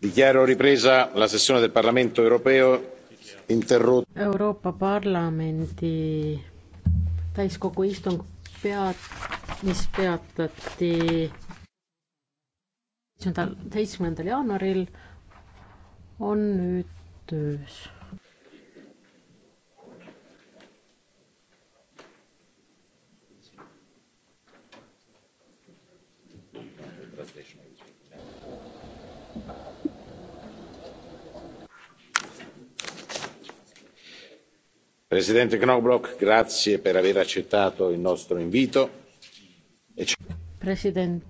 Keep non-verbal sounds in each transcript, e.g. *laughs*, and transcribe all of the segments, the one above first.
dichiaro ripresa la sessione del parlamento europeo interrotta euroopa parlamendi täiskogu istung peat- mis peatati seitsmendal jaanuaril on nüüd töös presidente knobloch grazie per aver accettato il nostro invito. E president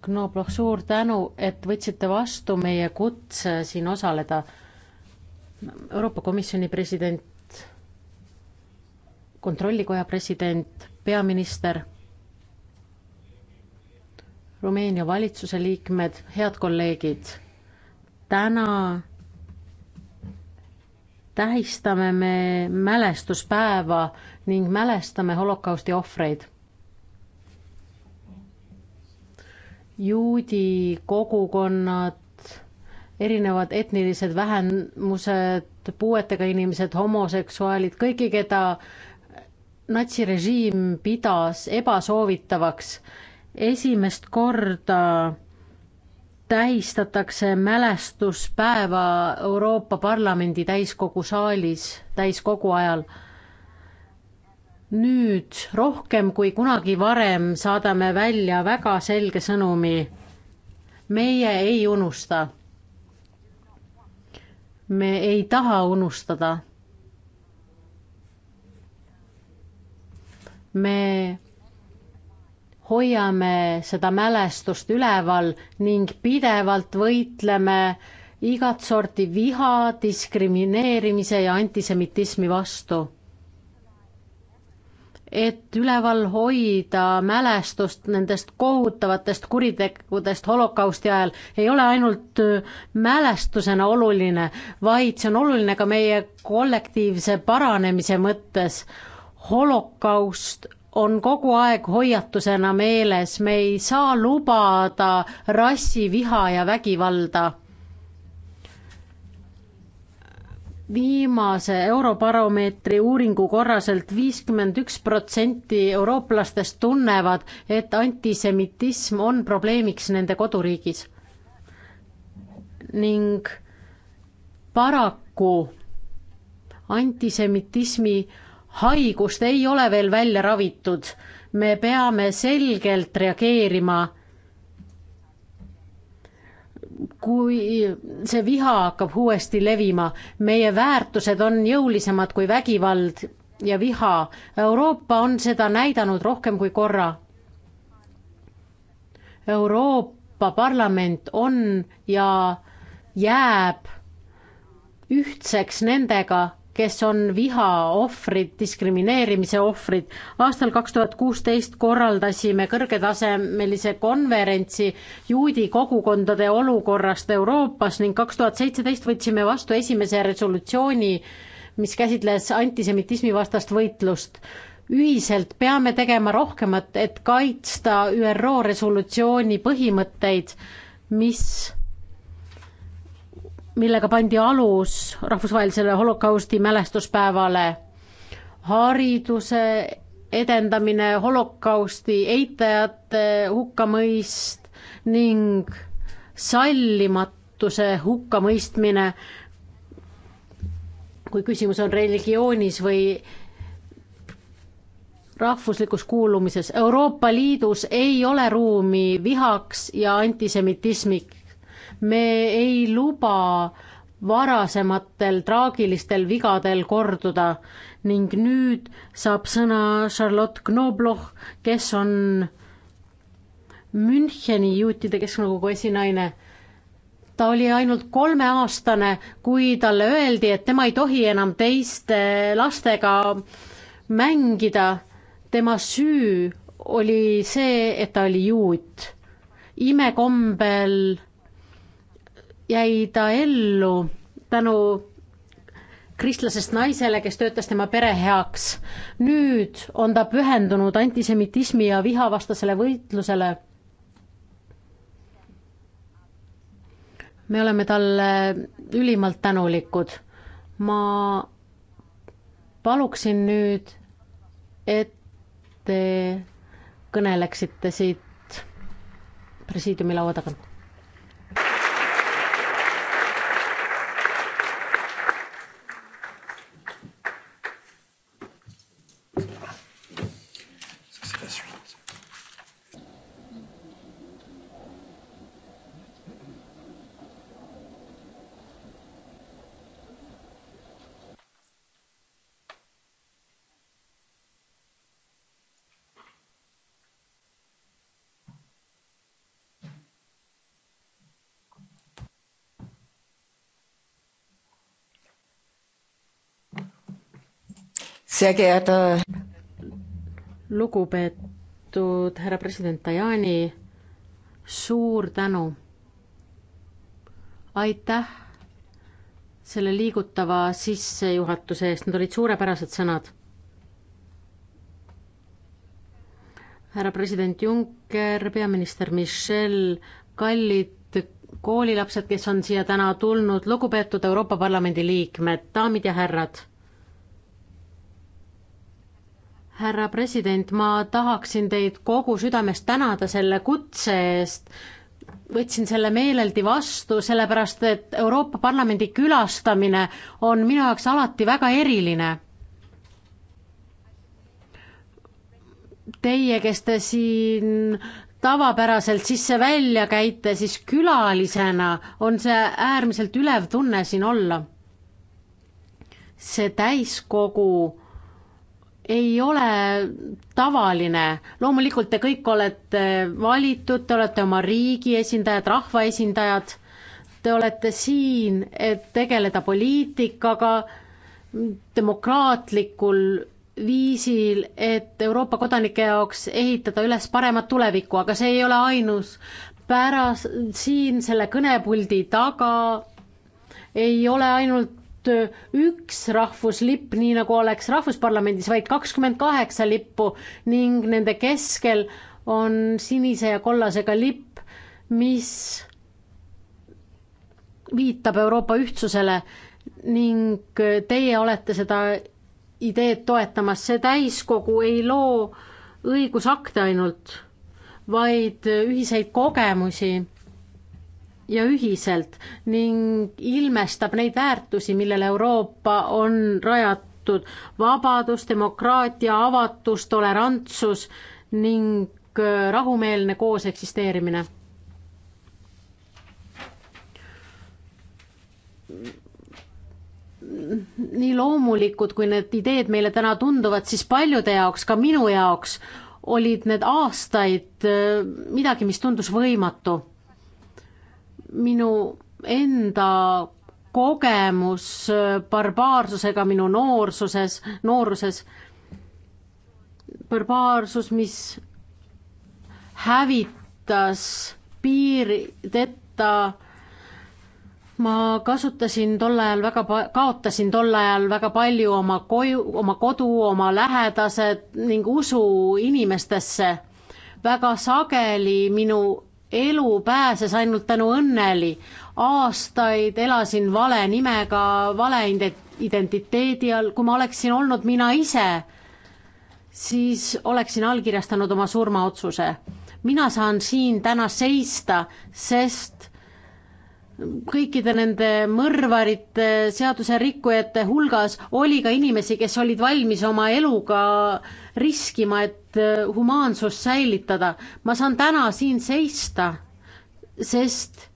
knobloch suur tänu et võtsite vastu meie kutse siin osaleda. euroopa komisjoni president kontrollikoja president peaminister rumeenia valitsuse liikmed head kolleegid täna tähistame me mälestuspäeva ning mälestame holokausti ohvreid. juudi kogukonnad, erinevad etnilised vähemused, puuetega inimesed, homoseksuaalid, kõiki, keda natsirežiim pidas ebasoovitavaks, esimest korda tähistatakse mälestuspäeva Euroopa Parlamendi täiskogu saalis täiskogu ajal. nüüd rohkem kui kunagi varem saadame välja väga selge sõnumi. meie ei unusta. me ei taha unustada. me hoiame seda mälestust üleval ning pidevalt võitleme igat sorti viha, diskrimineerimise ja antisemitismi vastu. et üleval hoida mälestust nendest kohutavatest kuritegudest holokausti ajal ei ole ainult mälestusena oluline, vaid see on oluline ka meie kollektiivse paranemise mõttes. holokaust on kogu aeg hoiatusena meeles, me ei saa lubada rassiviha ja vägivalda. viimase Eurobaromeetri uuringu korraselt viiskümmend üks protsenti eurooplastest tunnevad, et antisemitism on probleemiks nende koduriigis. ning paraku antisemitismi haigust ei ole veel välja ravitud. me peame selgelt reageerima kui see viha hakkab uuesti levima, meie väärtused on jõulisemad kui vägivald ja viha. Euroopa on seda näidanud rohkem kui korra. Euroopa Parlament on ja jääb ühtseks nendega, kes on viha ohvrid, diskrimineerimise ohvrid. aastal kaks tuhat kuusteist korraldasime kõrgetasemelise konverentsi juudi kogukondade olukorrast Euroopas ning kaks tuhat seitseteist võtsime vastu esimese resolutsiooni, mis käsitles antisemitismi vastast võitlust ühiselt peame tegema rohkemat, et kaitsta ÜRO resolutsiooni põhimõtteid, mis millega pandi alus rahvusvahelisele holokausti mälestuspäevale. hariduse edendamine, holokausti eitajate hukkamõist ning sallimatuse hukkamõistmine, kui küsimus on religioonis või rahvuslikus kuulumises. Euroopa Liidus ei ole ruumi vihaks ja antisemitismiks me ei luba varasematel traagilistel vigadel korduda ning nüüd saab sõna Charlotte Knobloch, kes on Müncheni juutide kesknõukogu esinaine. ta oli ainult kolmeaastane, kui talle öeldi, et tema ei tohi enam teiste lastega mängida. tema süü oli see, et ta oli juut. imekombel jäi ta ellu tänu kristlasest naisele, kes töötas tema pere heaks. nüüd on ta pühendunud antisemitismi ja vihavastasele võitlusele. me oleme talle ülimalt tänulikud. ma paluksin nüüd, et te kõneleksite siit presiidiumi laua tagant. lugupeetud härra president Tajani, suur tänu. aitäh selle liigutava sissejuhatuse eest, need olid suurepärased sõnad. härra president Juncker, peaminister Michel, kallid koolilapsed, kes on siia täna tulnud, lugupeetud Euroopa Parlamendi liikmed, daamid ja härrad härra president, ma tahaksin teid kogu südamest tänada selle kutse eest. võtsin selle meeleldi vastu, sellepärast et Euroopa Parlamendi külastamine on minu jaoks alati väga eriline. Teie, kes te siin tavapäraselt sisse-välja käite, siis külalisena on see äärmiselt ülev tunne siin olla. see täiskogu ei ole tavaline, loomulikult te kõik olete valitud, te olete oma riigi esindajad, rahvaesindajad, te olete siin, et tegeleda poliitikaga demokraatlikul viisil, et Euroopa kodanike jaoks ehitada üles paremat tulevikku, aga see ei ole ainus. pärast siin selle kõnepuldi taga ei ole ainult Äh, üks rahvuslipp, nii nagu oleks Rahvusparlamendis, vaid kakskümmend kaheksa lippu ning nende keskel on sinise ja kollasega lipp, mis viitab Euroopa ühtsusele ning äh, teie olete seda ideed toetamas, see täiskogu ei loo õigusakte ainult, vaid äh, ühiseid kogemusi ja ühiselt ning ilmestab neid väärtusi, millele Euroopa on rajatud vabadus, demokraatia, avatus, tolerantsus ning äh, rahumeelne koos eksisteerimine. nii loomulikud, kui need ideed meile täna tunduvad, siis paljude jaoks, ka minu jaoks, olid need aastaid äh, midagi, mis tundus võimatu minu enda kogemus barbaarsusega minu noorsuses, nooruses, barbaarsus, mis hävitas piirideta ma kasutasin tol ajal väga pa-, kaotasin tol ajal väga palju oma koju, oma kodu, oma lähedased ning usu inimestesse. väga sageli minu elu pääses ainult tänu õnneli. aastaid elasin vale nimega, vale identiteedi all, kui ma oleksin olnud mina ise, siis oleksin allkirjastanud oma surmaotsuse. mina saan siin täna seista, sest kõikide nende mõrvarite, seaduserikkujate hulgas oli ka inimesi, kes olid valmis oma eluga riskima, et äh, humaansust säilitada. ma saan täna siin seista, sest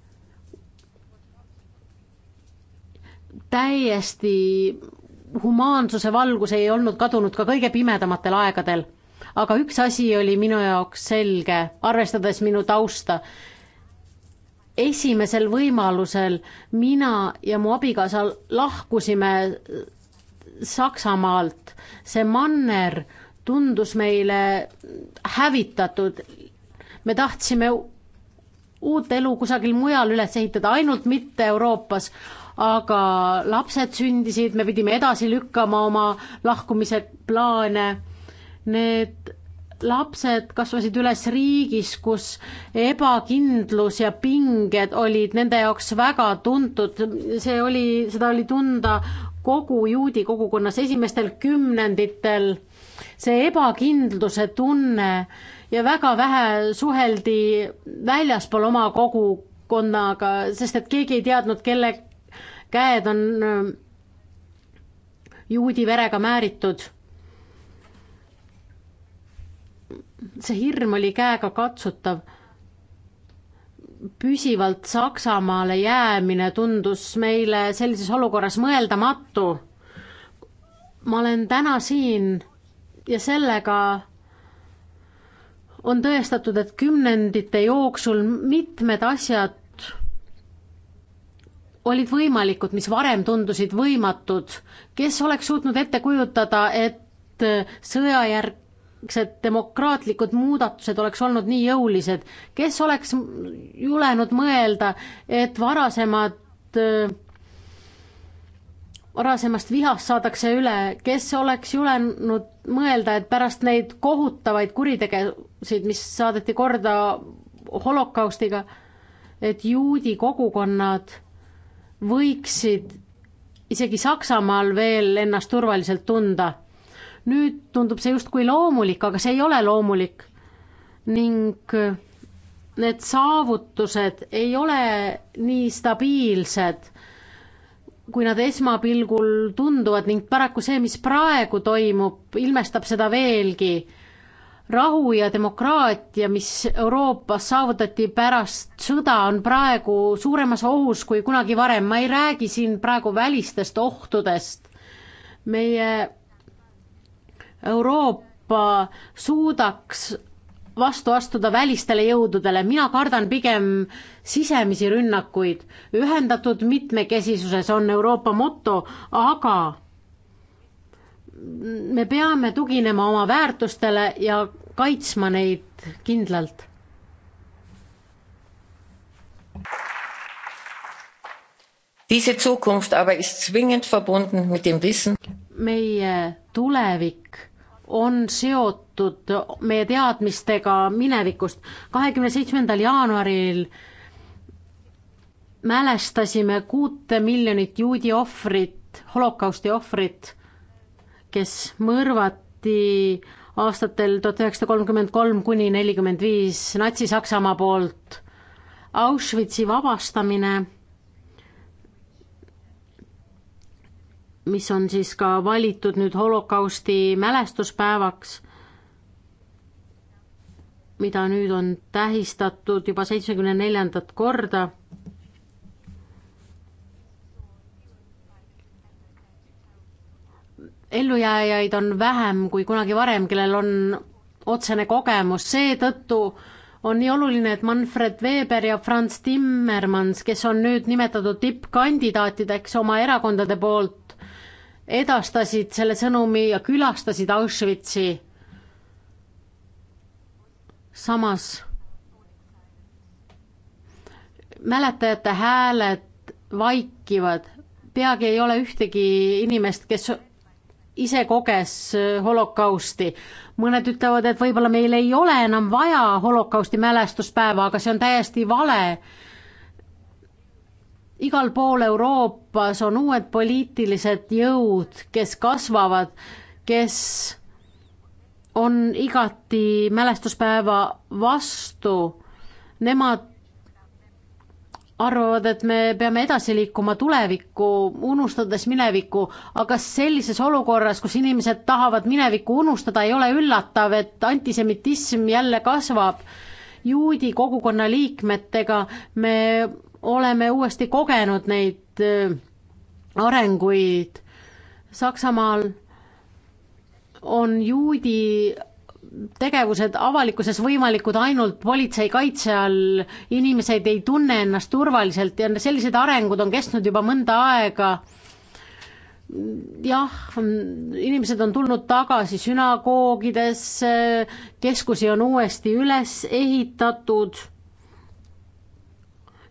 täiesti humaansuse valgus ei olnud kadunud ka kõige pimedamatel aegadel. aga üks asi oli minu jaoks selge, arvestades minu tausta esimesel võimalusel mina ja mu abikaasa lahkusime Saksamaalt. see manner tundus meile hävitatud. me tahtsime uut elu kusagil mujal üles ehitada, ainult mitte Euroopas. aga lapsed sündisid, me pidime edasi lükkama oma lahkumise plaane. Need lapsed kasvasid üles riigis, kus ebakindlus ja pinged olid nende jaoks väga tuntud, see oli, seda oli tunda kogu juudi kogukonnas esimestel kümnenditel, see ebakindluse tunne ja väga vähe suheldi väljaspool oma kogukonnaga, sest et keegi ei teadnud, kelle käed on äh, juudi verega määritud see hirm oli käegakatsutav. püsivalt Saksamaale jäämine tundus meile sellises olukorras mõeldamatu. ma olen täna siin ja sellega on tõestatud, et kümnendite jooksul mitmed asjad olid võimalikud, mis varem tundusid võimatud. kes oleks suutnud ette kujutada, et sõjajärk et demokraatlikud muudatused oleks olnud nii jõulised, kes oleks julenud mõelda, et varasemad varasemast vihast saadakse üle, kes oleks julenud mõelda, et pärast neid kohutavaid kuritegevusid, mis saadeti korda holokaustiga, et juudi kogukonnad võiksid isegi Saksamaal veel ennast turvaliselt tunda nüüd tundub see justkui loomulik, aga see ei ole loomulik. ning äh, need saavutused ei ole nii stabiilsed, kui nad esmapilgul tunduvad ning paraku see, mis praegu toimub, ilmestab seda veelgi rahu ja demokraatia, mis Euroopas saavutati pärast sõda, on praegu suuremas ohus kui kunagi varem. ma ei räägi siin praegu välistest ohtudest. meie Euroopa suudaks vastu astuda välistele jõududele, mina kardan pigem sisemisi rünnakuid. ühendatud mitmekesisuses on Euroopa moto, aga me peame tuginema oma väärtustele ja kaitsma neid kindlalt. Diese Zukunft aber ist zwingend verbunden mit dem Wissen. meie tulevik on seotud meie teadmistega minevikust. kahekümne seitsmendal jaanuaril mälestasime kuute miljonit juudi ohvrit, holokausti ohvrit, kes mõrvati aastatel tuhat üheksasada kolmkümmend kolm kuni nelikümmend viis Natsi-Saksamaa poolt. Auschwitzi vabastamine mis on siis ka valitud nüüd holokausti mälestuspäevaks, mida nüüd on tähistatud juba seitsmekümne neljandat korda. ellujääjaid on vähem kui kunagi varem, kellel on otsene kogemus, seetõttu on nii oluline, et Manfred Weber ja Franz Timmermans, kes on nüüd nimetatud tippkandidaatideks oma erakondade poolt, edastasid selle sõnumi ja külastasid Auschwitzi. samas mäletajate hääled vaikivad, peagi ei ole ühtegi inimest, kes ise koges holokausti. mõned ütlevad, et võib-olla meil ei ole enam vaja holokausti mälestuspäeva, aga see on täiesti vale igal pool Euroopas on uued poliitilised jõud, kes kasvavad, kes on igati mälestuspäeva vastu. Nemad arvavad, et me peame edasi liikuma tulevikku, unustades minevikku, aga sellises olukorras, kus inimesed tahavad minevikku unustada, ei ole üllatav, et antisemitism jälle kasvab. juudi kogukonna liikmetega me oleme uuesti kogenud neid äh, arenguid. Saksamaal on juudi tegevused avalikkuses võimalikud ainult politsei kaitse all, inimesed ei tunne ennast turvaliselt ja sellised arengud on kestnud juba mõnda aega. jah, inimesed on tulnud tagasi sünagoogidesse, keskusi on uuesti üles ehitatud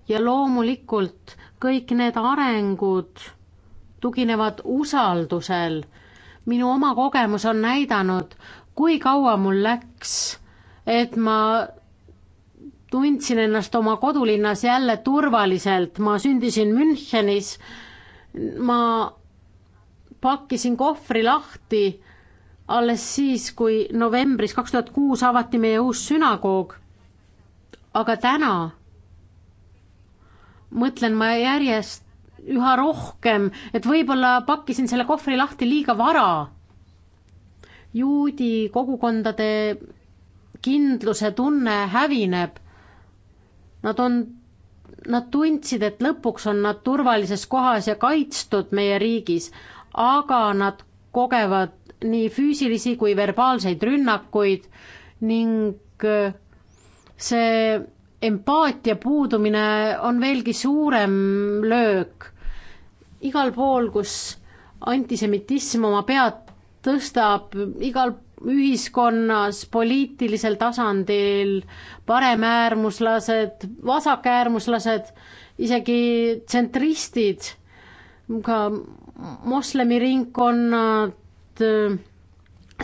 ja loomulikult kõik need arengud tuginevad usaldusel. minu oma kogemus on näidanud, kui kaua mul läks, et ma tundsin ennast oma kodulinnas jälle turvaliselt, ma sündisin Münchenis, ma pakkisin kohvri lahti alles siis, kui novembris kaks tuhat kuus avati meie uus sünagoog. aga täna mõtlen ma järjest üha rohkem, et võib-olla pakkisin selle kohvri lahti liiga vara. juudi kogukondade kindluse tunne hävineb. Nad on, nad tundsid, et lõpuks on nad turvalises kohas ja kaitstud meie riigis, aga nad kogevad nii füüsilisi kui verbaalseid rünnakuid ning äh, see empaatia puudumine on veelgi suurem löök. igal pool, kus antisemitism oma pead tõstab, igal ühiskonnas, poliitilisel tasandil, paremäärmuslased, vasakäärmuslased, isegi tsentristid, ka moslemi ringkonnad,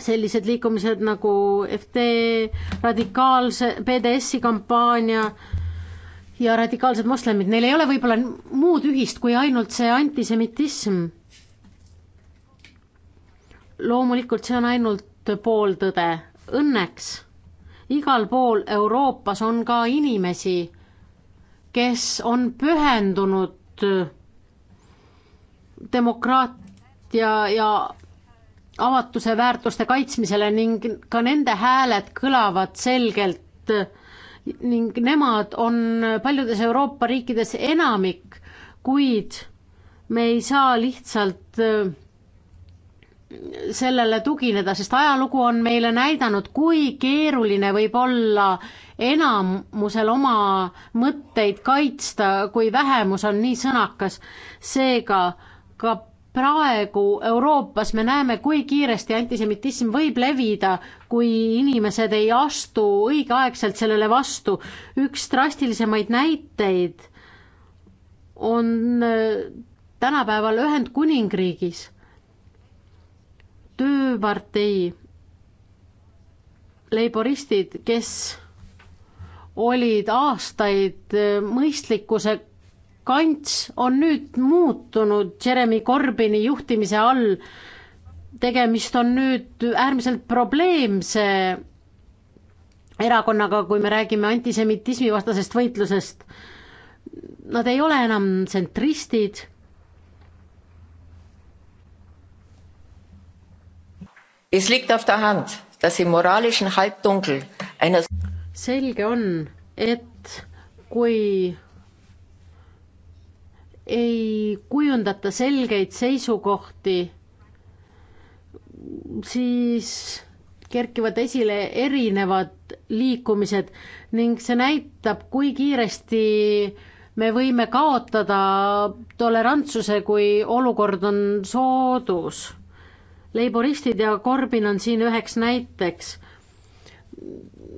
sellised liikumised nagu FD, radikaalse BDS-i kampaania ja radikaalsed moslemid, neil ei ole võib-olla muud ühist kui ainult see antisemitism. loomulikult see on ainult pooltõde, õnneks igal pool Euroopas on ka inimesi, kes on pühendunud demokraatia ja avatuse väärtuste kaitsmisele ning ka nende hääled kõlavad selgelt ning nemad on paljudes Euroopa riikides enamik, kuid me ei saa lihtsalt äh, sellele tugineda, sest ajalugu on meile näidanud, kui keeruline võib olla enamusel oma mõtteid kaitsta, kui vähemus on nii sõnakas. seega ka praegu Euroopas me näeme, kui kiiresti antisemitism võib levida, kui inimesed ei astu õigeaegselt sellele vastu. üks drastilisemaid näiteid on äh, tänapäeval Ühendkuningriigis tööpartei leiboristid, kes olid aastaid äh, mõistlikkuse kants on nüüd muutunud Jeremy Corbyni juhtimise all. tegemist on nüüd äärmiselt probleemse erakonnaga, kui me räägime antisemitismi vastasest võitlusest. Nad ei ole enam tsentristid. Es liegt auf der Hand, dass im moralischen Halbdunkel eines selge on, et kui ei kujundata selgeid seisukohti, siis kerkivad esile erinevad liikumised ning see näitab, kui kiiresti me võime kaotada tolerantsuse, kui olukord on soodus. Leiboristid ja Korbin on siin üheks näiteks.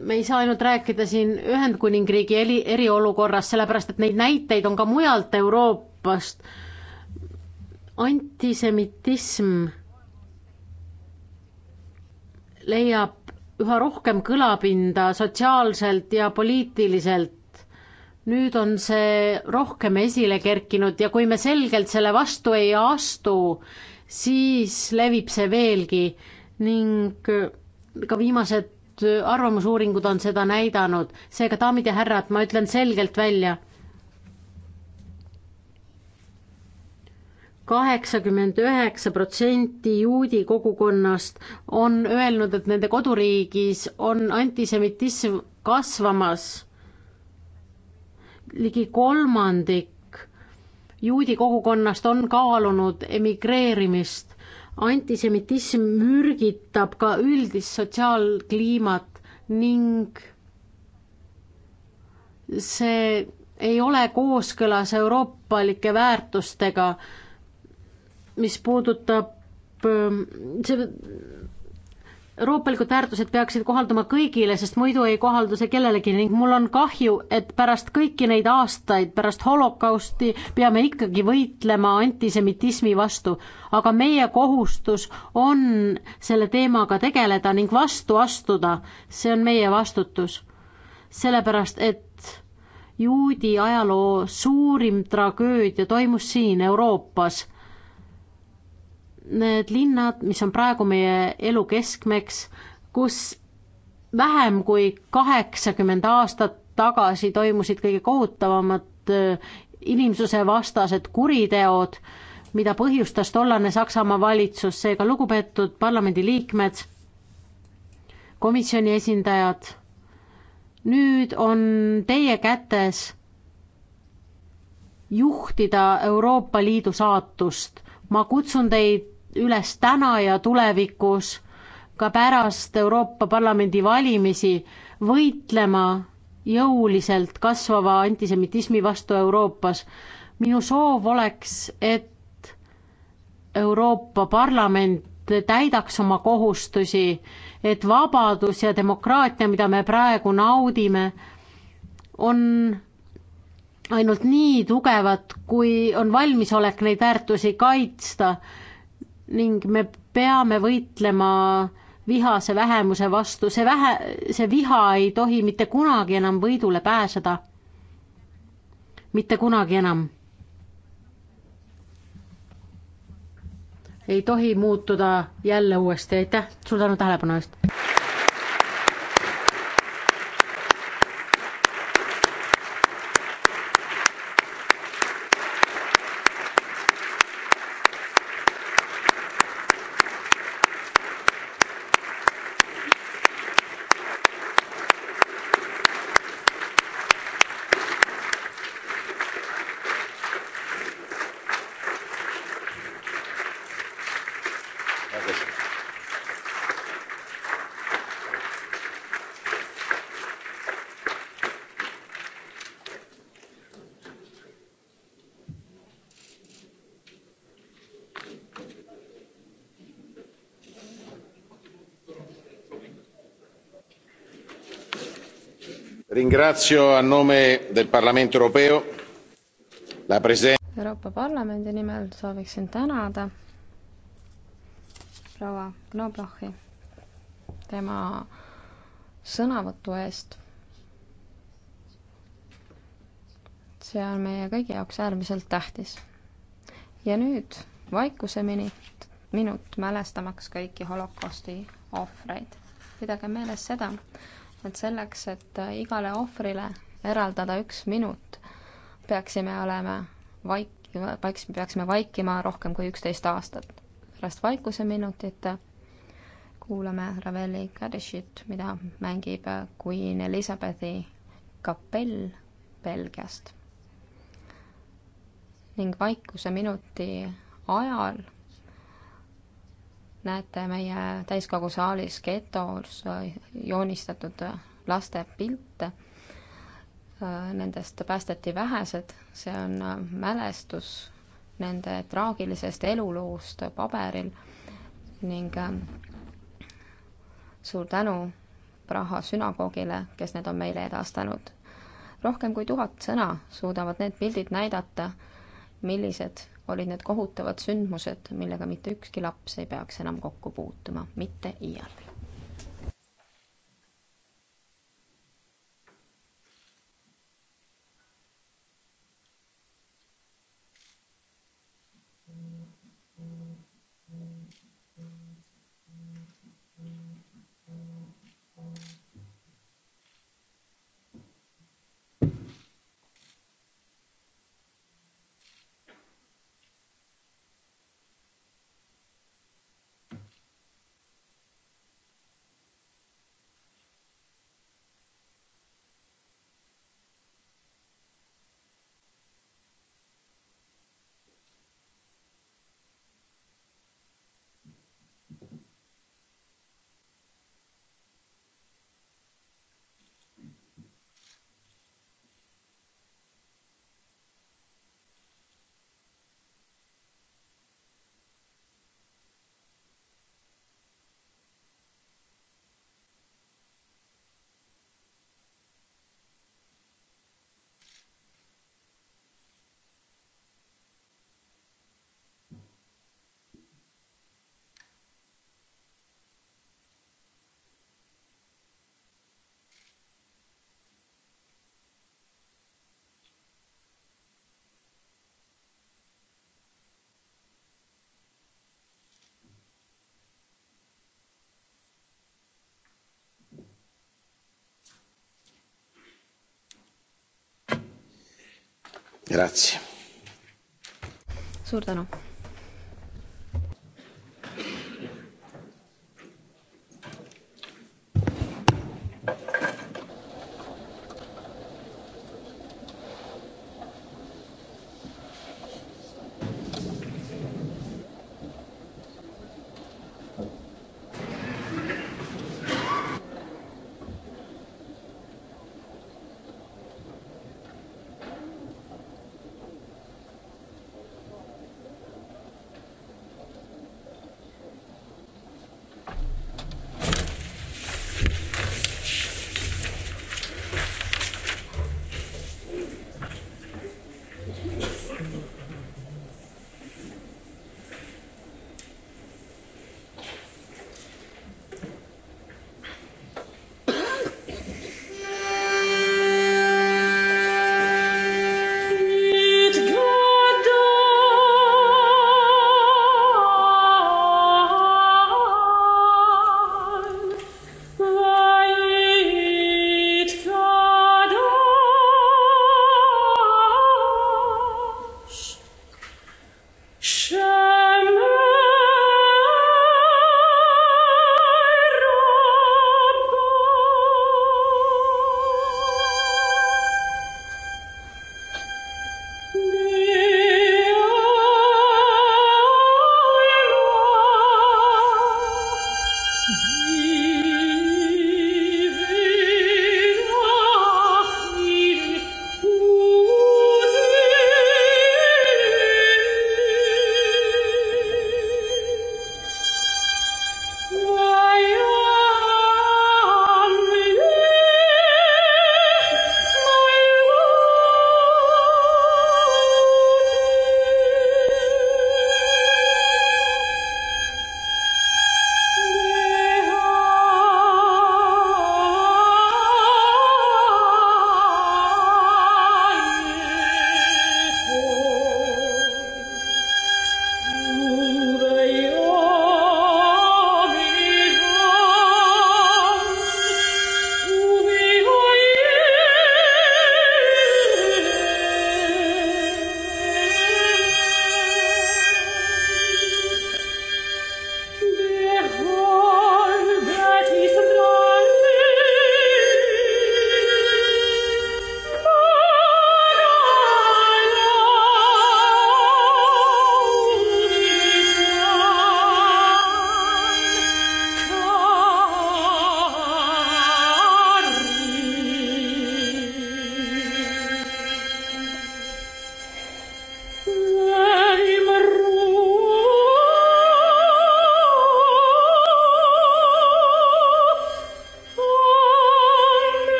me ei saa ainult rääkida siin Ühendkuningriigi eri, eriolukorrast, sellepärast et neid näiteid on ka mujalt Euroopa Euroopast. antisemitism leiab üha rohkem kõlapinda sotsiaalselt ja poliitiliselt. nüüd on see rohkem esile kerkinud ja kui me selgelt selle vastu ei astu, siis levib see veelgi ning ka viimased arvamusuuringud on seda näidanud. seega, daamid ja härrad, ma ütlen selgelt välja, kaheksakümmend üheksa protsenti juudi kogukonnast on öelnud, et nende koduriigis on antisemitism kasvamas. ligi kolmandik juudi kogukonnast on kaalunud emigreerimist. antisemitism mürgitab ka üldist sotsiaalkliimat ning see ei ole kooskõlas euroopalike väärtustega mis puudutab ähm, see euroopalikud väärtused peaksid kohalduma kõigile, sest muidu ei kohaldu see kellelegi ning mul on kahju, et pärast kõiki neid aastaid, pärast holokausti peame ikkagi võitlema antisemitismi vastu. aga meie kohustus on selle teemaga tegeleda ning vastu astuda, see on meie vastutus. sellepärast, et juudi ajaloo suurim tragöödia toimus siin Euroopas need linnad, mis on praegu meie elu keskmeks, kus vähem kui kaheksakümmend aastat tagasi toimusid kõige kohutavamad äh, inimsuse vastased kuriteod, mida põhjustas tollane Saksamaa valitsus, seega lugupeetud parlamendiliikmed, komisjoni esindajad, nüüd on teie kätes juhtida Euroopa Liidu saatust. ma kutsun teid üles täna ja tulevikus ka pärast Euroopa Parlamendi valimisi võitlema jõuliselt kasvava antisemitismi vastu Euroopas. minu soov oleks, et Euroopa Parlament täidaks oma kohustusi, et vabadus ja demokraatia, mida me praegu naudime, on ainult nii tugevad, kui on valmisolek neid väärtusi kaitsta ning me peame võitlema vihase vähemuse vastu, see vähe, see viha ei tohi mitte kunagi enam võidule pääseda. mitte kunagi enam. ei tohi muutuda jälle uuesti, aitäh, suur tänu tähelepanu eest! ringrazio a nome del Parlamento europeo la presidenza Euroopa Parlamendi nimel sooviksin tänada proua Knoblauchi tema sõnavõtu eest. see on meie kõigi jaoks äärmiselt tähtis. ja nüüd vaikuse minut, minut mälestamaks kõiki holokausti ohvreid. pidage meeles seda, et selleks, et igale ohvrile eraldada üks minut, peaksime olema vaik-, peaksime vaikima rohkem kui üksteist aastat. pärast vaikuseminutit kuulame Ravelli Kadeshit, mida mängib Queen Elizabethi kapell Belgiast. ning vaikuse minuti ajal näete meie täiskogu saalis getos äh, joonistatud laste pilte. Äh, nendest päästeti vähesed, see on äh, mälestus nende traagilisest eluloost paberil ning suur tänu Praha sünagoogile, kes need on meile edastanud. rohkem kui tuhat sõna suudavad need pildid näidata, millised olid need kohutavad sündmused, millega mitte ükski laps ei peaks enam kokku puutuma, mitte iial. suur tänu.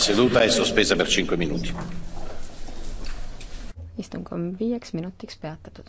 seduta è e sospesa per cinque minuti. istung on viieks minutiks peatatud.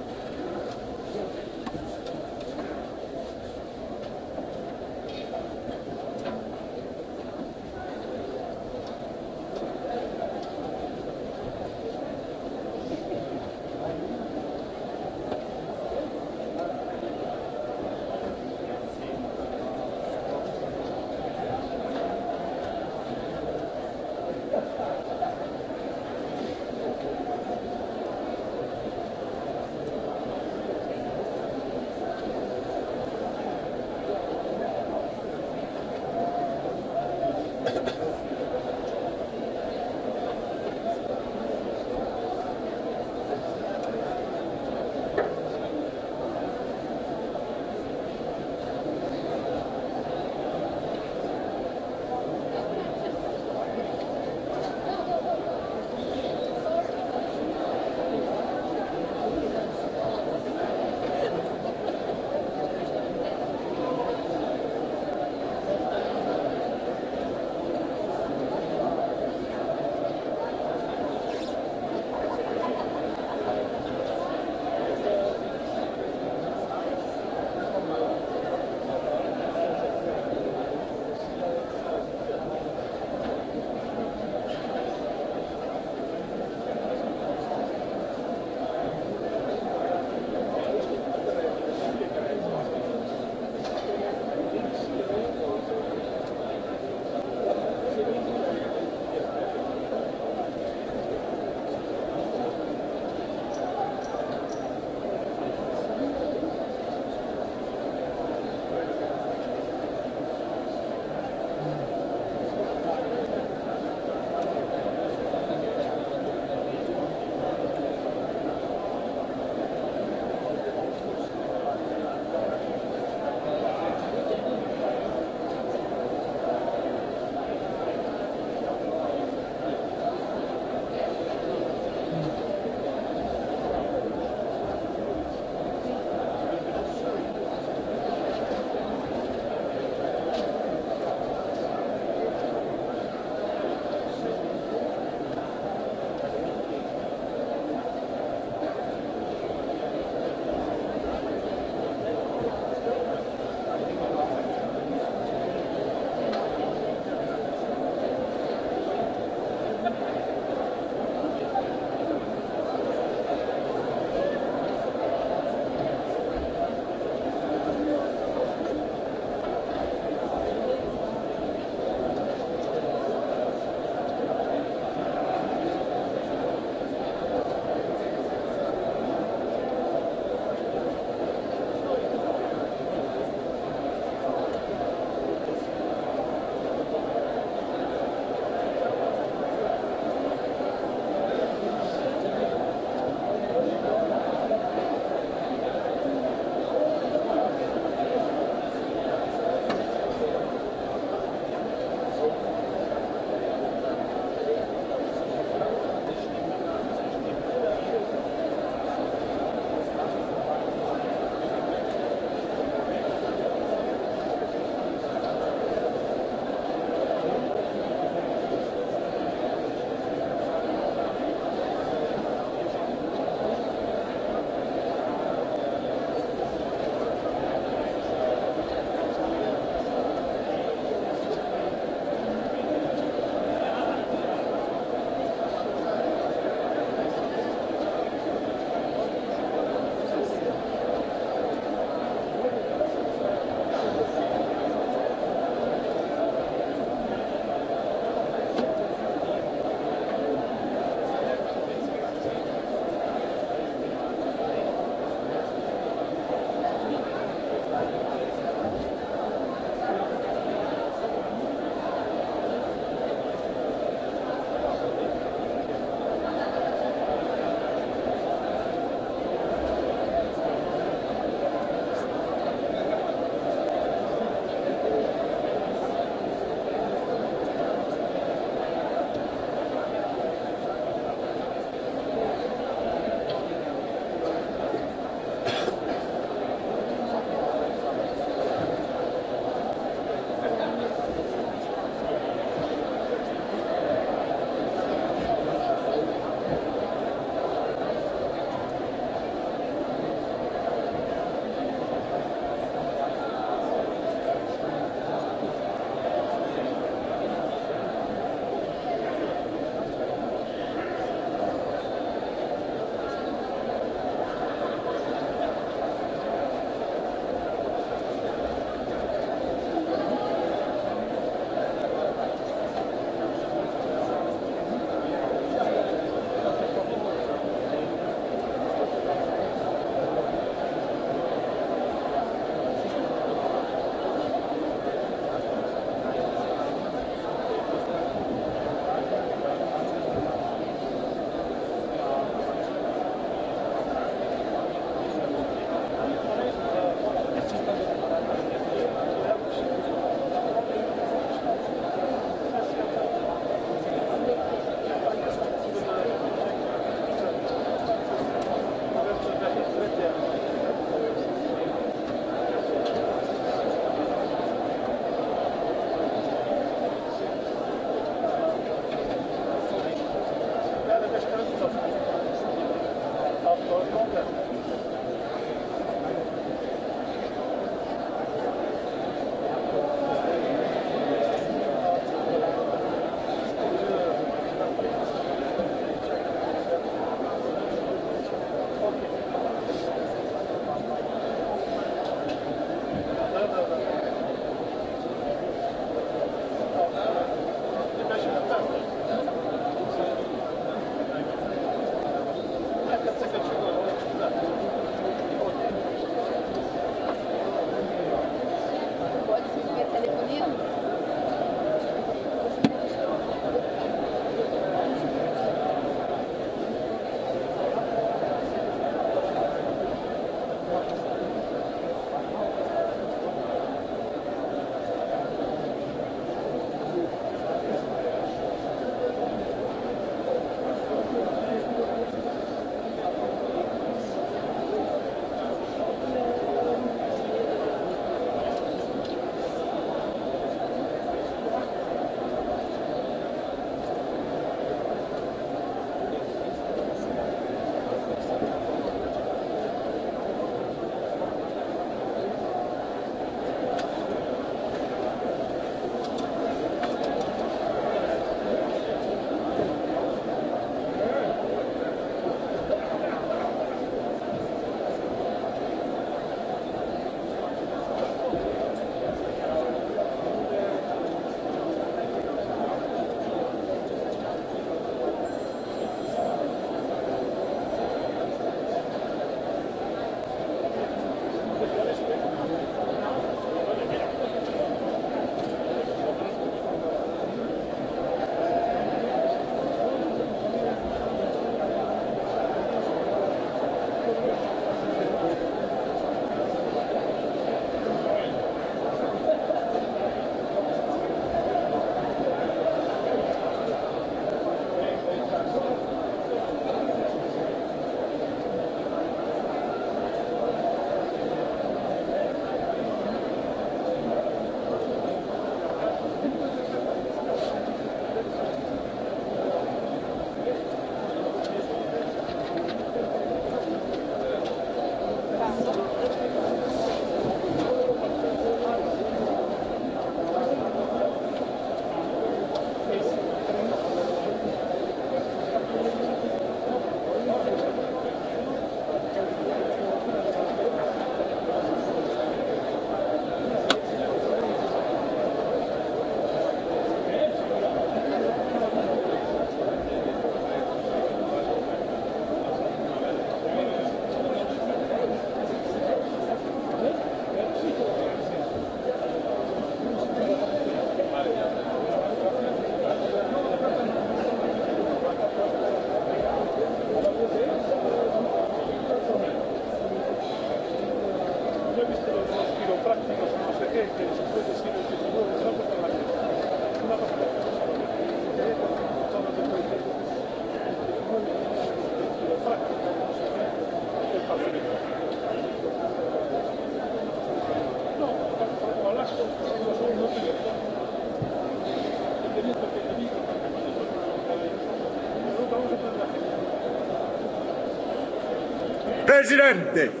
presidente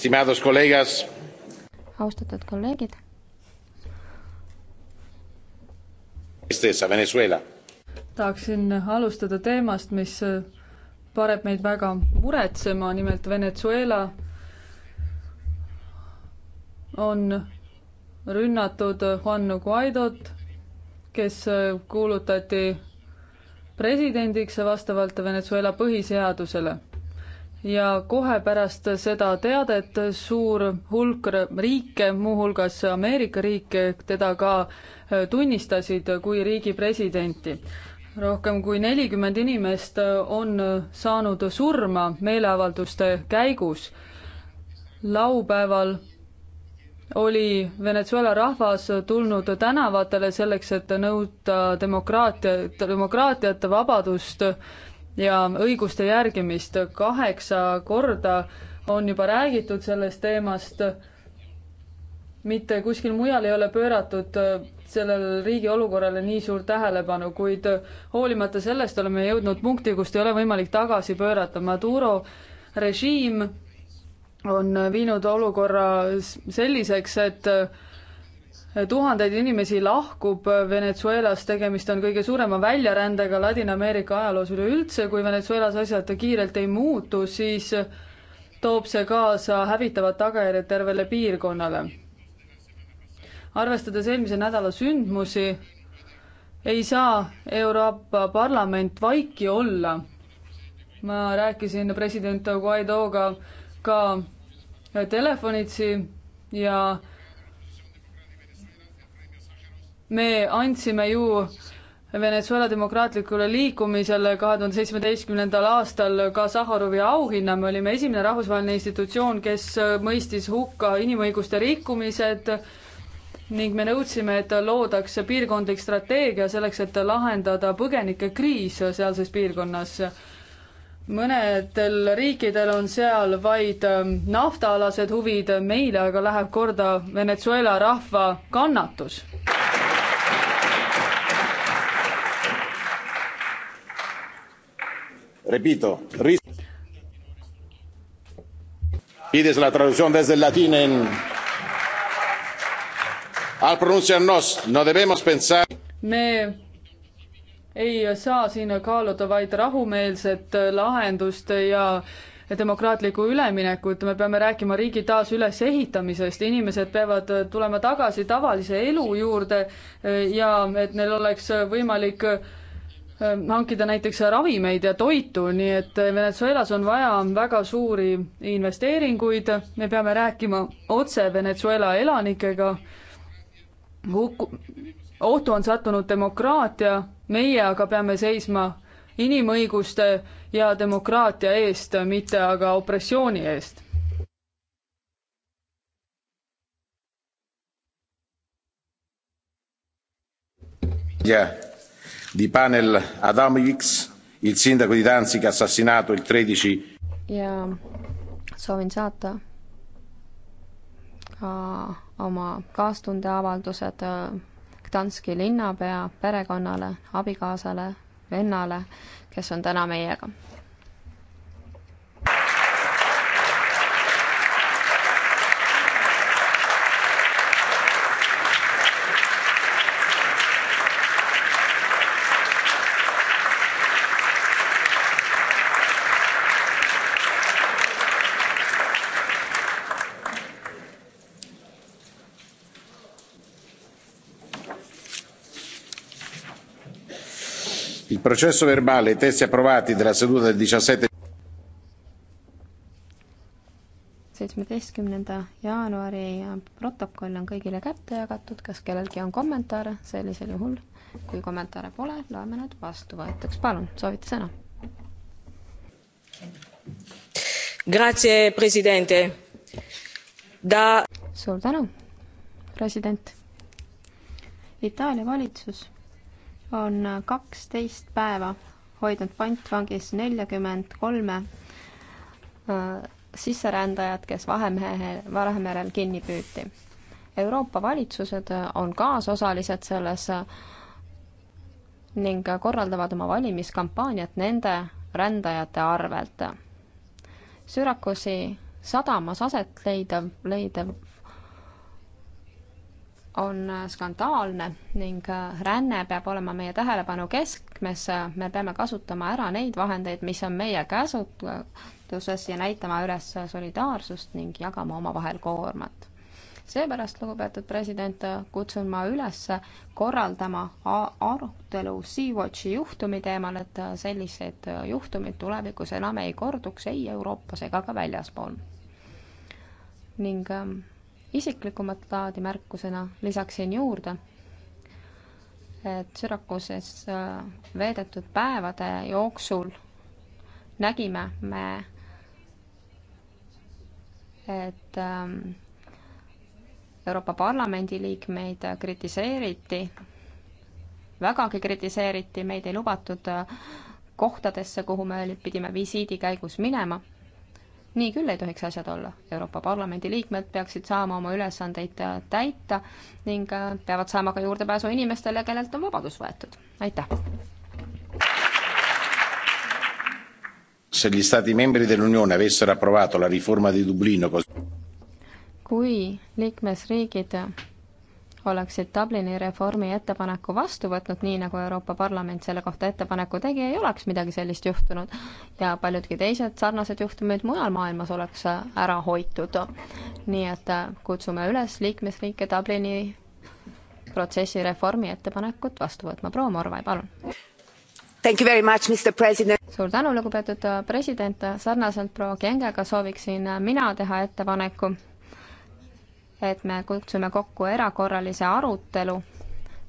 estimados colegas. austatud kolleegid. tahaksin alustada teemast, mis paneb meid väga muretsema, nimelt Venezuela on rünnatud Juan Guaidot, kes kuulutati presidendiks vastavalt Venezuela põhiseadusele ja kohe pärast seda teadet suur hulk riike, muuhulgas Ameerika riike, teda ka äh, tunnistasid kui riigi presidenti. rohkem kui nelikümmend inimest äh, on äh, saanud surma meeleavalduste käigus. laupäeval oli Venezuela rahvas tulnud tänavatele selleks, et nõuda demokraatia, demokraatiat, vabadust ja õiguste järgimist. kaheksa korda on juba räägitud sellest teemast. mitte kuskil mujal ei ole pööratud sellele riigi olukorrale nii suurt tähelepanu, kuid hoolimata sellest oleme jõudnud punkti, kust ei ole võimalik tagasi pöörata. Maduro režiim on viinud olukorra selliseks, et tuhandeid inimesi lahkub Venezuelast, tegemist on kõige suurema väljarändega Ladina-Ameerika ajaloos üleüldse, kui Venezuelas asjad kiirelt ei muutu, siis toob see kaasa hävitavad tagajärjed tervele piirkonnale. arvestades eelmise nädala sündmusi, ei saa Euroopa Parlament vaiki olla. ma rääkisin president Guaidoga ka telefonitsi ja me andsime ju Venezuela demokraatlikule liikumisele kahe tuhande seitsmeteistkümnendal aastal ka Sahharovi auhinna, me olime esimene rahvusvaheline institutsioon, kes mõistis hukka inimõiguste rikkumised ning me nõudsime, et loodaks piirkondlik strateegia selleks, et lahendada põgenikekriis sealses piirkonnas. mõnedel riikidel on seal vaid ähm, naftaalased huvid, meile aga läheb korda Venezuela rahva kannatus Repito. Pides la traducción desde el latín en... Al pronunciarnos, no debemos pensar... Me ei saa siin kaaluda vaid rahumeelset lahendust ja demokraatlikku üleminekut, me peame rääkima riigi taas ülesehitamisest, inimesed peavad tulema tagasi tavalise elu juurde ja et neil oleks võimalik Ehm, hankida näiteks ravimeid ja toitu, nii et Venezuelas on vaja väga suuri investeeringuid, me peame rääkima otse Venezuela elanikega, ohtu on sattunud demokraatia, meie aga peame seisma inimõiguste ja demokraatia eest, mitte aga opressiooni eest. jah yeah di Panel Adamovics, il sindaco di Danzica assassinato il 13 ja soovin saata ka oma kaastundeavaldused äh, Gdanski linnapea perekonnale, abikaasale, vennale, kes on täna meiega. il processo verbale e i testi approvati della seduta del 17 seitsmeteistkümnenda jaanuari protokoll on kõigile kätte jagatud, kas kellelgi on kommentaare, sellisel juhul kui kommentaare pole, loeme nad vastuvõetuks, palun, soovite sõna? Grazie, presidente. Da... suur tänu, president. Itaalia valitsus on kaksteist päeva hoidnud pantvangis neljakümmend kolme äh, sisserändajat, kes Vahemehe, Vahemerel kinni püüti. Euroopa valitsused äh, on kaasosalised selles äh, ning korraldavad oma valimiskampaaniat nende rändajate arvelt. Syracuse'i sadamas aset leidev, leidev on äh, skandaalne ning äh, ränne peab olema meie tähelepanu keskmes, me peame kasutama ära neid vahendeid, mis on meie käsutuses ja näitama üles solidaarsust ning jagama omavahel koormat. seepärast, lugupeetud president, kutsun ma üles korraldama arutelu Sea-Watchi juhtumi teemal, et äh, sellised juhtumid tulevikus enam ei korduks ei Euroopas ega ka väljaspool. ning ähm, isiklikumat laadi märkusena lisaksin juurde, et Syracuses äh, veedetud päevade jooksul nägime me, et ähm, Euroopa Parlamendi liikmeid kritiseeriti, vägagi kritiseeriti, meid ei lubatud äh, kohtadesse, kuhu me pidime visiidi käigus minema nii küll ei tohiks asjad olla. Euroopa Parlamendi liikmed peaksid saama oma ülesandeid äh, täita ning äh, peavad saama ka juurdepääsu inimestele, kellelt on vabadus võetud. aitäh! Se gli stati membri dell'Unione avessero approvato la riforma di Dublino cos- kui liikmesriigid oleksid Dublini reformi ettepaneku vastu võtnud, nii nagu Euroopa Parlament selle kohta ettepaneku tegi, ei oleks midagi sellist juhtunud. ja paljudki teised sarnased juhtumid mujal maailmas oleks ära hoitud. nii et äh, kutsume üles liikmesriike Dublini protsessi reformi ettepanekut vastu võtma. proua Morvai, palun. Thank you very much, Mr President. suur tänu, lugupeetud äh, president, sarnaselt proua Kengega sooviksin äh, mina teha ettepaneku et me kutsume kokku erakorralise arutelu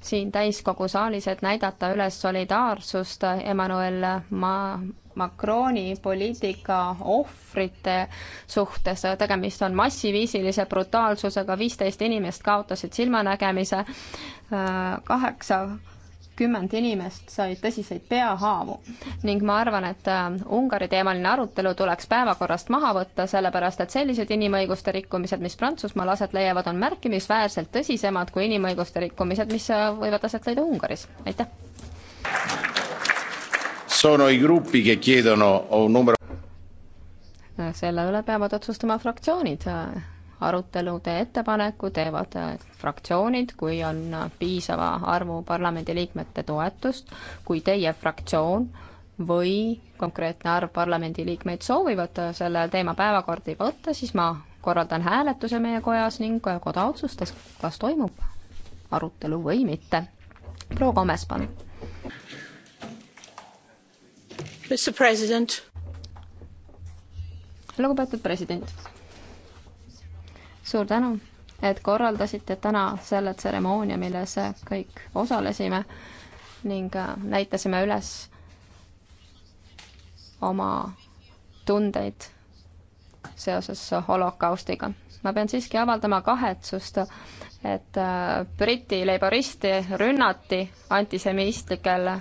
siin täiskogu saalis, et näidata üles solidaarsust Emmanuel Ma-, Macroni poliitika ohvrite suhtes, tegemist on massiviisilise brutaalsusega, viisteist inimest kaotasid silmanägemise, kaheksa kakskümmend inimest said tõsiseid peahaavu ning ma arvan, et äh, Ungari teemaline arutelu tuleks päevakorrast maha võtta, sellepärast et sellised inimõiguste rikkumised, mis Prantsusmaal aset leiavad, on märkimisväärselt tõsisemad kui inimõiguste rikkumised, mis äh, võivad aset leida Ungaris. aitäh! Äh, selle üle peavad otsustama fraktsioonid arutelude ettepaneku teevad äh, fraktsioonid, kui on äh, piisava arvu parlamendiliikmete toetust, kui teie fraktsioon või konkreetne arv parlamendiliikmeid soovivad äh, selle teema päevakorda võtta, siis ma korraldan hääletuse meie kojas ning koda otsustas, kas toimub arutelu või mitte. proua Komes, palun. lugupeetud president suur tänu, et korraldasite täna selle tseremoonia, milles kõik osalesime ning äh, näitasime üles oma tundeid seoses holokaustiga. ma pean siiski avaldama kahetsust, et äh, Briti leiboristi rünnati antisemistlikel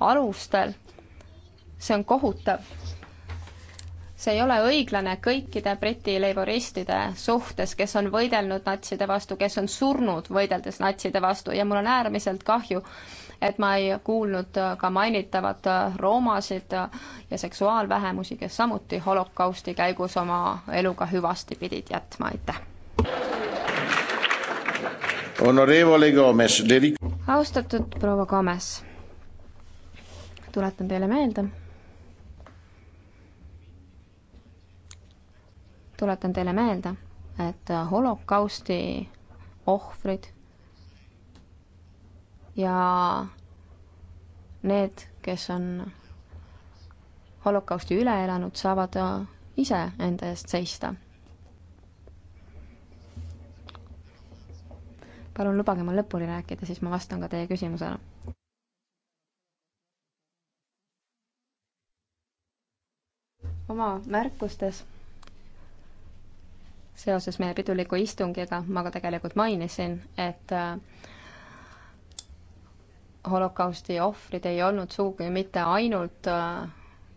alustel. see on kohutav see ei ole õiglane kõikide Briti leiboristide suhtes, kes on võidelnud natside vastu, kes on surnud võideldes natside vastu ja mul on äärmiselt kahju, et ma ei kuulnud ka mainitavat roomasid ja seksuaalvähemusi, kes samuti holokausti käigus oma eluga hüvasti pidid jätma, aitäh. austatud proua Gomes, tuletan teile meelde tuletan teile meelde, et holokausti ohvrid ja need, kes on holokausti üle elanud, saavad ise enda eest seista. palun lubage mul lõpuni rääkida, siis ma vastan ka teie küsimusele. oma märkustes seoses meie piduliku istungiga ma ka tegelikult mainisin, et äh, holokausti ohvrid ei olnud sugugi mitte ainult äh,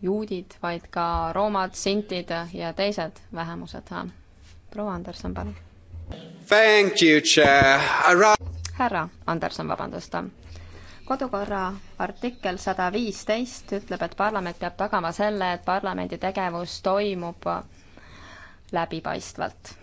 juudid, vaid ka roomad, sintid ja teised vähemused. proua Anderson, palun. härra Anderson, vabandust kodukorra artikkel sada viisteist ütleb, et parlament peab tagama selle, et parlamendi tegevus toimub läbipaistvalt.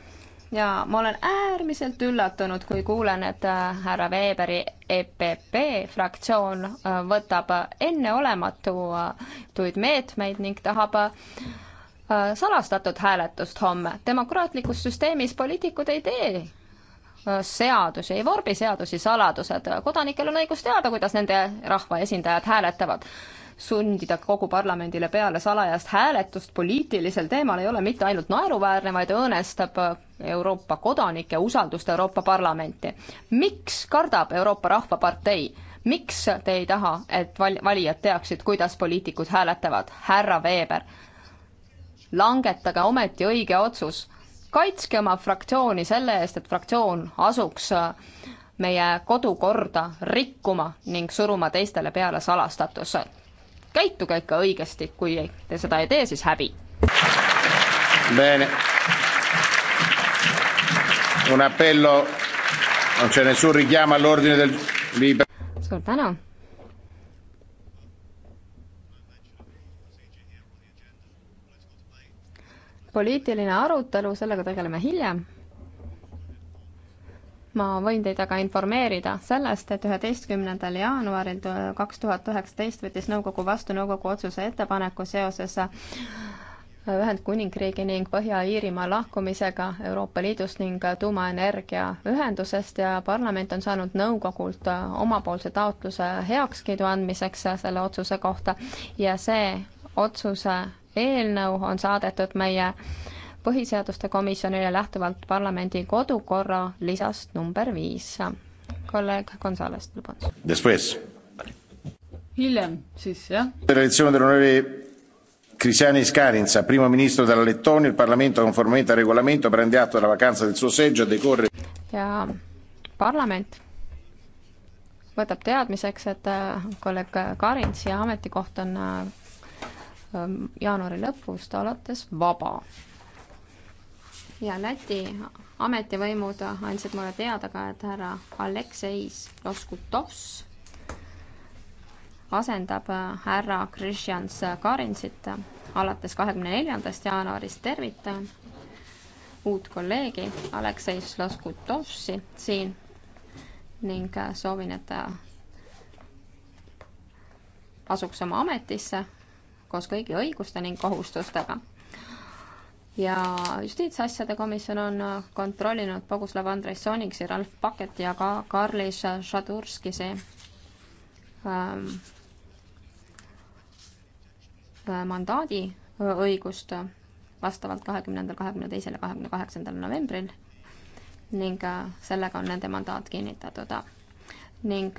ja ma olen äärmiselt üllatunud, kui kuulen, et äh, härra Weberi EPP fraktsioon äh, võtab enneolematuid äh, meetmeid ning tahab salastatud hääletust homme. demokraatlikus süsteemis poliitikud ei tee seadusi, ei vorbi seadusi saladused. kodanikel on õigus teada, kuidas nende rahvaesindajad hääletavad sundida kogu parlamendile peale salajast hääletust poliitilisel teemal ei ole mitte ainult naeruväärne, vaid õõnestab Euroopa kodanike usaldust Euroopa Parlamenti. miks kardab Euroopa Rahvapartei? miks te ei taha, et val-, valijad teaksid, kuidas poliitikud hääletavad? härra Weber, langetage ometi õige otsus. kaitske oma fraktsiooni selle eest, et fraktsioon asuks äh, meie kodukorda rikkuma ning suruma teistele peale salastatuse käituge ikka õigesti, kui te seda ei tee, siis häbi. Un appello, non c'è nessun richiamo all'ordine del libero. suur tänu. poliitiline arutelu, sellega tegeleme hiljem ma võin teid aga informeerida sellest, et üheteistkümnendal jaanuaril kaks tuhat üheksateist võttis nõukogu vastu nõukogu otsuse ettepaneku seoses äh, Ühendkuningriigi ning Põhja-Iirimaa lahkumisega Euroopa Liidust ning äh, tuumaenergia ühendusest ja parlament on saanud nõukogult äh, omapoolse taotluse heakskiidu andmiseks selle otsuse kohta ja see otsuse eelnõu on saadetud meie äh, põhiseaduste komisjonile lähtuvalt parlamendi kodukorra lisast number viis. kolleeg Gonzales Lubons. hiljem siis jah. Christianis Karinsa, primo ministro della Lettonia, il Parlamento conformemente al regolamento prende atto della vacanza del suo seggio e decorre. ja parlament võtab teadmiseks, et äh, kolleeg Karinsi ametikoht on äh, äh, jaanuari lõpust alates vaba ja Läti ametivõimud andsid mulle teada ka, et härra Alekseis Loskutovs asendab härra Kristjans Karinsit alates kahekümne neljandast jaanuarist. tervitan uut kolleegi Alekseis Loskutovsi siin ning soovin, et ta asuks oma ametisse koos kõigi õiguste ning kohustustega ja justiitsasjade komisjon on äh, kontrollinud Boguslav Andressoniksi, Ralf Paketi ja ka Karlis Šadurskisi ähm, äh, mandaadi äh, õigust vastavalt kahekümnendal, kahekümne teisel ja kahekümne kaheksandal novembril ning sellega on nende mandaat kinnitatud. ning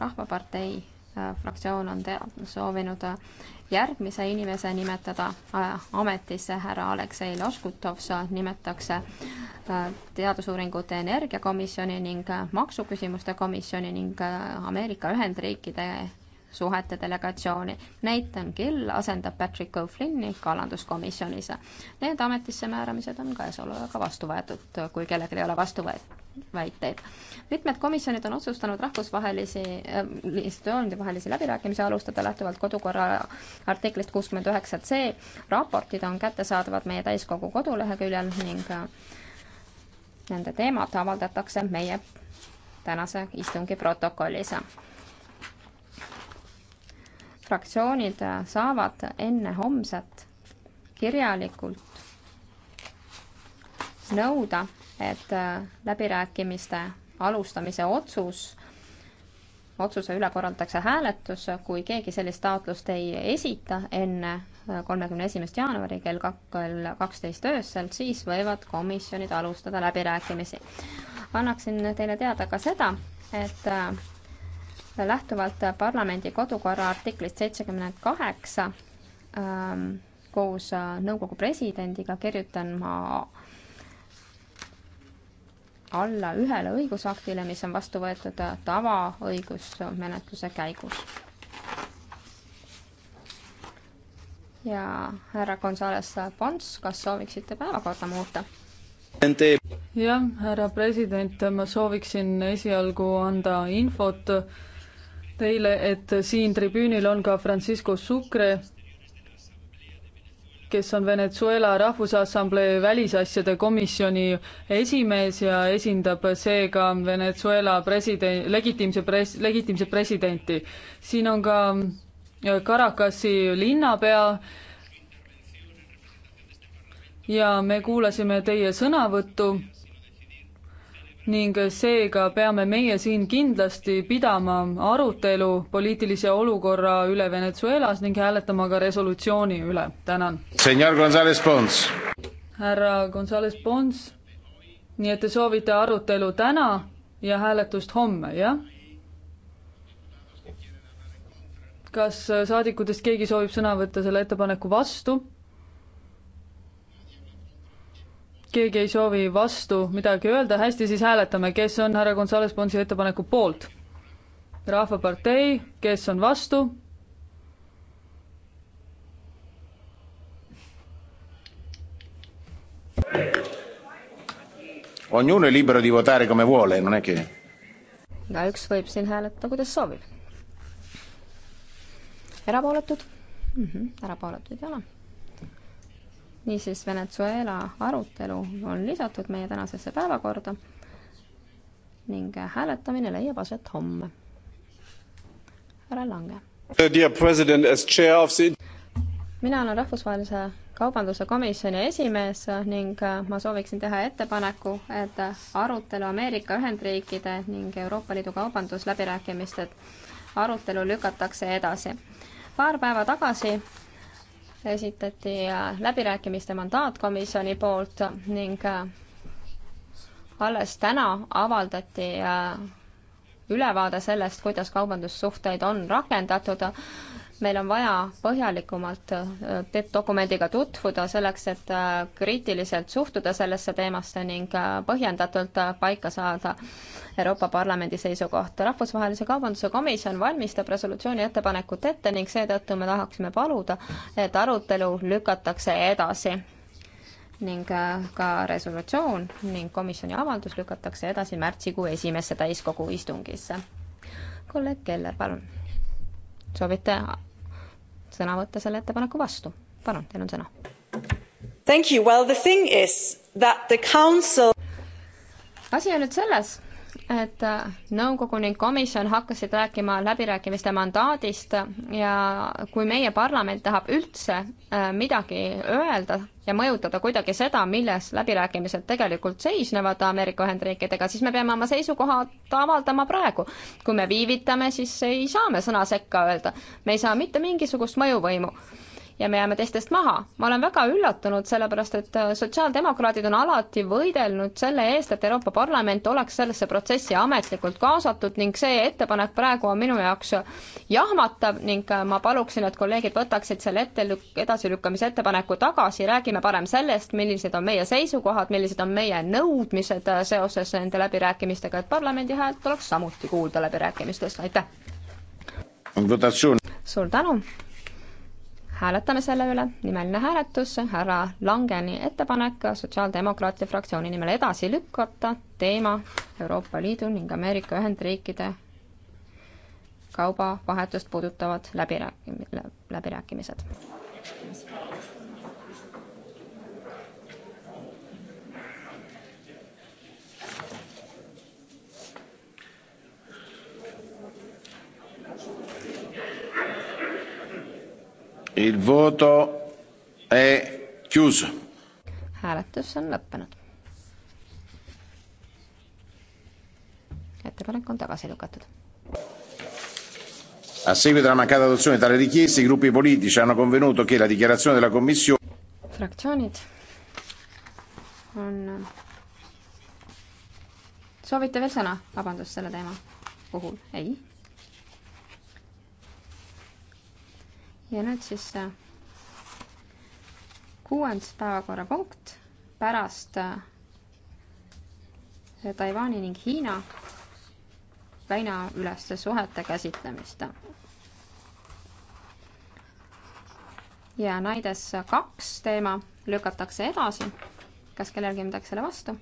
Rahvapartei fraktsioon on te-, soovinud järgmise inimese nimetada äh, ametisse, härra Aleksei Laskutov, nimetatakse äh, teadusuuringute energiakomisjoni ning äh, maksuküsimuste komisjoni ning Ameerika Ühendriikide suhete delegatsiooni. Nathan Gill asendab Patrick O'Flynni kalanduskomisjonis. Need ametisse määramised on käesolevaga vastu võetud, kui kellelgi ei ole vastu võetud väiteid. mitmed komisjonid on otsustanud rahvusvahelisi äh,, institutsioonide vahelisi läbirääkimisi alustada lähtuvalt kodukorra artiklist kuuskümmend üheksa C. raportid on kättesaadavad meie täiskogu koduleheküljel ning äh, nende teemad avaldatakse meie tänase istungi protokollis fraktsioonid äh, saavad enne homset kirjalikult nõuda et äh, läbirääkimiste alustamise otsus, otsuse üle korraldatakse hääletus, kui keegi sellist taotlust ei esita enne äh, kolmekümne esimest jaanuari kell kell kaksteist öösel, siis võivad komisjonid alustada läbirääkimisi. annaksin teile teada ka seda, et äh, lähtuvalt parlamendi kodukorra artiklist seitsekümmend kaheksa ähm, koos nõukogu presidendiga kirjutan ma alla ühele õigusaktile, mis on vastu võetud tavaõigusmenetluse käigus. ja härra Gonzales Pons, kas sooviksite päevakorda muuta? jah, härra president, ma sooviksin esialgu anda infot teile, et siin tribüünil on ka Francisco Sucre, kes on Venezuela Rahvusassamblee välisasjade komisjoni esimees ja esindab seega Venezuela president, legitiimse pres-, legitiimset presidenti. siin on ka äh, Caracasi linnapea ja me kuulasime teie sõnavõttu ning seega peame meie siin kindlasti pidama arutelu poliitilise olukorra üle Venezuelas ning hääletama ka resolutsiooni üle. tänan. härra Gonzalez Pons, nii et te soovite arutelu täna ja hääletust homme, jah? kas saadikutest keegi soovib sõna võtta selle ettepaneku vastu? keegi ei soovi vastu midagi öelda, hästi, siis hääletame, kes on härra Gonzalez Bonsi ettepaneku poolt? rahvapartei, kes on vastu? Ognuno è libero di votare come vuole, non è che. igaüks võib siin hääletada, kuidas soovib. erapooletud mm? -hmm. erapooletuid ei ole niisiis, Venezuela arutelu on lisatud meie tänasesse päevakorda ning hääletamine leiab aset homme. härra Lange. mina olen Rahvusvahelise Kaubanduse Komisjoni esimees ning ma sooviksin teha ettepaneku, et arutelu Ameerika Ühendriikide ning Euroopa Liidu kaubandusläbirääkimiste arutelu lükatakse edasi. paar päeva tagasi esitati äh, läbirääkimiste mandaat komisjoni poolt ning äh, alles täna avaldati äh, ülevaade sellest, kuidas kaubandussuhteid on rakendatud meil on vaja põhjalikumalt äh, dokumendiga tutvuda selleks, et äh, kriitiliselt suhtuda sellesse teemasse ning äh, põhjendatult paika saada Euroopa Parlamendi seisukoht. rahvusvahelise Kaubanduse Komisjon valmistab resolutsiooni ettepanekut ette ning seetõttu me tahaksime paluda, et arutelu lükatakse edasi ning ka resolutsioon ning komisjoni avaldus lükatakse edasi märtsikuu esimesse täiskogu istungisse. kolleeg Keller, palun. soovite sõna võtta selle ettepaneku vastu. palun, teil on sõna. Thank you, well the thing is that the council asi on nüüd selles et nõukogu ning komisjon hakkasid rääkima läbirääkimiste mandaadist ja kui meie parlament tahab üldse äh, midagi öelda ja mõjutada kuidagi seda, milles läbirääkimised tegelikult seisnevad Ameerika Ühendriikidega, siis me peame oma seisukohad avaldama praegu. kui me viivitame, siis ei saa me sõna sekka öelda. me ei saa mitte mingisugust mõjuvõimu ja me jääme teistest maha. ma olen väga üllatunud, sellepärast et äh, sotsiaaldemokraadid on alati võidelnud selle eest, et Euroopa Parlament oleks sellesse protsessi ametlikult kaasatud ning see ettepanek praegu on minu jaoks jahmatav ning äh, ma paluksin, et kolleegid võtaksid selle ette, edasilükkamise ettepaneku tagasi, räägime parem sellest, millised on meie seisukohad, millised on meie nõudmised äh, seoses nende läbirääkimistega, et parlamendi häält oleks samuti kuulda läbirääkimistes, aitäh! suur tänu! hääletame selle üle, nimeline hääletus, härra Langeni ettepanek Sotsiaaldemokraatia fraktsiooni nimel edasi lükata teema Euroopa Liidu ning Ameerika Ühendriikide kaubavahetust puudutavad läbirääkim-, läbirääkimised Il voto è chiuso. hääletus on lõppenud. ettepanek on tagasi lükatud. A seguito della mancata adozione di tale richiesta, i gruppi politici hanno convenuto che la dichiarazione della Commissione. fraktsioonid on. soovite veel sõna, vabandust, selle teema puhul? ei ja nüüd siis äh, kuues päevakorrapunkt pärast äh, Taiwani ning Hiina väinaüleste suhete käsitlemist. ja näides kaks teema lükatakse edasi. kas kellelgi midagi selle vastu?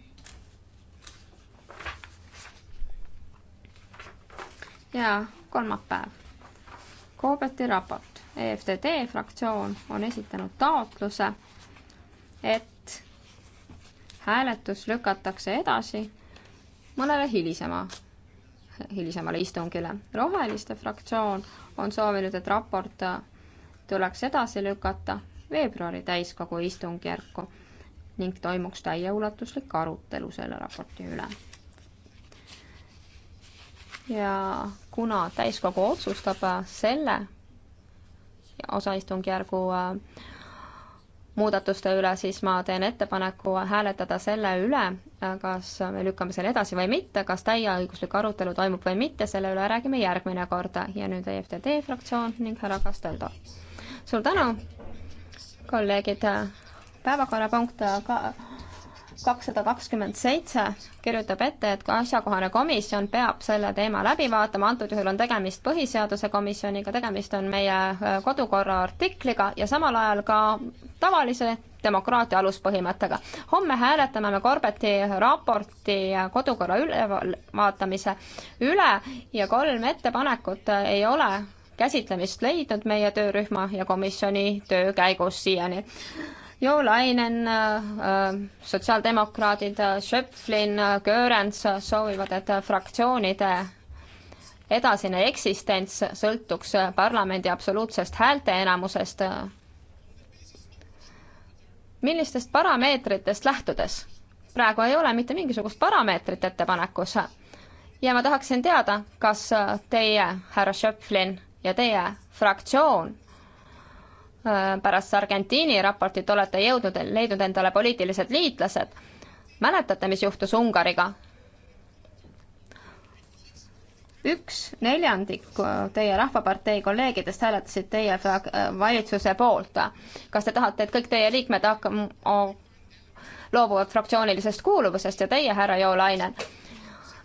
ja kolmapäev. Koobeti raport. EFTD fraktsioon on esitanud taotluse, et hääletus lükatakse edasi mõnele hilisema, hilisemale istungile. roheliste fraktsioon on soovinud, et raport tuleks edasi lükata veebruari täiskogu istungjärku ning toimuks täieulatuslik arutelu selle raporti üle. ja kuna täiskogu otsustab selle osaistungjärgu äh, muudatuste üle, siis ma teen ettepaneku hääletada selle üle, äh, kas me lükkame selle edasi või mitte, kas täieõiguslik arutelu toimub või mitte, selle üle räägime järgmine kord ja nüüd EFTD fraktsioon ning härra Kasteldo. suur tänu, kolleegid, päevakorrapunkt ka kakssada kakskümmend seitse kirjutab ette, et asjakohane komisjon peab selle teema läbi vaatama, antud juhul on tegemist põhiseaduse komisjoniga, tegemist on meie äh, kodukorra artikliga ja samal ajal ka tavalise demokraatia aluspõhimõttega. homme hääletame me Corbeti raporti kodukorra ülevaatamise üle ja kolm ettepanekut ei ole käsitlemist leidnud meie töörühma ja komisjoni töö käigus siiani. Jo Lainen, äh, äh, sotsiaaldemokraadid äh, Schöpflin, Görens soovivad, et fraktsioonide edasine eksistents sõltuks parlamendi absoluutsest häälteenamusest. millistest parameetritest lähtudes? praegu ei ole mitte mingisugust parameetrit ettepanekus. ja ma tahaksin teada, kas teie, härra Schöpflin, ja teie fraktsioon Äh, pärast Argentiini raportit olete jõudnud, leidnud endale poliitilised liitlased. mäletate, mis juhtus Ungariga? üks neljandik äh, teie Rahvapartei kolleegidest hääletasid teie äh, valitsuse poolt. kas te tahate, et kõik teie liikmed hakka-, loobuvad fraktsioonilisest kuuluvusest ja teie, härra Joolainen,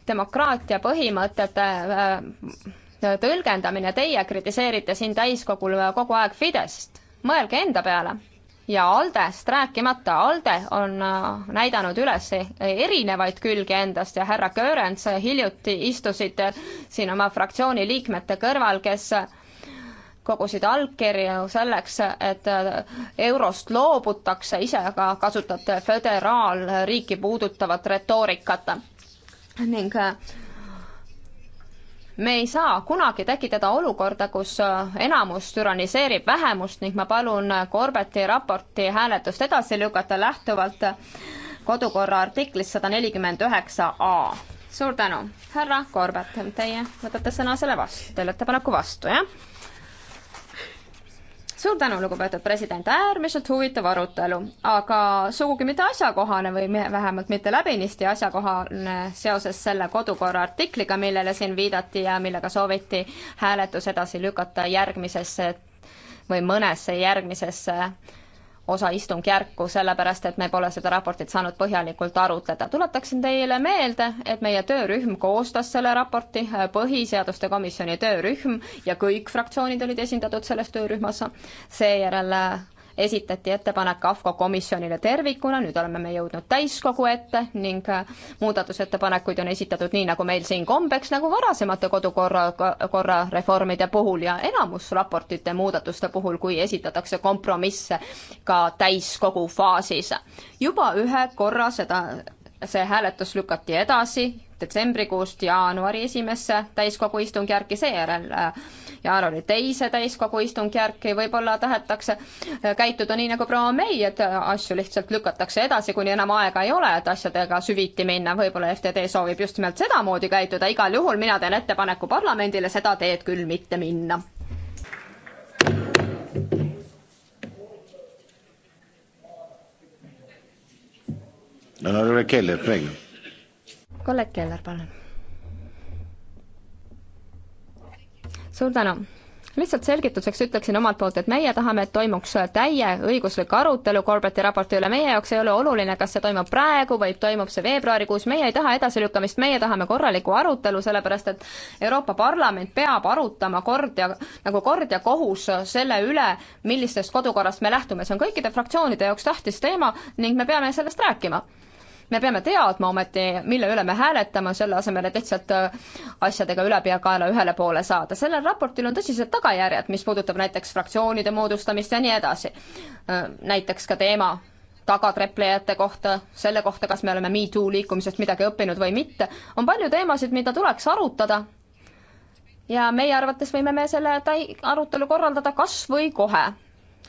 demokraatia põhimõtete äh, tõlgendamine, teie kritiseerite siin täiskogul kogu aeg Fidesest mõelge enda peale ja Aldest rääkimata, Alde on äh, näidanud üles e, erinevaid külgi endast ja härra Görens äh, hiljuti istusid äh, siin oma fraktsiooni liikmete kõrval, kes kogusid allkirju selleks, et eurost loobutakse, ise aga kasutate föderaalriiki puudutavat retoorikat. ning me ei saa kunagi tekitada olukorda, kus äh, enamus türaniseerib vähemust ning ma palun Corbeti raporti hääletust edasi lükata lähtuvalt kodukorra artiklist sada nelikümmend üheksa A. suur tänu, härra Corbet, teie võtate sõna selle vastu, teie ettepaneku vastu, jah? suur tänu, lugupeetud president, äärmiselt huvitav arutelu, aga sugugi mitte asjakohane või vähemalt mitte läbinisti asjakohane seoses selle kodukorra artikliga, millele siin viidati ja millega sooviti hääletus edasi lükata järgmisesse või mõnesse järgmisesse osa istungjärku, sellepärast et me pole seda raportit saanud põhjalikult arutleda. tuletaksin teile meelde, et meie töörühm koostas selle raporti, äh, põhiseaduste komisjoni töörühm ja kõik fraktsioonid olid esindatud selles töörühmas. seejärel äh, esitati ettepanek AFCO komisjonile tervikuna, nüüd oleme me jõudnud täiskogu ette ning äh, muudatusettepanekuid on esitatud nii, nagu meil siin kombeks, nagu varasemate kodukorra, korra reformide puhul ja enamus raportite muudatuste puhul, kui esitatakse kompromisse ka täiskogu faasis. juba ühe korra seda see hääletus lükati edasi detsembrikuust jaanuari esimesse täiskogu istungjärki, seejärel äh, jaanuari teise täiskogu istungjärki, võib-olla tahetakse äh, käituda nii nagu proua May, et äh, asju lihtsalt lükatakse edasi, kuni enam aega ei ole, et asjadega süviti minna, võib-olla FTD soovib just nimelt sedamoodi käituda, igal juhul mina teen ettepaneku parlamendile seda teed küll mitte minna. kolleeg Keller, palun suur tänu! lihtsalt selgituseks ütleksin omalt poolt, et meie tahame, et toimuks täieõiguslik arutelu Corbetti raporti üle, meie jaoks ei ole oluline, kas see toimub praegu või toimub see veebruarikuus, meie ei taha edasilükkamist, meie tahame korralikku arutelu, sellepärast et Euroopa Parlament peab arutama kord ja, nagu kord ja kohus selle üle, millistest kodukorrast me lähtume, see on kõikide fraktsioonide jaoks tähtis teema ning me peame sellest rääkima me peame teadma ometi, mille üle me hääletame, selle asemel, et lihtsalt äh, asjadega ülepeakaela ühele poole saada. sellel raportil on tõsised tagajärjed, mis puudutab näiteks fraktsioonide moodustamist ja nii edasi. Äh, näiteks ka teema tagatreplejate kohta, selle kohta, kas me oleme MeToo liikumisest midagi õppinud või mitte, on palju teemasid, mida tuleks arutada ja meie arvates võime me selle arutelu korraldada kas või kohe,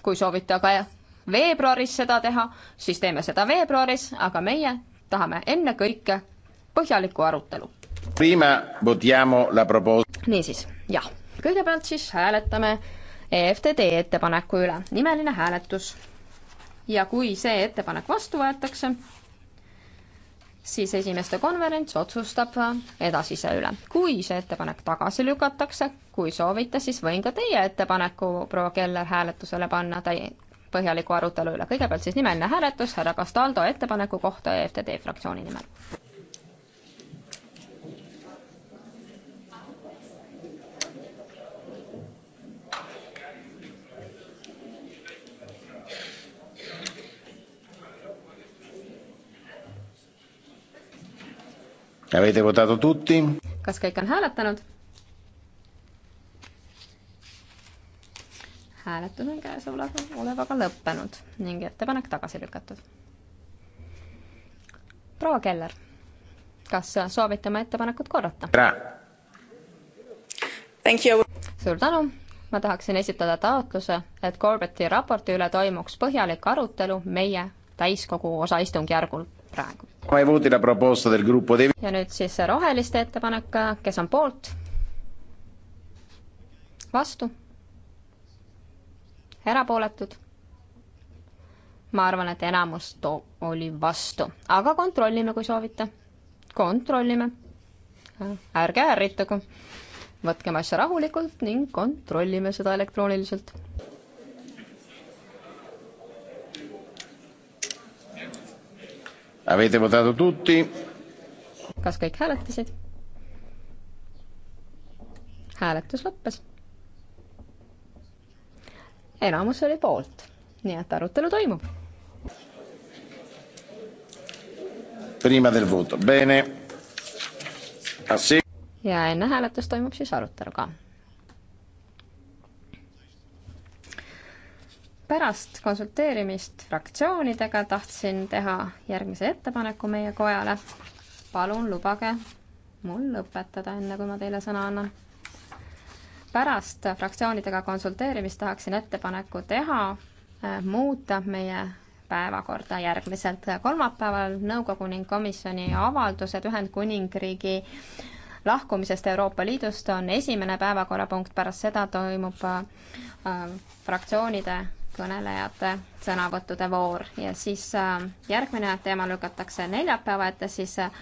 kui soovite, aga veebruaris seda teha, siis teeme seda veebruaris, aga meie tahame ennekõike põhjalikku arutelu. niisiis, jah, kõigepealt siis hääletame EFTD ettepaneku üle, nimeline hääletus. ja kui see ettepanek vastu võetakse, siis esimeste konverents otsustab edasise üle. kui see ettepanek tagasi lükatakse, kui soovite, siis võin ka teie ettepaneku proua Keller hääletusele panna, põhjaliku arutelu üle. kõigepealt siis nimeline hääletus härra Castaldo ettepaneku kohta EFTD fraktsiooni nimel. Avete votato tutti? Kas kõik on hääletanud? hääletus on käesolevaga olevaga lõppenud ning ettepanek tagasi lükatud. proua Keller, kas soovite oma ettepanekut korrata? suur tänu, ma tahaksin esitada taotluse, et Corbeti raporti üle toimuks põhjalik arutelu meie täiskogu osaistungjärgul praegu. ja nüüd siis roheliste ettepanek, kes on poolt? vastu erapooletud? ma arvan, et enamus to-, oli vastu, aga kontrollime, kui soovite. kontrollime. ärge ärritugu. võtkem asja rahulikult ning kontrollime seda elektrooniliselt. Avete votato tutti? kas kõik hääletasid? hääletus lõppes enamus oli poolt, nii et arutelu toimub. ja enne hääletust toimub siis arutelu ka. pärast konsulteerimist fraktsioonidega tahtsin teha järgmise ettepaneku meie kojale. palun lubage mul lõpetada, enne kui ma teile sõna annan pärast fraktsioonidega konsulteerimist tahaksin ettepaneku teha äh, muuta meie päevakorda järgmiselt. kolmapäeval nõukogu ning komisjoni avaldused Ühendkuningriigi lahkumisest Euroopa Liidust on esimene päevakorrapunkt, pärast seda toimub äh, fraktsioonide kõnelejate sõnavõttude voor ja siis äh, järgmine teema lükatakse neljapäeva ette, siis äh,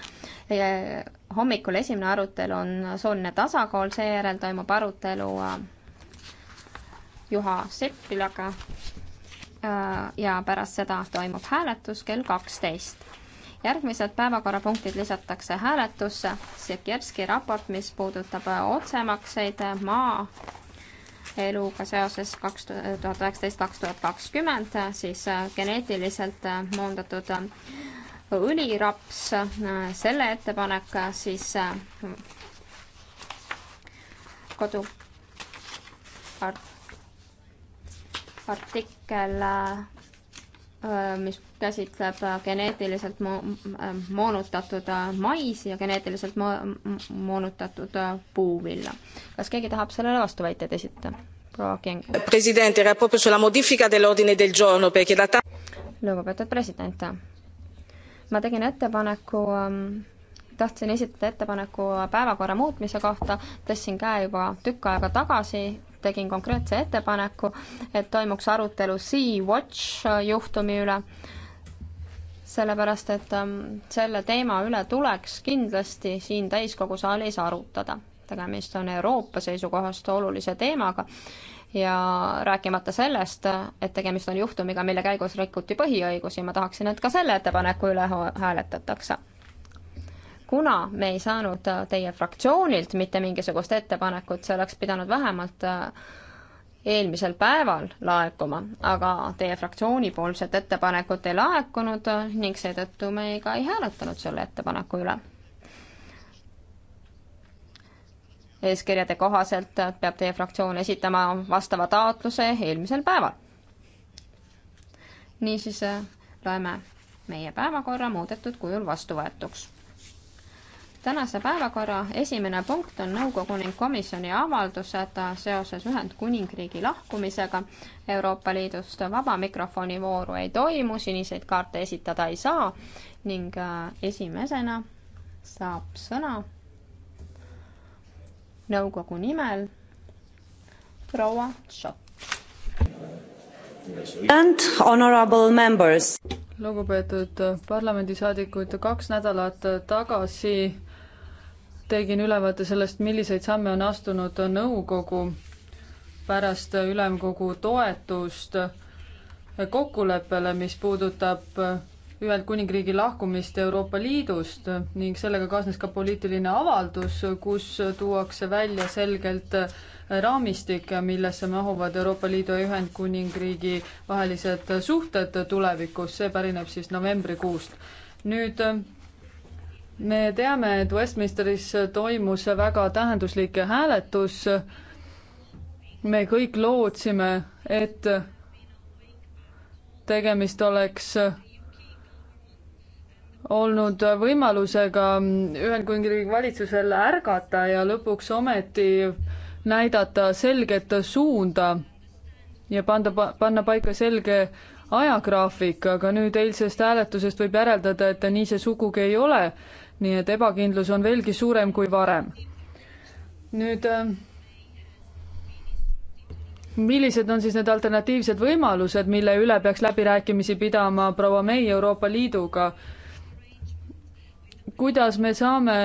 hommikul esimene arutelu on sooline tasakaal, seejärel toimub arutelu äh, Juha Seppilaga ja pärast seda toimub hääletus kell kaksteist. järgmised päevakorrapunktid lisatakse hääletusse, Sikierski raport, mis puudutab otsemakseid maa eluga seoses kaks tuhat üheksateist, kaks tuhat kakskümmend, siis äh, geneetiliselt äh, moondatud äh, õliraps, selle ettepanek siis kodu art, artikkel Äh, mis käsitleb äh, geneetiliselt mo-, äh, moonutatud maisi ja geneetiliselt mo-, moonutatud puuvilla. kas keegi tahab sellele vastuväiteid esitada? proua Keng. lugupeetud president, ma tegin ettepaneku ähm, tahtsin esitada ettepaneku päevakorra muutmise kohta, tõstsin käe juba tükk aega tagasi tegin konkreetse ettepaneku, et toimuks arutelu Sea-Watch äh, juhtumi üle, sellepärast et ähm, selle teema üle tuleks kindlasti siin täiskogu saalis arutada. tegemist on Euroopa seisukohast olulise teemaga ja rääkimata sellest, et tegemist on juhtumiga, mille käigus rikuti põhiõigusi, ma tahaksin, et ka selle ettepaneku üle hääletatakse kuna me ei saanud äh, teie fraktsioonilt mitte mingisugust ettepanekut, see oleks pidanud vähemalt äh, eelmisel päeval laekuma, aga teie fraktsioonipoolset ettepanekut ei laekunud äh, ning seetõttu me ka ei hääletanud selle ettepaneku üle. eeskirjade kohaselt peab teie fraktsioon esitama vastava taotluse eelmisel päeval. niisiis loeme meie päevakorra muudetud kujul vastuvõetuks tänase päevakorra esimene punkt on nõukogu ning komisjoni avaldused seoses Ühendkuningriigi lahkumisega Euroopa Liidust. vaba mikrofoni vooru ei toimu, siniseid kaarte esitada ei saa ning äh, esimesena saab sõna nõukogu nimel proua Tšot. And honorable members lugupeetud parlamendisaadikud, kaks nädalat tagasi tegin ülevaate sellest, milliseid samme on astunud nõukogu pärast ülemkogu toetust kokkuleppele, mis puudutab Ühendkuningriigi lahkumist Euroopa Liidust ning sellega kaasnes ka poliitiline avaldus, kus tuuakse välja selgelt raamistik, millesse mahuvad Euroopa Liidu ja Ühendkuningriigi vahelised suhted tulevikus, see pärineb siis novembrikuust. nüüd me teame, et Westminsteris toimus väga tähenduslik hääletus. me kõik lootsime, et tegemist oleks olnud võimalusega Ühendkuningriigi valitsusel ärgata ja lõpuks ometi näidata selget suunda ja panda, panna paika selge ajagraafik, aga nüüd eilsest hääletusest võib järeldada, et nii see sugugi ei ole nii et ebakindlus on veelgi suurem kui varem. nüüd äh, millised on siis need alternatiivsed võimalused, mille üle peaks läbirääkimisi pidama proua May Euroopa Liiduga? kuidas me saame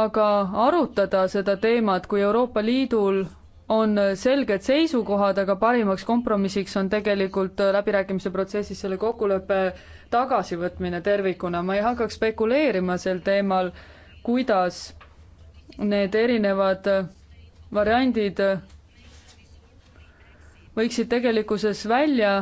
aga arutada seda teemat, kui Euroopa Liidul on selged seisukohad, aga parimaks kompromissiks on tegelikult läbirääkimise protsessis selle kokkuleppe tagasivõtmine tervikuna. ma ei hakkaks spekuleerima sel teemal, kuidas need erinevad variandid võiksid tegelikkuses välja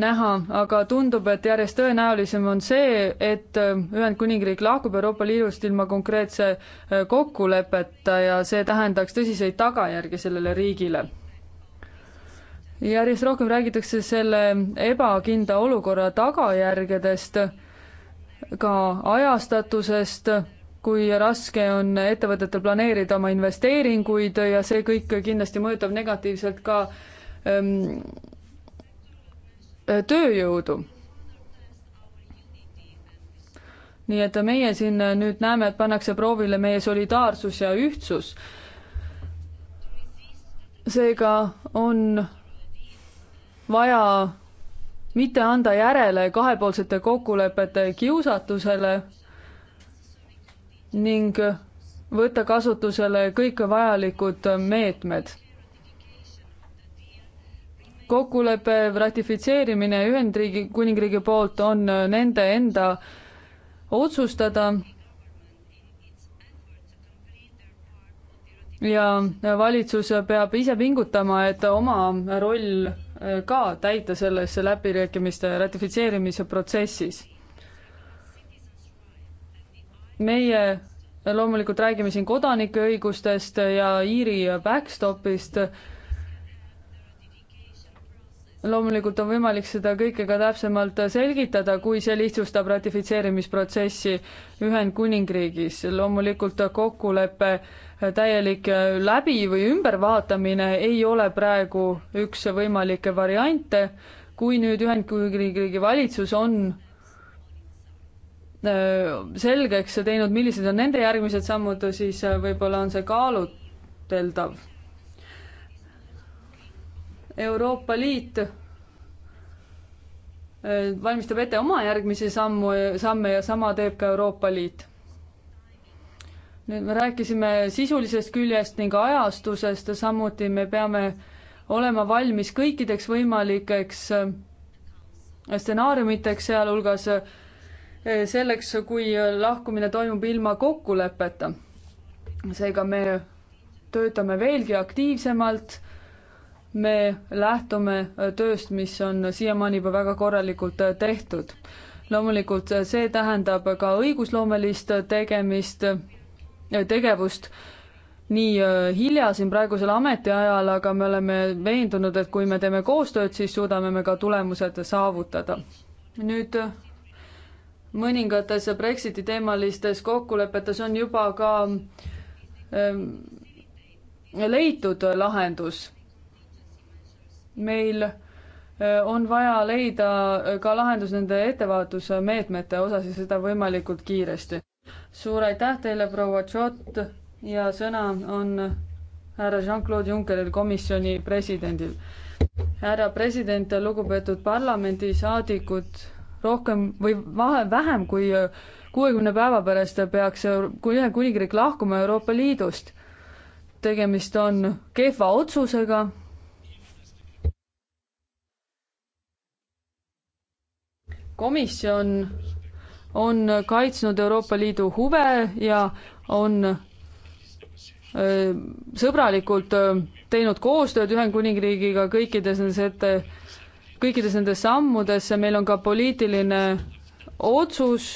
näha, aga tundub, et järjest tõenäolisem on see, et Ühendkuningriik lahkub Euroopa Liidust ilma konkreetse äh, kokkuleppeta ja see tähendaks tõsiseid tagajärgi sellele riigile. järjest rohkem räägitakse selle ebakindla olukorra tagajärgedest, ka ajastatusest, kui raske on ettevõtetel planeerida oma investeeringuid ja see kõik kindlasti mõjutab negatiivselt ka ähm, Äh, tööjõudu. nii et meie siin äh, nüüd näeme, et pannakse proovile meie solidaarsus ja ühtsus. seega on vaja mitte anda järele kahepoolsete kokkulepete kiusatusele ning võtta kasutusele kõik vajalikud meetmed kokkuleppe ratifitseerimine Ühendriigi, Kuningriigi poolt on nende enda otsustada ja valitsus peab ise pingutama, et oma roll ka täita selles läbirääkimiste ratifitseerimise protsessis. meie loomulikult räägime siin kodanike õigustest ja Iiri backstopist loomulikult on võimalik seda kõike ka täpsemalt selgitada, kui see lihtsustab ratifitseerimisprotsessi Ühendkuningriigis. loomulikult kokkuleppe täielik läbi- või ümbervaatamine ei ole praegu üks võimalikke variante, kui nüüd Ühendkuningriigi valitsus on äh, selgeks teinud, millised on nende järgmised sammud, siis äh, võib-olla on see kaaluteldav Euroopa Liit äh, valmistab ette oma järgmisi sammu, samme ja sama teeb ka Euroopa Liit. nüüd me rääkisime sisulisest küljest ning ajastusest ja samuti me peame olema valmis kõikideks võimalikeks äh, stsenaariumiteks, sealhulgas äh, selleks, kui lahkumine toimub ilma kokkuleppeta. seega me töötame veelgi aktiivsemalt me lähtume äh, tööst, mis on siiamaani juba väga korralikult äh, tehtud. loomulikult äh, see tähendab ka õigusloomelist tegemist, tegevust, nii hilja siin praegusel ametiajal, aga me oleme veendunud, et kui me teeme koostööd, siis suudame me ka tulemused saavutada. nüüd mõningates Brexiti teemalistes kokkulepetes on juba ka ähm, leitud lahendus meil äh, on vaja leida äh, ka lahendus nende ettevaatusmeetmete osas ja seda võimalikult kiiresti. suur aitäh teile, proua Tšot ja sõna on härra Jean-Claude Junckeril, komisjoni presidendil. härra president, lugupeetud parlamendisaadikud, rohkem või vahe, vähem kui äh, kuuekümne päeva pärast peaks Ühendkuningriik lahkuma Euroopa Liidust. tegemist on kehva otsusega komisjon on kaitsnud Euroopa Liidu huve ja on sõbralikult teinud koostööd Ühendkuningriigiga kõikides nendes ette, kõikides nendes sammudes, meil on ka poliitiline otsus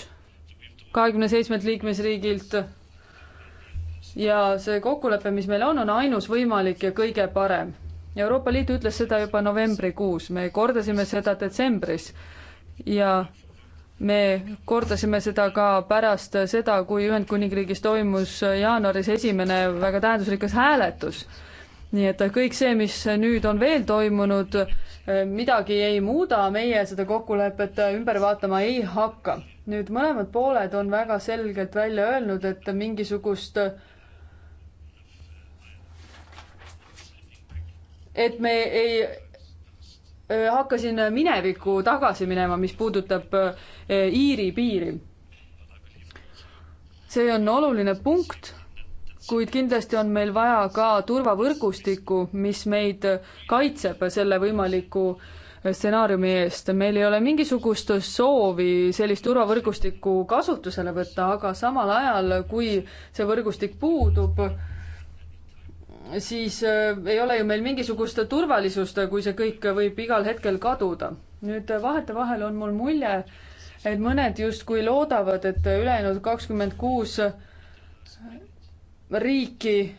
kahekümne seitsmelt liikmesriigilt ja see kokkulepe, mis meil on, on ainus võimalik ja kõige parem. Euroopa Liit ütles seda juba novembrikuus, me kordasime seda detsembris ja me kordasime seda ka pärast seda, kui Ühendkuningriigis toimus jaanuaris esimene väga tähendusrikas hääletus. nii et kõik see, mis nüüd on veel toimunud, midagi ei muuda, meie seda kokkulepet ümber vaatama ei hakka. nüüd mõlemad pooled on väga selgelt välja öelnud, et mingisugust et me ei hakkasin minevikku tagasi minema, mis puudutab Iiri piiri. see on oluline punkt, kuid kindlasti on meil vaja ka turvavõrgustikku, mis meid kaitseb selle võimaliku stsenaariumi eest. meil ei ole mingisugust soovi sellist turvavõrgustikku kasutusele võtta, aga samal ajal, kui see võrgustik puudub, siis äh, ei ole ju meil mingisugust turvalisust, kui see kõik võib igal hetkel kaduda. nüüd äh, vahetevahel on mul mulje, et mõned justkui loodavad, et ülejäänud kakskümmend kuus riiki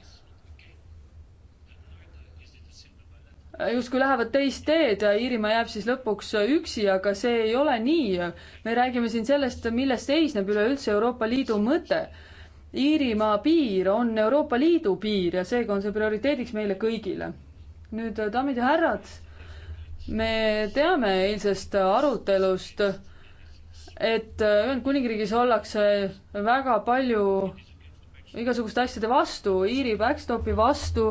justkui lähevad teist teed ja Iirimaa jääb siis lõpuks üksi, aga see ei ole nii. me räägime siin sellest, milles seisneb üleüldse Euroopa Liidu mõte Iirimaa piir on Euroopa Liidu piir ja seega on see prioriteediks meile kõigile. nüüd, daamid ja härrad, me teame eilsest arutelust, et Ühendkuningriigis ollakse väga palju igasuguste asjade vastu, Iiri backstopi vastu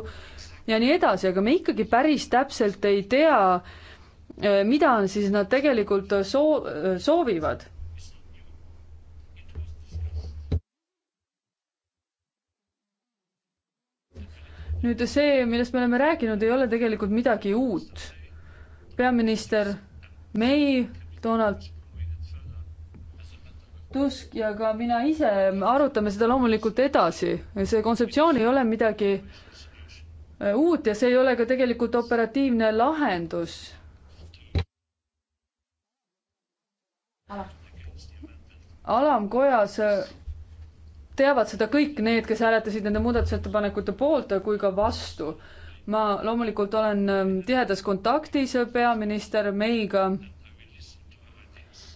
ja nii edasi, aga me ikkagi päris täpselt ei tea, mida siis nad tegelikult soo-, soovivad nüüd see, millest me oleme rääkinud, ei ole tegelikult midagi uut. peaminister May, Donald Tusk ja ka mina ise arutame seda loomulikult edasi. see kontseptsioon ei ole midagi äh, uut ja see ei ole ka tegelikult operatiivne lahendus. alamkojas äh, teavad seda kõik need, kes hääletasid nende muudatusettepanekute poolt kui ka vastu. ma loomulikult olen ähm, tihedas kontaktis peaminister Meiga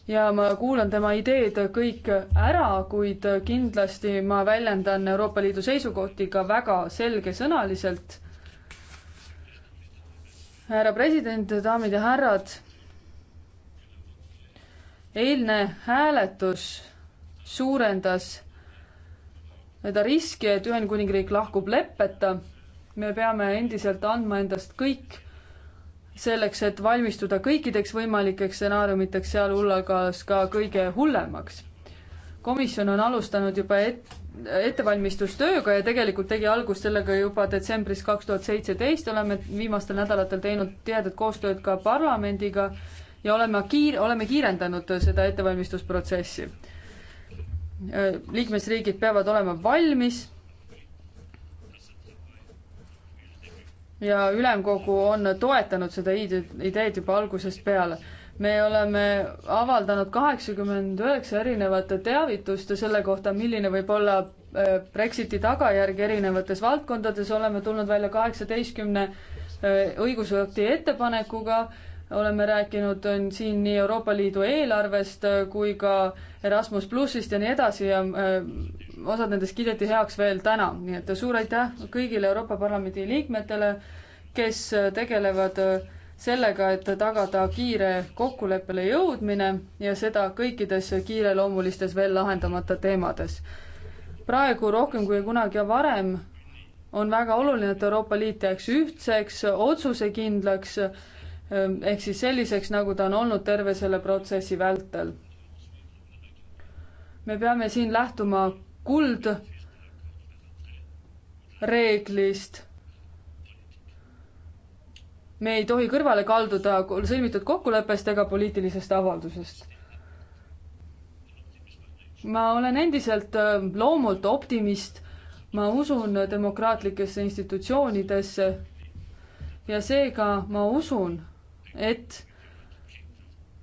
ja ma kuulan tema ideed kõik ära, kuid kindlasti ma väljendan Euroopa Liidu seisukohti ka väga selgesõnaliselt. härra president, daamid ja härrad. eilne hääletus suurendas seda riski, et Ühendkuningriik lahkub leppeta. me peame endiselt andma endast kõik selleks, et valmistuda kõikideks võimalikeks stsenaariumiteks, sealhulgas ka kõige hullemaks. komisjon on alustanud juba et, ettevalmistustööga ja tegelikult tegi algust sellega juba detsembris kaks tuhat seitseteist, oleme viimastel nädalatel teinud tihedat koostööd ka parlamendiga ja oleme kiir-, oleme kiirendanud seda ettevalmistusprotsessi Äh, liikmesriigid peavad olema valmis. ja ülemkogu on toetanud seda ideed juba algusest peale. me oleme avaldanud kaheksakümmend üheksa erinevat teavitust selle kohta, milline võib olla äh, Brexiti tagajärg erinevates valdkondades, oleme tulnud välja kaheksateistkümne äh, õigusakti ettepanekuga oleme rääkinud äh, siin nii Euroopa Liidu eelarvest äh, kui ka Erasmus plussist ja nii edasi ja äh, osad nendest kiideti heaks veel täna, nii et suur aitäh kõigile Euroopa Parlamendi liikmetele, kes tegelevad sellega, et tagada kiire kokkuleppele jõudmine ja seda kõikides kiireloomulistes veel lahendamata teemades. praegu rohkem kui kunagi varem on väga oluline, et Euroopa Liit jääks ühtseks, otsusekindlaks Ehm, ehk siis selliseks, nagu ta on olnud terve selle protsessi vältel. me peame siin lähtuma kuldreeglist. me ei tohi kõrvale kalduda sõlmitud kokkuleppest ega poliitilisest avaldusest. ma olen endiselt ehm, loomult optimist, ma usun demokraatlikesse institutsioonidesse ja seega ma usun, et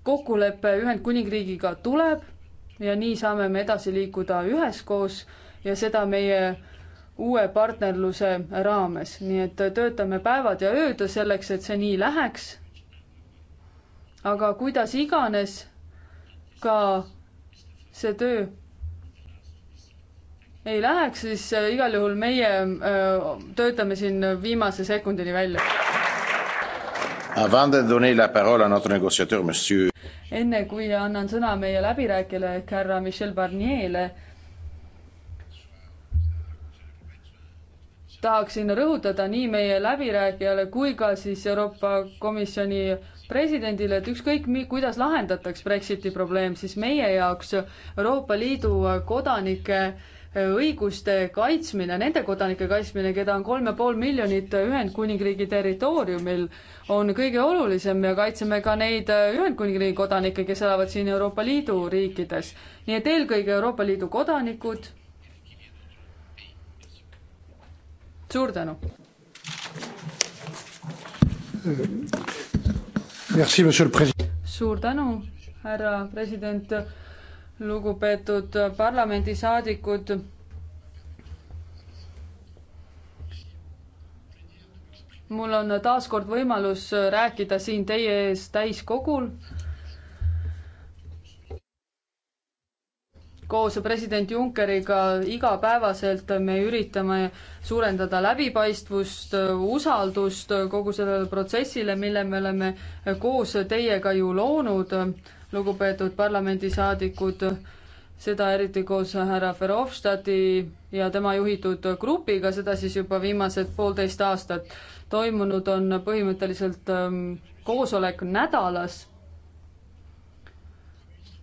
kokkulepe Ühendkuningriigiga tuleb ja nii saame me edasi liikuda üheskoos ja seda meie uue partnerluse raames, nii et töötame päevad ja ööd selleks, et see nii läheks. aga kuidas iganes ka see töö ei läheks, siis äh, igal juhul meie öö, äh, töötame siin viimase sekundini välja enne kui annan sõna meie läbirääkijale ehk härra Michel Barnier'le, tahaksin rõhutada nii meie läbirääkijale kui ka siis Euroopa Komisjoni presidendile, et ükskõik, kuidas lahendataks Brexiti probleem, siis meie jaoks Euroopa Liidu kodanike äh, õiguste kaitsmine, nende kodanike kaitsmine, keda on kolm ja pool miljonit Ühendkuningriigi territooriumil, on kõige olulisem ja kaitseme ka neid Ühendkuningriigi kodanikke, kes elavad siin Euroopa Liidu riikides. nii et eelkõige Euroopa Liidu kodanikud. suur tänu. suur tänu, härra president lugupeetud parlamendisaadikud. mul on taas kord võimalus rääkida siin teie ees täiskogul. koos president Junckeriga igapäevaselt me üritame suurendada läbipaistvust, usaldust kogu sellele protsessile, mille me oleme koos teiega ju loonud lugupeetud parlamendisaadikud, seda eriti koos härra Verhofstadti ja tema juhitud grupiga, seda siis juba viimased poolteist aastat. toimunud on põhimõtteliselt ähm, koosolek nädalas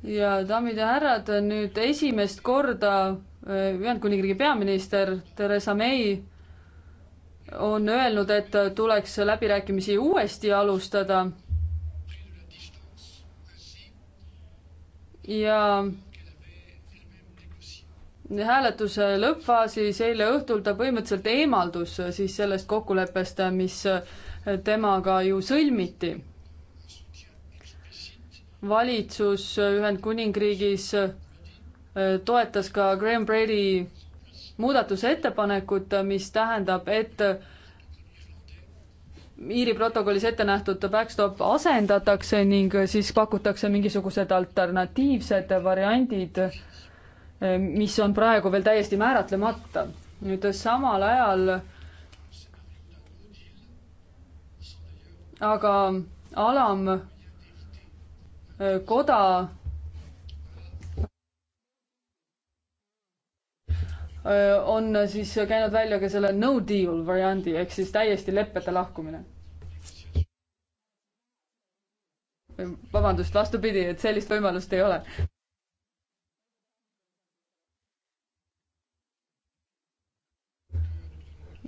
ja daamid ja härrad, nüüd esimest korda äh, Ühendkuningriigi peaminister Theresa May on öelnud, et tuleks läbirääkimisi uuesti alustada ja hääletuse lõppfaasis eile õhtul ta põhimõtteliselt eemaldus siis sellest kokkuleppest, mis temaga ju sõlmiti. valitsus Ühendkuningriigis eh, toetas ka Graham Brady muudatusettepanekut, mis tähendab, et Iiri protokollis ette nähtud backstop asendatakse ning siis pakutakse mingisugused alternatiivsed variandid, mis on praegu veel täiesti määratlemata. nüüd samal ajal aga alamkoda eh, eh, on siis käinud välja ka selle no deal variandi ehk siis täiesti leppeta lahkumine vabandust, vastupidi, et sellist võimalust ei ole.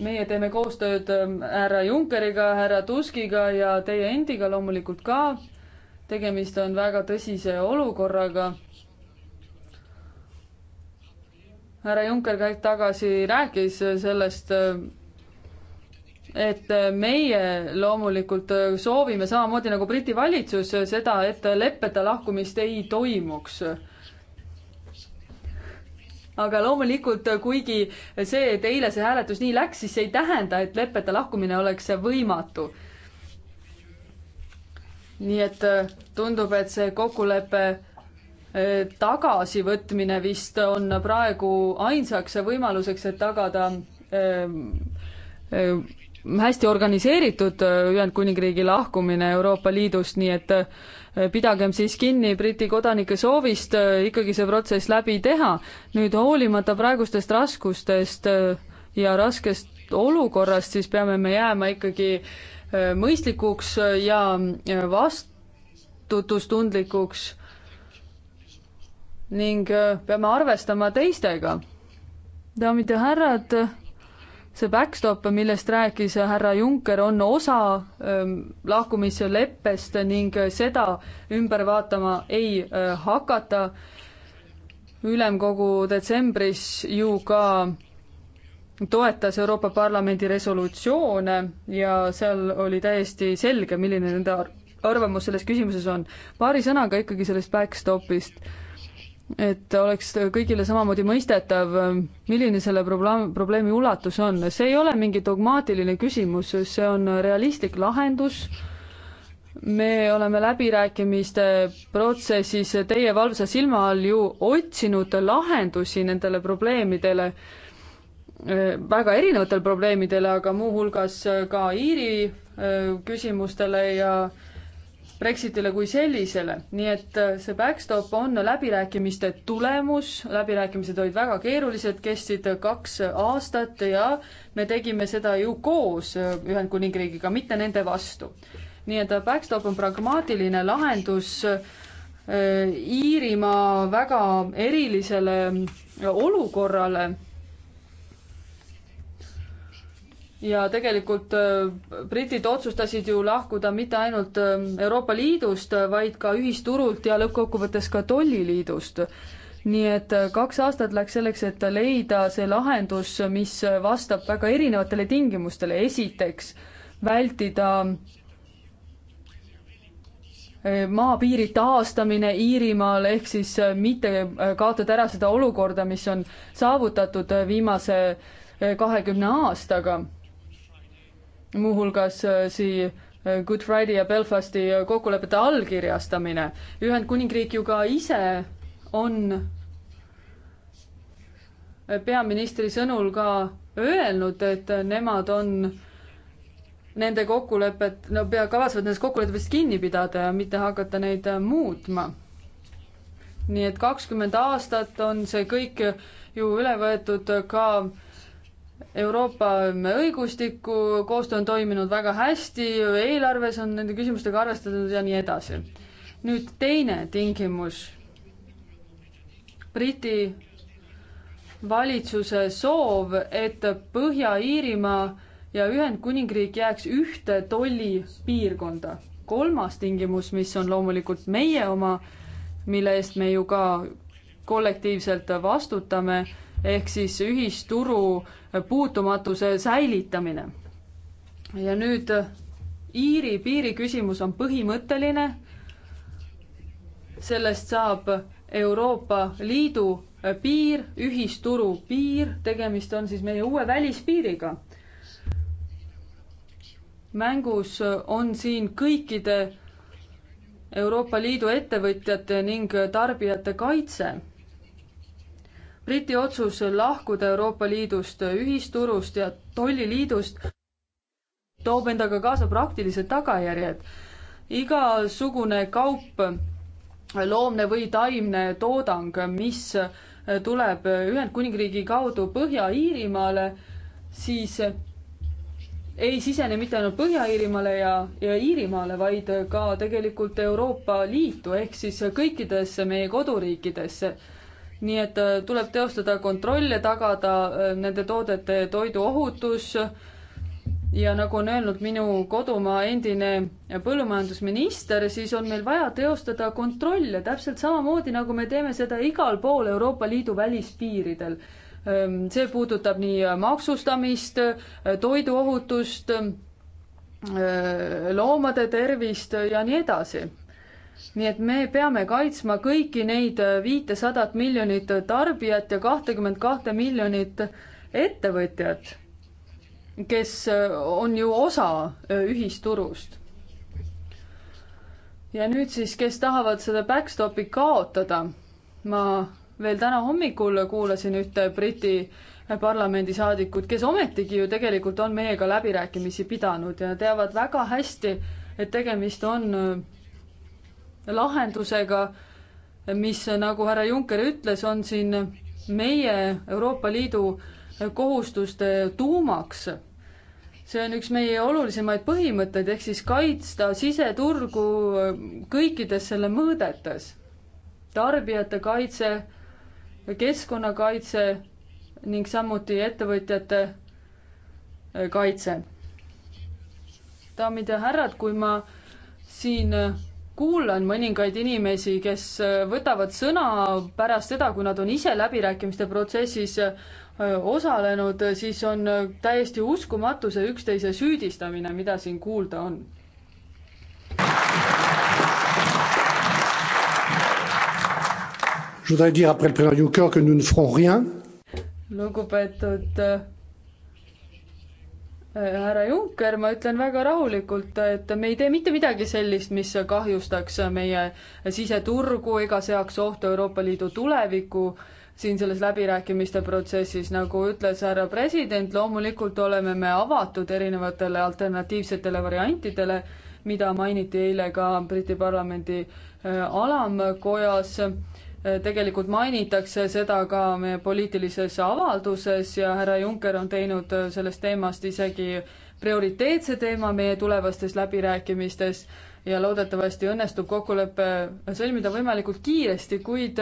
meie teeme koostööd ähm, härra Junckeriga, härra Tuskiga ja teie endiga loomulikult ka. tegemist on väga tõsise olukorraga. härra Juncker käis tagasi, rääkis sellest ähm, et äh, meie loomulikult äh, soovime samamoodi nagu Briti valitsus äh, seda, et leppeta lahkumist ei toimuks. aga loomulikult, kuigi see, et eile see hääletus nii läks, siis see ei tähenda, et leppeta lahkumine oleks võimatu. nii et tundub, et see kokkulepe tagasivõtmine vist on praegu ainsaks võimaluseks, et tagada öö, ähm, öö, hästi organiseeritud äh, Ühendkuningriigi lahkumine Euroopa Liidust, nii et äh, pidagem siis kinni Briti kodanike soovist äh, ikkagi see protsess läbi teha. nüüd hoolimata praegustest raskustest ja raskest olukorrast, siis peame me jääma ikkagi mõistlikuks ja vastutustundlikuks ning peame arvestama teistega. daamid ja härrad see backstop, millest rääkis härra Juncker, on osa ähm, lahkumisleppest ning seda ümber vaatama ei äh, hakata. ülemkogu detsembris ju ka toetas Euroopa Parlamendi resolutsioone ja seal oli täiesti selge, milline nende arvamus selles küsimuses on. paari sõnaga ikkagi sellest backstopist et oleks kõigile samamoodi mõistetav, milline selle probleem, probleemi ulatus on. see ei ole mingi dogmaatiline küsimus, see on realistlik lahendus, me oleme läbirääkimiste protsessis teie valvsa silma all ju otsinud lahendusi nendele probleemidele, väga erinevatele probleemidele, aga muuhulgas ka Iiri äh, küsimustele ja äh, Brexitile kui sellisele, nii et äh, see backstop on läbirääkimiste tulemus, läbirääkimised olid väga keerulised, kestsid äh, kaks äh, aastat ja me tegime seda ju koos Ühendkuningriigiga, mitte nende vastu. nii et backstop on pragmaatiline lahendus Iirimaa väga erilisele olukorrale ja tegelikult äh, britid otsustasid ju lahkuda mitte ainult äh, Euroopa Liidust, äh, vaid ka ühisturult ja lõppkokkuvõttes ka tolliliidust. nii et kaks aastat läks selleks, et leida see lahendus, mis vastab väga erinevatele tingimustele, esiteks vältida maapiiri taastamine Iirimaal, ehk siis mitte kaotada ära seda olukorda, mis on saavutatud viimase kahekümne aastaga muuhulgas äh, siis äh, Good Friday ja Belfasti äh, kokkulepete allkirjastamine. Ühendkuningriik ju ka ise on peaministri sõnul ka öelnud, et nemad on nende kokkulepet, no pea, kavatsevad nendest kokkulepetest kinni pidada ja mitte hakata neid muutma. nii et kakskümmend aastat on see kõik ju üle võetud ka äh, Euroopa õigustikku, koostöö on toiminud väga hästi, eelarves on nende küsimustega arvestatud ja nii edasi. nüüd teine tingimus. Briti valitsuse soov, et Põhja-Iirimaa ja Ühendkuningriik jääks ühte tollipiirkonda. kolmas tingimus, mis on loomulikult meie oma, mille eest me ju ka kollektiivselt vastutame ehk siis ühisturu puutumatuse säilitamine. ja nüüd Iiri piiri küsimus on põhimõtteline, sellest saab Euroopa Liidu piir, ühisturu piir, tegemist on siis meie uue välispiiriga. mängus on siin kõikide Euroopa Liidu ettevõtjate ning tarbijate kaitse Briti otsus lahkuda Euroopa Liidust, ühisturust ja tolliliidust toob endaga kaasa praktilised tagajärjed. igasugune kaup, loomne või taimne toodang, mis tuleb Ühendkuningriigi kaudu Põhja-Iirimaale, siis ei sisene mitte ainult Põhja-Iirimaale ja, ja Iirimaale, vaid ka tegelikult Euroopa Liitu ehk siis kõikidesse meie koduriikidesse nii et äh, tuleb teostada kontrolle, tagada äh, nende toodete toiduohutus ja nagu on öelnud minu kodumaa endine põllumajandusminister, siis on meil vaja teostada kontrolle täpselt samamoodi, nagu me teeme seda igal pool Euroopa Liidu välispiiridel. see puudutab nii maksustamist, toiduohutust, loomade tervist ja nii edasi nii et me peame kaitsma kõiki neid viitesadat miljonit tarbijat ja kahtekümmet kahte miljonit ettevõtjat, kes on ju osa ühisturust. ja nüüd siis, kes tahavad seda backstopi kaotada, ma veel täna hommikul kuulasin ühte Briti parlamendisaadikut, kes ometigi ju tegelikult on meiega läbirääkimisi pidanud ja teavad väga hästi, et tegemist on lahendusega, mis, nagu härra Juncker ütles, on siin meie Euroopa Liidu kohustuste tuumaks. see on üks meie olulisemaid põhimõtteid, ehk siis kaitsta siseturgu kõikides selle mõõdetes. tarbijate kaitse, keskkonnakaitse ning samuti ettevõtjate kaitse. daamid ja härrad, kui ma siin kuulan mõningaid inimesi, kes äh, võtavad sõna pärast seda, kui nad on ise läbirääkimiste protsessis äh, osalenud, äh, siis on täiesti uskumatu see üksteise süüdistamine, mida siin kuulda on. lugupeetud Äh, härra Juncker, ma ütlen väga rahulikult, et me ei tee mitte midagi sellist, mis kahjustaks meie siseturgu ega seaks ohtu Euroopa Liidu tulevikku siin selles läbirääkimiste protsessis, nagu ütles härra president, loomulikult oleme me avatud erinevatele alternatiivsetele variantidele, mida mainiti eile ka Briti parlamendi äh, alamkojas Äh, tegelikult mainitakse seda ka meie poliitilises avalduses ja härra Juncker on teinud äh, sellest teemast isegi prioriteetse teema meie tulevastes läbirääkimistes ja loodetavasti õnnestub kokkulepe sõlmida võimalikult kiiresti, kuid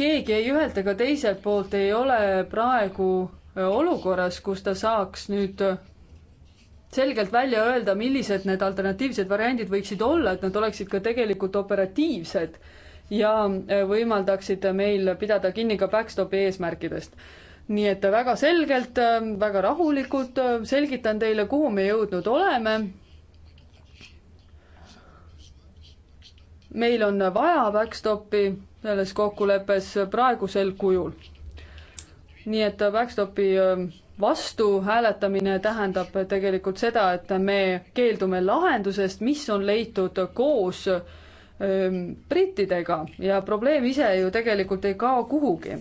keegi ei ühelt ega teiselt poolt ei ole praegu äh, olukorras, kus ta saaks nüüd selgelt välja öelda, millised need alternatiivsed variandid võiksid olla, et nad oleksid ka tegelikult operatiivsed ja äh, võimaldaksid meil pidada kinni ka backstopi eesmärkidest nii et väga selgelt, äh, väga rahulikult äh, selgitan teile, kuhu me jõudnud oleme. meil on vaja backstopi selles kokkuleppes praegusel kujul. nii et backstopi vastu hääletamine tähendab tegelikult seda, et me keeldume lahendusest, mis on leitud koos äh, brittidega ja probleem ise ju tegelikult ei kao kuhugi.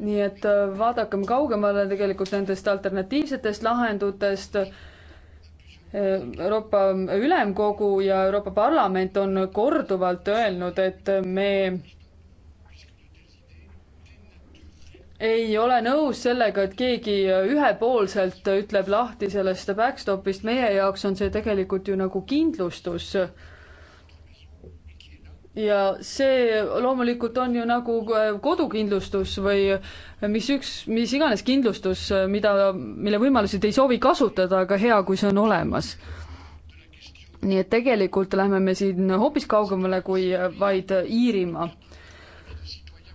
nii et vaadakem kaugemale tegelikult nendest alternatiivsetest lahendutest. Euroopa Ülemkogu ja Euroopa Parlament on korduvalt öelnud, et me ei ole nõus sellega, et keegi ühepoolselt ütleb lahti sellest backstopist, meie jaoks on see tegelikult ju nagu kindlustus. ja see loomulikult on ju nagu äh, kodukindlustus või äh, mis üks, mis iganes kindlustus, äh, mida, mille võimalusi te ei soovi kasutada, aga hea, kui see on olemas nii et tegelikult läheme me siin hoopis kaugemale kui vaid Iirimaa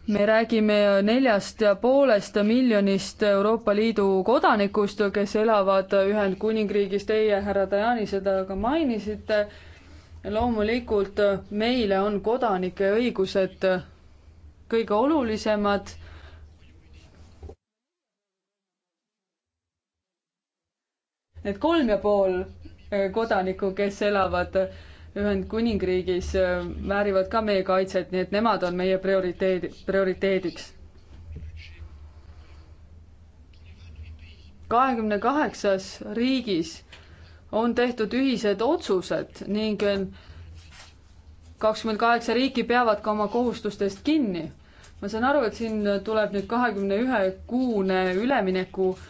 me räägime neljast ja poolest miljonist Euroopa Liidu kodanikust, kes elavad Ühendkuningriigis, teie, härra Tajani, seda ka mainisite. loomulikult meile on kodanike õigused kõige olulisemad. Need kolm ja pool kodanikku, kes elavad Ühendkuningriigis äh, väärivad ka meie kaitset, nii et nemad on meie prioriteedi, prioriteediks. kahekümne kaheksas riigis on tehtud ühised otsused ning äh, kakskümmend kaheksa riiki peavad ka oma kohustustest kinni. ma saan aru, et siin tuleb nüüd kahekümne ühe kuune ülemineku äh,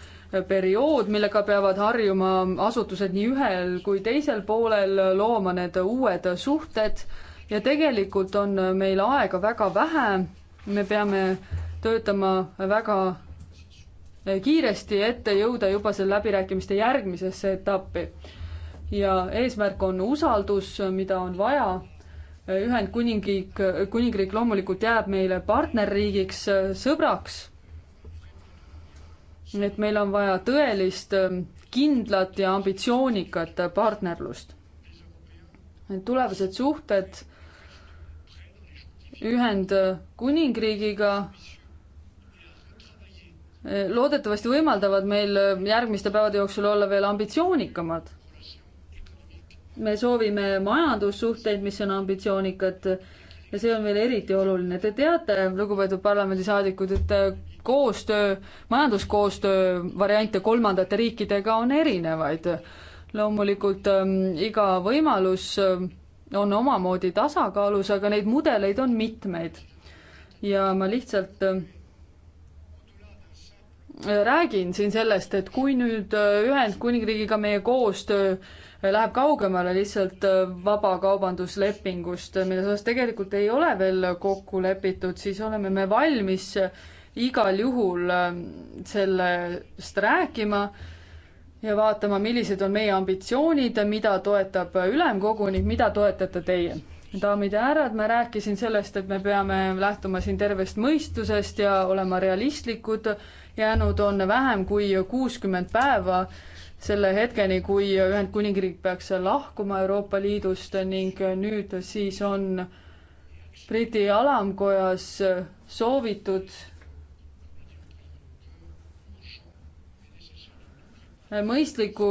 periood, millega peavad harjuma asutused nii ühel kui teisel poolel, looma need uued suhted ja tegelikult on meil aega väga vähe. me peame töötama väga kiiresti, et jõuda juba selle läbirääkimiste järgmisesse etappi. ja eesmärk on usaldus, mida on vaja. Ühendkuningriik, kuningriik loomulikult jääb meile partnerriigiks, sõbraks et meil on vaja tõelist, ähm, kindlat ja ambitsioonikat äh, partnerlust. tulevased suhted Ühendkuningriigiga äh, loodetavasti võimaldavad meil äh, järgmiste päevade jooksul olla veel ambitsioonikamad. me soovime majandussuhteid, mis on ambitsioonikad ja see on veel eriti oluline. Te teate, lugupeetud parlamendisaadikud, et koostöö, majanduskoostöö variante kolmandate riikidega on erinevaid. loomulikult ähm, iga võimalus ähm, on omamoodi tasakaalus, aga neid mudeleid on mitmeid. ja ma lihtsalt ähm, räägin siin sellest, et kui nüüd äh, Ühendkuningriigiga meie koostöö äh, läheb kaugemale lihtsalt äh, vabakaubanduslepingust, milles osas tegelikult ei ole veel kokku lepitud, siis oleme me valmis äh, igal juhul ähm, sellest rääkima ja vaatama, millised on meie ambitsioonid, mida toetab ülemkogu ning mida toetate teie. daamid ja härrad, ma rääkisin sellest, et me peame lähtuma siin tervest mõistusest ja olema realistlikud. jäänud on vähem kui kuuskümmend päeva selle hetkeni, kui Ühendkuningriik peaks lahkuma Euroopa Liidust ning nüüd siis on Briti alamkojas soovitud mõistlikku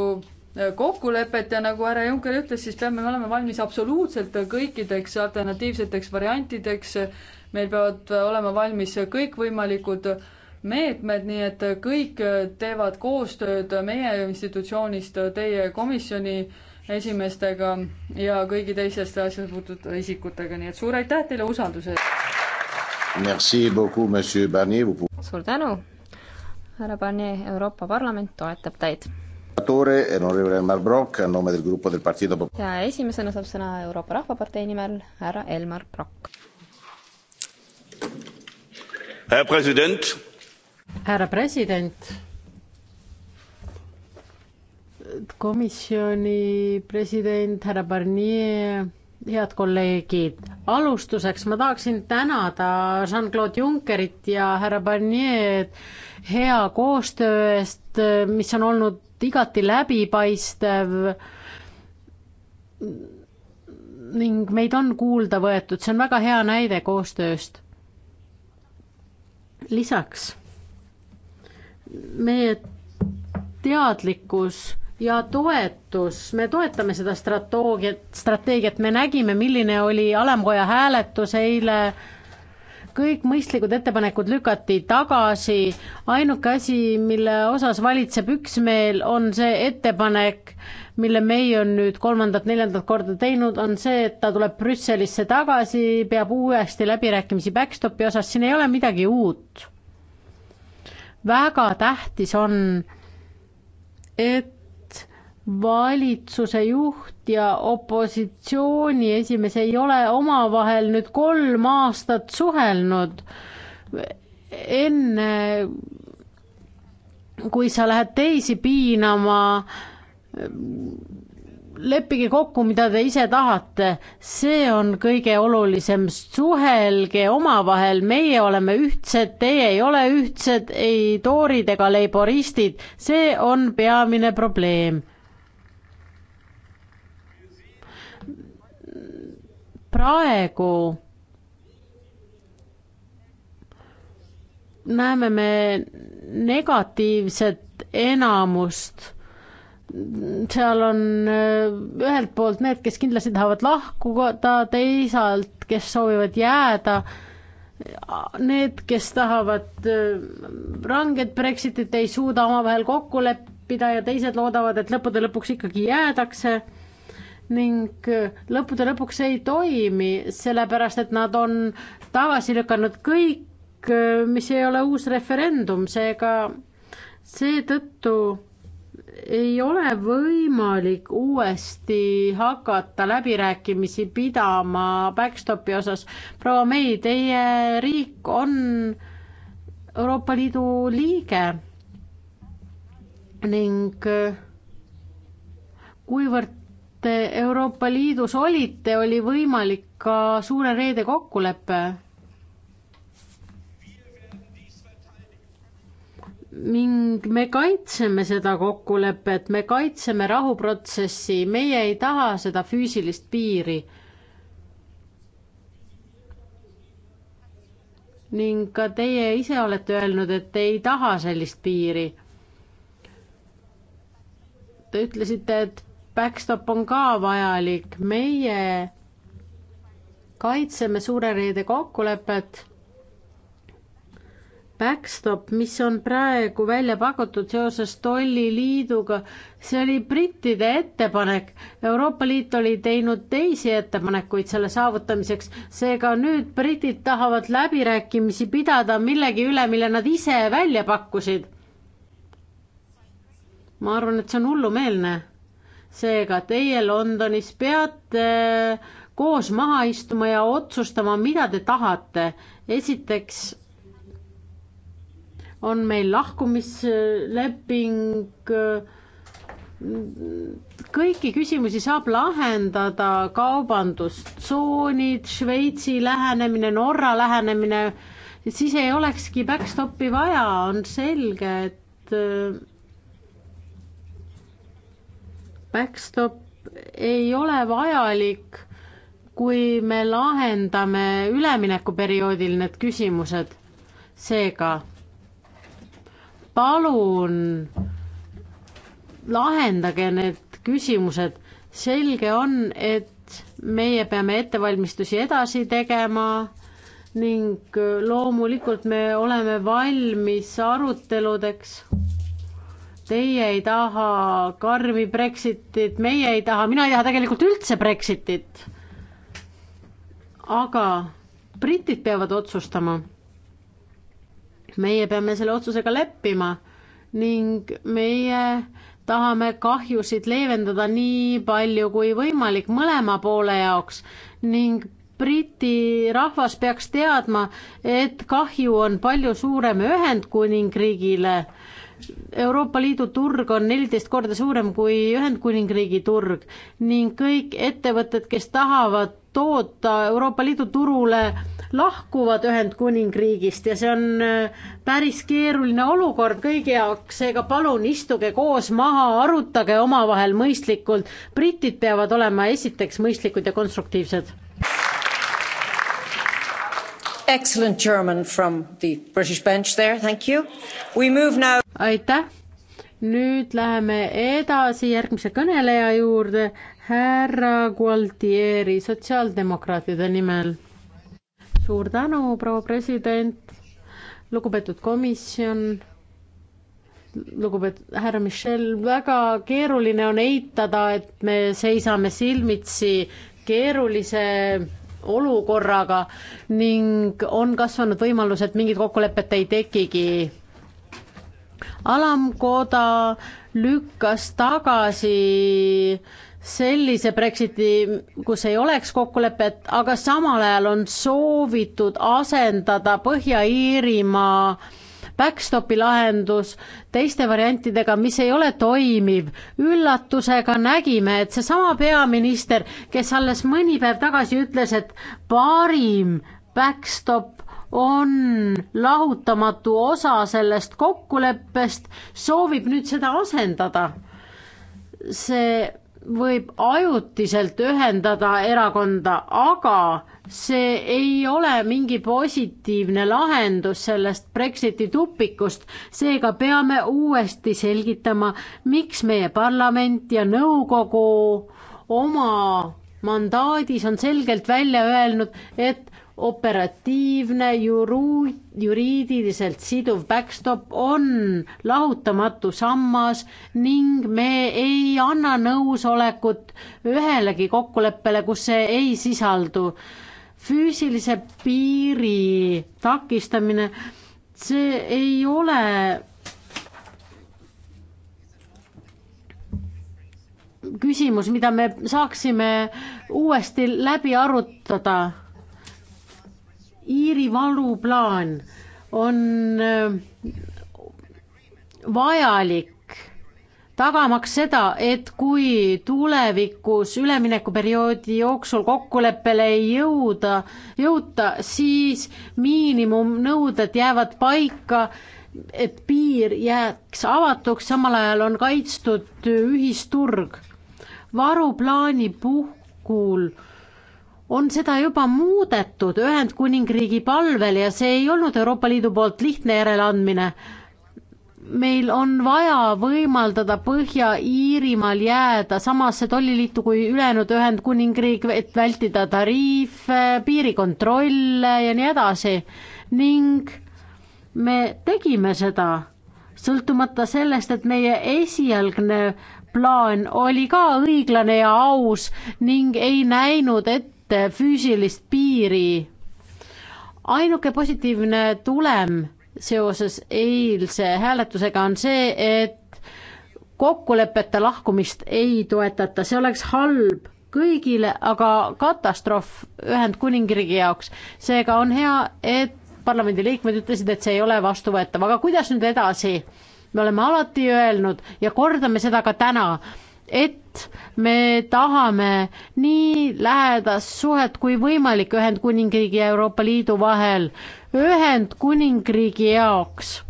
äh, kokkulepet ja nagu härra Juncker ütles, siis peame me olema valmis absoluutselt kõikideks alternatiivseteks variantideks. meil peavad olema valmis kõikvõimalikud meetmed, nii et kõik teevad koostööd meie institutsioonist, teie komisjoni esimeestega ja kõigi teistest asjast puututud isikutega, nii et suur aitäh teile usalduse eest! suur tänu, härra Barnier, Euroopa Parlament toetab teid. ja esimesena saab sõna Euroopa Rahvapartei nimel härra Elmar Brokk. härra president. härra president komisjoni president härra Barnier head kolleegid, alustuseks ma tahaksin tänada Jean-Claude Junckerit ja härra Barnier'd hea koostöö eest, mis on olnud igati läbipaistev ning meid on kuulda võetud, see on väga hea näide koostööst. lisaks meie teadlikkus ja toetus, me toetame seda strateegiat, strateegiat, me nägime, milline oli alamkoja hääletus eile, kõik mõistlikud ettepanekud lükati tagasi, ainuke asi, mille osas valitseb üksmeel, on see ettepanek, mille meie on nüüd kolmandat-neljandat korda teinud, on see, et ta tuleb Brüsselisse tagasi, peab uuesti läbirääkimisi backstopi osas, siin ei ole midagi uut. väga tähtis on, et valitsuse juht ja opositsiooni esimees ei ole omavahel nüüd kolm aastat suhelnud. enne kui sa lähed teisi piinama, leppige kokku, mida te ise tahate, see on kõige olulisem, suhelge omavahel, meie oleme ühtsed, teie ei ole ühtsed, ei toorid ega leiboristid, see on peamine probleem praegu näeme me negatiivset enamust. seal on äh, ühelt poolt need, kes kindlasti tahavad lahkuda, teisalt, kes soovivad jääda. Need, kes tahavad äh, ranget Brexitit, ei suuda omavahel kokku leppida ja teised loodavad, et lõppude lõpuks ikkagi jäädakse ning äh, lõppude lõpuks ei toimi, sellepärast et nad on tagasi lükanud kõik, äh, mis ei ole uus referendum, seega seetõttu ei ole võimalik uuesti hakata läbirääkimisi pidama backstopi osas. proua May, teie riik on Euroopa Liidu liige ning äh, kuivõrd te Euroopa Liidus olite, oli võimalik ka suure reede kokkulepe. ning me kaitseme seda kokkulepet, me kaitseme rahuprotsessi, meie ei taha seda füüsilist piiri ning ka teie ise olete öelnud, et te ei taha sellist piiri. Te ütlesite, et backstop on ka vajalik, meie kaitseme suure reede kokkulepet. Backstop, mis on praegu välja pakutud seoses tolliliiduga, see oli brittide ettepanek. Euroopa Liit oli teinud teisi ettepanekuid selle saavutamiseks, seega nüüd britid tahavad läbirääkimisi pidada millegi üle, mille nad ise välja pakkusid. ma arvan, et see on hullumeelne seega teie Londonis peate koos maha istuma ja otsustama, mida te tahate. esiteks on meil lahkumisleping. kõiki küsimusi saab lahendada, kaubandustsoonid, Šveitsi lähenemine, Norra lähenemine, siis ei olekski backstopi vaja, on selge, et backstop ei ole vajalik, kui me lahendame üleminekuperioodil need küsimused. seega palun lahendage need küsimused. selge on, et meie peame ettevalmistusi edasi tegema ning loomulikult me oleme valmis aruteludeks teie ei taha karmi Brexitit, meie ei taha, mina ei taha tegelikult üldse Brexitit. aga britid peavad otsustama. meie peame selle otsusega leppima ning meie tahame kahjusid leevendada nii palju kui võimalik mõlema poole jaoks ning Briti rahvas peaks teadma, et kahju on palju suurem Ühendkuningriigile Euroopa Liidu turg on neliteist korda suurem kui Ühendkuningriigi turg ning kõik ettevõtted, kes tahavad toota Euroopa Liidu turule, lahkuvad Ühendkuningriigist ja see on äh, päris keeruline olukord kõigi jaoks, seega palun istuge koos maha, arutage omavahel mõistlikult. britid peavad olema esiteks mõistlikud ja konstruktiivsed Excellent German from the British bench there, thank you. We move now. aitäh, nüüd läheme edasi järgmise kõneleja juurde, härra Gualtieri sotsiaaldemokraatide nimel. suur tänu, proua president, lugupeetud komisjon, lugupeetud härra Michel, väga keeruline on eitada, et me seisame silmitsi keerulise olukorraga ning on kasvanud võimalus, et mingit kokkulepet ei tekigi. alamkoda lükkas tagasi sellise Brexiti, kus ei oleks kokkulepet, aga samal ajal on soovitud asendada Põhja-Iirimaa backstopi lahendus teiste variantidega, mis ei ole toimiv. üllatusega nägime, et seesama peaminister, kes alles mõni päev tagasi ütles, et parim backstop on lahutamatu osa sellest kokkuleppest, soovib nüüd seda asendada. see võib ajutiselt ühendada erakonda, aga see ei ole mingi positiivne lahendus sellest Brexiti tupikust, seega peame uuesti selgitama, miks meie parlament ja nõukogu oma mandaadis on selgelt välja öelnud, et operatiivne juru-, juriidiliselt siduv backstop on lahutamatu sammas ning me ei anna nõusolekut ühelegi kokkuleppele, kus see ei sisaldu füüsilise piiri takistamine, see ei ole küsimus, mida me saaksime uuesti läbi arutada. Iiri varuplaan on vajalik tagamaks seda, et kui tulevikus üleminekuperioodi jooksul kokkuleppele ei jõuda, jõuta, siis miinimumnõuded jäävad paika, et piir jääks avatuks, samal ajal on kaitstud ühisturg. varuplaani puhkul on seda juba muudetud Ühendkuningriigi palvel ja see ei olnud Euroopa Liidu poolt lihtne järeleandmine meil on vaja võimaldada Põhja-Iirimaal jääda samasse tolliliitu kui ülejäänud Ühendkuningriik, et vältida tariife, piirikontrolle ja nii edasi. ning me tegime seda, sõltumata sellest, et meie esialgne plaan oli ka õiglane ja aus ning ei näinud ette füüsilist piiri. ainuke positiivne tulem seoses eilse hääletusega on see, et kokkulepete lahkumist ei toetata, see oleks halb kõigile, aga katastroof Ühendkuningriigi jaoks. seega on hea, et parlamendiliikmed ütlesid, et see ei ole vastuvõetav, aga kuidas nüüd edasi? me oleme alati öelnud ja kordame seda ka täna et me tahame nii lähedast suhet kui võimalik Ühendkuningriigi ja Euroopa Liidu vahel Ühendkuningriigi jaoks.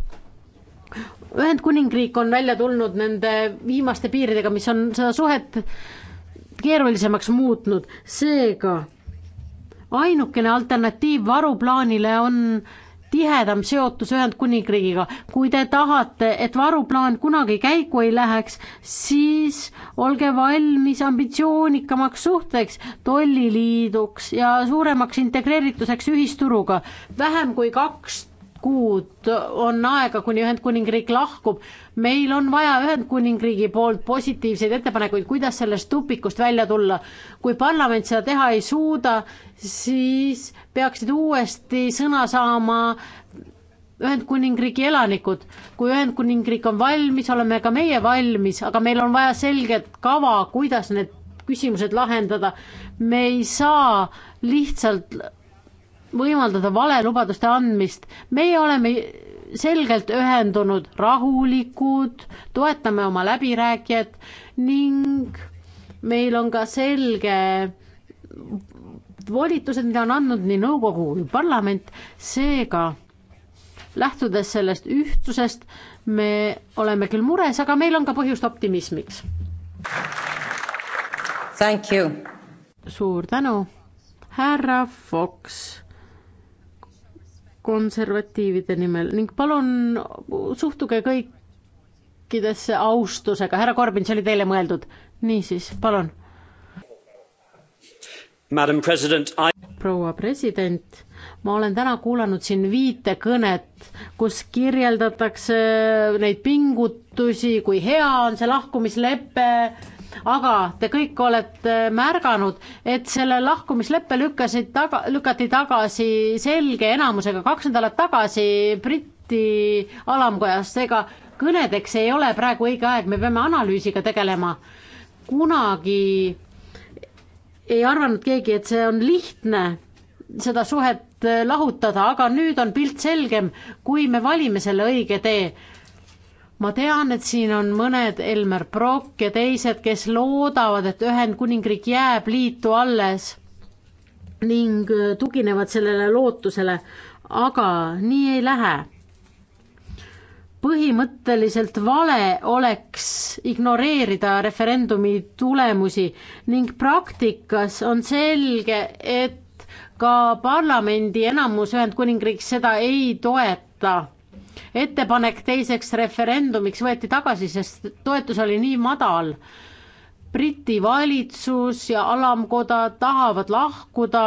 Ühendkuningriik on välja tulnud nende viimaste piiridega, mis on seda suhet keerulisemaks muutnud, seega ainukene alternatiiv varuplaanile on tihedam seotus Ühendkuningriigiga. kui te tahate, et varuplaan kunagi käiku ei läheks, siis olge valmis ambitsioonikamaks suhteks, tolliliiduks ja suuremaks integreerituseks ühisturuga. vähem kui kaks kuud on aega, kuni Ühendkuningriik lahkub. meil on vaja Ühendkuningriigi poolt positiivseid ettepanekuid, kuidas sellest tupikust välja tulla. kui parlament seda teha ei suuda, siis peaksid uuesti sõna saama Ühendkuningriigi elanikud, kui Ühendkuningriik on valmis, oleme ka meie valmis, aga meil on vaja selget kava, kuidas need küsimused lahendada. me ei saa lihtsalt võimaldada valelubaduste andmist. meie oleme selgelt ühendunud, rahulikud, toetame oma läbirääkijat ning meil on ka selge volitused, mida on andnud nii nõukogu kui parlament, seega lähtudes sellest ühtsusest, me oleme küll mures, aga meil on ka põhjust optimismiks. suur tänu, härra Fox konservatiivide nimel ning palun suhtuge kõikidesse austusega, härra Corbyn, see oli teile mõeldud. niisiis, palun. proua president, ma olen täna kuulanud siin viite kõnet, kus kirjeldatakse neid pingutusi, kui hea on see lahkumislepe aga te kõik olete märganud, et selle lahkumisleppe lükkasid taga, lükati tagasi selge enamusega kaks nädalat tagasi Briti alamkojas, seega kõnedeks ei ole praegu õige aeg, me peame analüüsiga tegelema. kunagi ei arvanud keegi, et see on lihtne, seda suhet lahutada, aga nüüd on pilt selgem, kui me valime selle õige tee ma tean, et siin on mõned Elmer Brock ja teised, kes loodavad, et Ühendkuningriik jääb liitu alles ning äh, tuginevad sellele lootusele, aga nii ei lähe. põhimõtteliselt vale oleks ignoreerida referendumi tulemusi ning praktikas on selge, et ka parlamendi enamus Ühendkuningriigis seda ei toeta ettepanek teiseks referendumiks võeti tagasi, sest toetus oli nii madal. Briti valitsus ja alamkoda tahavad lahkuda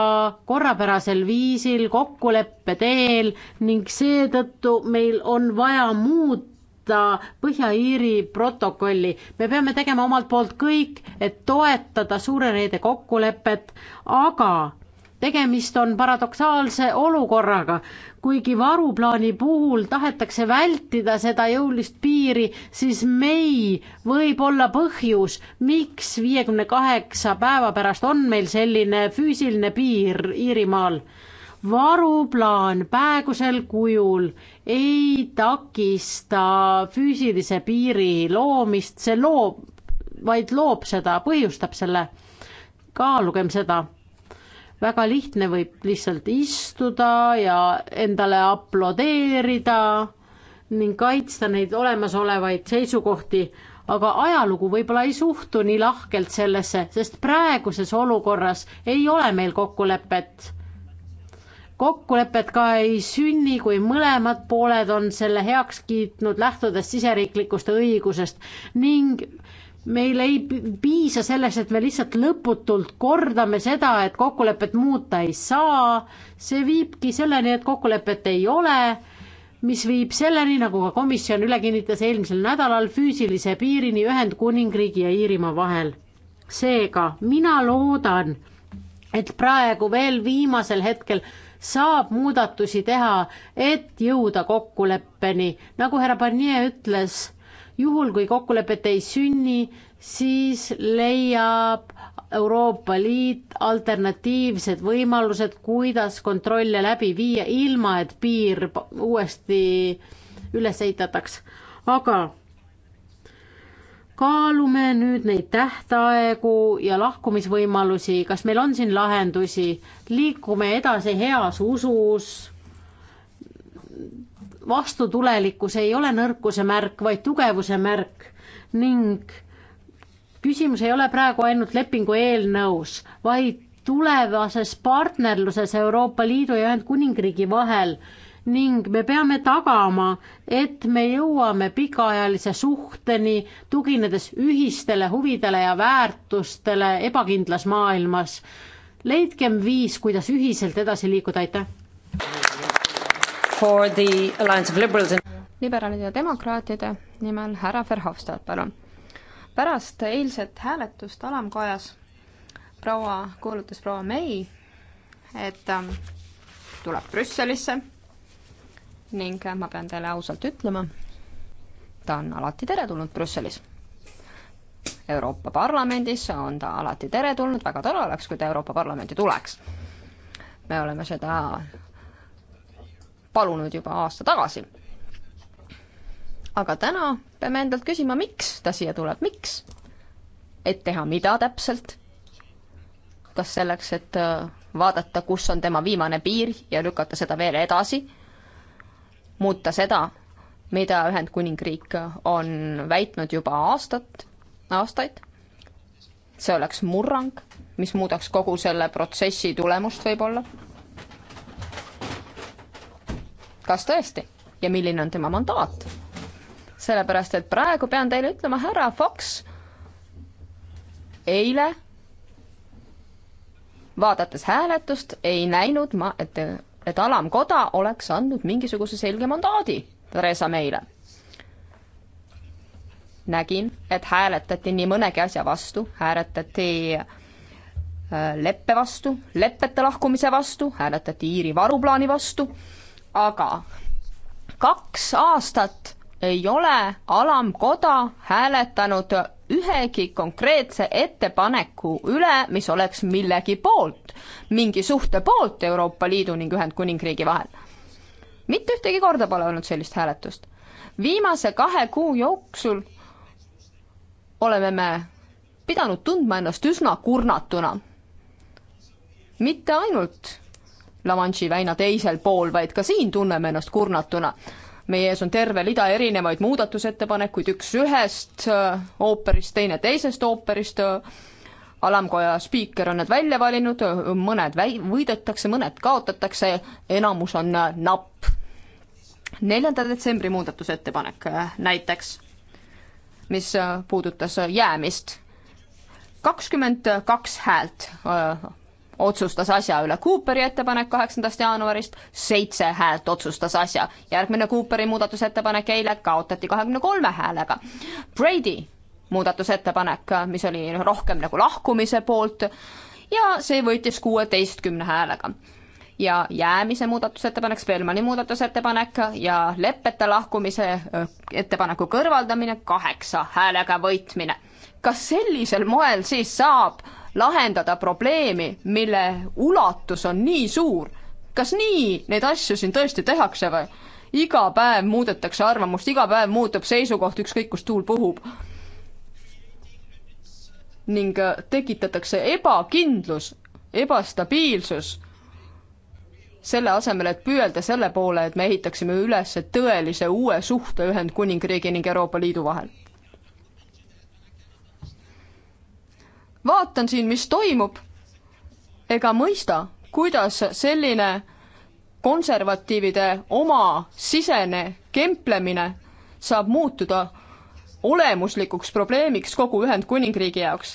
korrapärasel viisil kokkuleppe teel ning seetõttu meil on vaja muuta seda Põhja-Iiri protokolli. me peame tegema omalt poolt kõik, et toetada suure reede kokkulepet, aga tegemist on paradoksaalse olukorraga, kuigi varuplaani puhul tahetakse vältida seda jõulist piiri, siis mei võib olla põhjus, miks viiekümne kaheksa päeva pärast on meil selline füüsiline piir Iirimaal. varuplaan praegusel kujul ei takista füüsilise piiri loomist, see loob, vaid loob seda, põhjustab selle. kaalugem seda väga lihtne, võib lihtsalt istuda ja endale aplodeerida ning kaitsta neid olemasolevaid seisukohti, aga ajalugu võib-olla ei suhtu nii lahkelt sellesse, sest praeguses olukorras ei ole meil kokkulepet. kokkulepet ka ei sünni, kui mõlemad pooled on selle heaks kiitnud, lähtudes siseriiklikust õigusest ning meil ei piisa sellest, et me lihtsalt lõputult kordame seda, et kokkulepet muuta ei saa, see viibki selleni, et kokkulepet ei ole, mis viib selleni, nagu ka komisjon üle kinnitas eelmisel nädalal, füüsilise piirini Ühendkuningriigi ja Iirimaa vahel. seega mina loodan, et praegu veel viimasel hetkel saab muudatusi teha, et jõuda kokkuleppeni, nagu härra Barnier ütles juhul, kui kokkulepet ei sünni, siis leiab Euroopa Liit alternatiivsed võimalused, kuidas kontrolle läbi viia, ilma et piir uuesti üles ehitataks. aga kaalume nüüd neid tähtaegu ja lahkumisvõimalusi, kas meil on siin lahendusi, liikume edasi heas usus vastutulelikkus ei ole nõrkuse märk, vaid tugevuse märk ning küsimus ei ole praegu ainult lepingu eelnõus, vaid tulevases partnerluses Euroopa Liidu ja Ühendkuningriigi vahel ning me peame tagama, et me jõuame pikaajalise suhteni, tuginedes ühistele huvidele ja väärtustele ebakindlas maailmas. leidkem viis, kuidas ühiselt edasi liikuda, aitäh! for the Alliance of Liberals and liberaalide ja demokraatide nimel härra Verhofstadt, palun. pärast eilset hääletust alamkojas proua, kuulutas proua May, et ähm, tuleb Brüsselisse ning äh, ma pean teile ausalt ütlema, ta on alati teretulnud Brüsselis. Euroopa Parlamendis on ta alati teretulnud, väga tore oleks, kui ta Euroopa Parlamenti tuleks. me oleme seda palunud juba aasta tagasi. aga täna peame endalt küsima, miks ta siia tuleb, miks? et teha mida täpselt? kas selleks, et äh, vaadata, kus on tema viimane piir ja lükata seda veel edasi, muuta seda, mida Ühendkuningriik on väitnud juba aastat, aastaid, see oleks murrang, mis muudaks kogu selle protsessi tulemust võib-olla kas tõesti ja milline on tema mandaat? sellepärast, et praegu pean teile ütlema, härra Fox eile vaadates hääletust ei näinud ma, et, et alamkoda oleks andnud mingisuguse selge mandaadi Theresa May'le. nägin, et hääletati nii mõnegi asja vastu, hääletati äh, leppe vastu, leppete lahkumise vastu, hääletati Iiri varuplaani vastu aga kaks aastat ei ole alamkoda hääletanud ühegi konkreetse ettepaneku üle, mis oleks millegi poolt, mingi suhte poolt Euroopa Liidu ning Ühendkuningriigi vahel. mitte ühtegi korda pole olnud sellist hääletust. viimase kahe kuu jooksul oleme me pidanud tundma ennast üsna kurnatuna. mitte ainult La Manche'i väina teisel pool, vaid ka siin tunneme ennast kurnatuna. meie ees on terve rida erinevaid muudatusettepanekuid, üks ühest äh, ooperist, teine teisest ooperist, äh, alamkoja spiiker on nad välja valinud, äh, mõned väi-, võidetakse, mõned kaotatakse, enamus on napp. neljanda detsembri muudatusettepanek näiteks, mis puudutas jäämist kakskümmend kaks häält otsustas asja üle. Cooperi ettepanek kaheksandast jaanuarist, seitse häält otsustas asja. järgmine Cooperi muudatusettepanek eile kaotati kahekümne kolme häälega. Brady muudatusettepanek, mis oli rohkem nagu lahkumise poolt ja see võitis kuueteistkümne häälega ja jäämise muudatusettepanek, Spelmani muudatusettepanek ja leppeta lahkumise ettepaneku kõrvaldamine kaheksa häälega võitmine. kas sellisel moel siis saab äh, lahendada probleemi, mille ulatus on nii suur. kas nii neid asju siin tõesti tehakse või? iga päev muudetakse arvamust, iga päev muutub seisukoht, ükskõik kus tuul puhub. ning äh, tekitatakse ebakindlus, ebastabiilsus, selle asemel, et püüelda selle poole, et me ehitaksime üles tõelise uue suhte Ühendkuningriigi ning Euroopa Liidu vahel vaatan siin, mis toimub ega mõista, kuidas selline konservatiivide oma sisene kemplemine saab muutuda olemuslikuks probleemiks kogu Ühendkuningriigi jaoks.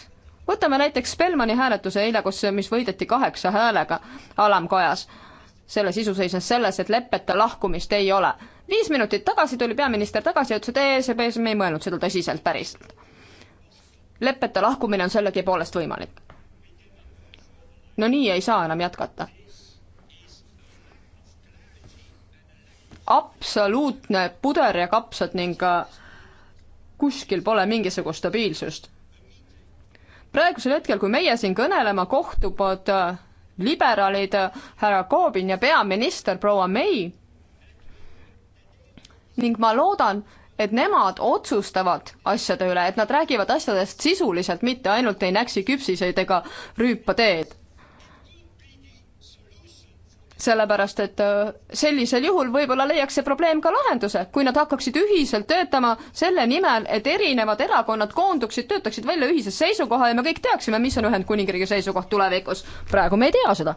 võtame näiteks Spelmani hääletuse eile, kus, mis võideti kaheksa häälega alamkojas. selle sisu seisnes selles, et leppeta lahkumist ei ole. viis minutit tagasi tuli peaminister tagasi ja ütles, et ei, see, me ei mõelnud seda tõsiselt päriselt leppeta lahkumine on sellegipoolest võimalik. no nii ei saa enam jätkata. absoluutne puder ja kapsad ning äh, kuskil pole mingisugust stabiilsust. praegusel hetkel, kui meie siin kõnelema kohtuvad äh, liberaalid äh, härra Corbyn ja peaminister proua May ning ma loodan, et nemad otsustavad asjade üle, et nad räägivad asjadest sisuliselt, mitte ainult ei näksi küpsiseid ega rüüpa teed. sellepärast, et äh, sellisel juhul võib-olla leiaks see probleem ka lahenduse, kui nad hakkaksid ühiselt töötama selle nimel, et erinevad erakonnad koonduksid, töötaksid välja ühise seisukoha ja me kõik teaksime, mis on Ühendkuningriigi seisukoht tulevikus. praegu me ei tea seda.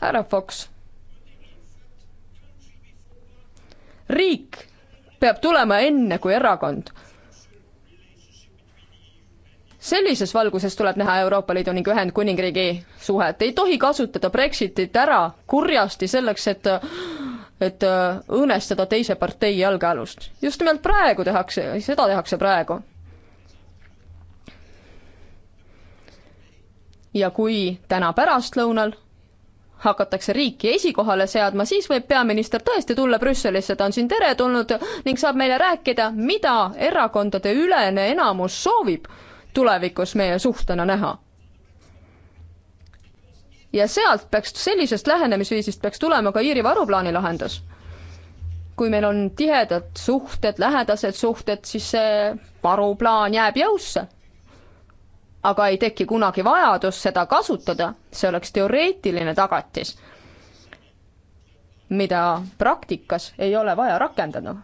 härra Fox riik peab tulema enne kui erakond. sellises valguses tuleb näha Euroopa Liidu ning Ühendkuningriigi suhet, ei tohi kasutada Brexitit ära kurjasti selleks, et et õõnestada teise partei jalgealust. just nimelt praegu tehakse, seda tehakse praegu. ja kui täna pärastlõunal hakatakse riiki esikohale seadma, siis võib peaminister tõesti tulla Brüsselisse, ta on siin teretulnud ning saab meile rääkida, mida erakondade ülene enamus soovib tulevikus meie suhtena näha. ja sealt peaks, sellisest lähenemisviisist peaks tulema ka Iiri varuplaani lahendus. kui meil on tihedad suhted, lähedased suhted, siis see varuplaan jääb jõusse aga ei teki kunagi vajadust seda kasutada, see oleks teoreetiline tagatis, mida praktikas ei ole vaja rakendada.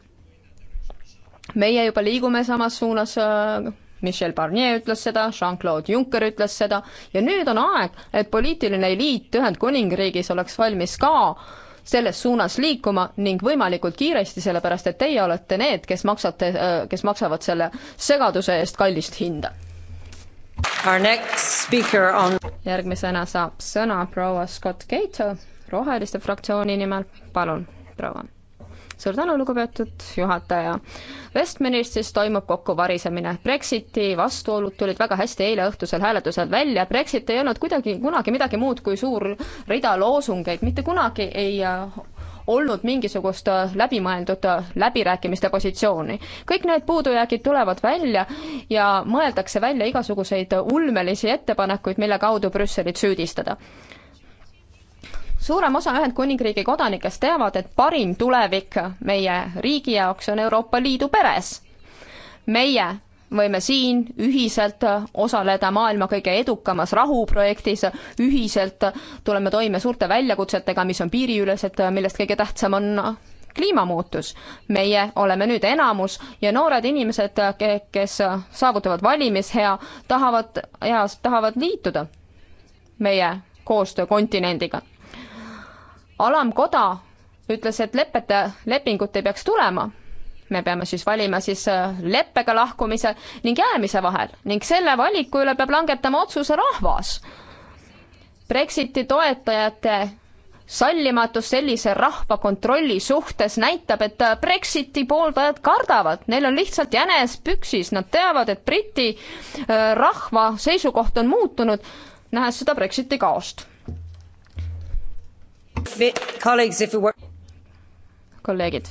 meie juba liigume samas suunas äh, Michel Barnier ütles seda, Jean-Claude Juncker ütles seda ja nüüd on aeg, et poliitiline eliit Ühendkuningriigis oleks valmis ka selles suunas liikuma ning võimalikult kiiresti, sellepärast et teie olete need, kes maksate, äh, kes maksavad selle segaduse eest kallist hinda. On... järgmisena saab sõna proua Scott Cato Roheliste fraktsiooni nimel, palun, proua. suur tänu, lugupeetud juhataja. Westministris toimub kokkuvarisemine. Brexiti vastuolud tulid väga hästi eile õhtusel hääletusel välja. Brexit ei olnud kuidagi, kunagi midagi muud kui suur rida loosungeid, mitte kunagi ei olnud mingisugust äh, läbimõeldud äh, läbirääkimiste positsiooni. kõik need puudujäägid tulevad välja ja mõeldakse välja igasuguseid ulmelisi ettepanekuid, mille kaudu Brüsselit süüdistada suurem osa Ühendkuningriigi kodanikest teavad, et parim tulevik meie riigi jaoks on Euroopa Liidu peres. meie võime siin ühiselt osaleda maailma kõige edukamas rahuprojektis, ühiselt tuleme toime suurte väljakutsetega, mis on piiriülesed, millest kõige tähtsam on kliimamuutus. meie oleme nüüd enamus ja noored inimesed, kes saavutavad valimishea, tahavad, heas, tahavad liituda meie koostöökontinendiga. alamkoda ütles, et lepete, lepingut ei peaks tulema me peame siis valima siis äh, leppega lahkumise ning jäämise vahel ning selle valiku üle peab langetama otsuse rahvas. Brexiti toetajate sallimatus sellise rahva kontrolli suhtes näitab, et äh, Brexiti pooldajad kardavad, neil on lihtsalt jänes püksis, nad teavad, et Briti äh, rahva seisukoht on muutunud, nähes seda Brexiti kaost. kolleegid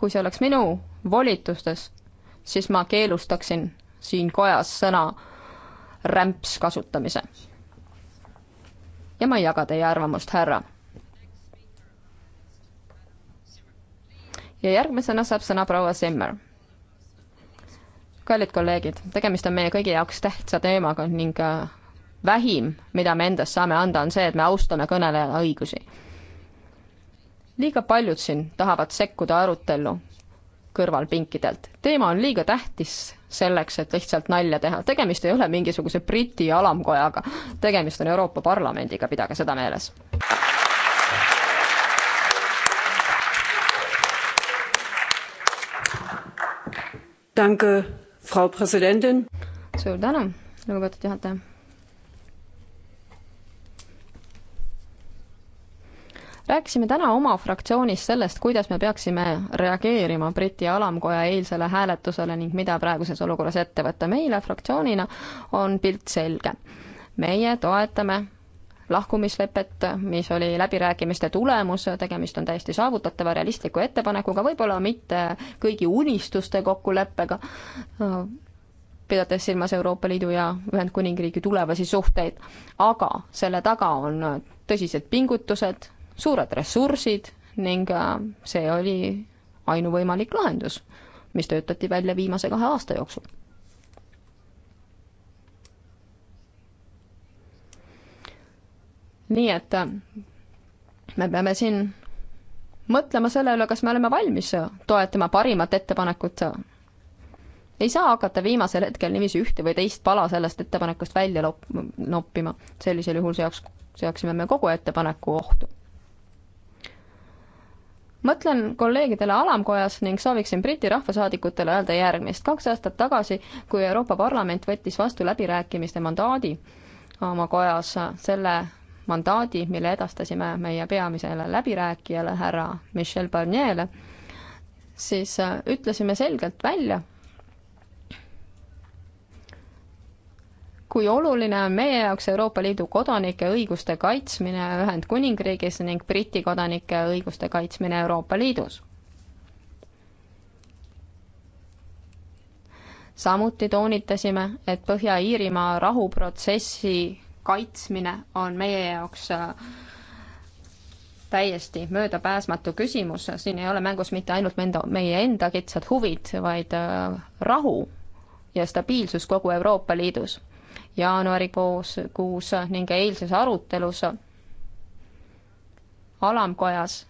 kui see oleks minu volitustes, siis ma keelustaksin siin kojas sõna rämps kasutamise. ja ma ei jaga teie arvamust, härra. ja järgmisena saab sõna proua Simmer. kallid kolleegid, tegemist on meie kõigi jaoks tähtsa teemaga ning äh, vähim, mida me endast saame anda, on see, et me austame kõneleja õigusi liiga paljud siin tahavad sekkuda arutellu kõrvalpinkidelt. teema on liiga tähtis selleks, et lihtsalt nalja teha. tegemist ei ole mingisuguse Briti alamkojaga, tegemist on Euroopa Parlamendiga, pidage seda meeles. Danke, Frau Präsidentin. suur tänu, lugupeetud juhataja rääkisime täna oma fraktsioonis sellest, kuidas me peaksime reageerima Briti alamkoja eilsele hääletusele ning mida praeguses olukorras ette võtta. meile fraktsioonina on pilt selge. meie toetame lahkumislepet, mis oli läbirääkimiste tulemus, tegemist on täiesti saavutatava realistliku ettepanekuga, võib-olla mitte kõigi unistuste kokkuleppega, pidades silmas Euroopa Liidu ja Ühendkuningriigi tulevasi suhteid, aga selle taga on tõsised pingutused, suured ressursid ning äh, see oli ainuvõimalik lahendus, mis töötati välja viimase kahe aasta jooksul. nii et äh, me peame siin mõtlema selle üle, kas me oleme valmis äh, toetama parimat ettepanekut. ei saa hakata viimasel hetkel niiviisi ühte või teist pala sellest ettepanekust välja lop-, noppima, sellisel juhul seaks, seaksime me kogu ettepaneku ohtu mõtlen kolleegidele alamkojas ning sooviksin Briti rahvasaadikutele öelda järgmist. kaks aastat tagasi, kui Euroopa Parlament võttis vastu läbirääkimiste mandaadi oma kojas, selle mandaadi, mille edastasime meie peamisele läbirääkijale, härra Michel Barnier'le, siis äh, ütlesime selgelt välja, kui oluline on meie jaoks Euroopa Liidu kodanike õiguste kaitsmine Ühendkuningriigis ning Briti kodanike õiguste kaitsmine Euroopa Liidus. samuti toonitasime, et Põhja-Iirimaa rahuprotsessi kaitsmine on meie jaoks äh, täiesti möödapääsmatu küsimus, siin ei ole mängus mitte ainult menda, meie enda kitsad huvid, vaid äh, rahu ja stabiilsus kogu Euroopa Liidus jaanuarikuus kuus ning eilses arutelus alamkojas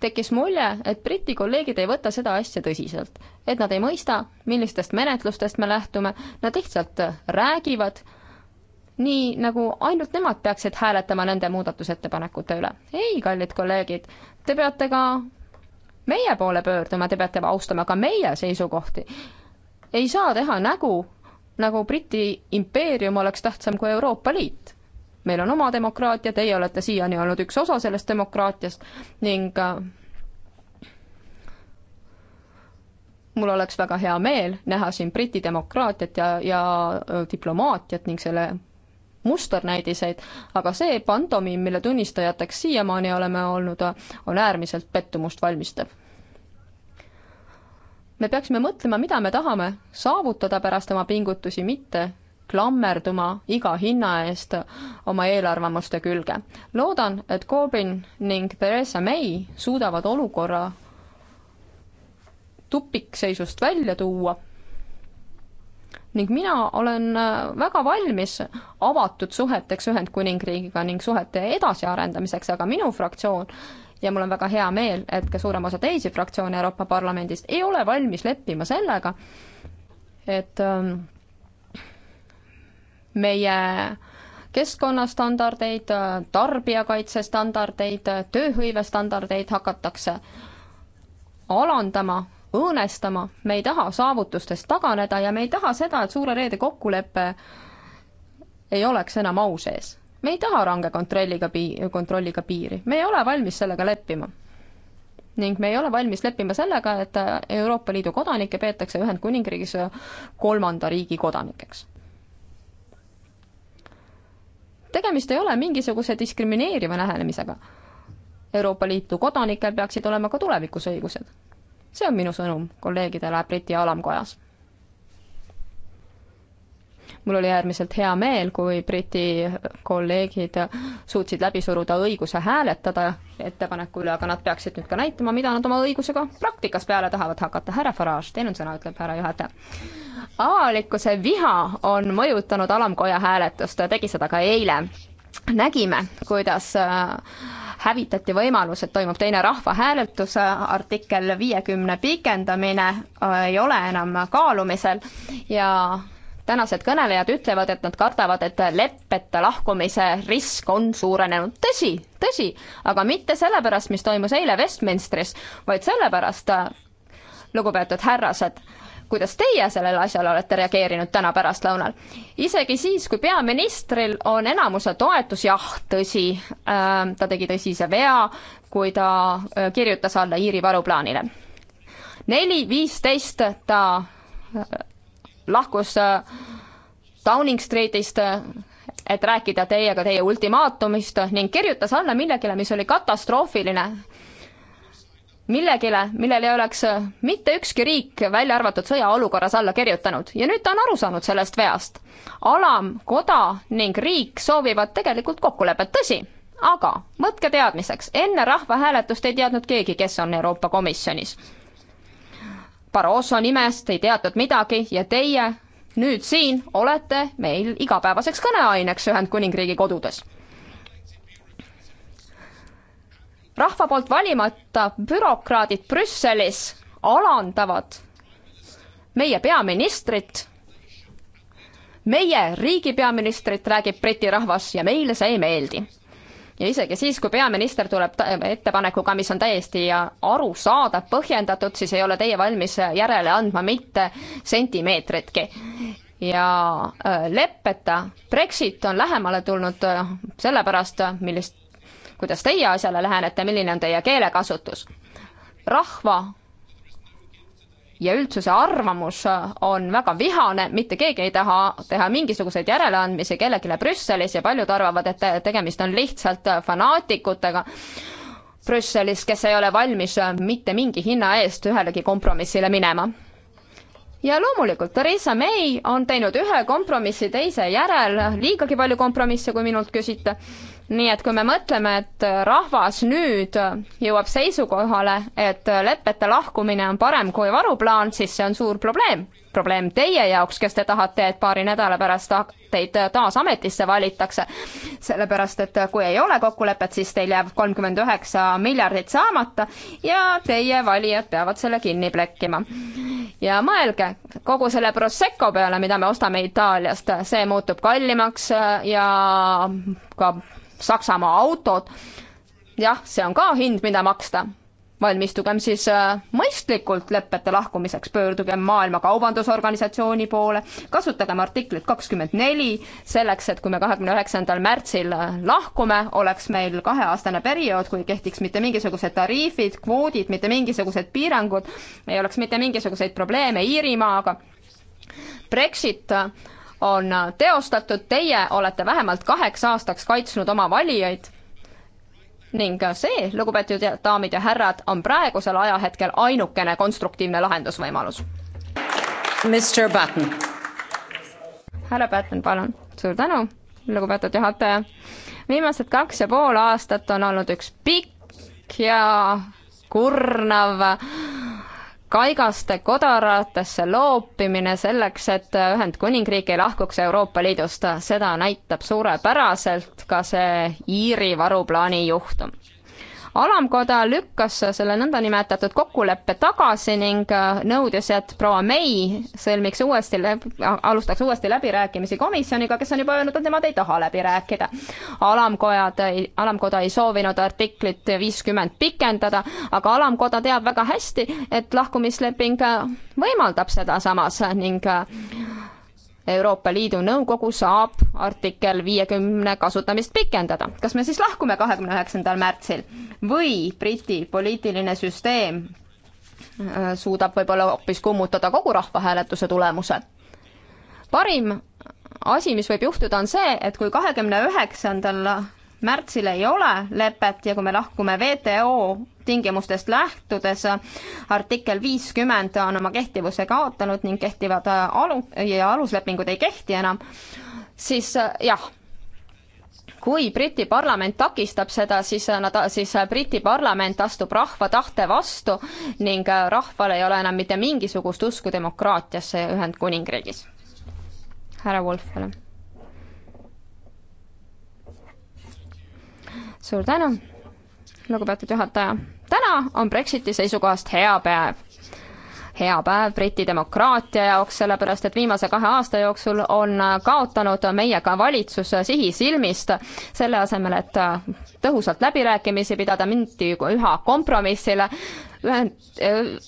tekkis mulje, et Briti kolleegid ei võta seda asja tõsiselt. et nad ei mõista, millistest menetlustest me lähtume, nad lihtsalt räägivad, nii nagu ainult nemad peaksid hääletama nende muudatusettepanekute üle. ei, kallid kolleegid, te peate ka meie poole pöörduma, te peate austama ka meie seisukohti ei saa teha nägu, nagu Briti impeerium oleks tähtsam kui Euroopa Liit. meil on oma demokraatia, teie olete siiani olnud üks osa sellest demokraatiast ning äh, mul oleks väga hea meel näha siin Briti demokraatiat ja, ja äh, diplomaatiat ning selle musternäidiseid, aga see pantomiim, mille tunnistajateks siiamaani oleme olnud, äh, on äärmiselt pettumust valmistav me peaksime mõtlema, mida me tahame saavutada pärast oma pingutusi, mitte klammerduma iga hinna eest oma eelarvamuste külge. loodan, et Corbyn ning Theresa May suudavad olukorra tupikseisust välja tuua ning mina olen väga valmis avatud suheteks Ühendkuningriigiga ning suhete edasiarendamiseks, aga minu fraktsioon ja mul on väga hea meel, et ka suurem osa teisi fraktsioone Euroopa Parlamendis ei ole valmis leppima sellega, et ähm, meie keskkonnastandardeid, tarbijakaitsestandardeid, tööhõivestandardeid hakatakse alandama, õõnestama, me ei taha saavutustest taganeda ja me ei taha seda, et suure reede kokkulepe ei oleks enam au sees me ei taha range kontrolliga pii-, kontrolliga piiri, me ei ole valmis sellega leppima. ning me ei ole valmis leppima sellega, et äh, Euroopa Liidu kodanikke peetakse Ühendkuningriigis äh, kolmanda riigi kodanikeks. tegemist ei ole mingisuguse diskrimineeriva lähenemisega. Euroopa Liidu kodanikel peaksid olema ka tulevikus õigused. see on minu sõnum kolleegidele Briti alamkojas mul oli äärmiselt hea meel, kui Briti kolleegid suutsid läbi suruda õiguse hääletada ettepaneku üle, aga nad peaksid nüüd ka näitama, mida nad oma õigusega praktikas peale tahavad hakata. härra Farage, teil on sõna, ütleb härra juhataja. avalikkuse viha on mõjutanud alamkoja hääletust, ta tegi seda ka eile nägime, kuidas äh, hävitati võimalus, et toimub teine rahvahääletus, artikkel viiekümne pikendamine äh, ei ole enam kaalumisel ja tänased kõnelejad ütlevad, et nad kardavad, et leppeta lahkumise risk on suurenenud. tõsi, tõsi, aga mitte sellepärast, mis toimus eile Westminsteris, vaid sellepärast, lugupeetud härrased, kuidas teie sellele asjale olete reageerinud täna pärastlõunal? isegi siis, kui peaministril on enamuse toetus, jah, tõsi äh,, ta tegi tõsise vea, kui ta äh, kirjutas alla Iiri varuplaanile. neli viisteist ta äh, lahkus äh, Downing Streetist, äh, et rääkida teiega teie ultimaatumist ning kirjutas alla millegile, mis oli katastroofiline. millegile, millele ei oleks äh, mitte ükski riik, välja arvatud sõjaolukorras, alla kirjutanud ja nüüd ta on aru saanud sellest veast. alamkoda ning riik soovivad tegelikult kokkulepet, tõsi, aga võtke teadmiseks, enne rahvahääletust ei teadnud keegi, kes on Euroopa Komisjonis Barroso nimest ei teatud midagi ja teie nüüd siin olete meil igapäevaseks kõneaineks Ühendkuningriigi kodudes. rahva poolt valimata bürokraadid Brüsselis alandavad meie peaministrit, meie riigi peaministrit, räägib Briti rahvas ja meile see ei meeldi ja isegi siis, kui peaminister tuleb ettepanekuga, mis on täiesti arusaadav, põhjendatud, siis ei ole teie valmis järele andma mitte sentimeetritki ja äh, leppeta Brexit on lähemale tulnud äh, sellepärast, äh, millist, kuidas teie asjale lähenete, milline on teie keelekasutus. rahva ja üldsuse arvamus on väga vihane, mitte keegi ei taha teha mingisuguseid järeleandmisi kellelegi Brüsselis ja paljud arvavad, et tegemist on lihtsalt fanaatikutega Brüsselis, kes ei ole valmis mitte mingi hinna eest ühelegi kompromissile minema ja loomulikult Theresa May on teinud ühe kompromissi teise järel, liigagi palju kompromisse, kui minult küsite nii et kui me mõtleme, et rahvas nüüd jõuab seisukohale, et lepete lahkumine on parem kui varuplaan, siis see on suur probleem. probleem teie jaoks, kes te tahate, et paari nädala pärast teid taas ametisse valitakse, sellepärast et kui ei ole kokkulepet, siis teil jääb kolmkümmend üheksa miljardit saamata ja teie valijad peavad selle kinni plekkima. ja mõelge kogu selle Prosecco peale, mida me ostame Itaaliast, see muutub kallimaks ja ka Saksamaa autod. jah, see on ka hind, mida maksta. valmistugem siis äh, mõistlikult leppete lahkumiseks, pöördugem Maailma Kaubandusorganisatsiooni poole, kasutagem artiklit kakskümmend neli selleks, et kui me kahekümne üheksandal märtsil äh, lahkume, oleks meil kaheaastane periood, kui kehtiks mitte mingisugused tariifid, kvoodid, mitte mingisugused piirangud, ei oleks mitte mingisuguseid probleeme Iirimaaga. Brexit äh, on teostatud, teie olete vähemalt kaheks aastaks kaitsnud oma valijaid ning see, lugupeetud daamid ja härrad, on praegusel ajahetkel ainukene konstruktiivne lahendusvõimalus. Mr Button. härra Button, palun. suur tänu, lugupeetud juhataja. viimased kaks ja pool aastat on olnud üks pikk ja kurnav kaigaste kodaratesse loopimine selleks, et Ühendkuningriik ei lahkuks Euroopa Liidust, seda näitab suurepäraselt ka see Iiri varuplaani juhtum alamkoda lükkas selle nõndanimetatud kokkuleppe tagasi ning äh, nõudis, et proua May sõlmiks uuesti, alustaks uuesti läbirääkimisi komisjoniga, kes on juba öelnud, et nemad ei taha läbi rääkida. alamkojad, alamkoda ei soovinud artiklit viiskümmend pikendada, aga alamkoda teab väga hästi, et lahkumisleping äh, võimaldab seda samas ning äh, Euroopa Liidu Nõukogu saab artikkel viiekümne kasutamist pikendada. kas me siis lahkume kahekümne üheksandal märtsil või Briti poliitiline süsteem äh, suudab võib-olla hoopis kummutada kogu rahvahääletuse tulemuse? parim asi, mis võib juhtuda, on see, et kui kahekümne üheksandal märtsil ei ole lepet ja kui me lahkume WTO tingimustest lähtudes. artikkel viiskümmend on oma kehtivuse kaotanud ning kehtivad äh, alu- ja aluslepingud ei kehti enam, siis äh, jah kui Briti parlament takistab seda, siis äh, nad, siis Briti parlament astub rahva tahte vastu ning rahval ei ole enam mitte mingisugust usku demokraatiasse Ühendkuningriigis. härra Wolf, palun. suur tänu, lugupeetud juhataja täna on Brexiti seisukohast hea päev. hea päev Briti demokraatia jaoks, sellepärast et viimase kahe aasta jooksul on kaotanud meie ka valitsus sihi silmist, selle asemel, et tõhusalt läbirääkimisi pidada, mindi üha kompromissile, Ühend-,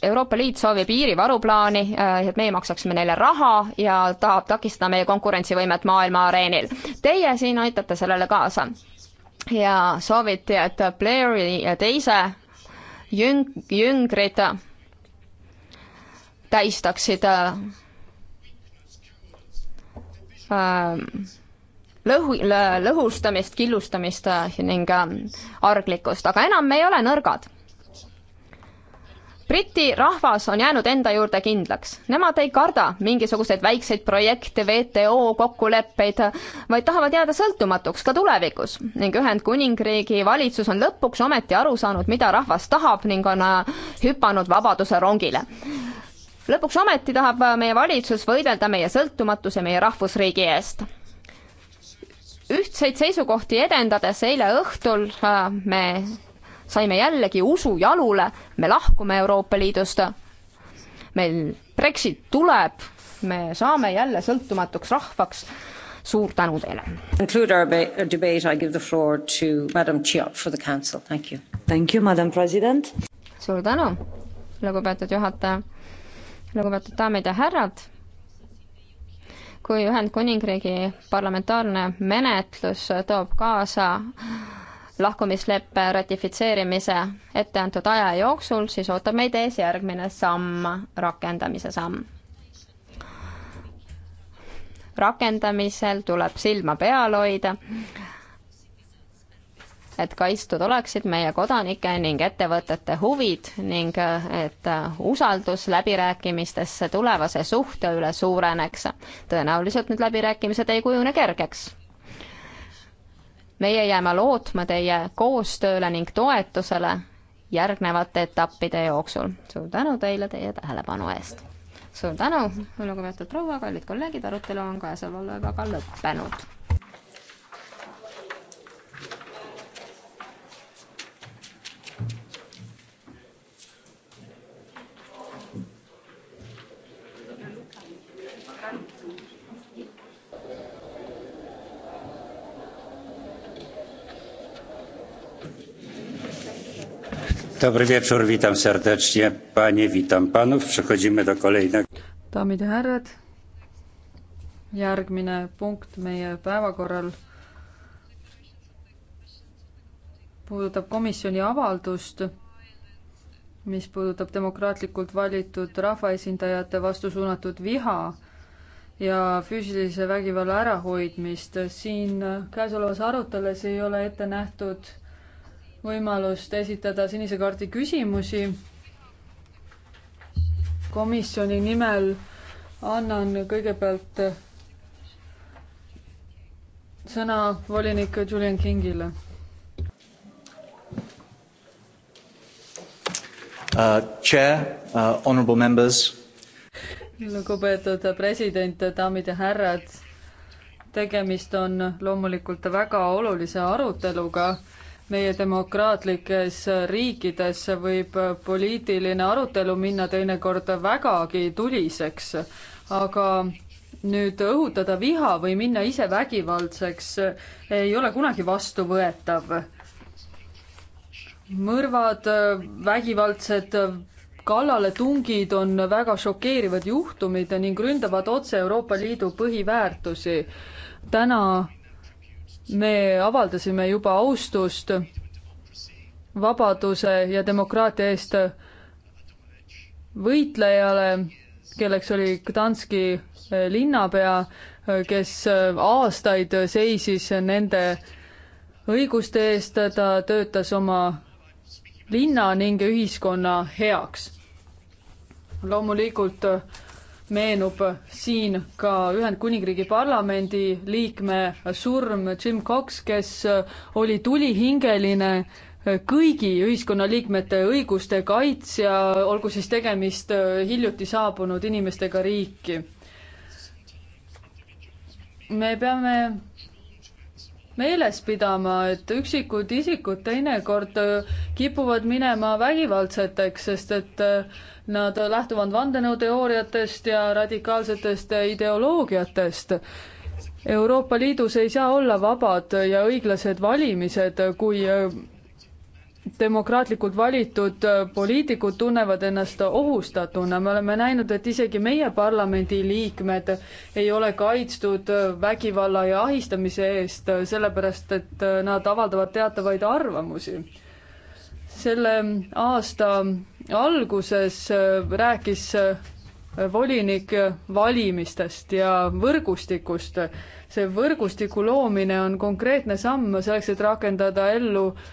Euroopa Liit soovib Iiri varuplaani, et meie maksaksime neile raha ja tahab takistada meie konkurentsivõimet maailma areenil. Teie siin aitate sellele kaasa ja sooviti, et Blairi ja teise jüng-, jüngrid tähistaksid äh, äh, lõhu-, lõhustamist, killustamist äh, ning äh, arglikkust, aga enam me ei ole nõrgad. Briti rahvas on jäänud enda juurde kindlaks, nemad ei karda mingisuguseid väikseid projekte, WTO kokkuleppeid, vaid tahavad jääda sõltumatuks ka tulevikus ning Ühendkuningriigi valitsus on lõpuks ometi aru saanud, mida rahvas tahab ning on äh, hüpanud vabaduse rongile. lõpuks ometi tahab äh, meie valitsus võidelda meie sõltumatuse, meie rahvusriigi eest ühtseid seisukohti edendades eile õhtul äh, me saime jällegi usu jalule, me lahkume Euroopa Liidust, meil Brexit tuleb, me saame jälle sõltumatuks rahvaks, suur tänu teile. Conclude our debate, I give the floor to madam Chiop for the council, thank you. Thank you, madam president. suur tänu, lugupeetud juhataja, lugupeetud daamid ja härrad kui Ühendkuningriigi parlamentaarne menetlus toob kaasa lahkumisleppe ratifitseerimise etteantud aja jooksul, siis ootab meid ees järgmine samm, rakendamise samm. rakendamisel tuleb silma peal hoida, et kaitstud oleksid meie kodanike ning ettevõtete huvid ning et usaldus läbirääkimistesse tulevase suhte üle suureneks. tõenäoliselt need läbirääkimised ei kujune kergeks meie jääme lootma teie koostööle ning toetusele järgnevate etappide jooksul. suur tänu teile teie tähelepanu eest! suur tänu, lugupeetud proua, kallid kolleegid, arutelu on käesolevaga lõppenud. Dobry wieczór, witam serdecznie. Panie, witam panów. Przechodzimy do kolejnego. Daamid ja härrad, järgmine punkt meie päevakorral puudutab komisjoni avaldust, mis puudutab demokraatlikult valitud rahvaesindajate vastu suunatud viha ja füüsilise vägivalla ärahoidmist. siin käesolevas aruteles ei ole ette nähtud võimalust esitada sinise kaardi küsimusi. komisjoni nimel annan kõigepealt sõna volinik Julian Kingile Uh, chair, uh, honorable members. lugupeetud president, daamid ja härrad. tegemist on loomulikult väga olulise aruteluga meie demokraatlikes riikides võib poliitiline arutelu minna teinekord vägagi tuliseks, aga nüüd õhutada viha või minna ise vägivaldseks ei ole kunagi vastuvõetav. mõrvad, vägivaldsed kallaletungid on väga šokeerivad juhtumid ning ründavad otse Euroopa Liidu põhiväärtusi. täna me avaldasime juba austust vabaduse ja demokraatia eest võitlejale, kelleks oli Gdanski linnapea, kes aastaid seisis nende õiguste eest, ta töötas oma linna ning ühiskonna heaks. loomulikult äh, meenub siin ka Ühendkuningriigi parlamendi liikme surm, Jim Cox, kes oli tulihingeline kõigi ühiskonnaliikmete õiguste kaitsja, olgu siis tegemist hiljuti saabunud inimestega riiki. me peame meeles pidama, et üksikud isikud teinekord äh, kipuvad minema vägivaldseteks, sest et äh, nad lähtuvad vandenõuteooriatest ja radikaalsetest äh, ideoloogiatest. Euroopa Liidus ei saa olla vabad ja õiglased valimised, kui demokraatlikult valitud äh, poliitikud tunnevad ennast ohustatuna, me oleme näinud, et isegi meie parlamendi liikmed ei ole kaitstud äh, vägivalla ja ahistamise eest, äh, sellepärast et nad avaldavad teatavaid arvamusi. selle aasta alguses rääkis volinik valimistest ja võrgustikust. see võrgustiku loomine on konkreetne samm selleks, et rakendada ellu äh,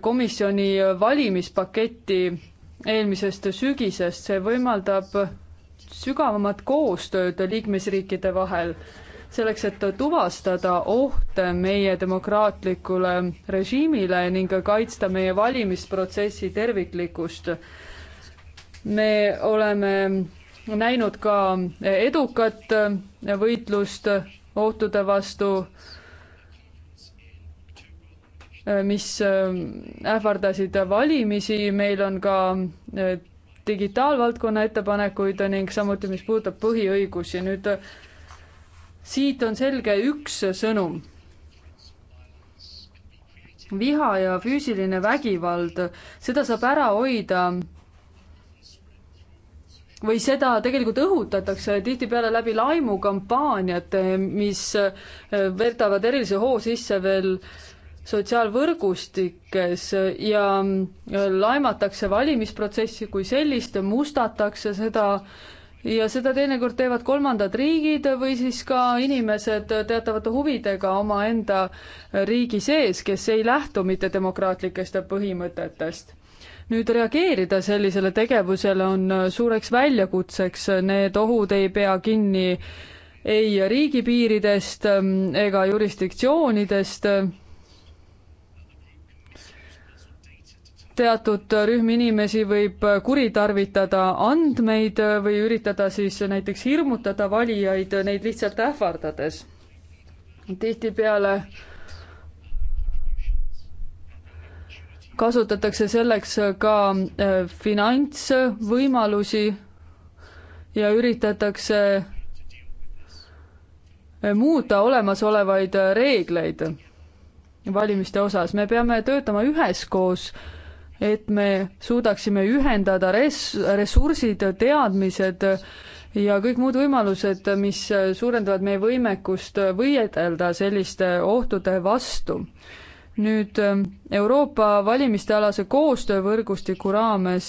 komisjoni valimispaketti eelmisest sügisest, see võimaldab sügavamat koostööd liikmesriikide vahel, selleks et tuvastada ohte meie demokraatlikule režiimile ning kaitsta meie valimisprotsessi terviklikkust. me oleme näinud ka edukat võitlust ohtude vastu Äh, mis äh, ähvardasid valimisi, meil on ka äh, digitaalvaldkonna ettepanekuid ning samuti, mis puudutab põhiõigusi, nüüd siit on selge üks sõnum. viha ja füüsiline vägivald, seda saab ära hoida või seda tegelikult õhutatakse tihtipeale läbi laimukampaaniate, mis veerdavad erilise hoo sisse veel äh, sotsiaalvõrgustikes ja laimatakse valimisprotsessi kui sellist, mustatakse seda ja seda teinekord teevad kolmandad riigid või siis ka inimesed teatavate huvidega omaenda riigi sees, kes ei lähtu mitte demokraatlikest põhimõtetest nüüd reageerida sellisele tegevusele on suureks väljakutseks, need ohud ei pea kinni ei riigipiiridest ega jurisdiktsioonidest teatud rühm inimesi võib kuritarvitada andmeid või üritada siis näiteks hirmutada valijaid, neid lihtsalt ähvardades. tihtipeale kasutatakse selleks ka äh, finantsvõimalusi ja üritatakse äh, muuta olemasolevaid reegleid valimiste osas. me peame töötama üheskoos äh, et me suudaksime ühendada res-, ressursid, teadmised ja kõik muud võimalused, mis suurendavad meie võimekust võidelda selliste ohtude vastu. nüüd Euroopa valimistealase koostöövõrgustiku raames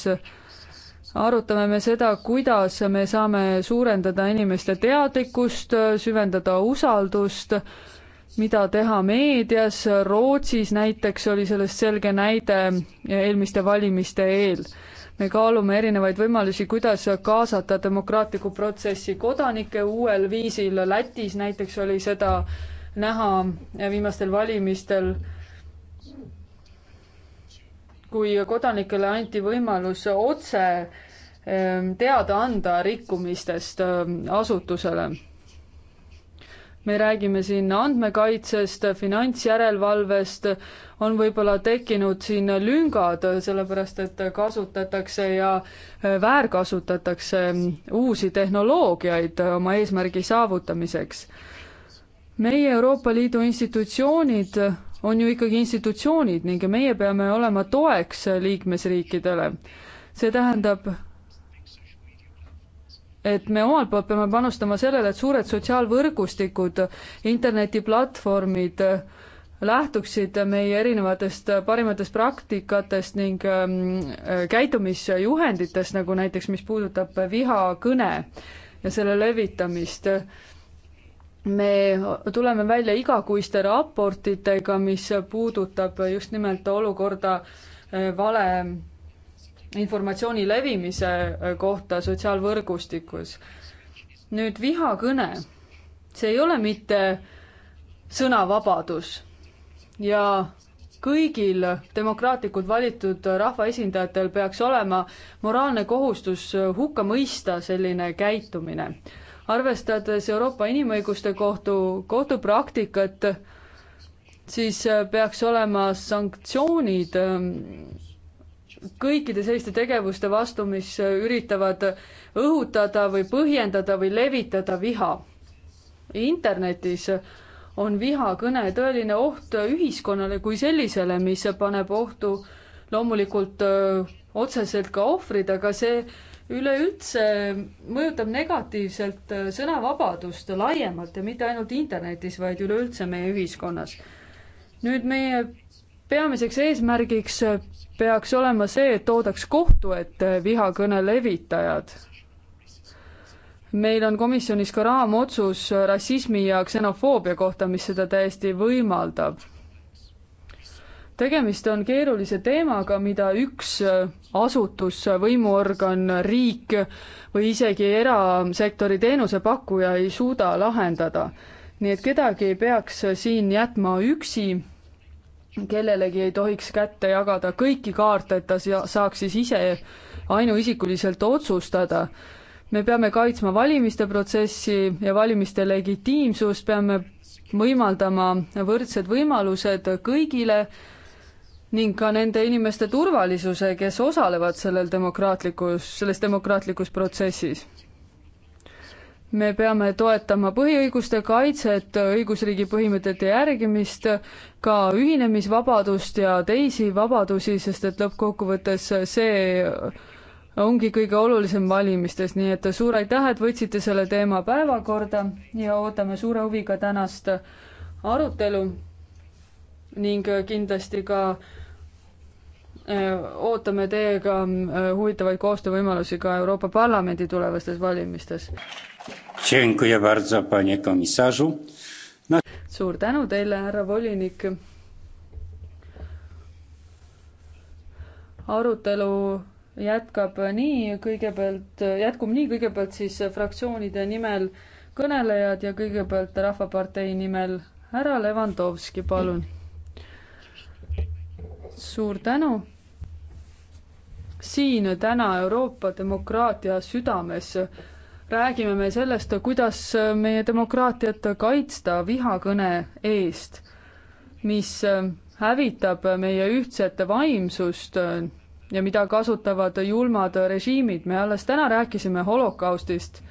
arutame me seda, kuidas me saame suurendada inimeste teadlikkust, süvendada usaldust mida teha meedias, Rootsis näiteks oli sellest selge näide eelmiste valimiste eel. me kaalume erinevaid võimalusi, kuidas kaasata demokraatliku protsessi kodanikke uuel viisil, Lätis näiteks oli seda näha viimastel valimistel, kui kodanikele anti võimalus otse ehm, teada anda rikkumistest ehm, asutusele me räägime siin andmekaitsest, finantsjärelevalvest, on võib-olla tekkinud siin lüngad, sellepärast et kasutatakse ja äh, väärkasutatakse mm, uusi tehnoloogiaid oma eesmärgi saavutamiseks. meie Euroopa Liidu institutsioonid on ju ikkagi institutsioonid ning meie peame olema toeks liikmesriikidele. see tähendab et me omalt poolt peame panustama sellele, et suured sotsiaalvõrgustikud, internetiplatvormid lähtuksid meie erinevatest parimatest praktikatest ning ähm, käitumisjuhenditest, nagu näiteks, mis puudutab vihakõne ja selle levitamist me tuleme välja igakuiste raportitega, mis puudutab just nimelt olukorda äh, vale informatsiooni levimise äh, kohta sotsiaalvõrgustikus. nüüd vihakõne, see ei ole mitte sõnavabadus ja kõigil demokraatlikult valitud rahvaesindajatel peaks olema moraalne kohustus hukka mõista selline käitumine. arvestades Euroopa Inimõiguste Kohtu kohtupraktikat, siis peaks olema sanktsioonid ähm, kõikide selliste tegevuste vastu, mis üritavad õhutada või põhjendada või levitada viha. internetis on vihakõne tõeline oht ühiskonnale kui sellisele, mis paneb ohtu loomulikult öö, otseselt ka ohvrid, aga see üleüldse mõjutab negatiivselt sõnavabadust laiemalt ja mitte ainult internetis, vaid üleüldse meie ühiskonnas. nüüd meie peamiseks eesmärgiks peaks olema see, et toodaks kohtu ette vihakõne levitajad. meil on komisjonis ka raamotsus rassismi ja ksenofoobia kohta, mis seda täiesti võimaldab. tegemist on keerulise teemaga, mida üks asutus, võimuorgan, riik või isegi erasektori teenusepakkuja ei suuda lahendada. nii et kedagi ei peaks siin jätma üksi kellelegi ei tohiks kätte jagada kõiki kaarte, et ta saaks siis ise ainuisikuliselt otsustada. me peame kaitsma valimiste protsessi ja valimiste legitiimsust, peame võimaldama võrdsed võimalused kõigile ning ka nende inimeste turvalisuse, kes osalevad sellel demokraatlikus, selles demokraatlikus protsessis me peame toetama põhiõiguste kaitset, õigusriigi põhimõtete järgimist, ka ühinemisvabadust ja teisi vabadusi, sest et lõppkokkuvõttes see ongi kõige olulisem valimistes, nii et suur aitäh, et võtsite selle teema päevakorda ja ootame suure huviga tänast arutelu ning kindlasti ka äh, ootame teiega äh, huvitavaid koostöövõimalusi ka Euroopa Parlamendi tulevastes valimistes. No... suur tänu teile, härra volinik. arutelu jätkab nii, kõigepealt, jätkub nii, kõigepealt siis fraktsioonide nimel kõnelejad ja kõigepealt Rahvapartei nimel härra Levandovski, palun. suur tänu. siin täna Euroopa demokraatia südames räägime me sellest, kuidas meie demokraatiat kaitsta vihakõne eest, mis hävitab meie ühtset vaimsust ja mida kasutavad julmad režiimid, me alles täna rääkisime holokaustist.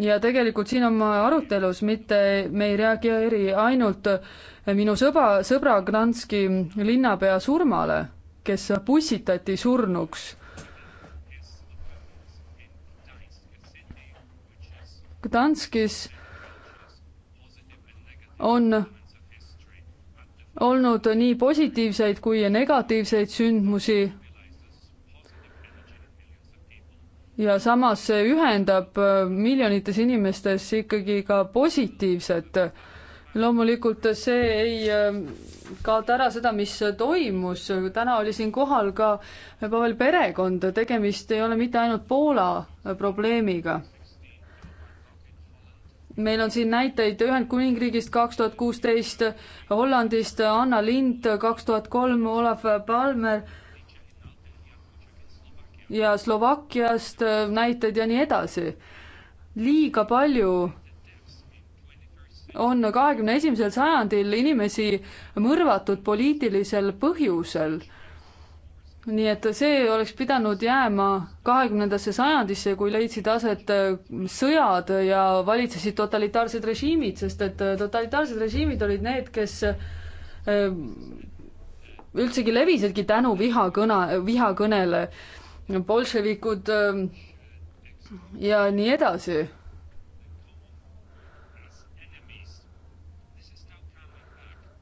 ja tegelikult siin on arutelus mitte, me ei reageeri ainult minu sõba, sõbra Gdanski linnapea surmale, kes pussitati surnuks Gdanskis on olnud nii positiivseid kui negatiivseid sündmusi. ja samas see ühendab miljonites inimestes ikkagi ka positiivset. loomulikult see ei ähm, kaota ära seda, mis toimus, täna oli siin kohal ka Pavel perekond, tegemist ei ole mitte ainult Poola äh, probleemiga meil on siin näiteid Ühendkuningriigist kaks tuhat kuusteist, Hollandist Anna Lind kaks tuhat kolm, Olav Palmer ja Slovakkiast näiteid ja nii edasi. liiga palju on kahekümne esimesel sajandil inimesi mõrvatud poliitilisel põhjusel nii et see oleks pidanud jääma kahekümnendasse sajandisse, kui leidsid aset mm, sõjad ja valitsesid totalitaarsed režiimid, sest et äh, totalitaarsed režiimid olid need, kes äh, üldsegi levisidki tänu vihakõne, vihakõnele, bolševikud äh, ja nii edasi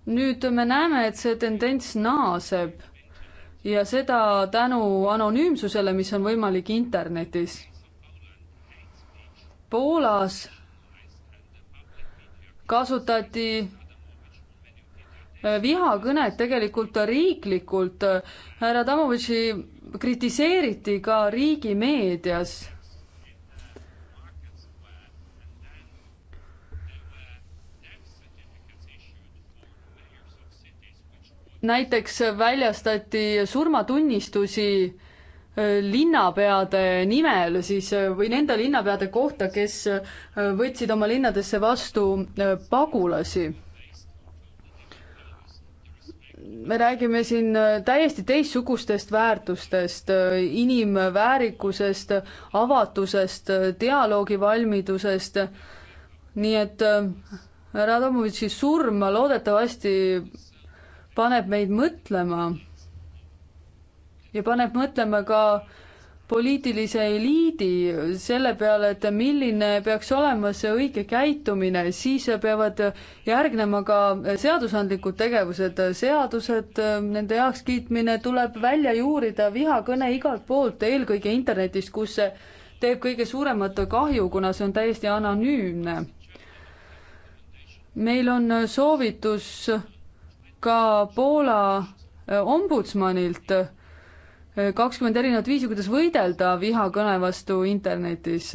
nüüd me näeme, et see tendents naaseb ja seda tänu anonüümsusele, mis on võimalik internetis. Poolas kasutati äh, vihakõnet tegelikult riiklikult. härra Tamovitši kritiseeriti ka riigimeedias näiteks väljastati surmatunnistusi äh, linnapeade nimel siis äh, või nende linnapeade kohta, kes äh, võtsid oma linnadesse vastu pagulasi. me räägime siin täiesti teistsugustest väärtustest, inimväärikusest, avatusest, dialoogivalmidusest, nii et härra Adamovitši surm loodetavasti paneb meid mõtlema ja paneb mõtlema ka poliitilise eliidi selle peale, et milline peaks olema see õige käitumine, siis peavad järgnema ka seadusandlikud tegevused, seadused, nende heakskiitmine tuleb välja juurida, vihakõne igalt poolt, eelkõige internetis, kus see teeb kõige suuremat kahju, kuna see on täiesti anonüümne. meil on soovitus ka Poola äh, ombudsmanilt äh, kakskümmend erinevat viisi, kuidas võidelda vihakõne vastu internetis.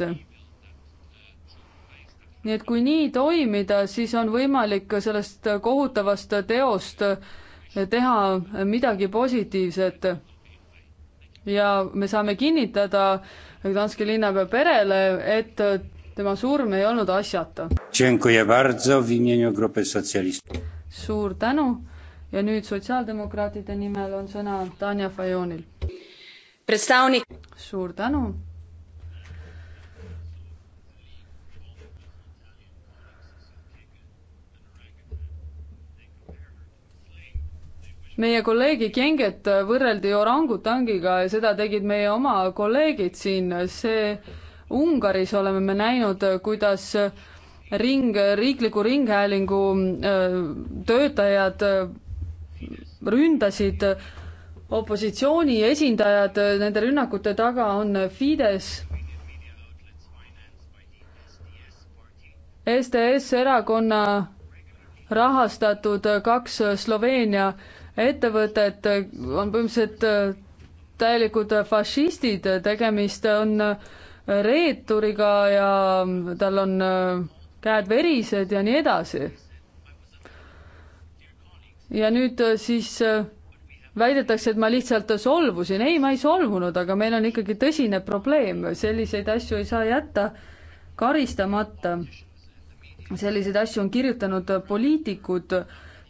nii et kui nii toimida, siis on võimalik sellest kohutavast teost äh, teha midagi positiivset. ja me saame kinnitada Danske linnapea perele, et tema surm ei olnud asjata. suur tänu ja nüüd sotsiaaldemokraatide nimel on sõna Tanja Fajonil. predstavnik. suur tänu. meie kolleegi Kenget võrreldi orangutangiga ja seda tegid meie oma kolleegid siin, see Ungaris oleme me näinud, kuidas ring, riikliku ringhäälingu äh, töötajad ründasid opositsiooni esindajad, nende rünnakute taga on Fides. STS erakonna rahastatud kaks Sloveenia ettevõtet on põhimõtteliselt täielikud fašistid, tegemist on reeturiga ja tal on käed verised ja nii edasi ja nüüd äh, siis äh, väidetakse, et ma lihtsalt solvusin, ei, ma ei solvunud, aga meil on ikkagi tõsine probleem, selliseid asju ei saa jätta karistamata. selliseid asju on kirjutanud poliitikud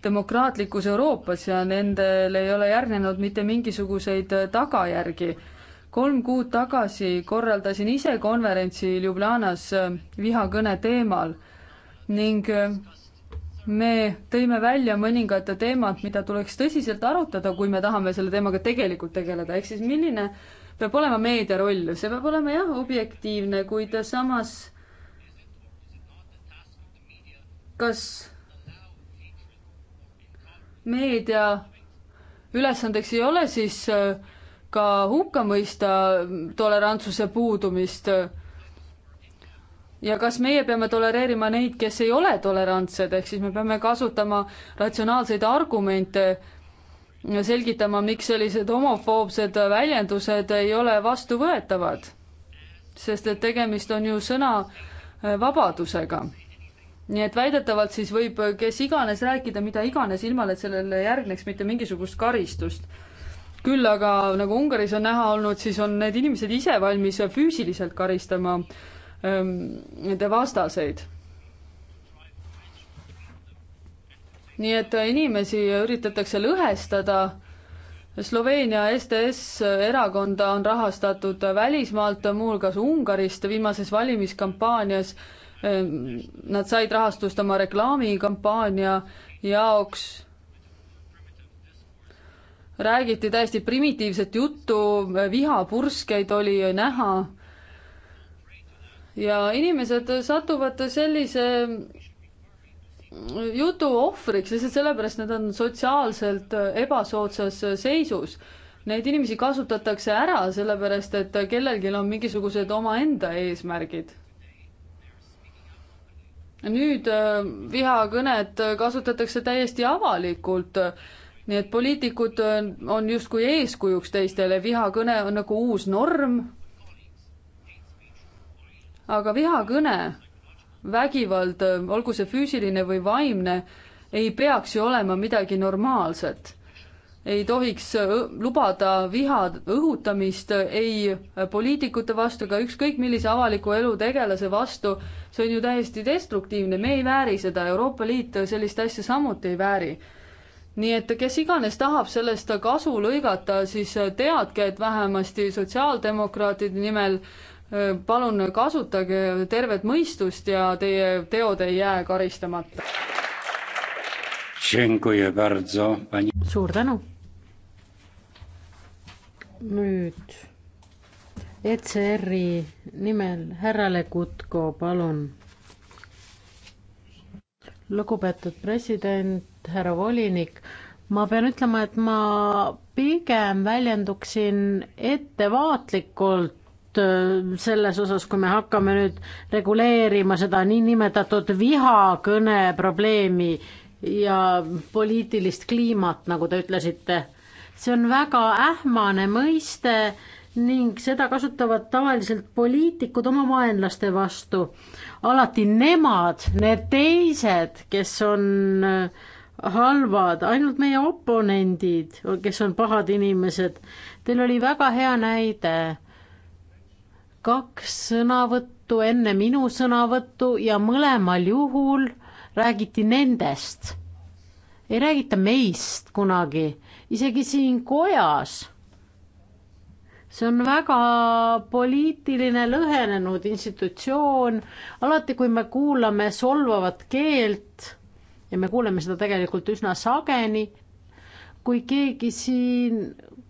demokraatlikus Euroopas ja nendel ei ole järgnenud mitte mingisuguseid äh, tagajärgi. kolm kuud tagasi korraldasin ise konverentsi Ljubljanas vihakõne teemal ning me tõime välja mõningad teemad, mida tuleks tõsiselt arutada, kui me tahame selle teemaga tegelikult tegeleda, ehk siis milline peab olema meedia roll, see peab olema jah, objektiivne, kuid samas kas meedia ülesandeks ei ole siis ka hukka mõista tolerantsuse puudumist ja kas meie peame tolereerima neid, kes ei ole tolerantsed, ehk siis me peame kasutama ratsionaalseid argumente, selgitama, miks sellised homofoobsed väljendused ei ole vastuvõetavad. sest et tegemist on ju sõnavabadusega. Äh, nii et väidetavalt siis võib kes iganes rääkida mida iganes, ilma et sellele järgneks mitte mingisugust karistust küll aga nagu Ungaris on näha olnud, siis on need inimesed ise valmis füüsiliselt karistama äh, Ähm, nende vastaseid. nii et äh, inimesi üritatakse lõhestada. Sloveenia STS erakonda on rahastatud välismaalt, muuhulgas Ungarist viimases valimiskampaanias. Ähm, nad said rahastust oma reklaamikampaania jaoks räägiti täiesti primitiivset juttu, vihapurskeid oli näha ja inimesed satuvad sellise jutu ohvriks lihtsalt sellepärast, et nad on sotsiaalselt ebasoodsas seisus. Neid inimesi kasutatakse ära sellepärast, et kellelgi on mingisugused omaenda eesmärgid. nüüd äh, vihakõnet kasutatakse täiesti avalikult, nii et poliitikud äh, on justkui eeskujuks teistele, vihakõne on nagu uus norm aga vihakõne, vägivald, olgu see füüsiline või vaimne, ei peaks ju olema midagi normaalset. ei tohiks lubada viha õhutamist ei poliitikute vastu ega ükskõik millise avaliku elu tegelase vastu. see on ju täiesti destruktiivne, me ei vääri seda, Euroopa Liit sellist asja samuti ei vääri nii et kes iganes tahab sellest kasu lõigata, siis teadke, et vähemasti sotsiaaldemokraatide nimel palun kasutage tervet mõistust ja teie teod ei jää karistamata. suur tänu. nüüd ECR-i nimel härra Legutko, palun. lugupeetud president, härra volinik ma pean ütlema, et ma pigem väljenduksin ettevaatlikult Äh, selles osas, kui me hakkame nüüd reguleerima seda niinimetatud vihakõne probleemi ja poliitilist kliimat, nagu te ütlesite. see on väga ähmane mõiste ning seda kasutavad tavaliselt poliitikud oma vaenlaste vastu. alati nemad, need teised, kes on äh, halvad, ainult meie oponendid, kes on pahad inimesed. Teil oli väga hea näide kaks sõnavõttu enne minu sõnavõttu ja mõlemal juhul räägiti nendest. ei räägita meist kunagi, isegi siin kojas. see on väga poliitiline lõhenenud institutsioon, alati kui me kuulame solvavat keelt ja me kuuleme seda tegelikult üsna sageni, kui keegi siin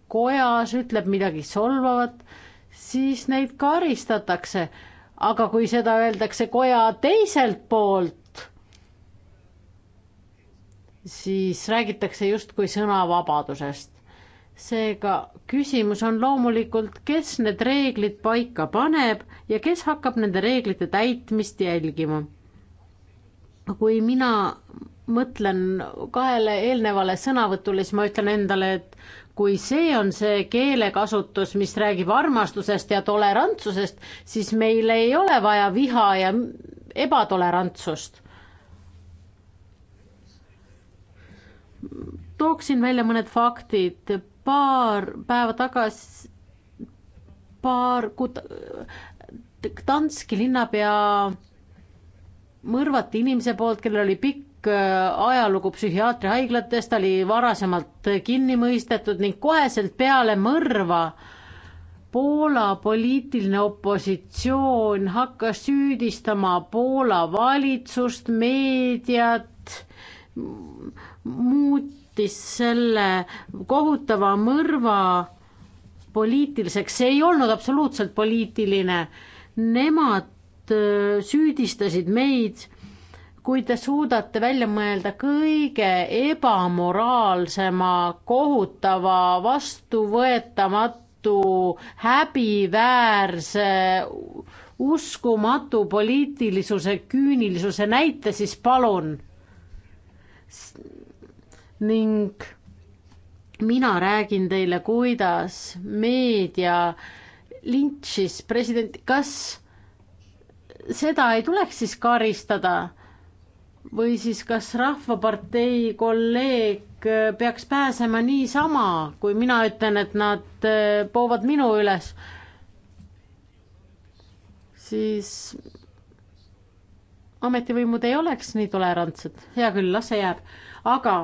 kojas ütleb midagi solvavat, siis neid karistatakse. aga kui seda öeldakse koja teiselt poolt, siis räägitakse justkui sõnavabadusest. seega küsimus on loomulikult, kes need reeglid paika paneb ja kes hakkab nende reeglite täitmist jälgima. kui mina mõtlen kahele eelnevale sõnavõtule, siis ma ütlen endale, et kui see on see keelekasutus, mis räägib armastusest ja tolerantsusest, siis meil ei ole vaja viha ja ebatolerantsust. tooksin välja mõned faktid. paar päeva tagasi, paar kuud, Gdanski linnapea mõrvati inimese poolt, kellel oli pikk pikk äh, ajalugu psühhiaatriahaiglates, ta oli varasemalt kinni mõistetud ning koheselt peale mõrva Poola poliitiline opositsioon hakkas süüdistama Poola valitsust, meediat, muutis selle kohutava mõrva poliitiliseks, see ei olnud absoluutselt poliitiline. Nemad äh, süüdistasid meid kui te suudate välja mõelda kõige ebamoraalsema, kohutava, vastuvõetamatu, häbiväärse, uskumatu poliitilisuse, küünilisuse näite, siis palun. ning mina räägin teile, kuidas meedia lintšis presidenti, kas seda ei tuleks siis karistada? või siis kas Rahvapartei kolleeg äh, peaks pääsema niisama, kui mina ütlen, et nad äh, poovad minu üles, siis ametivõimud ei oleks nii tolerantsed, hea küll, las see jääb, aga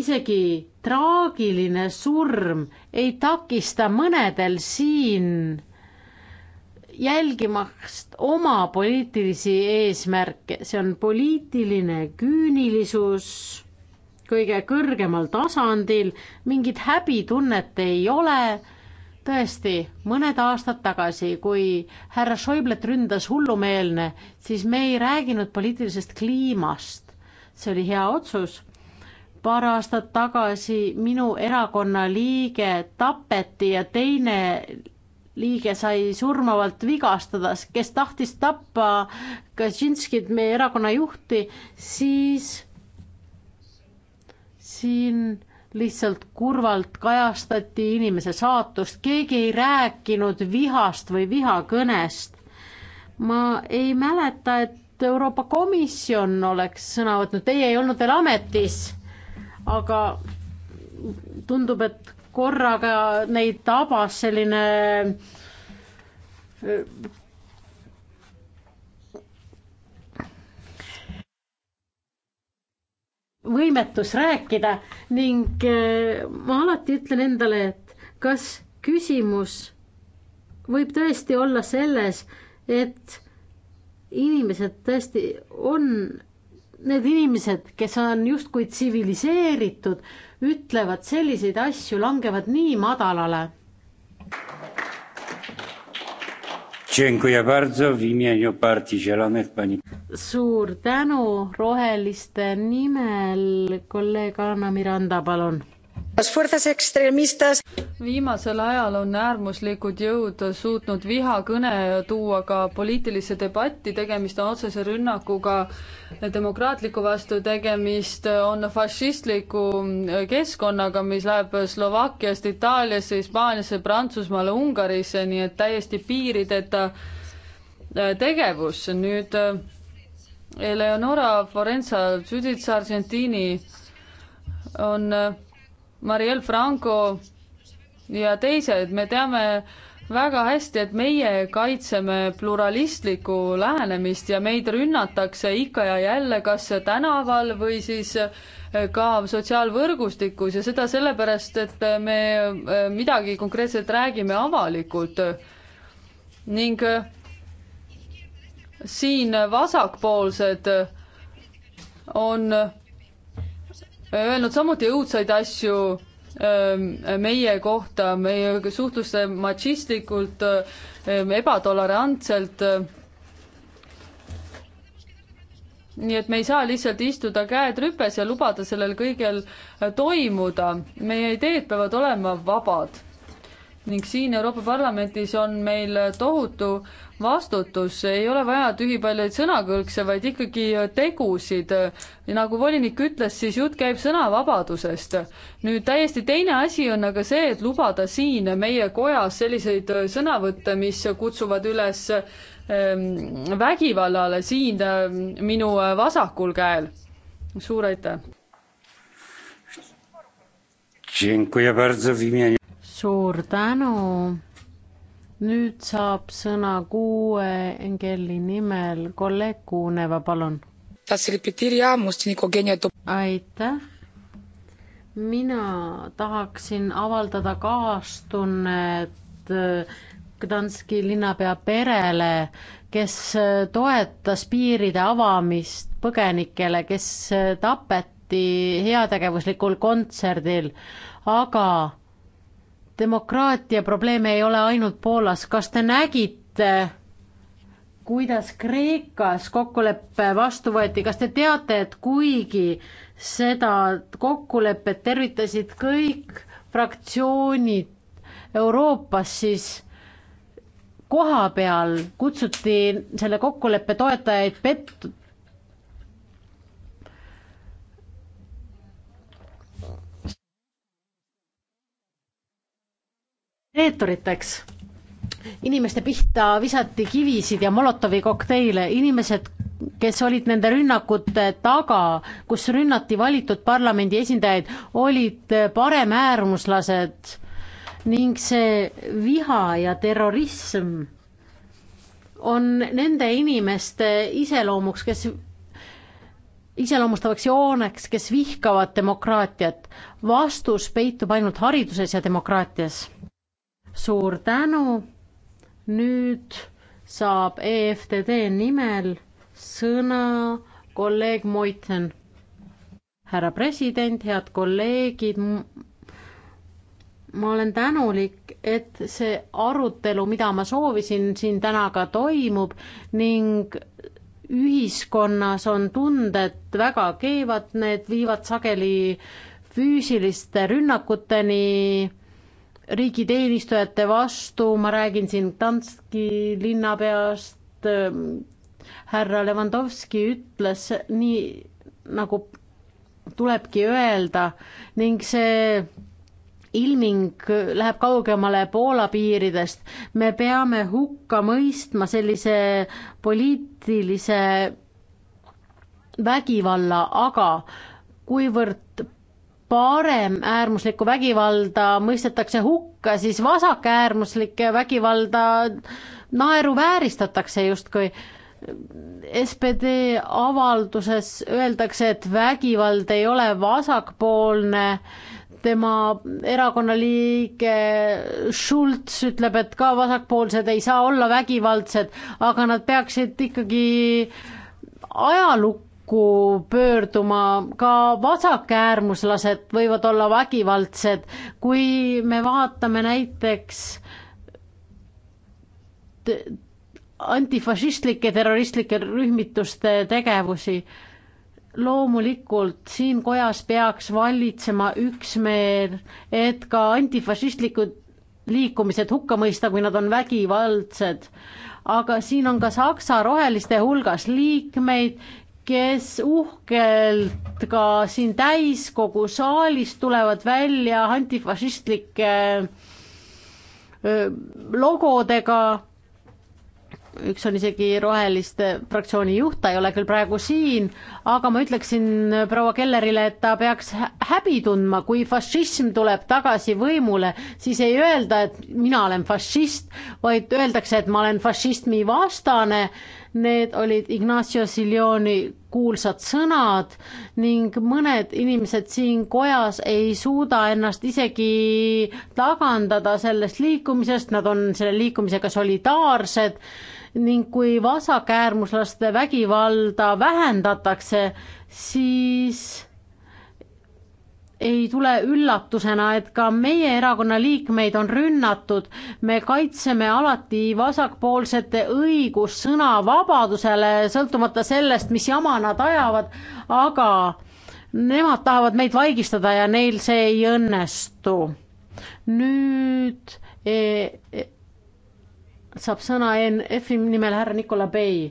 isegi traagiline surm ei takista mõnedel siin jälgimast oma poliitilisi eesmärke, see on poliitiline küünilisus kõige kõrgemal tasandil, mingit häbitunnet ei ole. tõesti, mõned aastad tagasi, kui härra Schäublet ründas hullumeelne, siis me ei rääginud poliitilisest kliimast. see oli hea otsus. paar aastat tagasi minu erakonna liige tapeti ja teine liige sai surmavalt vigastada, kes tahtis tappa Kaczynskit, meie erakonna juhti, siis siin lihtsalt kurvalt kajastati inimese saatust, keegi ei rääkinud vihast või vihakõnest. ma ei mäleta, et Euroopa Komisjon oleks sõna võtnud, teie ei olnud veel ametis, aga tundub, et korraga neid tabas selline äh, võimetus rääkida ning äh, ma alati ütlen endale, et kas küsimus võib tõesti olla selles, et inimesed tõesti on need inimesed, kes on justkui tsiviliseeritud, ütlevad selliseid asju, langevad nii madalale. suur tänu roheliste nimel, kolleeg Anna Miranda, palun viimasel ajal on äärmuslikud jõud suutnud vihakõne tuua ka poliitilisse debatti, tegemist on otsese rünnakuga demokraatliku vastu, tegemist on fašistliku keskkonnaga, mis läheb Slovakkiast Itaaliasse, Hispaaniasse, Prantsusmaale, Ungarisse, nii et täiesti piirideta tegevus. nüüd Eleonora Forenza, Judith Sargentini on Mariel Franco ja teised, me teame väga hästi, et meie kaitseme pluralistlikku lähenemist ja meid rünnatakse ikka ja jälle, kas tänaval või siis eh, ka sotsiaalvõrgustikus ja seda sellepärast, et me eh, midagi konkreetselt räägime avalikult. ning eh, siin vasakpoolsed on öelnud samuti õudsaid asju ähm, meie kohta, meie suhtlus matšistlikult, ähm, ebatolerantselt. Äh. nii et me ei saa lihtsalt istuda käed rüpes ja lubada sellel kõigel äh, toimuda. meie ideed peavad olema vabad ning siin Euroopa Parlamendis on meil tohutu vastutus, ei ole vaja tühipaljaid sõnakõlkse, vaid ikkagi tegusid. nagu volinik ütles, siis jutt käib sõnavabadusest. nüüd täiesti teine asi on aga see, et lubada siin meie kojas selliseid sõnavõtte, mis kutsuvad üles ehm, vägivallale siin ehm, minu vasakul käel. suur aitäh! suur tänu! nüüd saab sõna kuue Engeli nimel kolleeg Kuuneva, palun. aitäh. mina tahaksin avaldada kaastunnet äh, Gdanski linnapea perele, kes äh, toetas piiride avamist põgenikele, kes äh, tapeti heategevuslikul kontserdil, aga demokraatia probleeme ei ole ainult Poolas, kas te nägite, kuidas Kreekas kokkulepe vastu võeti, kas te teate, et kuigi seda kokkulepet tervitasid kõik fraktsioonid Euroopas, siis koha peal kutsuti selle kokkuleppe toetajaid pett-, reeturiteks. inimeste pihta visati kivisid ja Molotovi kokteile, inimesed, kes olid nende rünnakute taga, kus rünnati valitud parlamendi esindajaid, olid paremäärmuslased ning see viha ja terrorism on nende inimeste iseloomuks, kes iseloomustavaks jooneks, kes vihkavad demokraatiat. vastus peitub ainult hariduses ja demokraatias suur tänu. nüüd saab EFTD nimel sõna kolleeg Moiten. härra president, head kolleegid. ma olen tänulik, et see arutelu, mida ma soovisin, siin täna ka toimub ning ühiskonnas on tunded väga keevad, need viivad sageli füüsiliste rünnakuteni riigiteenistujate vastu, ma räägin siin Danski linnapeast, ähm, härra Levandovski ütles nii, nagu tulebki öelda ning see ilming läheb kaugemale Poola piiridest. me peame hukka mõistma sellise poliitilise vägivalla, aga kuivõrd paremäärmuslikku vägivalda mõistetakse hukka, siis vasakäärmuslike vägivalda naeruvääristatakse justkui. SPD avalduses öeldakse, et vägivald ei ole vasakpoolne, tema erakonna liige Schultz ütleb, et ka vasakpoolsed ei saa olla vägivaldsed, aga nad peaksid ikkagi ajalukku kokku pöörduma, ka vasakäärmuslased võivad olla vägivaldsed, kui me vaatame näiteks antifašistlike terroristlike rühmituste tegevusi. loomulikult siin kojas peaks valitsema üksmeel, et ka antifašistlikud liikumised hukka mõista, kui nad on vägivaldsed. aga siin on ka Saksa roheliste hulgas liikmeid, kes uhkelt ka siin täiskogu saalis tulevad välja antifašistlike logodega. üks on isegi Roheliste fraktsiooni juht, ta ei ole küll praegu siin, aga ma ütleksin proua Kellerile, et ta peaks häbi tundma, kui fašism tuleb tagasi võimule, siis ei öelda, et mina olen fašist, vaid öeldakse, et ma olen fašismi vastane Need olid Ignacio Siljoni kuulsad sõnad ning mõned inimesed siin kojas ei suuda ennast isegi tagandada sellest liikumisest, nad on selle liikumisega solidaarsed ning kui vasakäärmuslaste vägivalda vähendatakse, siis ei tule üllatusena, et ka meie erakonna liikmeid on rünnatud. me kaitseme alati vasakpoolsete õigust sõnavabadusele, sõltumata sellest, mis jama nad ajavad, aga nemad tahavad meid vaigistada ja neil see ei õnnestu. nüüd e, e, saab sõna ENF-i nimel härra Nikolai Bey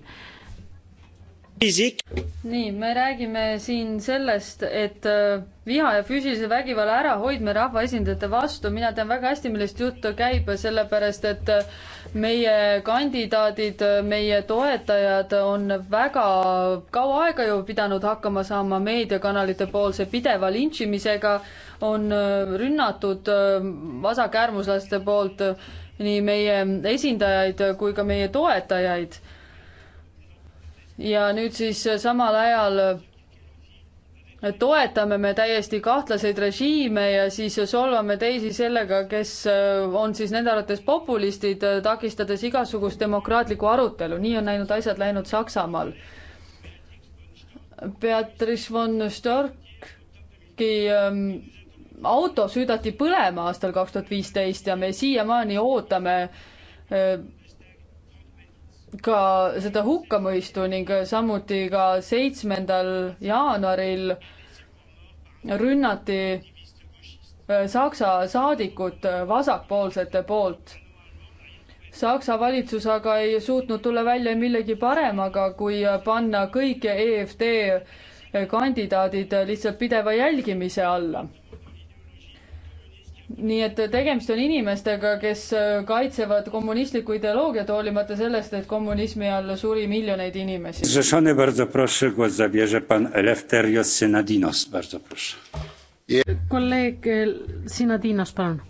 nii, me räägime siin sellest, et äh, viha ja füüsilise vägivalla ärahoidmine rahvaesindajate vastu, mina tean väga hästi, millest juttu käib, sellepärast et äh, meie kandidaadid, äh, meie toetajad on väga kaua aega ju pidanud hakkama saama meediakanalite poolse pideva lintšimisega, on rünnatud vasakäärmuslaste poolt nii meie esindajaid kui ka meie toetajaid ja nüüd siis samal ajal toetame me täiesti kahtlaseid režiime ja siis solvame teisi sellega, kes on siis nende arvates populistid, takistades igasugust demokraatlikku arutelu, nii on läinud asjad läinud Saksamaal. Beatrice von Storki ähm, auto süüdati põlema aastal kaks tuhat viisteist ja me siiamaani ootame äh, ka seda hukkamõistu ning samuti ka seitsmendal jaanuaril rünnati äh, Saksa saadikut vasakpoolsete poolt. Saksa valitsus aga ei suutnud tulla välja millegi paremaga, kui panna kõik EFD kandidaadid lihtsalt pideva jälgimise alla nii et tegemist on inimestega, kes äh, kaitsevad kommunistlikku ideoloogiat, hoolimata sellest, et kommunismi all suri miljoneid inimesi. kolleeg Sinadinos, palun.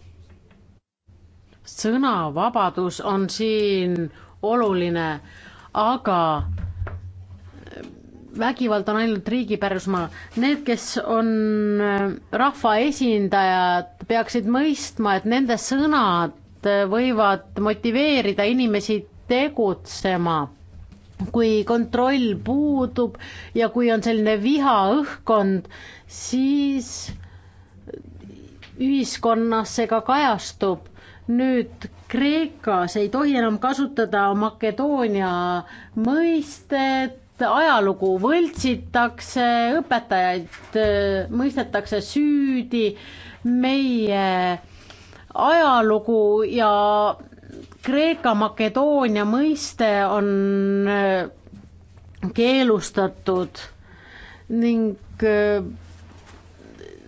sõnavabadus on siin oluline, aga vägivald on ainult riigi pärusmaa. Need, kes on äh, rahvaesindajad, peaksid mõistma, et nende sõnad äh, võivad motiveerida inimesi tegutsema. kui kontroll puudub ja kui on selline viha õhkkond, siis ühiskonnas see ka kajastub. nüüd Kreekas ei tohi enam kasutada Makedoonia mõistet, ajalugu, võltsitakse õpetajaid, äh, mõistetakse süüdi, meie ajalugu ja Kreeka-Makedoonia mõiste on äh, keelustatud ning äh,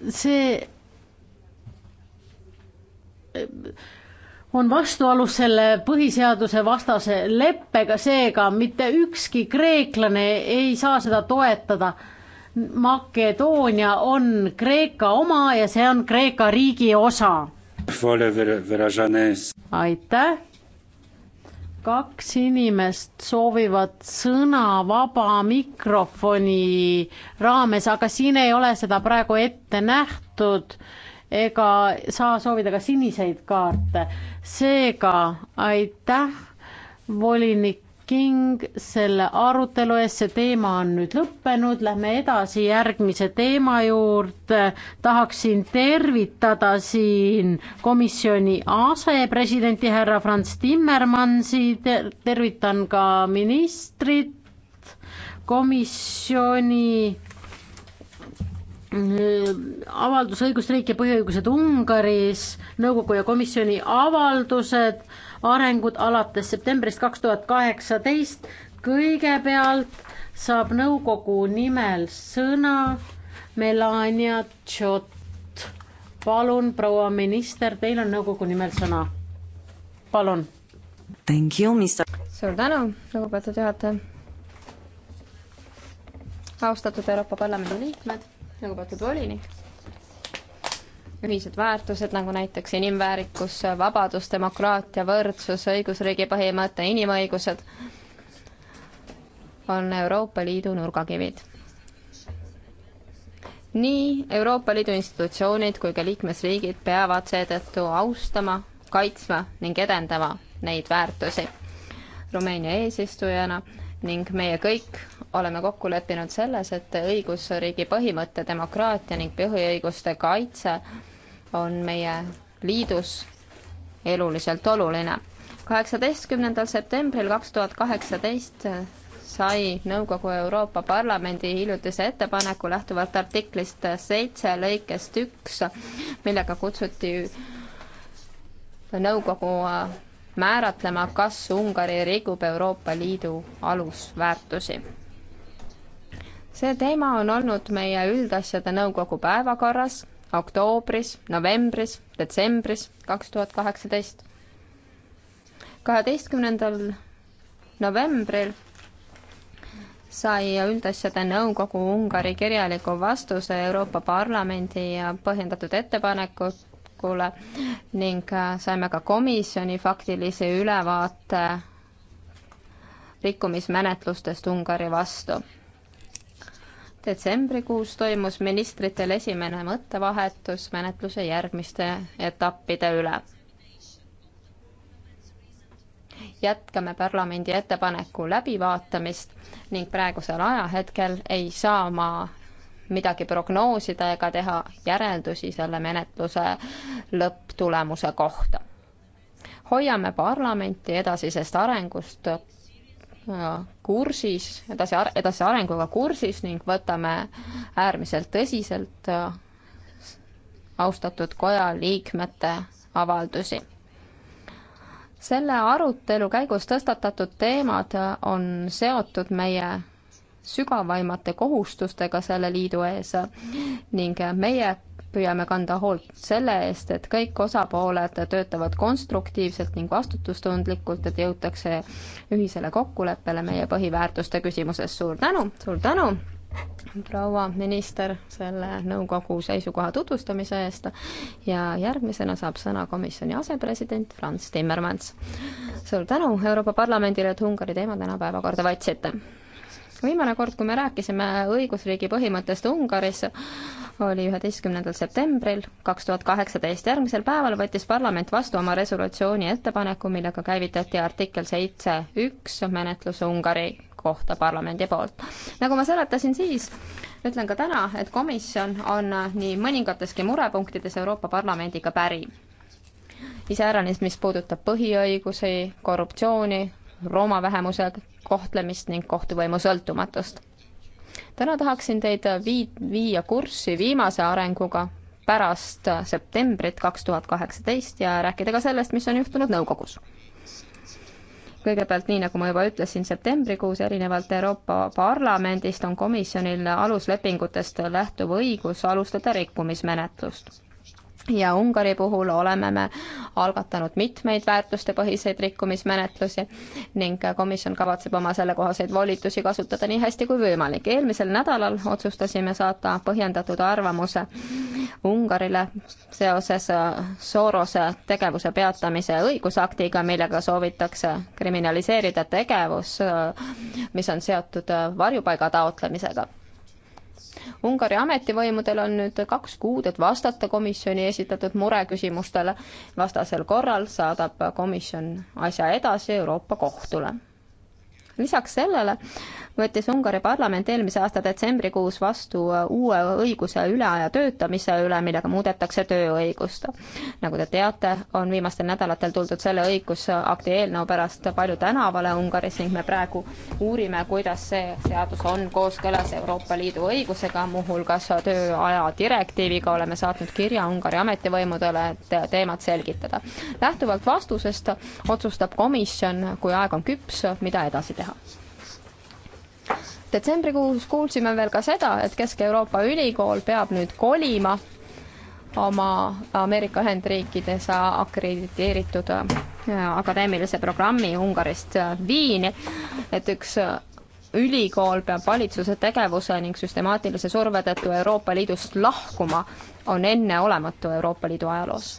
see on vastuolus selle põhiseaduse vastase leppega, seega mitte ükski kreeklane ei saa seda toetada. Makedoonia on Kreeka oma ja see on Kreeka riigi osa. aitäh. kaks inimest soovivad sõna vaba mikrofoni raames, aga siin ei ole seda praegu ette nähtud ega saa soovida ka siniseid kaarte. seega aitäh, volinik King, selle arutelu eest, see teema on nüüd lõppenud, lähme edasi järgmise teema juurde. tahaksin tervitada siin komisjoni asepresidenti härra Franz Timmermansi Ter, tervitan ka ministrit, komisjoni Äh, avaldus õigusriik ja põhiõigused Ungaris, nõukogu ja komisjoni avaldused, arengud alates septembrist kaks tuhat kaheksateist. kõigepealt saab nõukogu nimel sõna Melania Tšot. palun, proua minister, teil on nõukogu nimel sõna. palun. Thank you, Mr. suur tänu, lugupeetud juhataja. austatud Euroopa Parlamendi liikmed lugupeetud volinik. ühised väärtused nagu näiteks inimväärikus, vabadus, demokraatia, võrdsus, õigusriigi põhimõte, inimõigused on Euroopa Liidu nurgakivid nii Euroopa Liidu institutsioonid kui ka liikmesriigid peavad seetõttu austama, kaitsma ning edendama neid väärtusi. Rumeenia eesistujana ning meie kõik oleme kokku leppinud selles, et õigusriigi põhimõte, demokraatia ning põhiõiguste kaitse on meie liidus eluliselt oluline. kaheksateistkümnendal septembril kaks tuhat kaheksateist sai Nõukogu Euroopa Parlamendi hiljutise ettepaneku lähtuvalt artiklist seitse lõikest üks, millega kutsuti nõukogu määratlema, kas Ungari rikub Euroopa Liidu alusväärtusi see teema on olnud meie üldasjade nõukogu päevakorras oktoobris, novembris, detsembris kaks tuhat kaheksateist. kaheteistkümnendal novembril sai üldasjade nõukogu Ungari kirjaliku vastuse Euroopa Parlamendi põhjendatud ettepanekule ning äh, saime ka komisjoni faktilise ülevaate rikkumismenetlustest Ungari vastu detsembrikuus toimus ministritel esimene mõttevahetus menetluse järgmiste etappide üle. jätkame parlamendi ettepaneku läbivaatamist ning praegusel ajahetkel ei saa ma midagi prognoosida ega teha järeldusi selle menetluse lõpptulemuse kohta. hoiame parlamenti edasisest arengust Äh, kursis, edasi, edasi arenguga kursis ning võtame äärmiselt tõsiselt äh, austatud koja liikmete avaldusi. selle arutelu käigus tõstatatud teemad äh, on seotud meie sügavaimate kohustustega selle liidu ees ning meie püüame kanda hoolt selle eest, et kõik osapooled töötavad konstruktiivselt ning vastutustundlikult, et jõutakse ühisele kokkuleppele meie põhiväärtuste küsimuses. suur tänu, suur tänu, proua minister, selle nõukogu seisukoha tutvustamise eest ja järgmisena saab sõna komisjoni asepresident Franz Timmermans. suur tänu Euroopa Parlamendile, et Ungari teema täna päevakorda võtsite viimane kord, kui me rääkisime õigusriigi põhimõttest Ungaris, oli üheteistkümnendal septembril kaks tuhat kaheksateist. järgmisel päeval võttis parlament vastu oma resolutsiooni ettepaneku, millega käivitati artikkel seitse üks menetlus Ungari kohta parlamendi poolt. nagu ma seletasin siis, ütlen ka täna, et komisjon on nii mõningateski murepunktides Euroopa Parlamendiga päri. iseäranis, mis puudutab põhiõigusi, korruptsiooni, Rooma vähemuse kohtlemist ning kohtuvõimu sõltumatust. täna tahaksin teid vii-, viia kurssi viimase arenguga pärast septembrit kaks tuhat kaheksateist ja rääkida ka sellest, mis on juhtunud nõukogus. kõigepealt, nii nagu ma juba ütlesin, septembrikuus erinevalt Euroopa Parlamendist on komisjonil aluslepingutest lähtuv õigus alustada rikkumismenetlust ja Ungari puhul oleme me algatanud mitmeid väärtustepõhiseid rikkumismenetlusi ning komisjon kavatseb oma sellekohaseid volitusi kasutada nii hästi kui võimalik. eelmisel nädalal otsustasime saata põhjendatud arvamuse Ungarile seoses äh, Sorose tegevuse peatamise õigusaktiga, millega soovitakse kriminaliseerida tegevus, äh, mis on seotud äh, varjupaiga taotlemisega Ungari ametivõimudel on nüüd kaks kuud, et vastata komisjoni esitatud mureküsimustele. vastasel korral saadab komisjon asja edasi Euroopa Kohtule. lisaks sellele võttis Ungari parlament eelmise aasta detsembrikuus vastu uh, uue õiguse üleaja töötamise üle, millega muudetakse tööõigust. nagu te teate, on viimastel nädalatel tuldud selle õigusakti eelnõu pärast palju tänavale Ungaris ning me praegu uurime, kuidas see seadus on kooskõlas Euroopa Liidu õigusega, muuhulgas tööaja direktiiviga oleme saatnud kirja Ungari ametivõimudele, et teemat selgitada. lähtuvalt vastusest otsustab komisjon, kui aeg on küps, mida edasi teha detsembrikuus kuulsime veel ka seda, et Kesk-Euroopa Ülikool peab nüüd kolima oma Ameerika Ühendriikides akrediteeritud äh, akadeemilise programmi Ungarist äh, Viini, et üks äh, ülikool peab valitsuse tegevuse ning süstemaatilise surve tõttu Euroopa Liidust lahkuma, on enneolematu Euroopa Liidu ajaloos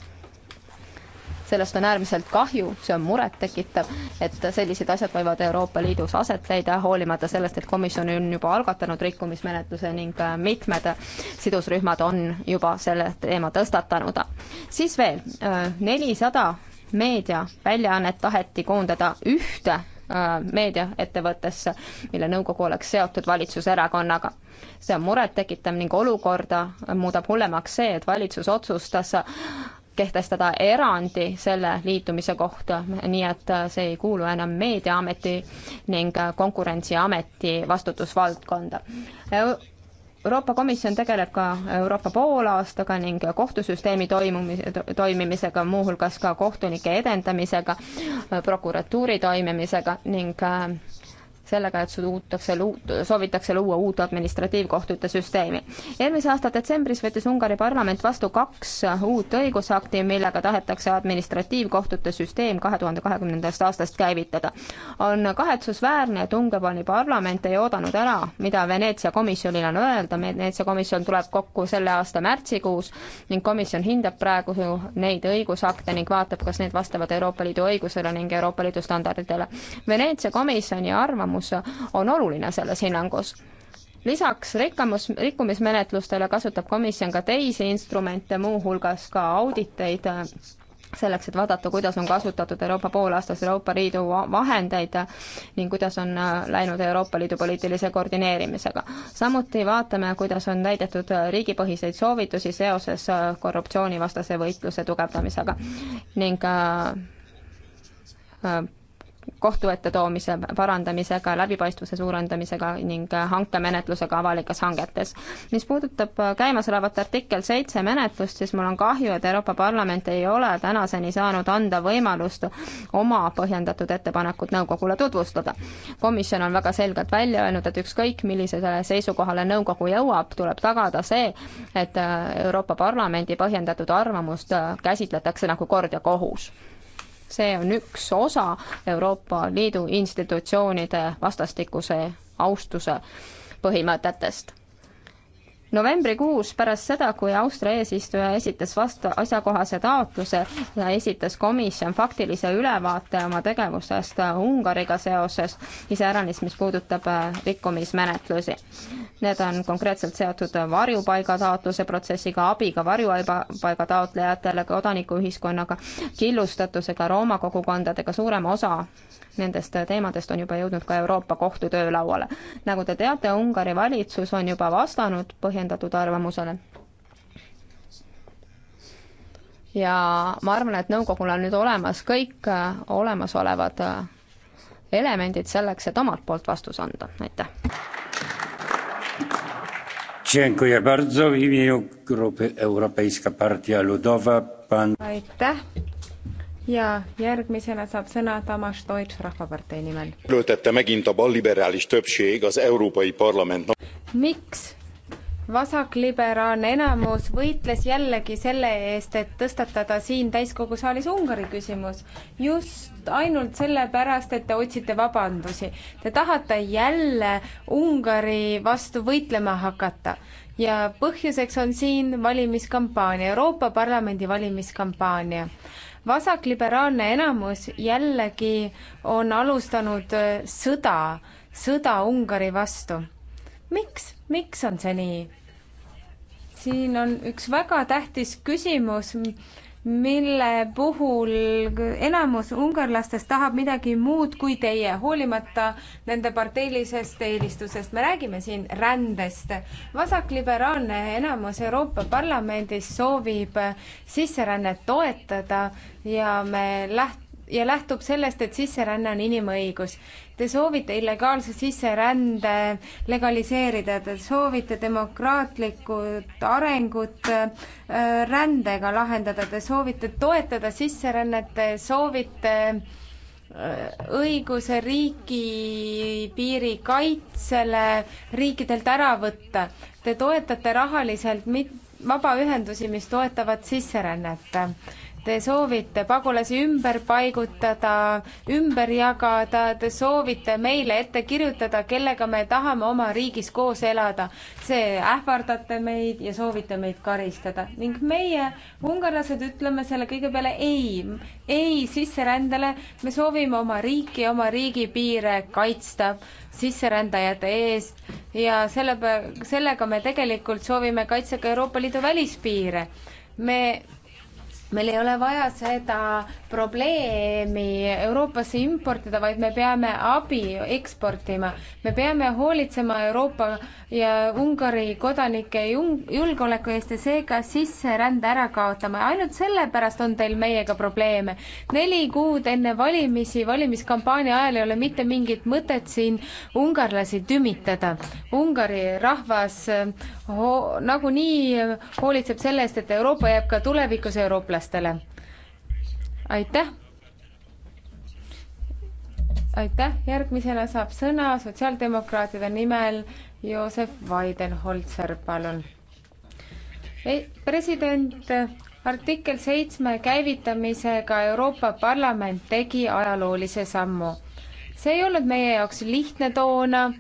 sellest on äärmiselt kahju, see on murettekitav, et sellised asjad võivad Euroopa Liidus aset leida, hoolimata sellest, et komisjon on juba algatanud rikkumismenetluse ning äh, mitmed sidusrühmad on juba selle teema tõstatanud. siis veel, äh, nelisada meediaväljaannet taheti koondada ühte äh, meediaettevõttesse, mille nõukogu oleks seotud valitsuserakonnaga. see on murettekitav ning olukorda muudab hullemaks see, et valitsus otsustas kehtestada erandi selle liitumise kohta, nii et see ei kuulu enam Meediaameti ning Konkurentsiameti vastutusvaldkonda. Euroopa Komisjon tegeleb ka Euroopa poolaastaga ning kohtusüsteemi toimumise, toimimisega, muuhulgas ka kohtunike edendamisega, prokuratuuri toimimisega ning äh, sellega, et suutakse luut-, soovitakse luua uut administratiivkohtute süsteemi. eelmise aasta detsembris võttis Ungari parlament vastu kaks uut õigusakti, millega tahetakse administratiivkohtute süsteem kahe tuhande kahekümnendast aastast käivitada. on kahetsusväärne, et Ungari parlament ei oodanud ära, mida Veneetsia komisjonil on öelda, Veneetsia komisjon tuleb kokku selle aasta märtsikuus ning komisjon hindab praegu neid õigusakte ning vaatab, kas need vastavad Euroopa Liidu õigusele ning Euroopa Liidu standarditele. Veneetsia komisjoni arvamus küsimus on oluline selles hinnangus lisaks rikkamus, rikkumismenetlustele kasutab komisjon ka teisi instrumente, muuhulgas ka auditeid, äh, selleks, et vaadata, kuidas on kasutatud Euroopa poolaastas Euroopa Liidu vahendeid ning kuidas on äh, läinud Euroopa Liidu poliitilise koordineerimisega. samuti vaatame, kuidas on täidetud riigipõhiseid soovitusi seoses äh, korruptsioonivastase võitluse tugevdamisega ning kohtu ette toomise parandamisega, läbipaistvuse suurendamisega ning äh, hankemenetlusega avalikes hangetes. mis puudutab äh, käimasolevat artikkel seitse menetlust, siis mul on kahju, et Euroopa Parlament ei ole tänaseni saanud anda võimalust oma põhjendatud ettepanekut nõukogule tutvustada. komisjon on väga selgelt välja öelnud, et ükskõik, millisele seisukohale nõukogu jõuab, tuleb tagada see, et äh, Euroopa Parlamendi põhjendatud arvamust käsitletakse nagu kord ja kohus see on üks osa Euroopa Liidu institutsioonide vastastikuse austuse põhimõtetest novembrikuus pärast seda, kui Austria eesistuja esitas vastu asjakohase taotluse ja esitas komisjon faktilise ülevaate oma tegevusest äh, Ungariga seoses, iseäranis, mis puudutab äh, rikkumismenetlusi. Need on konkreetselt seotud varjupaiga taotluse protsessiga, abiga varjupaiga taotlejatele, kodanikuühiskonnaga, killustatusega, Rooma kogukondadega, suurema osa nendest teemadest on juba jõudnud ka Euroopa Kohtu töölauale. nagu te teate, Ungari valitsus on juba vastanud põhjendatud arvamusele. ja ma arvan, et nõukogul on nüüd olemas kõik äh, olemasolevad äh, elemendid selleks, et omalt poolt vastus anda, aitäh. Dziękuję bardzo w imieniu grupy Europejska Partia Ludowa pan... aitäh ja järgmisena saab sõna Tamas Deutsch Rahvapartei nimel. miks vasakliberaalne enamus võitles jällegi selle eest, et tõstatada siin täiskogu saalis Ungari küsimus. just ainult sellepärast, et te otsite vabandusi. Te tahate jälle Ungari vastu võitlema hakata ja põhjuseks on siin valimiskampaania, Euroopa Parlamendi valimiskampaania vasakliberaalne enamus jällegi on alustanud äh, sõda, sõda Ungari vastu. miks, miks on see nii? siin on üks väga tähtis küsimus, mille puhul enamus ungarlastest tahab midagi muud kui teie, hoolimata nende parteilisest eelistusest. me räägime siin rändest. vasakliberaalne enamus Euroopa Parlamendis soovib sisserännet toetada ja me läht-, ja lähtub sellest, et sisseränne on inimõigus. Te soovite illegaalse sisserände legaliseerida, te soovite demokraatlikud arengud äh, rändega lahendada, te soovite toetada sisserännet, te soovite äh, õiguse riigi piiri kaitsele riikidelt ära võtta. Te toetate rahaliselt mit-, vabaühendusi, mis toetavad sisserännet Te soovite pagulasi ümber paigutada, ümber jagada, te soovite meile ette kirjutada, kellega me tahame oma riigis koos elada. see ähvardate meid ja soovite meid karistada ning meie, ungarlased, ütleme selle kõige peale ei, ei sisserändele. me soovime oma riiki, oma riigipiire kaitsta sisserändajate eest ja selle, sellega me tegelikult soovime kaitsta ka Euroopa Liidu välispiire. me meil ei ole vaja seda probleemi Euroopasse importida, vaid me peame abi eksportima. me peame hoolitsema Euroopa ja Ungari kodanike julgeoleku eest ja seega sisserände ära kaotama. ainult sellepärast on teil meiega probleeme. neli kuud enne valimisi, valimiskampaania ajal ei ole mitte mingit mõtet siin ungarlasi tümitada. Ungari rahvas eh, ho nagunii hoolitseb selle eest, et Euroopa jääb ka tulevikus eurooplastele eurooplastele. aitäh! aitäh, järgmisena saab sõna sotsiaaldemokraatide nimel Joosef Weidenholzer, palun. president, artikkel seitsme käivitamisega Euroopa Parlament tegi ajaloolise sammu. see ei olnud meie jaoks lihtne toona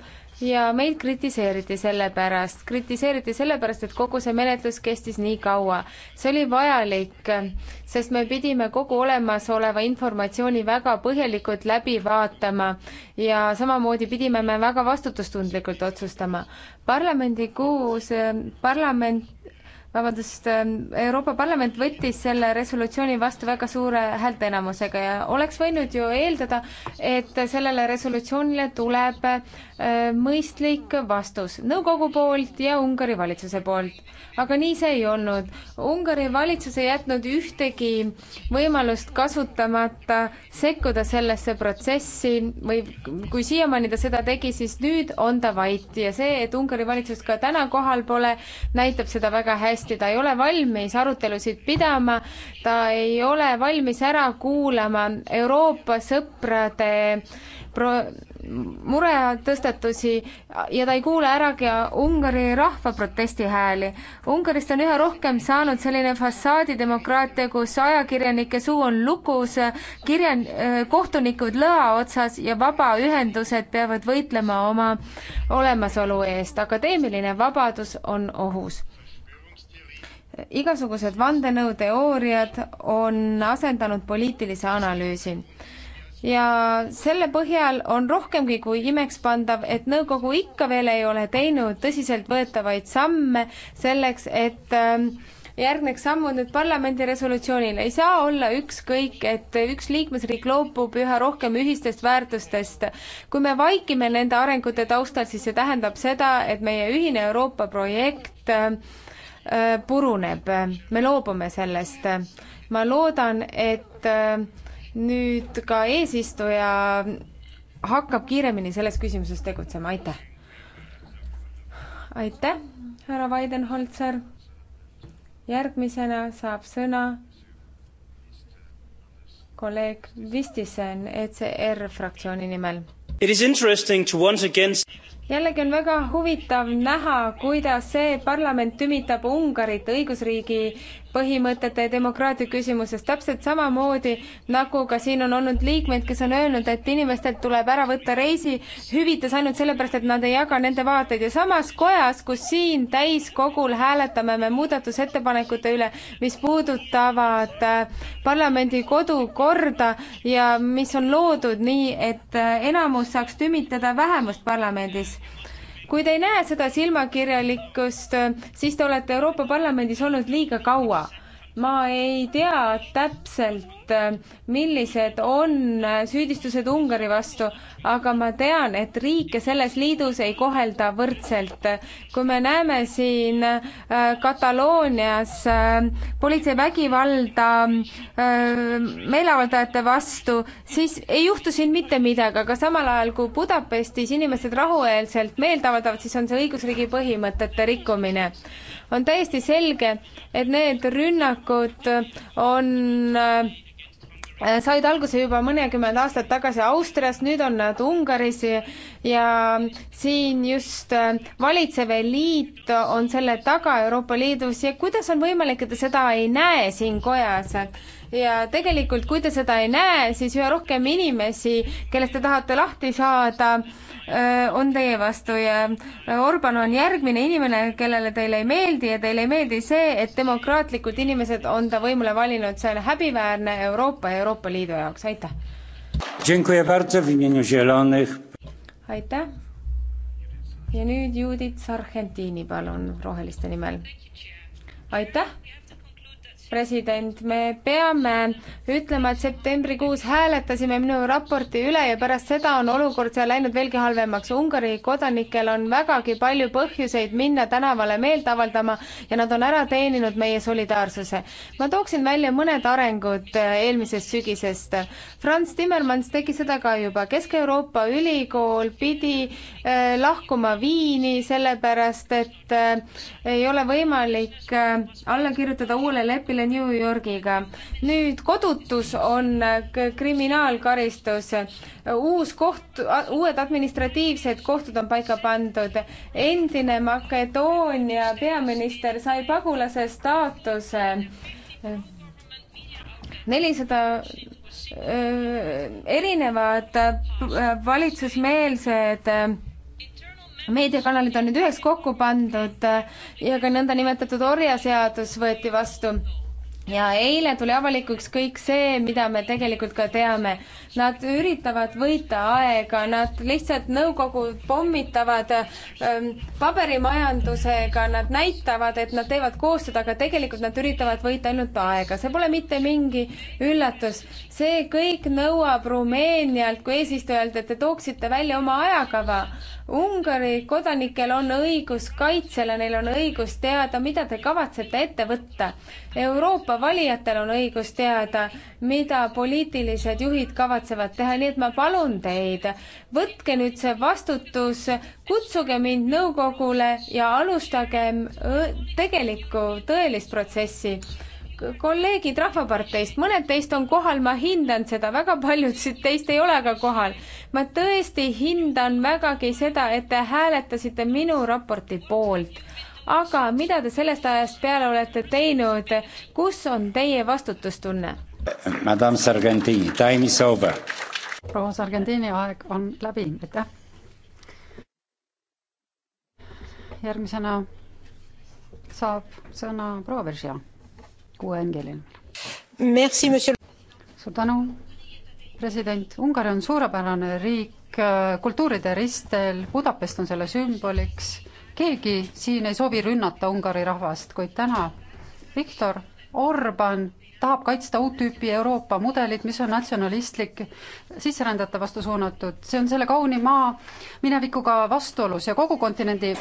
ja meid kritiseeriti selle pärast, kritiseeriti selle pärast, et kogu see menetlus kestis nii kaua. see oli vajalik, sest me pidime kogu olemasoleva informatsiooni väga põhjalikult läbi vaatama ja samamoodi pidime me väga vastutustundlikult otsustama. parlamendi kuus, parlament vabandust, ähm, Euroopa Parlament võttis selle resolutsiooni vastu väga suure häälteenamusega ja oleks võinud ju eeldada, et sellele resolutsioonile tuleb äh, mõistlik vastus nõukogu poolt ja Ungari valitsuse poolt. aga nii see ei olnud. Ungari valitsus ei jätnud ühtegi võimalust kasutamata sekkuda sellesse protsessi või kui siiamaani ta seda tegi, siis nüüd on ta vait ja see, et Ungari valitsus ka täna kohal pole, näitab seda väga hästi uuesti, ta ei ole valmis arutelusid pidama, ta ei ole valmis ära kuulama Euroopa sõprade pro-, muretõstatusi ja ta ei kuule ära ka Ungari rahva protestihääli. Ungarist on üha rohkem saanud selline fassaadidemokraatia, kus ajakirjanike suu on lukus, kirjan-, kohtunikud lõa otsas ja vabaühendused peavad võitlema oma olemasolu eest. akadeemiline vabadus on ohus igasugused vandenõuteooriad on asendanud poliitilise analüüsi ja selle põhjal on rohkemgi kui imekspandav, et nõukogu ikka veel ei ole teinud tõsiseltvõetavaid samme selleks, et ähm, järgneks sammud nüüd parlamendi resolutsioonile. ei saa olla ükskõik, et üks liikmesriik loobub üha rohkem ühistest väärtustest. kui me vaikime nende arengute taustal, siis see tähendab seda, et meie ühine Euroopa projekt äh, Äh, puruneb. me loobume sellest. ma loodan, et äh, nüüd ka eesistuja hakkab kiiremini selles küsimuses tegutsema, aitäh! aitäh, härra Weidenholzer! järgmisena saab sõna kolleeg Vistisen ECR fraktsiooni nimel. It is interesting to once again jällegi on väga huvitav näha, kuidas see parlament tümitab Ungarit õigusriigi põhimõtete ja demokraatia küsimuses, täpselt samamoodi nagu ka siin on olnud liikmeid, kes on öelnud, et inimestelt tuleb ära võtta reisihüvitis ainult sellepärast, et nad ei jaga nende vaateid ja samas kojas, kus siin täiskogul hääletame me muudatusettepanekute üle, mis puudutavad äh, parlamendi kodukorda ja mis on loodud nii, et äh, enamus saaks tümitada vähemust parlamendis kui te ei näe seda silmakirjalikkust, siis te olete Euroopa Parlamendis olnud liiga kaua. ma ei tea täpselt, et äh, millised on äh, süüdistused Ungari vastu, aga ma tean, et riike selles liidus ei kohelda võrdselt. kui me näeme siin äh, Kataloonias politsei vägivalda meeleavaldajate vastu, siis ei juhtu siin mitte midagi, aga samal ajal, kui Budapestis inimesed rahumeelselt meelt avaldavad, siis on see õigusriigi põhimõtete rikkumine on täiesti selge, et need rünnakud on Äh, said alguse juba mõnikümmend aastat tagasi Austrias, nüüd on nad Ungaris ja siin just äh, valitsev eliit on selle taga Euroopa Liidus ja kuidas on võimalik, et te seda ei näe siin kojas? ja tegelikult, kui te seda ei näe, siis üha rohkem inimesi, kellest te tahate lahti saada, on teie vastu ja Orban on järgmine inimene, kellele teile ei meeldi ja teile ei meeldi see, et demokraatlikud inimesed on ta võimule valinud, see on häbiväärne Euroopa ja Euroopa Liidu jaoks, aitäh. aitäh. ja nüüd Judith Sargentini, palun, Roheliste nimel. aitäh president, me peame ütlema, et septembrikuus hääletasime minu raporti üle ja pärast seda on olukord seal läinud veelgi halvemaks. Ungari kodanikel on vägagi palju põhjuseid minna tänavale meelt avaldama ja nad on ära teeninud meie solidaarsuse. ma tooksin välja mõned arengud eelmisest sügisest. Franz Timmermans tegi seda ka juba, Kesk-Euroopa Ülikool pidi äh, lahkuma Viini, sellepärast et äh, ei ole võimalik äh, alla kirjutada uuele leppele meile New Yorgiga. nüüd kodutus on kriminaalkaristus. uus koht, uued administratiivsed kohtud on paika pandud. endine Makedoonia peaminister sai pagulase staatuse. nelisada erinevad äh, valitsusmeelsed äh, meediakanalid on nüüd üheks kokku pandud äh, ja ka nõndanimetatud orjaseadus võeti vastu ja eile tuli avalikuks kõik see, mida me tegelikult ka teame. Nad üritavad võita aega, nad lihtsalt nõukogu pommitavad ähm, paberimajandusega, nad näitavad, et nad teevad koostööd, aga tegelikult nad üritavad võita ainult aega. see pole mitte mingi üllatus. see kõik nõuab Rumeenialt kui eesistujalt, et te tooksite välja oma ajakava Ungari kodanikel on õigus kaitsele, neil on õigus teada, mida te kavatsete ette võtta. Euroopa valijatel on õigus teada, mida poliitilised juhid kavatsevad teha, nii et ma palun teid, võtke nüüd see vastutus, kutsuge mind nõukogule ja alustage äh, tegelikku tõelist protsessi kolleegid Rahvaparteist, mõned teist on kohal, ma hindan seda, väga paljud teist ei ole ka kohal. ma tõesti hindan vägagi seda, et te hääletasite minu raporti poolt. aga mida te sellest ajast peale olete teinud, kus on teie vastutustunne? Madame Sargentini, time is over. proua Sargentini aeg on läbi, aitäh. järgmisena saab sõna proua Veržia kuue Engelin. suur tänu, president. Ungari on suurepärane riik äh, kultuuride ristel, Budapest on selle sümboliks. keegi siin ei soovi rünnata Ungari rahvast, kuid täna Viktor Orban tahab kaitsta uut tüüpi Euroopa mudelit, mis on natsionalistlik, sisserändajate vastu suunatud. see on selle kauni maa minevikuga vastuolus ja kogu kontinendi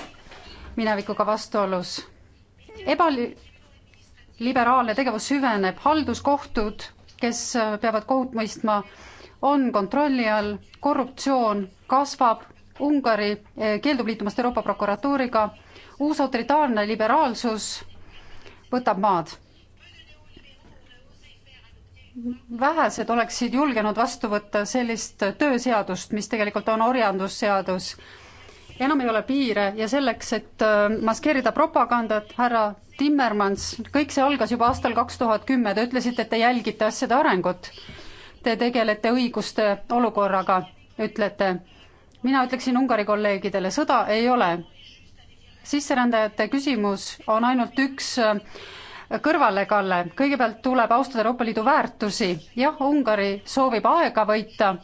minevikuga vastuolus. ebali-, liberaalne tegevus süveneb, halduskohtud, kes äh, peavad kohut mõistma, on kontrolli all, korruptsioon kasvab, Ungari äh, keeldub liitumast Euroopa prokuratuuriga, uus autoritaarne liberaalsus võtab maad. vähesed oleksid julgenud vastu võtta sellist tööseadust, mis tegelikult on orjandusseadus enam ei ole piire ja selleks, et äh, maskeerida propagandat, härra Timmermans, kõik see algas juba aastal kaks tuhat kümme, te ütlesite, et te jälgite asjade arengut. Te tegelete õiguste olukorraga, ütlete. mina ütleksin Ungari kolleegidele, sõda ei ole. sisserändajate küsimus on ainult üks äh, kõrvalekalle, kõigepealt tuleb austada Euroopa Liidu väärtusi, jah, Ungari soovib aega võita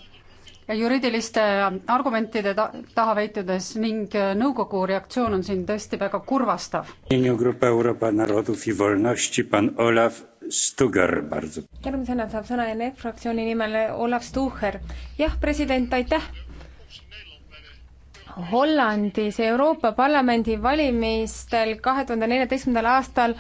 ja juriidiliste äh, argumentide ta taha veitudes ning äh, nõukogu reaktsioon on siin tõesti väga kurvastav. järgmisena saab sõna ENF fraktsiooni nimel Olav Stuhher. jah, president, aitäh Hollandis Euroopa Parlamendi valimistel kahe tuhande neljateistkümnendal aastal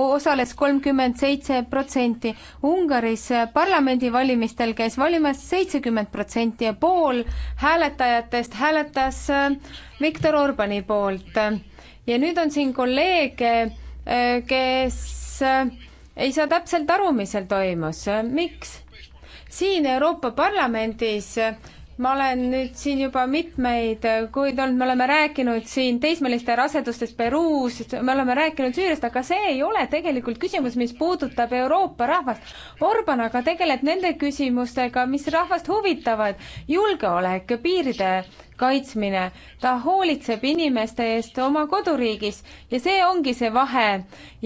osales kolmkümmend seitse protsenti. Ungaris parlamendivalimistel käis valimas seitsekümmend protsenti ja pool hääletajatest hääletas äh, Viktor Orbani poolt. ja nüüd on siin kolleege, äh, kes äh, ei saa täpselt aru, mis seal toimus, miks? siin Euroopa Parlamendis ma olen nüüd siin juba mitmeid kuid olnud, me oleme rääkinud siin teismeliste rasedustest Peruus, me oleme rääkinud Süüriast, aga see ei ole tegelikult küsimus, mis puudutab Euroopa rahvast. Orban aga tegeleb nende küsimustega, mis rahvast huvitavad, julgeolek, piiride kaitsmine. ta hoolitseb inimeste eest oma koduriigis ja see ongi see vahe.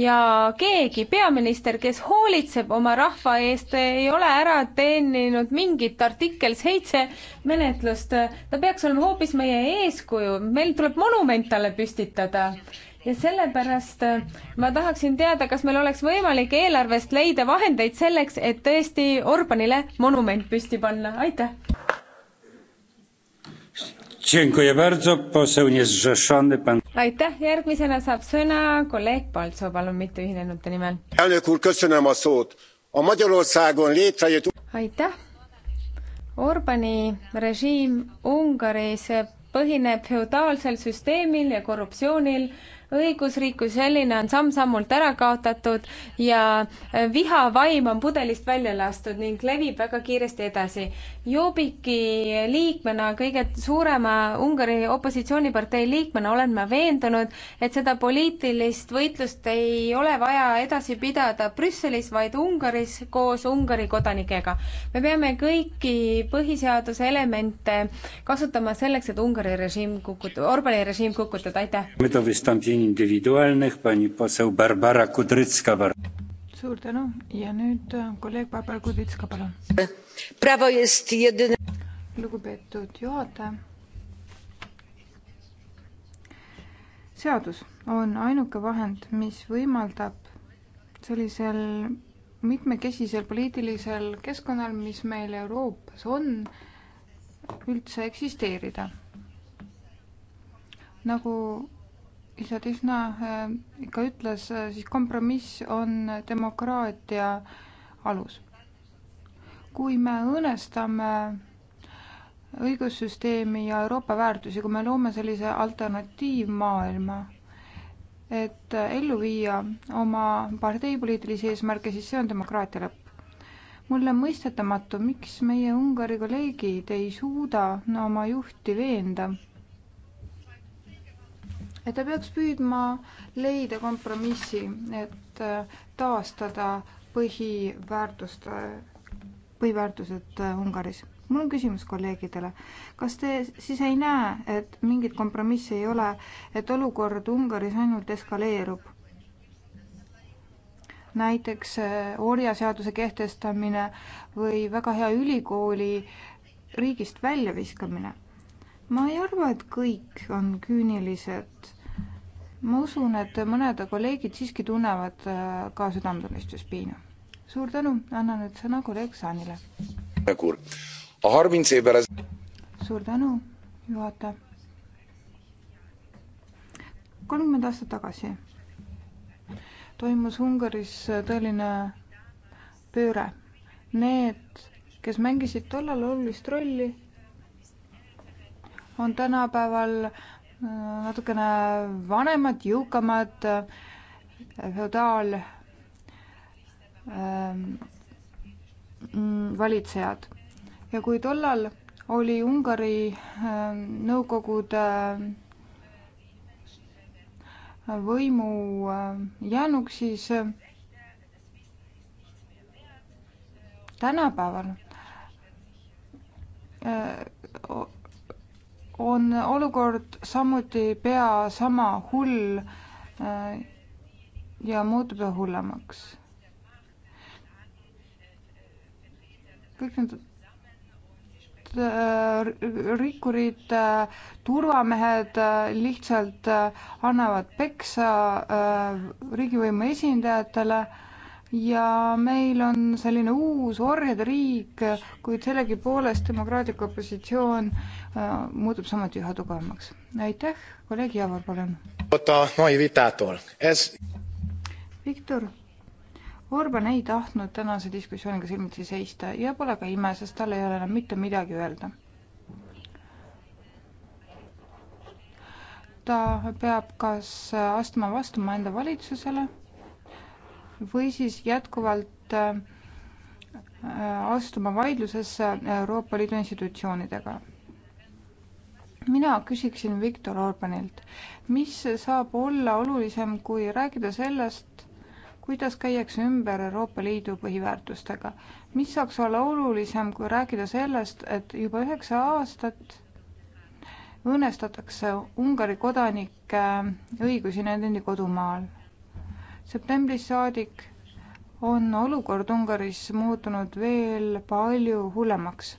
ja keegi peaminister, kes hoolitseb oma rahva eest, ei ole ära teeninud mingit artikkel seitse menetlust. ta peaks olema hoopis meie eeskuju, meil tuleb monument talle püstitada ja sellepärast ma tahaksin teada, kas meil oleks võimalik eelarvest leida vahendeid selleks, et tõesti Orbanile monument püsti panna, aitäh! aitäh, järgmisena saab sõna kolleeg Paltso, palun mitteühinenute nimel. aitäh. Orbani režiim Ungaris põhineb feodaalsel süsteemil ja korruptsioonil õigusriik kui selline on samm-sammult ära kaotatud ja äh, vihavaim on pudelist välja lastud ning levib väga kiiresti edasi. Jobiki liikmena, kõige suurema Ungari opositsioonipartei liikmena olen ma veendunud, et seda poliitilist võitlust ei ole vaja edasi pidada Brüsselis, vaid Ungaris koos Ungari kodanikega. me peame kõiki põhiseaduse elemente kasutama selleks, et Ungari režiim kukutada, Orbani režiim kukutada, aitäh! wystąpień indywidualnych. Pani poseł Barbara Kudrycka. Suur tänu ja nüüd äh, kolleeg Barbara Kudrytska, palun. Prawo jest jedyne. lugupeetud juhataja. seadus on ainuke vahend, mis võimaldab sellisel mitmekesisel poliitilisel keskkonnal, mis meil Euroopas on, üldse eksisteerida. nagu isad Isna äh, ikka ütles, äh, siis kompromiss on demokraatia alus. kui me õõnestame õigussüsteemi ja Euroopa väärtusi, kui me loome sellise alternatiivmaailma, et äh, ellu viia oma parteipoliitilisi eesmärke, siis see on demokraatia lõpp. mulle on mõistetamatu, miks meie Ungari kolleegid ei suuda no, oma juhti veenda et ta peaks püüdma leida kompromissi, et äh, taastada põhiväärtuste, äh, põhiväärtused äh, Ungaris. mul on küsimus kolleegidele, kas te siis ei näe, et mingit kompromissi ei ole, et olukord Ungaris ainult eskaleerub? näiteks orjaseaduse kehtestamine või väga hea ülikooli riigist väljaviskamine ma ei arva, et kõik on küünilised ma usun, et mõned kolleegid siiski tunnevad äh, ka südametunnistuspiina. suur tänu, annan nüüd sõna kolleeg Saanile. suur tänu, juhataja. kolmkümmend aastat tagasi toimus Ungaris tõeline pööre. Need, kes mängisid tollal olulist rolli, on tänapäeval äh, natukene vanemad, jõukamad, feodaal ähm, valitsejad. ja kui tollal oli Ungari ähm, Nõukogude äh, võimu äh, jäänuk, siis äh, tänapäeval on olukord samuti pea sama hull äh, ja muutub üha hullemaks. kõik need äh, rikkurid, äh, turvamehed lihtsalt annavad peksa riigivõimu esindajatele ja meil on selline uus orjade riik, kuid sellegipoolest demokraatlik opositsioon äh, muutub samuti üha tugevamaks. aitäh, kolleeg Javor, palun. oota, ma ei vita tool es.... Viktor, Orban ei tahtnud tänase diskussiooniga silmitsi seista ja pole ka ime, sest tal ei ole enam mitte midagi öelda. ta peab kas äh, astuma vastu omaenda valitsusele või siis jätkuvalt äh, astuma vaidlusesse Euroopa Liidu institutsioonidega. mina küsiksin Viktor Orbanilt, mis saab olla olulisem, kui rääkida sellest, kuidas käiakse ümber Euroopa Liidu põhiväärtustega. mis saaks olla olulisem, kui rääkida sellest, et juba üheksa aastat õõnestatakse Ungari kodanike õigusi nende endi kodumaal septembrist saadik on olukord Ungaris muutunud veel palju hullemaks.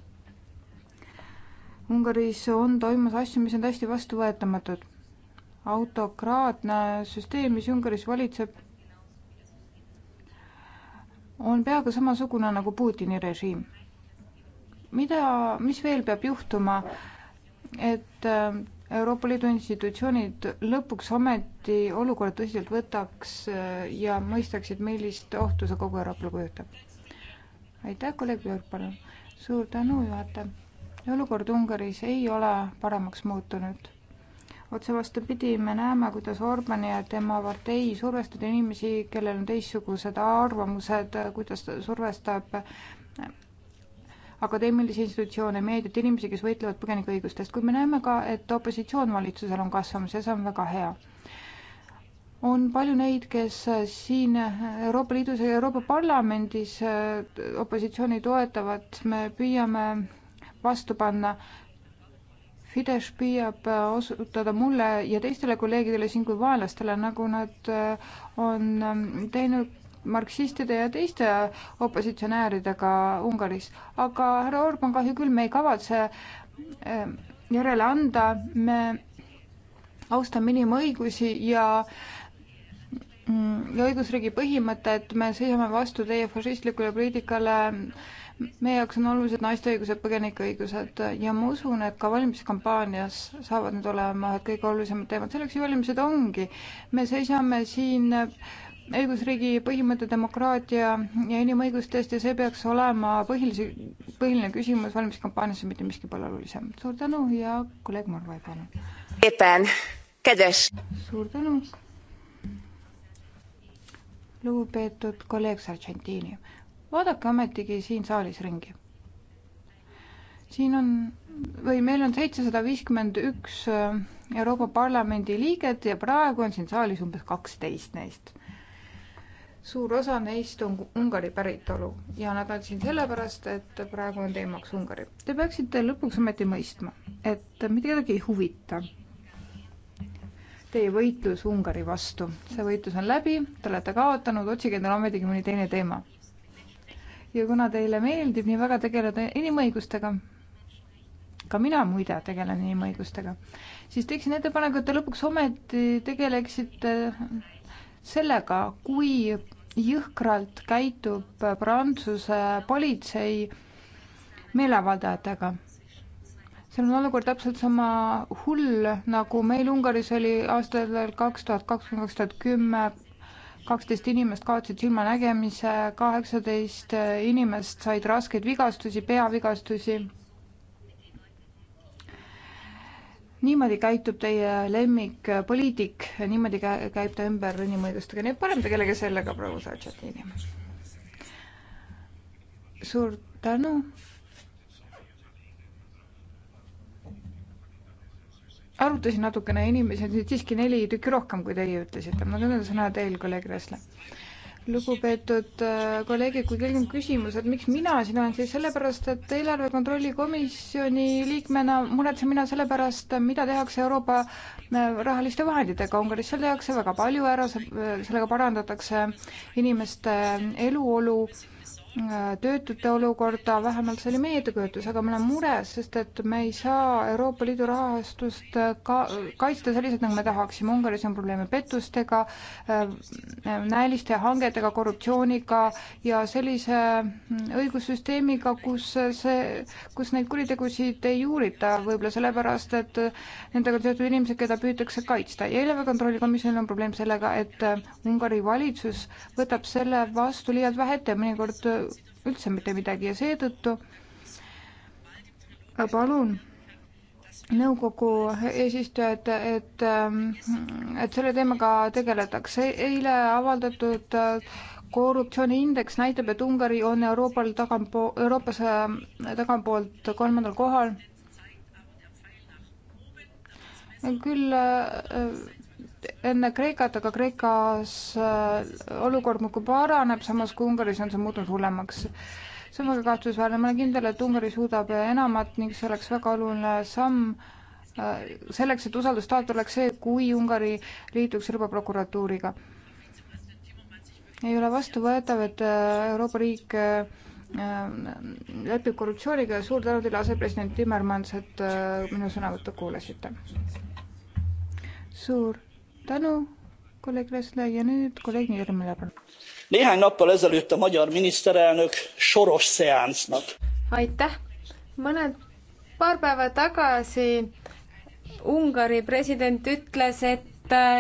Ungaris on toimumas asju, mis on täiesti vastuvõetamatud. autokraatne süsteem, mis Ungaris valitseb, on peaaegu samasugune nagu Putini režiim. mida, mis veel peab juhtuma, et äh, Euroopa Liidu institutsioonid lõpuks ometi olukorda tõsiselt võtaks äh, ja mõistaksid, millist ohtu see kogu Euroopale kujutab. aitäh, kolleeg Björk, palun. suur tänu, juhataja. olukord Ungaris ei ole paremaks muutunud. otse vastupidi, me näeme, kuidas Orbán ja tema partei survestab inimesi, kellel on teistsugused arvamused, kuidas ta survestab akadeemilisi institutsioone, meediat, inimesi, kes võitlevad põgenike õigustest, kuid me näeme ka, et opositsioon valitsusel on kasvamas ja see on väga hea. on palju neid, kes siin Euroopa Liidus ja Euroopa Parlamendis äh, opositsiooni toetavad, me püüame vastu panna Fidesz püüab äh, osutada mulle ja teistele kolleegidele siin kui vaenlastele, nagu nad äh, on ähm, teinud marksistide ja teiste opositsionääridega Ungaris, aga härra Orban, kahju küll, me ei kavatse ähm, järele anda, me austame inimõigusi ja mm, ja õigusriigi põhimõte, et me seisame vastu teie fašistlikule poliitikale, meie jaoks on olulised naiste õigused, põgenike õigused ja ma usun, et ka valimiskampaanias saavad need olema ühed kõige olulisemad teemad, selleks ju valimised ongi. me seisame siin äh, õigusriigi põhimõte, demokraatia ja inimõigustest ja see peaks olema põhilise, põhiline küsimus valimiskampaanias, mitte miski pole olulisem. suur tänu ja kolleeg Morvai, palun. suur tänu. lugupeetud kolleeg Sargentini, vaadake ometigi siin saalis ringi. siin on või meil on seitsesada viiskümmend üks Euroopa Parlamendi liiget ja praegu on siin saalis umbes kaksteist neist suur osa neist on Ungari päritolu ja nad on siin sellepärast, et praegu on teemaks Ungari. Te peaksite lõpuks ometi mõistma, et mitte kedagi ei huvita teie võitlus Ungari vastu. see võitlus on läbi, te olete kaotanud, otsige endale ometigi mõni teine teema. ja kuna teile meeldib nii väga tegeleda inimõigustega, ka mina muide tegelen inimõigustega, siis teeksin ettepaneku, et te lõpuks ometi tegeleksite sellega, kui jõhkralt käitub Prantsuse politsei meeleavaldajatega. seal on olukord täpselt sama hull, nagu meil Ungaris oli aastatel kaks tuhat kakskümmend, kaks tuhat kümme, kaksteist inimest kaotasid silmanägemise, kaheksateist inimest said raskeid vigastusi, peavigastusi niimoodi käitub teie lemmikpoliitik, niimoodi käib ta ümber inimõigustega, nii et parem tegelege sellega praegu, Sargentini. suur tänu. arutasin natukene, inimesi on siin siiski neli tükki rohkem, kui teie ütlesite, ma annan sõna teil, kolleeg Ressle lugupeetud äh, kolleegid, kui teil on küsimus, et miks mina siin olen, siis sellepärast, et eelarve kontrolli komisjoni liikmena muretsen mina selle pärast, mida tehakse Euroopa äh, rahaliste vahenditega Ungaris, seal tehakse väga palju ära, äh, sellega parandatakse inimeste eluolu töötute olukorda, vähemalt see oli meie ettekujutus, aga ma olen mures, sest et me ei saa Euroopa Liidu rahastust ka kaitsta selliselt, nagu me tahaksime. Ungaris on probleeme pettustega, äh, näiliste hangetega, korruptsiooniga ja sellise mm, õigussüsteemiga, kus see, kus neid kuritegusid ei uurita, võib-olla sellepärast, et nendega on seotud inimesed, keda püütakse kaitsta. ja eelarvekontrolli komisjonil on probleem sellega, et Ungari valitsus võtab selle vastu liialt vähe ette, mõnikord üldse mitte midagi ja seetõttu äh, palun nõukogu eesistujad, et, ähm, et selle teemaga tegeletakse. eile avaldatud äh, korruptsiooniindeks näitab, et Ungari on Euroopal tagampool, Euroopas äh, tagantpoolt kolmandal kohal. küll enne Kreekat, aga Kreekas äh, olukord muudkui paraneb, samas kui Ungaris on see muutunud hullemaks. see on väga kahtlusväärne, ma olen kindel, et Ungari suudab enamat ning see oleks väga oluline samm äh, selleks, et usaldustaat oleks see, kui Ungari liituks Euroopa prokuratuuriga. ei ole vastuvõetav, et äh, Euroopa riik lepib korruptsiooniga ja suur tänu teile, asepresident Timmermans, et minu sõnavõttu kuulasite. suur tänu, kolleeg Lesle ja nüüd kolleeg Nirmele. Néhány nappal ezelőtt a magyar miniszterelnök soros szeánsznak. Aitäh! Mõned paar päeva tagasi Ungari president ütles, et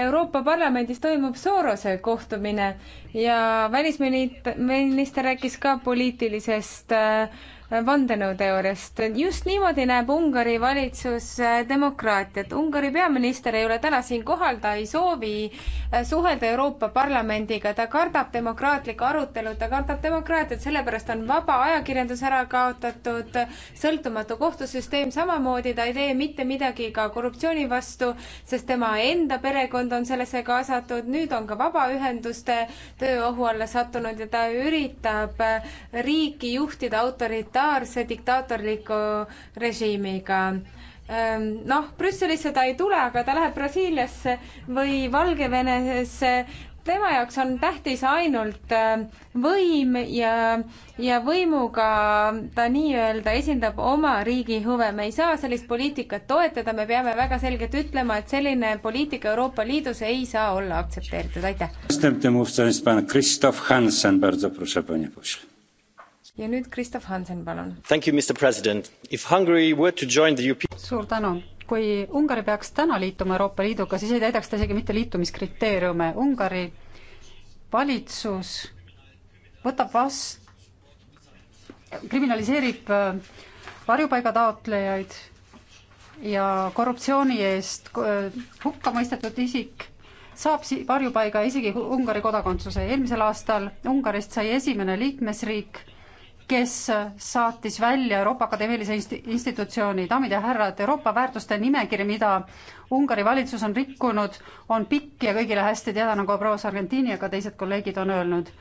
Euroopa Parlamendis toimub Sorose kohtumine ja välisminister rääkis ka poliitilisest äh, vandenõuteooriast. just niimoodi näeb Ungari valitsus äh, demokraatiat. Ungari peaminister ei ole täna siin kohal, ta ei soovi äh, suhelda Euroopa Parlamendiga, ta kardab demokraatlikku arutelu, ta kardab demokraatiat, sellepärast on vaba ajakirjandus ära kaotatud, sõltumatu kohtusüsteem samamoodi, ta ei tee mitte midagi ka korruptsiooni vastu, sest tema enda perekond on sellesse kaasatud, nüüd on ka vabaühenduste töö ohu alla sattunud ja ta üritab äh, riiki juhtida autoritaarselt autoritaarse diktaatorliku režiimiga ehm, noh, Brüsselisse ta ei tule, aga ta läheb Brasiiliasse või Valgevenesse. tema jaoks on tähtis ainult ehm, võim ja, ja võimuga ta nii-öelda esindab oma riigi huve. me ei saa sellist poliitikat toetada, me peame väga selgelt ütlema, et selline poliitika Euroopa Liidus ei saa olla aktsepteeritud, aitäh. Krzysztof Hansen, bardzo proszę, panie pośle ja nüüd Kristof Hansen, palun. suur tänu. kui Ungari peaks täna liituma Euroopa Liiduga, siis ei täidaks ta isegi mitte liitumiskriteeriume. Ungari valitsus võtab vastu, kriminaliseerib äh, varjupaigataotlejaid ja korruptsiooni eest äh, hukka mõistetud isik saab si-, varjupaiga isegi Ungari kodakondsuse. eelmisel aastal Ungarist sai esimene liikmesriik kes saatis välja Euroopa Akadeemilise Institutsiooni. daamid ja härrad, Euroopa väärtuste nimekiri, mida Ungari valitsus on rikkunud, on pikk ja kõigile hästi teada, nagu proua Sargentini ja ka teised kolleegid on öelnud.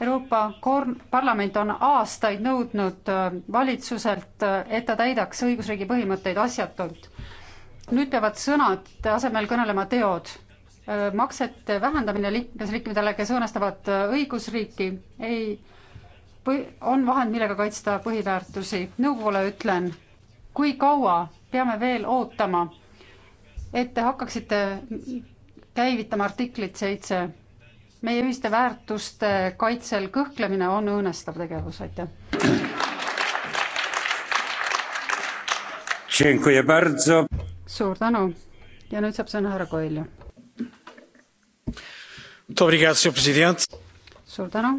Euroopa korn-, parlament on aastaid nõudnud äh, valitsuselt, äh, et ta täidaks õigusriigi põhimõtteid asjatult. nüüd peavad sõnade asemel kõnelema teod äh, maksete vähendamine liikmesriikidele, kes õõnestavad õigusriiki, ei on vahend, millega kaitsta põhiväärtusi. nõukogule ütlen, kui kaua peame veel ootama, et te hakkaksite käivitama artiklit seitse. meie ühiste väärtuste kaitsel kõhklemine on õõnestav tegevus, aitäh. suur tänu ja nüüd saab sõna härra Koilju suur tänu.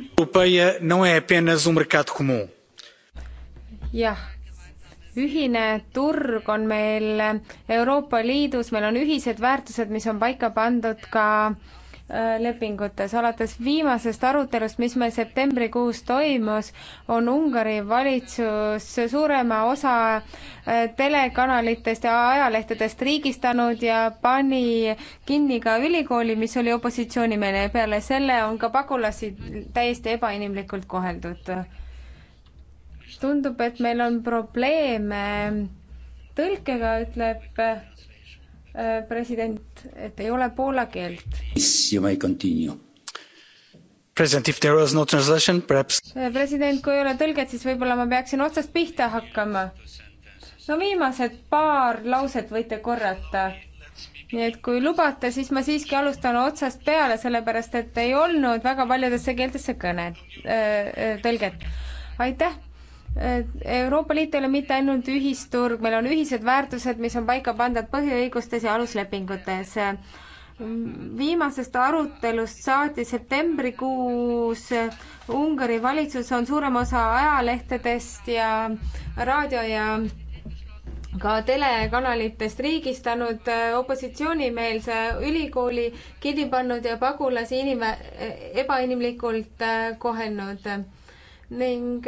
Um jah, ühine turg on meil Euroopa Liidus, meil on ühised väärtused, mis on paika pandud ka äh, lepingutes. alates viimasest arutelust, mis meil septembrikuus toimus, on Ungari valitsus suurema osa äh, telekanalitest ja ajalehtedest riigistanud ja pani kinni ka ülikooli, mis oli opositsioonimeelne ja peale selle on ka pagulasi täiesti ebainimlikult koheldud. tundub, et meil on probleeme tõlkega, ütleb Äh, president, et ei ole poola keelt. president, if there was no translation, perhaps. Äh, president, kui ei ole tõlget, siis võib-olla ma peaksin otsast pihta hakkama. no viimased paar lauset võite korrata nii et kui lubate, siis ma siiski alustan otsast peale, sellepärast et ei olnud väga paljudesse keeltesse kõne, äh, tõlget. aitäh Euroopa Liit ei ole mitte ainult ühisturg, meil on ühised väärtused, mis on paika pandud põhiõigustes ja aluslepingutes. viimasest arutelust saati septembrikuus Ungari valitsus on suurem osa ajalehtedest ja raadio ja ka telekanalitest riigistanud opositsioonimeelse ülikooli kinni pannud ja pagulasi inim-, ebainimlikult kohelnud ning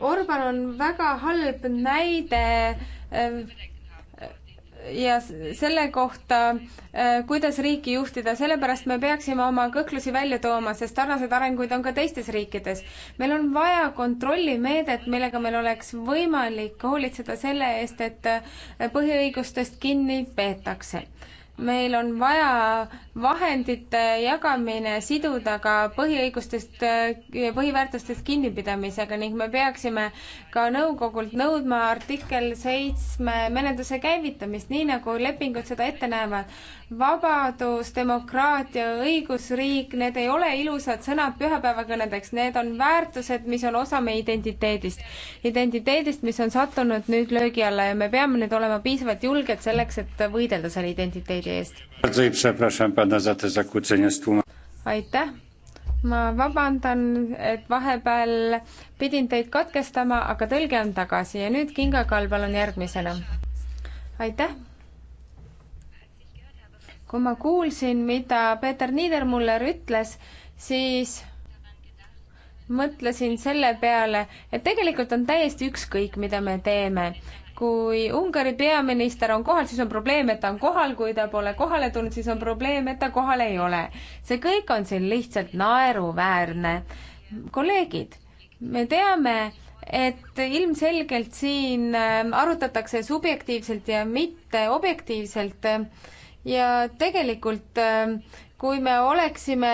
Orban on väga halb näide äh, ja selle kohta, äh, kuidas riiki juhtida, sellepärast me peaksime oma kõhklusi välja tooma, sest sarnaseid arenguid on ka teistes riikides. meil on vaja kontrollimeedet, millega meil oleks võimalik hoolitseda selle eest, et äh, põhiõigustest kinni peetakse meil on vaja vahendite jagamine siduda ka põhiõigustest ja äh, põhiväärtustest kinnipidamisega ning me peaksime ka nõukogult nõudma artikkel seitsme menetluse käivitamist, nii nagu lepingud seda ette näevad vabadus, demokraatia, õigusriik, need ei ole ilusad sõnad pühapäevakõnedeks, need on väärtused, mis on osa meie identiteedist. identiteedist, mis on sattunud nüüd löögi alla ja me peame nüüd olema piisavalt julged selleks, et võidelda selle identiteedi eest. aitäh, ma vabandan, et vahepeal pidin teid katkestama, aga tõlge on tagasi ja nüüd Kinga Kalbal on järgmisena. aitäh kui ma kuulsin, mida Peeter Niedermuller ütles, siis mõtlesin selle peale, et tegelikult on täiesti ükskõik, mida me teeme. kui Ungari peaminister on kohal, siis on probleem, et ta on kohal, kui ta pole kohale tulnud, siis on probleem, et ta kohal ei ole. see kõik on siin lihtsalt naeruväärne. kolleegid, me teame, et ilmselgelt siin ähm, arutatakse subjektiivselt ja mitte objektiivselt äh, ja tegelikult ähm, kui me oleksime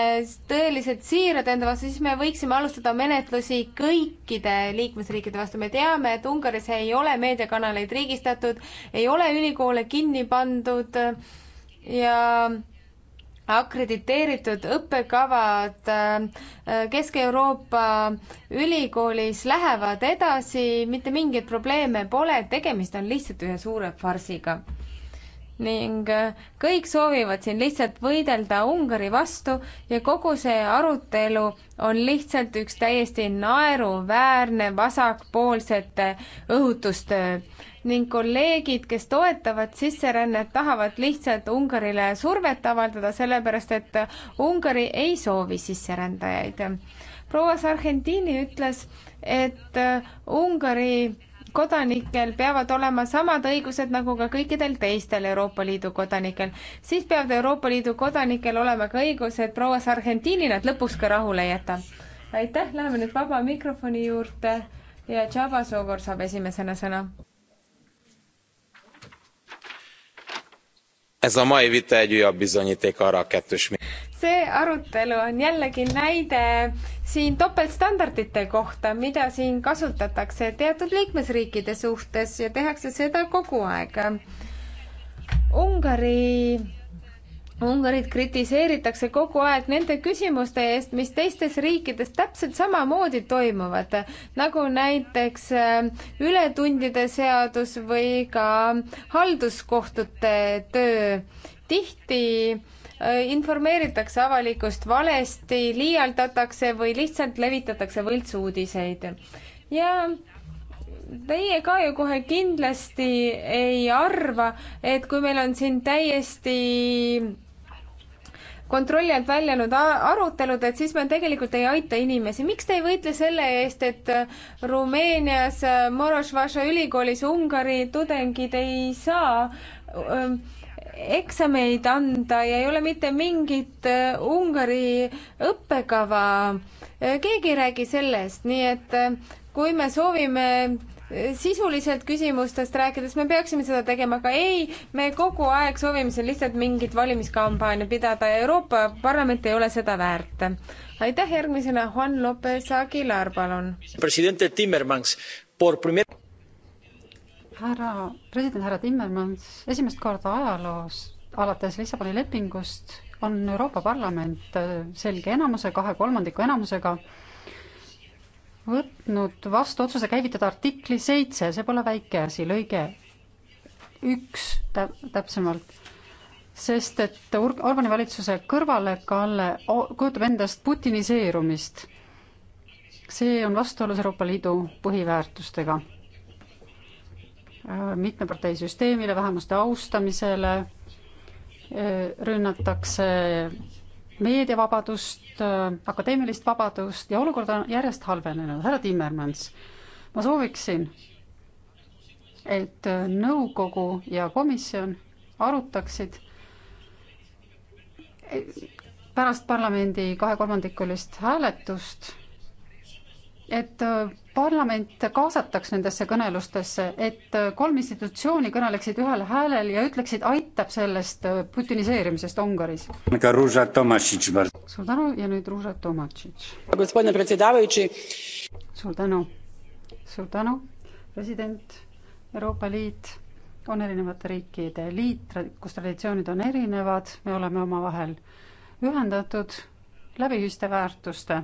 tõeliselt siirad enda vastu, siis me võiksime alustada menetlusi kõikide liikmesriikide vastu. me teame, et Ungaris ei ole meediakanaleid riigistatud, ei ole ülikoole kinni pandud ja akrediteeritud õppekavad ähm, Kesk-Euroopa ülikoolis lähevad edasi, mitte mingeid probleeme pole, tegemist on lihtsalt ühe suure farsiga ning äh, kõik soovivad siin lihtsalt võidelda Ungari vastu ja kogu see arutelu on lihtsalt üks täiesti naeruväärne vasakpoolsete õhutustöö ning kolleegid, kes toetavad sisserännet, tahavad lihtsalt Ungarile survet avaldada, sellepärast et Ungari ei soovi sisserändajaid. proua Sargentini ütles, et Ungari kodanikel peavad olema samad õigused nagu ka kõikidel teistel Euroopa Liidu kodanikel. siis peavad Euroopa Liidu kodanikel olema ka õigused proua Sargentinina, et lõpuks ka rahule jätta. aitäh, läheme nüüd vaba mikrofoni juurde ja Tšaba Soogor saab esimesena sõna Ez a mai vita egy újabb bizonyíték arra a kettős see arutelu on jällegi näide siin topeltstandardite kohta, mida siin kasutatakse teatud liikmesriikide suhtes ja tehakse seda kogu aeg. Ungari Ungarit kritiseeritakse kogu aeg nende küsimuste eest, mis teistes riikides täpselt samamoodi toimuvad, nagu näiteks äh, ületundide seadus või ka halduskohtute töö. tihti äh, informeeritakse avalikkust valesti, liialdatakse või lihtsalt levitatakse võltsuudiseid. ja teie ka ju kohe kindlasti ei arva, et kui meil on siin täiesti kontrolli alt välja nüüd arutelud, et siis me tegelikult ei aita inimesi. miks te ei võitle selle eest, et äh, Rumeenias äh, Morošvaša ülikoolis Ungari tudengid ei saa ähm, eksameid anda ja ei ole mitte mingit äh, Ungari õppekava. keegi ei räägi sellest, nii et kui me soovime sisuliselt küsimustest rääkides me peaksime seda tegema, aga ei, me kogu aeg soovime siin lihtsalt mingit valimiskampaania pidada ja Euroopa Parlament ei ole seda väärt. aitäh, järgmisena Juan Lopez Aguilar, palun. president Timmermans, por primer härra, president härra Timmermans, esimest korda ajaloos alates Lissaboni lepingust on Euroopa Parlament selge enamuse, kahe kolmandiku enamusega võtnud vastu otsuse käivitada artikli seitse, see pole väike asi, lõige üks täp-, täpsemalt, sest et Ur-, Orbani valitsuse kõrvalekalle kujutab endast putiniseerumist. see on vastuolus Euroopa Liidu põhiväärtustega, äh, mitmeparteisüsteemile, vähemuste austamisele, äh, rünnatakse meediavabadust, äh, akadeemilist vabadust ja olukord on järjest halvenenud. härra Timmermans, ma sooviksin, et äh, nõukogu ja komisjon arutaksid äh, pärast parlamendi kahekolmandikulist hääletust, et parlament kaasataks nendesse kõnelustesse, et kolm institutsiooni kõneleksid ühel häälel ja ütleksid, aitab sellest putiniseerimisest Ungaris. suur tänu ja nüüd Ruža Tomatšitš. suur tänu, suur tänu, president, Euroopa Liit on erinevate riikide liit, kus traditsioonid on erinevad, me oleme omavahel ühendatud läbi ühiste väärtuste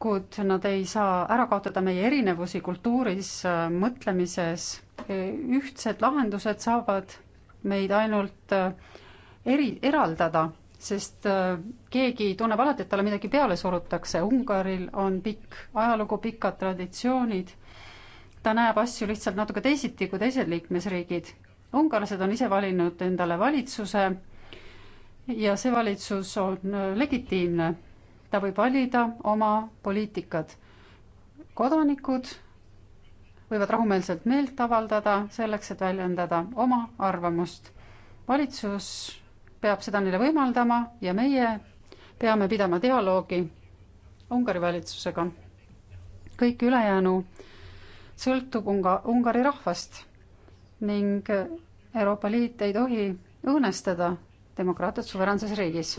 ühikud, nad ei saa ära kaotada meie erinevusi kultuuris, mõtlemises, ühtsed lahendused saavad meid ainult äh, eri, eraldada, sest äh, keegi tunneb alati, et talle midagi peale surutakse, Ungaril on pikk ajalugu, pikad traditsioonid, ta näeb asju lihtsalt natuke teisiti kui teised liikmesriigid. ungarlased on ise valinud endale valitsuse ja see valitsus on äh, legitiimne ta võib valida oma poliitikad. kodanikud võivad rahumeelselt meelt avaldada selleks, et väljendada oma arvamust. valitsus peab seda neile võimaldama ja meie peame pidama dialoogi Ungari valitsusega. kõik ülejäänu sõltub Unga-, Ungari rahvast ning Euroopa Liit ei tohi õõnestada demokraatiat suveräänses riigis.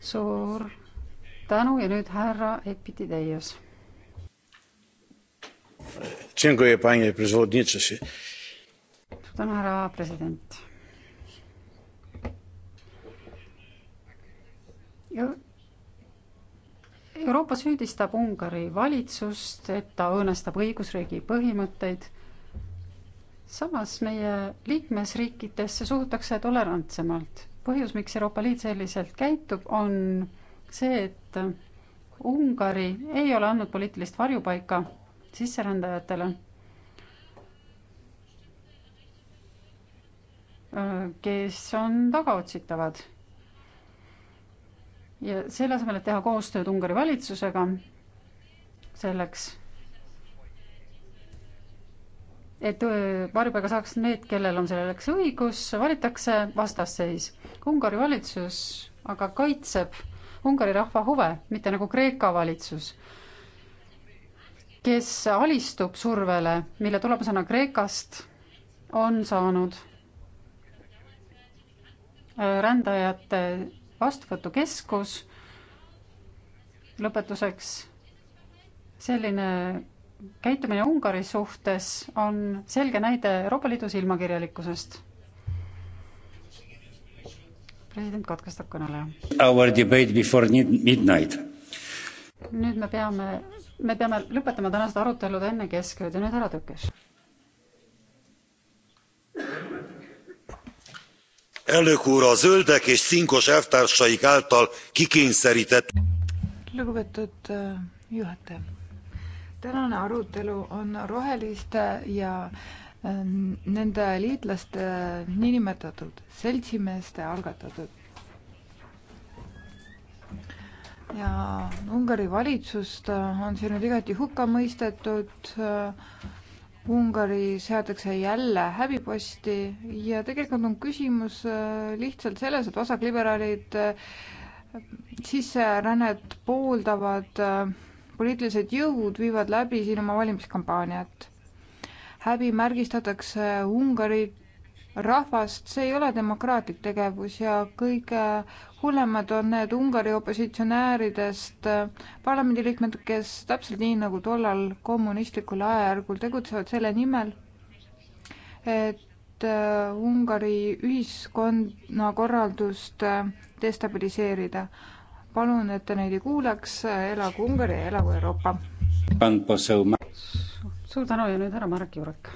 suur tänu ja nüüd härra Epitideios. suur tänu, härra president. Euroopa süüdistab Ungari valitsust, et ta õõnestab õigusriigi põhimõtteid. samas meie liikmesriikidesse suhtutakse tolerantsemalt. põhjus, miks Euroopa Liit selliselt käitub, on see, et Ungari ei ole andnud poliitilist varjupaika sisserändajatele, kes on tagaotsitavad. ja selle asemel, et teha koostööd Ungari valitsusega selleks, et äh, varjupaiga saaks need, kellel on selleks õigus, valitakse vastasseis. Ungari valitsus aga kaitseb Ungari rahva huve, mitte nagu Kreeka valitsus, kes alistub survele, mille tulemusena Kreekast on saanud äh, rändajate vastuvõtukeskus. lõpetuseks selline käitumine Ungari suhtes on selge näide Euroopa Liidu silmakirjalikkusest president katkestab kõneleja. Our debate before midnight. nüüd me peame, me peame lõpetama tänased arutelud enne keskööd ja nüüd härra Tõkes. elnök úr, a zöldek és szinkos elvtársaik által kikényszerített. lugupeetud eh, juhataja, tänane arutelu on roheliste ja äh, Ähm, nende liitlaste äh, niinimetatud seltsimeeste algatatud. ja Ungari valitsust äh, on siin nüüd igati hukka mõistetud. Äh, Ungari seatakse jälle häbiposti ja tegelikult on küsimus lihtsalt selles, et vasakliberaalid sisserännet pooldavad poliitilised jõud viivad läbi siin oma valimiskampaaniat häbimärgistatakse Ungari rahvast, see ei ole demokraatlik tegevus ja kõige hullemad on need Ungari opositsionääridest äh, parlamendiliikmed, kes täpselt nii nagu tollal kommunistlikul ajajärgul tegutsevad selle nimel, et äh, Ungari ühiskonnakorraldust äh, destabiliseerida. palun, et te neid ei kuulaks, elagu Ungari ja elagu Euroopa! suur tänu ja nüüd härra Marek Jurek.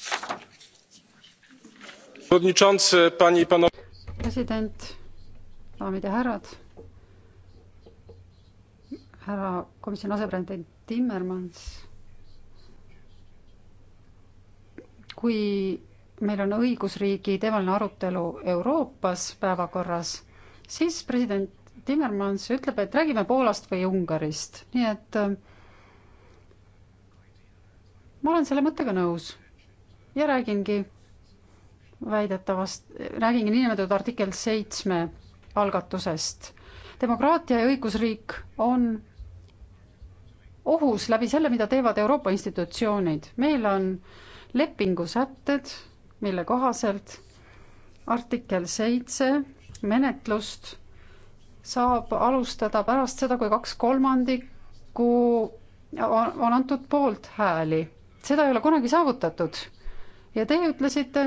president, daamid ja härrad, härra komisjoni asepresident Timmermans. kui meil on õigusriigi teemaline arutelu Euroopas päevakorras, siis president Timmermans ütleb, et räägime Poolast või Ungarist, nii et äh, ma olen selle mõttega nõus ja räägingi väidetavast, räägingi niinimetatud artikkel seitsme algatusest. demokraatia ja õigusriik on ohus läbi selle, mida teevad Euroopa institutsioonid. meil on lepingusätted, mille kohaselt artikkel seitse menetlust saab alustada pärast seda, kui kaks kolmandikku on, on antud poolthääli seda ei ole kunagi saavutatud. ja teie ütlesite,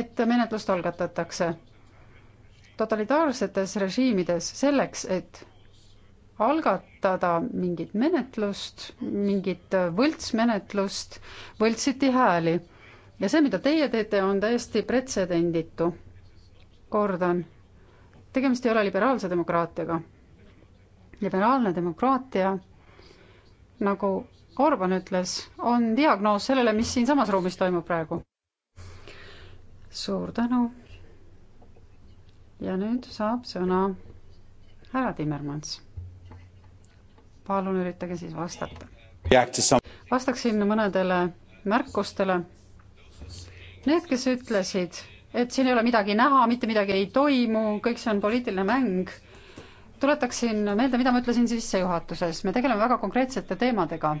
et menetlust algatatakse. totalitaarsetes režiimides selleks, et algatada mingit menetlust, mingit võltsmenetlust, võltsiti hääli. ja see, mida teie teete, on täiesti pretsedenditu. kordan, tegemist ei ole liberaalse demokraatiaga. liberaalne demokraatia, nagu Orban ütles, on diagnoos sellele, mis siinsamas ruumis toimub praegu. suur tänu. ja nüüd saab sõna härra Timmermans. palun üritage siis vastata. vastaksin mõnedele märkustele. Need, kes ütlesid, et siin ei ole midagi näha, mitte midagi ei toimu, kõik see on poliitiline mäng, tuletaksin meelde, mida ma ütlesin sissejuhatuses, me tegeleme väga konkreetsete teemadega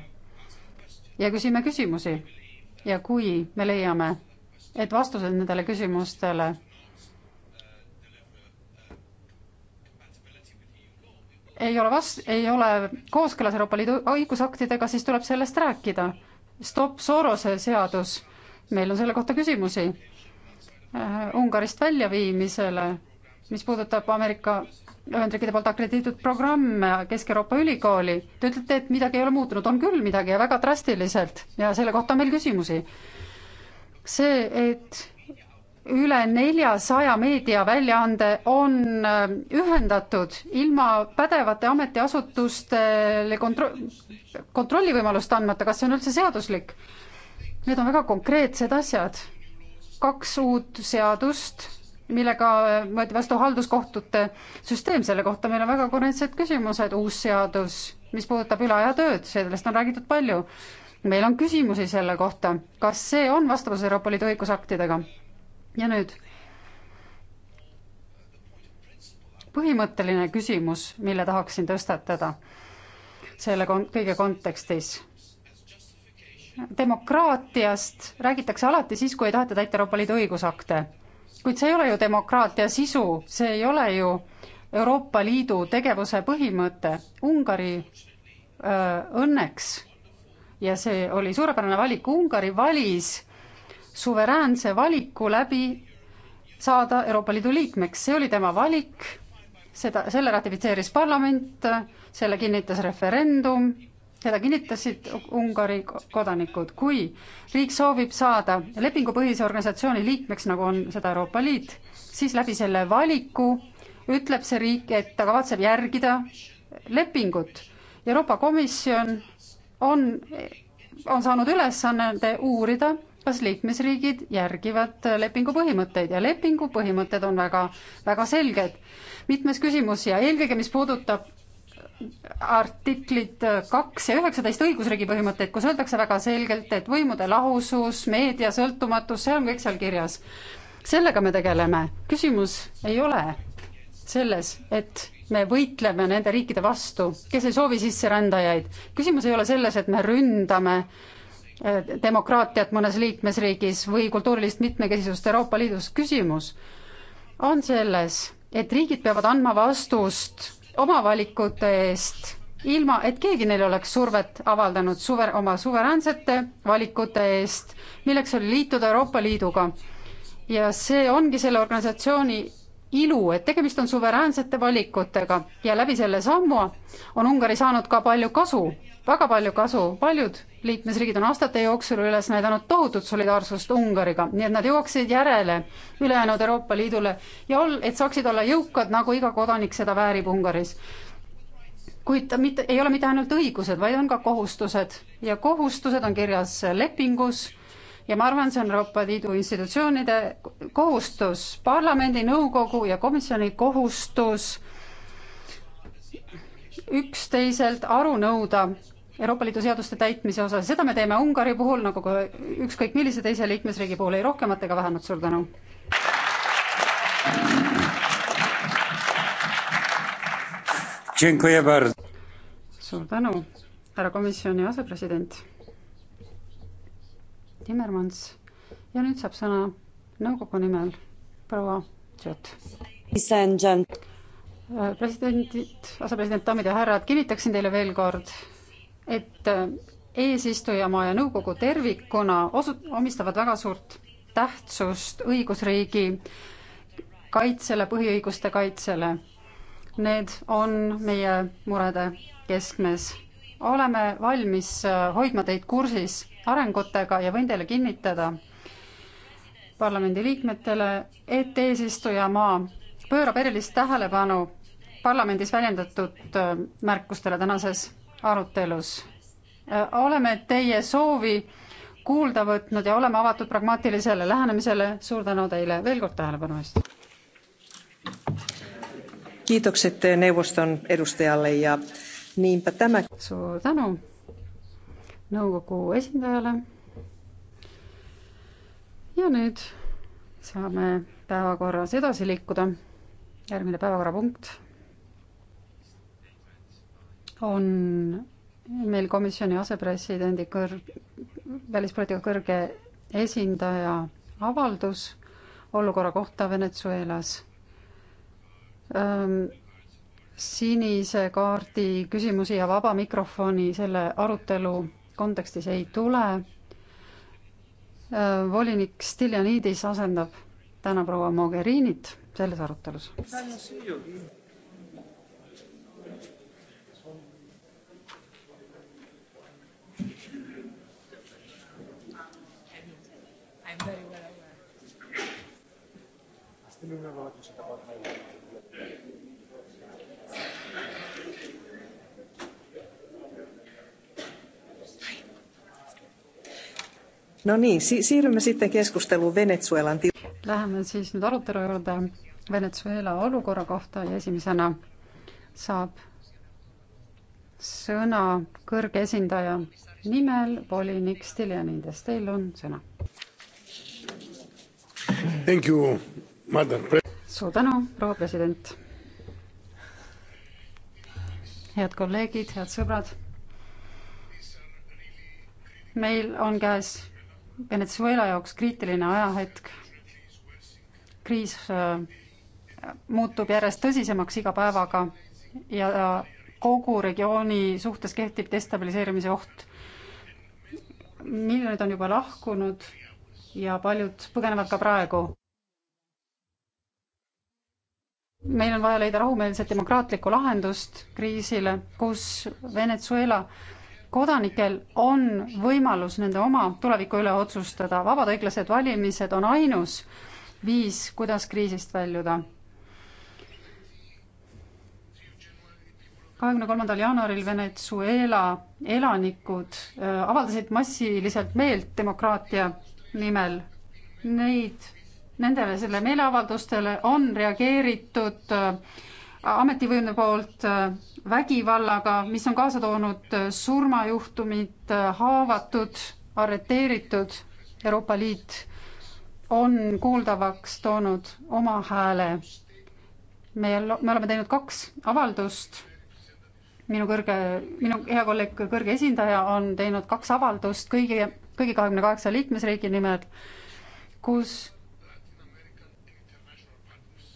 ja küsime küsimusi. ja kui me leiame, et vastused nendele küsimustele ei ole vast-, ei ole kooskõlas Euroopa Liidu õigusaktidega, siis tuleb sellest rääkida. Stop Sorose seadus, meil on selle kohta küsimusi. Äh, Ungarist väljaviimisele, mis puudutab Ameerika Ühendriikide poolt akrediteeritud programm Kesk-Euroopa Ülikooli. Te ütlete, et midagi ei ole muutunud, on küll midagi ja väga drastiliselt ja selle kohta on meil küsimusi. see, et üle neljasaja meediaväljaande on äh, ühendatud ilma pädevate ametiasutustele kontro-, kontrollivõimalust andmata, kas see on üldse seaduslik? Need on väga konkreetsed asjad. kaks uut seadust millega võeti vastu halduskohtute süsteem, selle kohta meil on väga konkreetsed küsimused, uus seadus, mis puudutab üleajatööd, sellest on räägitud palju. meil on küsimusi selle kohta, kas see on vastavuses Euroopa Liidu õigusaktidega. ja nüüd põhimõtteline küsimus, mille tahaksin tõstatada selle kon-, kõige kontekstis demokraatiast räägitakse alati siis, kui ei taheta täita Euroopa Liidu õigusakte kuid see ei ole ju demokraatia sisu, see ei ole ju Euroopa Liidu tegevuse põhimõte. Ungari öö, õnneks ja see oli suurepärane valik, Ungari valis suveräänse valiku läbi saada Euroopa Liidu liikmeks, see oli tema valik, seda, selle ratifitseeris parlament, selle kinnitas referendum seda kinnitasid Ungari kodanikud. kui riik soovib saada lepingupõhise organisatsiooni liikmeks, nagu on seda Euroopa Liit, siis läbi selle valiku ütleb see riik, et ta kavatseb järgida lepingut. Euroopa Komisjon on, on saanud ülesannete uurida, kas liikmesriigid järgivad lepingu põhimõtteid ja lepingu põhimõtted on väga, väga selged mitmes küsimus ja eelkõige, mis puudutab artiklid kaks ja üheksateist õigusriigi põhimõtteid, kus öeldakse väga selgelt, et võimude lahusus, meedia sõltumatus, see on kõik seal kirjas. sellega me tegeleme. küsimus ei ole selles, et me võitleme nende riikide vastu, kes ei soovi sisserändajaid. küsimus ei ole selles, et me ründame eh, demokraatiat mõnes liikmesriigis või kultuurilist mitmekesisust Euroopa Liidus. küsimus on selles, et riigid peavad andma vastust oma valikute eest, ilma et keegi neile oleks survet avaldanud suver-, oma suveräänsete valikute eest, milleks oli liituda Euroopa Liiduga. ja see ongi selle organisatsiooni ilu, et tegemist on suveräänsete valikutega ja läbi selle sammu on Ungari saanud ka palju kasu, väga palju kasu, paljud liikmesriigid on aastate jooksul üles näidanud tohutut solidaarsust Ungariga, nii et nad jõuaksid järele ülejäänud Euroopa Liidule ja ol-, et saaksid olla jõukad, nagu iga kodanik seda väärib Ungaris. kuid mitte, ei ole mitte ainult õigused, vaid on ka kohustused ja kohustused on kirjas lepingus ja ma arvan, see on Euroopa Liidu institutsioonide kohustus, parlamendi, nõukogu ja komisjoni kohustus üksteiselt aru nõuda Euroopa Liidu seaduste täitmise osas, seda me teeme Ungari puhul nagu ka ükskõik millise teise liikmesriigi puhul, ei rohkemat ega vähemat, suur tänu. suur tänu, härra komisjoni asepresident Timmermans ja nüüd saab sõna nõukogu nimel proua Tšot. presidendid, asepresident, daamid ja härrad, kinnitaksin teile veel kord, et äh, eesistujamaa ja nõukogu tervikuna osu-, omistavad väga suurt tähtsust õigusriigi kaitsele, põhiõiguste kaitsele. Need on meie murede keskmes. oleme valmis äh, hoidma teid kursis arengutega ja võin teile kinnitada parlamendiliikmetele, et eesistujamaa pöörab erilist tähelepanu parlamendis väljendatud äh, märkustele tänases arutelus. Äh, oleme teie soovi kuulda võtnud ja oleme avatud pragmaatilisele lähenemisele. suur tänu teile veel kord tähelepanu eest. kiitokset äh, neuvoston edustajalle ja niinpä tämä. suur tänu nõukogu esindajale. ja nüüd saame päevakorras edasi liikuda. järgmine päevakorrapunkt on meil komisjoni asepresidendi kõrg, välispoliitika kõrge esindaja avaldus olukorra kohta Venezuelas ähm, sinise kaardi küsimusi ja vaba mikrofoni selle arutelu kontekstis ei tule. Äh, volinik Stiljanidis asendab täna proua Mogherinit selles arutelus. Well Still remember what you said about my No niin, si- siirrymme sitten keskusteluun Venezuelan til- Läheme siis nüüd arutelu juurde Venezuela olukorra kohta ja esimesena saab sõna kõrge esindaja nimel volinik Stiljanides, teil on sõna. Thank you, madam. suur tänu, proua president. head kolleegid, head sõbrad meil on käes Venezuela jaoks kriitiline ajahetk. kriis äh, muutub järjest tõsisemaks iga päevaga ja kogu regiooni suhtes kehtib destabiliseerimise oht. miljonid on juba lahkunud ja paljud põgenevad ka praegu. meil on vaja leida rahumeelset demokraatlikku lahendust kriisile, kus Venezuela kodanikel on võimalus nende oma tuleviku üle otsustada, vabad õiglased valimised on ainus viis, kuidas kriisist väljuda. kahekümne kolmandal jaanuaril Venezuela elanikud äh, avaldasid massiliselt meelt demokraatia nimel. Neid, nendele, selle meeleavaldustele on reageeritud äh, ametivõimude poolt äh, vägivallaga, mis on kaasa toonud äh, surmajuhtumid, äh, haavatud, arreteeritud. Euroopa Liit on kuuldavaks toonud oma hääle. meil, me oleme teinud kaks avaldust. minu kõrge, minu hea kolleeg, kõrge esindaja on teinud kaks avaldust kõigi, kõigi kahekümne kaheksa liikmesriigi nimel, kus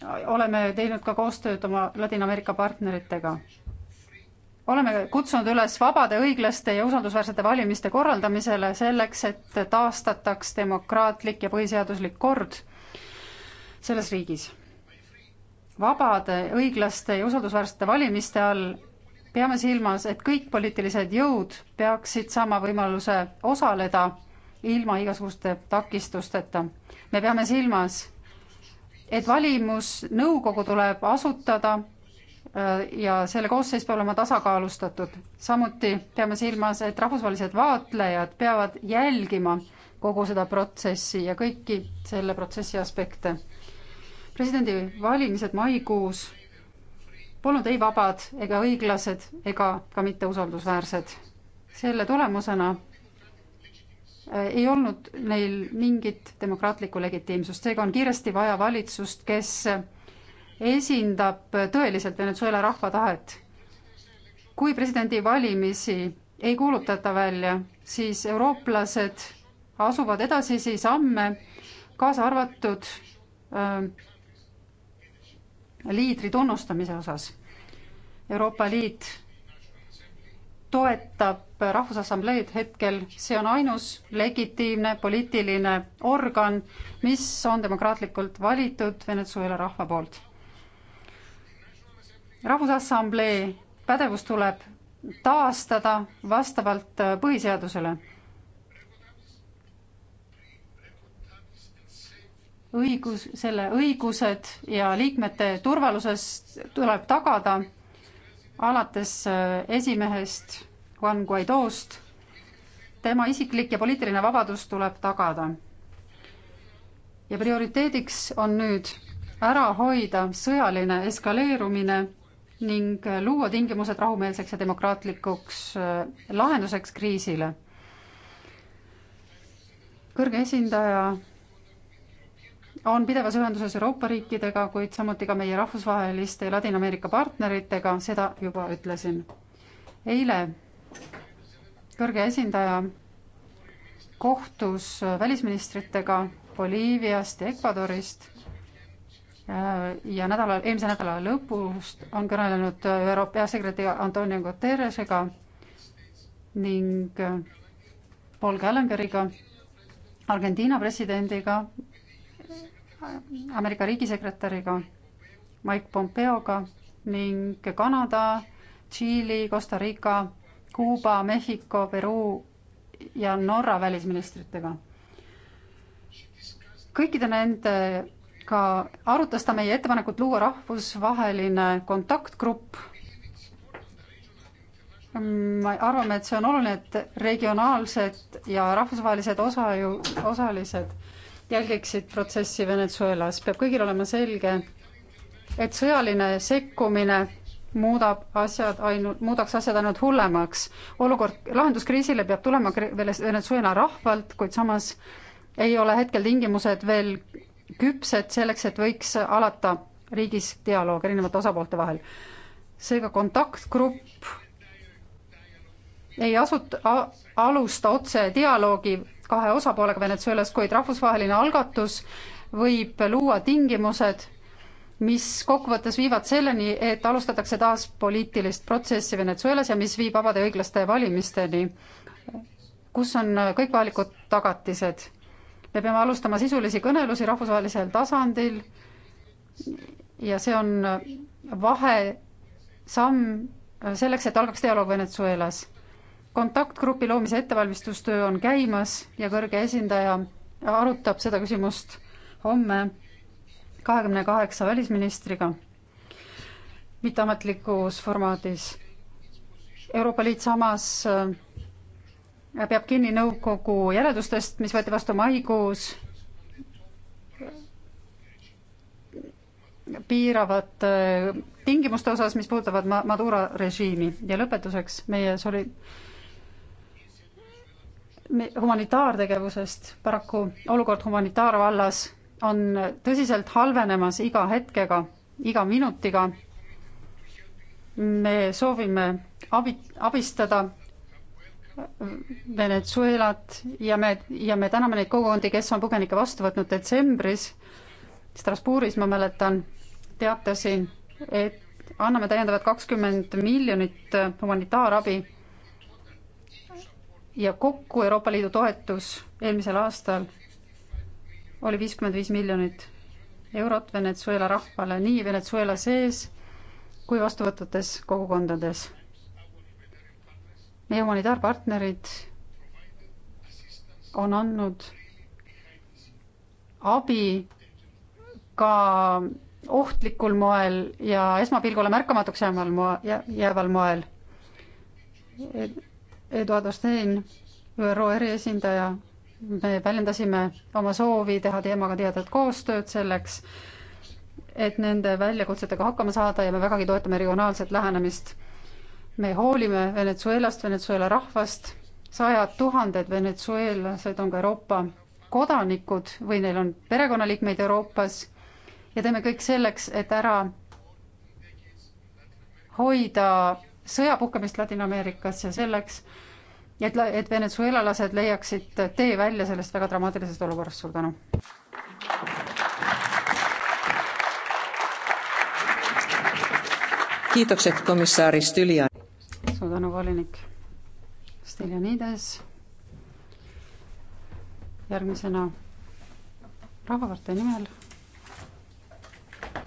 oleme teinud ka koostööd oma Ladina-Ameerika partneritega. oleme kutsunud üles vabade, õiglaste ja usaldusväärsete valimiste korraldamisele selleks, et taastataks demokraatlik ja põhiseaduslik kord selles riigis. vabade, õiglaste ja usaldusväärsete valimiste all peame silmas, et kõik poliitilised jõud peaksid saama võimaluse osaleda ilma igasuguste takistusteta. me peame silmas et valimusnõukogu tuleb asutada äh, ja selle koosseis peab olema tasakaalustatud. samuti peame silmas, et rahvusvahelised vaatlejad peavad jälgima kogu seda protsessi ja kõiki selle protsessi aspekte. presidendivalimised maikuus polnud ei vabad ega õiglased ega ka mitte usaldusväärsed. selle tulemusena ei olnud neil mingit demokraatlikku legitiimsust, seega on kiiresti vaja valitsust, kes esindab tõeliselt Venezuela rahva tahet. kui presidendivalimisi ei kuulutata välja, siis eurooplased asuvad edasisi samme, kaasa arvatud öö, äh, liidri tunnustamise osas. Euroopa Liit toetab Rahvusassambleed hetkel, see on ainus legitiimne poliitiline organ, mis on demokraatlikult valitud Venezuela rahva poolt. rahvusassamblee pädevus tuleb taastada vastavalt põhiseadusele. õigus, selle õigused ja liikmete turvalisus tuleb tagada alates äh, esimehest Juan Guaidost. tema isiklik ja poliitiline vabadus tuleb tagada. ja prioriteediks on nüüd ära hoida sõjaline eskaleerumine ning äh, luua tingimused rahumeelseks ja demokraatlikuks äh, lahenduseks kriisile. kõrge esindaja on pidevas ühenduses Euroopa riikidega, kuid samuti ka meie rahvusvaheliste Ladina-Ameerika partneritega, seda juba ütlesin. eile kõrge esindaja kohtus välisministritega Boliiviast ja Ecuadorist äh, ja nädala, eelmise nädala lõpust on kõnelenud ÜRO äh, peasekretär Antonio Guterresega ning äh, Paul Gallageriga, Argentiina presidendiga Ameerika riigisekretäriga Mike Pompeoga ning Kanada, Tšiili, Costa Rica, Kuuba, Mehhiko, Peruu ja Norra välisministritega. kõikide nendega arutas ta meie ettepanekut luua rahvusvaheline kontaktgrupp. me arvame, et see on oluline, et regionaalsed ja rahvusvahelised osa ju, osalised jälgiksid protsessi Venezuelas. peab kõigil olema selge, et sõjaline sekkumine muudab asjad ainult, muudaks asjad ainult hullemaks. olukord, lahendus kriisile peab tulema Venezuela rahvalt, kuid samas ei ole hetkel tingimused veel küpsed selleks, et võiks alata riigis dialoog erinevate osapoolte vahel. seega kontaktgrupp ei asut-, alusta otse dialoogi kahe osapoolega Venezuelas, kuid rahvusvaheline algatus võib luua tingimused, mis kokkuvõttes viivad selleni, et alustatakse taas poliitilist protsessi Venezuelas ja mis viib vabade õiglaste valimisteni, kus on kõik vajalikud tagatised. me peame alustama sisulisi kõnelusi rahvusvahelisel tasandil ja see on vahesamm selleks, et algaks dialoog Venezuelas kontaktgrupi loomise ettevalmistustöö on käimas ja kõrge esindaja arutab seda küsimust homme kahekümne kaheksa välisministriga mitteametlikus formaadis. Euroopa Liit samas äh, peab kinni nõukogu järeldustest, mis võeti vastu maikuus, piiravad äh, tingimuste osas, mis puudutavad Madura režiimi ja lõpetuseks meie soli-, humanitaartegevusest, paraku olukord humanitaarvallas on tõsiselt halvenemas iga hetkega, iga minutiga. me soovime abi, abistada Venezuelat ja me, ja me täname neid kogukondi, kes on põgenikke vastu võtnud detsembris. Strasbourgis ma mäletan, teatasin, et anname täiendavat kakskümmend miljonit humanitaarabi ja kokku Euroopa Liidu toetus eelmisel aastal oli viiskümmend viis miljonit eurot Venezuela rahvale nii Venezuela sees kui vastuvõtvates kogukondades. meie humanitaarpartnerid on andnud abi ka ohtlikul moel ja esmapilgule märkamatuks jääval moel, jääval moel. Eduard Ostein, ÜRO eriesindaja, me väljendasime oma soovi teha teemaga tihedat koostööd selleks, et nende väljakutsetega hakkama saada ja me vägagi toetame regionaalset lähenemist. me hoolime Venezuelast, Venezuela rahvast, sajad tuhanded venezuelased on ka Euroopa kodanikud või neil on perekonnaliikmeid Euroopas ja teeme kõik selleks, et ära hoida sõja puhkemist Ladina-Ameerikas ja selleks, et, et venezuelalased leiaksid tee välja sellest väga dramaatilisest olukorrast. suur tänu. kiitokset komissari Stülja. suur tänu, volinik Stiljanides. järgmisena Rahvapartei nimel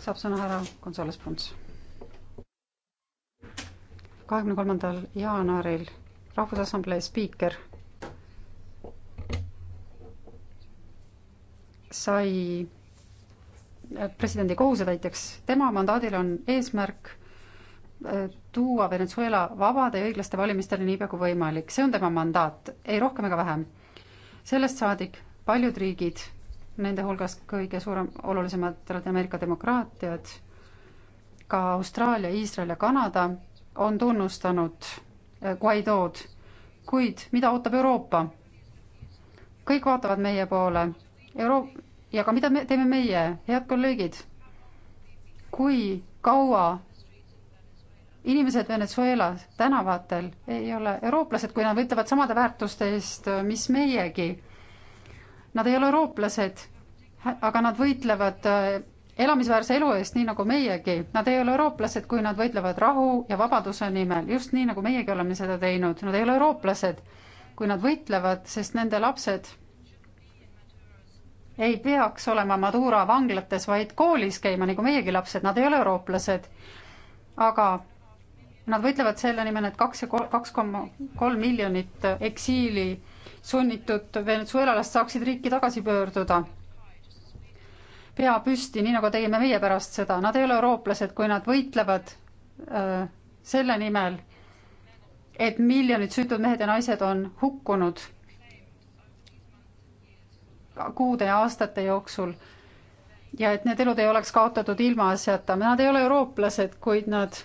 saab sõna härra Gonzales Pons kahekümne kolmandal jaanuaril Rahvusassamblee spiiker sai presidendi kohusetäitjaks, tema mandaadil on eesmärk äh, tuua Venezuela vabade ja õiglaste valimisteni niipea kui võimalik, see on tema mandaat, ei rohkem ega vähem. sellest saadik paljud riigid, nende hulgas kõige suurem, olulisemad Ladina-Ameerika demokraatiad, ka Austraalia, Iisrael ja Kanada on tunnustanud äh, Guaidood, kuid mida ootab Euroopa? kõik vaatavad meie poole. Euro- ja ka mida me teeme meie, head kolleegid? kui kaua inimesed Venezuelas tänavatel ei ole eurooplased, kui nad võitlevad samade väärtuste eest, äh, mis meiegi. Nad ei ole eurooplased, aga nad võitlevad äh, elamisväärse elu eest, nii nagu meiegi. Nad ei ole eurooplased, kui nad võitlevad rahu ja vabaduse nimel, just nii, nagu meiegi oleme seda teinud. Nad ei ole eurooplased, kui nad võitlevad, sest nende lapsed ei peaks olema Madura vanglates, vaid koolis käima, nagu meiegi lapsed, nad ei ole eurooplased. aga nad võitlevad selle nimel, et kaks ja kaks koma kolm miljonit eksiili sunnitud venezuelalast saaksid riiki tagasi pöörduda pea püsti, nii nagu tegime meie pärast seda, nad ei ole eurooplased, kui nad võitlevad öö, äh, selle nimel, et miljonid süütud mehed ja naised on hukkunud kuude ja aastate jooksul ja et need elud ei oleks kaotatud ilmaasjata. Nad ei ole eurooplased, kuid nad,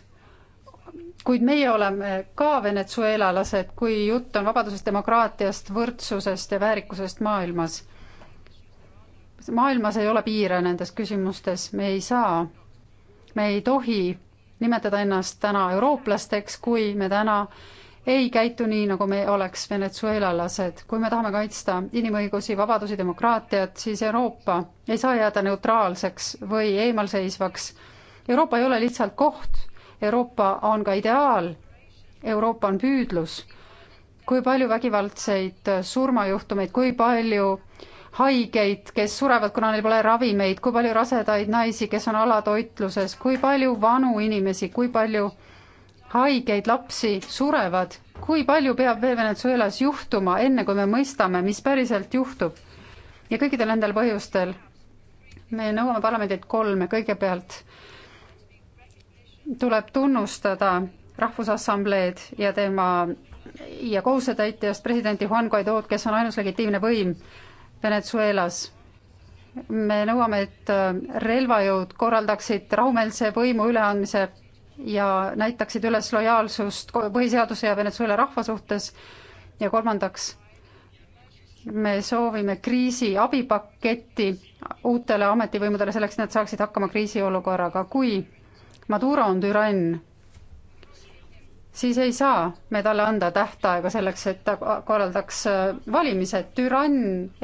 kuid meie oleme ka venezuelalased, kui jutt on vabadusest, demokraatiast, võrdsusest ja väärikusest maailmas maailmas ei ole piire nendes küsimustes, me ei saa, me ei tohi nimetada ennast täna eurooplasteks, kui me täna ei käitu nii, nagu me oleks venezuelalased. kui me tahame kaitsta inimõigusi, vabadusi, demokraatiat, siis Euroopa ei saa jääda neutraalseks või eemalseisvaks. Euroopa ei ole lihtsalt koht, Euroopa on ka ideaal, Euroopa on püüdlus. kui palju vägivaldseid surmajuhtumeid, kui palju äh, haigeid, kes surevad, kuna neil pole ravimeid, kui palju rasedaid naisi, kes on alatoitluses, kui palju vanu inimesi, kui palju haigeid lapsi surevad, kui palju peab veel Venezuelas juhtuma, enne kui me mõistame, mis päriselt juhtub. ja kõikidel nendel põhjustel me nõuame parlamendilt kolme, kõigepealt tuleb tunnustada Rahvusassambleed ja tema ja kohusetäitjast presidenti Juan Guaidood, kes on ainus legitiimne võim Venezuelas. me nõuame, et äh, relvajõud korraldaksid rahumeelse võimu üleandmise ja näitaksid üles lojaalsust põhiseaduse ja Venezuela rahva suhtes. ja kolmandaks, me soovime kriisi abipaketti uutele ametivõimudele selleks, et nad saaksid hakkama kriisiolukorraga, kui Maduro on türann siis ei saa me talle anda tähtaega selleks, et ta korraldaks äh, valimised. türann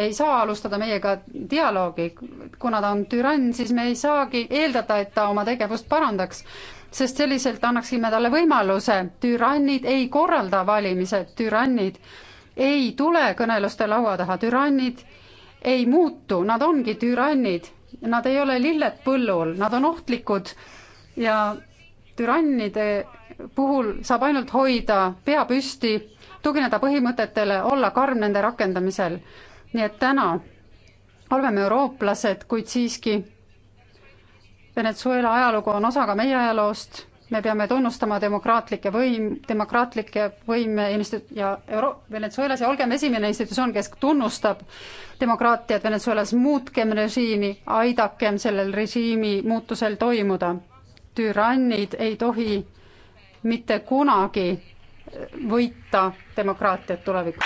ei saa alustada meiega dialoogi. kuna ta on türann, siis me ei saagi eeldada, et ta oma tegevust parandaks, sest selliselt annaksime talle võimaluse. türannid ei korralda valimised, türannid ei tule kõneluste laua taha, türannid ei muutu, nad ongi türannid. Nad ei ole lilled põllul, nad on ohtlikud ja türannide puhul saab ainult hoida pea püsti, tugineda põhimõtetele, olla karm nende rakendamisel. nii et täna oleme eurooplased, kuid siiski Venezuela ajalugu on osa ka meie ajaloost, me peame tunnustama demokraatlikke võim, demokraatlikke võime institu- ja Euro-, Venezuelas ja olgem esimene institutsioon, kes tunnustab demokraatiat Venezuelas, muutkem režiimi, aidakem sellel režiimi muutusel toimuda. türannid ei tohi mitte kunagi võita demokraatiat tulevikus.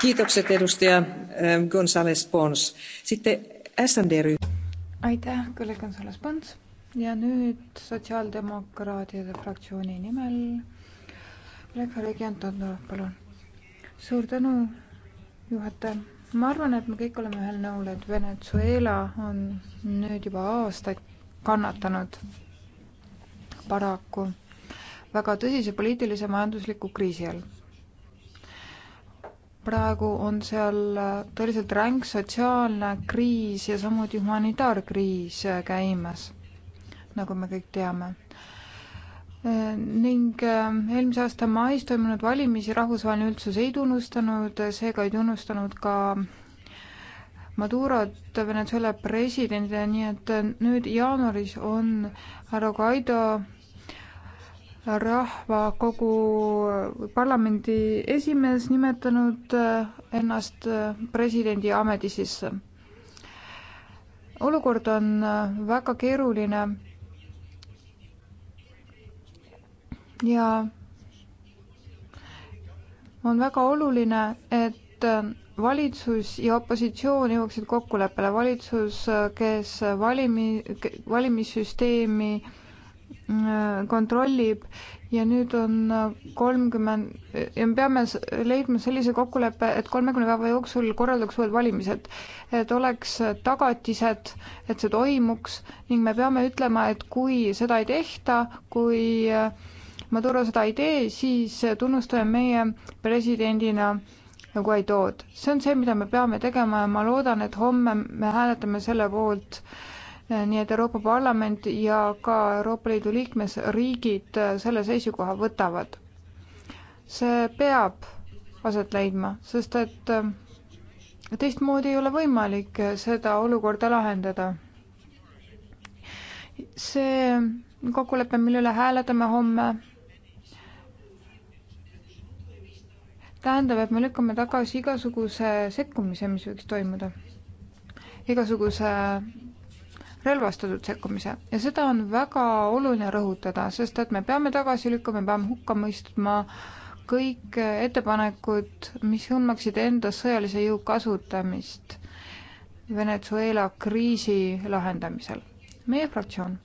kiitokset edustaja ähm, Gonzales Pons. Sitten SND ryhm-. aitäh, kolleeg Gonzales Pons ja nüüd sotsiaaldemokraatide fraktsiooni nimel kolleeg Regent Andor, palun. suur tänu, juhataja ma arvan, et me kõik oleme ühel nõul, et Venezuela on nüüd juba aastaid kannatanud paraku väga tõsise poliitilise majandusliku kriisi all. praegu on seal tõeliselt ränk sotsiaalne kriis ja samuti humanitaarkriis käimas, nagu me kõik teame ning ähm, eelmise aasta mais toimunud valimisi rahvusvaheline üldsus ei tunnustanud, seega ei tunnustanud ka Madurot Venezuela presidendile, nii et nüüd jaanuaris on härra Guaido rahvakogu parlamendi esimees nimetanud äh, ennast äh, presidendi ametisse. olukord on äh, väga keeruline ja on väga oluline, et valitsus ja opositsioon jõuaksid kokkuleppele. valitsus, kes valimi, valimissüsteemi äh, kontrollib ja nüüd on kolmkümmend ja me peame leidma sellise kokkuleppe, et kolmekümne päeva jooksul korraldaks uued valimised, et oleks tagatised, et see toimuks ning me peame ütlema, et kui seda ei tehta, kui äh, Maduro seda ei tee, siis tunnustame meie presidendina Guaidood. see on see, mida me peame tegema ja ma loodan, et homme me hääletame selle poolt, eh, nii et Euroopa Parlament ja ka Euroopa Liidu liikmesriigid eh, selle seisukoha võtavad. see peab aset leidma, sest et eh, teistmoodi ei ole võimalik seda olukorda lahendada. see kokkulepe, mille üle hääletame homme, tähendab, et me lükkame tagasi igasuguse sekkumise, mis võiks toimuda. igasuguse relvastatud sekkumise ja seda on väga oluline rõhutada, sest et me peame tagasi lükkama, peame hukka mõistma kõik ettepanekud, mis hõlmaksid endas sõjalise jõu kasutamist Venezuela kriisi lahendamisel. meie fraktsioon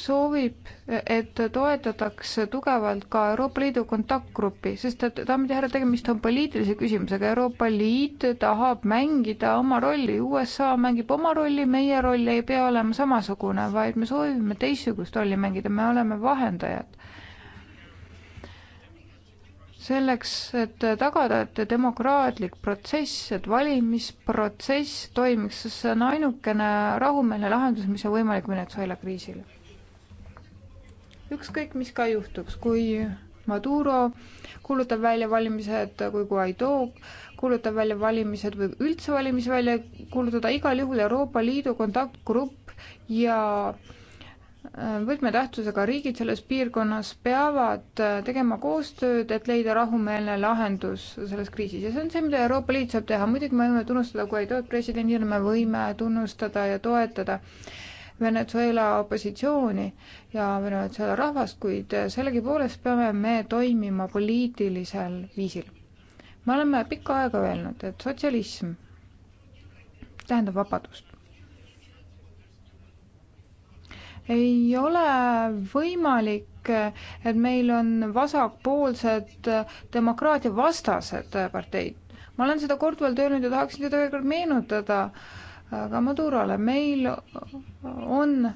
soovib, et toetataks tugevalt ka Euroopa Liidu kontaktgruppi, sest et daamid ja härrad, tegemist on poliitilise küsimusega, Euroopa Liit tahab mängida oma rolli, USA mängib oma rolli, meie roll ei pea olema samasugune, vaid me soovime teistsugust rolli mängida, me oleme vahendajad. selleks, et tagada, et demokraatlik protsess, et valimisprotsess toimiks, sest see on ainukene rahumeelne lahendus, mis on võimalik Venezuela kriisile ükskõik, mis ka juhtuks, kui Maduro kuulutab välja valimised, kui Guaido kuulutab välja valimised või üldse valimisi välja kuulutada, igal juhul Euroopa Liidu kontaktgrupp ja äh, võtmetähtsusega riigid selles piirkonnas peavad äh, tegema koostööd, et leida rahumeelne lahendus selles kriisis ja see on see, mida Euroopa Liit saab teha, muidugi me võime tunnustada Guaidot presidendina, me võime tunnustada ja toetada äh, Venezuela opositsiooni ja Venezuela rahvast, kuid sellegipoolest peame me toimima poliitilisel viisil. me oleme pikka aega öelnud, et sotsialism tähendab vabadust. ei ole võimalik et meil on vasakpoolsed demokraatia vastased parteid. ma olen seda korduvalt öelnud ja tahaksin seda veel kord meenutada äh, ka Madurole. meil on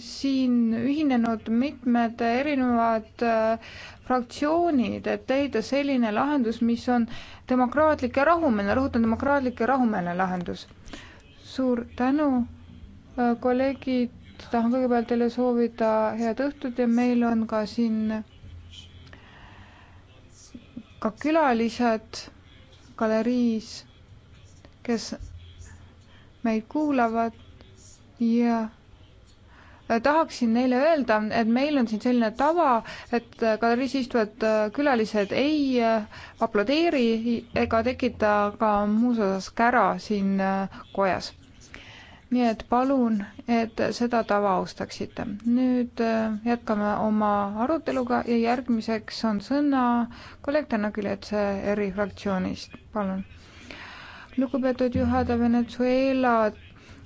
siin ühinenud mitmed erinevad äh, fraktsioonid, et leida selline lahendus, mis on demokraatlik ja rahumeelne, rõhutan, demokraatlik ja rahumeelne lahendus. suur tänu, äh, kolleegid, tahan kõigepealt teile soovida head õhtut ja meil on ka siin ka külalised galeriis, kes meid kuulavad ja äh, tahaksin neile öelda, et meil on siin selline tava, et galeriis äh, istuvad äh, külalised ei aplodeeri ega tekita ka muus osas kära siin kojas. nii et palun, et seda tava austaksite. nüüd jätkame oma aruteluga ja järgmiseks on sõna kolleeg Tänak Ületse eri fraktsioonist, palun lugupeetud juhataja, Venezuelas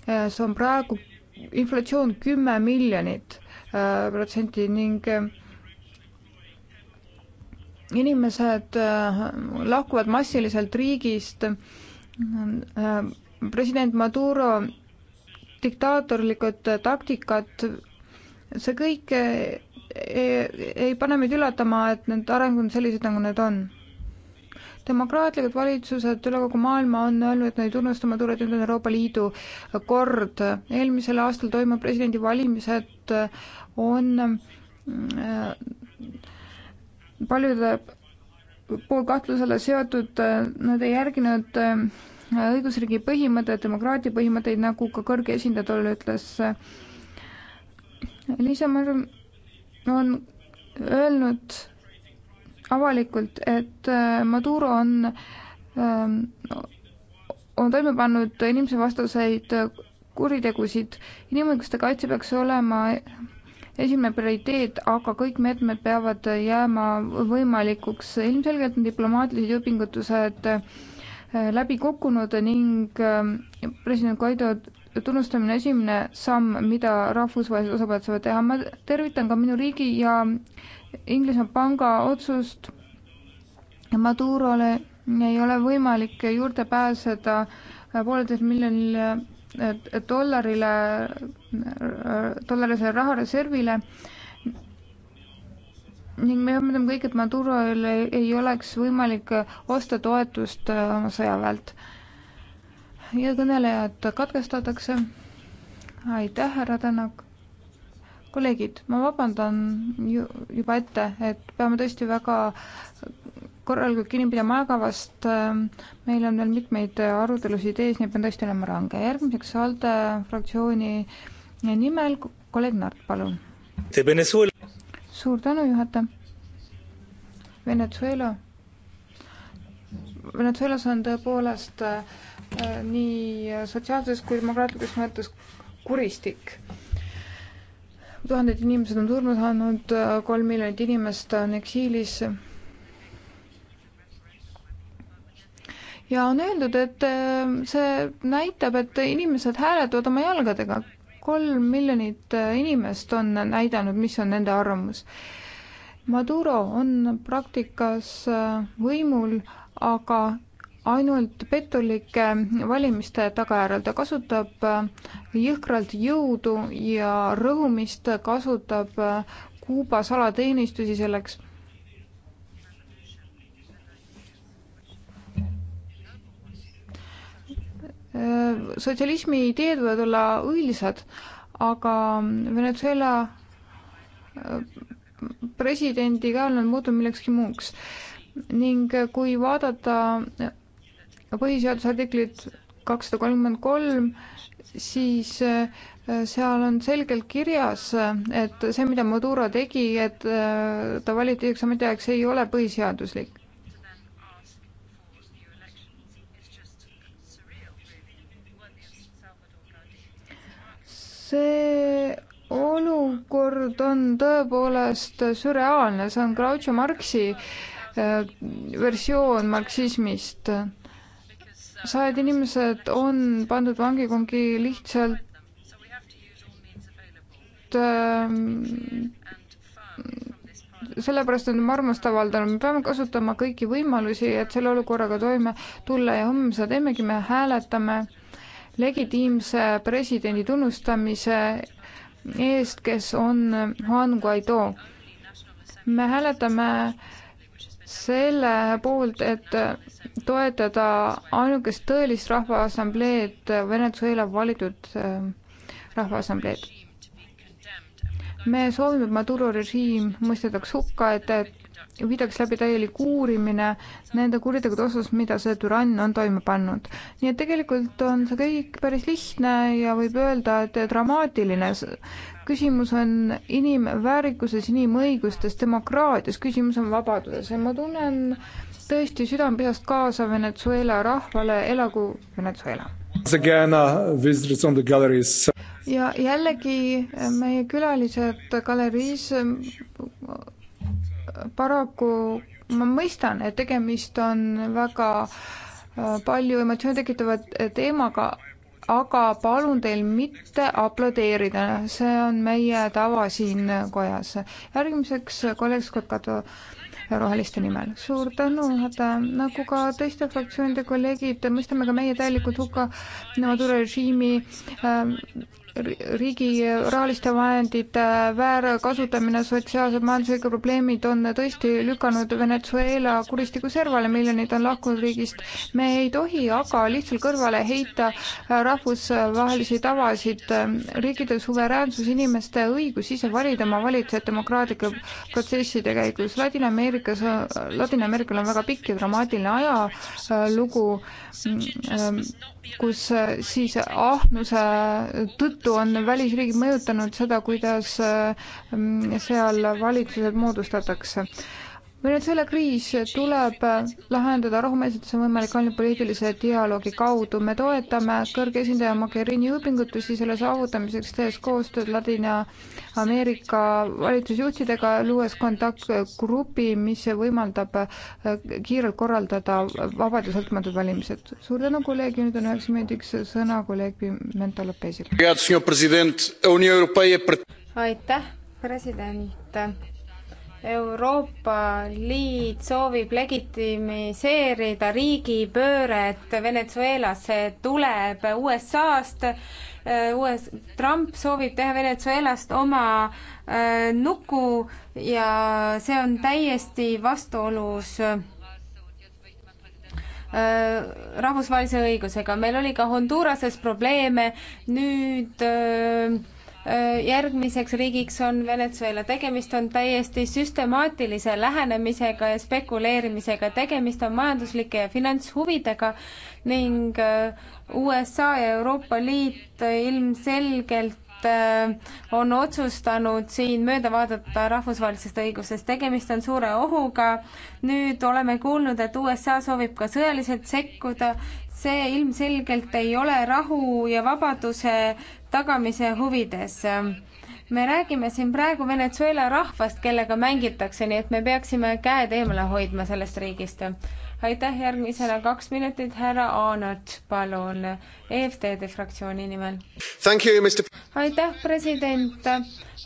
äh, on praegu inflatsioon kümme miljonit äh, protsenti ning äh, inimesed äh, lahkuvad massiliselt riigist äh,. president Maduro diktaatorlikud taktikad, see kõik äh, ei, ei pane meid üllatama, et need arengud on sellised, nagu need on demokraatlikud valitsused üle kogu maailma on öelnud, et neid tunnustama tuleb, nüüd on Euroopa Liidu kord. eelmisel aastal toimunud presidendivalimised on mm, paljude pool kahtlusele seotud, nad ei järginud äh, õigusriigi põhimõtteid, demokraatia põhimõtteid, nagu ka kõrge esindaja tolle ütles. Liisa Märm on öelnud avalikult, et äh, Maduro on, ähm, on toime pannud inimsevastaseid äh, kuritegusid. inimõiguste kaitse peaks olema esimene prioriteet, aga kõik meetmed peavad jääma võimalikuks. ilmselgelt on diplomaatilised jõupingutused äh, läbi kukkunud ning ähm, president Guaido tunnustamine esimene samm, mida rahvusvahelised osapooled saavad teha. ma tervitan ka minu riigi ja äh, Inglismaa panga otsust Madurole ei ole võimalik juurde pääseda pooleteist miljonile äh, dollarile, äh, dollarisele rahareservile ning me peame ütlema kõik, et Madurol ei, ei oleks võimalik osta toetust äh, oma sõjaväelt. ja kõnelejad katkestatakse. aitäh, härra Tänak kolleegid, ma vabandan ju, juba ette, et peame tõesti väga korralikult kinni pidama ajakavast. meil on veel mitmeid arutelusid ees, nii et pean tõesti olema range. järgmiseks ALDE fraktsiooni nimel kolleeg Nart, palun. suur tänu, juhataja. Venezuela. Venezuelas on tõepoolest äh, nii sotsiaalses kui demokraatlikus mõttes kuristik tuhanded inimesed on surma saanud, kolm miljonit inimest on eksiilis. ja on öeldud, et äh, see näitab, et inimesed hääletavad oma jalgadega. kolm miljonit äh, inimest on näidanud, mis on nende arvamus. Maduro on praktikas äh, võimul, aga ainult pettulike valimiste tagajärjel, ta kasutab äh, jõhkralt jõudu ja rõhumist, kasutab äh, Kuuba salateenistusi selleks. Äh, sotsialismi ideed võivad olla õilsad, aga Venezuela presidendi käel on muutunud millekski muuks ning kui vaadata põhiseaduse artiklit kakssada kolmkümmend kolm, siis äh, seal on selgelt kirjas, äh, et see, mida Maduro tegi, et äh, ta valiti üheks ametiajaks, ei ole põhiseaduslik. see olukord on tõepoolest sürreaalne, see on Groucho Marxi versioon marksismist sajad inimesed on pandud vangi kumbki lihtsalt ähm, sellepärast on armust avaldanud, me peame kasutama kõiki võimalusi, et selle olukorraga toime tulla ja homme seda teemegi, me hääletame legitiimse presidendi tunnustamise eest, kes on Juan Guaido. me hääletame äh, selle poolt, et toetada ainukest tõelist rahvaassambleed, Venezuela valitud äh, rahvaassambleed. me soovime, et Maduro režiim mõistetaks hukka, et, et viidaks läbi täielik uurimine nende kuritegude osas, mida see türann on toime pannud. nii et tegelikult on see kõik päris lihtne ja võib öelda, et dramaatiline küsimus on inimväärikuses, inimõigustes, demokraatias, küsimus on vabaduses ja ma tunnen tõesti südamepeast kaasa Venezuela rahvale, elagu Venezuela! Uh, ja jällegi äh, meie külalised galeriis ähm, paraku ma mõistan, et tegemist on väga äh, palju emotsioone tekitava teemaga, aga palun teil mitte aplodeerida, see on meie tava siin kojas. järgmiseks kolleeg Scott Kadu roheliste nimel. suur tänu, juhataja. nagu ka teiste fraktsioonide kolleegid, mõistame ka meie täielikult hukka Maduro režiimi äh, riigi rahaliste vahendite väärkasutamine, sotsiaalsed, majanduslikud probleemid on tõesti lükanud Venezuela kuristiku servale, miljonid on lahkunud riigist. me ei tohi aga lihtsalt kõrvale heita rahvusvahelisi tavasid, riikide suveräänsus, inimeste õigus ise valida oma valitsused demokraatlike protsesside käigus. Ladina-Ameerikas, Ladina-Ameerikal on väga pikk ja dramaatiline ajalugu kus siis ahnuse tõttu on välisriigid mõjutanud seda, kuidas mm, seal valitsused moodustatakse meil on selle kriis, tuleb lahendada rahumeelselt, see on võimalik ainult poliitilise dialoogi kaudu. me toetame kõrge esindaja Mogherini jõupingutusi selle saavutamiseks, tehes koostööd Ladina-Ameerika valitsusjuhtidega, luues kontaktgrupi, mis võimaldab äh, kiirelt korraldada vabad ja sõltumatud valimised. suur tänu, kolleeg, ja nüüd on üheksakümmend üks sõna kolleeg Pimenta Lopesil. aitäh, president Euroopa Liit soovib legitimiseerida riigipööret Venezuelas, see tuleb USA-st, eh, US, Trump soovib teha Venezuelast oma eh, nuku ja see on täiesti vastuolus eh, rahvusvahelise õigusega. meil oli ka Honduras'es probleeme, nüüd öö, järgmiseks riigiks on Venezuela, tegemist on täiesti süstemaatilise lähenemisega ja spekuleerimisega, tegemist on majanduslike ja finantshuvidega ning äh, USA ja Euroopa Liit ilmselgelt äh, on otsustanud siin mööda vaadata rahvusvahelisest õigusest, tegemist on suure ohuga. nüüd oleme kuulnud, et USA soovib ka sõjaliselt sekkuda see ilmselgelt ei ole rahu ja vabaduse tagamise huvides. me räägime siin praegu Venezuela rahvast, kellega mängitakse, nii et me peaksime käed eemale hoidma sellest riigist aitäh, järgmisena kaks minutit, härra Aanart, palun, EFTD fraktsiooni nimel. aitäh, president.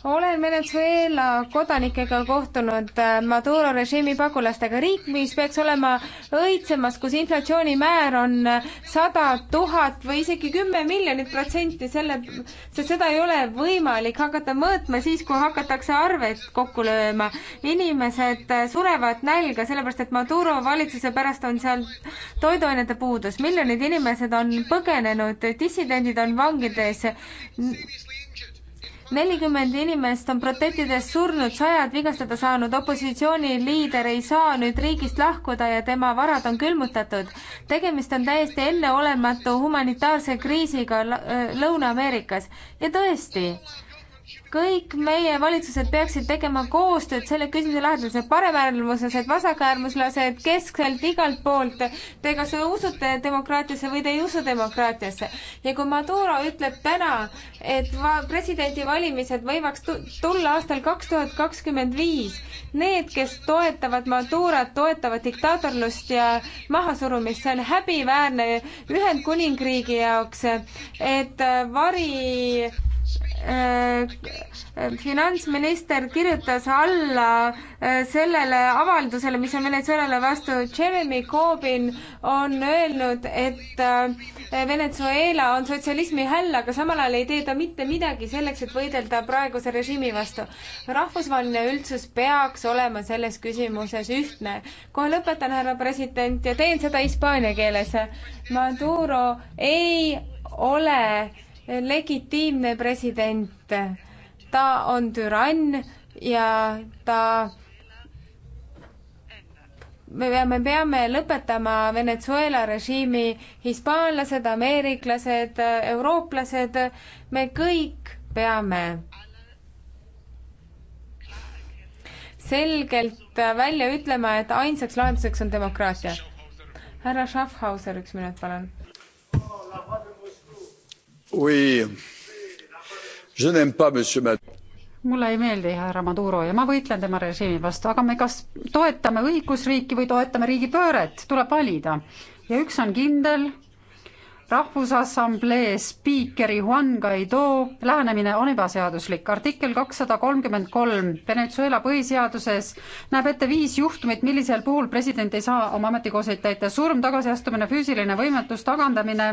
olen Venezuela kodanikega kohtunud äh, Maduro režiimi pagulastega, riik, mis peaks olema õitsemas, kus inflatsioonimäär on äh, sada tuhat või isegi kümme miljonit protsenti, selle, sest seda ei ole võimalik hakata mõõtma siis, kui hakatakse arveid kokku lööma. inimesed äh, surevad nälga, sellepärast et Maduro valitsuse pärast on seal toiduainete puudus, miljonid inimesed on põgenenud, dissidendid on vangides. nelikümmend inimest on protestides surnud, sajad vigastada saanud, opositsiooniliider ei saa nüüd riigist lahkuda ja tema varad on külmutatud. tegemist on täiesti enneolematu humanitaarse kriisiga Lõuna-Ameerikas ja tõesti kõik meie valitsused peaksid tegema koostööd selle küsimuse lahendamisel, paremäärmuslased, vasakäärmuslased, keskselt, igalt poolt. Te kas usute demokraatiasse või te ei usu demokraatiasse. ja kui Maduro ütleb täna, et presidendivalimised võivaks tulla aastal kaks tuhat kakskümmend viis, need, kes toetavad Madurat, toetavad diktaatorlust ja mahasurumist, see on häbiväärne Ühendkuningriigi jaoks, et vari Äh, finantsminister kirjutas alla äh, sellele avaldusele, mis on Venezuelale vastu. Jeremy Corbyn on öelnud, et äh, Venezuela on sotsialismi häll, aga samal ajal ei tee ta mitte midagi selleks, et võidelda praeguse režiimi vastu. rahvusvaheline üldsus peaks olema selles küsimuses ühtne. kohe lõpetan, härra president, ja teen seda hispaania keeles. Maduro ei ole legitiimne president. ta on türann ja ta me peame, peame lõpetama Venezuela režiimi hispaanlased, ameeriklased, eurooplased, me kõik peame selgelt välja ütlema, et ainsaks lahenduseks on demokraatia. härra Schaffhauser, üks minut, palun Oui. Pas, mulle ei meeldi härra Maduro ja ma võitlen tema režiimi vastu, aga me kas toetame õigusriiki või toetame riigipööret, tuleb valida. ja üks on kindel, rahvusassamblee spiikeri Juan Guaido lähenemine on ebaseaduslik. artikkel kakssada kolmkümmend kolm Venezuela põhiseaduses näeb ette viis juhtumit, millisel puhul president ei saa oma ametikohuseid täita. surm, tagasiastumine, füüsiline võimetus, tagandamine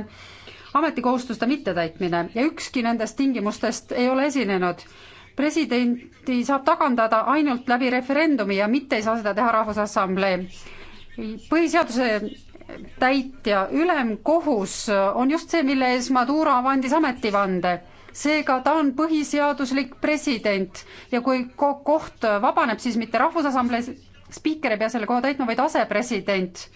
ametikohustuste mittetäitmine ja ükski nendest tingimustest ei ole esinenud. presidenti saab tagandada ainult läbi referendumi ja mitte ei saa seda teha Rahvusassamblee. põhiseaduse täitja ülemkohus on just see, mille ees Maduro avandis ametivande seega ta on põhiseaduslik president ja kui koht vabaneb, siis mitte Rahvusassamblee spiiker ei pea selle koha täitma, vaid asepresident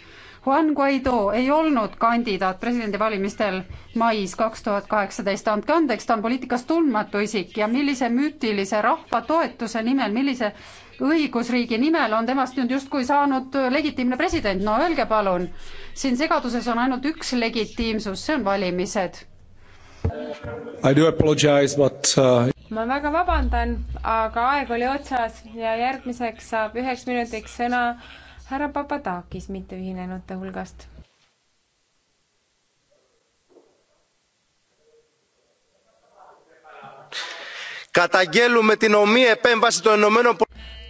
Juan Guaido ei olnud kandidaat presidendivalimistel mais kaks tuhat kaheksateist, andke andeks, ta on poliitikas tundmatu isik ja millise müütilise rahva toetuse nimel, millise õigusriigi nimel on temast nüüd justkui saanud legitiimne president, no öelge palun, siin segaduses on ainult üks legitiimsus, see on valimised. I do apologize, but uh... ma väga vabandan, aga aeg oli otsas ja järgmiseks saab üheks minutiks sõna härra Papadakis mitteühinenute hulgast.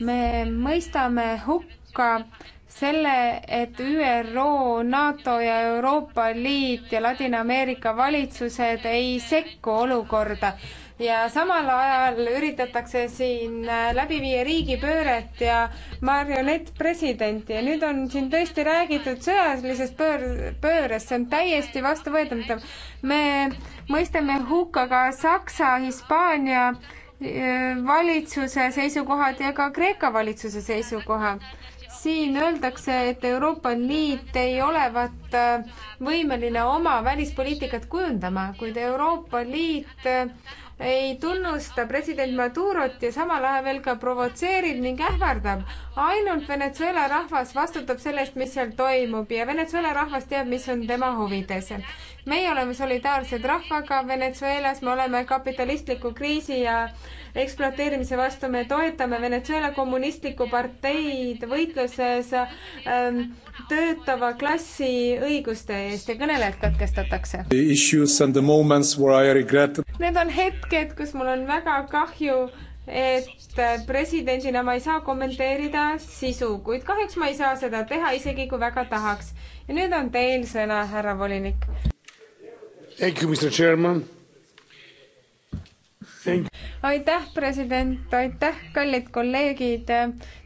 me mõistame hukka selle, et ÜRO, NATO ja Euroopa Liit ja Ladina-Ameerika valitsused ei sekku olukorda ja samal ajal üritatakse siin äh, läbi viia riigipööret ja marionettpresidenti ja nüüd on siin tõesti räägitud sõjalisest pöör-, pöörest, see on täiesti vastuvõetamatu. me mõistame hukka ka Saksa, Hispaania äh, valitsuse seisukohad ja ka Kreeka valitsuse seisukoha siin öeldakse, et Euroopa Liit ei olevat äh, võimeline oma välispoliitikat kujundama, kuid Euroopa Liit ei tunnusta president Madurot ja samal ajal veel ka provotseerib ning ähvardab ainult Venezuela rahvas vastutab selle eest, mis seal toimub ja Venezuela rahvas teab, mis on tema huvides. meie oleme solidaarsed rahvaga Venezuelas, me oleme kapitalistliku kriisi ja ekspluateerimise vastu, me toetame Venezuela kommunistlikku parteid võitluses ähm, töötava klassi õiguste eest ja kõnelejad katkestatakse. Need on hetked, kus mul on väga kahju et presidendina ma ei saa kommenteerida sisu, kuid kahjuks ma ei saa seda teha, isegi kui väga tahaks. ja nüüd on teil sõna, härra volinik. aitäh, president, aitäh, kallid kolleegid,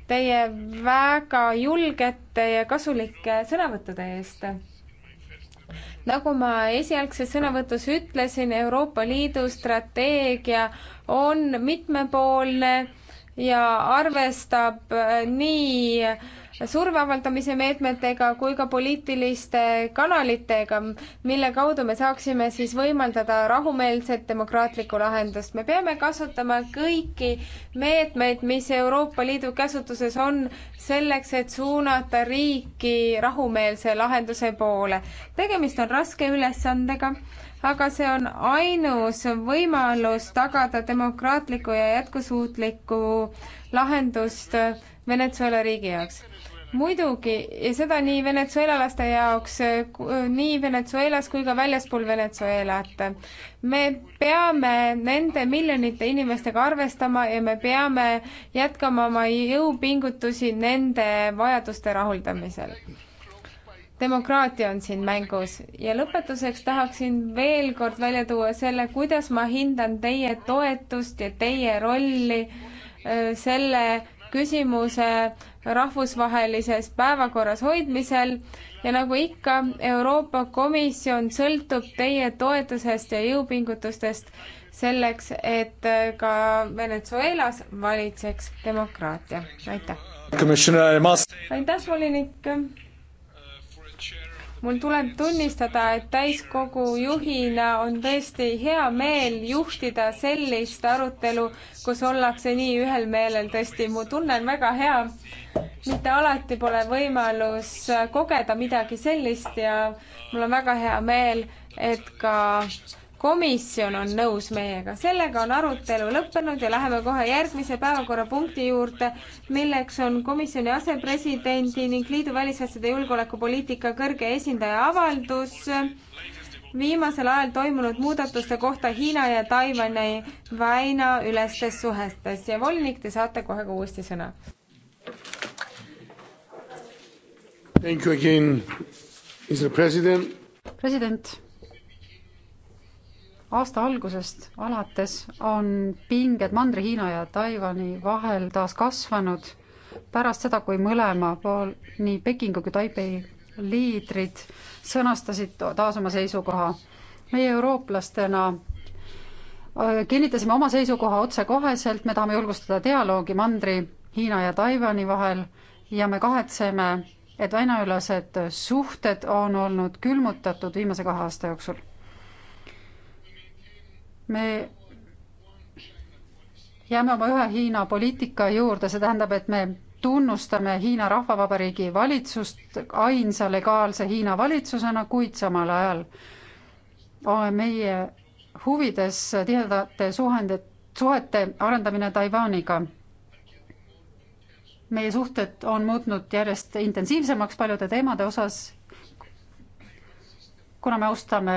teie väga julgete ja kasulike sõnavõttude eest nagu ma esialgses sõnavõtus ütlesin, Euroopa Liidu strateegia on mitmepoolne ja arvestab nii surve avaldamise meetmetega kui ka poliitiliste kanalitega, mille kaudu me saaksime siis võimaldada rahumeelset demokraatlikku lahendust. me peame kasutama kõiki meetmeid, mis Euroopa Liidu käsutuses on, selleks, et suunata riiki rahumeelse lahenduse poole. tegemist on raske ülesandega aga see on ainus võimalus tagada demokraatlikku ja jätkusuutlikku lahendust Venezuela riigi jaoks muidugi, ja seda nii venezuelalaste jaoks, nii Venezuelas kui ka väljaspool Venezuelat. me peame nende miljonite inimestega arvestama ja me peame jätkama oma jõupingutusi nende vajaduste rahuldamisel. demokraatia on siin mängus ja lõpetuseks tahaksin veel kord välja tuua selle, kuidas ma hindan teie toetust ja teie rolli äh, selle küsimuse rahvusvahelises päevakorras hoidmisel ja nagu ikka, Euroopa Komisjon sõltub teie toetusest ja jõupingutustest selleks, et äh, ka Venezuelas valitseks demokraatia. aitäh! aitäh, volinik! mul tuleb tunnistada, et täiskogu juhina on tõesti hea meel juhtida sellist arutelu, kus ollakse nii ühel meelel, tõesti, mu tunne on väga hea. mitte alati pole võimalus kogeda midagi sellist ja mul on väga hea meel, et ka komisjon on nõus meiega. sellega on arutelu lõppenud ja läheme kohe järgmise päevakorrapunkti juurde, milleks on komisjoni asepresidendi ning liidu välisasjade julgeolekupoliitika kõrge esindaja avaldus viimasel ajal toimunud muudatuste kohta Hiina ja Taiwan'i väina ülestes suhetes ja volinik, te saate kohe ka uuesti sõna. president. president aasta algusest alates on pinged Mandri-Hiina ja Taiwan'i vahel taas kasvanud pärast seda, kui mõlema pool, nii Pekingi kui Taipei liidrid sõnastasid taas oma seisukoha. meie eurooplastena äh, kinnitasime oma seisukoha otsekoheselt, me tahame julgustada dialoogi Mandri-Hiina ja Taiwan'i vahel ja me kahetseme, et Venemaa-ülased suhted on olnud külmutatud viimase kahe aasta jooksul me jääme oma ühe Hiina poliitika juurde, see tähendab, et me tunnustame Hiina Rahvavabariigi valitsust ainsa legaalse Hiina valitsusena, kuid samal ajal meie huvides tihedate suhende, suhete arendamine Taiwaniga. meie suhted on muutnud järjest intensiivsemaks paljude teemade osas, kuna me austame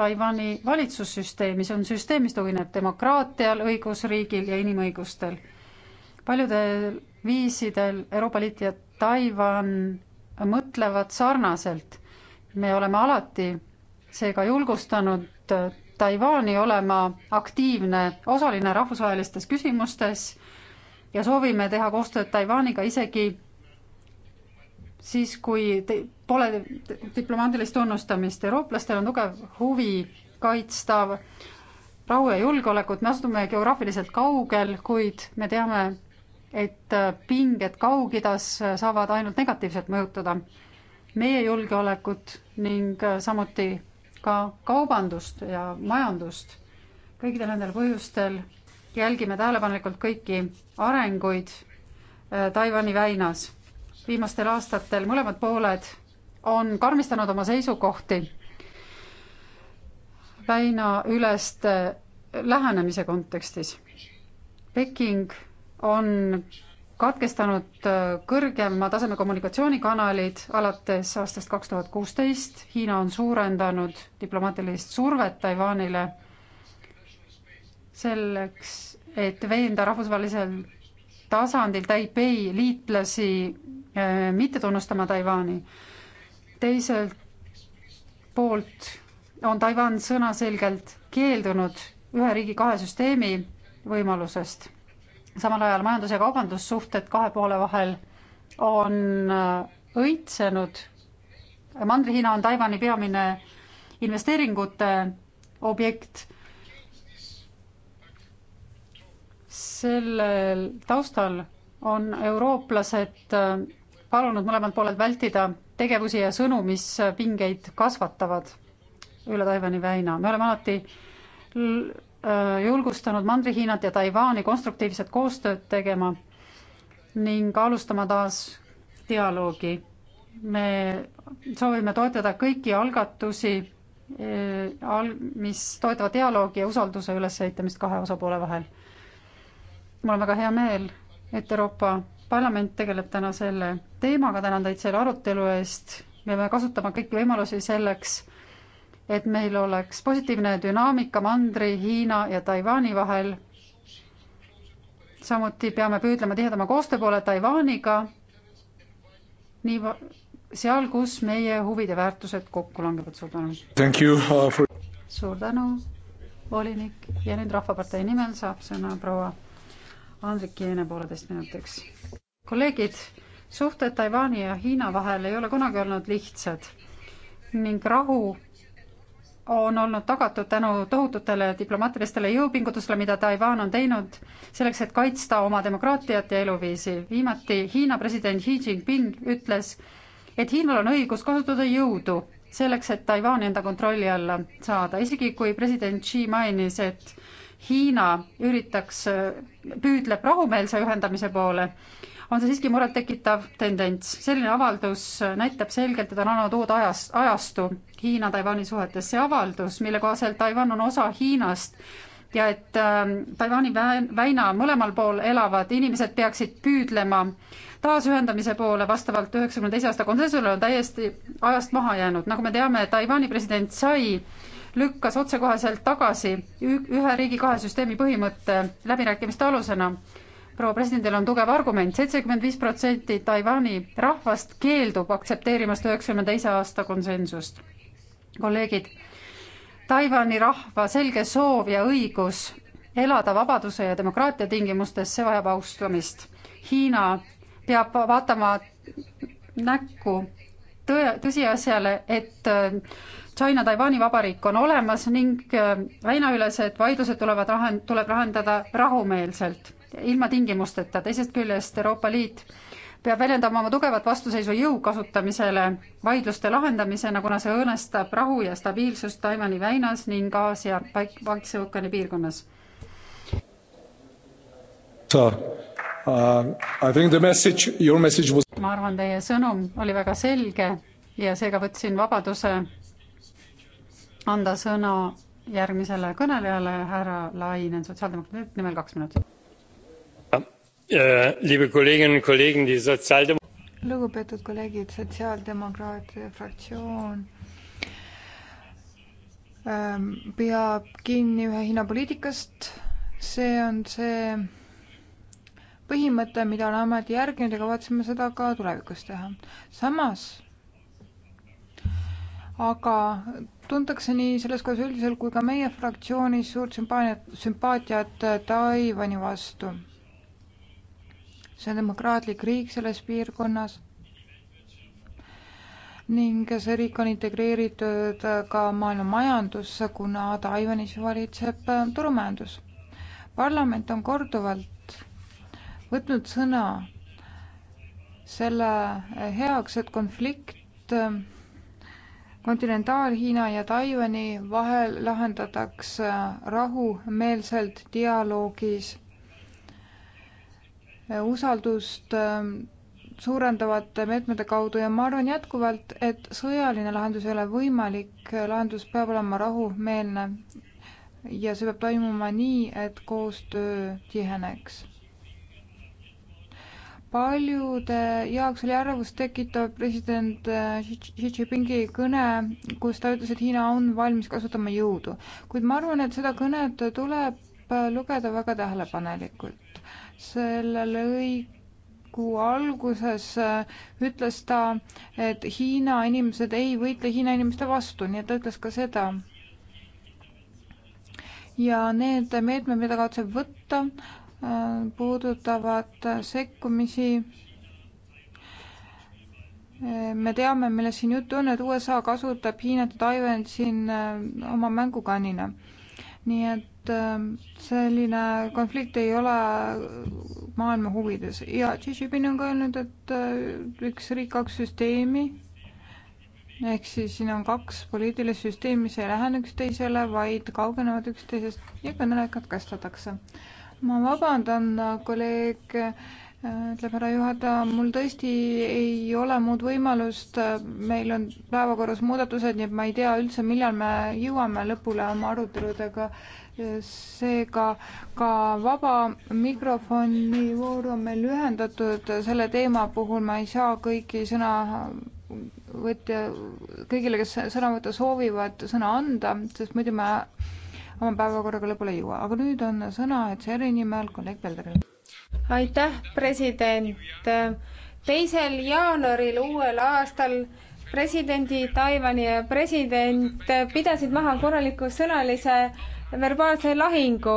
Taiwan'i valitsussüsteemi, see on süsteem, mis tugineb demokraatial, õigusriigil ja inimõigustel. paljudel viisidel Euroopa Liit ja Taiwan mõtlevad sarnaselt. me oleme alati seega julgustanud Taiwan'i olema aktiivne osaline rahvusvahelistes küsimustes ja soovime teha koostööd Taiwan'iga isegi siis, kui te, pole diplomaatilist tunnustamist, eurooplastel on tugev huvi kaitsta rahu ja julgeolekut, me asume geograafiliselt kaugel, kuid me teame, et pinged Kaug-Idas saavad ainult negatiivselt mõjutada meie julgeolekut ning samuti ka kaubandust ja majandust. kõikidel nendel põhjustel jälgime tähelepanelikult kõiki arenguid Taiwan'i väinas viimastel aastatel mõlemad pooled on karmistanud oma seisukohti väinaüleste lähenemise kontekstis. Peking on katkestanud kõrgema taseme kommunikatsioonikanalid alates aastast kaks tuhat kuusteist, Hiina on suurendanud diplomaatilist survet Taiwanile selleks, et veenda rahvusvahelisel tasandil Taipei liitlasi Äh, mitte tunnustama Taiwani. teiselt poolt on Taiwan sõnaselgelt keeldunud ühe riigi kahe süsteemi võimalusest. samal ajal majandus- ja kaubandussuhted kahe poole vahel on äh, õitsenud. mandri-Hiina on Taiwan'i peamine investeeringute objekt. sellel taustal on eurooplased äh, palunud mõlemad pooled vältida tegevusi ja sõnu, mis pingeid kasvatavad üle Taiwan'i väina. me oleme alati äh, julgustanud Mandri-Hiinat ja Taiwan'i konstruktiivset koostööd tegema ning alustama taas dialoogi. me soovime toetada kõiki algatusi, äh, mis toetavad dialoogi ja usalduse ülesehitamist kahe osapoole vahel. mul on väga hea meel, et Euroopa parlament tegeleb täna selle teemaga, tänan teid selle arutelu eest, me peame kasutama kõiki võimalusi selleks, et meil oleks positiivne dünaamika mandri, Hiina ja Taiwan'i vahel. samuti peame püüdlema tihedama koostöö poole Taiwan'iga, nii seal, kus meie huvid ja väärtused kokku langevad, suur tänu. Uh, for... suur tänu, volinik ja nüüd Rahvapartei nimel saab sõna proua Andrik Jeene pooleteist minutiks. kolleegid, suhted Taiwan'i ja Hiina vahel ei ole kunagi olnud lihtsad ning rahu on olnud tagatud tänu tohututele diplomaatilistele jõupingutusele, mida Taiwan on teinud selleks, et kaitsta oma demokraatiat ja eluviisi. viimati Hiina president Xi Jinping ütles, et Hiinal on õigus kasutada jõudu selleks, et Taiwan'i enda kontrolli alla saada, isegi kui president Xi mainis, et Hiina üritaks, püüdleb rahumeelse ühendamise poole, on see siiski murettekitav tendents. selline avaldus näitab selgelt, et on olnud uut ajas, ajastu Hiina-Taiwan'i suhetes. see avaldus, mille kohaselt Taiwan on osa Hiinast ja et äh, Taiwan'i väina mõlemal pool elavad inimesed peaksid püüdlema taasühendamise poole vastavalt üheksakümne teise aasta konsensusele on täiesti ajast maha jäänud. nagu me teame, Taiwan'i president sai lükkas otsekoheselt tagasi ühe riigi kahe süsteemi põhimõtte läbirääkimiste alusena. proua presidendil on tugev argument, seitsekümmend viis protsenti Taiwan'i rahvast keeldub aktsepteerimast üheksakümne teise aasta konsensust. kolleegid, Taiwan'i rahva selge soov ja õigus elada vabaduse ja demokraatia tingimustes, see vajab austamist. Hiina peab vaatama näkku tõe, tõsiasjale, et China Taiwan'i vabariik on olemas ning äh, väinaülesed vaidlused tulevad lahend-, tuleb lahendada rahumeelselt, ilma tingimusteta, teisest küljest Euroopa Liit peab väljendama oma tugevat vastuseisu jõu kasutamisele vaidluste lahendamisena, kuna see õõnestab rahu ja stabiilsust Taiwan'i väinas ning Aasia Paik-, Vaikse ookeani piirkonnas. Uh, I think the message, your message was ma arvan, teie sõnum oli väga selge ja seega võtsin vabaduse anda sõna järgmisele kõnelejale, härra Lainen, sotsiaaldemokraatide nimel kaks minutit. Äh, lugupeetud kolleegid, sotsiaaldemokraatide fraktsioon ähm, peab kinni ühe Hiina poliitikast. see on see põhimõte, mida oleme alati järginud ja kavatseme seda ka tulevikus teha. samas aga tuntakse nii selles kohas üldiselt kui ka meie fraktsioonis suurt sümpaaniat, sümpaatiat äh, Taiwan'i vastu. see on demokraatlik riik selles piirkonnas ning see riik on integreeritud äh, ka maailma majandusse, kuna Taiwan'is valitseb äh, turumajandus. parlament on korduvalt võtnud sõna selle heaks, et konflikt kontinentaal-Hiina ja Taiwan'i vahel lahendatakse rahumeelselt dialoogis usaldust ähm, suurendavate meetmete kaudu ja ma arvan jätkuvalt, et sõjaline lahendus ei ole võimalik, lahendus peab olema rahumeelne ja see peab toimuma nii, et koostöö tiheneks paljude jaoks oli ärevust tekitav president äh, Xi Jinpingi kõne, kus ta ütles, et Hiina on valmis kasutama jõudu. kuid ma arvan, et seda kõnet tuleb äh, lugeda väga tähelepanelikult. selle lõigu alguses äh, ütles ta, et Hiina inimesed ei võitle Hiina inimeste vastu, nii et ta ütles ka seda. ja need meetmed, mida kavatseb võtta, puudutavad sekkumisi. me teame, millest siin juttu on, et USA kasutab Hiinat ja Taiwan siin äh, oma mängukannina. nii et äh, selline konflikt ei ole maailma huvides ja Xi Jinping on ka öelnud, et äh, üks riik, kaks süsteemi ehk siis siin on kaks poliitilist süsteemi, mis ei lähene üksteisele, vaid kaugenevad üksteisest ja kõneled katkestatakse ma vabandan, kolleeg, ütleb härra juhataja, mul tõesti ei ole muud võimalust, meil on päevakorras muudatused, nii et ma ei tea üldse, millal me jõuame lõpule oma aruteludega. seega ka vaba mikrofoni voor on meil ühendatud, selle teema puhul ma ei saa kõiki sõna võtja, kõigile, kes sõna võtta soovivad, sõna anda, sest muidu me oma päevakorraga lõpule ei jõua, aga nüüd on sõna ETSR-i nimel kolleeg Pelderil. aitäh, president. teisel jaanuaril uuel aastal presidendi Taiwan'i ja president pidasid maha korraliku sõnalise verbaalse lahingu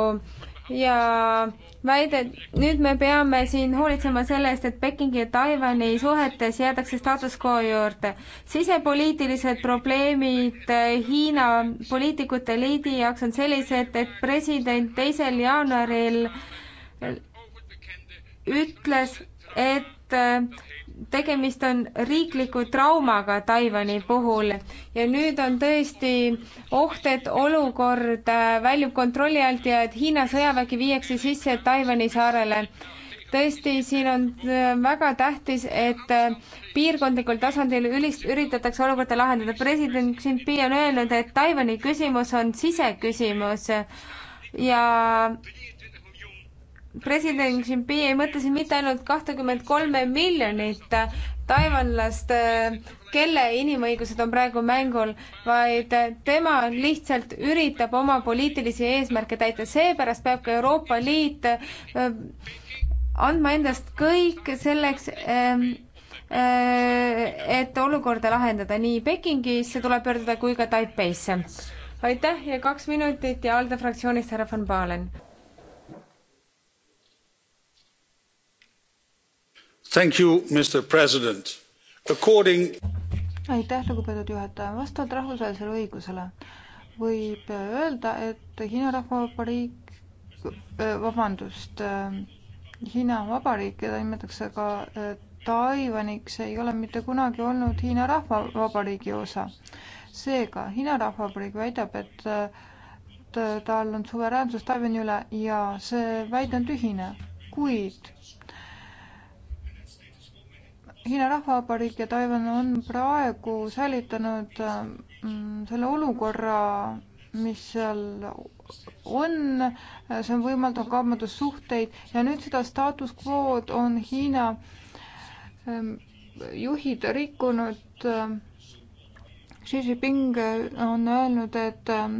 ja väide, nüüd me peame siin hoolitsema selle eest, et Pekingi ja Taiwan'i suhetes jäädakse status quo juurde. sisepoliitilised probleemid eh, Hiina poliitikute liidi jaoks on sellised, et president teisel jaanuaril eh, ütles, et eh, tegemist on riikliku traumaga Taiwan'i puhul ja nüüd on tõesti oht, et olukord äh, väljub kontrolli alt ja et Hiina sõjavägi viiakse sisse Taiwan'i saarele. tõesti, siin on äh, väga tähtis, et äh, piirkondlikul tasandil ülis-, üritatakse olukorda lahendada. president Xi Jinping on öelnud, et Taiwan'i küsimus on siseküsimus ja president Xi ei mõtle siin mitte ainult kahtekümmet kolme miljonit äh, taiwanlast, äh, kelle inimõigused on praegu mängul, vaid äh, tema lihtsalt üritab oma poliitilisi eesmärke täita, seepärast peab ka Euroopa Liit andma endast kõik selleks, ähm, et olukorda lahendada nii Pekingisse tuleb pöörduda kui ka Taipeisse. aitäh ja kaks minutit ja ALDE fraktsioonist härra von Pahlen You, According... aitäh, lugupeetud juhataja. vastavalt rahvusvahelisele õigusele võib öelda, et Hiina Rahvavabariik, äh, vabandust, äh, Hiina Vabariik, keda nimetatakse ka äh, Taiwaniks, ei ole mitte kunagi olnud Hiina Rahvavabariigi osa. seega Hiina Rahvavabariik väidab, et tal on suveräänsus Taiwan'i üle ja see väide on tühine, kuid Hiina Rahvavabariik ja Taiwan on praegu säilitanud mm, selle olukorra, mis seal on, see on võimaldanud kaubandussuhteid ja nüüd seda status quo'd on Hiina ähm, juhid rikkunud. Xi Jinping on öelnud, et ähm,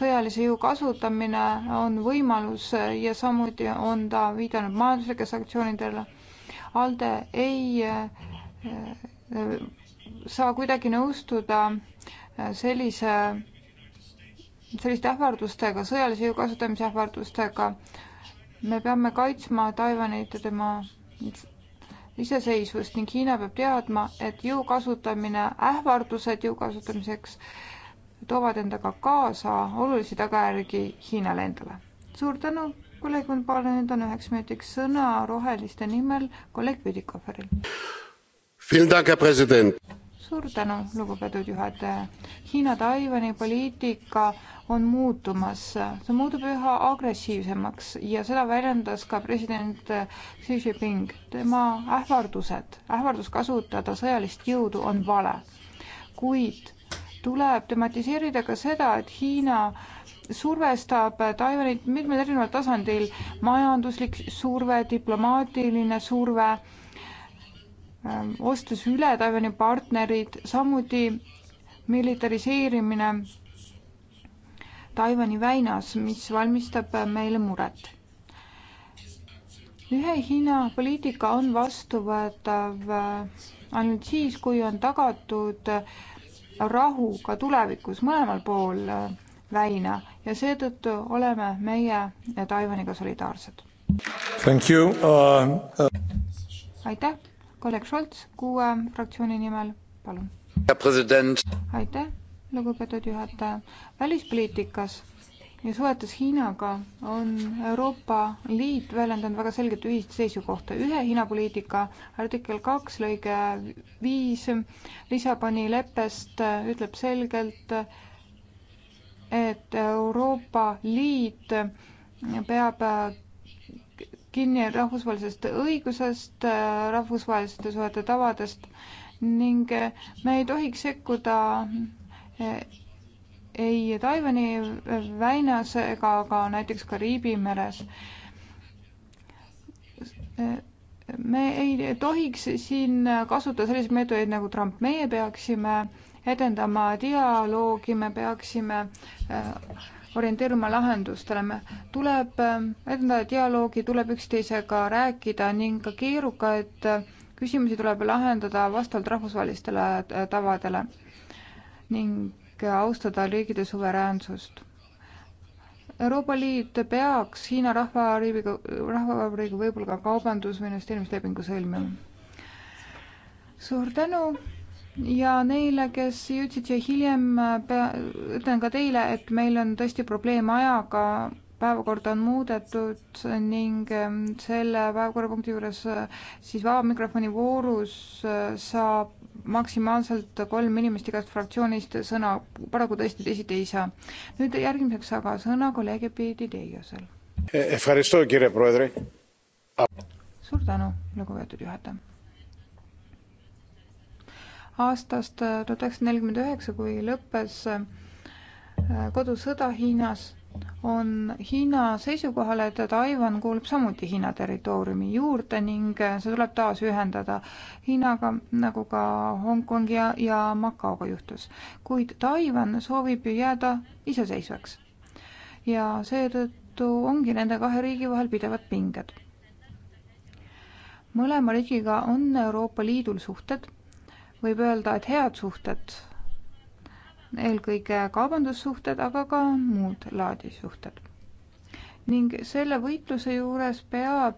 sõjalise jõu kasutamine on võimalus ja samuti on ta viidanud majanduslikele sanktsioonidele ALDE ei äh, saa kuidagi nõustuda äh, sellise, selliste ähvardustega, sõjalise jõu kasutamise ähvardustega. me peame kaitsma Taiwanit ja tema iseseisvust ning Hiina peab teadma, et jõu kasutamine, ähvardused jõu kasutamiseks toovad endaga kaasa olulisi tagajärgi Hiinale endale. suur tänu kolleeg on palun, nüüd on üheks minutiks sõna roheliste nimel kolleeg Püdikoferil. suur tänu, lugupeetud juhataja. Hiina-Taiwan'i poliitika on muutumas, see muutub üha agressiivsemaks ja seda väljendas ka president Xi Jinping. tema ähvardused, ähvardus kasutada sõjalist jõudu on vale, kuid tuleb tematiseerida ka seda, et Hiina survestab Taiwanit mitmel erineval tasandil, majanduslik surve, diplomaatiline surve, ähm, ostes üle Taiwan'i partnerid, samuti militariseerimine Taiwan'i väinas, mis valmistab meile muret. ühe Hiina poliitika on vastuvõetav äh, ainult siis, kui on tagatud rahu ka tulevikus mõlemal pool äh, väina ja seetõttu oleme meie Taiwaniga solidaarsed. Uh, uh... aitäh, kolleeg Scholz, kuue fraktsiooni nimel, palun. aitäh, lugupeetud juhataja. välispoliitikas ja suhetes Hiinaga on Euroopa Liit väljendanud väga selget ühist seisukohta. ühe Hiina poliitika artikkel kaks lõige viis Lissaboni leppest ütleb selgelt, et Euroopa Liit peab kinni rahvusvahelisest õigusest, rahvusvaheliste suhete tavadest ning me ei tohiks sekkuda eh, ei Taiwan'i väinas ega ka näiteks Kariibi meres. Eh, me ei tohiks siin kasutada selliseid meetodeid nagu Trump, meie peaksime äh, edendama dialoogi, me peaksime äh, orienteeruma lahendustele, me tuleb äh, edendada dialoogi, tuleb üksteisega rääkida ning ka keerukaid äh, küsimusi tuleb lahendada vastavalt rahvusvahelistele tavadele ning austada riikide suveräänsust. Euroopa Liit peaks Hiina rahvavabariigiga, rahvavabariigiga võib-olla ka kaubandus- või investeerimislepingu sõlmima. suur tänu ja neile, kes jõudsid siia hiljem, ütlen ka teile, et meil on tõesti probleem ajaga, päevakorda on muudetud ning ehm, selle päevakorrapunkti juures siis vaba mikrofoni voorus ehm, saab maksimaalselt kolm inimest igast fraktsioonist sõna, paraku tõesti teisiti ei saa. nüüd järgmiseks aga sõna kolleeg Epidi Teiosel. Ehm, suur tänu, lugupeetud juhataja aastast äh, tuhat üheksasada nelikümmend üheksa, kui lõppes äh, kodusõda Hiinas, on Hiina seisukohal, et Taiwan kuulub samuti Hiina territooriumi juurde ning äh, see tuleb taas ühendada Hiinaga, nagu ka Hongkong ja, ja Makaoga juhtus. kuid Taiwan soovib ju jääda iseseisvaks ja seetõttu ongi nende kahe riigi vahel pidevad pinged. mõlema riigiga on Euroopa Liidul suhted võib öelda, et head suhted, eelkõige kaubandussuhted, aga ka muud laadi suhted. ning selle võitluse juures peab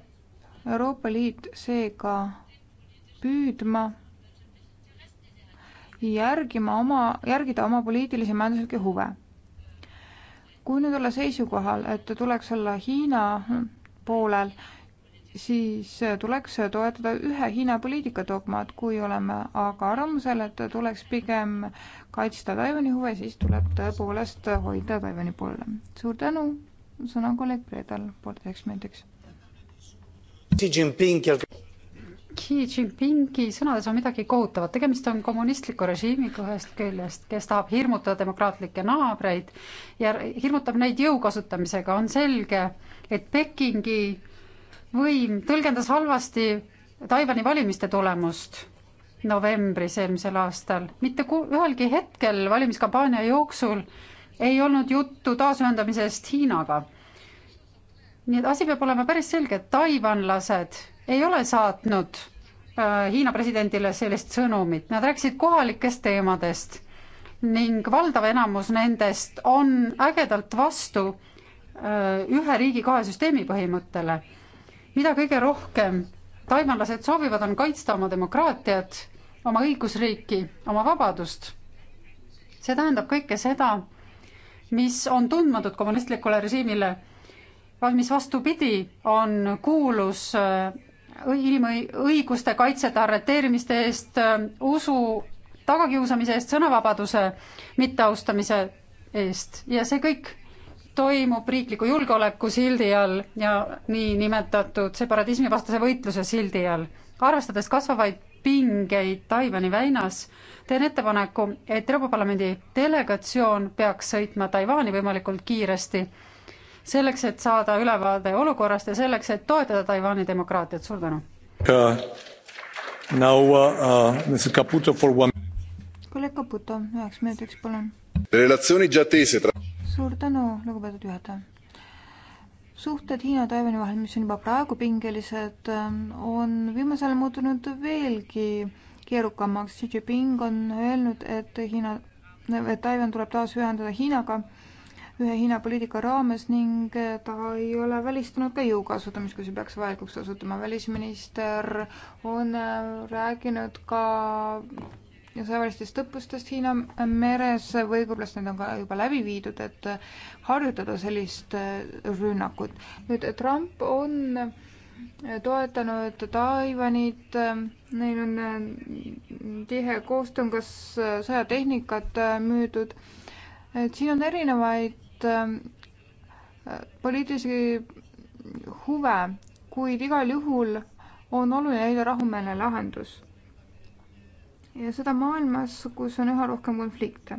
Euroopa Liit seega püüdma järgima oma, järgida oma poliitilisi majanduslikke huve. kui nüüd olla seisukohal, et tuleks olla Hiina poolel, siis tuleks toetada ühe Hiina poliitika dogmat, kui oleme aga arvamusel, et tuleks pigem kaitsta Taiwan'i huve, siis tuleb tõepoolest hoida Taiwan'i poole. suur tänu, sõna on kolleeg Predal, poolteiseks minutiks. Xi Jinpingi sõnades on midagi kohutavat, tegemist on kommunistliku režiimiga ühest küljest, kes tahab hirmutada demokraatlikke naabreid ja hirmutab neid jõu kasutamisega, on selge, et Pekingi võim tõlgendas halvasti Taiwan'i valimiste tulemust novembris eelmisel aastal. mitte ühelgi hetkel valimiskampaania jooksul ei olnud juttu taasühendamisest Hiinaga. nii et asi peab olema päris selge, et taiwanlased ei ole saatnud äh, Hiina presidendile sellist sõnumit, nad rääkisid kohalikest teemadest ning valdav enamus nendest on ägedalt vastu äh, ühe riigi kahe süsteemi põhimõttele mida kõige rohkem taimalased soovivad, on kaitsta oma demokraatiat, oma õigusriiki, oma vabadust. see tähendab kõike seda, mis on tundmatud kommunistlikule režiimile, vaid mis vastupidi, on kuulus äh, inimõiguste kaitsjate arreteerimiste eest, äh, usu tagakiusamise eest, sõnavabaduse mitteaustamise eest ja see kõik toimub riikliku julgeoleku sildi all ja niinimetatud separatismivastase võitluse sildi all. arvestades kasvavaid pingeid Taiwan'i väinas, teen ettepaneku, et Euroopa Parlamendi delegatsioon peaks sõitma Taiwan'i võimalikult kiiresti, selleks, et saada ülevaade olukorrast ja selleks, et toetada Taiwan'i demokraatiat, suur tänu uh,. Now uh, uh, Mr Caputo for one. kolleeg Caputo, üheks minutiks, palun. relatsioonid ja teised suur tänu, lugupeetud juhataja. suhted Hiina ja Taiwan'i vahel, mis on juba praegu pingelised, on viimasel ajal muutunud veelgi keerukamaks. Xi Jinping on öelnud, et Hiina, et Taiwan tuleb taas ühendada Hiinaga ühe Hiina poliitika raames ning ta ei ole välistanud ka jõu kasutamist, kui see peaks vajalikuks osutuma. välisminister on rääkinud ka ja sõjaväelistest õppustest Hiina meres või võib-olla need on ka juba läbi viidud, et harjutada sellist äh, rünnakut. nüüd Trump on äh, toetanud Taiwanit, äh, neil on tihe koostöö, on kas sõjatehnikat müüdud, et siin on erinevaid poliitilisi huve, kuid igal juhul on oluline leida rahumeelne lahendus ja seda maailmas, kus on üha rohkem konflikte.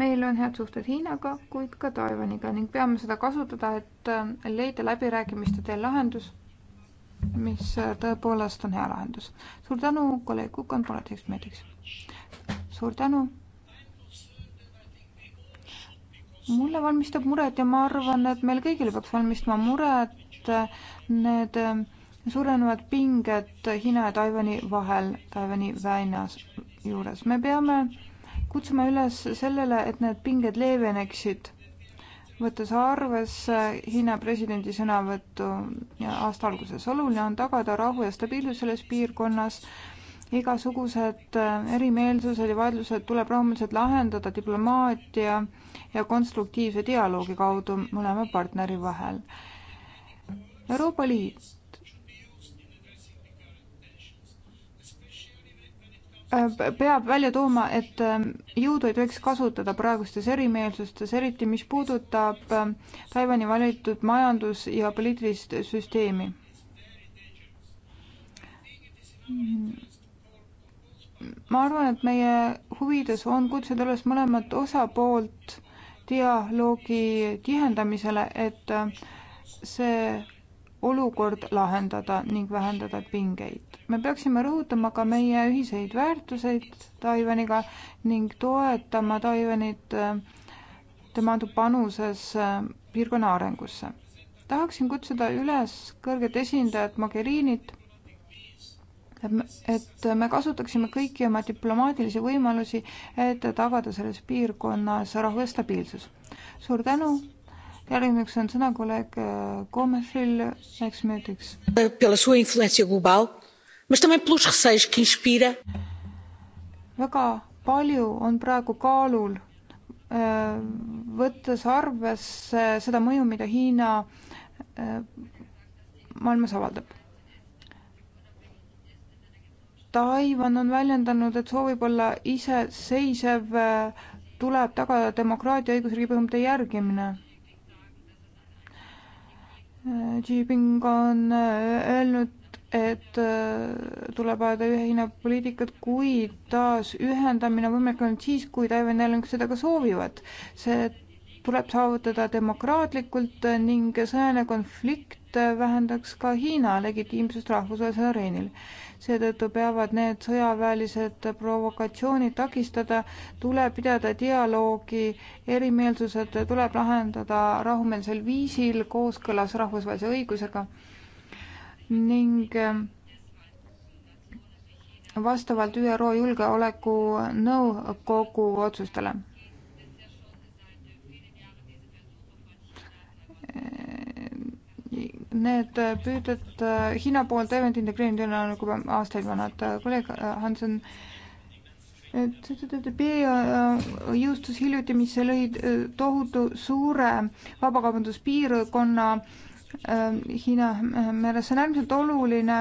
meil on head suhted Hiinaga, kuid ka Taiwaniga ning peame seda kasutada, et äh, leida läbirääkimiste teel lahendus, mis äh, tõepoolest on hea lahendus. suur tänu, kolleeg Kukan, poliitiliseks meediks. suur tänu mulle valmistab muret ja ma arvan, et meil kõigil peaks valmistama muret äh, need suurenevad pinged Hiina ja Taiwan'i vahel, Taiwan'i väinas juures. me peame kutsuma üles sellele, et need pinged leeveneksid, võttes arvesse Hiina presidendi sõnavõttu aasta alguses. oluline on tagada rahu ja stabiilsus selles piirkonnas. igasugused äh, erimeelsused ja vaidlused tuleb rahumeelselt lahendada diplomaatia ja konstruktiivse dialoogi kaudu mõlema partneri vahel. Euroopa Liit Äh, peab välja tooma, et ähm, jõudu ei tohiks kasutada praegustes erimeelsustes, eriti mis puudutab ähm, Taiwan'i valitud majandus- ja poliitilist süsteemi. ma arvan, et meie huvides on kutsuda üles mõlemat osapoolt dialoogi tihendamisele, et äh, see olukord lahendada ning vähendada pingeid. me peaksime rõhutama ka meie ühiseid väärtuseid Taiwaniga ning toetama Taiwanit äh, tema panuses äh, piirkonna arengusse. tahaksin kutsuda üles kõrget esindajat Mogherinit, et me kasutaksime kõiki oma diplomaatilisi võimalusi, et tagada selles piirkonnas rahu ja stabiilsus. suur tänu järgmiseks on sõna kolleeg Gomesil äh, üheks minutiks. peale su influentsi globaal, mis ta meil pluss seis inspire? väga palju on praegu kaalul, äh, võttes arvesse seda mõju, mida Hiina äh, maailmas avaldab Taiwan on väljendanud, et soovib olla iseseisev, tuleb tagada demokraatia õigusriigi põhimõtte järgimine. Jinping on äh, öelnud, et äh, tuleb ajada ühe Hiina poliitikat, kuid taasühendamine on võimalik ainult siis, kui Taiwan ja Elering seda ka soovivad. see tuleb saavutada demokraatlikult ning sõjaline konflikt et vähendaks ka Hiina legitiimsust rahvusvahelisel areenil. seetõttu peavad need sõjaväelised provokatsioonid takistada, tuleb pidada dialoogi, erimeelsused tuleb lahendada rahumeelsel viisil, kooskõlas rahvusvahelise õigusega ning ähm, vastavalt ÜRO Julgeolekunõukogu otsustele Need püüded äh, Hiina poolt Event integreerida on juba aastaid vanad. Äh, kolleeg äh, Hansen, CCTB jõustus hiljuti, mis lõi tohutu suure vabakaubanduspiirkonna ähm, Hiina meeles. see on äärmiselt oluline,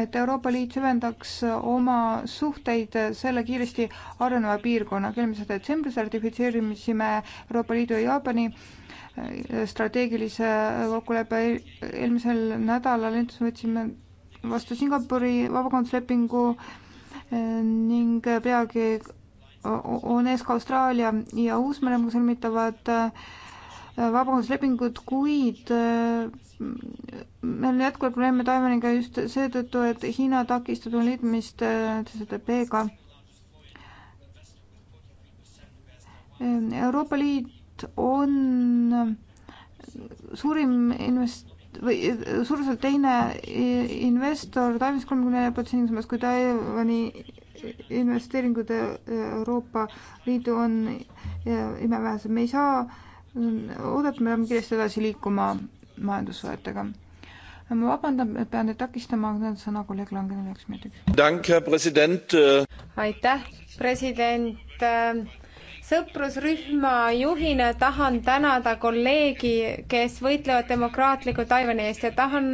et Euroopa Liit süvendaks oma suhteid selle kiiresti areneva piirkonnaga. eelmise detsembris ratifitseerimisime Euroopa Liidu ja Jaapani äh, strateegilise kokkuleppe eelmisel nädalal näiteks võtsime vastu Singapuri vabakaubanduslepingu eh, ning peagi on ees ka Austraalia ja Uus-Meremaa sõlmitavad eh, vabakaubanduslepingud, kuid eh, meil on jätkuvalt probleeme Taiwaniga just seetõttu, et Hiina takistab liitumist CCTP-ga. Euroopa Liit Liit on suurim invest-, või suuruselt teine investor Taiwanis kolmekümne nelja protsendiga, samas kui Taiwan'i investeeringud Euroopa Liidu on imevähesed. me ei saa oodata, me peame kiiresti edasi liikuma majandussuhetega. ma vabandan, et pean teid takistama, aga nüüd sõna kolleeg Langenile üks minutiks. aitäh, president sõprusrühma juhina tahan tänada kolleegi, kes võitlevad demokraatliku Taiwan'i eest ja tahan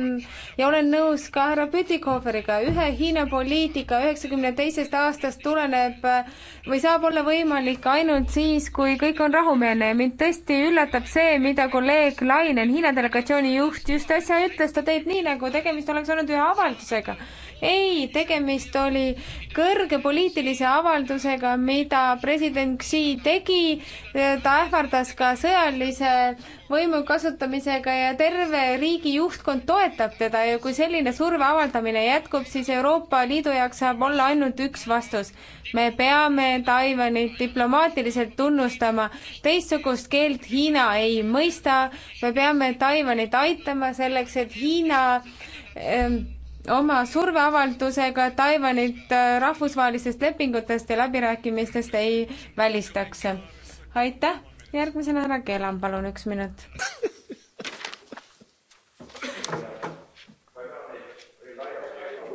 ja olen nõus ka härra Pütikoferiga, ühe Hiina poliitika üheksakümne teisest aastast tuleneb või saab olla võimalik ainult siis, kui kõik on rahumeelne ja mind tõesti üllatab see, mida kolleeg Lainen, Hiina delegatsiooni juht, just äsja ütles, ta teeb nii, nagu tegemist oleks olnud ühe avaldusega ei, tegemist oli kõrge poliitilise avaldusega, mida president Xi tegi. ta ähvardas ka sõjalise võimu kasutamisega ja terve riigi juhtkond toetab teda ja kui selline surve avaldamine jätkub, siis Euroopa Liidu jaoks saab olla ainult üks vastus. me peame Taiwanit diplomaatiliselt tunnustama, teistsugust keelt Hiina ei mõista, me peame Taiwanit aitama selleks, et Hiina ähm, oma surveavaldusega Taiwanit äh, rahvusvahelistest lepingutest ja läbirääkimistest ei välistaks. aitäh, järgmisena härra Kelam, palun üks minut.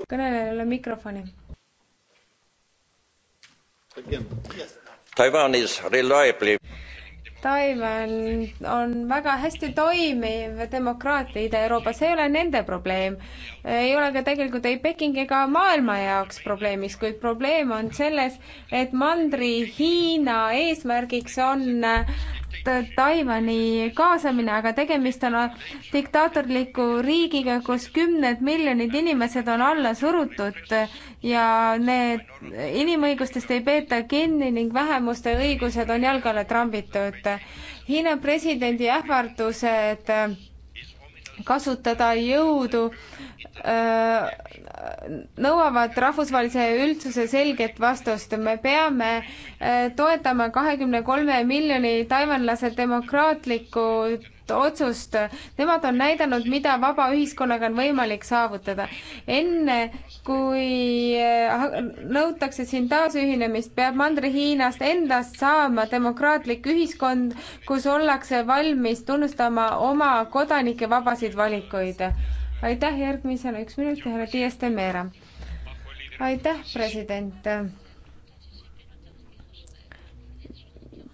kõnelejal ei ole mikrofoni. Taiwan is reliably Taiwan on väga hästi toimiv demokraatia Ida-Euroopas, see ei ole nende probleem. ei ole ka tegelikult ei Pekingi ega maailma jaoks probleemiks, kuid probleem on selles, et mandri Hiina eesmärgiks on äh, Taiwan'i kaasamine, aga tegemist on diktaatorliku riigiga, kus kümned miljonid inimesed on alla surutud ja need inimõigustest ei peeta kinni ning vähemuste õigused on jalge alla trambitud. Hiina presidendi ähvardused kasutada jõudu, äh, nõuavad rahvusvahelise üldsuse selget vastust. me peame äh, toetama kahekümne kolme miljoni taiwanlase demokraatlikku otsust. Nemad on näidanud, mida vaba ühiskonnaga on võimalik saavutada. enne kui eh, nõutakse siin taasühinemist, peab Mandri-Hiinast endast saama demokraatlik ühiskond, kus ollakse valmis tunnustama oma kodanike vabasid valikuid. aitäh, järgmisena üks minut, härra Dias de Mera. aitäh, president.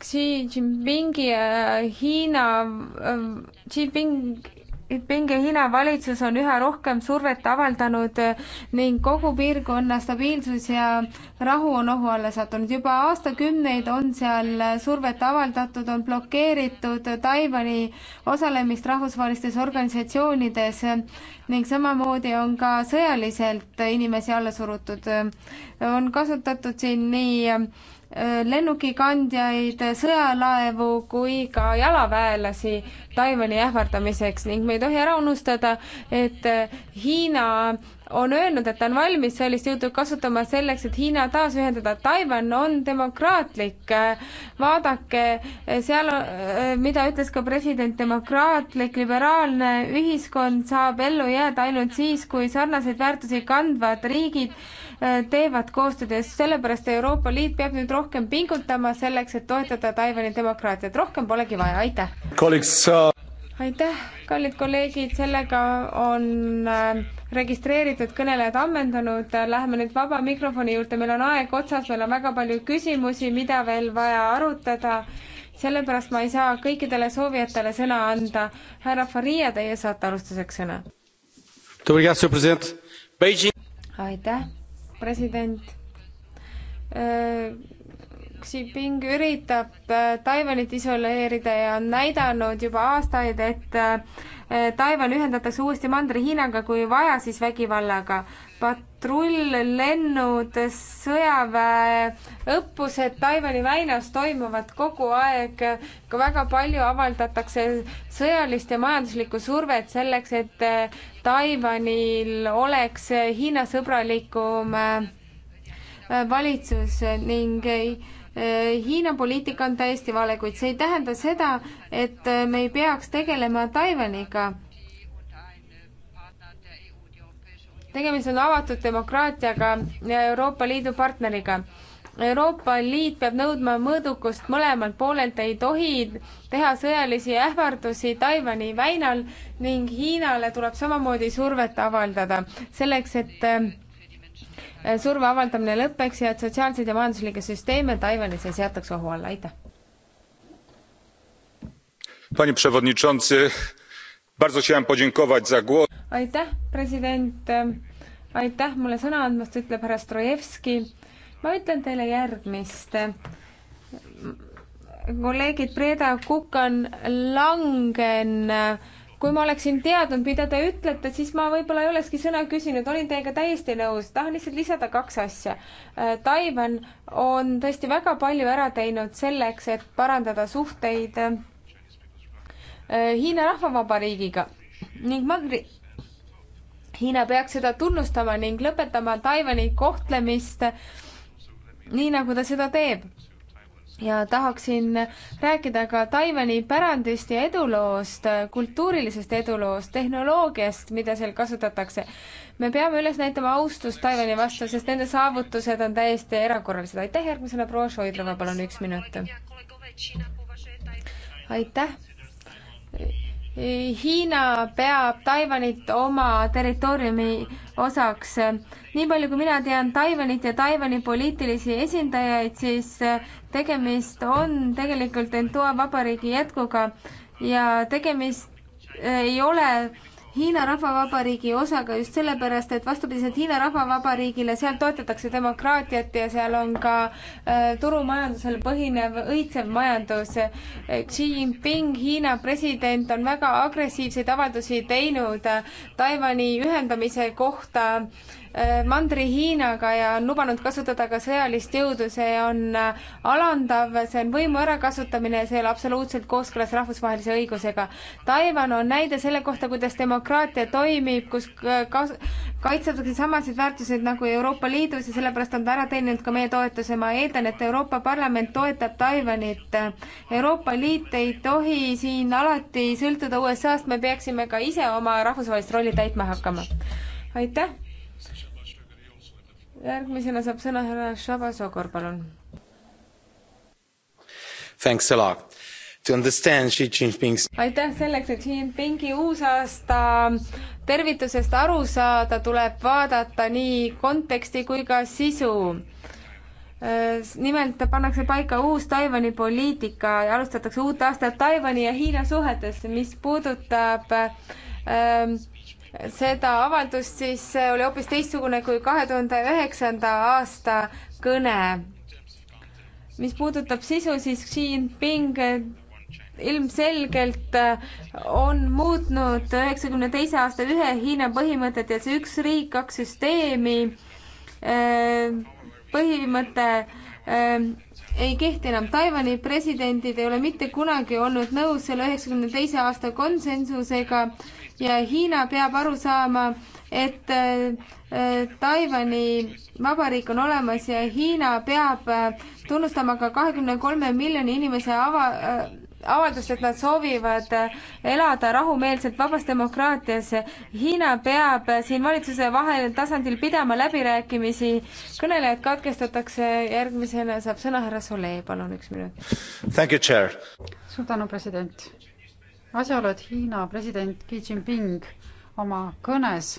Xi Jinpingi ja Hiina, eh, Xi Jinping pinge Hiina valitsus on üha rohkem survet avaldanud eh, ning kogu piirkonna stabiilsus ja rahu on ohu alla sattunud. juba aastakümneid on seal survet avaldatud, on blokeeritud Taiwan'i osalemist rahvusvahelistes organisatsioonides ning samamoodi on ka sõjaliselt inimesi alla surutud. on kasutatud siin nii eh, lennukikandjaid, sõjalaevu kui ka jalaväelasi Taiwan'i ähvardamiseks ning me ei tohi ära unustada, et Hiina on öelnud, et ta on valmis sellist jõudu kasutama selleks, et Hiina taasühendada. Taiwan on demokraatlik. vaadake seal, mida ütles ka president, demokraatlik liberaalne ühiskond saab ellu jääda ainult siis, kui sarnaseid väärtusi kandvad riigid Äh, teevad koostööd ja sellepärast Euroopa Liit peab nüüd rohkem pingutama selleks, et toetada Taiwan'i demokraatiat, rohkem polegi vaja, aitäh! Uh, aitäh, kallid kolleegid, sellega on äh, registreeritud kõnelejad ammendanud, läheme nüüd vaba mikrofoni juurde, meil on aeg otsas, meil on väga palju küsimusi, mida veel vaja arutada, sellepärast ma ei saa kõikidele soovijatele sõna anda. härra Faria, teie saate alustuseks sõna. aitäh president äh, Xi Jinping üritab äh, Taiwanit isoleerida ja on näidanud juba aastaid, et äh, Taiwan ühendatakse uuesti Mandri-Hiinaga, kui vaja, siis vägivallaga patrulllennud, sõjaväeõppused Taiwan'i väinas toimuvad kogu aeg, ka väga palju avaldatakse sõjalist ja majanduslikku survet selleks, et eh, Taiwan'il oleks eh, Hiina-sõbralikum eh, valitsus ning Hiina poliitika on täiesti vale, kuid see ei tähenda seda, et me ei peaks tegelema Taiwan'iga tegemist on avatud demokraatiaga ja Euroopa Liidu partneriga. Euroopa Liit peab nõudma mõõdukust mõlemalt poolelt, ei tohi teha sõjalisi ähvardusi Taiwan'i väinal ning Hiinale tuleb samamoodi survet avaldada selleks, et äh, surve avaldamine lõpeks ja et sotsiaalseid ja majanduslikke süsteeme Taiwan'is ei seataks ohu alla, aitäh. Panie przewodniczący, aitäh, president, aitäh mulle sõna andmast, ütleb härra Strojevski. ma ütlen teile järgmist. kolleegid Breda Kukan, langen kui ma oleksin teadnud, mida te ütlete, siis ma võib-olla ei olekski sõna küsinud, olin teiega täiesti nõus, tahan lihtsalt lisada kaks asja. Taiwan on tõesti väga palju ära teinud selleks, et parandada suhteid Äh, Hiina Rahvavabariigiga ning Magri Hiina peaks seda tunnustama ning lõpetama Taiwan'i kohtlemist nii, nagu ta seda teeb. ja tahaksin rääkida ka Taiwan'i pärandist ja eduloost, kultuurilisest eduloost, tehnoloogiast, mida seal kasutatakse. me peame üles näitama austust Taiwan'i vastu, sest nende saavutused on täiesti erakorralised. aitäh, järgmisena proua Šoidrova, palun üks minut. aitäh Hiina peab Taiwanit oma territooriumi osaks. nii palju, kui mina tean Taiwanit ja Taiwan'i poliitilisi esindajaid, siis tegemist on tegelikult Entua vabariigi jätkuga ja tegemist ei ole Hiina Rahvavabariigi osaga just sellepärast, et vastupidiselt Hiina Rahvavabariigile, seal toetatakse demokraatiat ja seal on ka äh, turumajandusel põhinev õitsev majandus. Xi Jinping, Hiina president, on väga agressiivseid avaldusi teinud Taiwan'i ühendamise kohta äh, Äh, Mandri-Hiinaga ja on lubanud kasutada ka sõjalist jõudu, see on äh, alandav, see on võimu ärakasutamine ja see ei ole absoluutselt kooskõlas rahvusvahelise õigusega. Taiwan on näide selle kohta, kuidas demokraatia toimib, kus äh, kas-, kaitsetakse samasid väärtuseid nagu Euroopa Liidus ja sellepärast on ta ära teeninud ka meie toetuse. ma eeldan, et Euroopa Parlament toetab Taiwanit. Euroopa Liit ei tohi siin alati sõltuda USA-st, me peaksime ka ise oma rahvusvahelist rolli täitma hakkama. aitäh! järgmisena saab sõna härra Shaba Sogor, palun. Thanks a lot to understand Xi Jinping's. aitäh selleks, et Xi Jinpingi uusaasta tervitusest aru saada, tuleb vaadata nii konteksti kui ka sisu. Äh, nimelt pannakse paika uus Taiwan'i poliitika ja alustatakse uut aastat Taiwan'i ja Hiina suhetes, mis puudutab ähm, seda avaldust, siis see oli hoopis teistsugune kui kahe tuhande üheksanda aasta kõne. mis puudutab sisu, siis Xi Jinping ilmselgelt äh, on muutnud üheksakümne teise aasta ühe Hiina põhimõtet ja see üks riik, kaks süsteemi äh, põhimõte äh, ei kehti enam. Taiwan'i presidendid ei ole mitte kunagi olnud nõus selle üheksakümne teise aasta konsensusega ja Hiina peab aru saama, et äh, Taiwan'i vabariik on olemas ja Hiina peab äh, tunnustama ka kahekümne kolme miljoni inimese ava-, äh, avaldust, et nad soovivad elada rahumeelselt vabas demokraatias. Hiina peab siin valitsuse vahel tasandil pidama läbirääkimisi. kõnelejad katkestatakse, järgmisena saab sõna härra Solee, palun üks minut. suur tänu, president asjaolu, et Hiina president Xi Jinping oma kõnes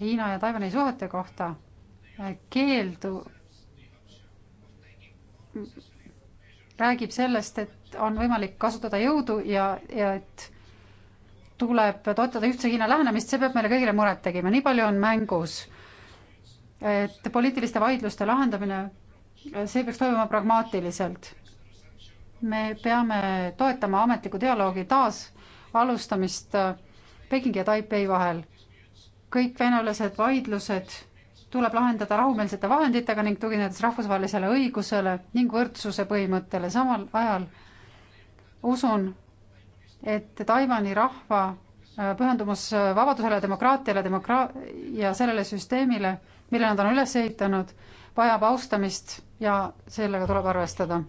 Hiina ja Taiwan'i suhete kohta keeldu, räägib sellest, et on võimalik kasutada jõudu ja, ja et tuleb toetada ühtse Hiina lähenemist, see peab meile kõigile muret tegema, nii palju on mängus. et poliitiliste vaidluste lahendamine, see peaks toimuma pragmaatiliselt me peame toetama ametliku dialoogi taas alustamist Pekingi ja Taipei vahel. kõik venelased vaidlused tuleb lahendada rahumeelsete vahenditega ning tuginedes rahvusvahelisele õigusele ning võrdsuse põhimõttele. samal ajal usun, et Taiwan'i rahva äh, pühendumus vabadusele, demokraatiale, demokra- ja sellele süsteemile, mille nad on üles ehitanud, vajab austamist ja sellega tuleb arvestada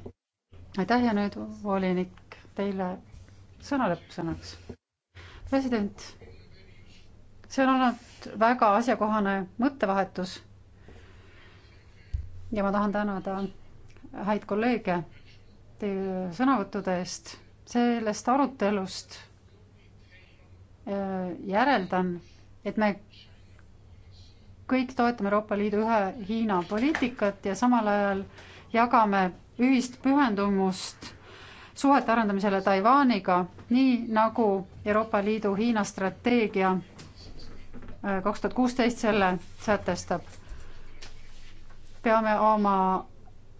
aitäh ja nüüd volinik teile sõna lõppsõnaks. president, see on olnud väga asjakohane mõttevahetus. ja ma tahan tänada häid kolleege teie sõnavõttude eest. sellest arutelust äh, järeldan, et me kõik toetame Euroopa Liidu ühe Hiina poliitikat ja samal ajal jagame ühist pühendumust suhete arendamisele Taiwaniga, nii nagu Euroopa Liidu Hiina strateegia äh, kaks tuhat kuusteist selle sätestab. peame oma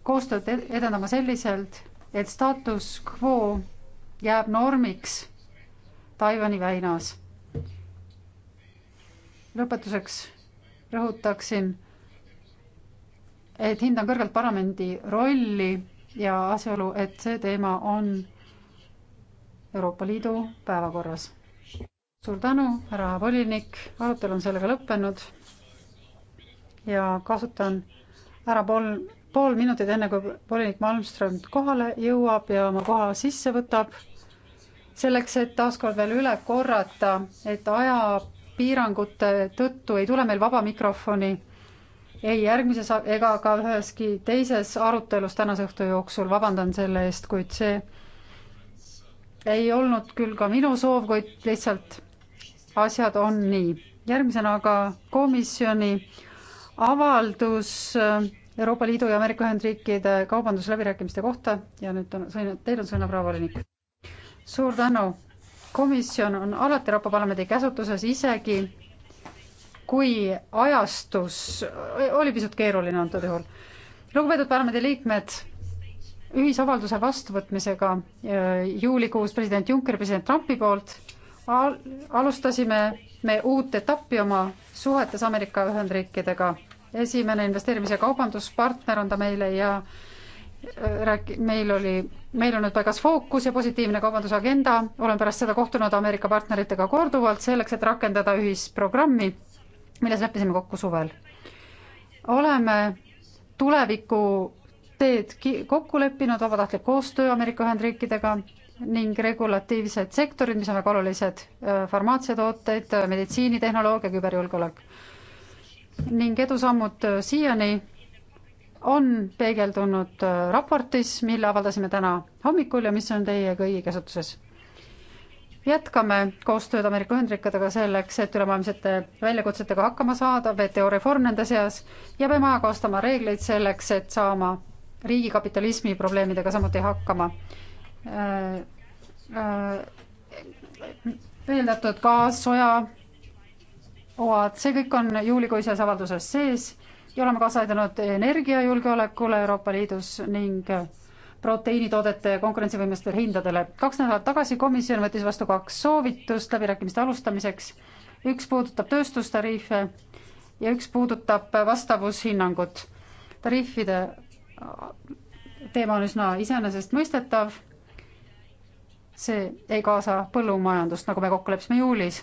koostööd e-, edendama selliselt, et status quo jääb normiks Taiwan'i väinas. lõpetuseks rõhutaksin et hindan kõrgelt parlamendi rolli ja asjaolu, et see teema on Euroopa Liidu päevakorras. suur tänu, härra volinik, arutelu on sellega lõppenud ja kasutan ära pool, pool minutit, enne kui volinik Malmström kohale jõuab ja oma koha sisse võtab. selleks, et taaskord veel üle korrata, et ajapiirangute tõttu ei tule meil vaba mikrofoni ei järgmises ega ka üheski teises arutelus tänase õhtu jooksul, vabandan selle eest, kuid see ei olnud küll ka minu soov, kuid lihtsalt asjad on nii. järgmisena aga komisjoni avaldus Euroopa Liidu ja Ameerika Ühendriikide kaubandusläbirääkimiste kohta ja nüüd on sõna, teil on sõna, proua volinik. suur tänu. komisjon on alati Euroopa Parlamendi käsutuses, isegi kui ajastus oli pisut keeruline antud juhul. lugupeetud parlamendiliikmed, ühisavalduse vastuvõtmisega äh, juulikuus president Junckeri, president Trumpi poolt al alustasime me uut etappi oma suhetes Ameerika Ühendriikidega. esimene investeerimis- ja kaubanduspartner on ta meile ja äh, rääk-, meil oli, meil on nüüd paigas fookus ja positiivne kaubandusagenda, olen pärast seda kohtunud Ameerika partneritega korduvalt selleks, et rakendada ühisprogrammi milles leppisime kokku suvel. oleme tuleviku teed kokku leppinud, vabatahtlik koostöö Ameerika Ühendriikidega ning regulatiivsed sektorid, mis on väga olulised, äh, farmaatsiatooteid, äh, meditsiinitehnoloogia, küberjulgeolek. ning edusammud äh, siiani on peegeldunud raportis, mille avaldasime täna hommikul ja mis on teie kõigi käsutuses jätkame koostööd Ameerika Ühendriikidega selleks, et ülemaailmsete väljakutsetega hakkama saada, WTO reform nende seas ja peame ajakohastama reegleid selleks, et saama riigikapitalismi probleemidega samuti hakkama äh,. äh veeldatud äh, gaas, soja, oad, see kõik on juulikuises avalduses sees ja oleme kaasa aidanud energiajulgeolekule Euroopa Liidus ning proteiinitoodete konkurentsivõimestele hindadele. kaks nädalat tagasi komisjon võttis vastu kaks soovitust läbirääkimiste alustamiseks. üks puudutab tööstustariife ja üks puudutab vastavushinnangut. tariifide teema on üsna iseenesestmõistetav. see ei kaasa põllumajandust, nagu me kokku leppisime juulis.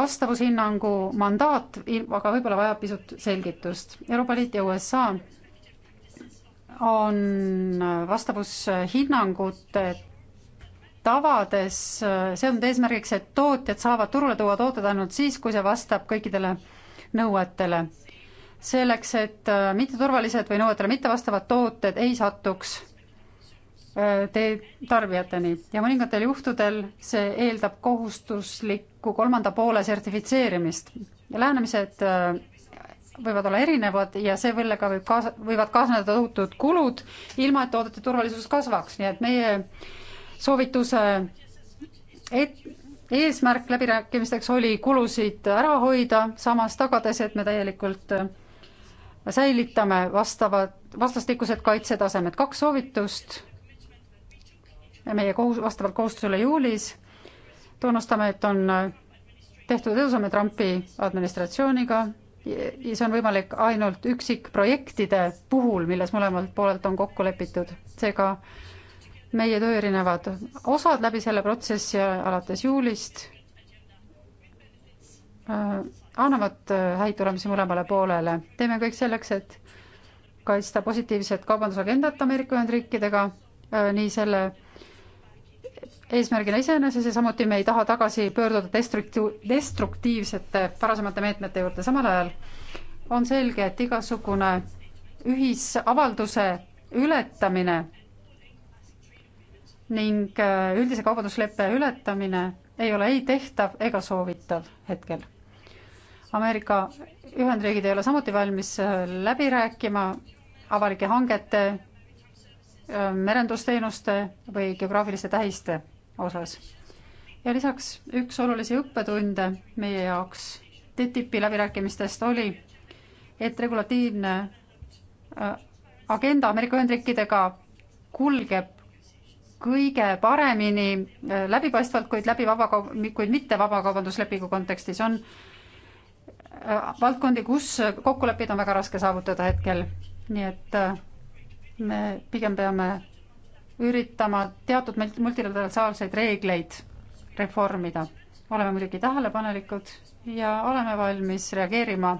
vastavushinnangu mandaat aga võib-olla vajab pisut selgitust. Euroopa Liit ja USA on vastavushinnangute tavades seotud eesmärgiks, et tootjad saavad turule tuua tooted ainult siis, kui see vastab kõikidele nõuetele. selleks, et äh, mitteturvalised või nõuetele mittevastavad tooted ei satuks äh, tee tarbijateni ja mõningatel juhtudel see eeldab kohustuslikku kolmanda poole sertifitseerimist. lähenemised äh, võivad olla erinevad ja see sellega võib kaasa, võivad kaasneda tohutud kulud, ilma et toodete turvalisus kasvaks, nii et meie soovituse et, eesmärk läbirääkimisteks oli kulusid ära hoida, samas tagades, et me täielikult äh, säilitame vastavad, vastastikused kaitsetasemed. kaks soovitust meie kohus, vastavalt kohustusele juulis. tunnustame, et on äh, tehtud edusamme Trumpi administratsiooniga see on võimalik ainult üksikprojektide puhul, milles mõlemalt poolelt on kokku lepitud. seega meie töö erinevad osad läbi selle protsessi alates juulist äh, annavad äh, häid tulemusi mõlemale poolele. teeme kõik selleks, et kaitsta positiivset kaubandusagendat Ameerika Ühendriikidega äh, nii selle eesmärgina iseeneses ja samuti me ei taha tagasi pöörduda destruktiiv, destruktiivsete varasemate meetmete juurde, samal ajal on selge, et igasugune ühisavalduse ületamine ning äh, üldise kaubandusleppe ületamine ei ole ei tehtav ega soovitav hetkel. Ameerika Ühendriigid ei ole samuti valmis äh, läbi rääkima avalike hangete merendusteenuste või geograafiliste tähiste osas. ja lisaks üks olulisi õppetunde meie jaoks TTIP-i läbirääkimistest oli, et regulatiivne agenda Ameerika Ühendriikidega kulgeb kõige paremini läbipaistvalt, kuid läbi vaba, kuid mitte vabakaubanduslepingu kontekstis on valdkondi, kus kokkuleppeid on väga raske saavutada hetkel, nii et me pigem peame üritama teatud multilateraalseid reegleid reformida. oleme muidugi tähelepanelikud ja oleme valmis reageerima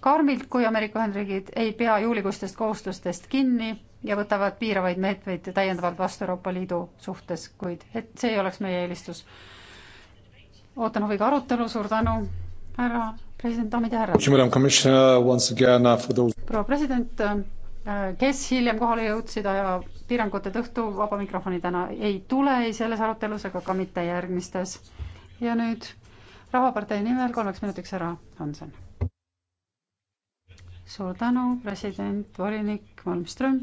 karmilt, kui Ameerika Ühendriigid ei pea juulikuistest kohustustest kinni ja võtavad piiravaid meetmeid täiendavalt vastu Euroopa Liidu suhtes, kuid et see ei oleks meie eelistus. ootan huviga arutelu, suur tänu, härra president, daamid ja härrad. Uh, proua president Äh, kes hiljem kohale jõudsid aja piirangute tõttu, vaba mikrofoni täna ei tule ei selles arutelus ega ka mitte järgmistes. ja nüüd Rahvapartei nimel kolmeks minutiks ära, Hansen. suur tänu, president, volinik Malmström.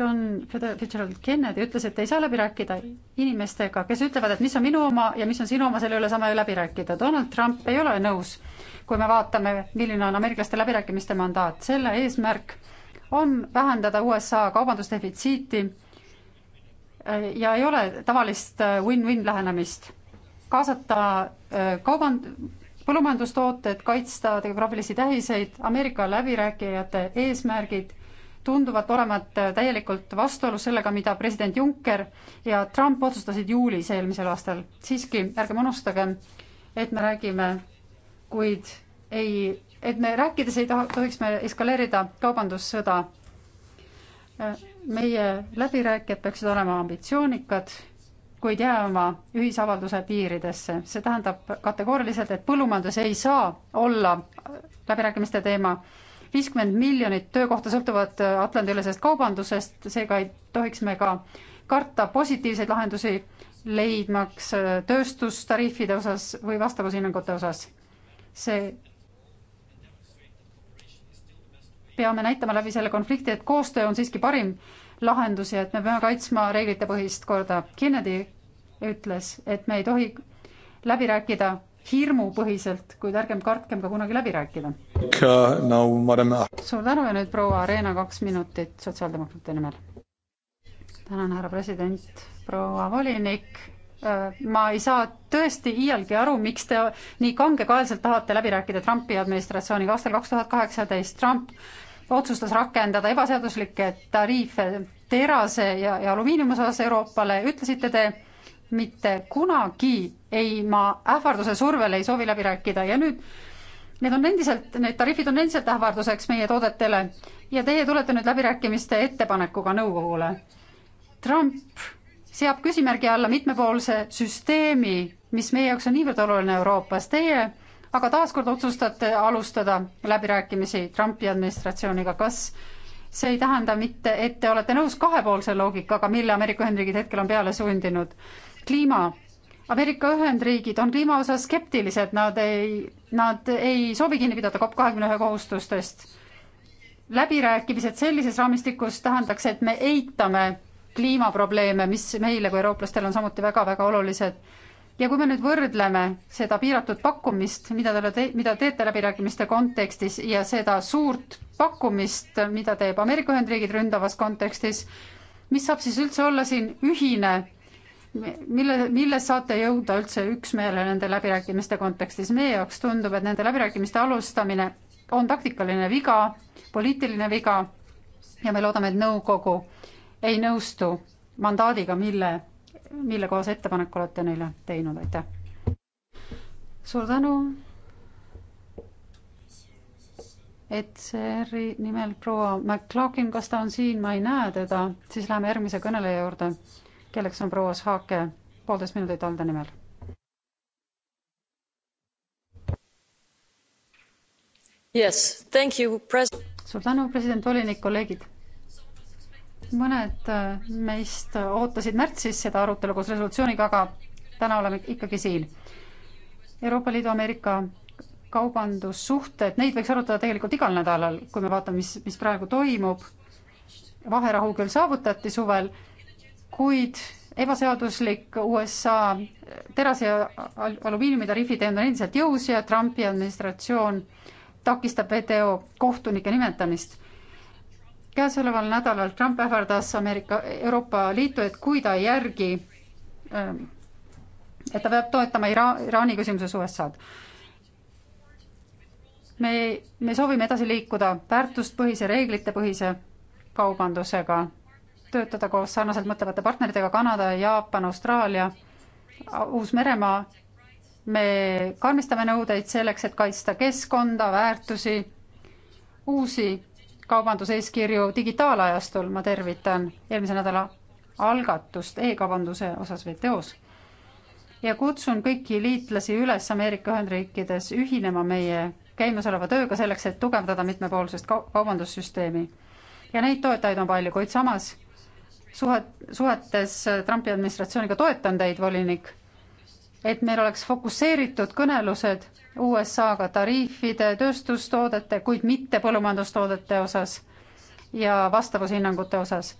John Fitzgerald Kennedy ütles, et ei saa läbi rääkida inimestega, kes ütlevad, et mis on minu oma ja mis on sinu oma, selle üle saame ju läbi rääkida. Donald Trump ei ole nõus, kui me vaatame, milline on ameeriklaste läbirääkimiste mandaat, selle eesmärk on vähendada USA kaubandusdefitsiiti äh, ja ei ole tavalist äh, win-win lähenemist. kaasata äh, kauband-, põllumajandustooted, kaitsta geograafilisi tähiseid, Ameerika läbirääkijate eesmärgid tunduvad olevat täielikult vastuolus sellega, mida president Juncker ja Trump otsustasid juulis eelmisel aastal. siiski ärgem unustagem, et me räägime kuid ei et me rääkides ei taha, tohiks me eskaleerida kaubandussõda. meie läbirääkijad peaksid olema ambitsioonikad, kuid jääma ühisavalduse piiridesse. see tähendab kategooriliselt, et põllumajandus ei saa olla läbirääkimiste teema viiskümmend miljonit töökohta sõltuvad Atlandi-ülesest kaubandusest, seega ei tohiks me ka karta positiivseid lahendusi leidmaks tööstustariifide osas või vastavushinnangute osas. see peame näitama läbi selle konflikti, et koostöö on siiski parim lahendus ja et me peame kaitsma reeglitepõhist korda. Kennedy ütles, et me ei tohi läbi rääkida hirmupõhiselt, kuid ärgem kartkem ka kunagi läbi rääkida. Nagu suur tänu ja nüüd proua Areena kaks minutit sotsiaaldemokraatide nimel. tänan, härra president, proua volinik äh, ma ei saa tõesti iialgi aru, miks te nii kangekaelselt tahate läbi rääkida Trumpi administratsiooniga. aastal kaks tuhat kaheksateist Trump otsustas rakendada ebaseaduslikke tariife terase ja, ja alumiiniumi osas Euroopale, ütlesite te, mitte kunagi ei, ma ähvarduse survel ei soovi läbi rääkida ja nüüd need on endiselt, need tariifid on endiselt ähvarduseks meie toodetele ja teie tulete nüüd läbirääkimiste ettepanekuga nõukogule. Trump seab küsimärgi alla mitmepoolse süsteemi, mis meie jaoks on niivõrd oluline Euroopas, teie aga taaskord otsustate alustada läbirääkimisi Trumpi administratsiooniga, kas see ei tähenda mitte, et te olete nõus kahepoolse loogikaga, mille Ameerika Ühendriigid hetkel on peale sundinud. kliima, Ameerika Ühendriigid on kliima osas skeptilised, nad ei, nad ei soovi kinni pidada COP kahekümne ühe kohustustest. läbirääkimised sellises raamistikus tähendaks, et me eitame kliimaprobleeme, mis meile kui eurooplastele on samuti väga-väga olulised ja kui me nüüd võrdleme seda piiratud pakkumist, mida te olete, mida teete läbirääkimiste kontekstis ja seda suurt pakkumist, mida teeb Ameerika Ühendriigid ründavas kontekstis, mis saab siis üldse olla siin ühine, mille, milles saate jõuda üldse üksmeele nende läbirääkimiste kontekstis? meie jaoks tundub, et nende läbirääkimiste alustamine on taktikaline viga, poliitiline viga ja me loodame, et nõukogu ei nõustu mandaadiga, mille mille kohase ettepaneku olete neile teinud, aitäh. suur tänu. et ERR-i nimel proua McLaughlin, kas ta on siin, ma ei näe teda, siis läheme järgmise kõneleja juurde, kelleks on proua Saake, poolteist minutit ALDE nimel. Yes, thank you, president. suur tänu, president, volinik, kolleegid mõned äh, meist ootasid märtsis seda arutelu koos resolutsiooniga, aga täna oleme ikkagi siin. Euroopa Liidu Ameerika kaubandussuhted, neid võiks arutada tegelikult igal nädalal, kui me vaatame, mis, mis praegu toimub. vaherahu küll saavutati suvel, kuid ebaseaduslik USA terase ja alumiiniumitariifid on endiselt jõus ja Trumpi administratsioon takistab WTO kohtunike nimetamist käesoleval nädalal Trump ähvardas Ameerika, Euroopa Liitu, et kui ta ei järgi, ähm, et ta peab toetama Ira-, Iraani küsimuses USA-d. me, me soovime edasi liikuda väärtustpõhise, reeglitepõhise kaubandusega, töötada koos sarnaselt mõtlevate partneritega Kanada, Jaapan, Austraalia, Uus-Meremaa, me karmistame nõudeid selleks, et kaitsta keskkonda, väärtusi, uusi kaubanduseeskirju digitaalajastul, ma tervitan eelmise nädala algatust e-kaubanduse osas WTO-s ja kutsun kõiki liitlasi üles Ameerika Ühendriikides ühinema meie käimasoleva tööga selleks, et tugevdada mitmepoolsest kaubandussüsteemi. ja neid toetajaid on palju, kuid samas suhet, suhetes Trumpi administratsiooniga toetan teid, volinik et meil oleks fokusseeritud kõnelused USA-ga tariifide, tööstustoodete, kuid mitte põllumajandustoodete osas ja vastavushinnangute osas.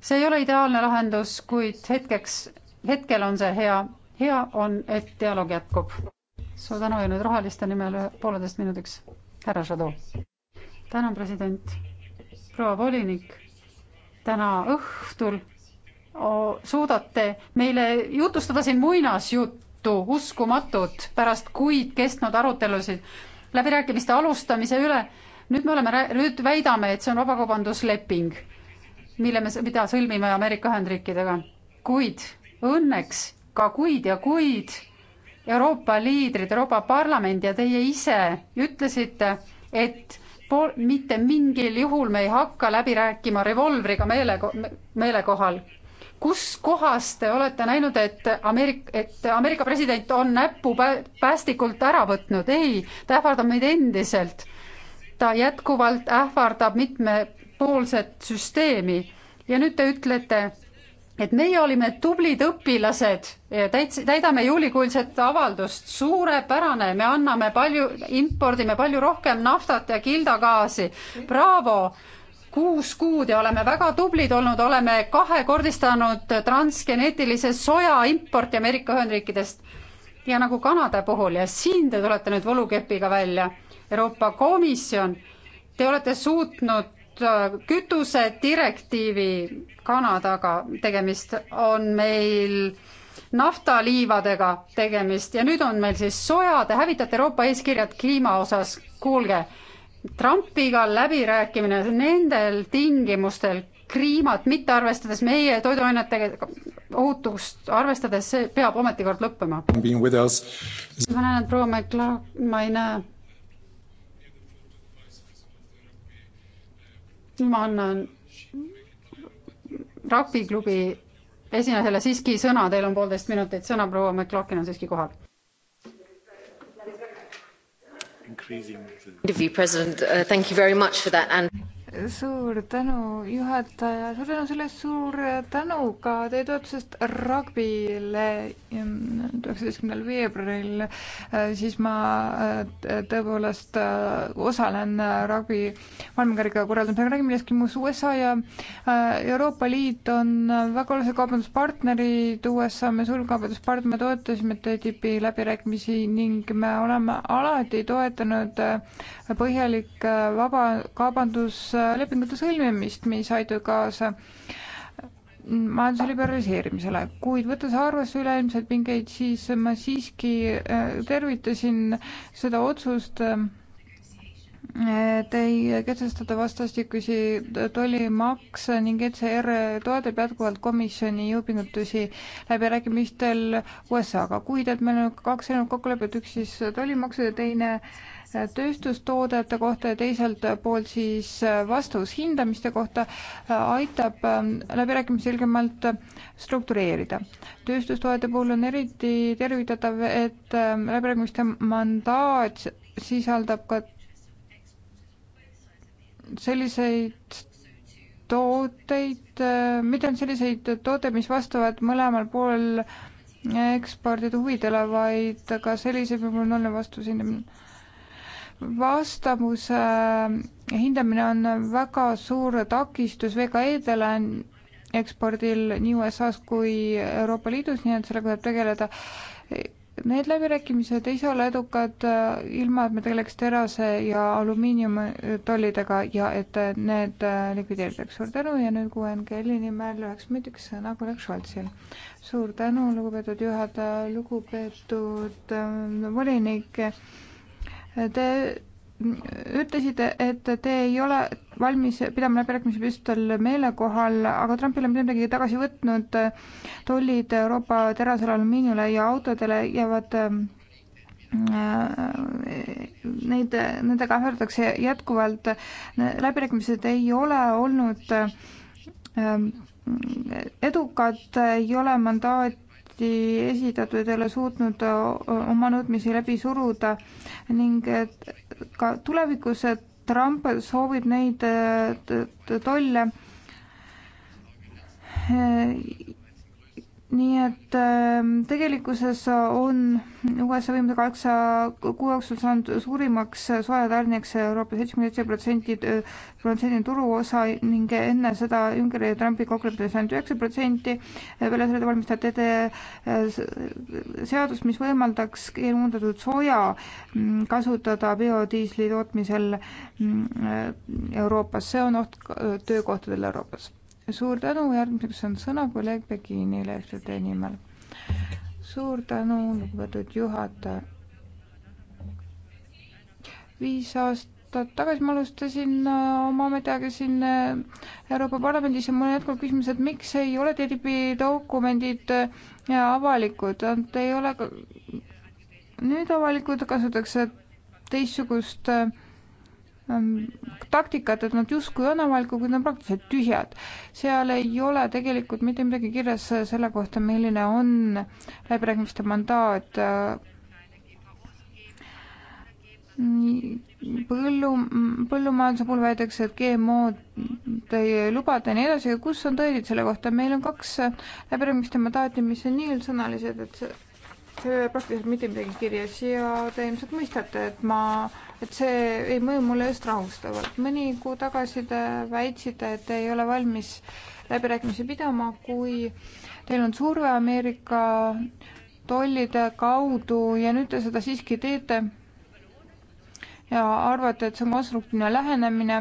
see ei ole ideaalne lahendus, kuid hetkeks, hetkel on see hea, hea on, et dialoog jätkub. suur tänu ja nüüd roheliste nimel pooleteist minutiks härra Šadov. tänan, president, proua volinik, täna õhtul o, suudate meile jutustada siin muinasjutt, mitu uskumatut pärast kuid kestnud arutelusid läbirääkimiste alustamise üle. nüüd me oleme, nüüd väidame, et see on vabakaubandusleping, mille me, mida sõlmime Ameerika Ühendriikidega, kuid õnneks ka kuid ja kuid Euroopa liidrid, Euroopa Parlament ja teie ise ütlesite, et pool, mitte mingil juhul me ei hakka läbi rääkima revolvriga meele, meele kohal kus kohas te olete näinud, et Ameerika, et Ameerika president on näpu päästikult ära võtnud, ei, ta ähvardab meid endiselt. ta jätkuvalt ähvardab mitmepoolset süsteemi ja nüüd te ütlete, et meie olime tublid õpilased, täits-, täidame juulikuulset avaldust, suurepärane, me anname palju, impordime palju rohkem naftat ja kildagaasi, braavo kuus kuud ja oleme väga tublid olnud, oleme kahekordistanud transgeneetilise soja importi Ameerika Ühendriikidest ja nagu Kanada puhul ja siin te tulete nüüd võlukepiga välja. Euroopa Komisjon, te olete suutnud äh, kütusedirektiivi Kanadaga tegemist, on meil naftaliivadega tegemist ja nüüd on meil siis soja, te hävitate Euroopa eeskirjad kliima osas, kuulge Trumpiga läbirääkimine nendel tingimustel, kliimat mitte arvestades, meie toiduainete ohutust arvestades, see peab ometikord lõppema. ma näen, et proua Mäkla, ma ei näe. ma annan rugby klubi esinejale siiski sõna, teil on poolteist minutit sõna, proua McLaughlin on siiski kohal increasing the... President, uh, thank you very much for that and suur tänu, juhataja, suur tänu selle suur tänu ka teie toetusest ragbile üheksateistkümnendal veebruaril. Äh, siis ma äh, tõepoolest äh, osalen ragbi maailmakarika korraldamisel, räägime millestki muust. USA ja Euroopa Liit on väga olulised kaubanduspartnerid, USA me sulgkaubanduspartner, me toetasime TTIP-i läbirääkimisi ning me oleme alati toetanud põhjalikke vaba kaubandus lepingute sõlmimist, mis aitab kaasa majanduse liberaliseerimisele, kuid võttes arvesse üleilmseid pingeid, siis ma siiski äh, tervitasin seda otsust, et ei kehtestata vastastikusi tollimakse ning ECR toetab jätkuvalt komisjoni jõupingutusi läbirääkimistel USA-ga, kuid et meil on kaks erinevat kokkulepet, üks siis tollimaksude, teine äh, tööstustoodete kohta ja teiselt poolt siis äh, vastus hindamiste kohta äh, aitab ähm, läbirääkimisi selgemalt äh, struktureerida. tööstustoodete puhul on eriti tervitatav, et ähm, läbirääkimiste mandaat sisaldab ka selliseid tooteid, mitte ainult selliseid tooteid, mis vastavad mõlemal pool ekspordide huvidele, vaid ka selliseid, mis mul on vastu siin vastavuse äh, hindamine on väga suur takistus VKE-dele ekspordil nii USA-s kui Euroopa Liidus, nii et sellega tuleb tegeleda. Need läbirääkimised ei saa olla edukad äh, ilma, et me tegeleks terase ja alumiiniumtollidega ja et äh, need likvideeritakse. suur tänu ja nüüd QNGL-i nimel üheks minutiks sõna kolleeg Šoltsil. suur tänu, lugupeetud juhataja, lugupeetud volinik äh, Te ütlesite, et te ei ole valmis pidama läbirääkimisi Brüssel meele kohal, aga Trump ei ole mitte midagi tagasi võtnud. tollid Euroopa terasele, alumiiniumile ja autodele jäävad äh, Neid, nendega ähvardatakse jätkuvalt. läbirääkimised ei ole olnud äh, edukad, ei ole mandaat õigesti esitatud, ei ole suutnud äh, oma nõudmisi läbi suruda ning et ka tulevikus Trump soovib neid äh, tolle äh, nii et ähm, tegelikkuses on USA võimude kaheksa kuu jooksul saanud suurimaks soetarnijaks Euroopa seitsekümmend seitse protsenti, äh, protsendi turuosa ning enne seda Junckeri ja Trumpi kokkuleppes ainult üheksa protsenti. Äh, peale selle valmistab ette äh, seadus, mis võimaldaks keelmuundatud soja mm, kasutada biodiisli tootmisel mm, Euroopas, see on oht töökohtadele Euroopas suur tänu, järgmiseks on sõna kolleeg Beginile FTT nimel. suur tänu, lugupeetud juhataja. viis aastat tagasi ma alustasin äh, oma ametiaega siin äh, Euroopa Parlamendis ja mul on jätkuvalt küsimus, et miks ei ole TTIP dokumendid äh, avalikud, nad ei ole ka nüüd avalikud, kasutatakse teistsugust äh, Ehm, taktikat, et nad justkui on avalikud, kuid on praktiliselt tühjad. seal ei ole tegelikult mitte midagi kirjas selle kohta, milline on läbirääkimiste mandaat. põllu, põllumajanduse puhul väidetakse, et GMO-d ei lubata ja nii edasi, aga kus on tõendid selle kohta, meil on kaks läbirääkimiste mandaati, mis on nii üldsõnalised, et see praktiliselt mitte midagi kirjas ja te ilmselt mõistate, et ma, et see ei mõju mulle just rahustavalt. mõni kuu tagasi te väitsite, et ei ole valmis läbirääkimisi pidama, kui teil on surve Ameerika tollide kaudu ja nüüd te seda siiski teete ja arvate, et see on konstruktiivne lähenemine,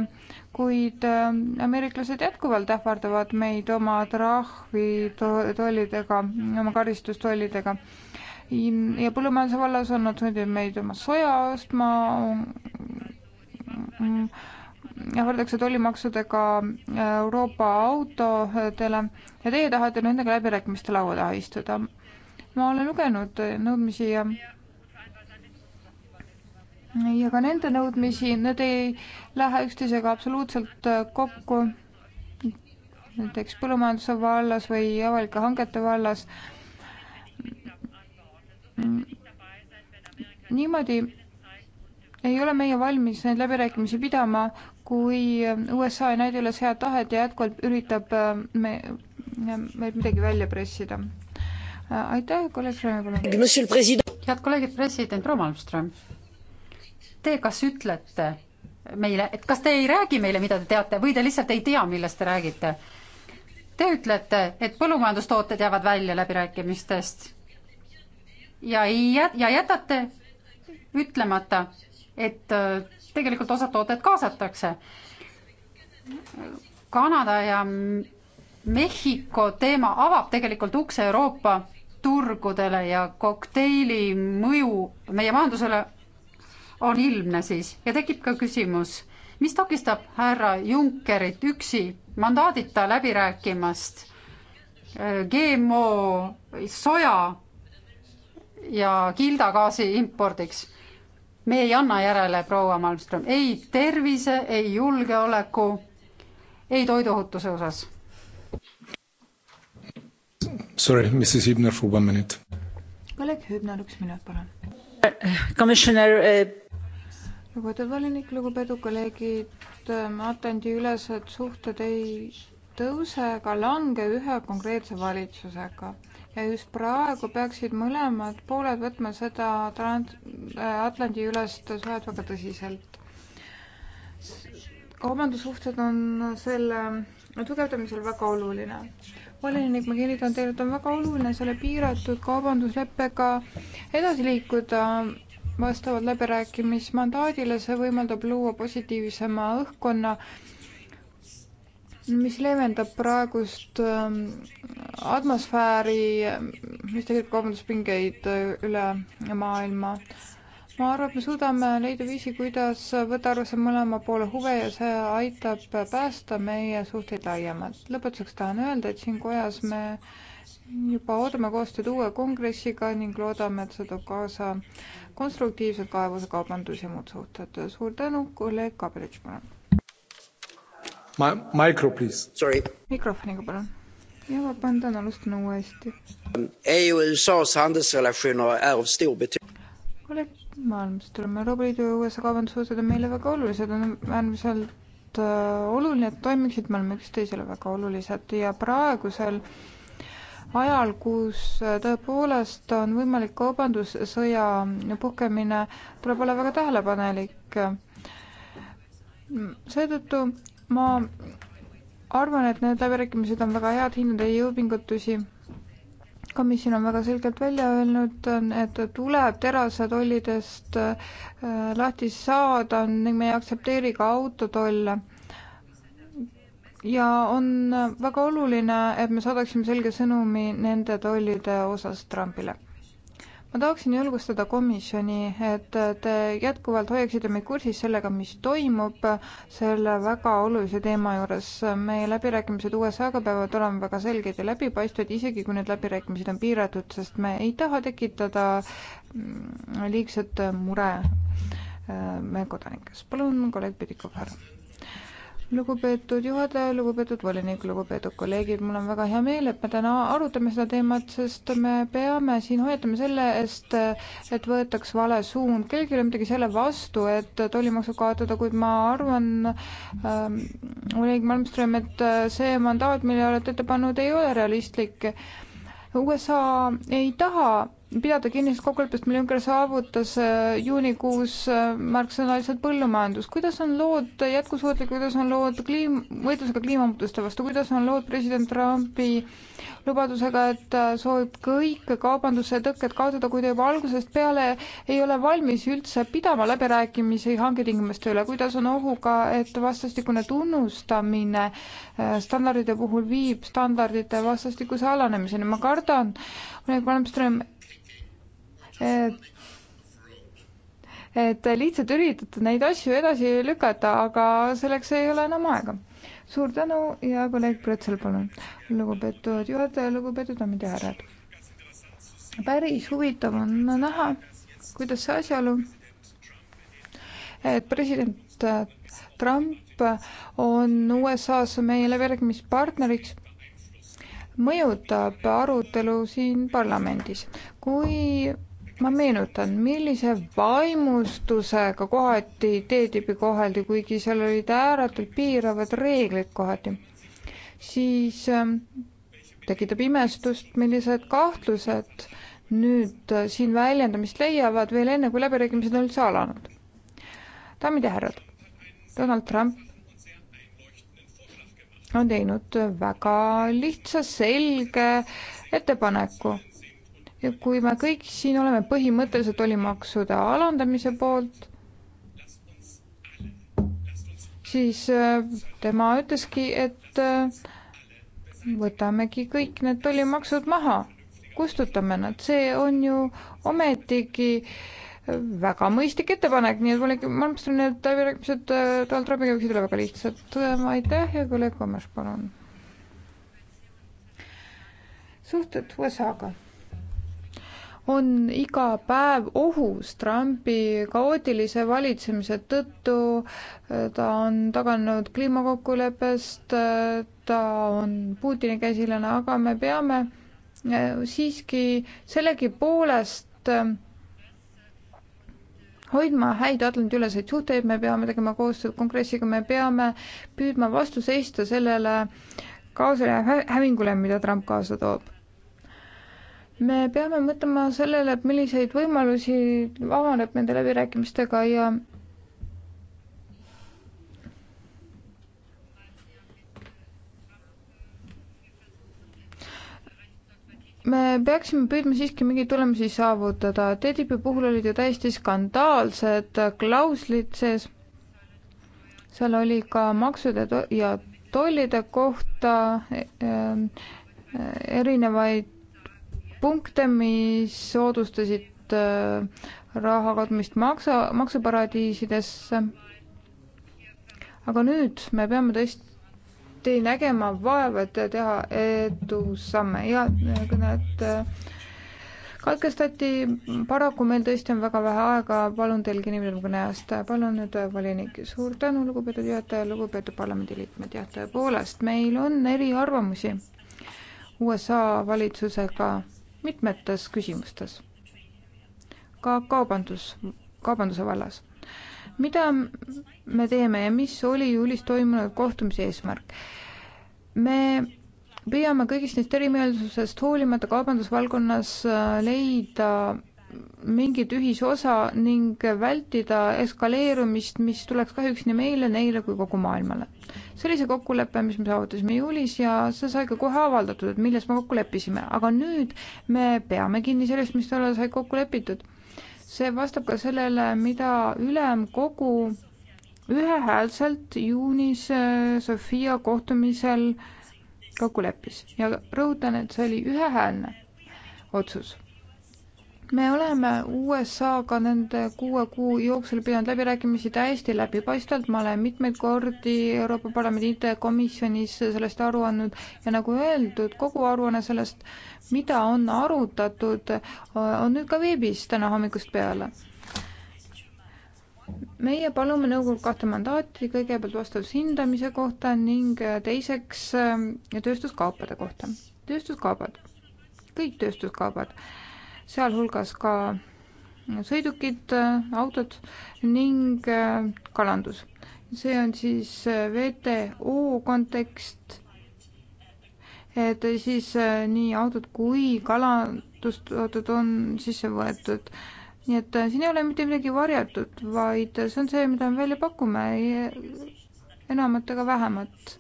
kuid ähm, ameeriklased jätkuvalt ähvardavad meid oma trahvitollidega, oma karistustollidega ja põllumajanduse vallas on nad sunnitud meid oma soja ostma, ähvardatakse mm, mm, tollimaksudega äh, Euroopa autodele ja teie tahate nendega läbirääkimiste laua taha istuda. ma olen lugenud nõudmisi ja ja ka nende nõudmisi, need ei lähe üksteisega absoluutselt äh, kokku, näiteks põllumajanduse vallas või avalike hangete vallas niimoodi ei ole meie valmis neid läbirääkimisi pidama, kui USA ei näida üles head tahet ja jätkuvalt üritab äh, me, meilt midagi välja pressida. Äh, aitäh, kolleeg Rõivale. head kolleegid, president proua Malmström, te kas ütlete meile, et kas te ei räägi meile, mida te teate, või te lihtsalt ei tea, millest te räägite? Te ütlete, et põllumajandustooted jäävad välja läbirääkimistest ja ei jät-, ja jätate ütlemata, et äh, tegelikult osad tooted kaasatakse. Kanada ja Mehhiko teema avab tegelikult ukse Euroopa turgudele ja kokteili mõju meie majandusele on ilmne siis ja tekib ka küsimus, mis takistab härra Junckerit üksi mandaadita läbi rääkimast äh, GMO soja ja kildagaasi impordiks. me ei anna järele, proua Malmström, ei tervise, ei julgeoleku, ei toiduohutuse osas. Sorry, Mrs Hübner for one minute. kolleeg Hübner, üks minut, palun. Commissioner eh.... lugupeetud volinik, lugupeetud kolleegid, eh, Atlandi-ülesed suhted ei tõuse ega lange ühe konkreetse valitsusega ja just praegu peaksid mõlemad pooled võtma seda äh, Atlandi ülest suhet väga tõsiselt. kaubandussuhted on selle tugevdamisel väga oluline volinik, ma kinnitan teile, et on väga oluline selle piiratud kaubandusleppega edasi liikuda vastavalt läbirääkimismandaadile, see võimaldab luua positiivsema õhkkonna äh, mis leevendab praegust ähm, atmosfääri, mis tegelikult kaubanduspingeid äh, üle maailma. ma arvan, et me suudame leida viisi, kuidas võtta arvesse mõlema poole huve ja see aitab päästa meie suhteid laiemalt. lõpetuseks tahan öelda, et siin kojas me juba ootame koostööd uue kongressiga ning loodame, et see toob kaasa konstruktiivsed kaevuse, kaubandus ja muud suhted. suur tänu, kolleeg Kabelits, palun Micro, please. Sorry. mikrofoniga, palun. ja vabandan, alustan uuesti. EU ja USA handelsrelatsioone on suur betydelse. oled maailmas, tuleme Euroopa Liidu ja USA kaubandussuhted on meile väga olulised, on äärmiselt äh, oluline, et toimiksid, me oleme üksteisele väga olulised ja praegusel ajal, kus äh, tõepoolest on võimalik kaubandussõja puhkemine, tuleb olla väga tähelepanelik. seetõttu ma arvan, et need läbirääkimised on väga head, hindan teie jõupingutusi. komisjon on väga selgelt välja öelnud, et tuleb terastollidest äh, lahti saada ning me ei aktsepteeri ka autotolle. ja on väga oluline, et me saadaksime selge sõnumi nende tollide osas Trumpile ma tahaksin julgustada komisjoni, et te jätkuvalt hoiaksite meid kursis sellega, mis toimub selle väga olulise teema juures. meie läbirääkimised USA-ga peavad olema väga selged ja läbipaistvad, isegi kui need läbirääkimised on piiratud, sest me ei taha tekitada mm, liigset mure äh, meie kodanikes. palun, kolleeg Pidikov, härra lugupeetud juhataja, lugupeetud volinik, lugupeetud kolleegid, mul on väga hea meel, et me täna arutame seda teemat, sest me peame siin hoiatama selle eest, et võetaks vale suund. kellelgi ei ole midagi selle vastu, et tollimaksu kaotada, kuid ma arvan ähm,, volinik Malmström, et äh, see mandaat, mille olete ette pannud, ei ole realistlik. USA ei taha pidada kinni kokkuleppest, mille ümber saavutas äh, juunikuus äh, märksõnaliselt põllumajandus. kuidas on lood jätkusuutlik, kuidas on lood kliim-, võitlusega kliimamuutuste vastu, kuidas on lood president Trumpi lubadusega, et soovib kõik kaubanduse tõkked kaotada, kui ta juba algusest peale ei ole valmis üldse pidama läbirääkimisi hanketingimuste üle, kuidas on ohuga, et vastastikune tunnustamine äh, standardite puhul viib standardite vastastikuse alanemiseni, ma kardan, Oleg Malmström, et et lihtsalt üritate neid asju edasi lükata, aga selleks ei ole enam aega. suur tänu ja kolleeg Pretzel, palun. lugupeetud juhataja, lugupeetud daamid ja härrad. päris huvitav on näha, kuidas see asjaolu, et president Trump on USA-s meie läbirääkimispartneriks, mõjutab arutelu siin parlamendis. kui ma meenutan, millise vaimustusega kohati T-tüüpi koheldi, kuigi seal olid ääretult piiravad reeglid kohati, siis ähm, tekitab imestust, millised kahtlused nüüd äh, siin väljendamist leiavad veel enne, kui läbirääkimised on üldse alanud. daamid ja härrad, Donald Trump on teinud väga lihtsa, selge ettepaneku ja kui me kõik siin oleme põhimõtteliselt oli maksude alandamise poolt, siis äh, tema ütleski, et äh, võtamegi kõik need tollimaksud maha, kustutame nad, see on ju ometigi äh, väga mõistlik ettepanek, nii et mulle, ma arvan, et need läbirääkimised Donald Trumpiga võiksid olla väga lihtsad. aitäh ja kolleeg Kommes, palun. suhted USA-ga on iga päev ohus Trumpi kaootilise valitsemise tõttu. ta on taganenud kliimakokkuleppest, ta on Putini käsilane, aga me peame eh, siiski sellegipoolest eh, hoidma häid Atlandi-üleseid suhteid, me peame tegema koostööd kongressiga, me peame püüdma vastu seista sellele kaosele ja hävingule, mida Trump kaasa toob me peame mõtlema sellele, et milliseid võimalusi avaneb nende läbirääkimistega ja me peaksime püüdma siiski mingeid tulemusi saavutada. TTIP-i puhul olid ju täiesti skandaalsed klauslid sees. seal oli ka maksude ja tollide kohta eh, eh, erinevaid punkte, mis soodustasid äh, raha kadumist maksa, maksuparadiisidesse. aga nüüd me peame tõesti nägema vaeva, et teha edusamme ja äh, kõned äh, katkestati, paraku meil tõesti on väga vähe aega, palun teil kinnipidav kõne eest, palun nüüd volinik, suur tänu, lugupeetud juhataja, lugupeetud parlamendiliikmed, jah, tõepoolest, meil on eriarvamusi USA valitsusega mitmetes küsimustes, ka kaubandus, kaubanduse vallas. mida me teeme ja mis oli juulis toimunud kohtumise eesmärk? me püüame kõigist neist erimeelsusest hoolimata kaubandusvaldkonnas äh, leida mingit ühisosa ning vältida eskaleerumist, mis tuleks kahjuks nii meile, neile kui kogu maailmale. see oli see kokkulepe, mis me saavutasime juulis ja see sai ka kohe avaldatud, et milles me kokku leppisime, aga nüüd me peame kinni sellest, mis tollal sai kokku lepitud. see vastab ka sellele, mida ülemkogu ühehäälselt juunis äh, Sofia kohtumisel kokku leppis ja rõhutan, et see oli ühehäälne otsus me oleme USA-ga nende kuue kuu jooksul pidanud läbirääkimisi täiesti läbipaistvalt, ma olen mitmeid kordi Euroopa Parlamendi IT-komisjonis sellest aru andnud ja nagu öeldud, kogu aruanne sellest, mida on arutatud, on nüüd ka veebis täna hommikust peale. meie palume nõukogult kahte mandaati, kõigepealt vastavus hindamise kohta ning teiseks tööstuskaupade kohta. tööstuskaubad, kõik tööstuskaubad sealhulgas ka sõidukid, autod ning äh, kalandus. see on siis äh, WTO kontekst, et siis äh, nii autod kui kalandustooted on sisse võetud. nii et siin ei ole mitte midagi varjatud, vaid see on see, mida me välja pakume, enamat ega vähemat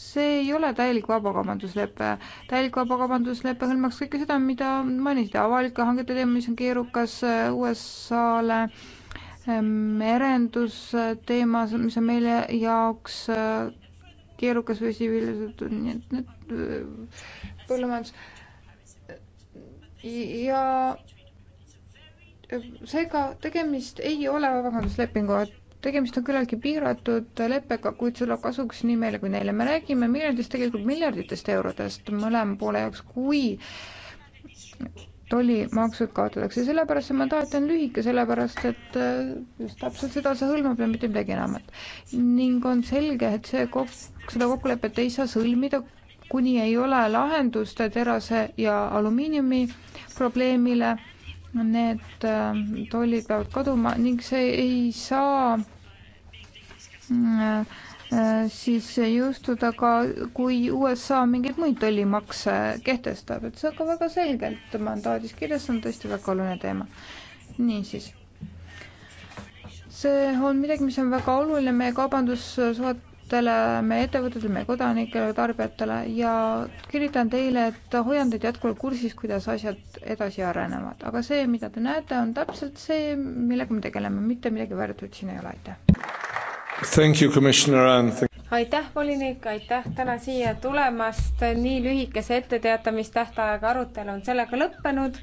see ei ole täielik vabakaubanduslepe. täielik vabakaubanduslepe hõlmaks kõike seda, mida mainisite, avalike hangete teema, mis on keerukas USA-le, merendusteema, mis on meile jaoks keerukas või tsiviilisetud, nii et need põllumajandus ja seega tegemist ei ole vabakaubanduslepinguga, tegemist on küllaltki piiratud leppega, kuid see tuleb kasuks nii meile kui neile. me räägime miljardist, tegelikult miljarditest eurodest mõlema poole jaoks, kui tollimaksud kaotatakse, sellepärast see mandaat on lühike, sellepärast et äh, just täpselt seda see hõlmab ja mitte midagi enamat. ning on selge, et see kok-, seda kokkulepet ei saa sõlmida, kuni ei ole lahendust terase ja alumiiniumi probleemile need äh, tollid peavad kaduma ning see ei saa mm, äh, siis jõustuda ka, kui USA mingeid muid tollimakse kehtestab, et see on ka väga selgelt mandaadis kirjas, see on tõesti väga oluline teema. niisiis, see on midagi, mis on väga oluline meie kaubandussuhet-, isikutele, meie ettevõtetele, meie kodanikele, tarbijatele ja kinnitan teile, et hoian teid jätkuvalt kursis, kuidas asjad edasi arenevad, aga see, mida te näete, on täpselt see, millega me tegeleme, mitte midagi väärtut siin ei ole, aitäh. aitäh, volinik, aitäh täna siia tulemast, nii lühikese etteteatamistähtaega arutelu on sellega lõppenud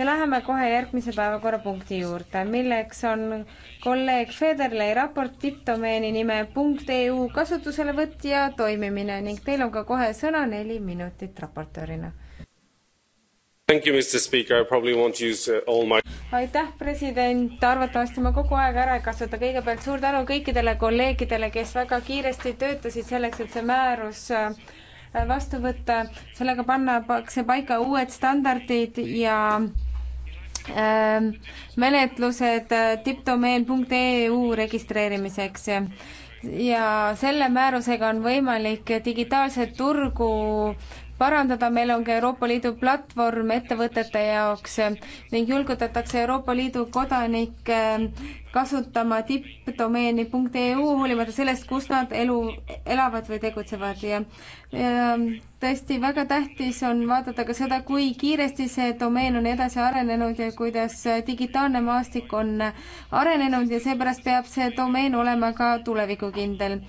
ja läheme kohe järgmise päevakorrapunkti juurde, milleks on kolleeg Federley raport tippdomeeni nime punkt EU kasutuselevõtt ja toimimine ning teil on ka kohe sõna neli minutit raportöörina. Uh, my... aitäh, president, arvatavasti ma kogu aeg ära ei kasuta, kõigepealt suur tänu kõikidele kolleegidele, kes väga kiiresti töötasid selleks, et see määrus äh, vastu võtta, sellega pannakse paika uued standardid ja Ehm, menetlused äh, tippdomeen.eu registreerimiseks ja selle määrusega on võimalik digitaalset turgu parandada, meil on ka Euroopa Liidu platvorm ettevõtete jaoks ning julgutatakse Euroopa Liidu kodanikke kasutama tippdomeeni.eu hoolimata sellest, kus nad elu, elavad või tegutsevad ja, ja ehm, tõesti väga tähtis on vaadata ka seda, kui kiiresti see domeen on edasi arenenud ja kuidas digitaalne maastik on arenenud ja seepärast peab see domeen olema ka tulevikukindel.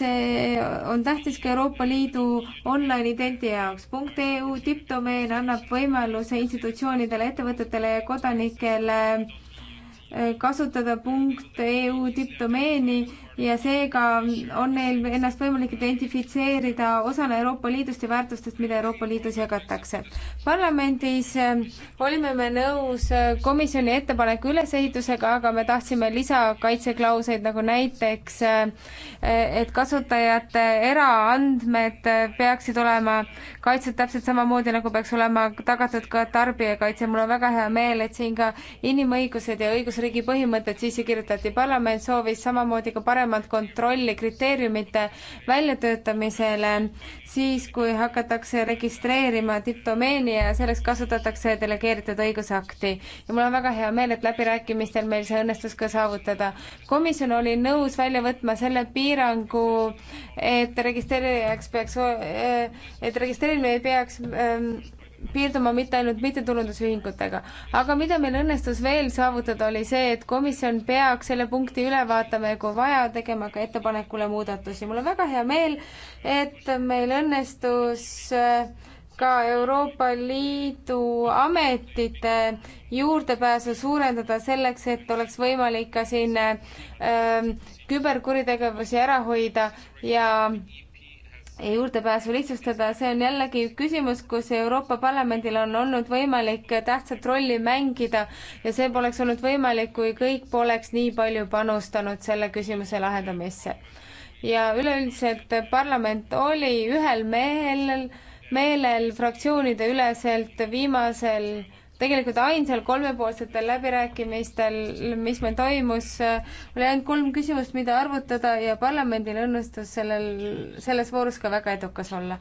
see on tähtis ka Euroopa Liidu online idendi jaoks. punkt EU tippdomeen annab võimaluse institutsioonidele, ettevõtetele ja kodanikele kasutada punkt EU tippdomeeni ja seega on neil ennast võimalik identifitseerida osana Euroopa Liidust ja väärtustest, mida Euroopa Liidus jagatakse. parlamendis eh, olime me nõus eh, komisjoni ettepaneku ülesehitusega, aga me tahtsime lisakaitseklauseid nagu näiteks, eh, et kasutajate eraandmed peaksid olema kaitstud täpselt samamoodi, nagu peaks olema tagatud ka tarbijakaitse. mul on väga hea meel, et siin ka inimõigused ja õigusriigi põhimõtted sisse kirjutati. parlament soovis samamoodi ka paremat suuremat kontrolli kriteeriumite väljatöötamisele, siis kui hakatakse registreerima tippdomeeni ja selleks kasutatakse delegeeritud õigusakti. ja mul on väga hea meel, et läbirääkimistel meil see õnnestus ka saavutada. komisjon oli nõus välja võtma selle piirangu, et registreerijaks peaks, et registreerimine ei peaks ähm, piirduma mitte ainult mittetulundusühingutega. aga mida meil õnnestus veel saavutada, oli see, et komisjon peaks selle punkti üle vaatama ja kui vaja, tegema ka ettepanekule muudatusi. mul on väga hea meel, et meil õnnestus äh, ka Euroopa Liidu ametite juurdepääsu suurendada selleks, et oleks võimalik ka siin äh, küberkuritegevusi ära hoida ja äh, juurdepääsu lihtsustada, see on jällegi küsimus, kus Euroopa Parlamendil on olnud võimalik tähtsat rolli mängida ja see poleks olnud võimalik, kui kõik poleks nii palju panustanud selle küsimuse lahendamisse. ja üleüldiselt parlament oli ühel mehel, meelel fraktsioonide üleselt viimasel tegelikult ainsal kolmepoolsetel läbirääkimistel, mis meil toimus, oli ainult kolm küsimust, mida arvutada ja parlamendil õnnestus sellel, selles voorus ka väga edukas olla.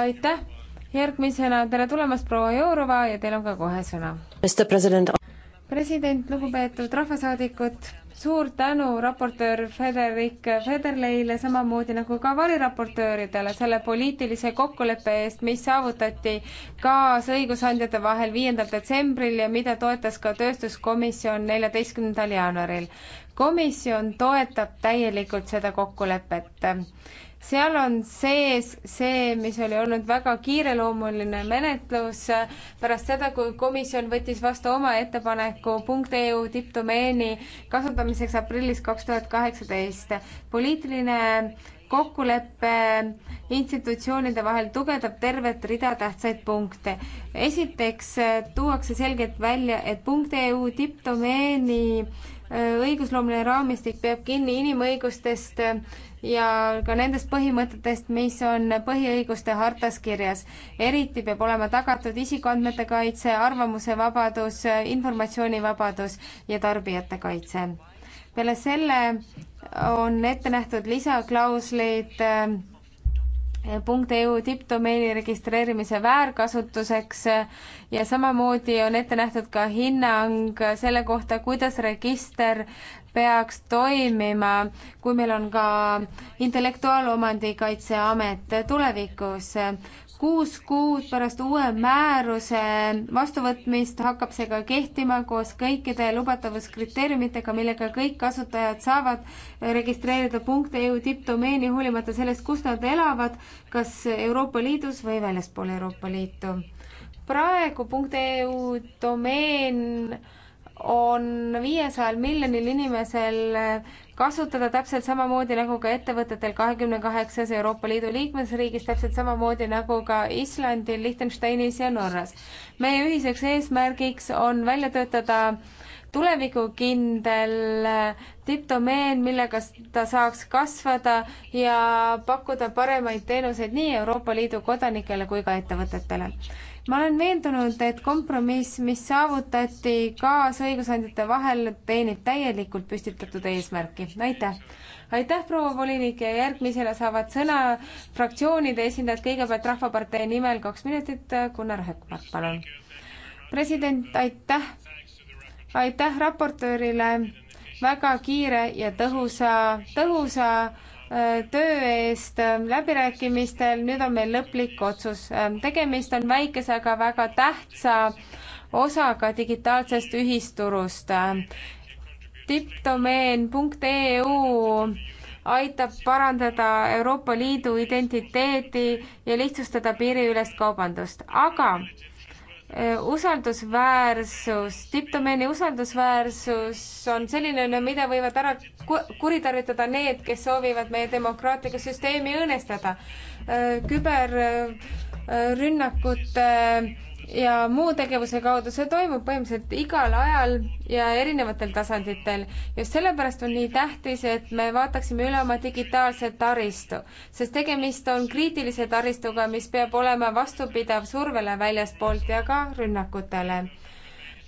aitäh, järgmisena tere tulemast, proua Jourova ja teil on ka kohe sõna president, lugupeetud rahvasaadikud, suur tänu raportöör Federik Federleile, samamoodi nagu ka variraportööridele selle poliitilise kokkuleppe eest, mis saavutati kaasõigusandjate vahel viiendal detsembril ja mida toetas ka tööstuskomisjon neljateistkümnendal jaanuaril. komisjon toetab täielikult seda kokkulepet seal on sees see, mis oli olnud väga kiireloomuline menetlus pärast seda, kui komisjon võttis vastu oma ettepaneku punkt EU tippdomeeni kasutamiseks aprillis kaks tuhat kaheksateist. poliitiline kokkulepe institutsioonide vahel tugevdab tervet rida tähtsaid punkte. esiteks äh, tuuakse selgelt välja, et punkt EU tippdomeeni äh, õigusloomeline raamistik peab kinni inimõigustest ja ka nendest põhimõtetest, mis on põhiõiguste hartas kirjas. eriti peab olema tagatud isikuandmete kaitse, arvamusevabadus, informatsioonivabadus ja tarbijate kaitse. peale selle on ette nähtud lisaklauslid äh, punkt EU tippdomeeni registreerimise väärkasutuseks äh, ja samamoodi on ette nähtud ka hinnang selle kohta, kuidas register peaks toimima, kui meil on ka intellektuaalomandi kaitseamet tulevikus. kuus kuud pärast uue määruse vastuvõtmist hakkab see ka kehtima koos kõikide lubatavuskriteeriumitega, millega kõik kasutajad saavad registreerida punkte EU tippdomeeni, hoolimata sellest, kus nad elavad, kas Euroopa Liidus või väljaspool Euroopa Liitu. praegu punkt EU domeen on viiesajal miljonil inimesel kasutada täpselt samamoodi nagu ka ettevõtetel kahekümne kaheksas Euroopa Liidu liikmesriigis, täpselt samamoodi nagu ka Islandil, Liechtensteinis ja Norras. meie ühiseks eesmärgiks on välja töötada tulevikukindel tippdomeen, millega ta saaks kasvada ja pakkuda paremaid teenuseid nii Euroopa Liidu kodanikele kui ka ettevõtetele ma olen veendunud, et kompromiss, mis saavutati kaasõigusandjate vahel, teenib täielikult püstitatud eesmärki. aitäh! aitäh, proua volinik ja järgmisena saavad sõna fraktsioonide esindajad, kõigepealt Rahvapartei nimel kaks minutit, Gunnar Hökmark, palun. president, aitäh! aitäh raportöörile väga kiire ja tõhusa, tõhusa töö eest ähm, läbirääkimistel, nüüd on meil lõplik otsus. Ähm, tegemist on väikese, aga väga tähtsa osaga digitaalsest ühisturust. Ähm, tippdomeen.eu aitab parandada Euroopa Liidu identiteeti ja lihtsustada piiriülest kaubandust, aga Äh, usaldusväärsus, tippdomeeni usaldusväärsus on selline, mida võivad ära kuritarvitada need, kes soovivad meie demokraatlikku süsteemi õõnestada. küberrünnakute äh, äh ja muu tegevuse kaudu, see toimub põhimõtteliselt igal ajal ja erinevatel tasanditel. just sellepärast on nii tähtis, et me vaataksime üle oma digitaalse taristu, sest tegemist on kriitilise taristuga, mis peab olema vastupidav survele väljaspoolt ja ka rünnakutele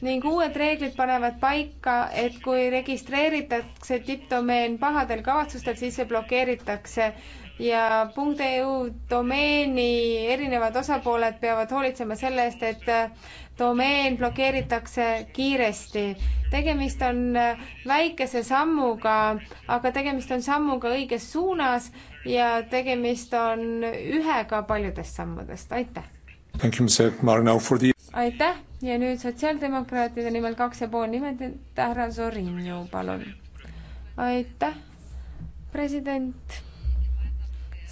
ning uued reeglid panevad paika, et kui registreeritakse tippdomeen pahadel kavatsustel, siis see blokeeritakse ja .eu domeeni erinevad osapooled peavad hoolitsema selle eest, et äh, domeen blokeeritakse kiiresti. tegemist on äh, väikese sammuga, aga tegemist on sammuga õiges suunas ja tegemist on ühega paljudest sammudest, aitäh! aitäh ja nüüd sotsiaaldemokraatide nimel kaks ja pool nimetit, härra Zorinju, palun. aitäh, president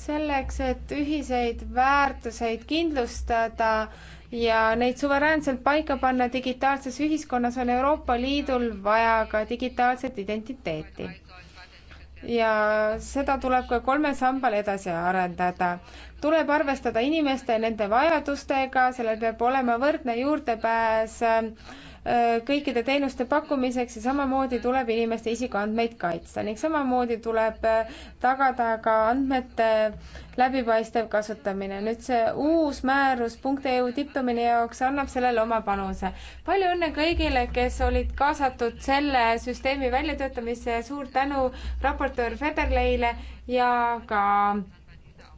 selleks, et ühiseid väärtuseid kindlustada ja neid suveräänselt paika panna digitaalses ühiskonnas, on Euroopa Liidul vaja ka digitaalset identiteeti. ja seda tuleb ka kolmel sambal edasi arendada. tuleb arvestada inimeste ja nende vajadustega, sellel peab olema võrdne juurdepääs äh, Äh, kõikide teenuste pakkumiseks ja samamoodi tuleb inimeste isikuandmeid kaitsta ning samamoodi tuleb äh, tagada ka andmete läbipaistev kasutamine. nüüd see uus määrus punkt EU tippumine jaoks annab sellele oma panuse. palju õnne kõigile, kes olid kaasatud selle süsteemi väljatöötamisse, suur tänu raportöör Federleile ja ka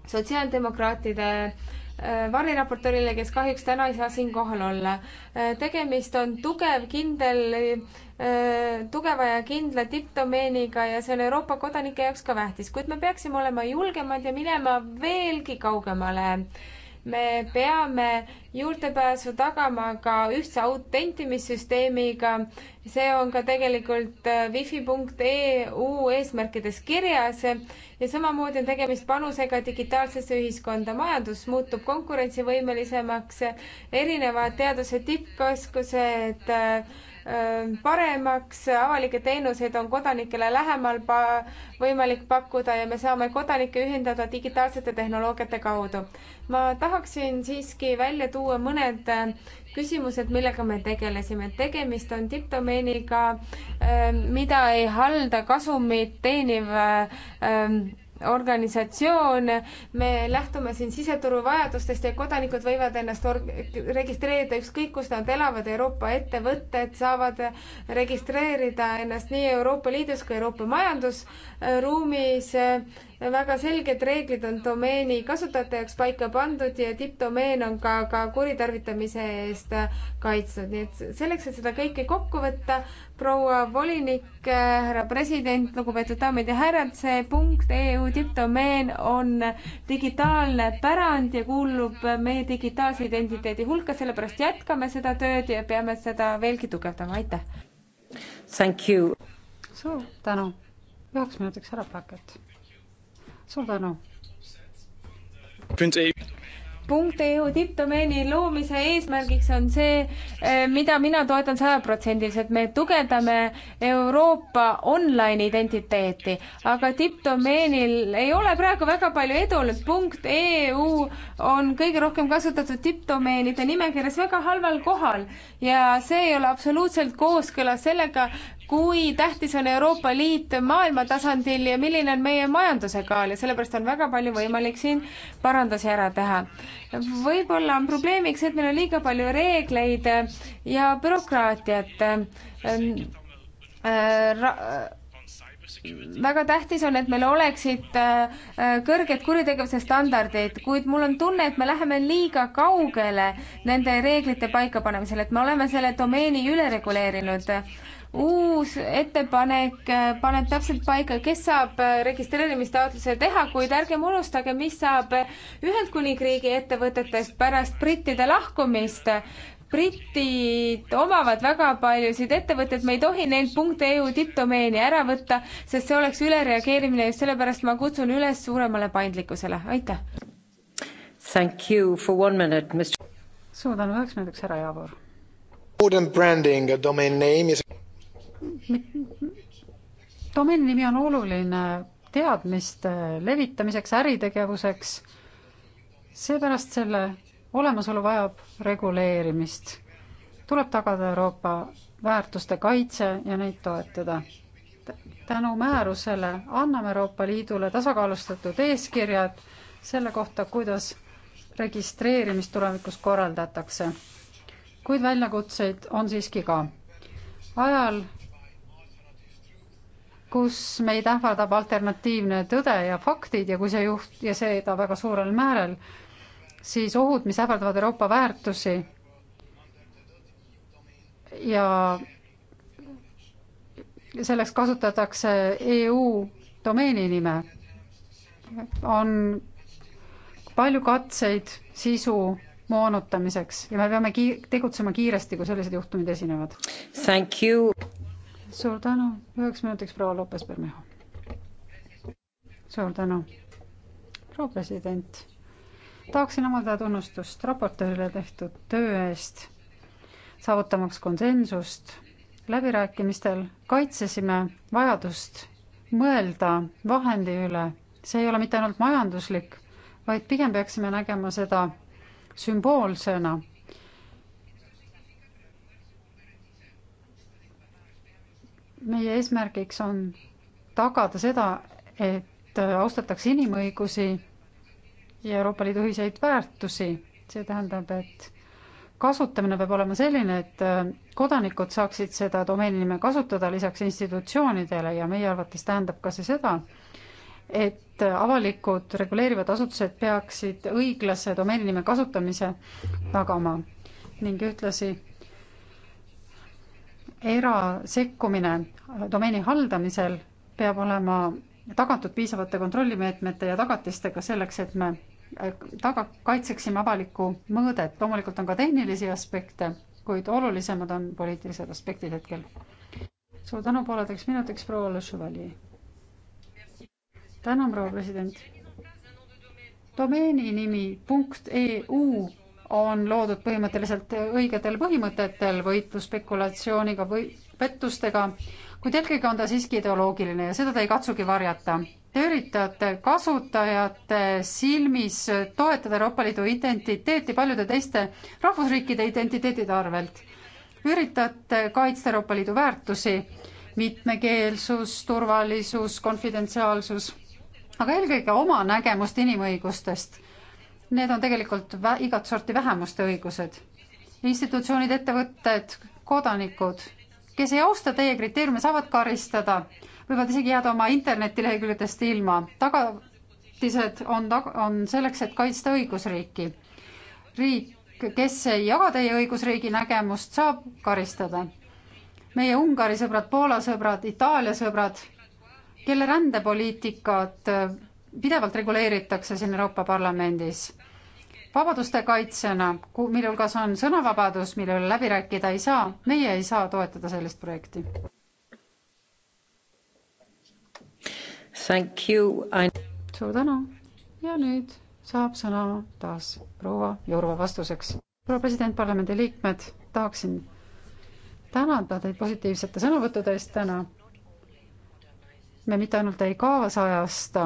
sotsiaaldemokraatide äh, Äh, variraportorile, kes kahjuks täna ei saa siin kohal olla. Äh, tegemist on tugev, kindel, äh, tugeva ja kindla tippdomeeniga ja see on Euroopa kodanike jaoks ka tähtis, kuid me peaksime olema julgemad ja minema veelgi kaugemale me peame juurdepääsu tagama ka ühtse autentimissüsteemiga. see on ka tegelikult äh, wifi.eu eesmärkides kirjas ja samamoodi on tegemist panusega digitaalsesse ühiskonda. majandus muutub konkurentsivõimelisemaks, erinevad teaduse tippkeskused äh, paremaks, avalikke teenuseid on kodanikele lähemal pa-, võimalik pakkuda ja me saame kodanikke ühendada digitaalsete tehnoloogiate kaudu. ma tahaksin siiski välja tuua mõned äh, küsimused, millega me tegelesime. tegemist on tippdomeeniga, mida ei halda kasumit teeniv organisatsioon. me lähtume siin siseturu vajadustest ja kodanikud võivad ennast registreerida ükskõik, kus nad elavad, Euroopa ettevõtted saavad registreerida ennast nii Euroopa Liidus kui Euroopa majandusruumis väga selged reeglid on domeeni kasutajate jaoks paika pandud ja tippdomeen on ka, ka kuritarvitamise eest kaitsnud, nii et selleks, et seda kõike kokku võtta, proua volinik, äh, härra president, lugupeetud daamid ja härrad, see punkt EU tippdomeen on digitaalne pärand ja kuulub meie digitaalse identiteedi hulka, sellepärast jätkame seda tööd ja peame seda veelgi tugevdama, aitäh! Thank you! suur tänu! üheks minutiks ära paket suur tänu. punkt EU tippdomeeni loomise eesmärgiks on see, eh, mida mina toetan sajaprotsendiliselt, me tugevdame Euroopa online identiteeti, aga tippdomeenil ei ole praegu väga palju edu, punkt EU on kõige rohkem kasutatud tippdomeenide nimekirjas väga halval kohal ja see ei ole absoluutselt kooskõlas sellega, kui tähtis on Euroopa Liit maailma tasandil ja milline on meie majanduse kaal ja sellepärast on väga palju võimalik siin parandusi ära teha. võib-olla on probleemiks, et meil on liiga palju reegleid ja bürokraatiat ähm, äh, väga tähtis on, et meil oleksid äh, kõrged kuritegevuse standardid, kuid mul on tunne, et me läheme liiga kaugele nende reeglite paikapanemisel, et me oleme selle domeeni üle reguleerinud uus ettepanek äh, paneb täpselt paika, kes saab äh, registreerimistaotluse teha, kuid ärgem unustage, mis saab Ühendkuningriigi ettevõtetest pärast brittide lahkumist. britid omavad väga paljusid ettevõtteid, me ei tohi neilt .eu tippdomeeni ära võtta, sest see oleks ülereageerimine, just sellepärast ma kutsun üles suuremale paindlikkusele, aitäh. Thank you for one minute, Mr. suur tänu, üheks minutiks, härra Javor. Branding, a domain name is domeeni nimi on oluline teadmiste levitamiseks, äritegevuseks, seepärast selle olemasolu vajab reguleerimist. tuleb tagada Euroopa väärtuste kaitse ja neid toetada. tänu määrusele anname Euroopa Liidule tasakaalustatud eeskirjad selle kohta, kuidas registreerimist tulevikus korraldatakse. kuid väljakutseid on siiski ka. ajal, kus meid ähvardab alternatiivne tõde ja faktid ja kui see juht- ja seda väga suurel määral, siis ohud, mis ähvardavad Euroopa väärtusi ja selleks kasutatakse EU domeeni nime, on palju katseid sisu moonutamiseks ja me peame ki-, tegutsema kiiresti, kui sellised juhtumid esinevad suur tänu, üheks minutiks proua Lopes Bermejo. suur tänu, proua president. tahaksin avaldada tunnustust raportöörile tehtud töö eest, saavutamaks konsensust. läbirääkimistel kaitsesime vajadust mõelda vahendi üle, see ei ole mitte ainult majanduslik, vaid pigem peaksime nägema seda sümboolsena meie eesmärgiks on tagada seda, et austatakse inimõigusi ja Euroopa Liidu ühiseid väärtusi. see tähendab, et kasutamine peab olema selline, et kodanikud saaksid seda domeeninime kasutada lisaks institutsioonidele ja meie arvates tähendab ka see seda, et avalikud reguleerivad asutused peaksid õiglase domeeninime kasutamise tagama ning ühtlasi erasekkumine domeeni haldamisel peab olema tagatud piisavate kontrollimeetmete ja tagatistega selleks, et me äh, taga, kaitseksime avalikku mõõdet. loomulikult on ka tehnilisi aspekte, kuid olulisemad on poliitilised aspektid hetkel. suur tänu pooleteiseks minutiks, proua Le Chevalier. tänan, proua president. domeeni nimi punkt EU on loodud põhimõtteliselt õigetel põhimõtetel, võitlus spekulatsiooniga või pettustega, kuid eelkõige on ta siiski ideoloogiline ja seda ta ei katsugi varjata. Te üritate kasutajate silmis toetada Euroopa Liidu identiteeti paljude teiste rahvusriikide identiteetide arvelt. üritate kaitsta Euroopa Liidu väärtusi, mitmekeelsus, turvalisus, konfidentsiaalsus, aga eelkõige oma nägemust inimõigustest need on tegelikult igat sorti vähemuste õigused. institutsioonid, ettevõtted, kodanikud, kes ei austa teie kriteeriume, saavad karistada, võivad isegi jääda oma internetilehekülgedest ilma. tagatised on, on selleks, et kaitsta õigusriiki. riik, kes ei jaga teie õigusriigi nägemust, saab karistada. meie Ungari sõbrad, Poola sõbrad, Itaalia sõbrad, kelle rändepoliitikat äh, pidevalt reguleeritakse siin Euroopa Parlamendis vabaduste kaitsjana, mille hulgas on sõnavabadus, mille üle läbi rääkida ei saa, meie ei saa toetada sellist projekti. Thank you I.... suur tänu ja nüüd saab sõna taas proua Jourova vastuseks. proua president, parlamendi liikmed, tahaksin tänada teid positiivsete sõnavõttude eest täna. me mitte ainult ei kaasajasta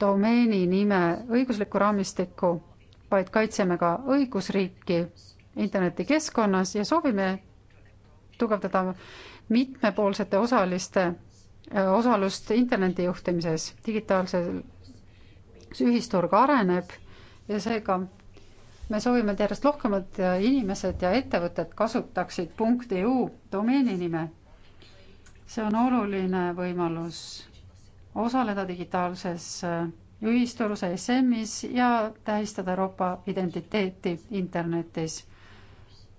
domeeni nime õiguslikku raamistikku, vaid kaitseme ka õigusriiki internetikeskkonnas ja soovime tugevdada mitmepoolsete osaliste osalust interneti juhtimises. digitaalsel ühisturg areneb ja seega me soovime, et järjest rohkemad inimesed ja ettevõtted kasutaksid .eu domeeni nime. see on oluline võimalus osaleda digitaalses ühisturus ESM-is ja tähistada Euroopa identiteeti internetis.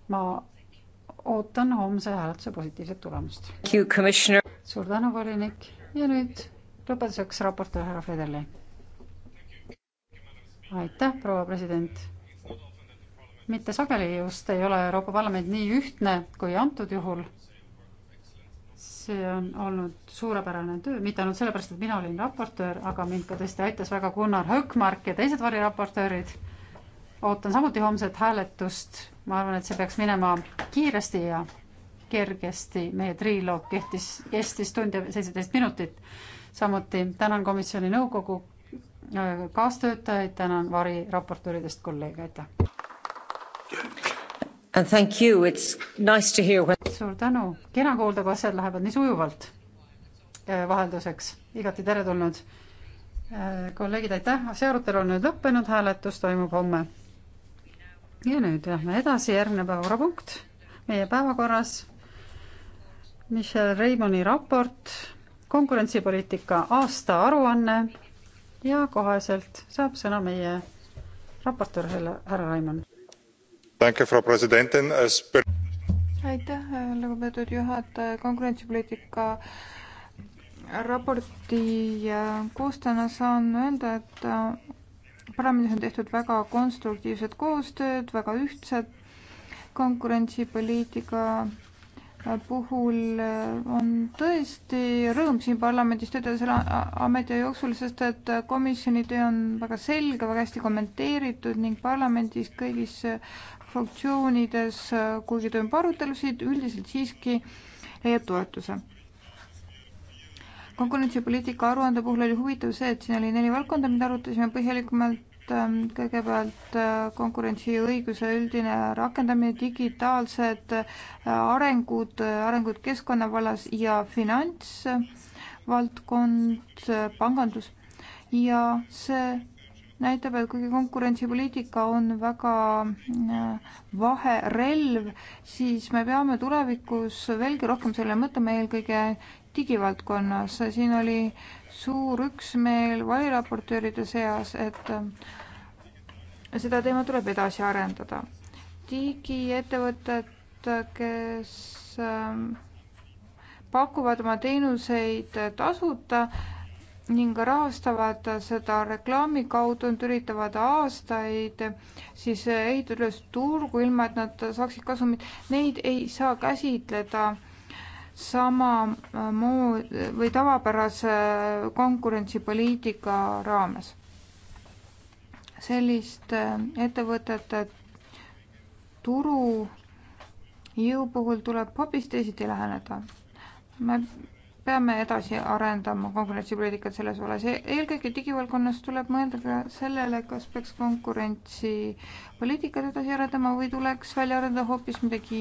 ma ootan homse hääletuse positiivset tulemust. suur tänu, volinik ja nüüd lõpetuseks raportöör härra Federli. aitäh, proua president. mitte sageli just ei ole Euroopa Parlament nii ühtne kui antud juhul see on olnud suurepärane töö, mitte ainult sellepärast, et mina olin raportöör, aga mind ka tõesti aitas väga Gunnar Hökmark ja teised variraportöörid. ootan samuti homset hääletust, ma arvan, et see peaks minema kiiresti ja kergesti, meie triloog kehtis, kestis tund ja seitseteist minutit. samuti tänan komisjoni nõukogu äh, kaastöötajaid, tänan variraportööridest kolleege, aitäh! Nice when... suur tänu, kena kuulda, kui asjad lähevad nii sujuvalt äh, vahelduseks, igati teretulnud. Äh, kolleegid, aitäh, see arutelu on nüüd lõppenud, hääletus toimub homme. ja nüüd lähme edasi, järgmine päevakorrapunkt meie päevakorras. Michel Reimanni raport, konkurentsipoliitika aastaaruanne ja koheselt saab sõna meie raportöör härra Raimann frau präsidentin! aitäh lugupeetud juhataja! konkurentsipoliitika raporti äh, koostajana saan öelda et äh, parlamendis on tehtud väga konstruktiivset koostööd väga ühtset konkurentsipoliitika äh, puhul on tõesti rõõm siin parlamendis töötada selle ametiaja jooksul, sest et komisjoni töö on väga selge, väga hästi kommenteeritud ning parlamendis kõigis fraktsioonides, äh, kuigi toimub arutelusid, üldiselt siiski leiab toetuse. konkurentsipoliitika aruande puhul oli huvitav see, et siin oli neli valdkonda, mida arutasime põhjalikumalt, ähm, kõigepealt äh, konkurentsiõiguse üldine rakendamine, digitaalsed äh, arengud, arengud keskkonna vallas ja finantsvaldkond, pangandus ja see näitab, et kuigi konkurentsipoliitika on väga äh, vaherelv, siis me peame tulevikus veelgi rohkem sellele mõtlema, eelkõige digivaldkonnas. siin oli suur üksmeel variraportööride seas, et äh, seda teemat tuleb edasi arendada. digiettevõtted, kes äh, pakuvad oma teenuseid tasuta, ning rahastavad seda reklaami kaudu, nad üritavad aastaid siis ehitada üles turgu, ilma et nad saaksid kasumit, neid ei saa käsitleda samamoodi või tavapärase konkurentsipoliitika raames. selliste äh, ettevõtete turujõu puhul tuleb hoopis teisiti läheneda. me peame edasi arendama konkurentsipoliitikat selles vallas. E-, eelkõige digivaldkonnas tuleb mõelda ka sellele, kas peaks konkurentsipoliitikat edasi arendama või tuleks välja arendada hoopis midagi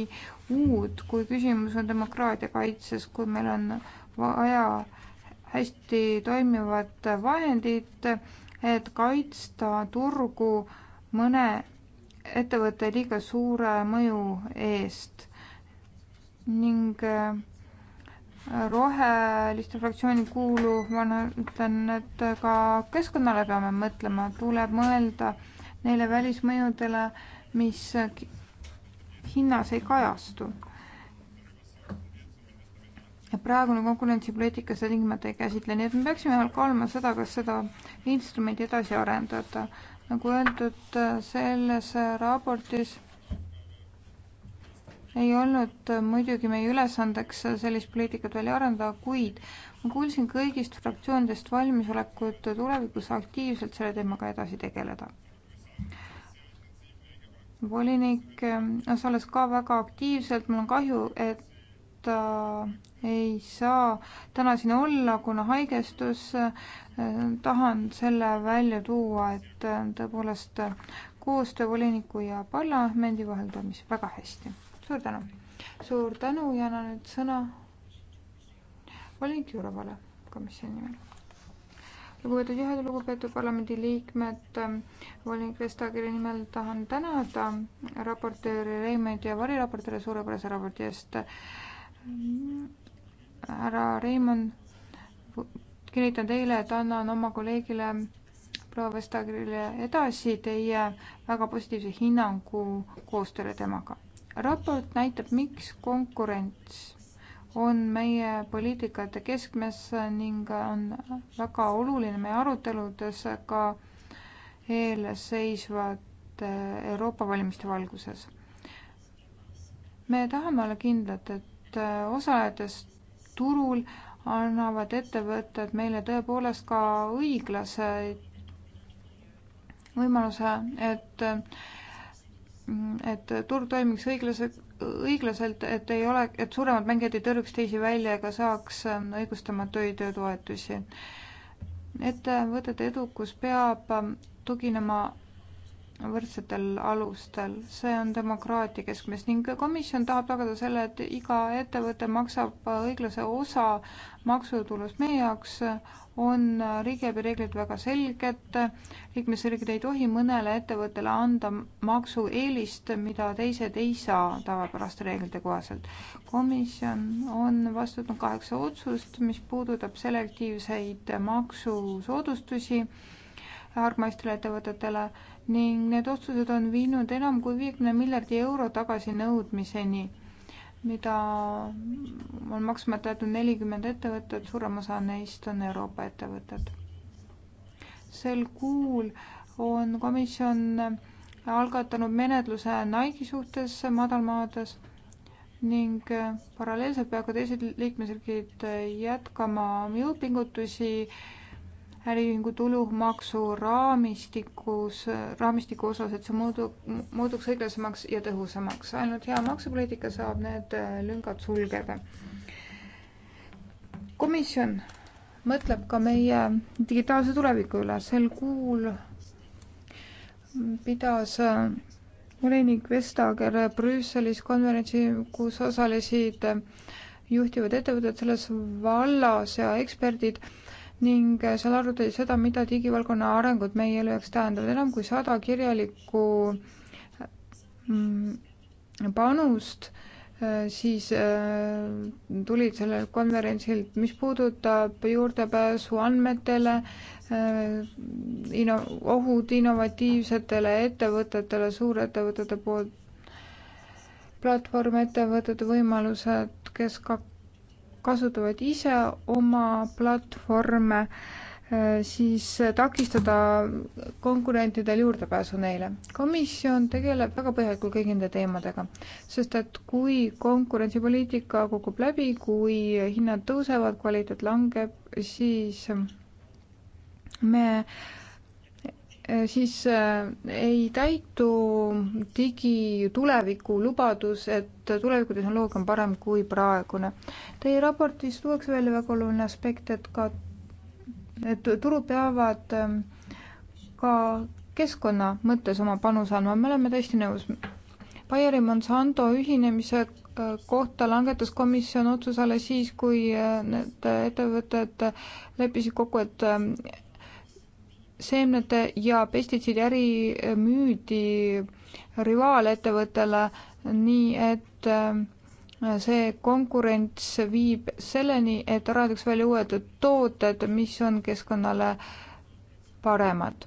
uut, kui küsimus on demokraatia kaitses, kui meil on vaja hästi toimivat vahendit, et kaitsta turgu mõne ettevõtte liiga suure mõju eest ning äh, roheliste fraktsiooni kuuluvana ütlen, et ka keskkonnale peame mõtlema, tuleb mõelda neile välismõjudele, mis hinnas ei kajastu. ja praegune konkurentsipoliitika seda tingimata ei käsitle, nii et me peaksime kaaluma seda, kas seda instrumenti edasi arendada. nagu öeldud, selles raportis ei olnud muidugi meie ülesandeks sellist poliitikat välja arendada, kuid ma kuulsin kõigist fraktsioonidest valmisolekut tulevikus aktiivselt selle teemaga edasi tegeleda. volinik osales äh, ka väga aktiivselt, mul on kahju, et ta äh, ei saa täna siin olla, kuna haigestus. Äh, tahan selle välja tuua, et tõepoolest koostöö voliniku ja parlamendi vahel toimis väga hästi suur tänu. suur tänu ja annan nüüd sõna Valik Jurovale komisjoni nimel. lugupeetud juhataja, lugupeetud parlamendiliikmed, ähm, volinik Vestageri nimel tahan tänada raportööri Reimann ja variraportööri suurepärase raporti eest. härra Reimann, kinnitan teile, et annan oma kolleegile proua Vestagrile edasi teie väga positiivse hinnangu koostööle temaga raport näitab, miks konkurents on meie poliitikate keskmes ning on väga oluline meie aruteludes ka eelseisvate Euroopa valimiste valguses. me tahame olla kindlad, et osaledes turul annavad ettevõtted meile tõepoolest ka õiglase võimaluse, et et turg toimiks õiglaselt, õiglaselt, et ei ole, et suuremad mängijad ei tõrjuks teisi välja ega saaks ähm, õigustamatuid toetusi. ettevõtete edukus peab ähm, tuginema võrdsetel alustel, see on demokraatia keskmes ning komisjon tahab tagada selle, et iga ettevõte maksab äh, õiglase osa maksutulust. meie jaoks äh, on riigiabi reeglid väga selged, liikmesriigid ei tohi mõnele ettevõttele anda maksueelist, mida teised ei saa tavapäraste reeglite kohaselt. komisjon on vastu võtnud kaheksa otsust, mis puudutab selektiivseid maksusoodustusi hargmaistele ettevõtetele ning need otsused on viinud enam kui viiekümne miljardi euro tagasinõudmiseni mida on maksmata jäetud nelikümmend ettevõtet, suurem osa neist on Euroopa ettevõtted. sel kuul on komisjon algatanud menetluse Nike'i suhtes madalmaades ning paralleelselt peavad ka teised liikmesriigid jätkama jõupingutusi äriühingu tulumaksu raamistikus, raamistiku osas, et see muudu, muutuks õiglasemaks ja tõhusamaks. ainult hea maksupoliitika saab need äh, lüngad sulgeda. komisjon mõtleb ka meie digitaalse tuleviku üle. sel kuul pidas äh, volinik Vestager Brüsselis konverentsi, kus osalesid äh, juhtivad ettevõtted selles vallas ja eksperdid ning seal arutati seda, mida digivaldkonna arengud meie elu jaoks tähendavad. enam kui sada kirjalikku mm, panust äh, siis äh, tulid sellel konverentsil, mis puudutab juurdepääsu andmetele, äh, inno-, ohud innovatiivsetele ettevõtetele, suurettevõtete poolt, platvormettevõtete võimalused, kes kak-, kasutavad ise oma platvorme, äh, siis takistada konkurentidel juurdepääsu neile. komisjon tegeleb väga põhjalikult kõigi nende teemadega, sest et kui konkurentsipoliitika kukub läbi, kui hinnad tõusevad, kvaliteet langeb, siis me äh, Äh, siis äh, ei täitu digituleviku lubadus, et tulevikutehnoloogia on parem kui praegune. Teie raportis tuuakse välja väga oluline aspekt, et ka, et turud peavad ähm, ka keskkonna mõttes oma panuse andma, me oleme täiesti nõus. Bayeri Monsanto ühinemise äh, kohta langetas komisjon otsuse alles siis, kui need ettevõtted leppisid kokku, et ähm, seemnete ja pestitsiidiäri müüdi rivaalettevõttele, nii et äh, see konkurents viib selleni, et arendatakse välja uued tooted, mis on keskkonnale paremad.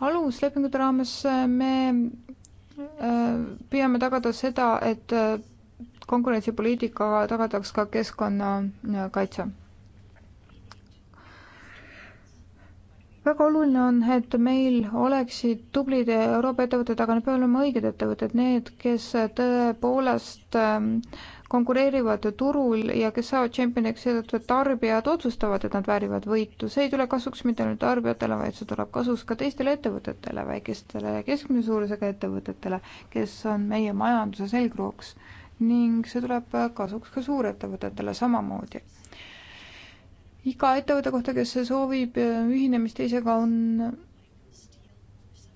aluslepingute raames äh, me äh, püüame tagada seda, et konkurentsipoliitikaga tagataks ka keskkonnakaitse väga oluline on, et meil oleksid tublid Euroopa ettevõtted, aga need peavad olema õiged ettevõtted, need, kes tõepoolest ähm, konkureerivad turul ja kes saavad tšempioniks seetõttu, et tarbijad otsustavad, et nad väärivad võitu. see ei tule kasuks mitte ainult tarbijatele, vaid see tuleb kasuks ka teistele ettevõtetele, väikestele ja keskmise suurusega ettevõtetele, kes on meie majanduse selgrooks. ning see tuleb kasuks ka suurettevõtetele samamoodi iga ettevõtte kohta, kes soovib äh, ühinemist teisega, on,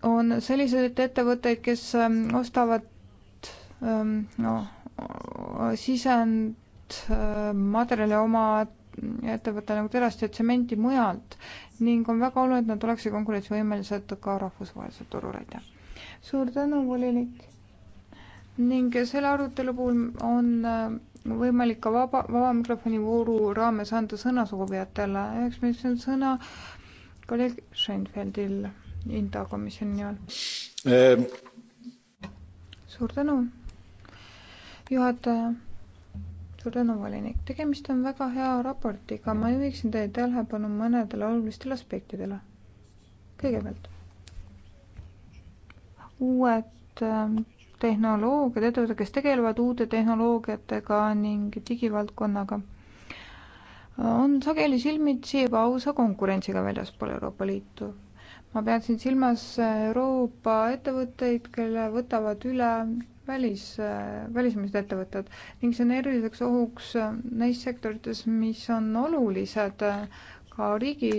on selliseid ettevõtteid, kes ähm, ostavad ähm, no, sisendmaterjali äh, oma ettevõttele nagu terast ja tsementi mujalt ning on väga oluline, et nad oleksid konkurentsivõimelised ka rahvusvahelisel turul, aitäh. suur tänu, volinik. ning selle arutelu puhul on äh, võimalik ka vaba, vaba mikrofoni vooru raames anda sõna soovijatele. üheks minutiks on sõna kolleeg Scheinfeldil Inta komisjoni nimel ehm.. suur tänu, juhataja. suur tänu, volinik. tegemist on väga hea raportiga. ma juhiksin teie tähelepanu mõnedele olulistele aspektidele. kõigepealt uued ähm, tehnoloogiad, ettevõtted, kes tegelevad uute tehnoloogiatega ning digivaldkonnaga, on sageli silmitsi ebaausa konkurentsiga väljaspool Euroopa Liitu. ma peaksin silmas Euroopa ettevõtteid, kelle võtavad üle välis, välismaised ettevõtted ning see on eriliseks ohuks neis sektorites, mis on olulised ka riigi,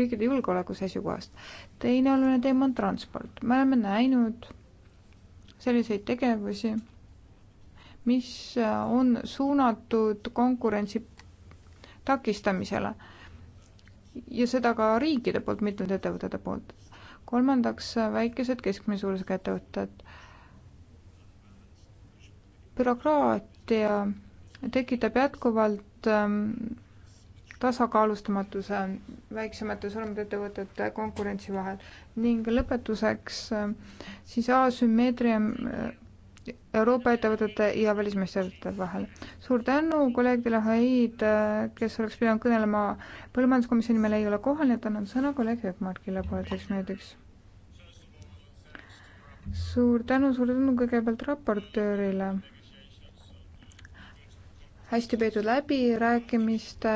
riikide julgeoleku seisukohast. teine oluline teema on transport. me oleme näinud selliseid tegevusi, mis äh, on suunatud konkurentsi takistamisele ja seda ka riikide poolt, mitmed ettevõtete poolt. kolmandaks, äh, väikesed keskmise suurusega ettevõtted. bürokraatia tekitab jätkuvalt ähm, tasakaalustamatuse väiksemate suuremate ettevõtete konkurentsi vahel. ning lõpetuseks äh, siis asümmeetria äh, Euroopa ettevõtete ja välismaiste ettevõtete vahel. suur tänu kolleegidele Haid, äh, kes oleks pidanud kõnelema põllumajanduskomisjoni nimel, ei ole kohal, nii et annan sõna kolleeg Höökmarkile pooleteiseks minutiks. suur tänu, suur tänu kõigepealt raportöörile hästi peetud läbirääkimiste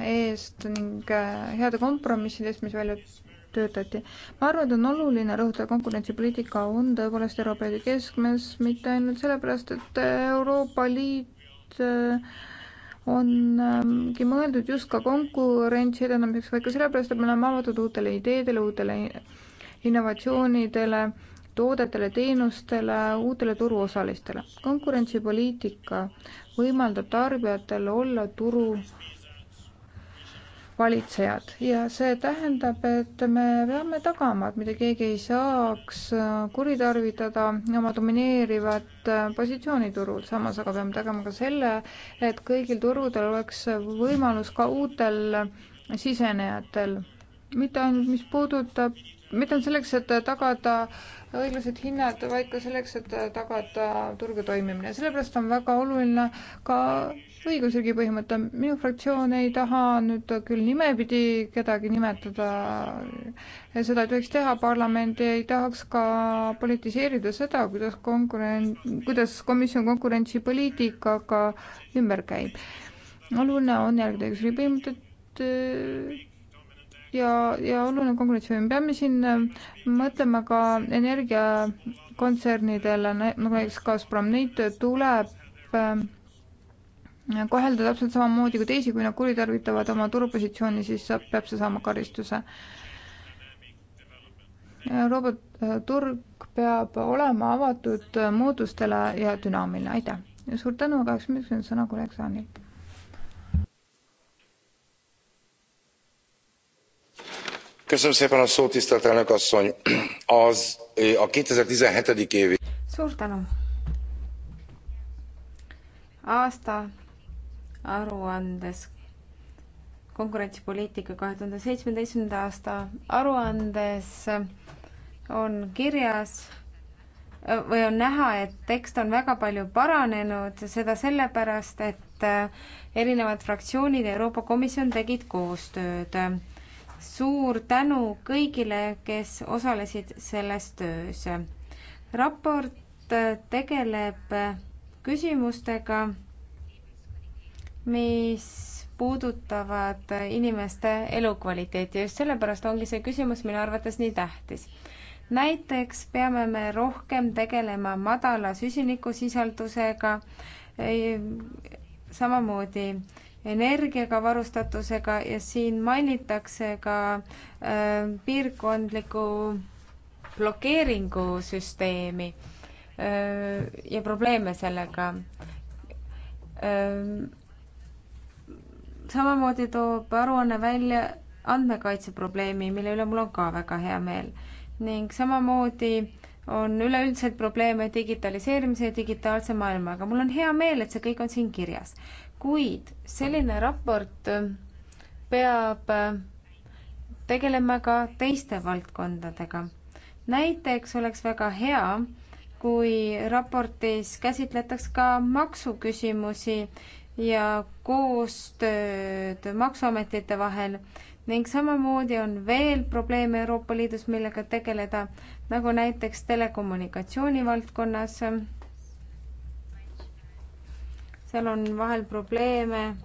eest ning äh, heade kompromissidest, mis välja töötati. ma arvan, et on oluline rõhutada, konkurentsipoliitika on tõepoolest Euroopa Liidu keskmes, mitte ainult sellepärast, et äh, Euroopa Liit äh, ongi ähm, mõeldud just ka konkurentsi edendamiseks, vaid ka sellepärast, et me oleme avatud uutele ideedele, uutele innovatsioonidele, toodetele, teenustele, uutele turuosalistele. konkurentsipoliitika võimaldab tarbijatel olla turu valitsejad ja see tähendab, et me peame tagama, et mitte keegi ei saaks äh, kuritarvitada oma domineerivat äh, positsiooni turul, samas aga peame tagama ka selle, et kõigil turgudel oleks võimalus ka uutel äh, sisenejatel, mitte ainult, mis puudutab, mitte ainult selleks, et tagada õiglased hinnad, vaid ka selleks, et tagada turgu toimimine, sellepärast on väga oluline ka õigusriigi põhimõte, minu fraktsioon ei taha nüüd küll nimepidi kedagi nimetada, seda ei tohiks teha, parlament ei tahaks ka politiseerida seda, kuidas konkurent, kuidas komisjon konkurentsipoliitikaga ümber käib. oluline on järgida õigusriigi põhimõtet äh, ja, ja oluline konkurentsivõime, peame siin äh, mõtlema ka energiakontsernidele, nagu näiteks Gazprom, neid tuleb äh, kohelda täpselt samamoodi kui teisi, kui nad kuritarvitavad oma turupositsiooni, siis saab, peab see saama karistuse. Euroopa äh, turg peab olema avatud muutustele ja dünaamiline, aitäh. suur tänu, aga eks ma ütlen sõna kolleeg Saanil. köszönöm szépen a szót, tisztelt elnök asszony. Az a 2017. évi. Suur tänu. aasta aruandes, konkurentsipoliitika kahe tuhande seitsmeteistkümnenda aasta aruandes on kirjas või on näha, et tekst on väga palju paranenud, seda sellepärast, et äh, erinevad fraktsioonid ja Euroopa Komisjon tegid koostööd. suur tänu kõigile, kes osalesid selles töös. raport äh, tegeleb äh, küsimustega mis puudutavad inimeste elukvaliteeti ja just sellepärast ongi see küsimus minu arvates nii tähtis. näiteks peame me rohkem tegelema madala süsinikusisaldusega, samamoodi energiaga varustatusega ja siin mainitakse ka äh, piirkondliku blokeeringu süsteemi äh, ja probleeme sellega äh, samamoodi toob aruanne välja andmekaitseprobleemi, mille üle mul on ka väga hea meel ning samamoodi on üleüldiselt probleeme digitaliseerimise ja digitaalse maailmaga. mul on hea meel, et see kõik on siin kirjas. kuid selline raport peab tegelema ka teiste valdkondadega. näiteks oleks väga hea, kui raportis käsitletaks ka maksuküsimusi ja koostööd maksuametite vahel ning samamoodi on veel probleeme Euroopa Liidus, millega tegeleda, nagu näiteks telekommunikatsiooni valdkonnas. seal on vahel probleeme,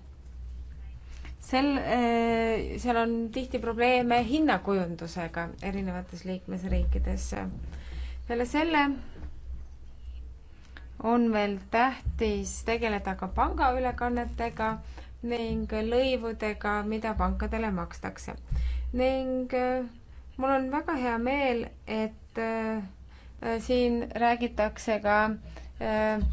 sel, äh, seal on tihti probleeme hinnakujundusega erinevates liikmesriikides. peale selle on veel tähtis tegeleda ka pangaülekannetega ning lõivudega, mida pankadele makstakse. ning äh, mul on väga hea meel, et äh, siin räägitakse ka äh,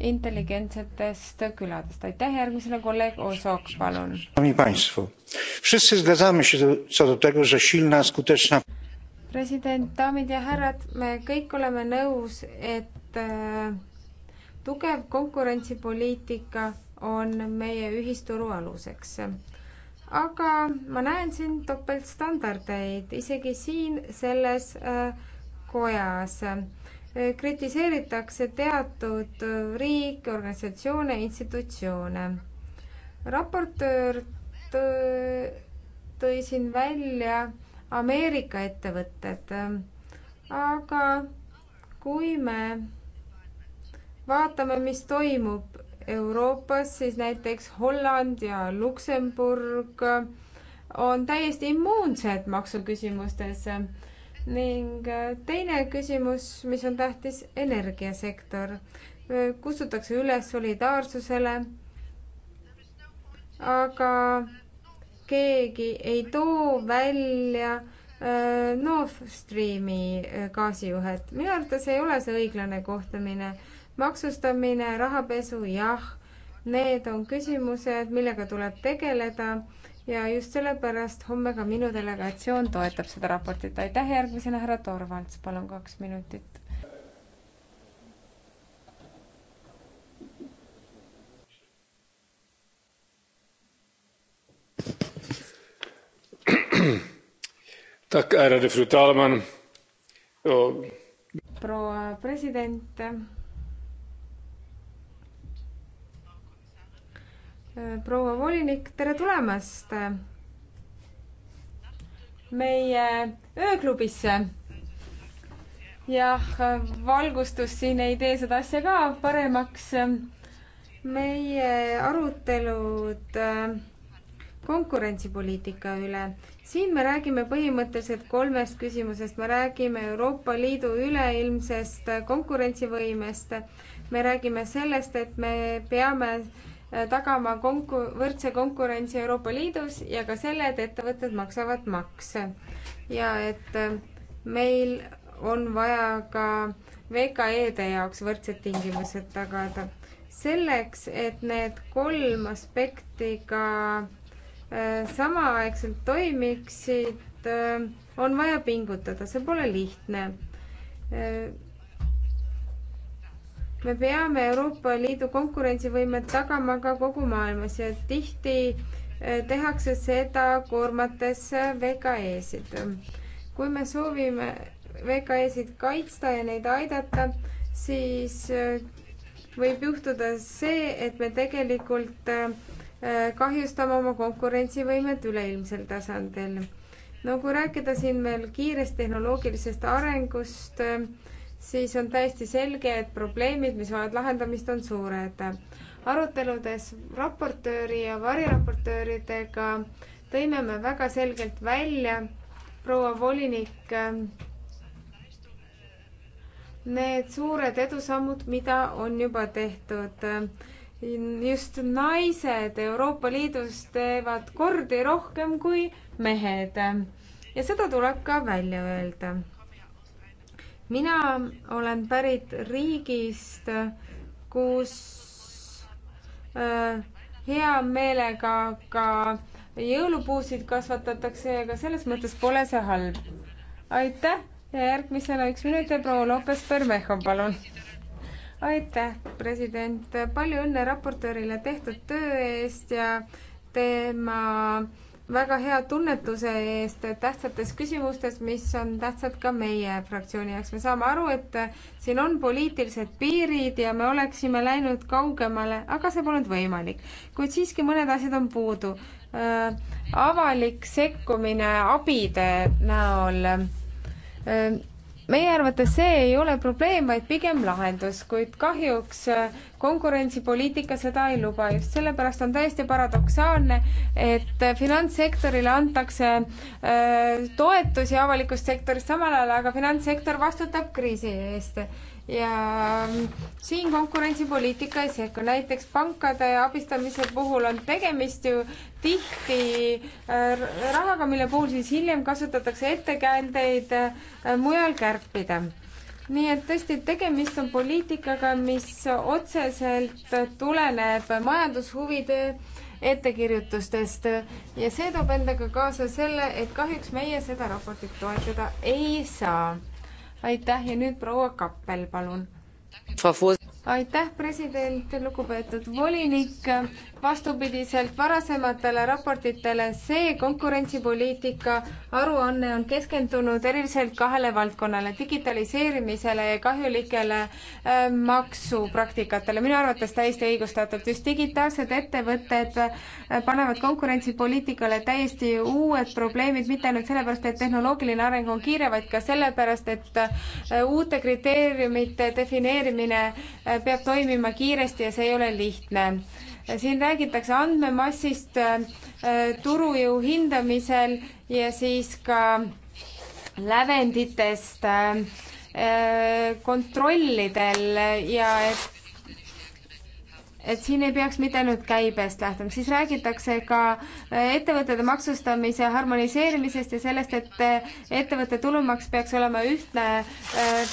inteligentsetest küladest. aitäh, järgmisele kolleeg Ozok, palun. president, daamid ja härrad, me kõik oleme nõus, et tugev konkurentsipoliitika on meie ühisturu aluseks. aga ma näen siin topeltstandardeid isegi siin selles äh, kojas. Äh, kritiseeritakse teatud äh, riike, organisatsioone, institutsioone. raportöör tõi siin välja Ameerika ettevõtted. aga kui me vaatame, mis toimub Euroopas, siis näiteks Holland ja Luksemburg on täiesti immuunsed maksuküsimustes. ning äh, teine küsimus, mis on tähtis, energiasektor. Äh, kutsutakse üles solidaarsusele, aga keegi ei too välja äh, Nord Streami gaasijuhet. minu arvates ei ole see õiglane kohtlemine maksustamine, rahapesu, jah, need on küsimused, millega tuleb tegeleda ja just sellepärast homme ka minu delegatsioon toetab seda raportit. aitäh, järgmisena härra Torvalds, palun kaks minutit. proua president proua volinik, tere tulemast meie ööklubisse. jah, valgustus siin ei tee seda asja ka paremaks. meie arutelud äh, konkurentsipoliitika üle. siin me räägime põhimõtteliselt kolmest küsimusest, me räägime Euroopa Liidu üleilmsest konkurentsivõimest, me räägime sellest, et me peame Äh, tagama konku-, võrdse konkurentsi Euroopa Liidus ja ka selle, et ettevõtted maksavad makse. ja et äh, meil on vaja ka VKE-de jaoks võrdsed tingimused tagada. selleks, et need kolm aspekti ka äh, samaaegselt toimiksid, on vaja pingutada, see pole lihtne me peame Euroopa Liidu konkurentsivõimet tagama ka kogu maailmas ja tihti eh, tehakse seda koormates VKE-sid. kui me soovime VKE-sid kaitsta ja neid aidata, siis eh, võib juhtuda see, et me tegelikult eh, kahjustame oma konkurentsivõimet üleilmsel tasandil. no nagu kui rääkida siin veel kiirest tehnoloogilisest arengust, siis on täiesti selge, et probleemid, mis vajavad lahendamist, on suured. aruteludes raportööri ja variraportööridega tõime me väga selgelt välja, proua volinik, need suured edusammud, mida on juba tehtud. just naised Euroopa Liidus teevad kordi rohkem kui mehed ja seda tuleb ka välja öelda mina olen pärit riigist, kus äh, hea meelega ka jõulupuusid kasvatatakse ja ka selles mõttes pole see halb. aitäh ja järgmisena üks minut ja proua Lopes Bermejo, palun. aitäh, president, palju õnne raportöörile tehtud töö eest ja tema äh, väga hea tunnetuse eest tähtsates küsimustes, mis on tähtsad ka meie fraktsiooni jaoks. me saame aru, et siin on poliitilised piirid ja me oleksime läinud kaugemale, aga see polnud võimalik. kuid siiski mõned asjad on puudu äh,. avalik sekkumine abide näol äh, meie arvates see ei ole probleem, vaid pigem lahendus, kuid kahjuks äh, konkurentsipoliitika seda ei luba, just sellepärast on täiesti paradoksaalne, et äh, finantssektorile antakse äh, toetusi avalikust sektorist, samal ajal aga finantssektor vastutab kriisi eest ja mm, siin konkurentsipoliitika ei sekku, näiteks pankade abistamise puhul on tegemist ju tihti äh, rahaga, mille puhul siis hiljem kasutatakse ettekäändeid äh, mujal kärpida nii et tõesti, tegemist on poliitikaga, mis otseselt tuleneb majandushuvide ettekirjutustest ja see toob endaga kaasa selle, et kahjuks meie seda raportit toetada ei saa aitäh ja nüüd proua Kappel, palun aitäh, president, lugupeetud volinik. vastupidiselt varasematele raportitele, see konkurentsipoliitika aruanne on keskendunud eriliselt kahele valdkonnale, digitaliseerimisele ja kahjulikele äh, maksupraktikatele. minu arvates täiesti õigustatult, just digitaalsed ettevõtted äh, panevad konkurentsipoliitikale täiesti uued probleemid, mitte ainult sellepärast, et tehnoloogiline areng on kiire, vaid ka sellepärast, et äh, uute kriteeriumite defineerimine äh, peab toimima kiiresti ja see ei ole lihtne. siin räägitakse andmemassist äh, turujõu hindamisel ja siis ka lävenditest äh, kontrollidel ja et et siin ei peaks mitte ainult käibest lähtuma, siis räägitakse ka äh, ettevõtete maksustamise harmoniseerimisest ja sellest, et ettevõtte tulumaks peaks olema ühtne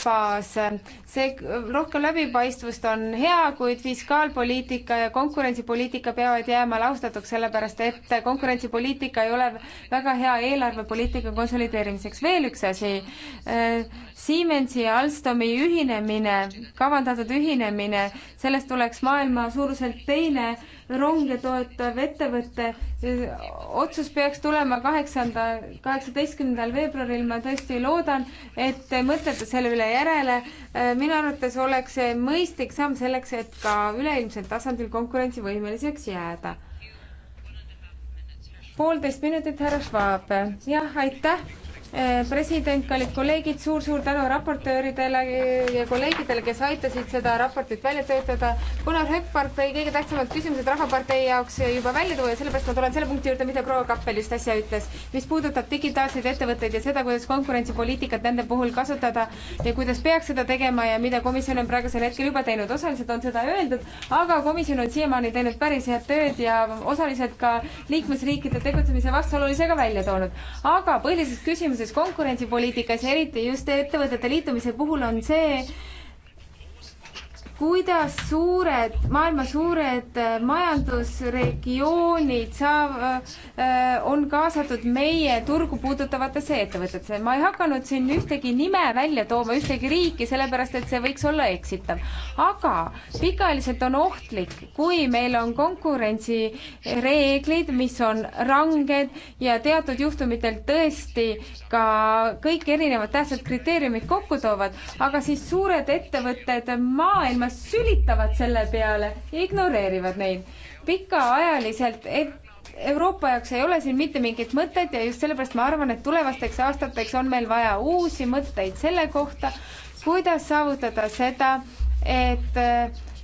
baas see rohkem läbipaistvust on hea, kuid fiskaalpoliitika ja konkurentsipoliitika peavad jääma lahustatuks, sellepärast et konkurentsipoliitika ei ole väga hea eelarvepoliitika konsolideerimiseks. veel üks asi, äh, Siemensi ja Alstomi ühinemine, kavandatud ühinemine, sellest tuleks maailma suuruselt teine ronge toetav ettevõte. otsus peaks tulema kaheksanda, kaheksateistkümnendal veebruaril, ma tõesti loodan, et te mõtlete selle üle järele. minu arvates oleks see mõistlik samm selleks, et ka üleilmsel tasandil konkurentsivõimeliseks jääda. poolteist minutit, härra Schwab. jah, aitäh Eh, president, kallid kolleegid suur,, suur-suur tänu raportööridele ja kolleegidele, kes aitasid seda raportit välja töötada. Gunnar Hökmark tõi kõige tähtsamad küsimused Rahvapartei jaoks juba välja tuua ja sellepärast ma tulen selle punkti juurde, mida proua Kappel just äsja ütles, mis puudutab digitaalseid ettevõtteid ja seda, kuidas konkurentsipoliitikat nende puhul kasutada ja kuidas peaks seda tegema ja mida komisjon on praegusel hetkel juba teinud. osaliselt on seda öeldud, aga komisjon on siiamaani teinud päris head tööd ja osaliselt ka liikmesriikide tegutsemise vastuolulisega välja toonud. aga põhilised küsimused tähtsuses konkurentsipoliitikas ja eriti just ettevõtete liitumise puhul on see, kuidas suured, maailma suured äh, majandusregioonid saav-, äh, äh, on kaasatud meie turgu puudutavatesse ettevõtetesse. ma ei hakanud siin ühtegi nime välja tooma, ühtegi riiki, sellepärast et see võiks olla eksitav. aga pikaajaliselt on ohtlik, kui meil on konkurentsireeglid, mis on ranged ja teatud juhtumitel tõesti ka kõik erinevad tähtsad kriteeriumid kokku toovad, aga siis suured ettevõtted maailmas kas sülitavad selle peale ja ignoreerivad neid. pikaajaliselt Euroopa jaoks ei ole siin mitte mingit mõtet ja just sellepärast ma arvan, et tulevasteks aastateks on meil vaja uusi mõtteid selle kohta, kuidas saavutada seda, et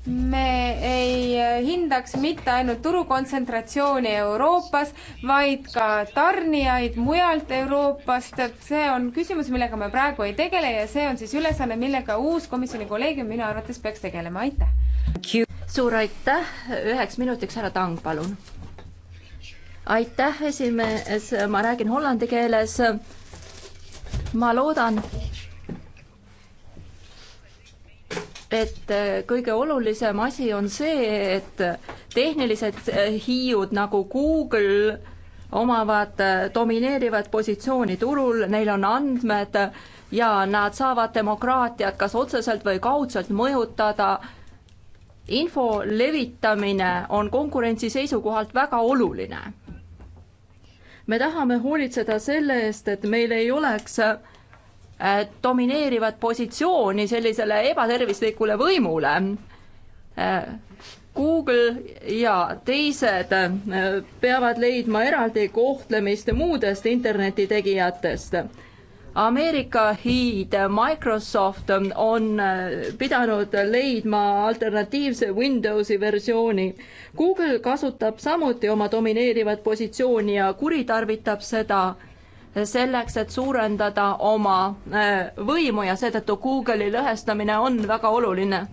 me ei äh, hindaks mitte ainult turukontsentratsiooni Euroopas, vaid ka tarnijaid mujalt Euroopast. see on küsimus, millega me praegu ei tegele ja see on siis ülesanne, millega uus komisjoni kolleegium minu arvates peaks tegelema. aitäh! suur aitäh, üheks minutiks härra Tang, palun. aitäh, esimees, ma räägin hollandi keeles. ma loodan, et äh, kõige olulisem asi on see, et tehnilised äh, hiiud nagu Google omavad äh, domineerivat positsiooni turul, neil on andmed ja nad saavad demokraatiat kas otseselt või kaudselt mõjutada. info levitamine on konkurentsi seisukohalt väga oluline. me tahame hoolitseda selle eest, et meil ei oleks äh, Äh, domineerivat positsiooni sellisele ebatervislikule võimule. Äh, Google ja teised äh, peavad leidma eraldi kohtlemist muudest internetitegijatest. Ameerika hiid Microsoft on pidanud leidma alternatiivse Windowsi versiooni. Google kasutab samuti oma domineerivat positsiooni ja kuritarvitab seda selleks, et suurendada oma äh, võimu ja seetõttu Google'i lõhestamine on väga oluline.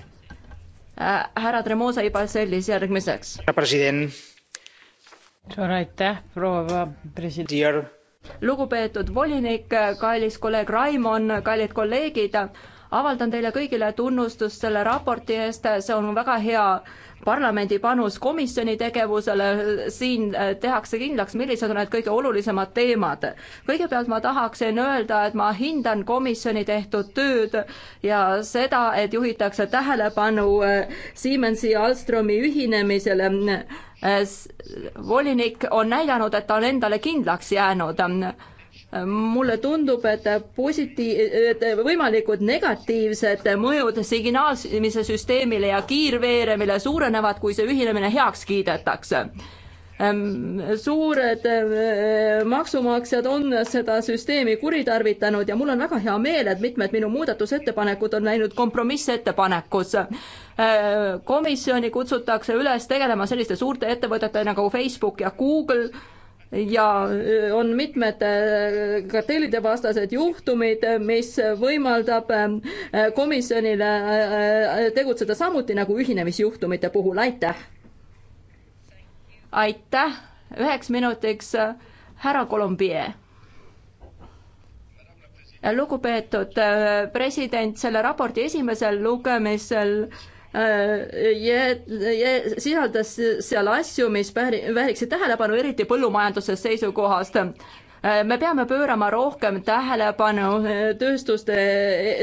Äh, härra Tremosa Ibasellis järgmiseks. suur aitäh, proua president lugupeetud volinik, kallis kolleeg Raimon, kallid kolleegid, avaldan teile kõigile tunnustust selle raporti eest, see on väga hea parlamendi panus komisjoni tegevusele, siin äh, tehakse kindlaks, millised on need kõige olulisemad teemad. kõigepealt ma tahaksin öelda, et ma hindan komisjoni tehtud tööd ja seda, et juhitakse tähelepanu äh, Siemensi ja Alstromi ühinemisele äh, volinik on näidanud, et ta on endale kindlaks jäänud mulle tundub, et positiiv, võimalikud negatiivsed mõjud signaalse süsteemile ja kiirveeremile suurenevad, kui see ühinemine heaks kiidetakse ehm, suured ehm, maksumaksjad on seda süsteemi kuritarvitanud ja mul on väga hea meel, et mitmed minu muudatusettepanekud on läinud kompromissettepanekusse. Ehm, komisjoni kutsutakse üles tegelema selliste suurte ettevõtetena nagu Facebook ja Google ja äh, on mitmed äh, kartellide vastased juhtumid, mis võimaldab ähm, äh, komisjonile tegutseda samuti nagu ühinemisjuhtumite puhul, aitäh! aitäh, üheks minutiks härra Colombier lugupeetud president, selle raporti esimesel lugemisel Äh, je, je, sisaldas seal asju, mis päri-, vääriksid tähelepanu, eriti põllumajanduse seisukohast. Äh, me peame pöörama rohkem tähelepanu äh, tööstuste,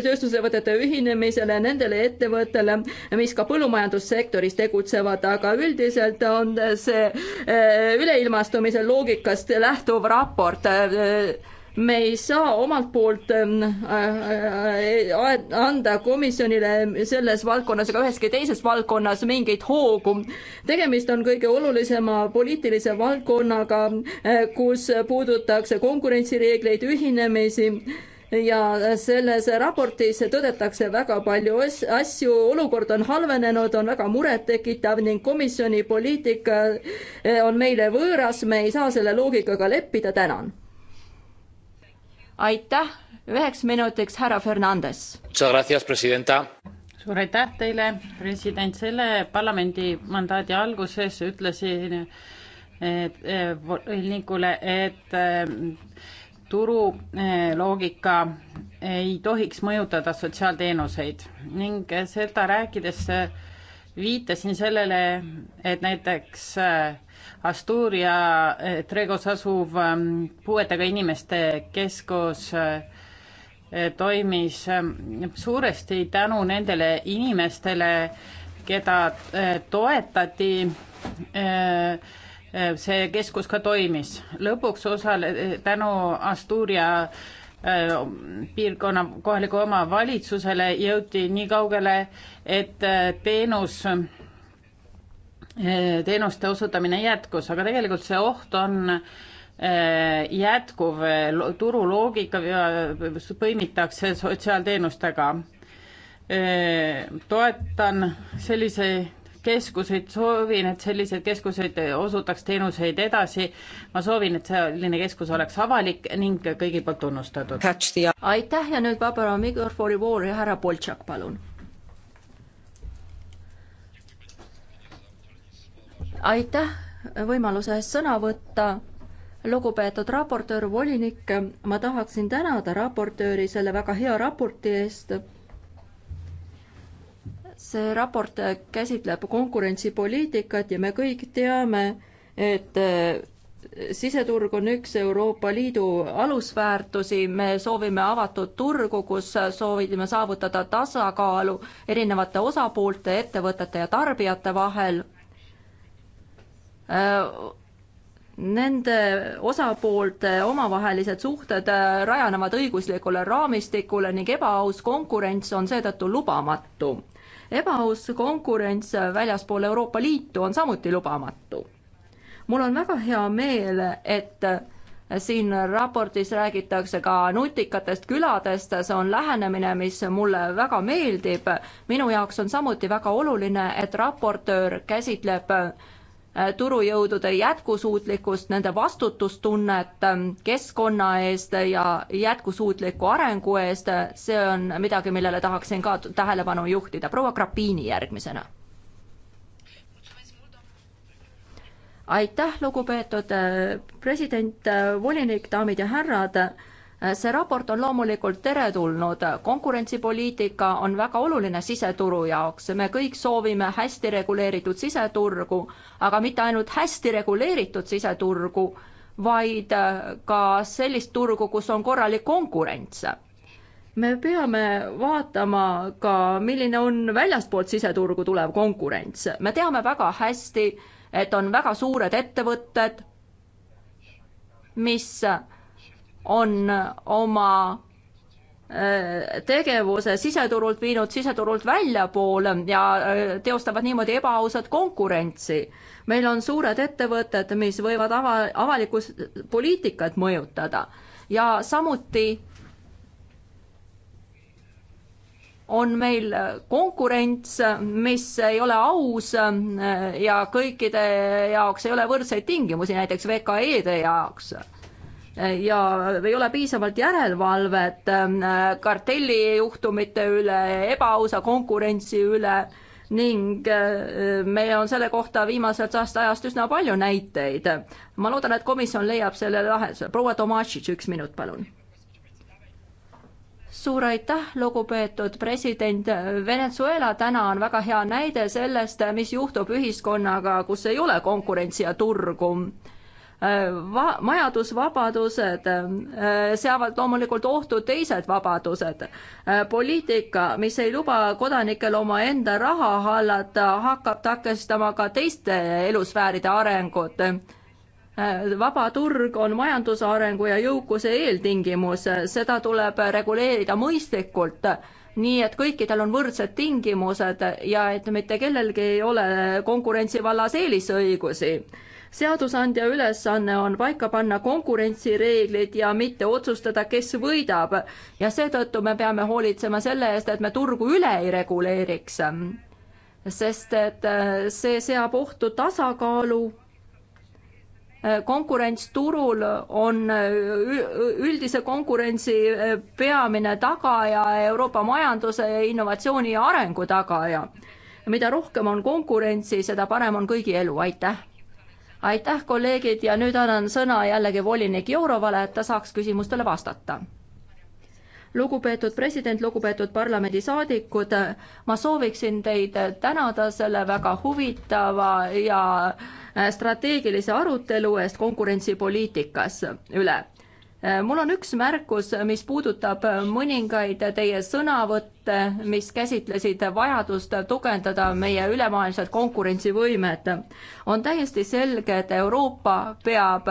tööstusettevõtete ühinemisele, nendele ettevõttele, mis ka põllumajandussektoris tegutsevad, aga üldiselt on see üleilmastumise loogikast lähtuv raport me ei saa omalt poolt ähm, äh, äh, äh, anda komisjonile selles valdkonnas ega üheski teises valdkonnas mingeid hoogu. tegemist on kõige olulisema poliitilise valdkonnaga, kus puudutakse konkurentsireegleid, ühinemisi ja selles raportis tõdetakse väga palju asju, olukord on halvenenud, on väga murettekitav ning komisjoni poliitika on meile võõras, me ei saa selle loogikaga leppida, tänan aitäh, üheks minutiks härra Fernandes. suur aitäh teile, president, selle parlamendi mandaadi alguses ütlesin eh, volinikule, et, et eh, turu eh, loogika ei tohiks mõjutada sotsiaalteenuseid ning seda rääkides viitasin sellele, et näiteks äh, Asturia Tregos asuv ähm, puuetega inimeste keskus äh, toimis ähm, suuresti tänu nendele inimestele, keda äh, toetati äh, see keskus ka toimis. lõpuks osale-, tänu Asturia piirkonna kohaliku omavalitsusele jõuti nii kaugele, et teenus Eh, teenuste osutamine jätkus, aga tegelikult see oht on eh, jätkuv eh, turuloogika põimitakse sotsiaalteenustega. toetan selliseid keskuseid, soovin, et selliseid keskuseid osutaks teenuseid edasi. ma soovin, et selline keskus oleks avalik ning kõigi poolt tunnustatud. aitäh ja nüüd vaba mikrofoni voor ja härra Boltšak, palun aitäh võimaluse eest sõna võtta. lugupeetud raportöör, volinik, ma tahaksin tänada raportööri selle väga hea raporti eest. see raport käsitleb konkurentsipoliitikat ja me kõik teame, et siseturg on üks Euroopa Liidu alusväärtusi, me soovime avatud turgu, kus soovime saavutada tasakaalu erinevate osapoolte, ettevõtete ja tarbijate vahel. Nende osapoolte omavahelised suhted rajanevad õiguslikule raamistikule ning ebaaus konkurents on seetõttu lubamatu. ebaaus konkurents väljaspool Euroopa Liitu on samuti lubamatu. mul on väga hea meel, et siin raportis räägitakse ka nutikatest küladest, see on lähenemine, mis mulle väga meeldib. minu jaoks on samuti väga oluline, et raportöör käsitleb Äh, turujõudude jätkusuutlikkust, nende vastutustunnet ähm, keskkonna eest ja jätkusuutliku arengu eest, see on midagi, millele tahaksin ka tähelepanu juhtida. proua Grapini järgmisena. aitäh, lugupeetud äh, president, äh, volinik, daamid ja härrad Eh, see raport on loomulikult teretulnud, konkurentsipoliitika on väga oluline siseturu jaoks, me kõik soovime hästi reguleeritud siseturgu, aga mitte ainult hästi reguleeritud siseturgu, vaid eh, ka sellist turgu, kus on korralik konkurents me peame vaatama ka, milline on väljastpoolt siseturgu tulev konkurents. me teame väga hästi, et on väga suured ettevõtted, mis on oma äh, tegevuse siseturult viinud siseturult väljapoole ja äh, teostavad niimoodi ebaausat konkurentsi. meil on suured ettevõtted, mis võivad ava, avalikku poliitikat mõjutada ja samuti on meil konkurents, mis ei ole aus äh, ja kõikide jaoks ei ole võrdseid tingimusi, näiteks VKE-de jaoks ja ei ole piisavalt järelevalvet ähm, kartellijuhtumite üle, ebaausa konkurentsi üle ning äh, meil on selle kohta viimasest aastaajast üsna palju näiteid. ma loodan, et komisjon leiab selle lahenduse. proua Tomašitš, üks minut, palun suur aitäh, lugupeetud president. Venezuela täna on väga hea näide sellest, mis juhtub ühiskonnaga, kus ei ole konkurentsi ja turgu va-, majandusvabadused äh, seavad loomulikult ohtu teised vabadused. Äh, poliitika, mis ei luba kodanikel omaenda raha hallata, hakkab takestama ka teiste elusfääride arengut. Äh, vaba turg on majanduse arengu ja jõukuse eeltingimus, seda tuleb reguleerida mõistlikult nii et kõikidel on võrdsed tingimused ja et mitte kellelgi ei ole konkurentsi vallas eelisõigusi seadusandja ülesanne on paika panna konkurentsireeglid ja mitte otsustada, kes võidab ja seetõttu me peame hoolitsema selle eest, et me turgu üle ei reguleeriks. sest et äh, see seab ohtu tasakaalu äh, konkurents turul on äh, üldise konkurentsi peamine tagaja Euroopa majanduse ja innovatsiooni ja arengu tagaja. mida rohkem on konkurentsi, seda parem on kõigi elu, aitäh! aitäh, kolleegid, ja nüüd annan sõna jällegi volinik Jourovale, et ta saaks küsimustele vastata lugupeetud president, lugupeetud parlamendisaadikud, ma sooviksin teid tänada selle väga huvitava ja strateegilise arutelu eest konkurentsipoliitikas üle mul on üks märkus, mis puudutab mõningaid teie sõnavõtte, mis käsitlesid vajadust tugevdada meie ülemaailmset konkurentsivõimet. on täiesti selge, et Euroopa peab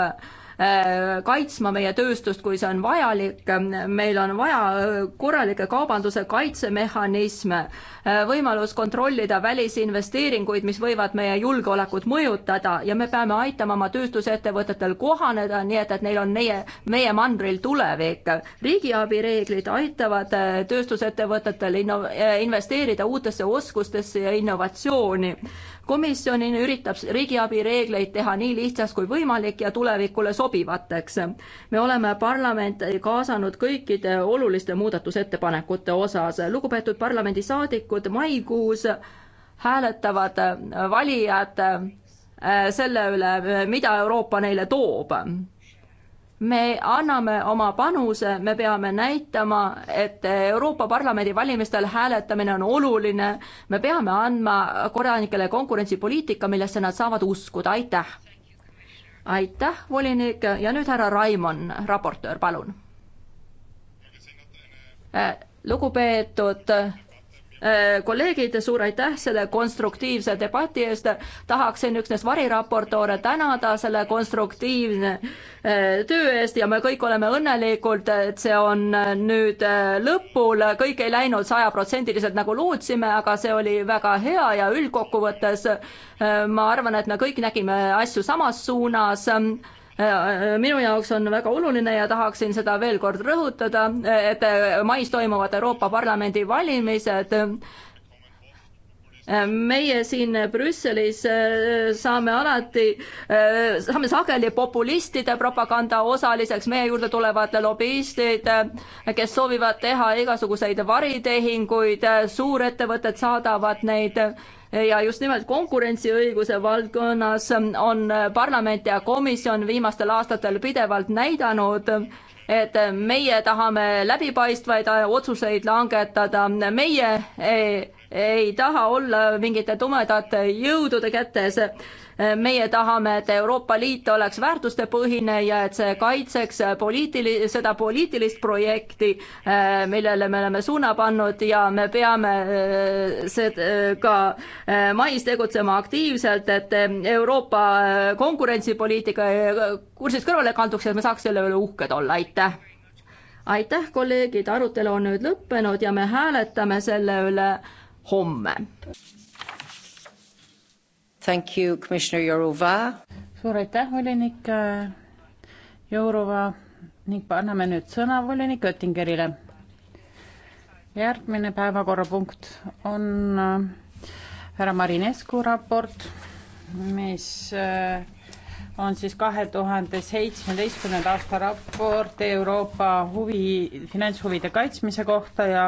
Äh, kaitsma meie tööstust, kui see on vajalik. meil on vaja äh, korralikke kaubanduse kaitsemehhanisme, äh, võimalus kontrollida välisinvesteeringuid, mis võivad meie julgeolekut mõjutada ja me peame aitama oma tööstusettevõtetel kohaneda, nii et, et neil on meie, meie mandril tulevik. riigiabi reeglid aitavad tööstusettevõtetel inno-, investeerida uutesse oskustesse ja innovatsiooni komisjon üritab riigiabi reegleid teha nii lihtsaks kui võimalik ja tulevikule sobivateks. me oleme parlamenti kaasanud kõikide oluliste muudatusettepanekute osas. lugupeetud parlamendisaadikud, maikuus hääletavad valijad äh, selle üle, mida Euroopa neile toob me anname oma panuse, me peame näitama, et Euroopa Parlamendi valimistel hääletamine on oluline, me peame andma kodanikele konkurentsipoliitika, millesse nad saavad uskuda, aitäh! aitäh, volinik, ja nüüd härra Raimon, raportöör, palun! Äh, lugupeetud Äh, kolleegid, suur aitäh selle konstruktiivse debati eest, tahaksin üksnes variraportoore tänada selle konstruktiivne äh, töö eest ja me kõik oleme õnnelikud, et see on äh, nüüd lõpul, kõik ei läinud sajaprotsendiliselt nagu lootsime, aga see oli väga hea ja üldkokkuvõttes ma arvan, et me kõik nägime asju samas suunas minu jaoks on väga oluline ja tahaksin seda veel kord rõhutada, et mais toimuvad Euroopa Parlamendi valimised meie siin Brüsselis äh, saame alati, äh, saame sageli populistide propaganda osaliseks, meie juurde tulevad lobistid, äh, kes soovivad teha igasuguseid varitehinguid, suurettevõtted saadavad neid ja just nimelt konkurentsiõiguse valdkonnas on parlament ja komisjon viimastel aastatel pidevalt näidanud, et meie tahame läbipaistvaid otsuseid langetada, meie ei, ei taha olla mingite tumedate jõudude kätes meie tahame, et Euroopa Liit oleks väärtustepõhine ja et see kaitseks poliitili-, seda poliitilist projekti, äh, millele me oleme suuna pannud ja me peame äh, see äh, ka mais tegutsema aktiivselt, et Euroopa konkurentsipoliitika kursist kõrvale kanduks, et me saaks selle üle uhked olla, aitäh! aitäh, kolleegid, arutelu on nüüd lõppenud ja me hääletame selle üle homme. Thank you, Commissioner Jourova. suur aitäh, volinik äh, Jourova ning anname nüüd sõna volinik Oettingerile. järgmine päevakorrapunkt on äh, härra Marinescu raport, mis äh, on siis kahe tuhande seitsmeteistkümnenda aasta raport Euroopa huvi, finantshuvide kaitsmise kohta ja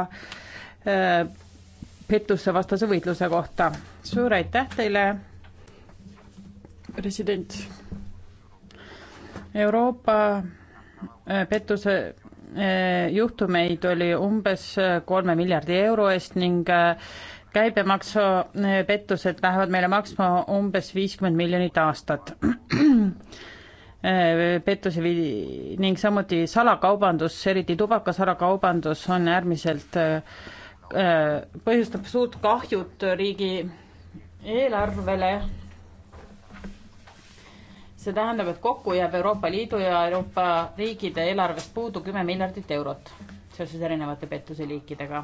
pettustevastase võitluse kohta. suur aitäh teile president. Euroopa äh, pettuse äh, juhtumeid oli umbes äh, kolme miljardi euro eest ning käibemaksupettused lähevad meile maksma umbes viiskümmend miljonit aastat. *clears throat* pettusi vii- ning samuti salakaubandus, eriti tubakasalakaubandus on äärmiselt, põhjustab suurt kahjut riigi eelarvele see tähendab, et kokku jääb Euroopa Liidu ja Euroopa riikide eelarvest puudu kümme miljardit eurot seoses erinevate pettuse liikidega.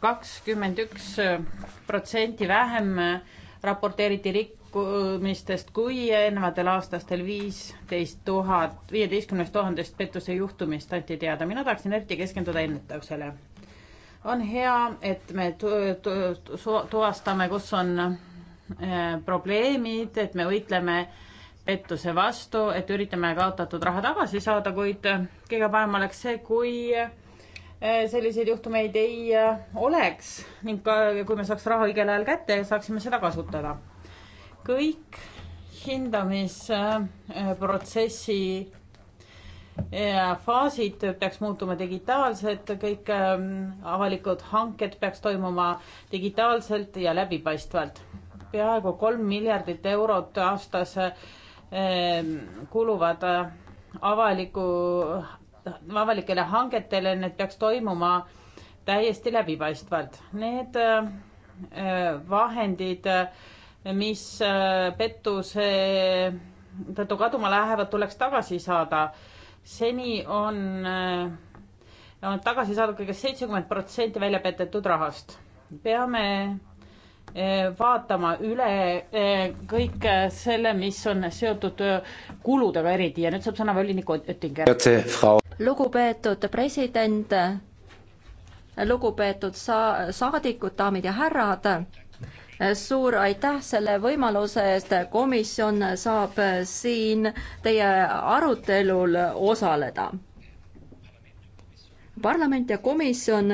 kakskümmend üks äh, protsenti vähem äh, raporteeriti rikkumistest kui eelnevatel aastastel viisteist tuhat, viieteistkümnest tuhandest pettuse juhtumist anti teada. mina tahaksin eriti keskenduda ennetusele. on hea, et me tuvastame, kus on Äh, probleemid, et me võitleme pettuse vastu, et üritame kaotatud raha tagasi saada, kuid äh, kõige parem oleks see, kui äh, selliseid juhtumeid ei oleks ning ka kui me saaks raha õigel ajal kätte, saaksime seda kasutada. kõik hindamisprotsessi faasid peaks muutuma digitaalsed, kõik avalikud hanked peaks toimuma digitaalselt ja läbipaistvalt peaaegu kolm miljardit eurot aastas ehm, kuluvad äh, avaliku, avalikele hangetele, need peaks toimuma täiesti läbipaistvalt. Need äh, vahendid, mis äh, pettuse tõttu kaduma lähevad, tuleks tagasi saada. seni on, on tagasi saadud kõigest seitsekümmend protsenti välja petetud rahast. peame Eh, vaatama üle eh, kõik eh, selle, mis on seotud kuludega eriti ja nüüd saab sõna volinik Oettinger. lugupeetud president, lugupeetud sa-, saadikud, daamid ja härrad, suur aitäh selle võimaluse eest, komisjon saab siin teie arutelul osaleda. parlament ja komisjon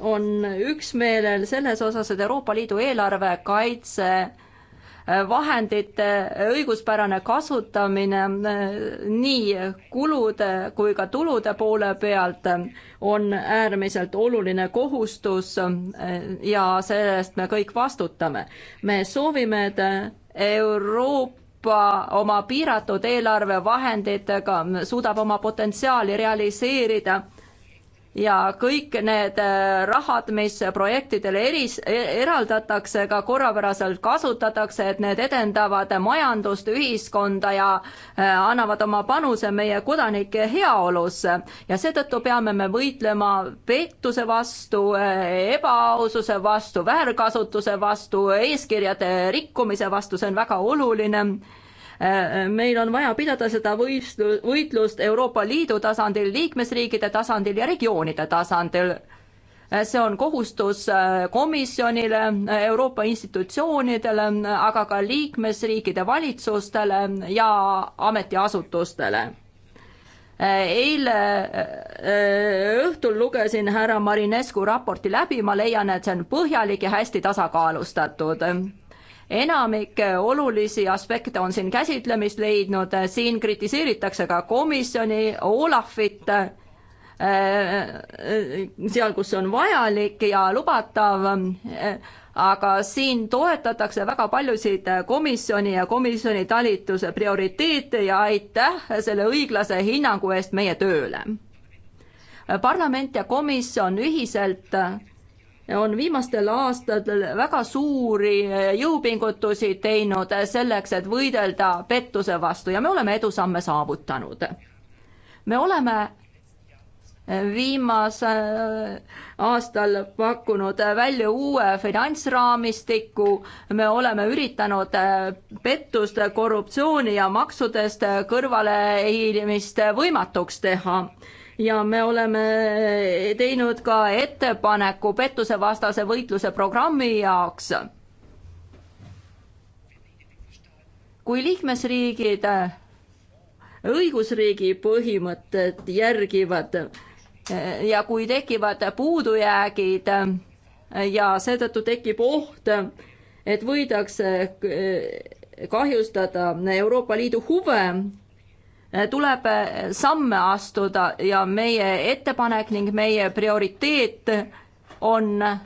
on üksmeelel selles osas, et Euroopa Liidu eelarve kaitse äh, vahendite õiguspärane kasutamine äh, nii kulude kui ka tulude poole pealt äh, on äärmiselt oluline kohustus ja selle eest me kõik vastutame. me soovime, et Euroopa oma piiratud eelarvevahenditega suudab oma potentsiaali realiseerida ja kõik need äh, rahad, mis projektidele eris, e-, eraldatakse, ka korrapäraselt kasutatakse, et need edendavad majandust, ühiskonda ja äh, annavad oma panuse meie kodanike heaolusse. ja seetõttu peame me võitlema pettuse vastu, äh, ebaaususe vastu, väärkasutuse vastu, eeskirjade rikkumise vastu, see on väga oluline Äh, meil on vaja pidada seda võistlu-, võitlust Euroopa Liidu tasandil, liikmesriikide tasandil ja regioonide tasandil. Äh, see on kohustus äh, komisjonile, Euroopa institutsioonidele, aga ka liikmesriikide valitsustele ja ametiasutustele eile õhtul lugesin härra Marinescu raporti läbi, ma leian, et see on põhjalik ja hästi tasakaalustatud enamik olulisi aspekte on siin käsitlemist leidnud, siin kritiseeritakse ka komisjoni, Olafit, äh, seal, kus on vajalik ja lubatav, aga siin toetatakse väga paljusid komisjoni ja komisjoni talituse prioriteete ja aitäh selle õiglase hinnangu eest meie tööle. parlament ja komisjon ühiselt on viimastel aastatel väga suuri jõupingutusi teinud selleks, et võidelda pettuse vastu ja me oleme edusamme saavutanud. me oleme viimasel aastal pakkunud välja uue finantsraamistiku, me oleme üritanud pettust, korruptsiooni ja maksudest kõrvalehiilimist võimatuks teha ja me oleme teinud ka ettepaneku pettusevastase võitluse programmi jaoks. kui liikmesriigid õigusriigi põhimõtted järgivad ja kui tekivad puudujäägid ja seetõttu tekib oht, et võidakse kahjustada Euroopa Liidu huve, tuleb samme astuda ja meie ettepanek ning meie prioriteet on äh,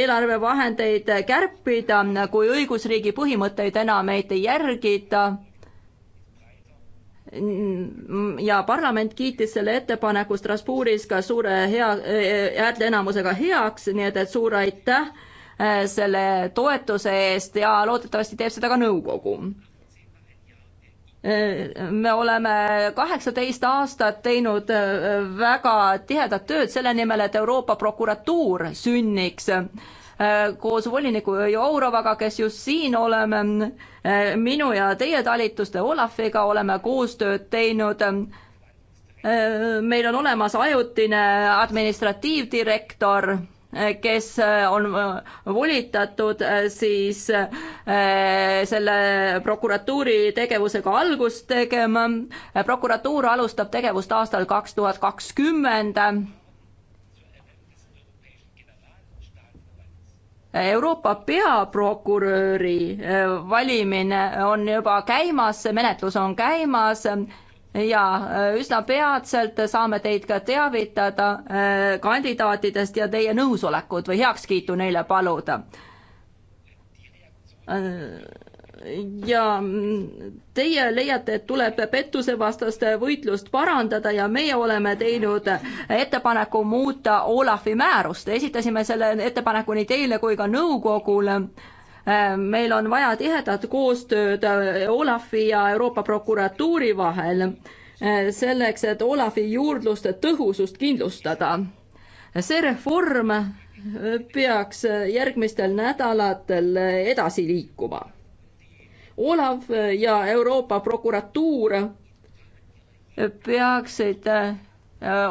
eelarvevahendeid kärpida, kui õigusriigi põhimõtteid enam ei järgida ja parlament kiitis selle ettepaneku Strasbourgis ka suure hea, äh, häälteenamusega heaks, nii et, et suur aitäh äh, selle toetuse eest ja loodetavasti teeb seda ka nõukogu me oleme kaheksateist aastat teinud äh, väga tihedat tööd selle nimel, et Euroopa prokuratuur sünniks äh, koos voliniku Jourovaga, kes just siin oleme, äh, minu ja teie talituste Olafiga oleme koostööd teinud. meil on olemas ajutine administratiivdirektor kes äh, on äh, volitatud äh, siis selle prokuratuuri tegevusega algust tegema. prokuratuur alustab tegevust aastal kaks tuhat kakskümmend. Euroopa peaprokuröri valimine on juba käimas, menetlus on käimas ja äh, üsna peatselt saame teid ka teavitada äh, kandidaatidest ja teie nõusolekut või heakskiitu neile paluda. Äh, ja mm, teie leiate, et tuleb pettusevastaste võitlust parandada ja meie oleme teinud ettepaneku muuta Olafi määrust, esitasime selle ettepaneku nii teile kui ka nõukogule Äh, meil on vaja tihedat koostööd äh, Olafi ja Euroopa prokuratuuri vahel äh, selleks, et Olafi juurdluste tõhusust kindlustada. see reform peaks järgmistel nädalatel edasi liikuma. Olav ja Euroopa prokuratuur peaksid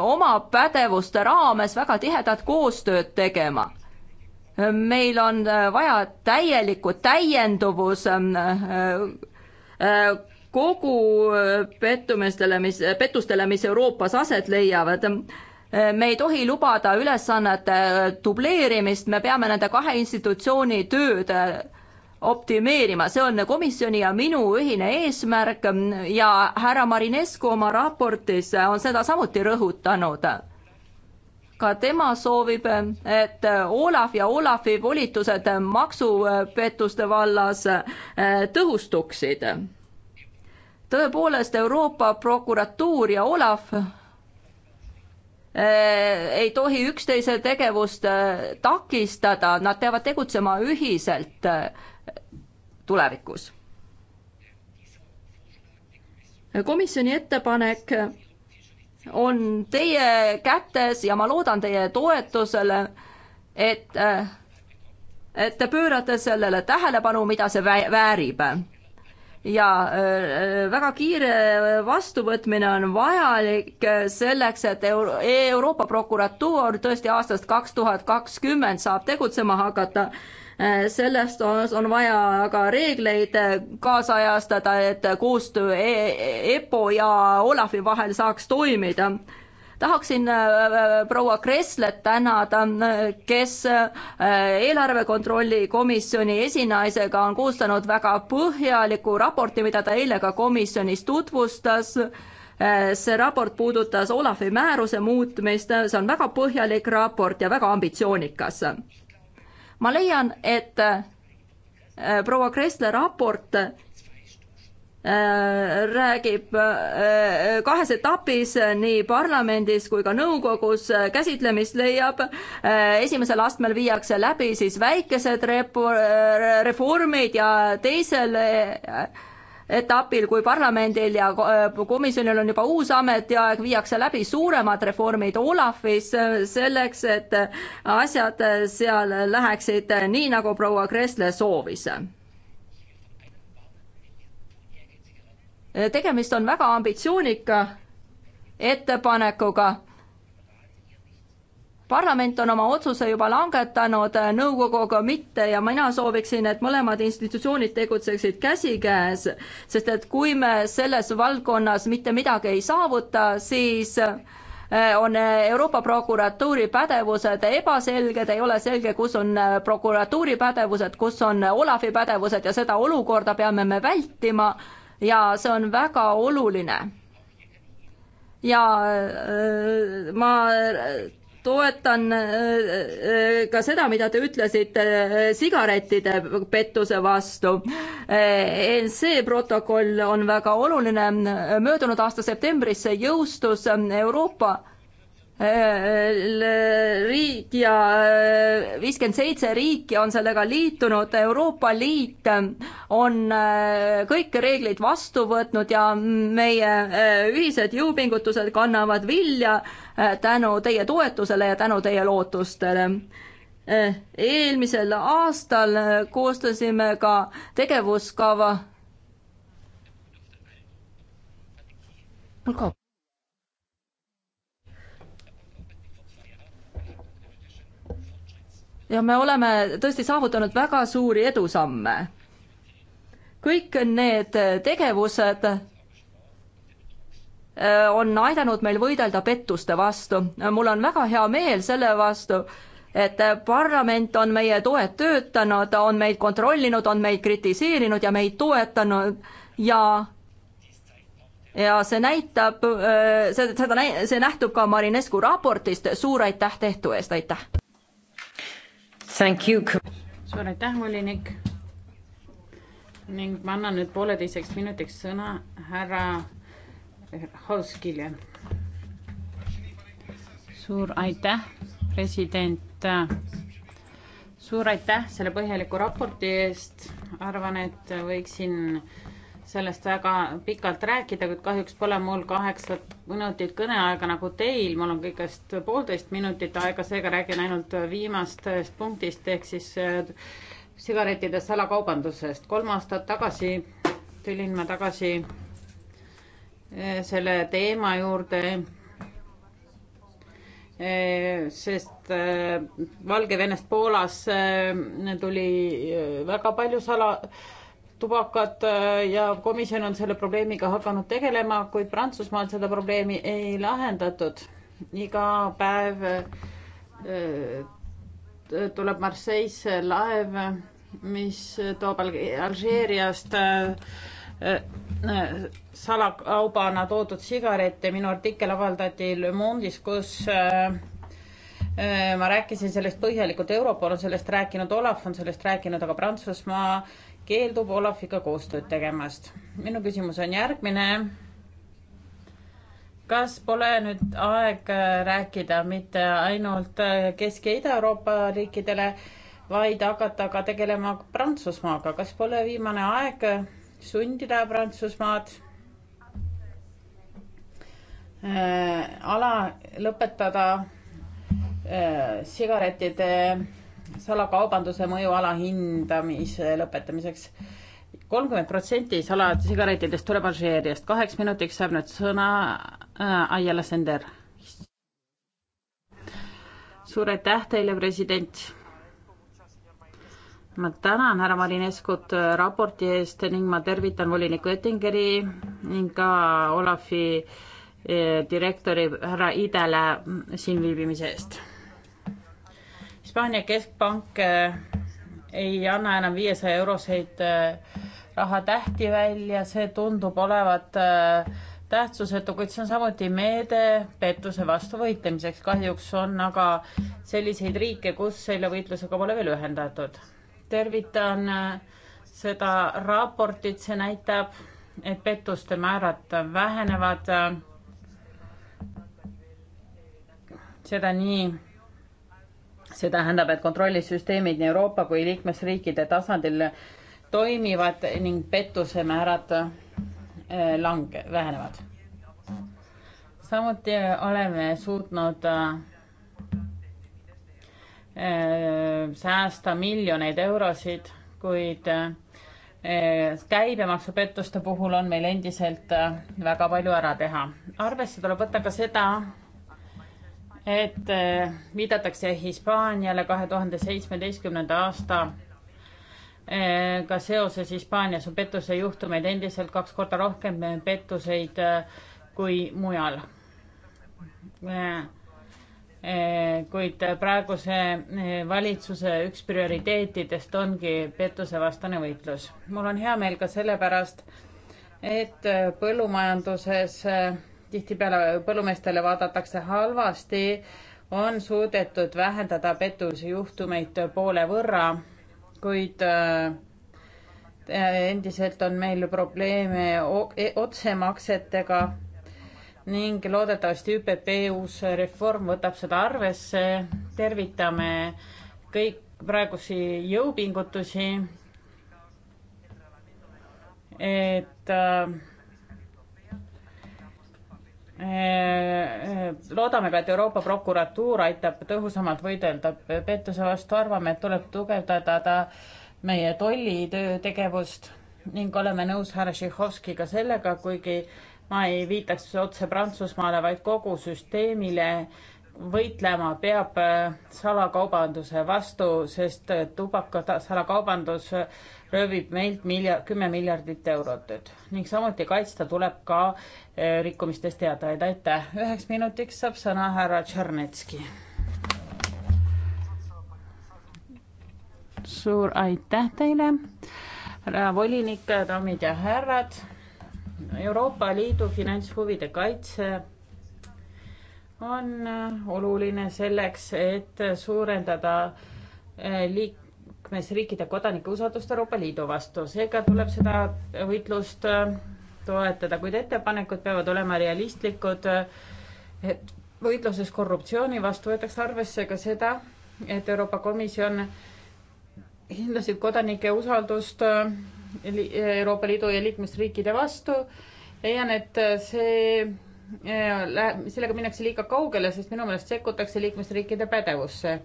oma pädevuste raames väga tihedat koostööd tegema meil on äh, vaja täielikku täienduvus ähm, äh, äh, kogu pettumistele, mis, pettustele, mis Euroopas aset leiavad me ei tohi lubada ülesannete dubleerimist, me peame nende kahe institutsiooni tööd optimeerima, see on komisjoni ja minu ühine eesmärk ja härra Marinescu oma raportis on seda samuti rõhutanud ka tema soovib, et Olav ja Olavi volitused maksupettuste vallas eh, tõhustuksid. tõepoolest, Euroopa prokuratuur ja Olav eh, ei tohi üksteise tegevust eh, takistada, nad peavad tegutsema ühiselt tulevikus. komisjoni ettepanek on teie kätes ja ma loodan teie toetusele, et, et te pöörate sellele tähelepanu, mida see väärib. ja äh, väga kiire vastuvõtmine on vajalik selleks, et Euro Euroopa prokuratuur tõesti aastast kaks tuhat kakskümmend saab tegutsema hakata Äh, sellest on vaja ka reegleid äh, kaasajastada, et koostöö EPPO e ja Olavi vahel saaks toimida tahaksin äh, proua Kresslet tänada, kes eelarve kontrolli komisjoni esinaisega on koostanud väga põhjaliku raporti, mida ta eile ka komisjonis tutvustas. see raport puudutas Olavi määruse muutmist, see on väga põhjalik raport ja väga ambitsioonikas ma leian, et äh, proua Kressle raport äh, räägib äh, kahes etapis nii parlamendis kui ka nõukogus käsitlemist leiab. esimesel astmel viiakse läbi siis väikesed repo-, reformid ja teisel etapil, kui parlamendil ja äh, komisjonil on juba uus ametiaeg, viiakse läbi suuremad reformid Olafis äh, selleks, et äh, asjad seal läheksid nii, nagu proua Kressle soovis. tegemist on väga ambitsioonika ettepanekuga parlament on oma otsuse juba langetanud, nõukogu aga mitte ja mina sooviksin, et mõlemad institutsioonid tegutseksid käsikäes, sest et kui me selles valdkonnas mitte midagi ei saavuta, siis eh, on Euroopa prokuratuuri pädevused ebaselged, ei ole selge, kus on eh, prokuratuuri pädevused, kus on Olavi pädevused ja seda olukorda peame me vältima ja see on väga oluline. ja eh, ma toetan äh, äh, ka seda, mida te ütlesite äh, sigarettide pettuse vastu. see protokoll on väga oluline, möödunud aasta septembris see jõustus Euroopa Äh, äh, riik ja äh, viiskümmend seitse riiki on sellega liitunud, Euroopa Liit on kõik reeglid vastu võtnud ja meie ühised jõupingutused kannavad vilja tänu teie toetusele ja tänu teie lootustele eelmisel aastal koostasime ka tegevuskava. mul kaob. ja me oleme tõesti saavutanud väga suuri edusamme. kõik need tegevused äh, on aidanud meil võidelda pettuste vastu. mul on väga hea meel selle vastu, et parlament on meie toet töötanud, on meid kontrollinud, on meid kritiseerinud ja meid toetanud ja ja see näitab, see, äh, seda, see nähtub ka Marinescu raportist, suur aitäh tehtu eest, aitäh! suur aitäh, volinik. ning ma annan nüüd pooleteiseks minutiks sõna härra Hauskile. suur aitäh, president. suur aitäh selle põhjaliku raporti eest. arvan, et võiksin äh, sellest väga pikalt rääkida, kuid kahjuks pole mul kaheksa minutit kõneaega nagu teil, mul on kõigest poolteist minutit aega, seega räägin ainult viimastest punktist ehk siis äh, sigarettide salakaubandusest. kolm aastat tagasi tulin ma tagasi äh, selle teema juurde äh, sest Valgevenest Poolasse tuli väga palju sala, tubakat äh, ja komisjon on selle probleemiga hakanud tegelema, kuid Prantsusmaal seda probleemi ei lahendatud. iga päev äh, tuleb Marseille'sse laev, mis toob Alžeeriast äh, salakaubana toodud sigarette, minu artikkel avaldati Le Monde'is, kus ma rääkisin sellest põhjalikult, Europol on sellest rääkinud, Olav on sellest rääkinud, aga Prantsusmaa keeldub Olafiga koostööd tegemast. minu küsimus on järgmine. kas pole nüüd aeg rääkida mitte ainult Kesk- ja Ida-Euroopa riikidele, vaid hakata ka tegelema Prantsusmaaga, kas pole viimane aeg sundida Prantsusmaad äh, ala lõpetada äh, sigarettide äh, salakaubanduse mõju alahindamise lõpetamiseks. kolmkümmend protsenti salasigaretidest tuleb Alžeeriast. kaheks minutiks saab nüüd sõna äh, Ayala Sender. suur aitäh teile, president. ma tänan härra Marineskut raporti eest ning ma tervitan volinik Oettingeri ning ka Olafi äh, direktori härra Idele siin viibimise eest Hispaania keskpank eh, ei anna enam viiesaja euroseid eh, rahatähti välja, see tundub olevat eh, tähtsusetu, kuid see on samuti meede pettuse vastu võitlemiseks. kahjuks on aga selliseid riike, kus selle võitlusega pole veel ühendatud. tervitan seda raportit, see näitab, et pettuste määrad vähenevad. seda nii see tähendab, et kontrollisüsteemid nii Euroopa kui liikmesriikide tasandil toimivad ning pettuse määrad eh, lange, vähenevad. samuti eh, oleme suutnud eh, säästa miljoneid eurosid, kuid käibemaksupettuste puhul on meil endiselt väga palju ära teha. arvesse tuleb võtta ka seda, et eh, viidatakse Hispaaniale kahe tuhande seitsmeteistkümnenda aasta eh, ka seoses Hispaanias on pettusejuhtumeid endiselt kaks korda rohkem eh, pettuseid kui mujal. kuid praeguse valitsuse üks prioriteetidest ongi pettusevastane võitlus. mul on hea meel ka sellepärast, et põllumajanduses tihtipeale põllumeestele vaadatakse halvasti, on suudetud vähendada pettusjuhtumeid poole võrra, kuid äh, endiselt on meil probleeme e-, otsemaksetega ning loodetavasti ÜPP uus reform võtab seda arvesse. tervitame kõik praegusi jõupingutusi, et äh, Äh, äh, loodame ka, et Euroopa prokuratuur aitab tõhusamalt võidelda pettuse vastu, arvame, et tuleb tugevdada meie tollitöö tegevust ning oleme nõus härra Tšihhovskiga sellega, kuigi ma ei viitaks otse Prantsusmaale, vaid kogu süsteemile võitlema peab äh, salakaubanduse vastu, sest tubaka salakaubandus röövib meilt milja-, kümme miljardit eurot ning samuti kaitsta tuleb ka eh, rikkumistest teadajaid. aitäh, üheks minutiks saab sõna härra Tšernetski. suur aitäh teile, härra volinik, daamid ja härrad. Euroopa Liidu finantshuvide kaitse on eh, oluline selleks, et suurendada eh, liik-, liikmesriikide kodanike usaldust Euroopa Liidu vastu, seega tuleb seda võitlust äh, toetada, kuid ettepanekud peavad olema realistlikud, äh, et võitluses korruptsiooni vastu võetakse arvesse ka seda, et Euroopa Komisjon hindasid kodanike usaldust äh, Euroopa Liidu ja liikmesriikide vastu. leian, et see läheb, sellega minnakse liiga kaugele, sest minu meelest sekkutakse liikmesriikide pädevusse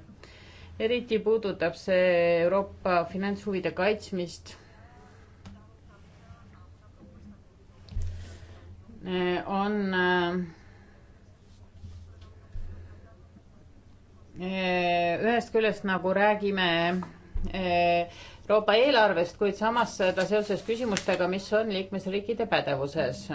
eriti puudutab see Euroopa finantshuvide kaitsmist. on eh, ühest küljest nagu räägime eh, Euroopa eelarvest, kuid samas seda seoses küsimustega, mis on liikmesriikide pädevuses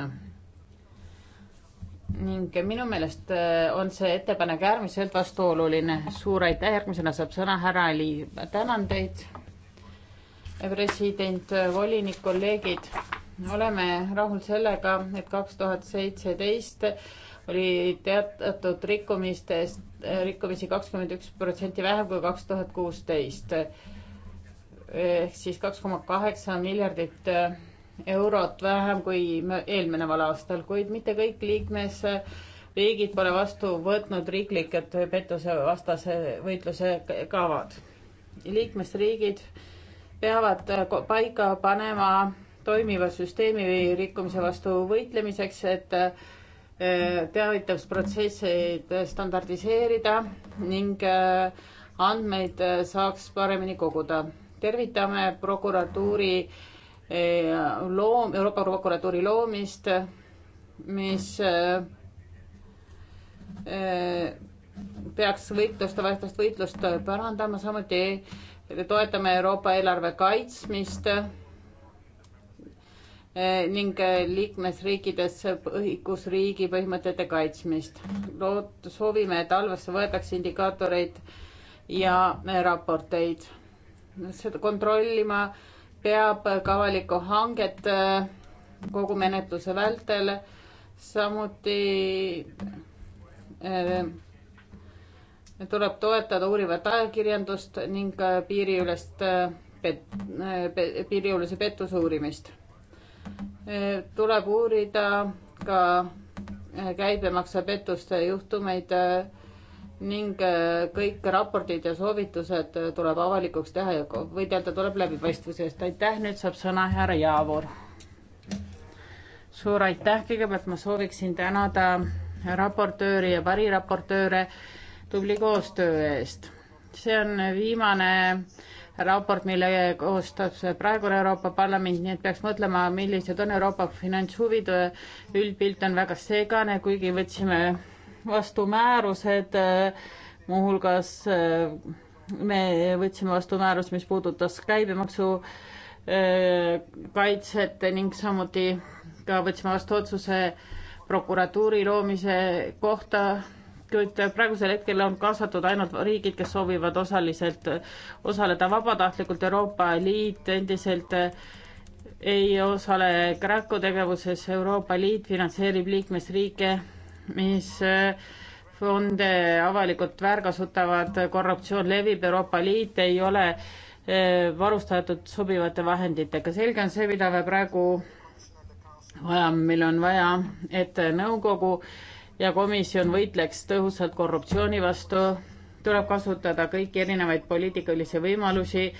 ning minu meelest äh, on see ettepanek äärmiselt vastuoluline. suur aitäh, järgmisena saab sõna härra Ali. tänan teid, president, volinik, kolleegid. oleme rahul sellega, et kaks tuhat seitseteist oli teatud rikkumistest, rikkumisi kakskümmend üks protsenti vähem kui kaks tuhat kuusteist. ehk siis kaks koma kaheksa miljardit äh, eurot vähem kui eelmineval aastal, kuid mitte kõik liikmesriigid pole vastu võtnud riiklikud pettusevastase võitluse kavad. liikmesriigid peavad paika panema toimiva süsteemi rikkumise vastu võitlemiseks, et äh, teavitusprotsesseid standardiseerida ning äh, andmeid saaks paremini koguda. tervitame prokuratuuri äh, loom, Euroopa prokuratuuri loomist, mis peaks võitlust, vastast võitlust parandama, samuti toetame Euroopa eelarve kaitsmist ning liikmesriikides õigusriigi põhimõtete kaitsmist. lood, soovime, et halvasse võetakse indikaatoreid ja raporteid. seda kontrollima äh, peab ka avalikku hanget äh, kogu menetluse vältel, samuti äh, tuleb toetada uurivat ajakirjandust ning äh, piiriülest pet,, piiriülese pettuse uurimist. tuleb uurida ka käibemaksupettuste juhtumeid ning äh, kõik raportid ja soovitused äh, tuleb avalikuks teha ja võidelda tuleb läbipaistvuse eest. aitäh, nüüd saab sõna härra Jaavur. suur aitäh, kõigepealt ma sooviksin tänada raportööri ja variraportööre tubli koostöö eest. see on viimane raport, mille koostab praegune Euroopa Parlament, nii et peaks mõtlema, millised on Euroopa finantshuvid. üldpilt on väga segane, kuigi võtsime vastu määrused, äh, muuhulgas äh, me võtsime vastu määrus, mis puudutas käibemaksu äh, kaitset ning samuti ka võtsime vastu otsuse prokuratuuri loomise kohta, kuid praegusel hetkel on kaasatud ainult riigid, kes soovivad osaliselt osaleda vabatahtlikult, Euroopa Liit endiselt ei osale GRACO tegevuses, Euroopa Liit finantseerib liikmesriike mis eh, fonde avalikult väärkasutavad, korruptsioon levib, Euroopa Liit ei ole eh, varustatud sobivate vahenditega. selge on see, mida me praegu vajame, meil on vaja, et nõukogu ja komisjon võitleks tõhusalt korruptsiooni vastu, tuleb kasutada kõiki erinevaid poliitikalisi võimalusi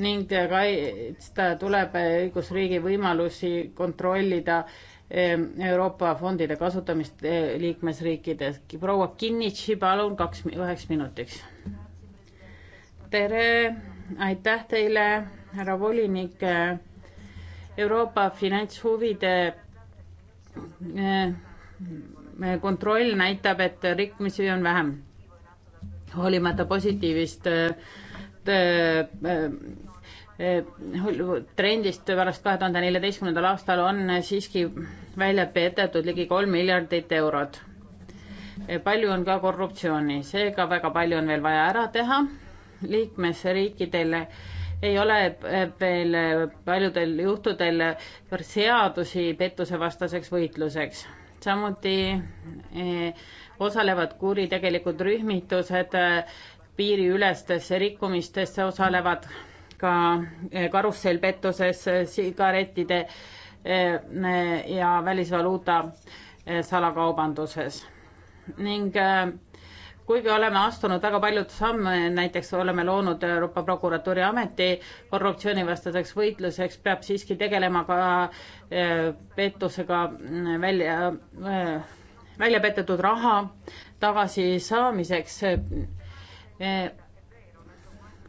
ning kaitsta tuleb õigusriigi võimalusi kontrollida Ehm, Euroopa fondide kasutamist eh, liikmesriikides. proua Kinnitši, palun kaks, üheks minutiks. tere, aitäh teile, härra volinik. Eh, Euroopa finantshuvide eh, kontroll näitab, et rikkumisi on vähem, hoolimata positiivist trendist pärast kahe tuhande neljateistkümnendal aastal on siiski välja petetud ligi kolm miljardit eurot. palju on ka korruptsiooni, seega väga palju on veel vaja ära teha. liikmesriikidel ei ole veel paljudel juhtudel seadusi pettusevastaseks võitluseks. samuti eh, osalevad kuritegelikud rühmitused eh, piiriülestes rikkumistesse osalevad ka eh, karussellpettuses, eh, sigarettide eh, ja välisvaluuta salakaubanduses ning kuigi oleme astunud väga paljud samme, näiteks oleme loonud Euroopa Prokuratuuri ameti korruptsioonivastaseks võitluseks, peab siiski tegelema ka pettusega välja, välja petetud raha tagasisaamiseks.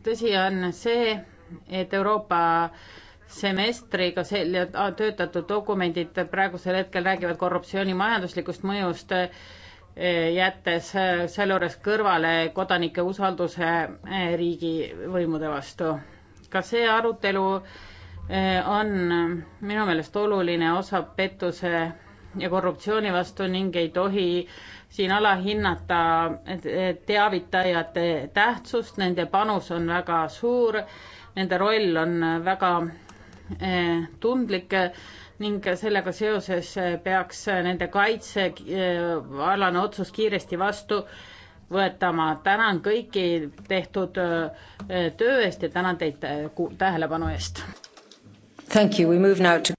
tõsi on see, et Euroopa semestriga selja töötatud dokumendid praegusel hetkel räägivad korruptsiooni majanduslikust mõjust, eh, jättes eh, sealjuures kõrvale kodanike usalduse eh, riigivõimude vastu. ka see arutelu on minu meelest oluline osa pettuse ja korruptsiooni vastu ning ei tohi siin alahinnata teavitajate tähtsust, nende panus on väga suur nende roll on väga eh, tundlik ning sellega seoses eh, peaks nende kaitsealane eh, otsus kiiresti vastu võetama. tänan kõiki tehtud töö eest ja tänan teid tähelepanu eest. Thank you, we move now to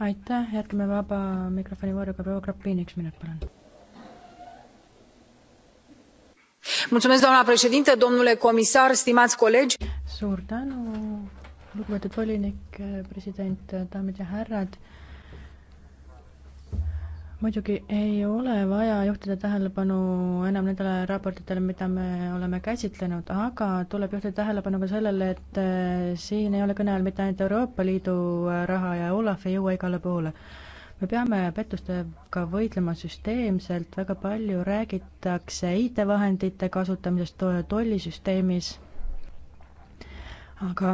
aitäh, jätkame vaba mikrofoni vooruga, proua Krapiin, üks minut, palun doamna președintă domnule comisar stimați colegi suur tänu lugupeetud volinik president daamid ja härrad muidugi ei ole vaja juhtida tähelepanu enam nendele raportitele, mida me oleme käsitlenud, aga tuleb juhtida tähelepanu ka sellele, et eh, siin ei ole kõne all mitte ainult Euroopa Liidu eh, raha ja Olav ei jõua igale poole me peame pettustega võitlema süsteemselt, väga palju räägitakse IT-vahendite kasutamisest tollisüsteemis, aga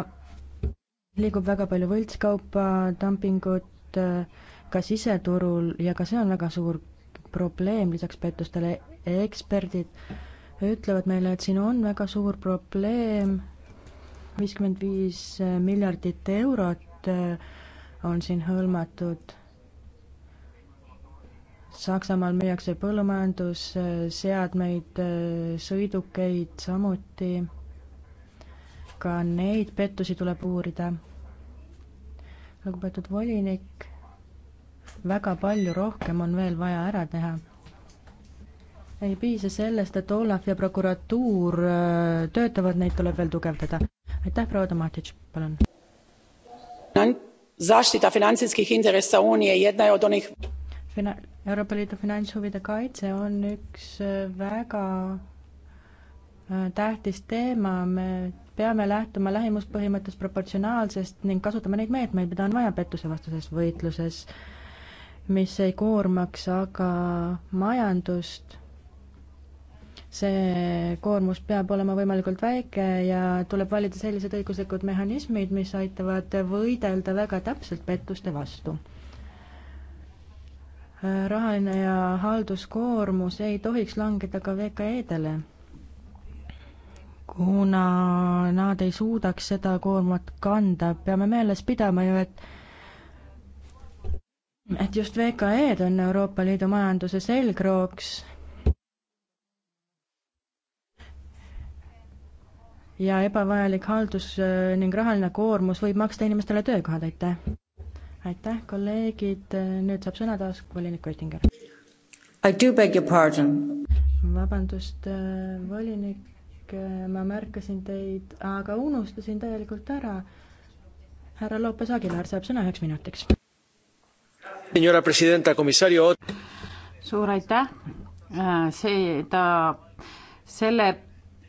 liigub väga palju võltskaupa, dumpingut äh, ka siseturul ja ka see on väga suur probleem lisaks pettustele, eksperdid ütlevad meile, et siin on väga suur probleem, viiskümmend viis äh, miljardit eurot äh, on siin hõlmatud Saksamaal müüakse põllumajandusseadmeid, sõidukeid samuti, ka neid pettusi tuleb uurida. lugupeetud volinik, väga palju rohkem on veel vaja ära teha ei piisa sellest, et Olav ja prokuratuur äh, töötavad, neid tuleb veel tugevdada. aitäh, proua Tomatitš, palun. Zaštita financijskih interesa Unije jedna je od onih Fina... Euroopa Liidu finantshuvide kaitse on üks äh, väga äh, tähtis teema, me peame lähtuma lähimuspõhimõttest, proportsionaalsest ning kasutama neid meetmeid, mida on vaja pettusevastases võitluses, mis ei koormaks aga majandust. see koormus peab olema võimalikult väike ja tuleb valida sellised õiguslikud mehhanismid, mis aitavad võidelda väga täpselt pettuste vastu rahaline ja halduskoormus ei tohiks langeda ka VKE-dele, kuna nad ei suudaks seda koormat kanda, peame meeles pidama ju, et et just VKE-d on Euroopa Liidu majanduse selgrooks ja ebavajalik haldus äh, ning rahaline koormus võib maksta inimestele töökohad, aitäh! aitäh, kolleegid, nüüd saab sõna taas volinik Oettinger. I do beg your pardon. vabandust, volinik, ma märkasin teid, aga unustasin täielikult ära. härra Lopez Aguilar saab sõna üheks minutiks. Senora presidenta, komissario. suur aitäh, äh, see, ta, selle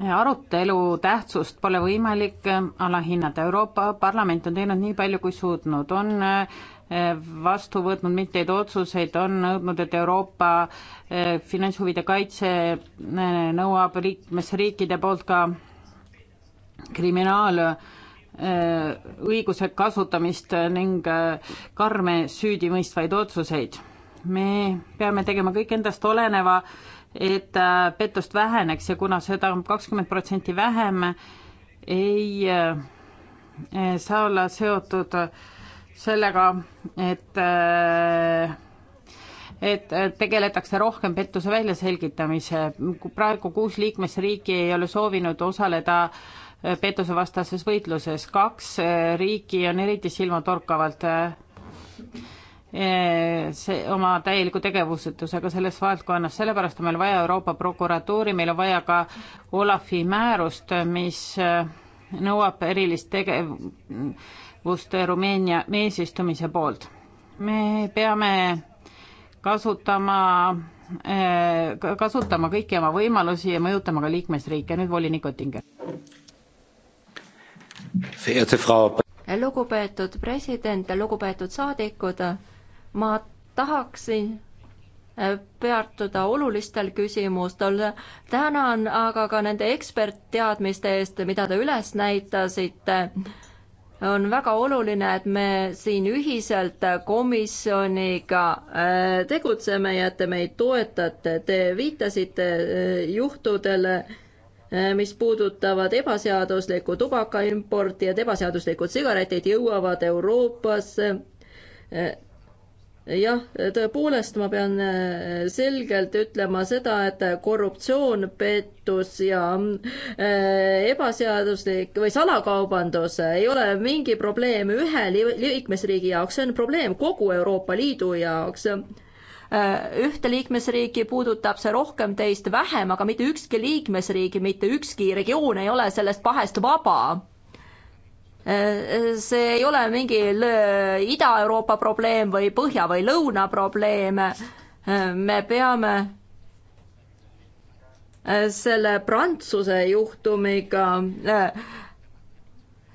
arutelu tähtsust pole võimalik äh, alahinnata. Euroopa Parlament on teinud nii palju, kui suutnud, on äh, vastu võtnud mitmeid otsuseid, on nõudnud, et Euroopa äh, finantshuvide kaitse nõuab liikmesriikide poolt ka kriminaalõiguse kasutamist ning karme süüdimõistvaid otsuseid. me peame tegema kõik endast oleneva, et äh, pettust väheneks ja kuna seda on kakskümmend protsenti vähem, ei äh, saa olla seotud sellega, et äh, et tegeletakse rohkem pettuse väljaselgitamise. praegu kuus liikmesriiki ei ole soovinud osaleda pettusevastases võitluses, kaks riiki on eriti silmatorkavalt Eh, see oma täieliku tegevusetusega selles valdkonnas, sellepärast on meil vaja Euroopa prokuratuuri, meil on vaja ka Olafi määrust, mis eh, nõuab erilist tegevust Rumeenia eesistumise poolt. me peame kasutama, eh, kasutama kõiki oma võimalusi ja mõjutama ka liikmesriike, nüüd volinik Ottinger. lugupeetud president, lugupeetud saadikud ma tahaksin äh, peatuda olulistel küsimustel. tänan aga ka nende ekspertteadmiste eest, mida te üles näitasite. on väga oluline, et me siin ühiselt komisjoniga äh, tegutseme ja et te meid toetate. Te viitasite äh, juhtudele, mis puudutavad ebaseaduslikku tubakaimporti, et ebaseaduslikud sigaretid jõuavad Euroopasse jah, tõepoolest ma pean äh, selgelt ütlema seda, et korruptsioon, pettus ja äh, ebaseaduslik või salakaubandus ei ole mingi probleem ühe liikmesriigi jaoks, see on probleem kogu Euroopa Liidu jaoks äh, ühte liikmesriiki puudutab see rohkem, teist vähem, aga mitte ükski liikmesriigi, mitte ükski regioon ei ole sellest pahest vaba see ei ole mingi Ida-Euroopa probleem või Põhja või Lõuna probleem. me peame äh, selle Prantsuse juhtumiga äh,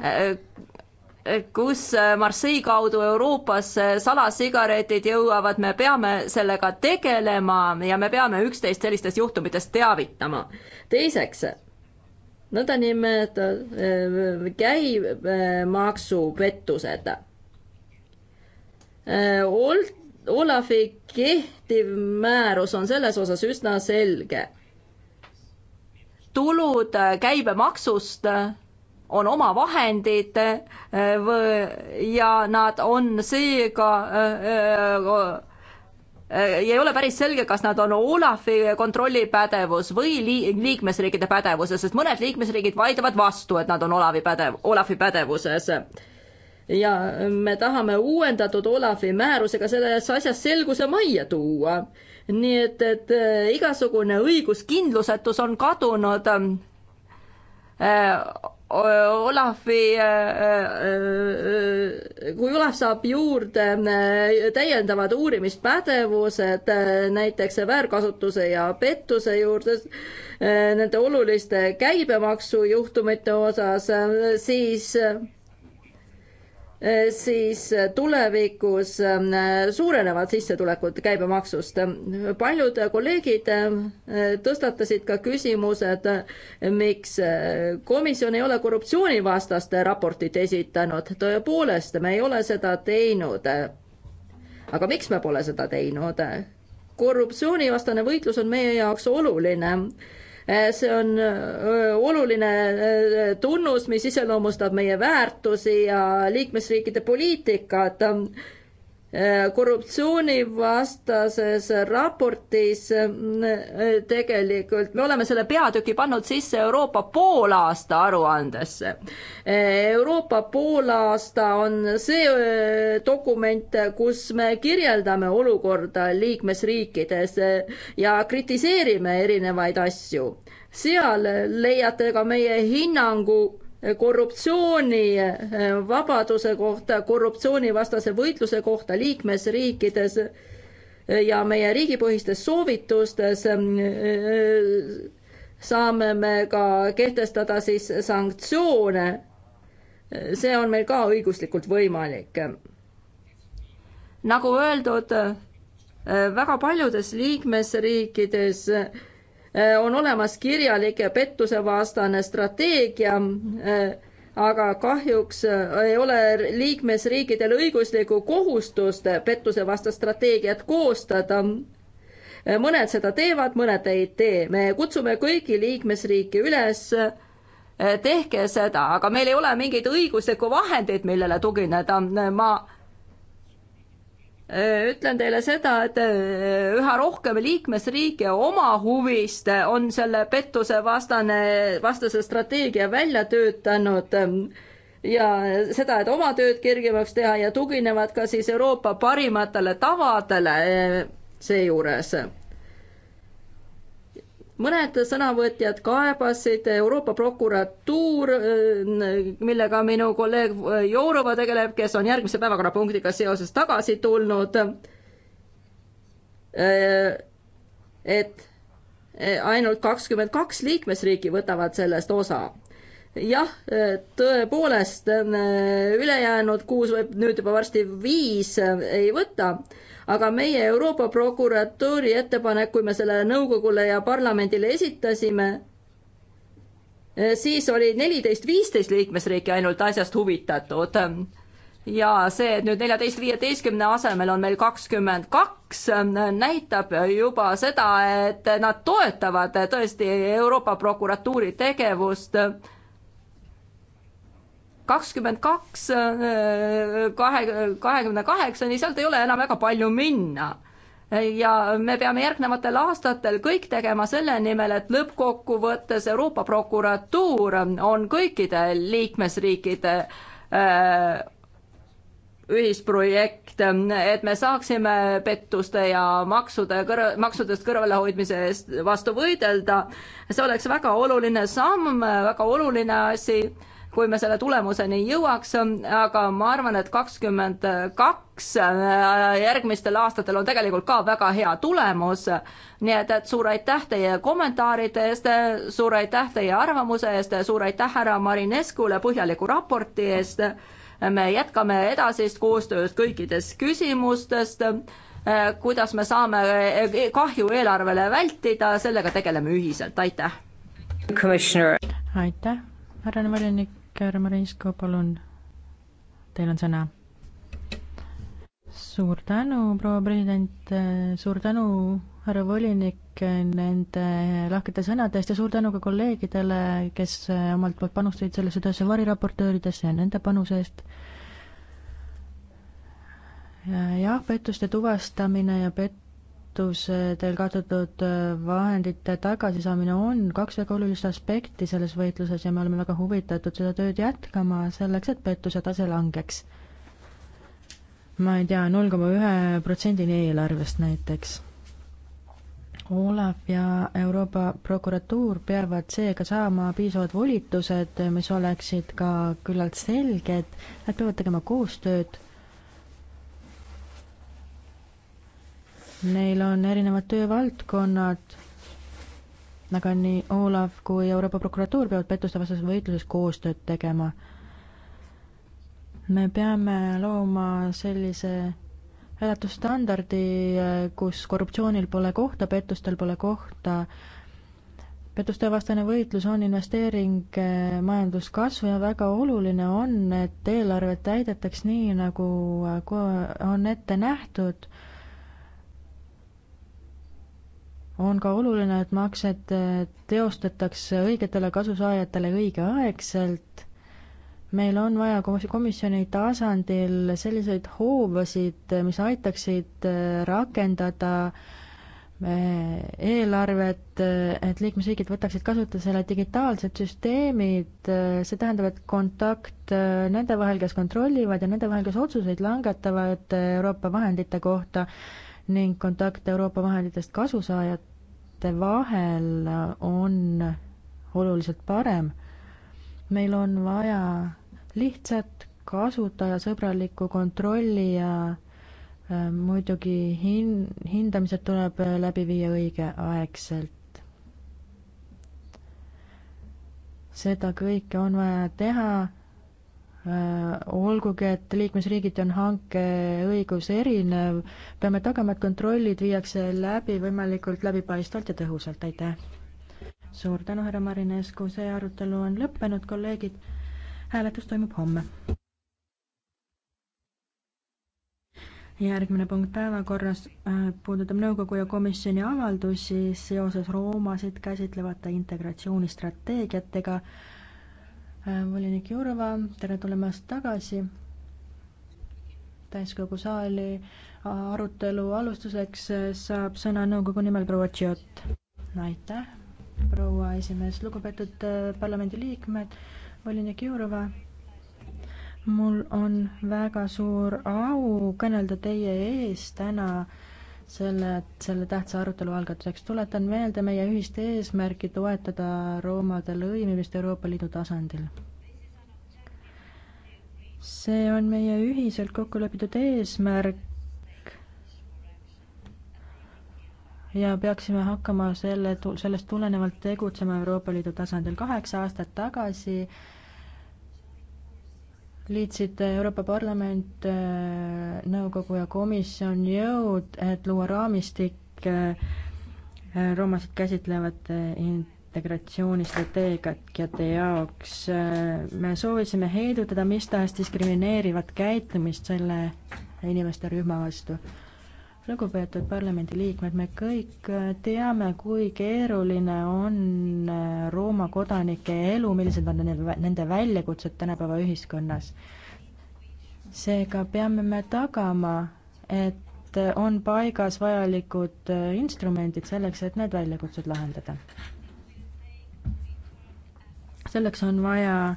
äh, kus Marseille kaudu Euroopasse salasigaretid jõuavad, me peame sellega tegelema ja me peame üksteist sellistest juhtumitest teavitama. teiseks nõndanimetatud eh, käibemaksupettused. Eh, Olt-, Olavi kehtiv määrus on selles osas üsna selge. tulud eh, käibemaksust on omavahendid ja nad on seega Äh, ei ole päris selge, kas nad on Olafi kontrollipädevus või liikmesriikide pädevuses, sest mõned liikmesriigid vaidlevad vastu, et nad on Olavi pädev, Olafi pädevuses ja me tahame uuendatud Olavi määrusega selles asjas selguse majja tuua. nii et, et äh, igasugune õiguskindlusetus on kadunud äh, Olafi, kui Olav saab juurde täiendavad uurimispädevused näiteks väärkasutuse ja pettuse juurde, nende oluliste käibemaksujuhtumite osas, siis Äh, siis äh, tulevikus ähm, äh, suurenevad sissetulekud käibemaksust. paljud kolleegid tõstatasid ka küsimused, miks komisjon ei ole korruptsioonivastast raportit esitanud. tõepoolest, me ei ole seda teinud. aga miks me pole seda teinud? korruptsioonivastane võitlus on meie jaoks oluline Eh, see on eh, oluline eh, tunnus, mis iseloomustab meie väärtusi ja liikmesriikide poliitikat Äh, korruptsioonivastases raportis äh, tegelikult me oleme selle peatüki pannud sisse Euroopa poolaasta aruandesse. Äh, Euroopa poolaasta on see dokument, kus me kirjeldame olukorda liikmesriikides ja kritiseerime erinevaid asju seal leiate ka meie hinnangu korruptsiooni eh, vabaduse kohta, korruptsioonivastase võitluse kohta liikmesriikides ja meie riigipõhistes soovitustes eh, saame me ka kehtestada siis sanktsioone. see on meil ka õiguslikult võimalik. nagu öeldud, eh, väga paljudes liikmesriikides Eh, on olemas kirjalik pettusevastane strateegia, eh, aga kahjuks eh, ei ole liikmesriikidel õiguslikku kohustust pettusevastast strateegiat koostada. mõned seda teevad, mõned ei tee. me kutsume kõiki liikmesriike üles tehke seda, aga meil ei ole mingeid õiguslikku vahendeid, millele tugineda. ma Äh, ütlen teile seda, et äh, üha rohkem liikmesriike oma huvist on selle pettuse vastane, vastase strateegia välja töötanud ähm, ja seda, et oma tööd kergemaks teha ja tuginevad ka siis Euroopa parimatele tavadele äh, seejuures mõned sõnavõtjad kaebasid Euroopa prokuratuur, millega minu kolleeg Jourova tegeleb, kes on järgmise päevakorrapunktiga seoses tagasi tulnud. et ainult kakskümmend kaks liikmesriiki võtavad sellest osa jah, tõepoolest ülejäänud kuus võib nüüd juba varsti viis ei võta aga meie Euroopa prokuratuuri ettepanek, kui me selle nõukogule ja parlamendile esitasime, eh, siis oli neliteist, viisteist liikmesriiki ainult asjast huvitatud. ja see, et nüüd neljateist, viieteistkümne asemel on meil kakskümmend kaks, näitab juba seda, et nad toetavad tõesti Euroopa prokuratuuri tegevust kakskümmend kaks, kahe, kahekümne kaheksani, sealt ei ole enam väga palju minna. ja me peame järgnevatel aastatel kõik tegema selle nimel, et lõppkokkuvõttes Euroopa prokuratuur on kõikide liikmesriikide äh, ühisprojekt, et me saaksime pettuste ja maksude kõr-, maksudest kõrvalehoidmise eest vastu võidelda. see oleks väga oluline samm, väga oluline asi kui me selle tulemuseni jõuaks, aga ma arvan, et kakskümmend kaks äh, järgmistel aastatel on tegelikult ka väga hea tulemus. nii et, et suur aitäh teie kommentaaride eest, suur aitäh teie arvamuse eest, suur aitäh härra Marineskule põhjaliku raporti eest. me jätkame edasist koostööd kõikides küsimustest äh, kuidas me saame äh, kahju eelarvele vältida, sellega tegeleme ühiselt, aitäh. aitäh, härra Nemeljanik. Kärmarinsko, palun, teil on sõna. suur tänu, proua president, suur tänu, härra volinik, nende lahkete sõnade eest ja suur tänu ka kolleegidele, kes omalt poolt panustasid sellesse töösse variraportööridesse ja nende panuse eest jah, pettuste tuvastamine ja pet-, kasutustel kaotatud äh, vahendite tagasisaamine on kaks väga olulist aspekti selles võitluses ja me oleme väga huvitatud seda tööd jätkama selleks, et pettuse tase langeks. ma ei tea, null koma ühe protsendini eelarvest näiteks Olav ja Euroopa prokuratuur peavad seega saama piisavad volitused, mis oleksid ka küllalt selged, nad peavad tegema koostööd Neil on erinevad töövaldkonnad, aga nagu nii Olav kui Euroopa prokuratuur peavad pettustevastases võitluses koostööd tegema. me peame looma sellise elatusstandardi, kus korruptsioonil pole kohta, pettustel pole kohta, pettustevastane võitlus on investeering eh, majanduskasvu ja väga oluline on, et eelarvet täidetaks nii, nagu eh, on ette nähtud on ka oluline, et maksed äh, teostatakse õigetele kasusaajatele õigeaegselt. meil on vaja komisjoni tasandil selliseid hoobasid, äh, mis aitaksid äh, rakendada eelarvet, et liikmesriigid võtaksid kasutusele digitaalsed süsteemid, see tähendab, et kontakt nende vahel, kes kontrollivad ja nende vahel, kes otsuseid langetavad Euroopa vahendite kohta ning kontakt Euroopa vahenditest kasusaajat, liikmesriikide vahel on oluliselt parem. meil on vaja lihtsat kasutajasõbralikku kontrolli ja äh, muidugi hin-, hindamised tuleb äh, läbi viia õigeaegselt. seda kõike on vaja teha Äh, olgugi, et liikmesriigiti on hankeõigus erinev, peame tagama, et kontrollid viiakse läbi võimalikult läbipaistvalt ja tõhusalt, aitäh! suur tänu, härra Marinescu, see arutelu on lõppenud, kolleegid, hääletus toimub homme. järgmine punkt päevakorras äh, puudutab nõukogu ja komisjoni avaldusi seoses roomasid käsitlevate integratsioonistrateegiatega Äh, volinik Jurva, tere tulemast tagasi täiskogu saali. arutelu alustuseks äh, saab sõna nõukogu nimel proua Tšiot. aitäh, proua esimees, lugupeetud äh, parlamendiliikmed, volinik Jurva mul on väga suur au kõnelda teie ees täna äh, selle, selle tähtsa arutelu algatuseks. tuletan meelde meie ühist eesmärki toetada roomade lõimimist Euroopa Liidu tasandil. see on meie ühiselt kokku lepitud eesmärk ja peaksime hakkama selle, sellest tulenevalt tegutsema Euroopa Liidu tasandil. kaheksa aastat tagasi liitsid äh, Euroopa Parlament, äh, nõukogu ja komisjon jõud, et luua raamistik äh, roomasid käsitlevate integratsioonistrateegiate jaoks. me soovisime heidutada mis tahes diskrimineerivat käitumist selle inimeste rühma vastu lugupeetud parlamendiliikmed, me kõik äh, teame, kui keeruline on äh, Rooma kodanike elu, millised on nende väljakutsed tänapäeva ühiskonnas. seega peame me tagama, et äh, on paigas vajalikud instrumendid selleks, et need väljakutsed lahendada. selleks on vaja äh,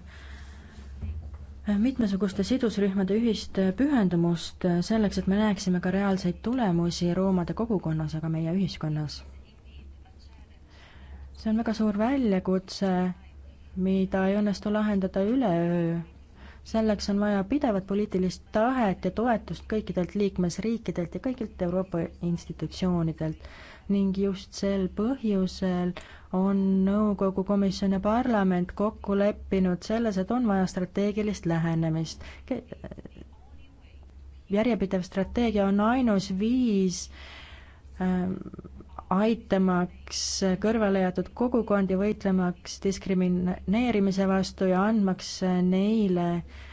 mitmesuguste sidusrühmade ühist pühendumust selleks, et me näeksime ka reaalseid tulemusi roomade kogukonnas ja ka meie ühiskonnas. see on väga suur väljakutse, mida ei õnnestu lahendada üleöö. selleks on vaja pidevat poliitilist tahet ja toetust kõikidelt liikmesriikidelt ja kõigilt Euroopa institutsioonidelt ning just sel põhjusel on nõukogu komisjon ja parlament kokku leppinud selles, et on vaja strateegilist lähenemist. järjepidev strateegia on ainus viis ähm, aitamaks kõrvale jäetud kogukondi, võitlemaks diskrimineerimise vastu ja andmaks neile äh,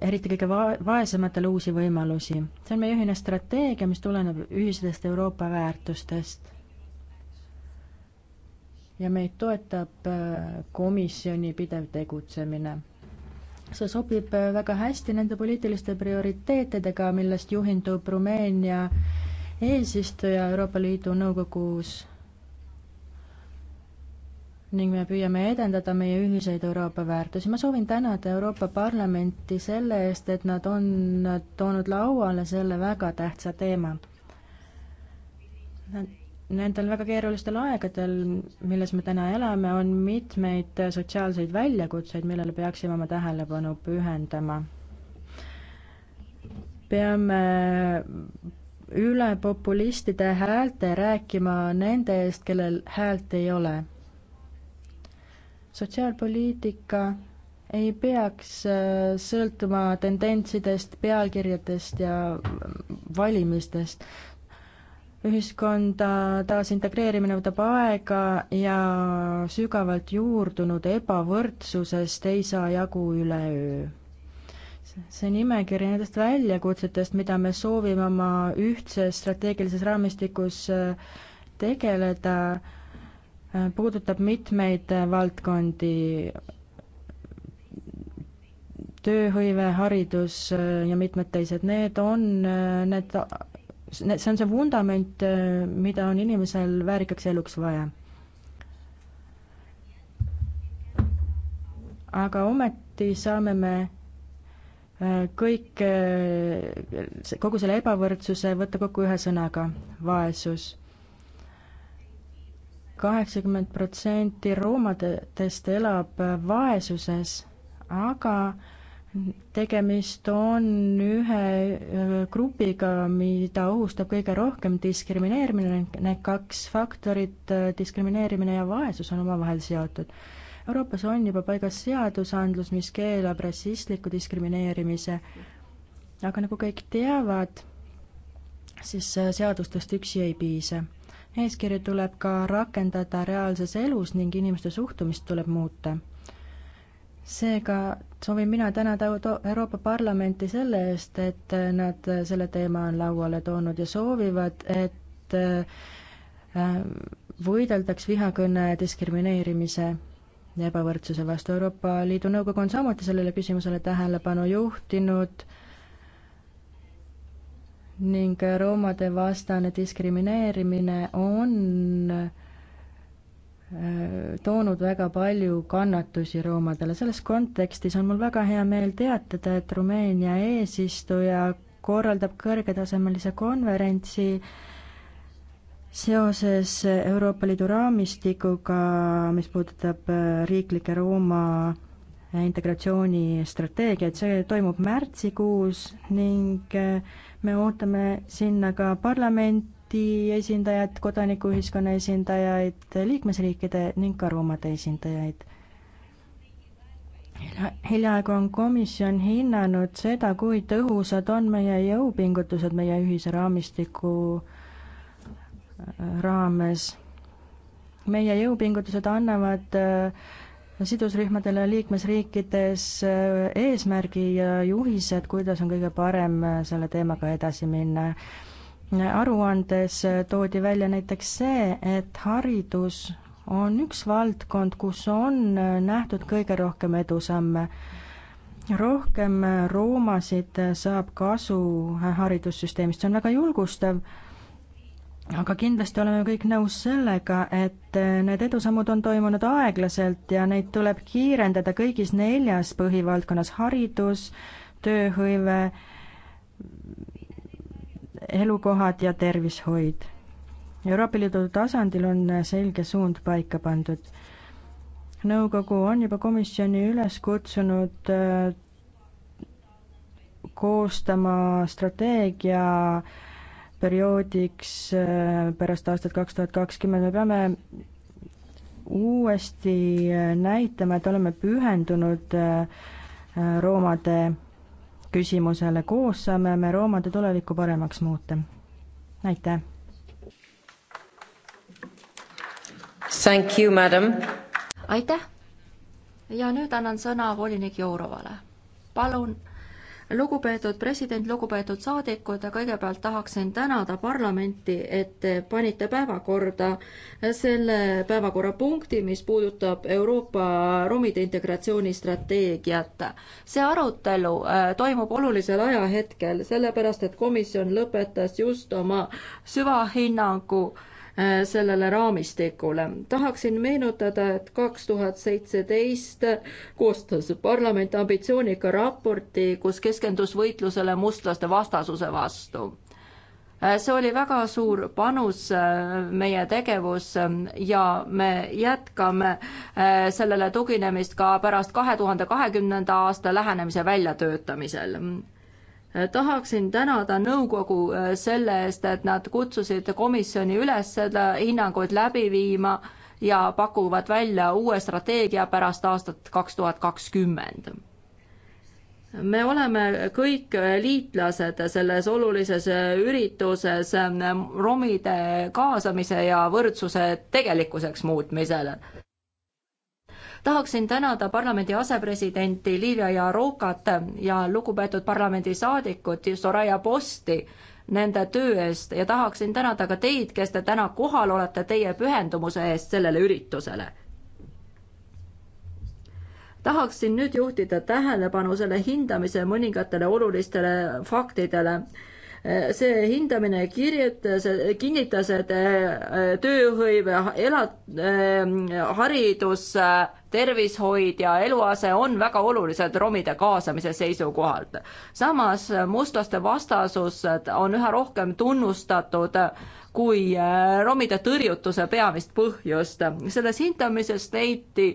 eriti kõige va-, vaesematele uusi võimalusi. see on meie ühine strateegia, mis tuleneb ühisedest Euroopa väärtustest. ja meid toetab äh, komisjoni pidev tegutsemine. see sobib äh, väga hästi nende poliitiliste prioriteetidega, millest juhindub Rumeenia eesistuja Euroopa Liidu Nõukogus ning me püüame edendada meie ühiseid Euroopa väärtusi. ma soovin tänada Euroopa Parlamenti selle eest, et nad on toonud lauale selle väga tähtsa teema. Nendel väga keerulistel aegadel, milles me täna elame, on mitmeid sotsiaalseid väljakutseid, millele peaksime oma tähelepanu pühendama. peame üle populistide häälte rääkima nende eest, kellel häält ei ole sotsiaalpoliitika ei peaks äh, sõltuma tendentsidest, pealkirjadest ja mm, valimistest. ühiskonda taasintegreerimine võtab aega ja sügavalt juurdunud ebavõrdsusest ei saa jagu üleöö. see nimekiri nendest väljakutsetest, mida me soovime oma ühtses strateegilises raamistikus äh, tegeleda, Äh, puudutab mitmeid äh, valdkondi, tööhõive, haridus äh, ja mitmed teised, need on need, see on see vundament, mida on inimesel väärikaks eluks vaja. aga ometi saame me kõik, kogu selle ebavõrdsuse võtta kokku ühe sõnaga, vaesus kaheksakümmend protsenti roomadest elab vaesuses, aga tegemist on ühe grupiga, mida ohustab kõige rohkem diskrimineerimine, need kaks faktorit, diskrimineerimine ja vaesus, on omavahel seotud. Euroopas on juba paigas seadusandlus, mis keelab rassistliku diskrimineerimise, aga nagu kõik teavad, siis seadustest üksi ei piisa eeskirju tuleb ka rakendada reaalses elus ning inimeste suhtumist tuleb muuta. seega soovin mina tänada Euroopa Parlamenti selle eest, et nad selle teema on lauale toonud ja soovivad, et äh, võideldaks vihakõne diskrimineerimise ja ebavõrdsuse vastu. Euroopa Liidu Nõukogu on samuti sellele küsimusele tähelepanu juhtinud ning roomade vastane diskrimineerimine on äh, toonud väga palju kannatusi roomadele. selles kontekstis on mul väga hea meel teatada, et Rumeenia eesistuja korraldab kõrgetasemelise konverentsi seoses Euroopa Liidu raamistikuga, mis puudutab äh, riiklikke Rooma integratsioonistrateegiaid, see toimub märtsikuus ning äh, me ootame sinna ka parlamenti esindajad, kodanikuühiskonna esindajaid, liikmesriikide ning karvamade esindajaid hiljaaegu on komisjon hinnanud seda, kui tõhusad on meie jõupingutused meie ühise raamistiku äh, raames. meie jõupingutused annavad äh, sidusrühmadele liikmesriikides äh, eesmärgi ja juhised, kuidas on kõige parem äh, selle teemaga edasi minna. aruandes äh, toodi välja näiteks see, et haridus on üks valdkond, kus on nähtud kõige rohkem edusamme. rohkem roomasid saab kasu haridussüsteemist, see on väga julgustav aga kindlasti oleme kõik nõus sellega, et need edusammud on toimunud aeglaselt ja neid tuleb kiirendada kõigis neljas põhivaldkonnas, haridus, tööhõive, elukohad ja tervishoid. Euroopa Liidu tasandil on selge suund paika pandud. nõukogu on juba komisjoni üles kutsunud äh, koostama strateegia äh, perioodiks äh, pärast aastat kaks tuhat kakskümmend, me peame uuesti äh, näitama, et oleme pühendunud äh, roomade küsimusele, koos saame me roomade tulevikku paremaks muuta. aitäh! Thank you, madam! aitäh! ja nüüd annan sõna volinik Jourovale. palun lugupeetud president, lugupeetud saadikud, kõigepealt tahaksin tänada parlamenti, et te panite päevakorda selle päevakorrapunkti, mis puudutab Euroopa ruumide integratsiooni strateegiat. see arutelu äh, toimub olulisel ajahetkel, sellepärast et komisjon lõpetas just oma süvahinnangu äh, Äh, sellele raamistikule. tahaksin meenutada, et kaks tuhat seitseteist koostas parlament ambitsioonika raporti, kus keskendus võitlusele mustlaste vastasuse vastu äh, see oli väga suur panus äh, meie tegevus ja me jätkame sellele tuginemist ka pärast kahe tuhande kahekümnenda aasta lähenemise väljatöötamisel Äh, tahaksin tänada nõukogu äh, selle eest, et nad kutsusid komisjoni üles seda hinnanguid läbi viima ja pakuvad välja uue strateegia pärast aastat kaks tuhat kakskümmend me oleme kõik liitlased selles olulises äh, ürituses romide kaasamise ja võrdsuse tegelikkuseks muutmisel tahaksin tänada parlamendi asepresidenti Liivia Jarokat ja lugupeetud parlamendisaadikut Soraya Posti nende töö eest ja tahaksin tänada ka teid, kes te täna kohal olete, teie pühendumuse eest sellele üritusele. tahaksin nüüd juhtida tähelepanu selle hindamise mõningatele olulistele faktidele Eh, see hindamine kirjutas, kinnitas, et eh, tööhõive, elat-, eh, haridus, tervishoid ja eluase on väga olulised romide kaasamise seisukohalt. samas mustlaste vastasus on üha rohkem tunnustatud kui romide tõrjutuse peamist põhjust. selles hindamises leiti,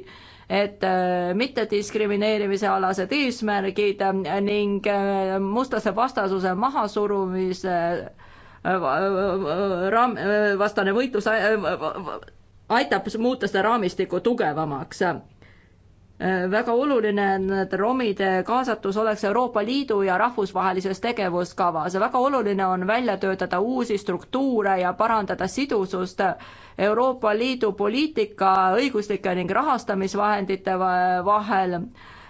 et äh, mittediskrimineerimise alased eesmärgid äh, ning äh, mustase vastasuse mahasurumise raam, vastane võitlus aitab muuta seda raamistikku tugevamaks Äh, väga oluline on, et romide kaasatus oleks Euroopa Liidu ja rahvusvahelises tegevuskavas. väga oluline on välja töötada uusi struktuure ja parandada sidusust Euroopa Liidu poliitika, õiguslike ning rahastamisvahendite vahel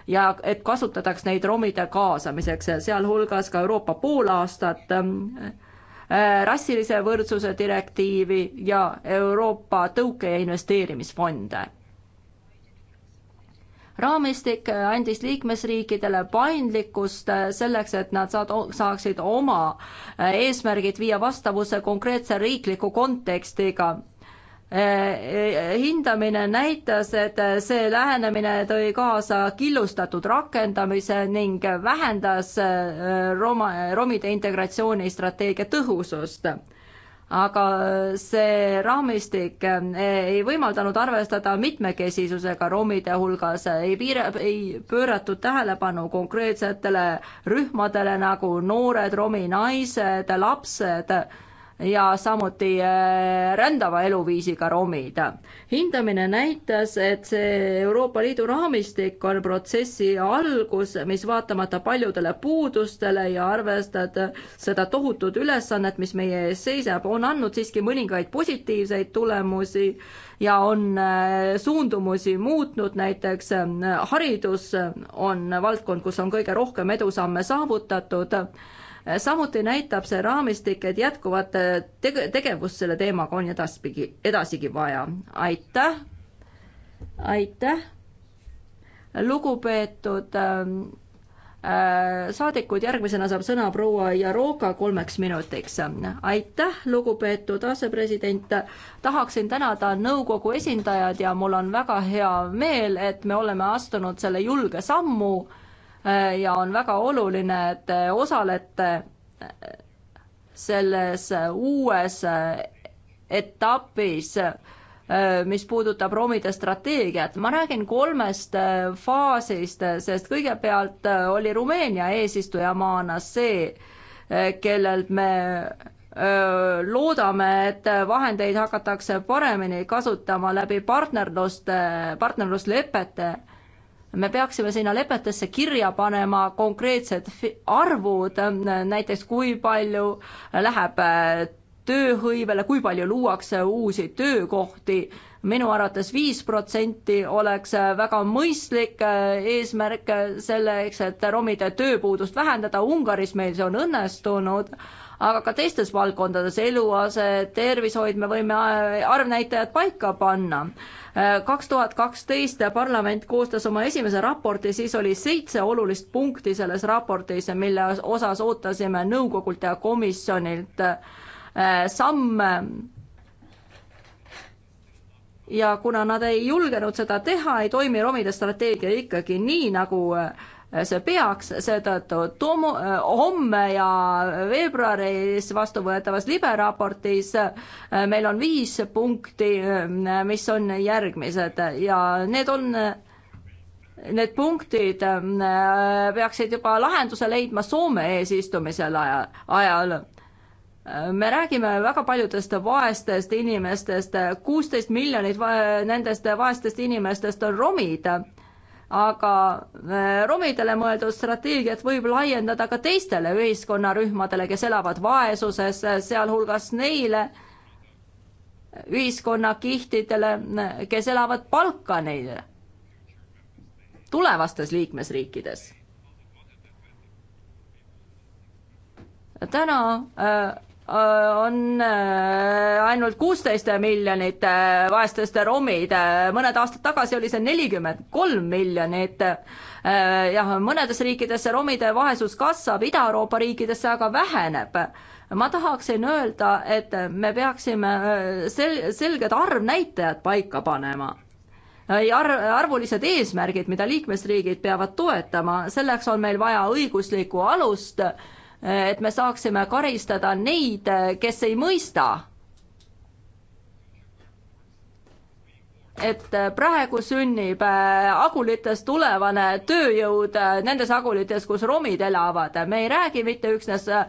ja et kasutataks neid romide kaasamiseks, sealhulgas ka Euroopa poolaastat, äh, rassilise võrdsuse direktiivi ja Euroopa tõuke- ja investeerimisfonde raamistik andis liikmesriikidele paindlikkust selleks, et nad saad, saaksid oma eesmärgid viia vastavusse konkreetse riikliku kontekstiga e, e, hindamine näitas, et see lähenemine tõi kaasa killustatud rakendamise ning vähendas e, Roma, romide integratsioonistrateegia tõhusust aga see raamistik eh, ei võimaldanud arvestada mitmekesisusega romide hulgas, ei piira, ei pööratud tähelepanu konkreetsetele rühmadele nagu noored romi naised, lapsed ja samuti äh, rändava eluviisiga romid. hindamine näitas, et see Euroopa Liidu raamistik on protsessi algus, mis vaatamata paljudele puudustele ja arvestades seda tohutut ülesannet, mis meie ees seisab, on andnud siiski mõningaid positiivseid tulemusi ja on äh, suundumusi muutnud, näiteks äh, haridus on valdkond, kus on kõige rohkem edusamme saavutatud samuti näitab see raamistik, et jätkuvat äh, tege-, tegevust selle teemaga on edaspidi, edasigi vaja. aitäh, aitäh, lugupeetud ähm, äh, saadikud, järgmisena saab sõna proua Jaroka kolmeks minutiks. aitäh, lugupeetud asepresident, tahaksin tänada nõukogu esindajad ja mul on väga hea meel, et me oleme astunud selle julge sammu Äh, ja on väga oluline, et te osalete äh, selles äh, uues etapis, mis puudutab romide strateegiat. ma räägin kolmest faasist, sest kõigepealt oli Rumeenia eesistujamaana see, kellelt me loodame, et vahendeid hakatakse paremini kasutama läbi partnerluste, partnerluslepete me peaksime sinna lepetesse kirja panema konkreetsed arvud, näiteks kui palju läheb äh, tööhõivele, kui palju luuakse uusi töökohti. minu arvates viis protsenti oleks äh, väga mõistlik äh, eesmärk selleks, et romide tööpuudust vähendada. Ungaris meil see on õnnestunud aga ka teistes valdkondades, eluase, tervishoid, me võime äh, arvnäitajad paika panna. Äh, kaks tuhat kaksteist parlament koostas oma esimese raporti, siis oli seitse olulist punkti selles raportis, mille osas ootasime nõukogult ja komisjonilt äh, samme ja kuna nad ei julgenud seda teha, ei toimi romide strateegia ikkagi nii, nagu see peaks, seetõttu tom-, homme ja veebruaris vastuvõetavas liberaportis äh, meil on viis punkti, äh, mis on järgmised ja need on Need punktid äh, peaksid juba lahenduse leidma Soome eesistumisel ajal, ajal me räägime väga paljudest vaestest inimestest, kuusteist miljonit nendest vaestest inimestest on romid aga äh, romidele mõeldud strateegiat võib laiendada ka teistele ühiskonnarühmadele, kes elavad vaesuses, äh, sealhulgas neile äh, ühiskonnakihtidele, kes elavad Balkanil, tulevastes liikmesriikides. täna äh, Äh, on äh, ainult kuusteist miljonit äh, vaestest romid, mõned aastad tagasi oli see nelikümmend kolm miljonit. jah, mõnedes riikides see romide vaesus kasvab, Ida-Euroopa riikides see aga väheneb ma tahaksin öelda, et me peaksime sel-, selged arvnäitajad paika panema arv, arvulised eesmärgid, mida liikmesriigid peavad toetama, selleks on meil vaja õiguslikku alust et me saaksime karistada neid, kes ei mõista et praegu sünnib äh, agulitest tulevane tööjõud äh, nendes agulites, kus romid elavad. me ei räägi mitte üksnes äh,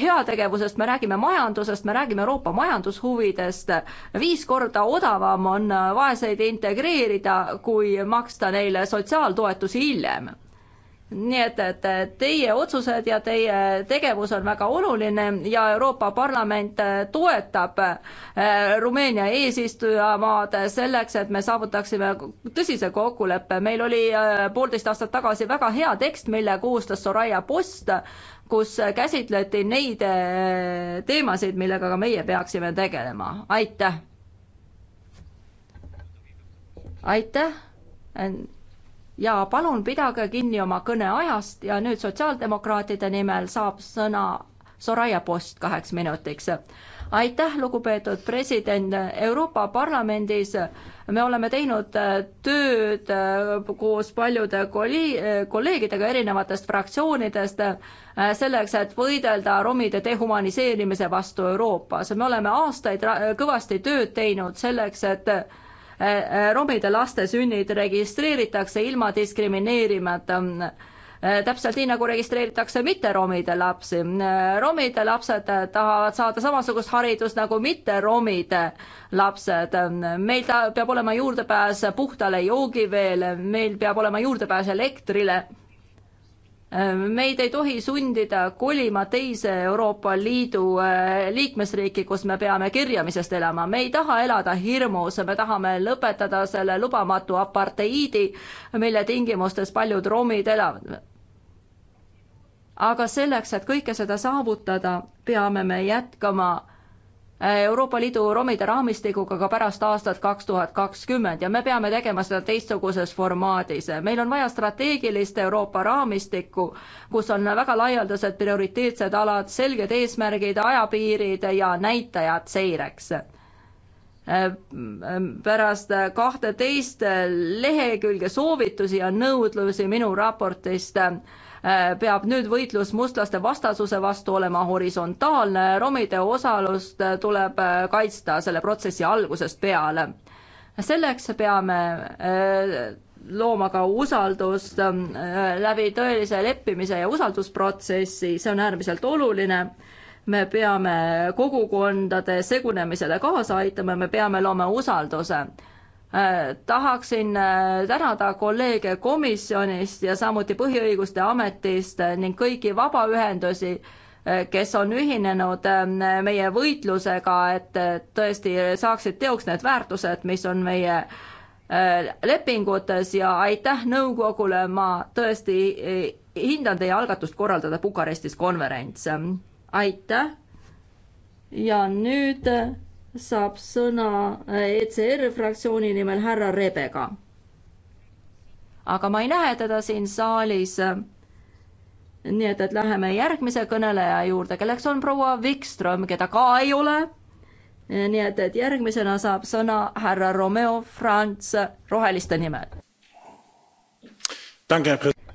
heategevusest, me räägime majandusest, me räägime Euroopa majandushuvidest. viis korda odavam on vaeseid integreerida, kui maksta neile sotsiaaltoetusi hiljem nii et, et teie otsused ja teie tegevus on väga oluline ja Euroopa Parlament äh, toetab äh, Rumeenia eesistujamaad selleks, et me saavutaksime tõsise kokkuleppe. meil oli äh, poolteist aastat tagasi väga hea tekst, mille koostas Soraya Post, kus käsitleti neid teemasid, millega ka meie peaksime tegelema. aitäh! aitäh! ja palun pidage kinni oma kõneajast ja nüüd sotsiaaldemokraatide nimel saab sõna Soraya Post kaheks minutiks. aitäh, lugupeetud president, Euroopa Parlamendis me oleme teinud äh, tööd äh, koos paljude äh, kolleegidega erinevatest fraktsioonidest selleks, et võidelda romide dehumaniseerimise vastu Euroopas. me oleme aastaid kõvasti tööd teinud selleks, et romide laste sünnid registreeritakse ilma diskrimineerimata täpselt nii, nagu registreeritakse mitteromide lapsi. romide lapsed tahavad saada samasugust haridust nagu mitteromide lapsed. meil ta peab olema juurdepääs puhtale joogiveele, meil peab olema juurdepääs elektrile Äh, meid ei tohi sundida kolima teise Euroopa Liidu äh, liikmesriiki, kus me peame kirjamisest elama, me ei taha elada hirmus, me tahame lõpetada selle lubamatu aparteiidi, mille tingimustes paljud romid elavad. aga selleks, et kõike seda saavutada, peame me jätkama Euroopa Liidu romide raamistikuga ka pärast aastat kaks tuhat kakskümmend ja me peame tegema seda teistsuguses formaadis. meil on vaja strateegilist Euroopa raamistikku, kus on väga laialdased prioriteetsed alad, selged eesmärgid, ajapiirid ja näitajad seireks pärast kahteteist lehekülge soovitusi ja nõudlusi minu raportist äh, Äh, peab nüüd võitlus mustlaste vastasuse vastu olema horisontaalne, romide osalust äh, tuleb äh, kaitsta selle protsessi algusest peale. selleks peame looma ka usaldust läbi tõelise leppimise ja usaldusprotsessi, see on äärmiselt oluline me peame kogukondade segunemisele kaasa aitama, me peame looma usalduse tahaksin äh, tänada kolleege komisjonist ja samuti Põhiõiguste Ametist äh, ning kõiki vabaühendusi, äh, kes on ühinenud meie võitlusega, et tõesti saaksid teoks need väärtused, mis on meie lepingutes ja aitäh nõukogule, ma tõesti hindan teie algatust korraldada Bukarestis konverents. aitäh. ja nüüd saab sõna äh, ECR fraktsiooni nimel härra Rebega. aga ma ei näe teda siin saalis. nii et, et läheme järgmise kõneleja juurde, kelleks on proua Wikström, keda ka ei ole. nii et, et järgmisena saab sõna härra Romeo Franz roheliste nimel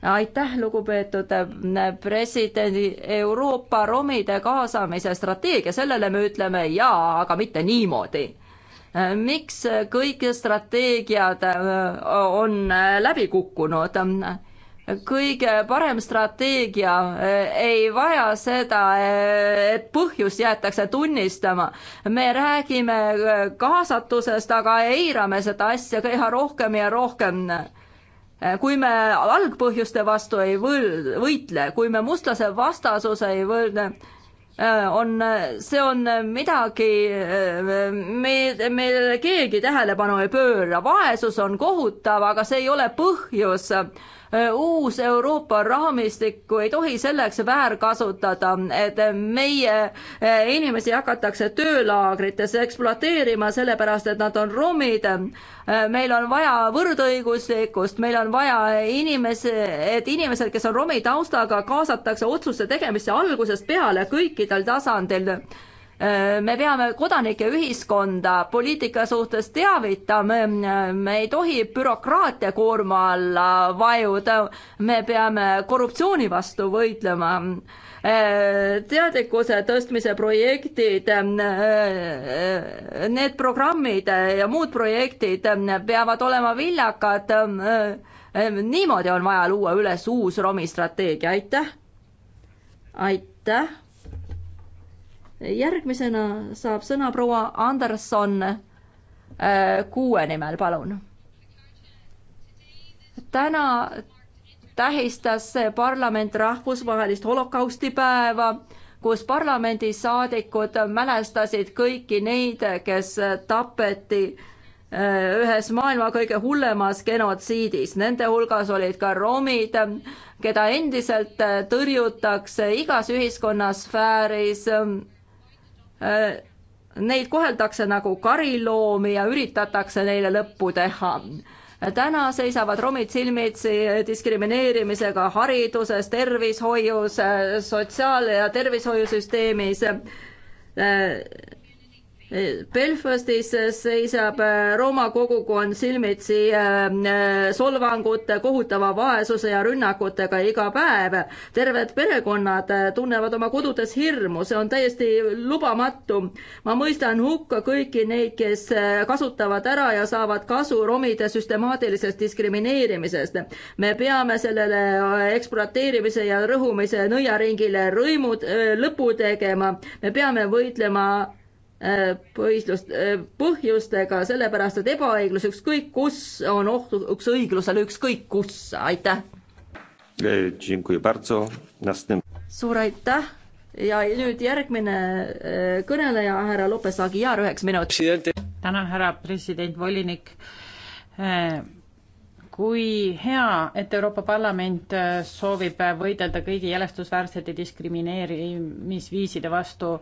aitäh, lugupeetud äh, presidendi Euroopa romide kaasamise strateegia, sellele me ütleme jaa, aga mitte niimoodi äh, miks kõik strateegiad äh, on läbi kukkunud? kõige parem strateegia ei vaja seda, et põhjus jäetakse tunnistama. me räägime kaasatusest, aga eirame seda asja üha rohkem ja rohkem Äh, kui me algpõhjuste vastu ei võl-, võitle, kui me mustlase vastasuse ei võlne, äh, on, see on midagi, äh, me, meile keegi tähelepanu ei pööra, vaesus on kohutav, aga see ei ole põhjus uus Euroopa raamistikku ei tohi selleks väärkasutada, et meie inimesi hakatakse töölaagrites ekspluateerima, sellepärast et nad on romid. meil on vaja võrdõiguslikkust, meil on vaja inimesi, et inimesed, kes on romi taustaga, kaasatakse otsuste tegemisse algusest peale kõikidel tasandil Äh, me peame kodanike ühiskonda poliitika suhtes teavitama, me ei tohi bürokraatia koorma alla vajuda, me peame korruptsiooni vastu võitlema äh, teadlikkuse tõstmise projektid, äh, need programmid ja muud projektid peavad olema viljakad. niimoodi on vaja luua üles uus romistrateegia, aitäh. aitäh järgmisena saab sõna proua Anderson äh, kuue nimel, palun. täna tähistas see parlament rahvusvahelist holokaustipäeva, kus parlamendisaadikud mälestasid kõiki neid, kes tapeti äh, ühes maailma kõige hullemas genotsiidis. Nende hulgas olid ka romid, keda endiselt tõrjutakse igas ühiskonnasfääris Äh, Neid koheldakse nagu kariloomi ja üritatakse neile lõppu teha täna seisavad romid silmitsi diskrimineerimisega hariduses, tervishoius, sotsiaal- ja tervishoiusüsteemis. Äh, Belfastis seisab äh, Rooma kogukond silmitsi äh, äh, solvangute, kohutava vaesuse ja rünnakutega iga päev. terved perekonnad tunnevad oma kodudes hirmu, see on täiesti lubamatu. ma mõistan hukka kõiki neid, kes kasutavad ära ja saavad kasu romide süstemaatilisest diskrimineerimisest. me peame sellele ekspluateerimise ja rõhumise nõiaringile rõimud, lõpu tegema. me peame võitlema Äh, põhislust, äh, põhjustega, sellepärast et ebaõiglus ükskõik kus on ohtuks õiglusele ükskõik kus, aitäh. Eh, suur aitäh ja nüüd järgmine äh, kõneleja, härra Lopes Aguiar, üheks minutiks. tänan, härra president, volinik. kui hea, et Euroopa Parlament soovib võidelda kõigi jälestusväärsete diskrimineerimisviiside vastu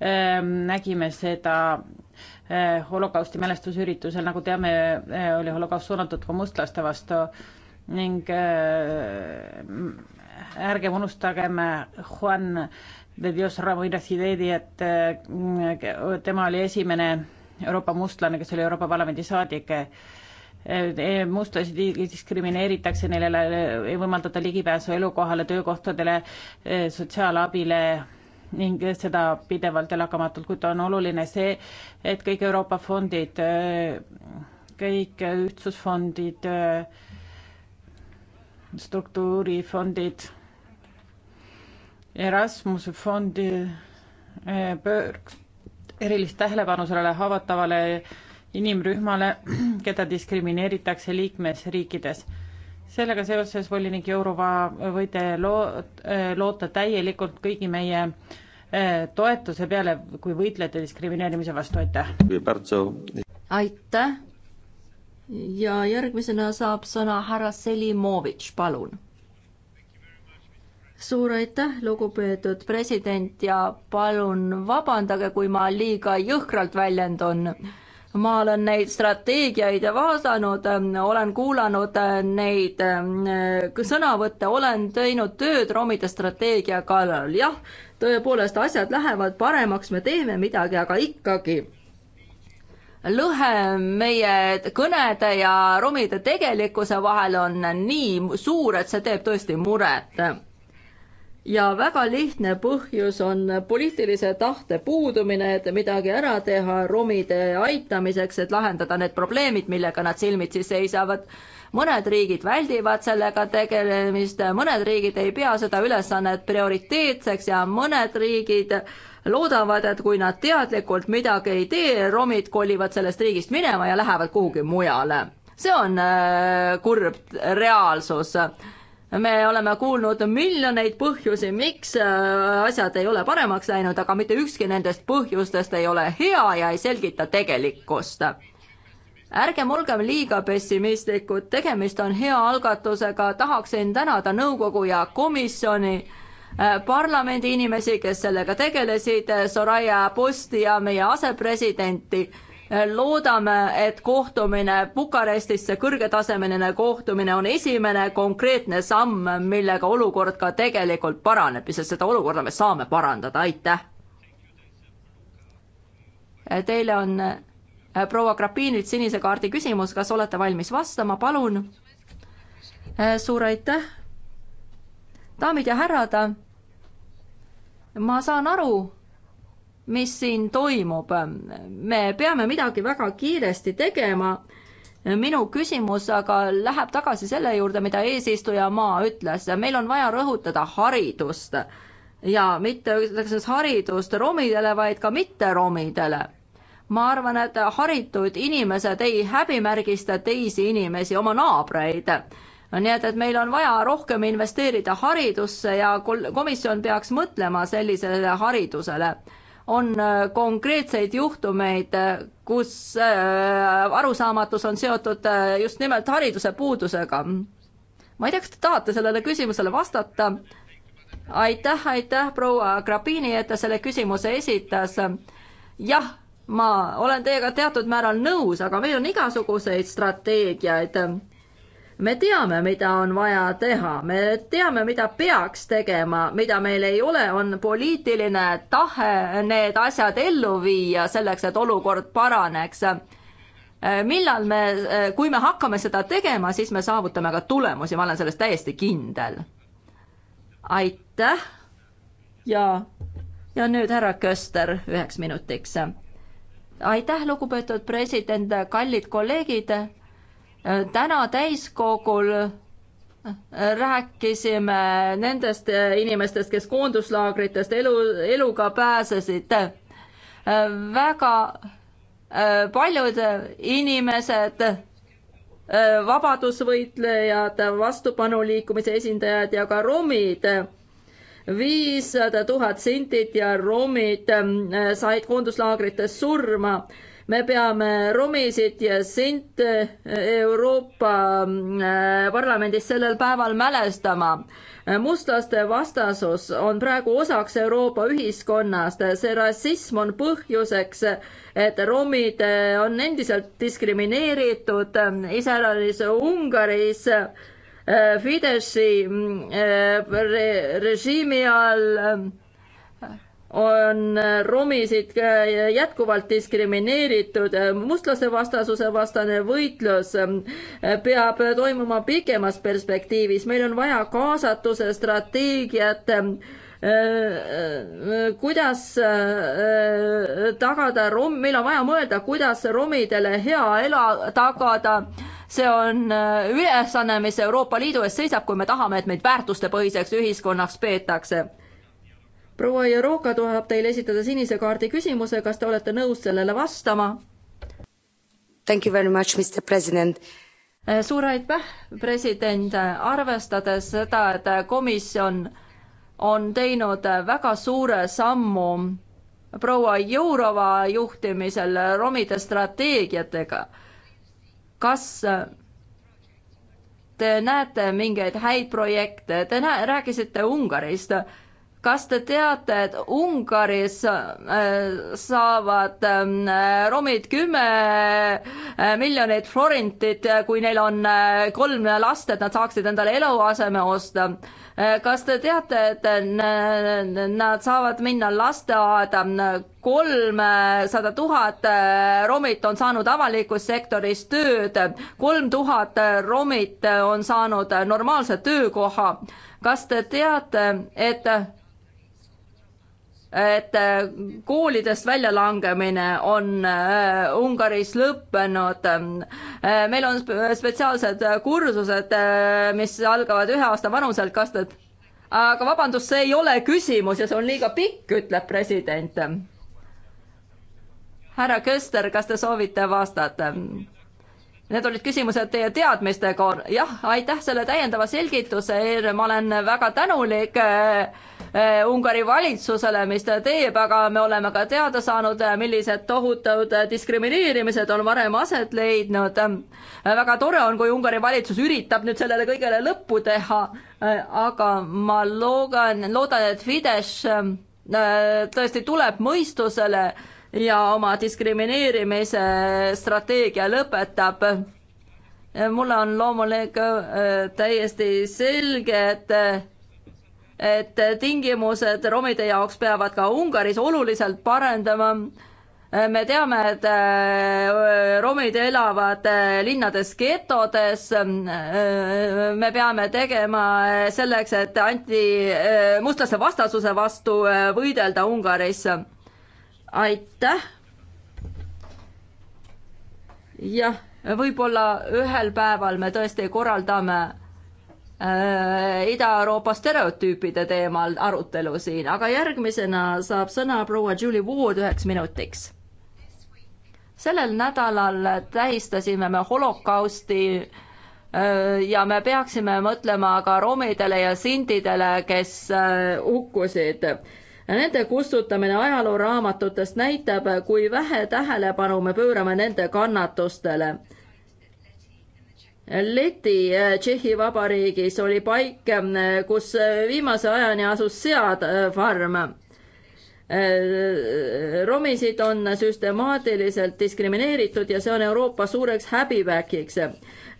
Ehm, nägime seda eh, holokausti mälestusüritusel, nagu teame, eh, oli holokaust suunatud ka mustlaste vastu ning eh, ärgem unustagem Juan de Dios Ramirez ideedi, et tema oli esimene Euroopa mustlane, kes oli Euroopa Parlamendi saadik. mustlasi diskrimineeritakse, neile ei võimaldata ligipääsu elukohale, töökohtadele, sotsiaalabile ning seda pidevalt ja lakamatult, kuid on oluline see, et kõik Euroopa fondid, kõik ühtsusfondid, struktuurifondid, Erasmuse fondi pööraks erilist tähelepanu sellele haavatavale inimrühmale, keda diskrimineeritakse liikmesriikides sellega seoses volinik Jourova võite loo-, eh, loota täielikult kõigi meie eh, toetuse peale, kui võitlete diskrimineerimise vastu, aitäh! aitäh! ja järgmisena saab sõna härra Selimovitš, palun! suur aitäh, lugupeetud president ja palun vabandage, kui ma liiga jõhkralt väljendun ma olen neid strateegiaid vaadanud, ähm, olen kuulanud äh, neid ähm, äh, sõnavõtte, olen teinud tööd romide strateegia kallal, jah, tõepoolest asjad lähevad paremaks, me teeme midagi, aga ikkagi lõhe meie kõnede ja romide tegelikkuse vahel on nii suur, et see teeb tõesti muret ja väga lihtne põhjus on poliitilise tahte puudumine, et midagi ära teha romide aitamiseks, et lahendada need probleemid, millega nad silmitsi seisavad. mõned riigid väldivad sellega tegelemist, mõned riigid ei pea seda ülesannet prioriteetseks ja mõned riigid loodavad, et kui nad teadlikult midagi ei tee, romid kolivad sellest riigist minema ja lähevad kuhugi mujale. see on äh, kurb reaalsus me oleme kuulnud miljoneid põhjusi, miks äh, asjad ei ole paremaks läinud, aga mitte ükski nendest põhjustest ei ole hea ja ei selgita tegelikkust. ärgem olgem liiga pessimistlikud, tegemist on hea algatusega, tahaksin tänada nõukogu ja komisjoni äh, parlamendi inimesi, kes sellega tegelesid, äh, Soraya Posti ja meie asepresidenti loodame, et kohtumine Bukarestis, see kõrgetasemeline kohtumine on esimene konkreetne samm, millega olukord ka tegelikult paraneb ja seda olukorda me saame parandada, aitäh. Teile on äh, proua Krapinilt sinise kaardi küsimus, kas olete valmis vastama, palun? Äh, suur aitäh. daamid ja härrad, ma saan aru mis siin toimub. me peame midagi väga kiiresti tegema. minu küsimus aga läheb tagasi selle juurde, mida eesistujamaa ütles, meil on vaja rõhutada haridust ja mitte üksnes haridust romidele, vaid ka mitteromidele ma arvan, et haritud inimesed ei häbimärgista teisi inimesi, oma naabreid. nii et, et meil on vaja rohkem investeerida haridusse ja komisjon peaks mõtlema sellisele haridusele on äh, konkreetseid juhtumeid, äh, kus äh, arusaamatus on seotud just nimelt hariduse puudusega. ma ei tea, kas te tahate sellele küsimusele vastata? aitäh, aitäh, proua Grabini, et ta selle küsimuse esitas. jah, ma olen teiega teatud määral nõus, aga meil on igasuguseid strateegiaid me teame, mida on vaja teha, me teame, mida peaks tegema, mida meil ei ole, on poliitiline tahe need asjad ellu viia selleks, et olukord paraneks millal me, kui me hakkame seda tegema, siis me saavutame ka tulemusi, ma olen selles täiesti kindel. aitäh ja, ja nüüd härra Köster üheks minutiks. aitäh, lugupeetud president, kallid kolleegid täna täiskogul äh, rääkisime nendest äh, inimestest, kes koonduslaagritest elu, eluga pääsesid. Äh, väga paljud inimesed, vabadusvõitlejad, vastupanuliikumise esindajad ja ka romid, viissada tuhat sintit ja romid said koonduslaagrites surma me peame romisid ja sinte Euroopa äh, Parlamendis sellel päeval mälestama. mustlaste vastasus on praegu osaks Euroopa ühiskonnast, see rassism on põhjuseks, et romid äh, on endiselt diskrimineeritud, iseäranis Ungaris äh, Fideszi režiimi all on äh, romisid äh, jätkuvalt diskrimineeritud. mustlaste vastasuse vastane võitlus ähm, peab toimuma pikemas perspektiivis, meil on vaja kaasatuse strateegiat ähm, äh, kuidas tagada rom-, meil on vaja mõelda, kuidas romidele hea ela-, tagada. see on ülesanne, mis Euroopa Liidu ees seisab, kui me tahame, et meid väärtustepõhiseks ühiskonnaks peetakse proua Jeroka tahab teile esitada sinise kaardi küsimuse, kas te olete nõus sellele vastama? Thank you very much, Mr President eh, suur aitäh, president, arvestades seda, et komisjon on teinud väga suure sammu proua Jourova juhtimisel romide strateegiatega. kas te näete mingeid häid projekte, te nä-, rääkisite Ungarist kas te teate, et Ungaris äh, saavad ähm, romid kümme äh, miljonit forintit, äh, kui neil on kolm last, et nad saaksid endale eluaseme osta? kas te teate, et nad saavad minna lasteaeda? kolmsada tuhat romit on saanud avalikus sektoris tööd, kolm tuhat romit on saanud normaalse töökoha. kas te teate, et et äh, koolidest väljalangemine on äh, Ungaris lõppenud. Äh, meil on spetsiaalsed kursused, mis algavad ühe aasta vanuselt, kas need, aga vabandust, see ei ole küsimus ja see on liiga pikk, ütleb president. härra Köster, kas te soovite vastata? Need olid küsimused teie teadmiste kor-, jah, aitäh selle täiendava selgituse, ma olen väga tänulik eh, eh, Ungari valitsusele, mis ta teeb, aga me oleme ka teada saanud, millised tohutud diskrimineerimised on varem aset leidnud. väga tore on, kui Ungari valitsus üritab nüüd sellele kõigele lõppu teha, eh, aga ma loodan, loodan, et Fidesz tõesti tuleb mõistusele ja oma diskrimineerimise strateegia lõpetab mulle on loomulikult äh, täiesti selge, et et tingimused romide jaoks peavad ka Ungaris oluliselt parendama. me teame, et äh, romid elavad äh, linnades getodes. me peame tegema selleks, et anti mustlaste vastasuse vastu võidelda Ungaris aitäh. jah, võib-olla ühel päeval me tõesti korraldame äh, Ida-Euroopa stereotüüpide teemal arutelu siin, aga järgmisena saab sõna proua Julie Wood üheks minutiks. sellel nädalal tähistasime me holokausti äh, ja me peaksime mõtlema ka romidele ja sindidele, kes äh, hukkusid Nende kustutamine ajalooraamatutest näitab, kui vähe tähelepanu me pöörame nende kannatustele. Läti eh, Tšehhi Vabariigis oli paik, eh, kus eh, viimase ajani asus seadfarm. romisid on süstemaatiliselt diskrimineeritud ja see on Euroopa suureks häbiväkiks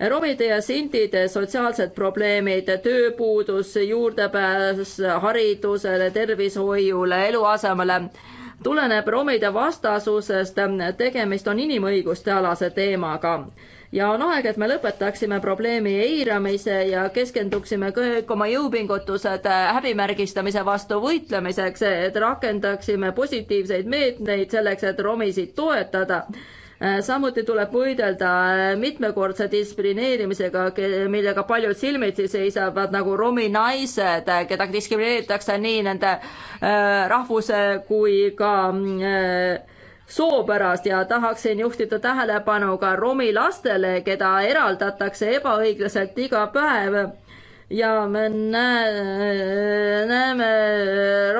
romide ja sindide sotsiaalsed probleemid, tööpuudus, juurdepääs haridusele, tervishoiule, eluasemele tuleneb romide vastasusest, tegemist on inimõiguste alase teemaga ja on aeg, et me lõpetaksime probleemi eiramise ja keskenduksime kõik oma jõupingutused häbimärgistamise vastu võitlemiseks, et rakendaksime positiivseid meetmeid selleks, et romisid toetada Äh, samuti tuleb võidelda äh, mitmekordse diskrimineerimisega, millega paljud silmitsi seisavad, nagu romi naised, äh, keda diskrimineeritakse nii nende rahvuse kui ka mm, soo pärast ja tahaksin juhtida tähelepanu ka romi lastele, keda eraldatakse ebaõiglaselt iga päev. ja me näe, näeme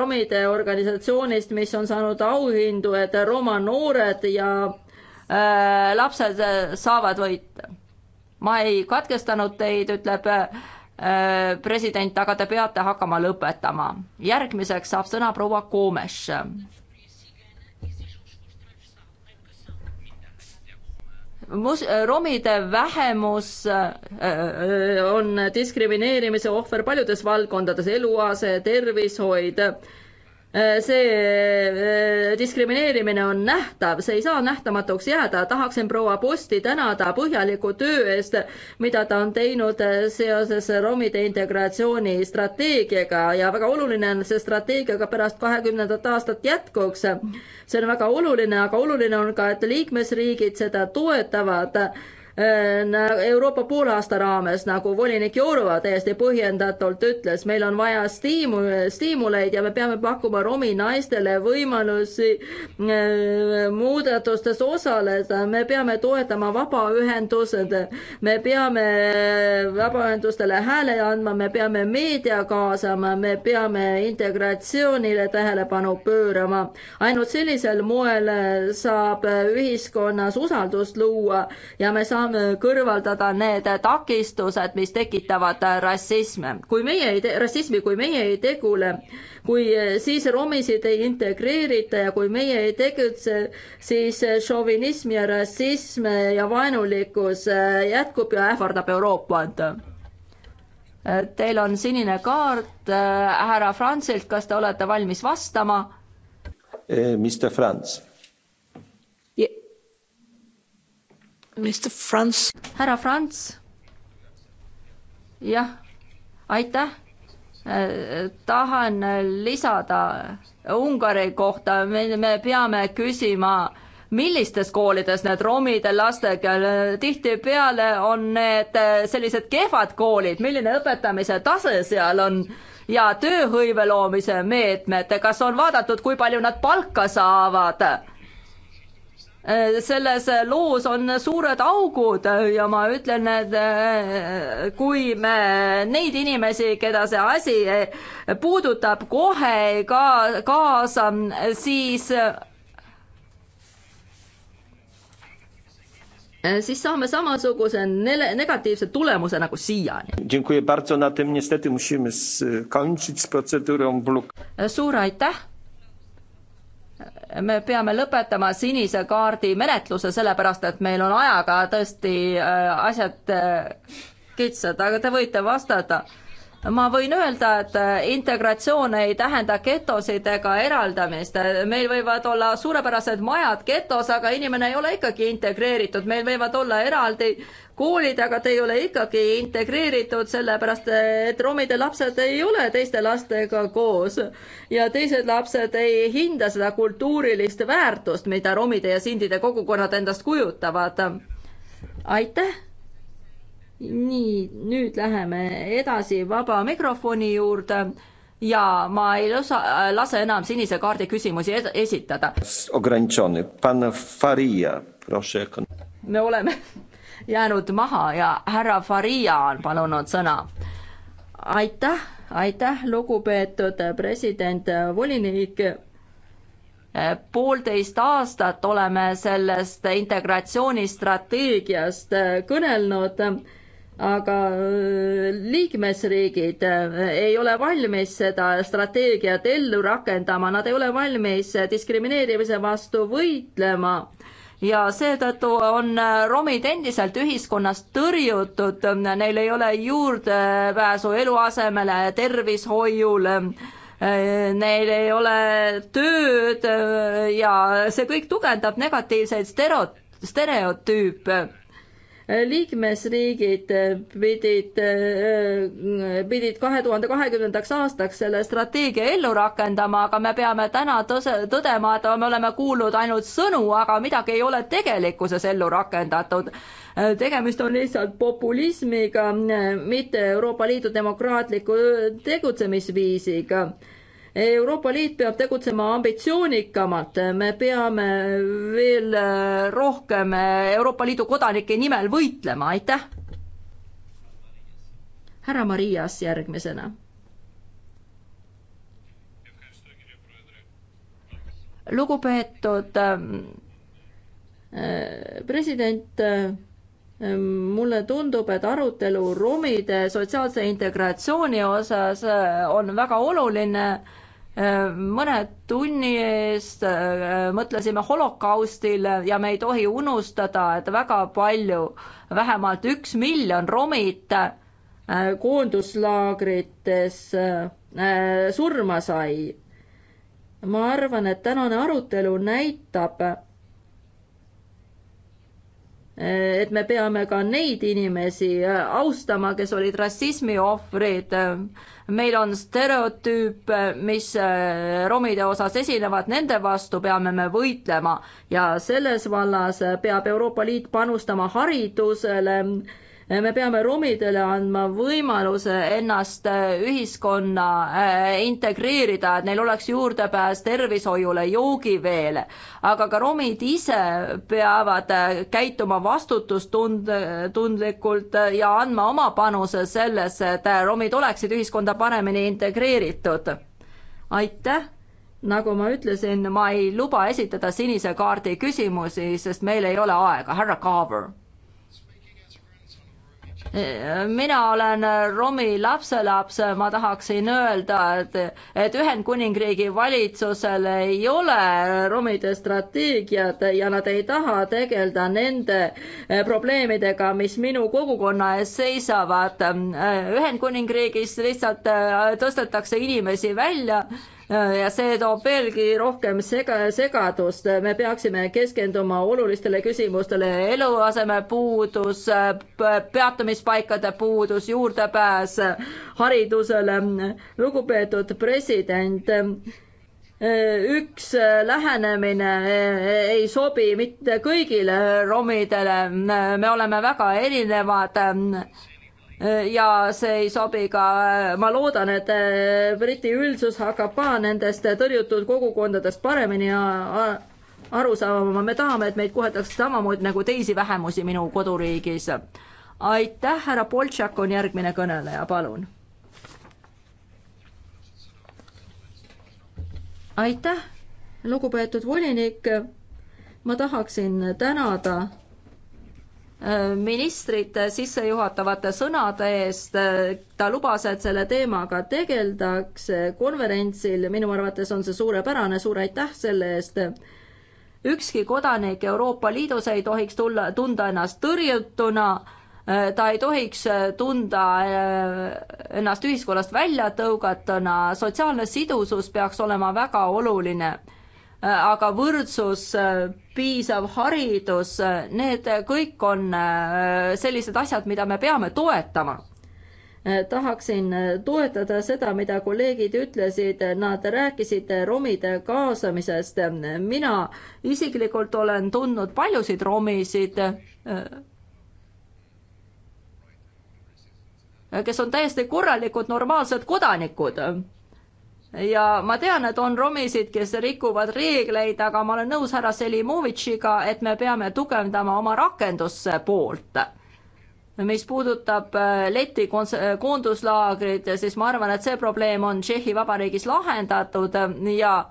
romide organisatsioonist, mis on saanud auhindu, et Roma noored ja Äh, lapsed äh, saavad võita. ma ei katkestanud teid, ütleb äh, president, aga te peate hakkama lõpetama. järgmiseks saab sõna proua Koomes. mus-, romide vähemus on diskrimineerimise ohver paljudes valdkondades, eluase, tervishoid Äh, see äh, diskrimineerimine on nähtav, see ei saa nähtamatuks jääda, tahaksin proua Posti tänada põhjaliku töö eest, mida ta on teinud äh, seoses romide integratsiooni strateegiaga ja väga oluline on see strateegia ka pärast kahekümnendat aastat jätkuks. see on väga oluline, aga oluline on ka, et liikmesriigid seda toetavad Äh, Euroopa poolaasta raames, nagu volinik Jourova täiesti põhjendatult ütles, meil on vaja stiimu-, stiimuleid ja me peame pakkuma romi naistele võimalusi äh, muudatustes osaleda, me peame toetama vabaühendused, me peame äh, vabaühendustele hääle andma, me peame meedia kaasama, me peame integratsioonile tähelepanu pöörama. ainult sellisel moel saab ühiskonnas usaldust luua ja me saame on äh, kõrvaldada need äh, takistused, mis tekitavad äh, rassisme. kui meie ei tee, rassismi, kui meie ei tegule, kui siis romisid ei integreerita ja kui meie ei tegutse, siis šovinism ja rassism ja vaenulikkus jätkub ja ähvardab Euroopat. Teil on sinine kaart härra Franzilt, kas te olete valmis vastama? Eh, Mr Franz härra Franz. jah, aitäh. Äh, tahan lisada Ungari kohta, me, me peame küsima millistes koolides need romide lastega, äh, tihtipeale on need äh, sellised kehvad koolid, milline õpetamise tase seal on ja tööhõive loomise meetmed, kas on vaadatud, kui palju nad palka saavad? Äh, selles loos on suured augud ja ma ütlen, et äh, kui me neid inimesi, keda see asi äh, puudutab, kohe ei ka kaasa, siis siis saame samasuguse nele, negatiivse tulemuse nagu siiani. suur aitäh me peame lõpetama sinise kaardi menetluse, sellepärast et meil on ajaga tõesti äh, asjad äh, kitsad, aga te võite vastata ma võin öelda, et äh, integratsioon ei tähenda getosid ega eraldamist. meil võivad olla suurepärased majad getos, aga inimene ei ole ikkagi integreeritud, meil võivad olla eraldi koolid, aga te ei ole ikkagi integreeritud, sellepärast et romide lapsed ei ole teiste lastega koos ja teised lapsed ei hinda seda kultuurilist väärtust, mida romide ja sindide kogukonnad endast kujutavad. aitäh nii, nüüd läheme edasi vaba mikrofoni juurde ja ma ei lasa, lase enam sinise kaardi küsimusi esitada. me oleme *laughs* jäänud maha ja härra Faria on palunud sõna. aitäh, aitäh, lugupeetud president, volinik poolteist aastat oleme sellest integratsioonistrateegiast kõnelnud aga äh, liikmesriigid äh, ei ole valmis seda strateegiat ellu rakendama, nad ei ole valmis diskrimineerimise vastu võitlema ja seetõttu on äh, romid endiselt ühiskonnast tõrjutud, neil ei ole juurdepääsu eluasemele, tervishoiule, neil ei ole tööd ja see kõik tugevdab negatiivseid stereotüüpe Äh, liikmesriigid äh, pidid, äh, pidid kahe tuhande kahekümnendaks aastaks selle strateegia ellu rakendama, aga me peame täna tõse, tõdema, et me oleme kuulnud ainult sõnu, aga midagi ei ole tegelikkuses ellu rakendatud. tegemist on lihtsalt populismiga, mitte Euroopa Liidu demokraatliku tegutsemisviisiga Euroopa Liit peab tegutsema ambitsioonikamalt, me peame veel rohkem Euroopa Liidu kodanike nimel võitlema, aitäh! härra Marias järgmisena. lugupeetud ähm, äh, president, äh, mulle tundub, et arutelu romide sotsiaalse integratsiooni osas äh, on väga oluline mõne tunni eest äh, mõtlesime holokaustile ja me ei tohi unustada, et väga palju, vähemalt üks miljon romid äh, koonduslaagrites äh, surma sai. ma arvan, et tänane arutelu näitab, et me peame ka neid inimesi äh, austama, kes olid rassismi ohvrid. meil on stereotüüp, mis äh, romide osas esinevad, nende vastu peame me võitlema ja selles vallas peab Euroopa Liit panustama haridusele me peame romidele andma võimaluse ennast äh, ühiskonna äh, integreerida, et neil oleks juurdepääs tervishoiule, joogiveele, aga ka romid ise peavad äh, käituma vastutustundlikult ja andma oma panuse sellesse, et romid oleksid ühiskonda paremini integreeritud. aitäh! nagu ma ütlesin, ma ei luba esitada sinise kaardi küsimusi, sest meil ei ole aega, härra Carver mina olen Romi lapselaps, ma tahaksin öelda, et, et Ühendkuningriigi valitsusel ei ole romide strateegiat ja nad ei taha tegeleda nende eh, probleemidega, mis minu kogukonna ees seisavad. Ühendkuningriigis lihtsalt eh, tõstetakse inimesi välja ja see toob veelgi rohkem sega, segadust. me peaksime keskenduma olulistele küsimustele, eluaseme puudus, peatumispaikade puudus, juurdepääs haridusele. lugupeetud president üks lähenemine ei sobi mitte kõigile romidele, me oleme väga erinevad ja see ei sobi ka, ma loodan, et eh, Briti üldsus hakkab ka nendest tõrjutud kogukondadest paremini aru saama, me tahame, et meid koheldakse samamoodi nagu teisi vähemusi minu koduriigis. aitäh, härra Boltšak on järgmine kõneleja, palun. aitäh, lugupeetud volinik. ma tahaksin tänada ministrit sissejuhatavate sõnade eest. ta lubas, et selle teemaga tegeldakse konverentsil, minu arvates on see suurepärane, suur aitäh selle eest. ükski kodanik Euroopa Liidus ei tohiks tulla, tunda ennast tõrjutuna, ta ei tohiks tunda äh, ennast ühiskonnast välja tõugatuna, sotsiaalne sidusus peaks olema väga oluline aga võrdsus, piisav haridus, need kõik on äh, sellised asjad, mida me peame toetama äh, tahaksin toetada seda, mida kolleegid ütlesid, nad rääkisid romide kaasamisest. mina isiklikult olen tundnud paljusid romisid, äh, kes on täiesti korralikud, normaalsed kodanikud ja ma tean, et on romisid, kes rikuvad reegleid, aga ma olen nõus härra Selimovitšiga, et me peame tugevdama oma rakenduspoolt. mis puudutab äh, leti koonduslaagrid, siis ma arvan, et see probleem on Tšehhi Vabariigis lahendatud ja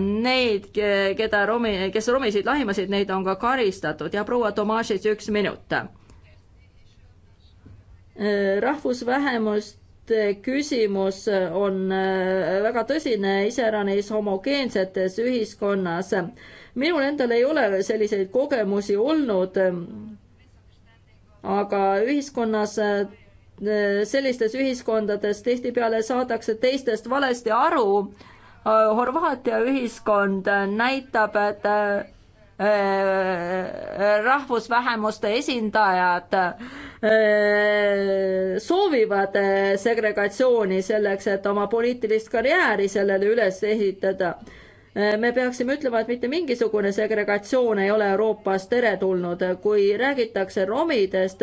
neid, keda romi, kes romisid lahimasid, neid on ka karistatud ja proua Tomašis üks minut äh, rahvusvähemust et küsimus on äh, väga tõsine iseäranis homogeensetes ühiskonnas. minul endal ei ole selliseid kogemusi olnud, aga ühiskonnas, äh, sellistes ühiskondades tihtipeale saadakse teistest valesti aru. Äh, Horvaatia ühiskond näitab, et rahvusvähemuste esindajad soovivad segregatsiooni selleks, et oma poliitilist karjääri sellele üles ehitada. me peaksime ütlema, et mitte mingisugune segregatsioon ei ole Euroopas teretulnud, kui räägitakse romidest,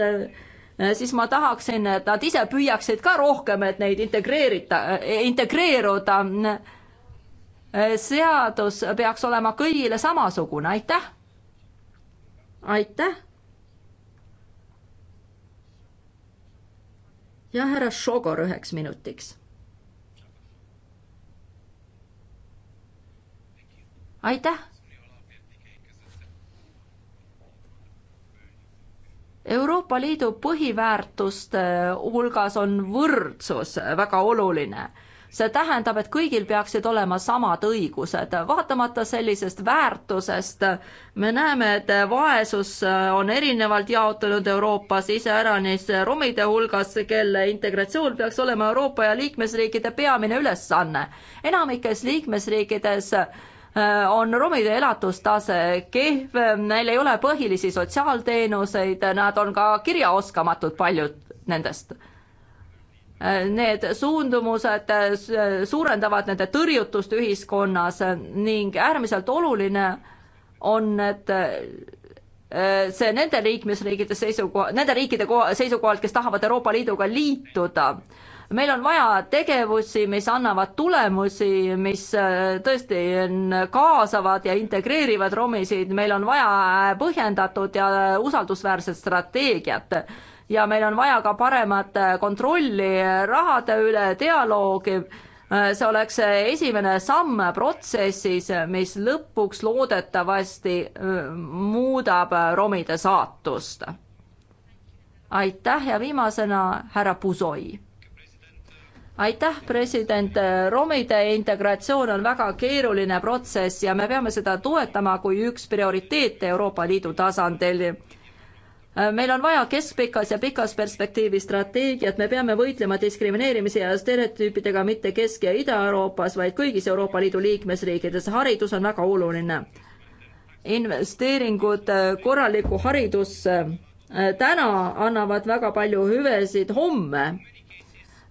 siis ma tahaksin, et nad ise püüaksid ka rohkem, et neid integreerida, e, integreeruda. seadus peaks olema kõigile samasugune, aitäh. aitäh ja härra Šogor üheks minutiks. aitäh. Euroopa Liidu põhiväärtuste hulgas on võrdsus väga oluline see tähendab, et kõigil peaksid olema samad õigused, vaatamata sellisest väärtusest. me näeme, et vaesus on erinevalt jaotunud Euroopas iseäranis romide hulgas, kelle integratsioon peaks olema Euroopa ja liikmesriikide peamine ülesanne. enamikes liikmesriikides äh, on romide elatustase kehv, neil ei ole põhilisi sotsiaalteenuseid, nad on ka kirjaoskamatud, paljud nendest Need suundumused äh, suurendavad nende tõrjutust ühiskonnas ning äärmiselt oluline on, et äh, see nende liikmesriikide seisukoha, nende riikide seisukohalt, kes tahavad Euroopa Liiduga liituda meil on vaja tegevusi, mis annavad tulemusi, mis äh, tõesti kaasavad ja integreerivad romisid, meil on vaja põhjendatud ja usaldusväärset strateegiat ja meil on vaja ka paremat äh, kontrolli rahade üle, dialoogi. Äh, see oleks äh, esimene samm protsessis, mis lõpuks loodetavasti muudab romide saatust. aitäh ja viimasena härra Puzoi aitäh, president, romide integratsioon on väga keeruline protsess ja me peame seda toetama kui üks prioriteete Euroopa Liidu tasandil meil on vaja keskpikas ja pikas perspektiivis strateegiat, me peame võitlema diskrimineerimise ja stereotüüpidega mitte Kesk- ja Ida-Euroopas, vaid kõigis Euroopa Liidu liikmesriikides, haridus on väga oluline. investeeringud äh, korralikku haridusse äh, täna annavad väga palju hüvesid homme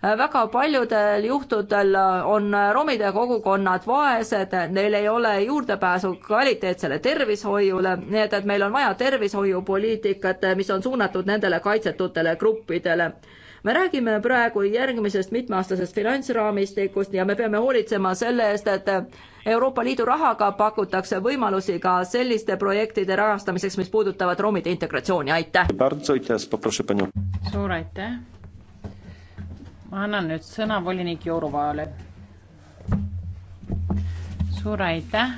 väga paljudel juhtudel on romide kogukonnad vaesed, neil ei ole juurdepääsu kvaliteetsele tervishoiule, nii et, et meil on vaja tervishoiupoliitikat, mis on suunatud nendele kaitsetutele gruppidele me räägime praegu järgmisest mitmeaastasest finantsraamistikust ja me peame hoolitsema selle eest, et Euroopa Liidu rahaga pakutakse võimalusi ka selliste projektide rahastamiseks, mis puudutavad romide integratsiooni, aitäh! suur aitäh! ma annan nüüd sõna volinik Jouruvale. suur aitäh.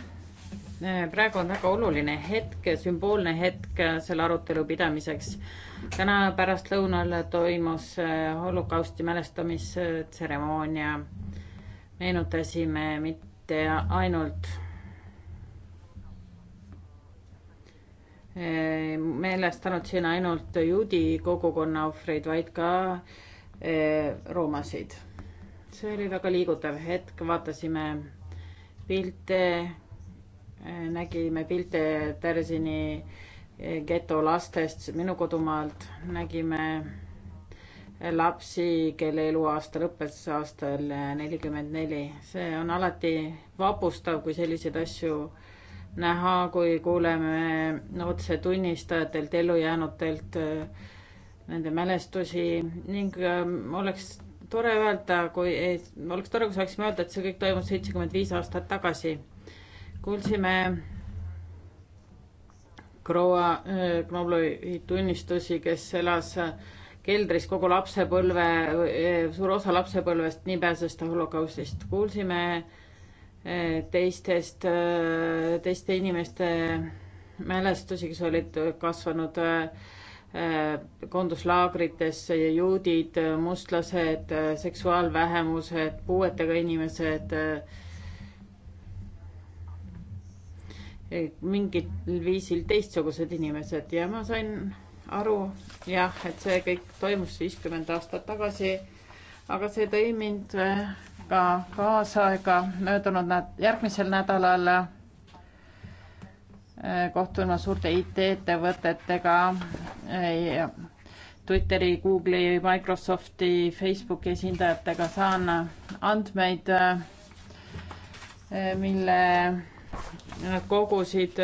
praegu on väga oluline hetk, sümboolne hetk selle arutelu pidamiseks. täna pärastlõunal toimus äh, holokausti mälestamistseremoonia. meenutasime mitte ainult äh, meelestanud siin ainult juudi kogukonna ohvreid, vaid ka äh, Eh, roomasid. see oli väga liigutav hetk, vaatasime pilte, eh, nägime pilte Teresini eh, geto lastest minu kodumaalt, nägime lapsi, kelle eluaasta lõppes aastal nelikümmend neli. see on alati vapustav, kui selliseid asju näha, kui kuuleme otse tunnistajatelt, ellujäänutelt äh, nende mälestusi ning ähm, oleks tore öelda, kui, oleks tore, kui saaksime öelda, et see kõik toimus seitsekümmend viis aastat tagasi. kuulsime proua Knoblovi äh, tunnistusi, kes elas äh, keldris kogu lapsepõlve, äh, suure osa lapsepõlvest, nii pääses ta holokaustist. kuulsime teistest, teiste inimeste mälestusi, kes olid kasvanud äh, Äh, konduslaagrites juudid, äh, mustlased, äh, seksuaalvähemused, puuetega inimesed. mingil viisil teistsugused inimesed ja ma sain aru jah, et see kõik toimus viiskümmend aastat tagasi, aga see tõi mind ka kaasaega möödunud nä-, järgmisel nädalal kohtun ma suurte IT-ettevõtetega Twitteri, Google'i, Microsofti, Facebooki esindajatega saan andmeid, mille nad kogusid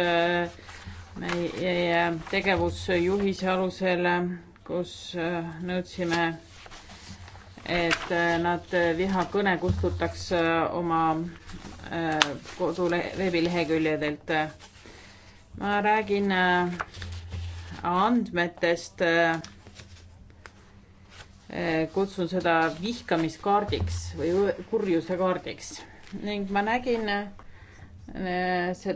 meie tegevusjuhise alusel, kus nõudsime, et nad vihakõne kustutaks oma kodu veebileheküljedelt ma räägin äh, andmetest. Äh, äh, kutsun seda vihkamiskaardiks või kurjuse kaardiks ning ma nägin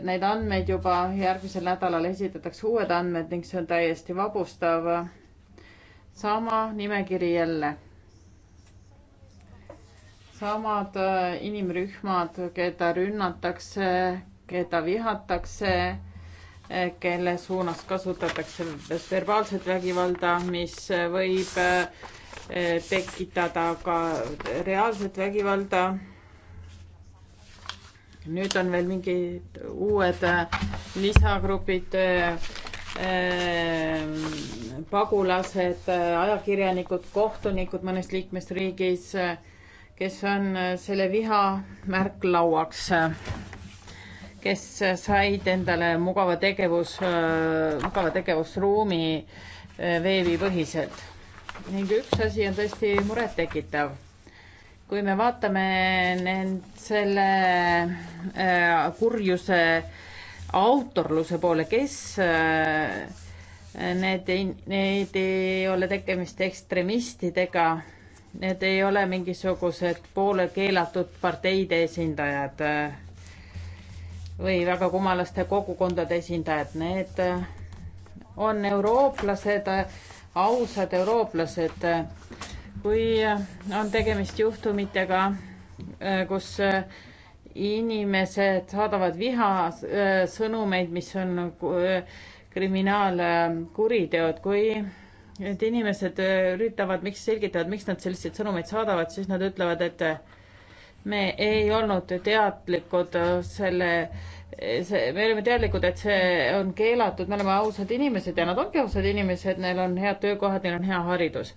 neid andmeid juba järgmisel nädalal esitatakse uued andmed ning see on täiesti vabustav. sama nimekiri jälle. samad inimrühmad, keda rünnatakse, keda vihatakse Eh, kelle suunas kasutatakse verbaalset vägivalda, mis võib eh, tekitada ka reaalset vägivalda. nüüd on veel mingid uued eh, lisagrupid, pagulased, ajakirjanikud, kohtunikud mõnes liikmesriigis, kes on selle viha märklauaks kes said endale mugava tegevus, äh, mugava tegevusruumi äh, veebipõhiselt. ning üks asi on tõesti murettekitav. kui me vaatame nend-, selle äh, kurjuse autorluse poole, kes need, need ei ole tegemist ekstremistidega, need ei ole mingisugused poole keelatud parteide esindajad või väga kummaliste kogukondade esindajad, need on eurooplased, ausad eurooplased. kui on tegemist juhtumitega, kus inimesed saadavad vihasõnumeid, äh, mis on äh, kriminaalkuriteod, kui need inimesed äh, üritavad, miks selgitavad, miks nad selliseid sõnumeid saadavad, siis nad ütlevad, et me ei olnud teadlikud äh, selle äh, see, me olime teadlikud, et see on keelatud, me oleme ausad inimesed ja nad ongi ausad inimesed, neil on head töökohad, neil on hea haridus.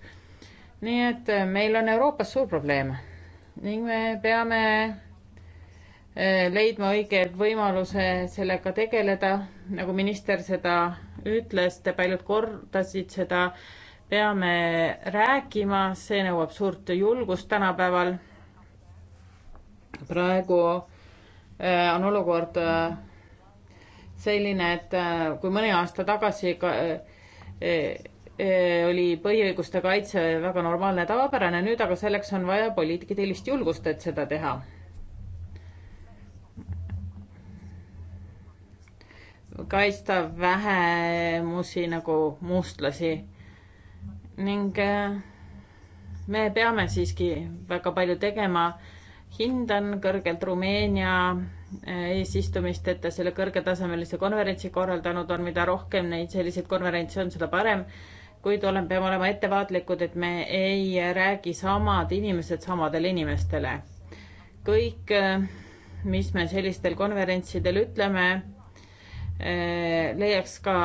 nii et äh, meil on Euroopas suur probleem ning me peame leidma õige võimaluse sellega tegeleda, nagu minister seda ütles, te paljud kordasid seda, peame rääkima, see nõuab suurt julgust tänapäeval praegu äh, on olukord äh, selline, et äh, kui mõne aasta tagasi ka, e, e, oli põhiõiguste kaitse väga normaalne, tavapärane, nüüd aga selleks on vaja poliitilist julgust, et seda teha. kaitsta vähemusi nagu mustlasi ning me peame siiski väga palju tegema hindan kõrgelt Rumeenia eh, eesistumist, et ta selle kõrgetasemelise konverentsi korraldanud on, mida rohkem neid selliseid konverentse on, seda parem. kuid olen, peame olema ettevaatlikud, et me ei räägi samad inimesed samadele inimestele. kõik, eh, mis me sellistel konverentsidel ütleme, eh, leiaks ka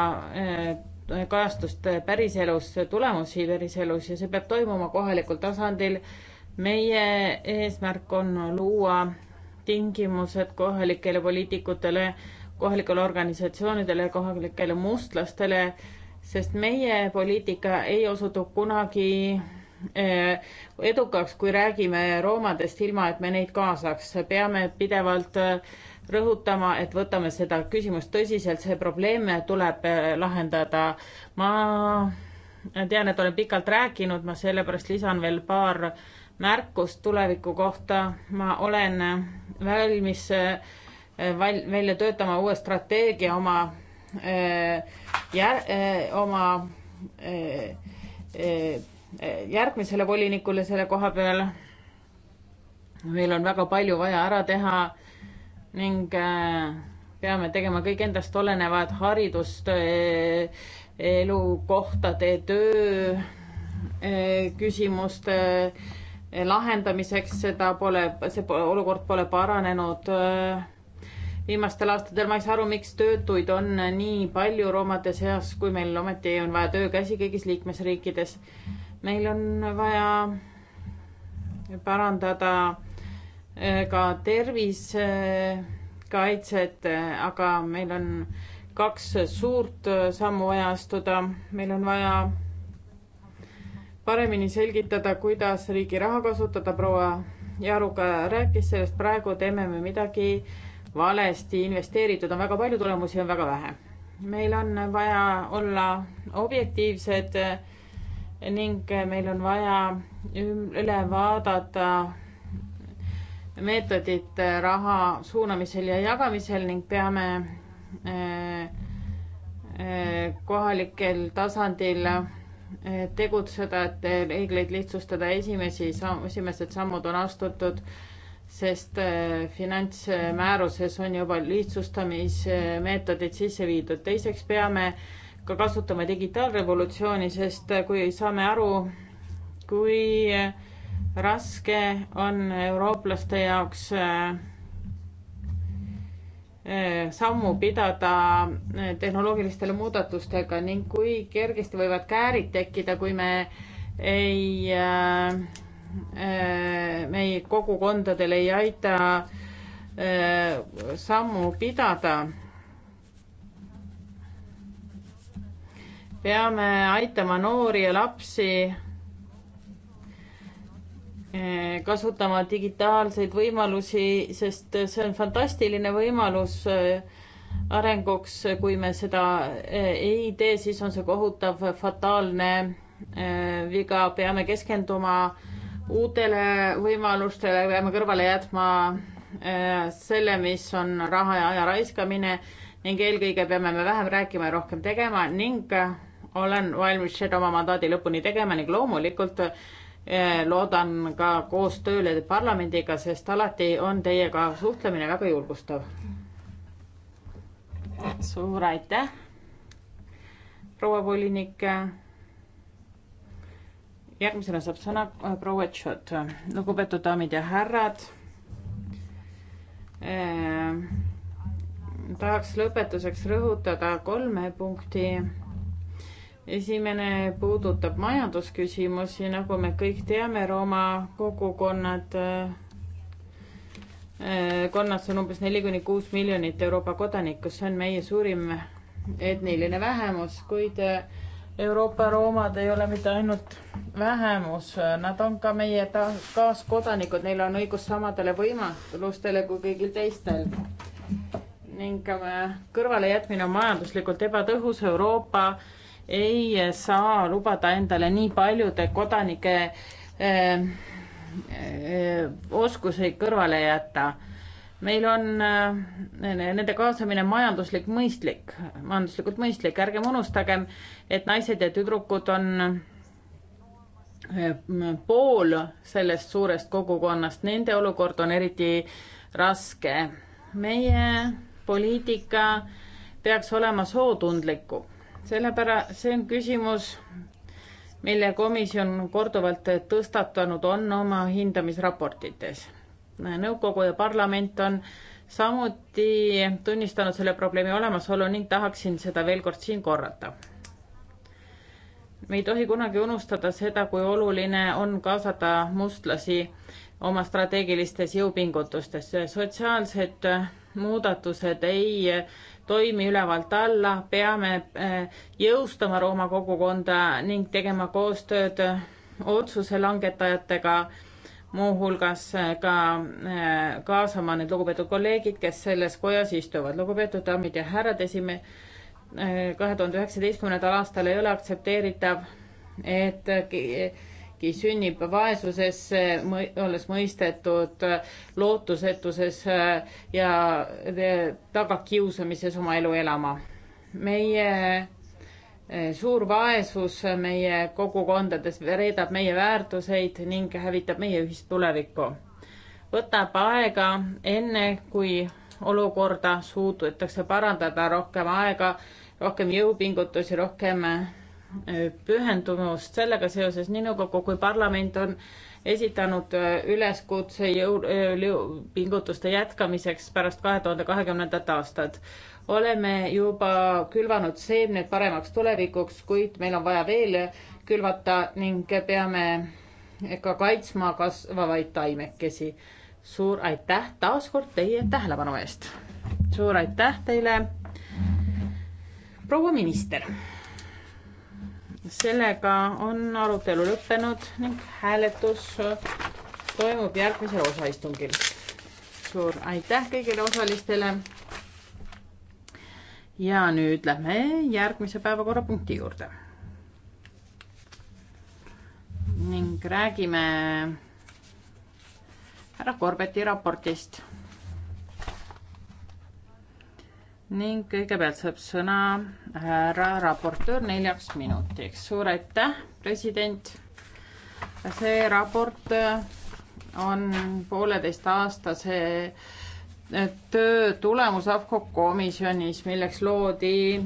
kajastust päriselus, tulemusi päriselus ja see peab toimuma kohalikul tasandil meie eesmärk on luua tingimused kohalikele poliitikutele, kohalikele organisatsioonidele, kohalikele mustlastele, sest meie poliitika ei osutu kunagi eh, edukaks, kui räägime roomadest, ilma et me neid kaasaks. peame pidevalt eh, rõhutama, et võtame seda küsimust tõsiselt, see probleem tuleb eh, lahendada. ma tean, et olen pikalt rääkinud, ma sellepärast lisan veel paar märkust tuleviku kohta. ma olen valmis äh, val, välja töötama uue strateegia oma äh, jär-, äh, oma järgmisele volinikule selle koha peal. meil on väga palju vaja ära teha ning peame tegema kõik endast olenevad haridust, elukohtade, töö küsimuste lahendamiseks, seda pole, see olukord pole paranenud. viimastel aastatel ma ei saa aru, miks töötuid on nii palju roomade seas, kui meil ometi on vaja töökäsi kõigis liikmesriikides. meil on vaja parandada eh, ka tervisekaitset, eh, aga meil on kaks suurt eh, sammu vaja astuda, meil on vaja paremini selgitada, kuidas riigi raha kasutada, proua Jaruka rääkis sellest, praegu teeme me midagi valesti, investeeritud on väga palju, tulemusi on väga vähe. meil on vaja olla objektiivsed ning meil on vaja üle vaadata meetodid raha suunamisel ja jagamisel ning peame eh, eh, kohalikel tasandil tegutseda, et reegleid lihtsustada. esimesi samm, esimesed sammud on astutud, sest äh, finantsmääruses on juba lihtsustamismeetodid sisse viidud. teiseks peame ka kasutama digitaalrevolutsiooni, sest kui saame aru, kui äh, raske on eurooplaste jaoks äh, Eh, sammu pidada eh, tehnoloogilistele muudatustega ning kui kergesti võivad käärid tekkida, kui me ei, eh, meie kogukondadel ei aita sammu pidada. peame aitama noori ja lapsi Eh, kasutama digitaalseid võimalusi, sest see on fantastiline võimalus eh, arenguks, kui me seda eh, ei tee, siis on see kohutav fataalne viga, peame keskenduma uutele võimalustele, peame kõrvale jätma selle, mis on raha ja aja raiskamine ning eelkõige peame me vähem rääkima ja rohkem tegema ning olen valmis seda oma mandaadi lõpuni tegema ning loomulikult Eh, loodan ka koostööle parlamendiga, sest alati on teiega suhtlemine väga julgustav. suur aitäh, proua volinik. järgmisena saab sõna eh, proua Tšot. lugupeetud daamid ja härrad eh,. tahaks lõpetuseks rõhutada kolme punkti esimene puudutab majandusküsimusi, nagu me kõik teame, Rooma kogukonnad, äh, konnas on umbes neli kuni kuus miljonit Euroopa kodanikku, see on meie suurim etniline vähemus, kuid äh, Euroopa roomad ei ole mitte ainult vähemus, nad on ka meie kaaskodanikud, neil on õigus samadele võimalustele kui kõigil teistel. ning äh, kõrvalejätmine on majanduslikult ebatõhus Euroopa ei saa lubada endale nii paljude kodanike eh, eh, oskuseid kõrvale jätta. meil on eh, nende kaasamine majanduslik mõistlik, majanduslikult mõistlik, ärgem unustagem, et naised ja tüdrukud on eh, pool sellest suurest kogukonnast, nende olukord on eriti raske. meie poliitika peaks olema sootundlikum sellepära-, see on küsimus, mille komisjon korduvalt tõstatanud on oma hindamisraportites. nõukogu ja parlament on samuti tunnistanud selle probleemi olemasolu ning tahaksin seda veel kord siin korrata. me ei tohi kunagi unustada seda, kui oluline on kaasata mustlasi oma strateegilistes jõupingutustes. sotsiaalsed muudatused ei toimi ülevalt alla, peame eh, jõustama Rooma kogukonda ning tegema koostööd otsuse langetajatega, muuhulgas eh, ka eh, kaasama need lugupeetud kolleegid, kes selles kojas istuvad. lugupeetud daamid ja härrad, esime- kahe tuhande üheksateistkümnendal aastal ei ole aktsepteeritav, et äkki sünnib vaesusesse, olles mõistetud lootusetuses äh, ja äh, tagakiusamises oma elu elama. meie äh, suur vaesus meie kogukondades reedab meie väärtuseid ning hävitab meie ühist tulevikku. võtab aega, enne kui olukorda suudetakse parandada, rohkem aega, rohkem jõupingutusi, rohkem Äh, pühendumust sellega seoses, nii nõukogu kui parlament on esitanud äh, üleskutse jõu, äh, pingutuste jätkamiseks pärast kahe tuhande kahekümnendat aastat. oleme juba külvanud seemned paremaks tulevikuks, kuid meil on vaja veel külvata ning peame ka kaitsma kasvavaid taimekesi. suur aitäh taas kord teie tähelepanu eest. suur aitäh teile, proua minister sellega on arutelu lõppenud ning hääletus toimub järgmisel osaistungil. suur aitäh kõigile osalistele. ja nüüd lähme järgmise päevakorrapunkti juurde. ning räägime härra Korbeti raportist ning kõigepealt saab sõna härra raportöör neljaks minutiks. suur aitäh, president. see raport äh, on pooleteistaastase äh, töö tulemus AFCO komisjonis, milleks loodi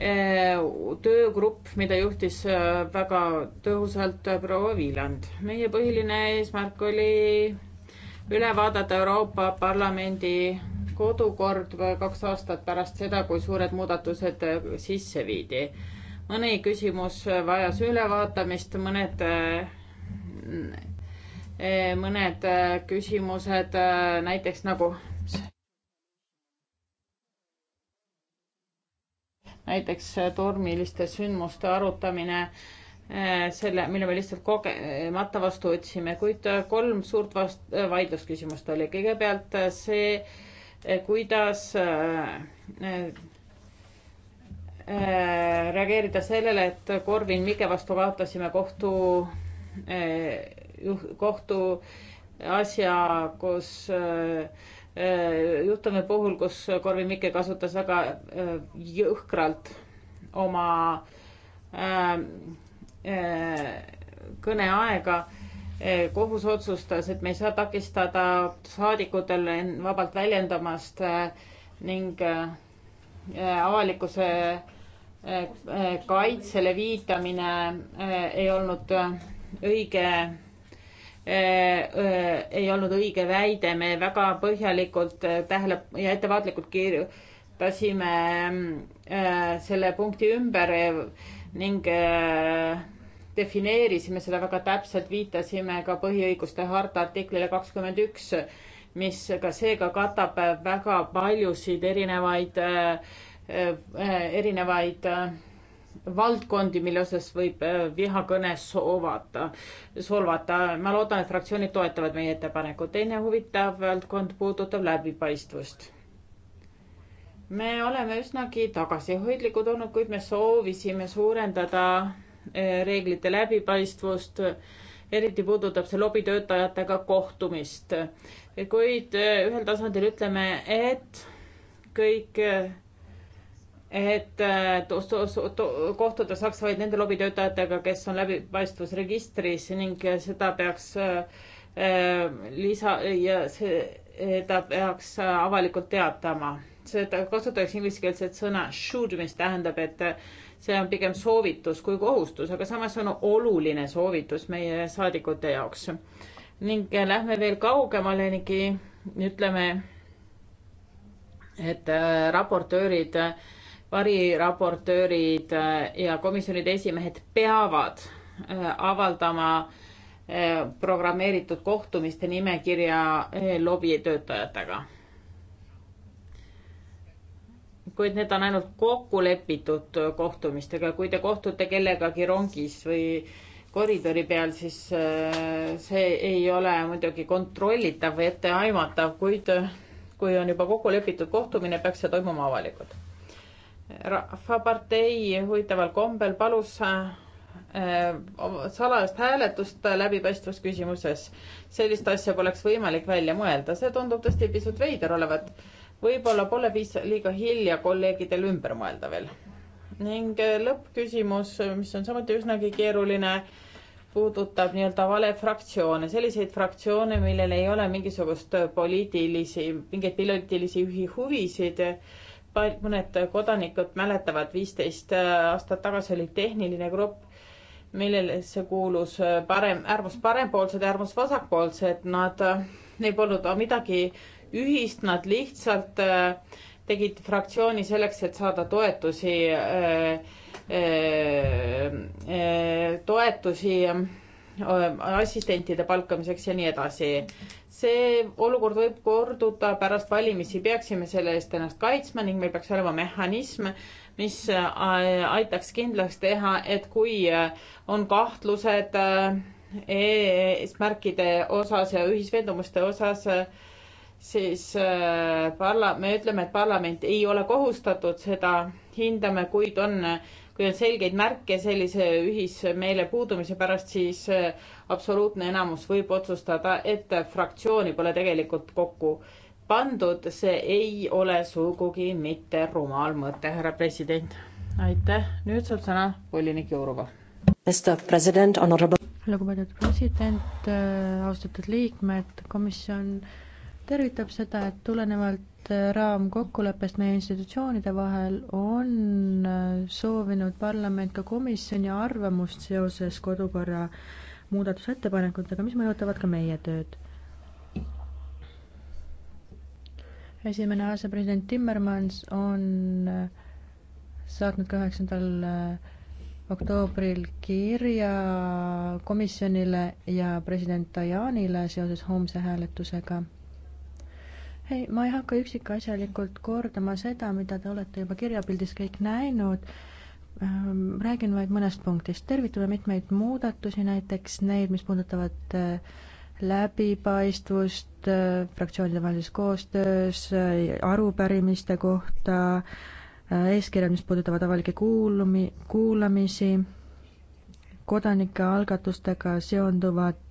äh, töögrupp, mida juhtis väga tõhusalt proua Viiland. meie põhiline eesmärk oli üle vaadata Euroopa Parlamendi kodukord kaks aastat pärast seda, kui suured muudatused sisse viidi. mõni küsimus vajas ülevaatamist, mõned, mõned küsimused näiteks nagu näiteks tormiliste sündmuste arutamine selle, mille me lihtsalt kogemata vastu võtsime, kuid kolm suurt vast-, vaidlusküsimust oli. kõigepealt see, Eh, kuidas eh, eh, reageerida sellele, et Korvin Mikke vastu kaotasime kohtu, kohtuasja, kus juhtumi puhul, kus Korvin Mikke kasutas väga jõhkralt oma kõneaega kohus otsustas, et me ei saa takistada saadikutel vabalt väljendamast äh, ning äh, äh, avalikkuse kaitsele viitamine ei olnud õige, ei olnud õige väide, me väga põhjalikult tähele ja ettevaatlikult kirjutasime selle punkti ümber ning defineerisime seda väga täpselt, viitasime ka põhiõiguste harta artiklile kakskümmend üks, mis ka seega katab väga paljusid erinevaid, äh, äh, erinevaid äh, valdkondi, mille osas võib vihakõne soovata, solvata. ma loodan, et fraktsioonid toetavad meie ettepanekut. teine huvitav valdkond puudutab läbipaistvust. me oleme üsnagi tagasihoidlikud olnud, kuid me soovisime suurendada reeglite läbipaistvust, eriti puudutab see lobitöötajatega kohtumist. kuid eh, ühel tasandil ütleme, et kõik, eh, et eh, to, to, to, kohtuda saaks vaid nende lobitöötajatega, kes on läbipaistvusregistris ning seda peaks äh, lisa ja see, ta peaks avalikult teatama. seda kasutatakse ingliskeelset sõna should, mis tähendab, et see on pigem soovitus kui kohustus, aga samas on oluline soovitus meie saadikute jaoks. ning lähme veel kaugemalegi, ütleme, et äh, raportöörid, variraportöörid äh, ja komisjonide esimehed peavad äh, avaldama programmeeritud kohtumiste nimekirja lobitöötajatega kuid need on ainult kokku lepitud kohtumistega, kui te kohtute kellegagi rongis või koridori peal, siis äh, see ei ole muidugi kontrollitav või etteaimatav, kuid äh, kui on juba kokku lepitud kohtumine, peaks see toimuma avalikult. rahvapartei huvitaval kombel palus äh, salajast hääletust läbipaistvusküsimuses. sellist asja poleks võimalik välja mõelda, see tundub tõesti pisut veider olevat võib-olla pole piis-, liiga hilja kolleegidel ümber mõelda veel. ning eh, lõppküsimus, mis on samuti üsnagi keeruline, puudutab nii-öelda valefraktsioone, selliseid fraktsioone, millel ei ole mingisugust poliitilisi, mingeid poliitilisi huvisid. mõned kodanikud mäletavad, viisteist eh, aastat tagasi oli tehniline grupp, millesse kuulus eh, parem, äärmus parempoolsed, äärmus vasakpoolsed, nad ei polnud midagi äh, ühist, nad lihtsalt äh, tegid fraktsiooni selleks, et saada toetusi, äh, äh, toetusi assistentide palkamiseks ja nii edasi. see olukord võib korduda pärast valimisi, peaksime selle eest ennast kaitsma ning meil peaks olema mehhanism, mis aitaks kindlaks teha, et kui on kahtlused e-, eesmärkide osas ja ühisveendumuste osas, siis äh, parla-, me ütleme, et parlament ei ole kohustatud seda hindame, kuid on, kui on selgeid märke sellise ühismeele puudumise pärast, siis äh, absoluutne enamus võib otsustada, et fraktsiooni pole tegelikult kokku pandud, see ei ole sugugi mitte rumal mõte, härra president. aitäh, nüüd saab sõna volinik Jourova. lugupeetud president, äh, austatud liikmed, komisjon tervitab seda, et tulenevalt äh, raamkokkuleppest meie institutsioonide vahel on äh, soovinud parlament ka komisjoni arvamust seoses kodukorra muudatusettepanekutega, mis mõjutavad ka meie tööd. esimene asepresident Timmermans on äh, saatnud ka üheksandal oktoobril kirja komisjonile ja president Tajanile seoses homse hääletusega ei, ma ei hakka üksikasjalikult kordama seda, mida te olete juba kirjapildis kõik näinud, ähm, räägin vaid mõnest punktist. tervitame mitmeid muudatusi, näiteks neid, mis puudutavad äh, läbipaistvust äh, fraktsioonidevahelises koostöös, äh, arupärimiste kohta, eeskirjad, mis puudutavad avalikke kuulumi-, kuulamisi, kodanike algatustega seonduvad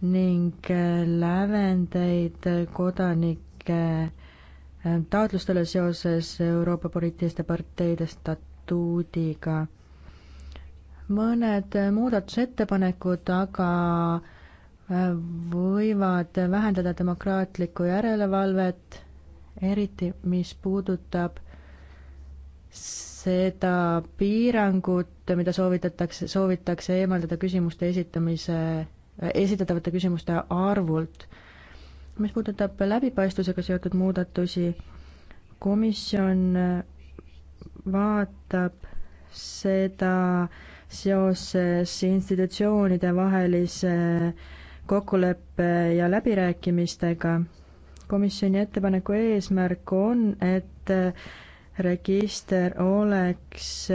ning äh, lävendeid kodanike äh, taotlustele seoses Euroopa poliitiliste parteide statuudiga. mõned äh, muudatusettepanekud aga võivad vähendada demokraatlikku järelevalvet, eriti mis puudutab seda piirangut, mida soovitatakse, soovitakse eemaldada küsimuste esitamise esitatavate küsimuste arvult. mis puudutab läbipaistvusega seotud muudatusi, komisjon vaatab seda seoses institutsioonide vahelise kokkuleppe ja läbirääkimistega. komisjoni ettepaneku eesmärk on, et register oleks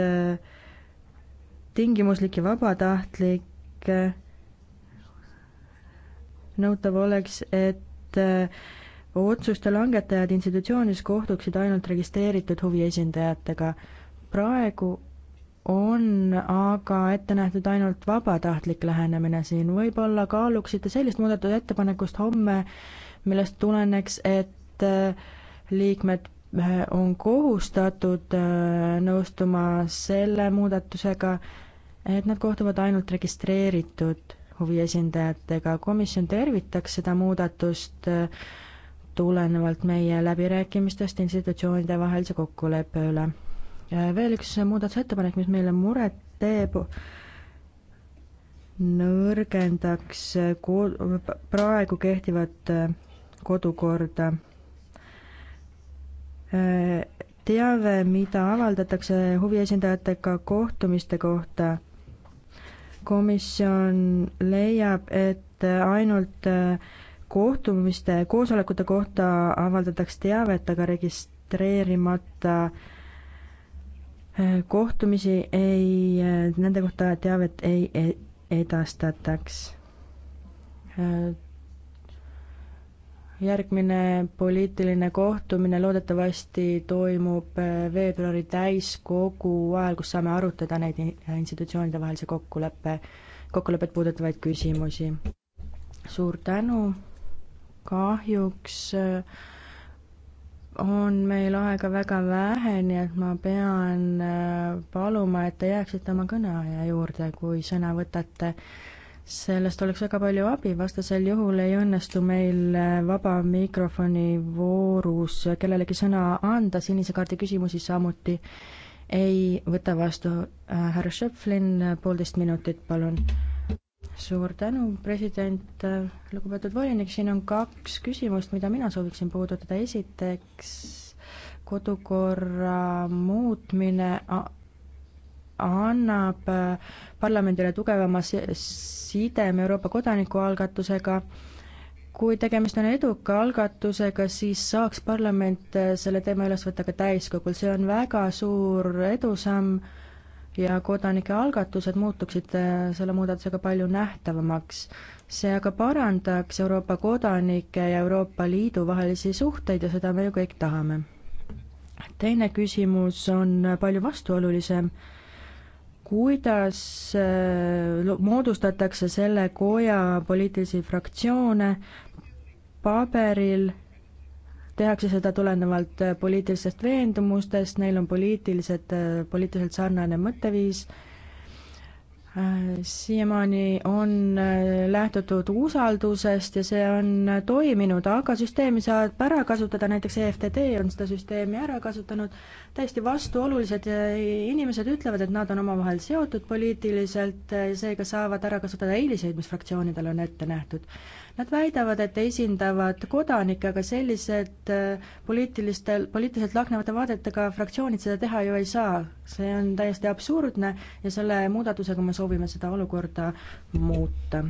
tingimuslik ja vabatahtlik nõutav oleks, et äh, otsuste langetajad institutsioonis kohtuksid ainult registreeritud huviesindajatega. praegu on aga ette nähtud ainult vabatahtlik lähenemine siin, võib-olla kaaluksite sellist muudatusettepanekust homme, millest tuleneks, et äh, liikmed äh, on kohustatud nõustuma selle muudatusega, et nad kohtuvad ainult registreeritud huviesindajatega. komisjon tervitaks seda muudatust äh, tulenevalt meie läbirääkimistest institutsioonide vahelise kokkuleppe üle. Äh, veel üks muudatusettepanek, mis meile muret teeb, nõrgendaks äh, ko-, praegu kehtivat kodukorda. teave, mida avaldatakse huviesindajatega kohtumiste kohta komisjon leiab, et ainult äh, kohtumiste, koosolekute kohta avaldatakse teavet, aga registreerimata äh, kohtumisi ei, äh, nende kohta teavet ei e-, edastataks järgmine poliitiline kohtumine loodetavasti toimub äh, veebruari täiskogu ajal, kus saame arutada neid institutsioonide vahelise kokkuleppe, kokkulepet puudutavaid küsimusi. suur tänu, kahjuks äh, on meil aega väga vähe, nii et ma pean äh, paluma, et te jääksite oma kõneaja juurde, kui sõna võtate sellest oleks väga palju abi, vastasel juhul ei õnnestu meil äh, vaba mikrofoni voorus kellelegi sõna anda, sinise kaardi küsimusi samuti ei võta vastu. Äh, härra Šeflin, poolteist minutit, palun. suur tänu, president, äh, lugupeetud volinik, siin on kaks küsimust, mida mina sooviksin puudutada, esiteks kodukorra muutmine annab äh, parlamendile tugevama sideme Euroopa kodanikualgatusega. kui tegemist on eduka algatusega, siis saaks parlament äh, selle teema üles võtta ka täiskogul, see on väga suur edusamm ja kodanike algatused muutuksid äh, selle muudatusega palju nähtavamaks. see aga parandaks Euroopa kodanike ja Euroopa Liidu vahelisi suhteid ja seda me ju kõik tahame. teine küsimus on palju vastuolulisem kuidas äh, moodustatakse selle koja poliitilisi fraktsioone, paberil tehakse seda tulenevalt äh, poliitilistest veendumustest, neil on poliitilised, äh, poliitiliselt sarnane mõtteviis siiamaani on äh, lähtutud usaldusest ja see on toiminud, aga süsteemi saab ära kasutada, näiteks EFTD on seda süsteemi ära kasutanud, täiesti vastuolulised äh, inimesed ütlevad, et nad on omavahel seotud poliitiliselt, äh, seega saavad ära kasutada eeliseid, mis fraktsioonidele on ette nähtud. Nad väidavad, et esindavad kodanikke, aga sellised äh, poliitilistel, poliitiliselt lahknevate vaadetega fraktsioonid seda teha ju ei saa. see on täiesti absurdne ja selle muudatusega me soovime seda olukorda muuta.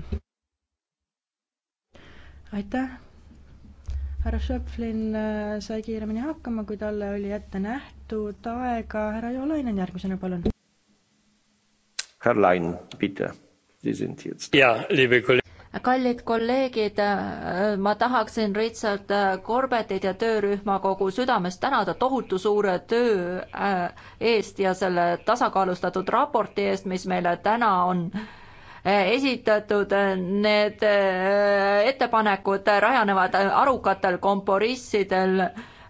aitäh! härra Schöpflin äh, sai kiiremini hakkama, kui talle oli ette nähtud aega, härra Jolainen järgmisena, palun. Herr Lein, bitte, Sie sind jetzt. jaa, liebe kolleegid kallid kolleegid, ma tahaksin Richard Corbettit ja töörühma kogu südamest tänada tohutu suure töö äh, eest ja selle tasakaalustatud raporti eest, mis meile täna on äh, esitatud. Need äh, ettepanekud rajanevad arukatel kompromissidel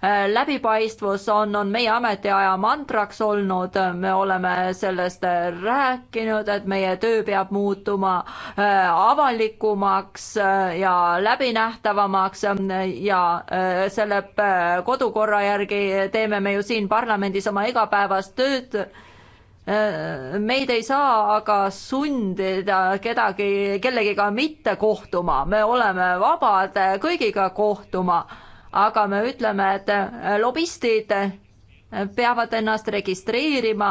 Äh, läbipaistvus on, on meie ametiaja mantraks olnud, me oleme sellest äh, rääkinud, et meie töö peab muutuma äh, avalikumaks ja läbinähtavamaks ja selle kodukorra järgi teeme me ju siin parlamendis oma igapäevast tööd meid ei saa aga sundida kedagi, kellegiga mitte kohtuma, me oleme vabad kõigiga kohtuma aga me ütleme, et äh, lobistid äh, peavad ennast registreerima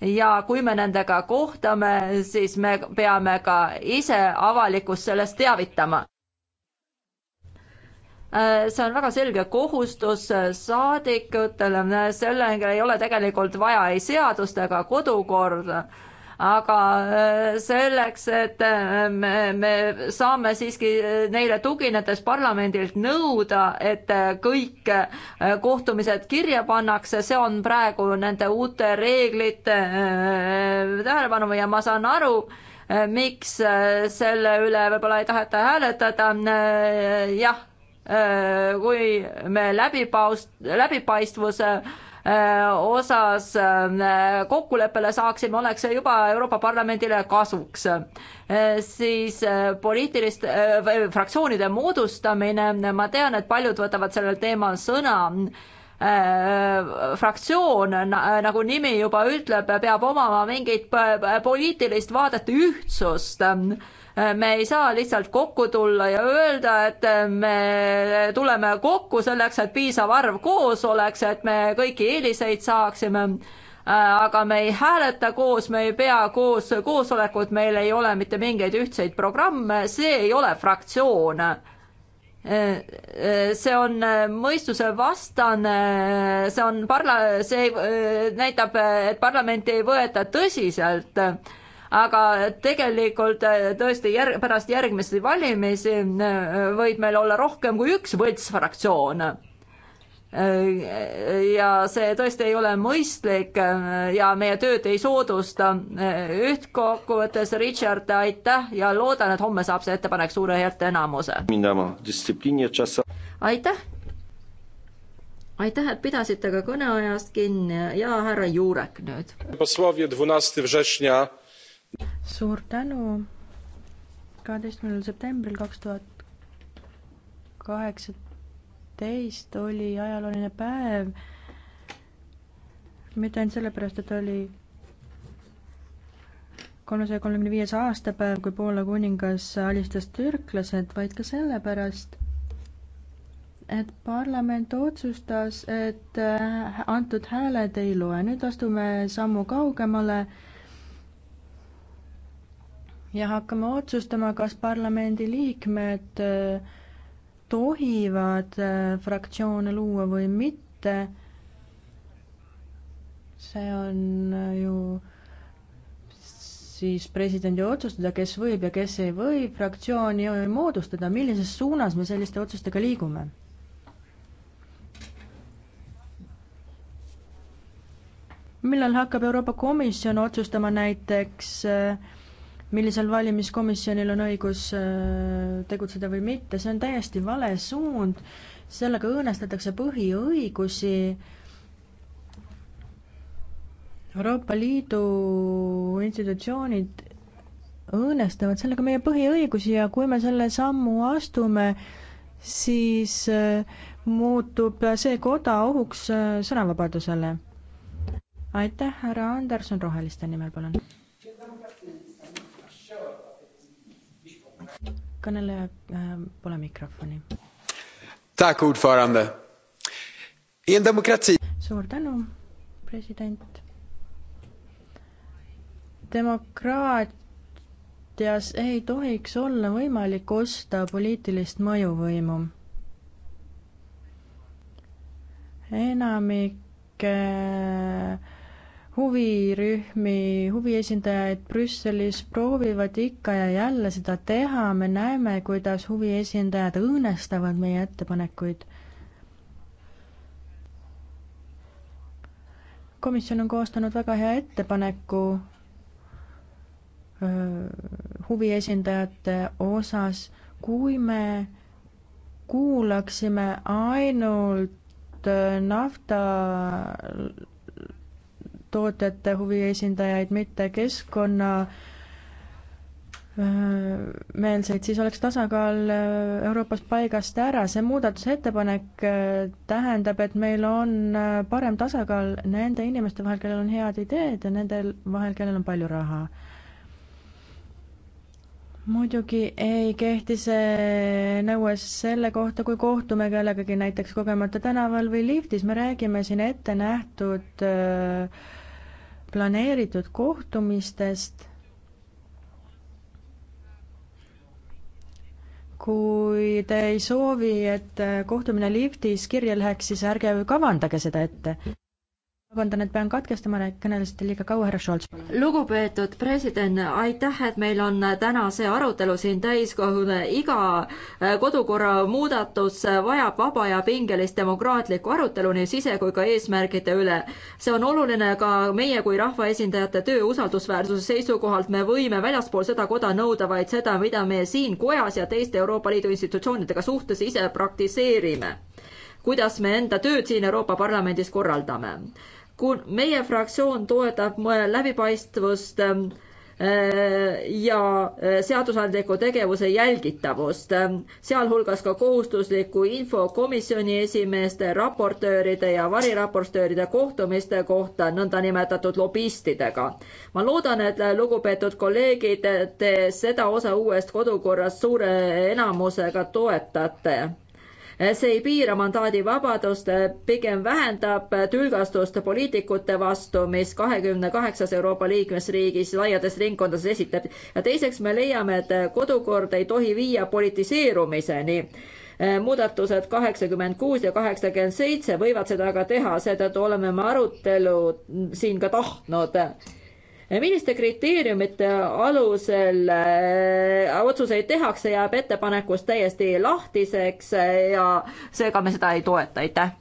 ja kui me nendega kohtame, siis me peame ka ise avalikkust sellest teavitama äh, see on väga selge kohustus saadikutele, sellega ei ole tegelikult vaja ei seadust ega kodukorda aga äh, selleks, et äh, me, me saame siiski äh, neile tuginedes parlamendilt nõuda, et kõik kohtumised kirja pannakse, see on praegu nende uute reeglite tähelepanu ja ma saan aru, miks selle üle võib-olla ei taheta hääletada, jah, kui me läbipaust-, läbipaistvuse Äh, osas äh, kokkuleppele saaksime, oleks see juba Euroopa Parlamendile kasuks. Äh, siis poliitilist, fraktsioonide moodustamine, ma tean, et paljud võtavad sellel teemal sõna fraktsioon, nagu nimi juba ütleb, peab omama mingit poliitilist vaadete ühtsust me ei saa lihtsalt kokku tulla ja öelda, et me tuleme kokku selleks, et piisav arv koos oleks, et me kõiki eeliseid saaksime aga me ei hääleta koos, me ei pea koos koosolekut, meil ei ole mitte mingeid ühtseid programme, see ei ole fraktsioon. see on mõistusevastane, see on parla-, see näitab, et parlamenti ei võeta tõsiselt aga tegelikult äh, tõesti järg, pärast järgmisi valimisi äh, võib meil olla rohkem kui üks võltsfraktsioon äh, ja see tõesti ei ole mõistlik ja meie tööd ei soodusta. ühtkokkuvõttes, Richard, aitäh ja loodan, et homme saab see ettepanek suure häälteenamuse. aitäh. aitäh, et pidasite ka kõneajast kinni ja härra Juurek nüüd suur tänu. kaheteistkümnendal septembril kaks tuhat kaheksateist oli ajalooline päev. mitte ainult sellepärast, et oli kolmesaja kolmekümne viies aastapäev, kui Poola kuningas alistas türklased, vaid ka sellepärast, et parlament otsustas, et äh, antud hääled ei loe. nüüd astume sammu kaugemale ja hakkame otsustama, kas parlamendi liikmed äh, tohivad äh, fraktsioone luua või mitte. see on äh, ju siis presidendi otsustada, kes võib ja kes ei või fraktsiooni moodustada, millises suunas me selliste otsustega liigume? millal hakkab Euroopa Komisjon otsustama näiteks äh, millisel valimiskomisjonil on õigus äh, tegutseda või mitte, see on täiesti vale suund, sellega õõnestatakse põhiõigusi, Euroopa Liidu institutsioonid õõnestavad sellega meie põhiõigusi ja kui me selle sammu astume, siis äh, muutub see koda ohuks äh, sõnavabadusele. aitäh, härra Anderson Roheliste nimel, palun! kõneleja äh, pole mikrofoni. suur tänu, president. demokraatias ei tohiks olla võimalik osta poliitilist mõjuvõimu. enamik äh, huvirühmi, huviesindajaid Brüsselis proovivad ikka ja jälle seda teha, me näeme, kuidas huviesindajad õõnestavad meie ettepanekuid. komisjon on koostanud väga hea ettepaneku huviesindajate osas, kui me kuulaksime ainult nafta tootjate huvi esindajaid, mitte keskkonna äh, meelseid, siis oleks tasakaal äh, Euroopas paigast ära. see muudatusettepanek äh, tähendab, et meil on parem tasakaal nende inimeste vahel, kellel on head ideed ja nendel vahel, kellel on palju raha. muidugi ei kehti see nõue selle kohta, kui kohtume kellegagi näiteks kogemata tänaval või liftis, me räägime siin ettenähtud äh, planeeritud kohtumistest, kui te ei soovi, et kohtumine liftis kirja läheks, siis ärge kavandage seda ette vabandan, et pean katkestama, kõnelesite liiga kaua, härra Scholz, palun. lugupeetud president, aitäh, et meil on täna see arutelu siin täiskogul. iga äh, kodukorra muudatus vajab vaba ja pingelist demokraatlikku arutelu nii sise kui ka eesmärgide üle. see on oluline ka meie kui rahvaesindajate töö usaldusväärsuse seisukohalt. me võime väljaspool seda koda nõuda vaid seda, mida me siin kojas ja teiste Euroopa Liidu institutsioonidega suhtes ise praktiseerime kuidas me enda tööd siin Euroopa Parlamendis korraldame kun-, meie fraktsioon toetab läbipaistvust ähm, äh, ja äh, seadusandliku tegevuse jälgitavust, ähm, sealhulgas ka kohustusliku info komisjoni esimeeste, raportööride ja variraportööride kohtumiste kohta nõndanimetatud lobistidega. ma loodan, et äh, lugupeetud kolleegid, te seda osa uuest kodukorrast suure enamusega toetate Eh, see ei piira mandaadi vabadust, eh, pigem vähendab eh, tülgastust poliitikute vastu, mis kahekümne kaheksas Euroopa liikmesriigis laiades ringkondades esitab. ja teiseks me leiame, et kodukord ei tohi viia politiseerumiseni muudatused kaheksakümmend kuus ja kaheksakümmend seitse võivad seda ka teha, seetõttu oleme me arutelu siin ka tahtnud milliste kriteeriumite alusel äh, otsuseid tehakse, jääb ettepanekust täiesti lahtiseks äh, ja seega me seda ei toeta, aitäh.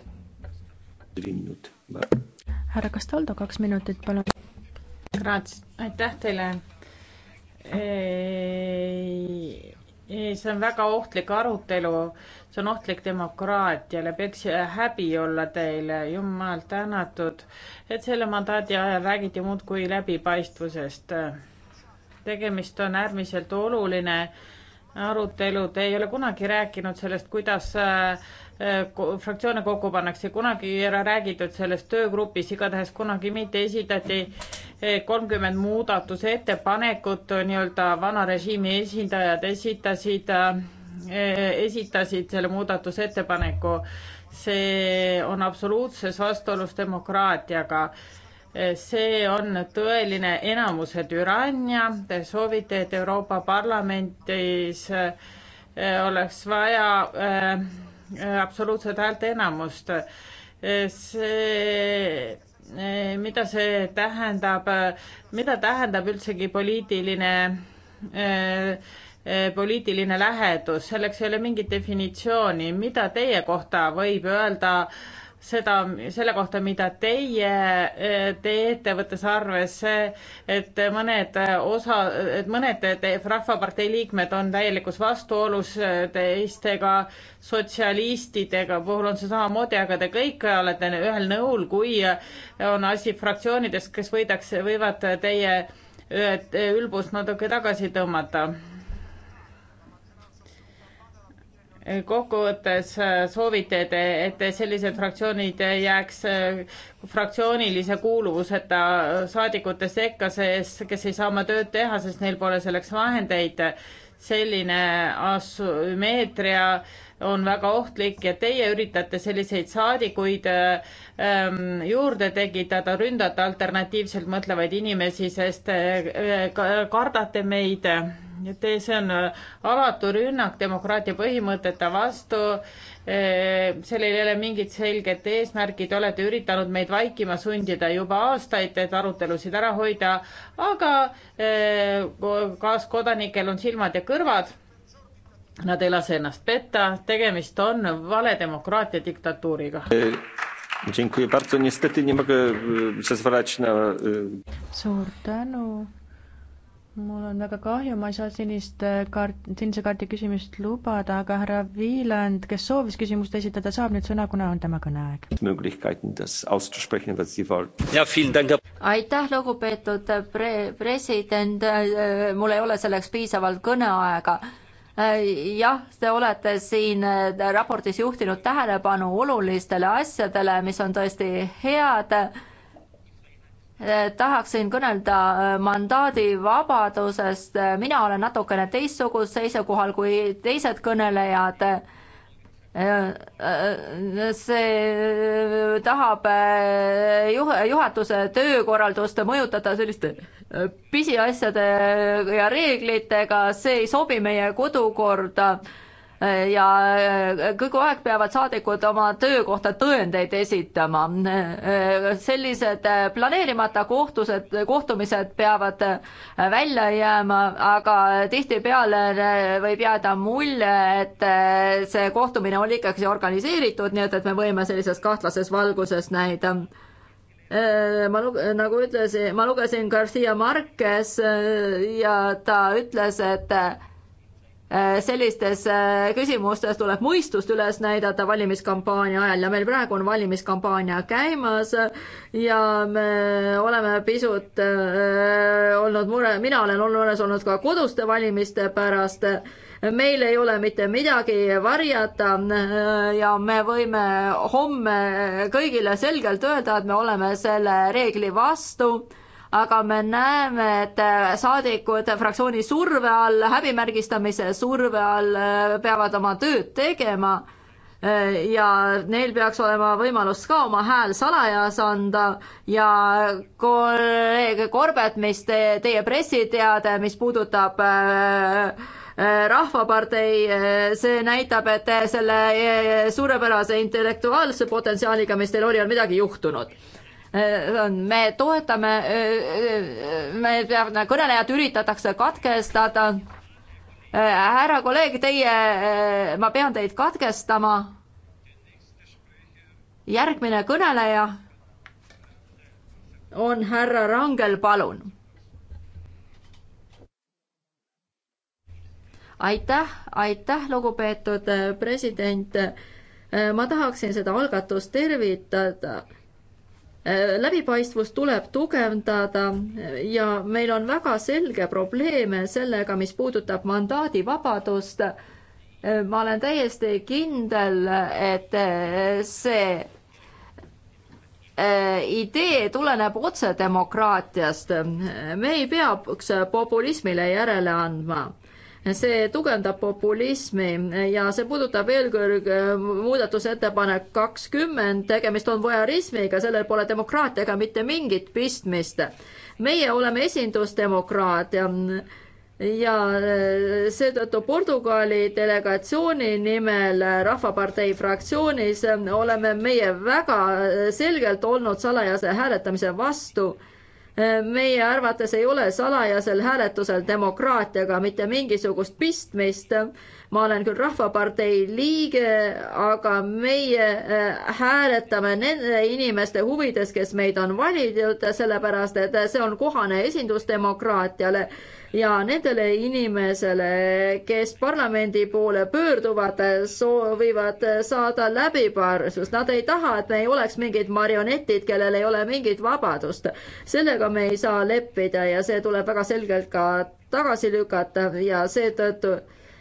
härra Castaldo, kaks minutit, palun. aitäh teile ei see on väga ohtlik arutelu, see on ohtlik demokraatiale, peaks häbi olla teile, jumal tänatud, et selle mandaadi ajal räägiti muudkui läbipaistvusest. tegemist on äärmiselt oluline arutelu, te ei ole kunagi rääkinud sellest, kuidas äh, Äh, fraktsioone kokku pannakse, kunagi ei ole räägitud sellest töögrupis, igatahes kunagi mitte esitati äh, kolmkümmend muudatusettepanekut, nii-öelda vana režiimi esindajad esitasid, äh, esitasid selle muudatusettepaneku. see on absoluutses vastuolus demokraatiaga see on tõeline enamuse türannia, te soovite, et Euroopa Parlamendis oleks vaja Äh, absoluutset häälteenamust. Äh, see, äh, mida see tähendab, mida tähendab üldsegi poliitiline poliitiline lähedus, selleks ei ole mingit definitsiooni, mida teie kohta võib öelda äh, seda, selle kohta, mida teie eh, teete, võttes arvesse, et mõned eh, osa, et mõned Rahvapartei liikmed on täielikus vastuolus eh, teistega, sotsialistidega puhul on see samamoodi, aga te kõik olete ühel nõul, kui on asi fraktsioonides, kes võidakse, võivad teie ülbust natuke tagasi tõmmata kokkuvõttes äh, soovite te, et sellised fraktsioonid jääks äh, fraktsioonilise kuuluvuseta saadikute sekka, sest kes ei saa oma tööd teha, sest neil pole selleks vahendeid. selline asümmeetria on väga ohtlik ja teie üritate selliseid saadikuid ähm, juurde tekitada, ründate alternatiivselt mõtlevaid inimesi, sest äh, kardate meid äh, et see on äh, alatu rünnak demokraatia põhimõtete vastu. Äh, sellel ei ole mingit selget eesmärki, te olete üritanud meid vaikima sundida juba aastaid, et arutelusid ära hoida, aga äh, kaaskodanikel on silmad ja kõrvad. Nad ei lase ennast petta, tegemist on vale demokraatia diktatuuriga. E, e, suur tänu mul on väga kahju, ma ei saa sinist äh, kaart, sinise kaardi küsimust lubada, aga härra Viiland, kes soovis küsimust esitada, saab nüüd sõna, kuna on tema kõneaeg. aitäh, lugupeetud äh, pre-, president, äh, mul ei ole selleks piisavalt kõneaega jah, te olete siin raportis juhtinud tähelepanu olulistele asjadele, mis on tõesti head tahaksin kõnelda äh, mandaadi vabadusest, mina olen natukene teistsugusel seisukohal kui teised kõnelejad. Äh, äh, see tahab juhatuse töökorraldust mõjutada selliste pisiasjade ja reeglitega, see ei sobi meie kodukorda ja äh, kogu aeg peavad saadikud oma töökohta tõendeid esitama. sellised äh, planeerimata kohtused, kohtumised peavad äh, välja jääma, aga tihtipeale võib jääda mulje, et see kohtumine oli ikkagi organiseeritud, nii et, et me võime sellises kahtlases valguses näida ma lug-, nagu ütlesin, ma lugesin Garcia Marquez ja ta ütles, et Äh, sellistes äh, küsimustes tuleb mõistust üles näidata valimiskampaania ajal ja meil praegu on valimiskampaania käimas ja me oleme pisut äh, olnud mure, mina olen mures olnud ka koduste valimiste pärast. meil ei ole mitte midagi varjata ja me võime homme kõigile selgelt öelda, et me oleme selle reegli vastu aga me näeme, et äh, saadikud fraktsiooni surve all, häbimärgistamise surve all äh, peavad oma tööd tegema äh, ja neil peaks olema võimalus ka oma hääl salajas anda ja kolleeg Korbet, mis te, teie pressiteade, mis puudutab rahvapartei, see näitab, et selle suurepärase intellektuaalse potentsiaaliga, mis teil oli, on midagi juhtunud Äh, me toetame, äh, äh, me peame, nagu kõnelejad üritatakse katkestada. härra kolleeg, teie, ma pean teid katkestama. järgmine kõneleja on härra Rangel, palun. aitäh, aitäh, lugupeetud president. ma tahaksin seda algatust tervitada Äh, läbipaistvust tuleb tugevdada äh, ja meil on väga selge probleeme sellega, mis puudutab mandaadivabadust. Äh, ma olen täiesti kindel, et see idee tuleneb otsedemokraatiast. me ei peaks populismile järele andma see tugevdab populismi ja see puudutab eelkõige äh, muudatusettepanek kakskümmend, tegemist on vojarismiga, sellel pole demokraatiaga mitte mingit pistmist. meie oleme esindusdemokraatia ja äh, seetõttu Portugali delegatsiooni nimel Rahvapartei fraktsioonis oleme meie väga selgelt olnud salajase hääletamise vastu meie arvates ei ole salajasel hääletusel demokraatiaga mitte mingisugust pistmist. ma olen küll Rahvapartei liige, aga meie äh, hääletame nende inimeste huvides, kes meid on valinud, sellepärast et see on kohane esindusdemokraatiale ja nendele inimesele, kes parlamendi poole pöörduvad, soovivad saada läbipaistvust, nad ei taha, et me ei oleks mingid marionetid, kellel ei ole mingit vabadust. sellega me ei saa leppida ja see tuleb väga selgelt ka tagasi lükata ja seetõttu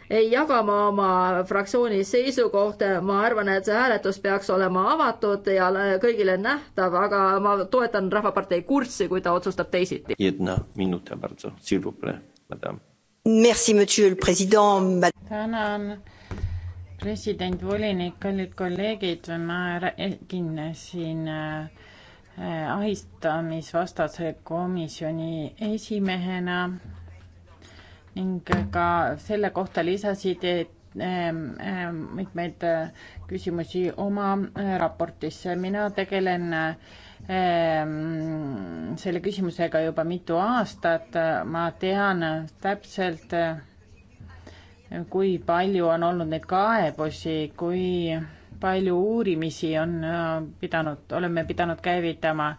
jagama oma fraktsiooni seisukohta, ma arvan, et see hääletus peaks olema avatud ja kõigile nähtav, aga ma toetan Rahvapartei kurssi, kui ta otsustab teisiti. tänan, president, volinik, kallid kolleegid, ma räägin siin äh, ahistamisvastase komisjoni esimehena ning ka selle kohta lisasid ähm, ähm, mitmeid äh, küsimusi oma äh, raportisse. mina tegelen ähm, selle küsimusega juba mitu aastat, ma tean täpselt, äh, kui palju on olnud neid kaebusi, kui palju uurimisi on pidanud, oleme pidanud käivitama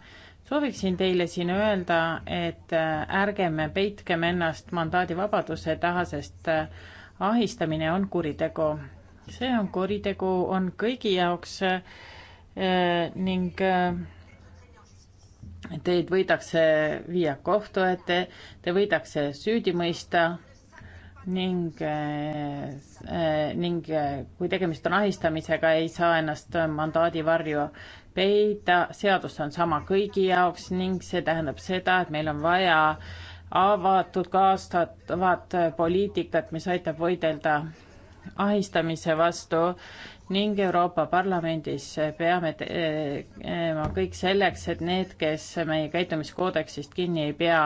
sooviksin teile siin öelda, et äh, ärgem peitkem ennast mandaadivabaduse taha, sest äh, ahistamine on kuritegu. see on kuritegu, on kõigi jaoks äh, ning teid võidakse viia kohtu ette, te võidakse süüdi mõista ning, ning kui tegemist on ahistamisega, ei saa ennast mandaadi varju peita, seadus on sama kõigi jaoks ning see tähendab seda, et meil on vaja avatud kaastavat poliitikat, mis aitab võidelda ahistamise vastu ning Euroopa Parlamendis peame tegema kõik selleks, et need, kes meie käitumiskoodeksist kinni ei pea,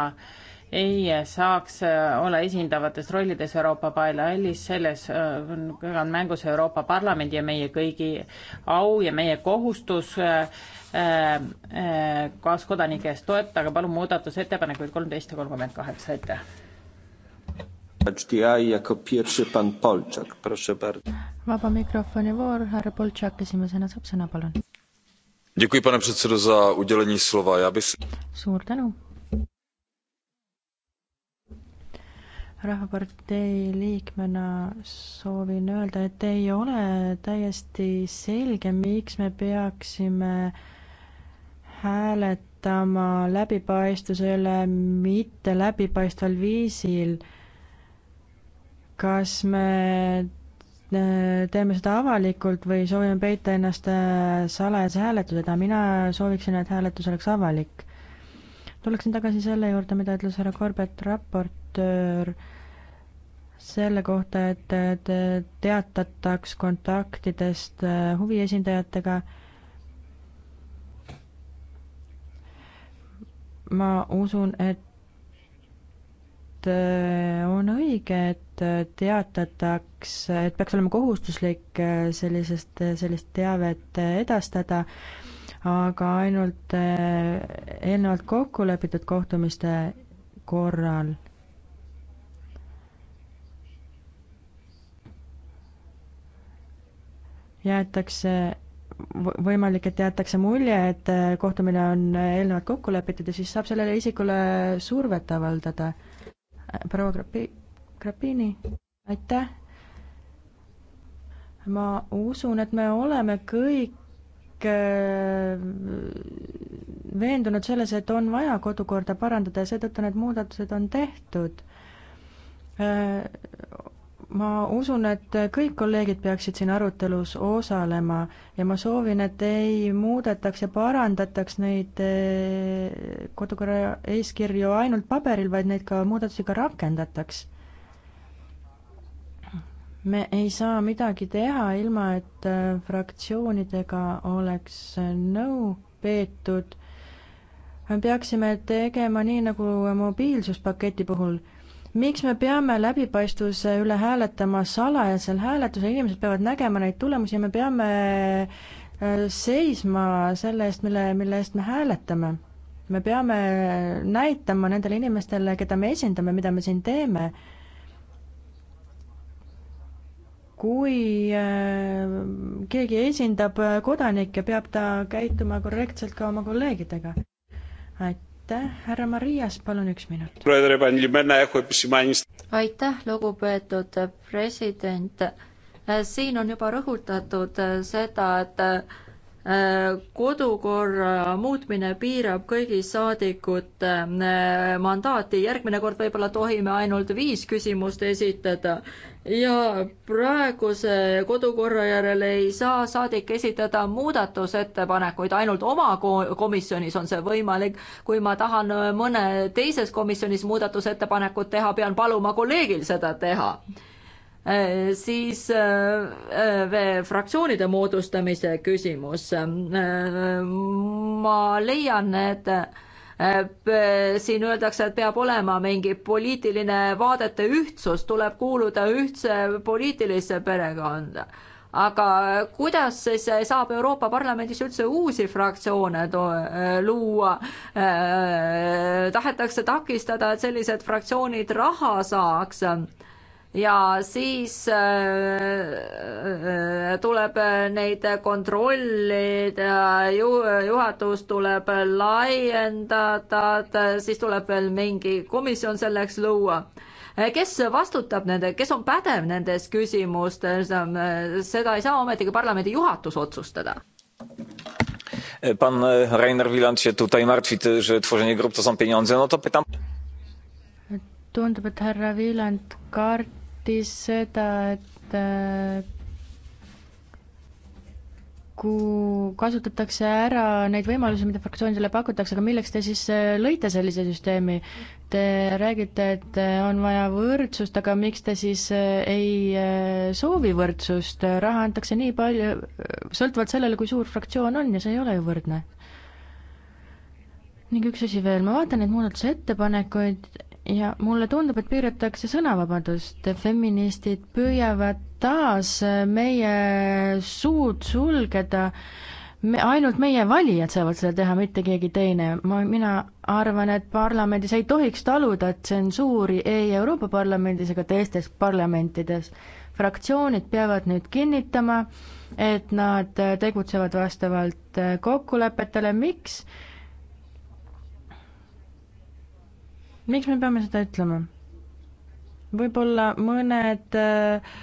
ei saaks äh, olla esindavates rollides Euroopa Parlamendis, selles äh, on mängus Euroopa Parlamendi ja meie kõigi au ja meie kohustus äh, kaaskodanike eest toetada, palun muudatusettepanekuid kolmteist ja kolmkümmend kaheksa, aitäh. vaba mikrofoni voor, härra Boltšak esimesena saab sõna, palun. Děkuji, pane předsedo, za udělení slova. Já bych... Suur tänu rahvapartei liikmena soovin öelda, et ei ole täiesti selge, miks me peaksime hääletama läbipaistvuse üle mitte läbipaistval viisil. kas me äh, teeme seda avalikult või soovime peita ennast äh, salajase hääletuse taha, mina sooviksin, et hääletus oleks avalik tuleksin tagasi selle juurde, mida ütles härra Corbett, raportöör, selle kohta, et teatataks kontaktidest äh, huviesindajatega. ma usun, et äh, on õige, et äh, teatataks, et peaks olema kohustuslik sellisest, sellist teavet edastada aga ainult eh, eelnevalt kokku lepitud kohtumiste korral jäetakse võimalik, et jäetakse mulje, et eh, kohtumine on eelnevalt kokku lepitud ja siis saab sellele isikule survet avaldada. proua Grapi-, Grapini, aitäh! ma usun, et me oleme kõik Äh, veendunud selles, et on vaja kodukorda parandada ja seetõttu need muudatused on tehtud. Äh, ma usun, et kõik kolleegid peaksid siin arutelus osalema ja ma soovin, et ei muudetaks ja parandataks neid äh, kodukorra eeskirju ainult paberil, vaid neid ka, muudatusi ka rakendataks me ei saa midagi teha, ilma et äh, fraktsioonidega oleks äh, nõu peetud. peaksime tegema nii, nagu mobiilsuspaketi puhul miks me peame läbipaistvuse üle hääletama salajasel hääletusel, inimesed peavad nägema neid tulemusi ja me peame äh, seisma selle eest, mille, mille eest me hääletame. me peame näitama nendele inimestele, keda me esindame, mida me siin teeme kui äh, keegi esindab kodanikke, peab ta käituma korrektselt ka oma kolleegidega. aitäh, härra Marias, palun üks minut. aitäh, lugupeetud president. siin on juba rõhutatud seda, et kodukorra muutmine piirab kõigi saadikute äh, mandaati, järgmine kord võib-olla tohime ainult viis küsimust esitada ja praeguse kodukorra järel ei saa saadik esitada muudatusettepanekuid, ainult oma komisjonis on see võimalik. kui ma tahan äh, mõne teises komisjonis muudatusettepanekut teha, pean paluma kolleegil seda teha Äh, siis äh, äh, fraktsioonide moodustamise küsimus. ma leian, et siin öeldakse, et peab olema mingi poliitiline vaadete ühtsus, tuleb kuuluda ühtse poliitilisse perekonda. aga kuidas siis saab Euroopa Parlamendis üldse uusi fraktsioone luua eh,? tahetakse takistada, et sellised fraktsioonid raha saaks eh, ja siis äh, äh, tuleb neid kontrollida, äh, juhatus tuleb laiendada, siis tuleb veel mingi komisjon selleks luua. kes vastutab nende, kes on pädev nendes küsimustes, seda ei saa ometigi parlamendi juhatus otsustada. Pan Rainer Wieland się tutaj martwi, że tworzenie grup to są pieniądze, no to pytam. tundub, et härra Wieland kart-, tahtis seda, et äh, kui kasutatakse ära neid võimalusi, mida fraktsioonidele pakutakse, aga milleks te siis äh, lõite sellise süsteemi? Te räägite, et äh, on vaja võrdsust, aga miks te siis ei soovi võrdsust, raha antakse nii palju, sõltuvalt sellele, kui suur fraktsioon on ja see ei ole ju võrdne ning üks asi veel, ma vaatan neid muudatusettepanekuid ja mulle tundub, et piiratakse sõnavabadust, feministid püüavad taas äh, meie suud sulgeda, me, ainult meie valijad saavad seda teha, mitte keegi teine, ma, mina arvan, et parlamendis ei tohiks taluda tsensuuri ei Euroopa Parlamendis ega teistes parlamentides. fraktsioonid peavad nüüd kinnitama, et nad tegutsevad vastavalt äh, kokkulepetele, miks miks me peame seda ütlema? võib-olla mõned äh,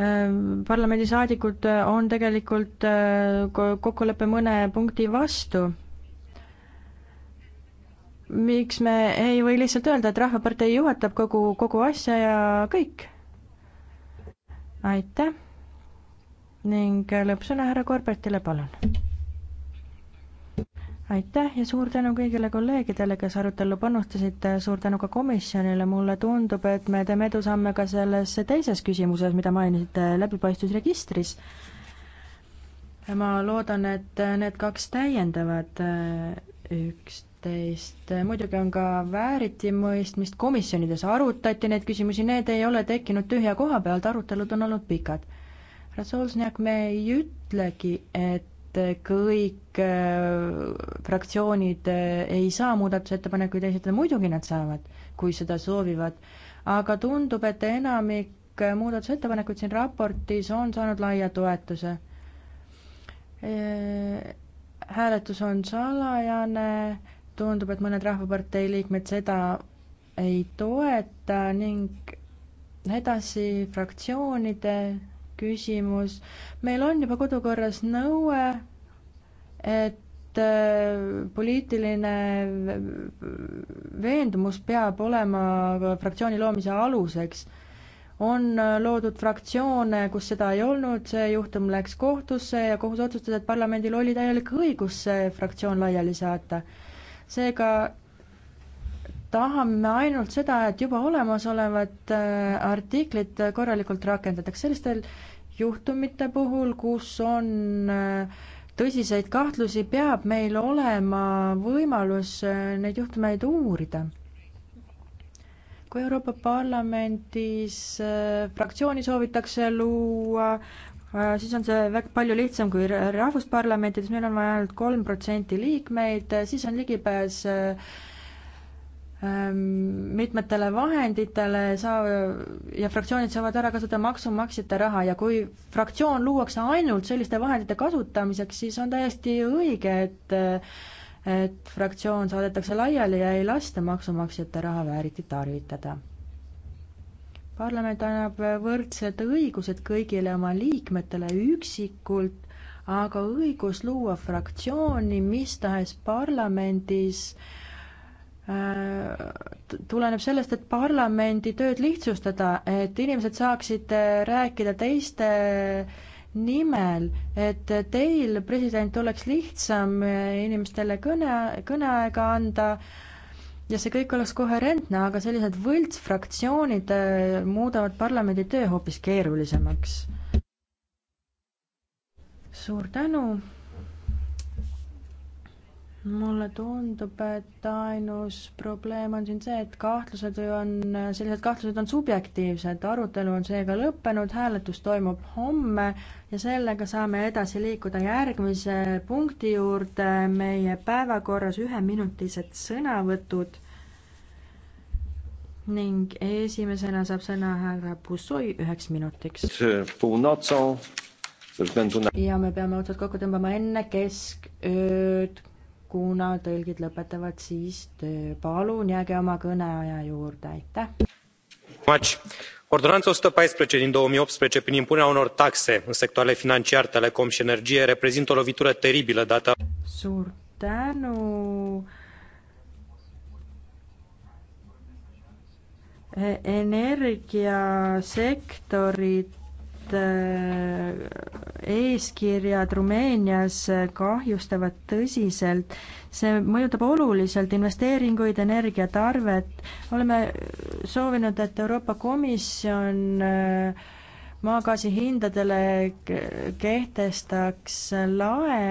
äh parlamendisaadikud on tegelikult äh, kokkuleppe mõne punkti vastu. miks me ei või lihtsalt öelda, et Rahvapartei juhatab kogu, kogu asja ja kõik? aitäh ning lõppsõna härra Korbertile, palun aitäh ja suur tänu kõigile kolleegidele, kes arutellu panustasid, suur tänu ka komisjonile, mulle tundub, et me teeme edusamme ka selles teises küsimuses, mida mainisite, läbipaistvusregistris. ma loodan, et need kaks täiendavad äh, üksteist, muidugi on ka vääritimõistmist, komisjonides arutati neid küsimusi, need ei ole tekkinud tühja koha pealt, arutelud on olnud pikad. Rasoolsniak, me ei ütlegi, et et kõik äh, fraktsioonid äh, ei saa muudatusettepanekuid esitada, muidugi nad saavad, kui seda soovivad, aga tundub, et enamik äh, muudatusettepanekuid siin raportis on saanud laia toetuse. hääletus on salajane, tundub, et mõned Rahvapartei liikmed seda ei toeta ning edasi fraktsioonide küsimus. meil on juba kodukorras nõue, et äh, poliitiline veendumus peab olema fraktsiooni loomise aluseks. on äh, loodud fraktsioone, kus seda ei olnud, see juhtum läks kohtusse ja kohus otsustas, et parlamendil oli täielik õigus see fraktsioon laiali saata. seega tahame ainult seda, et juba olemasolevat äh, artiklit korralikult rakendatakse sellistel juhtumite puhul, kus on äh, tõsiseid kahtlusi, peab meil olema võimalus äh, neid juhtumeid uurida. kui Euroopa Parlamendis fraktsiooni soovitakse luua, siis on see väga palju lihtsam kui rahvusparlamentides, meil on vaja ainult kolm protsenti liikmeid, siis on ligipääs äh, Ehm, mitmetele vahenditele saa- ja fraktsioonid saavad ära kasutada maksumaksjate raha ja kui fraktsioon luuakse ainult selliste vahendite kasutamiseks, siis on täiesti õige, et et fraktsioon saadetakse laiali ja ei lasta maksumaksjate raha vääriti tarvitada. parlament annab võrdsed õigused kõigile oma liikmetele üksikult, aga õigus luua fraktsiooni mis tahes parlamendis äh, Äh, tuleneb sellest, et parlamendi tööd lihtsustada, et inimesed saaksid äh, rääkida teiste nimel, et teil, president, oleks lihtsam äh, inimestele kõne, kõneaega anda ja see kõik oleks koherentne, aga sellised võltsfraktsioonid muudavad parlamendi töö hoopis keerulisemaks. suur tänu mulle tundub, et ainus probleem on siin see, et kahtlused on, sellised kahtlused on subjektiivsed, arutelu on seega lõppenud, hääletus toimub homme ja sellega saame edasi liikuda järgmise punkti juurde, meie päevakorras üheminutilised sõnavõtud. ning esimesena saab sõna härra Bussoi üheks minutiks. ja me peame otsad kokku tõmbama enne keskööd kuna tõlgid lõpetavad siis töö. palun jääge oma kõneaja juurde, aitäh! ordonanța o sută paisprezece din două mii optsprezece prin impunerea unor taxe în sectoarele financiar telecom și energie reprezintă o lovitură teribilă dată. suur tänu. E, energiasektorit Äh, eeskirjad Rumeenias äh, kahjustavad tõsiselt. see mõjutab oluliselt investeeringuid, energiatarvet. oleme soovinud, et Euroopa Komisjon äh, maagaasi hindadele kehtestaks lae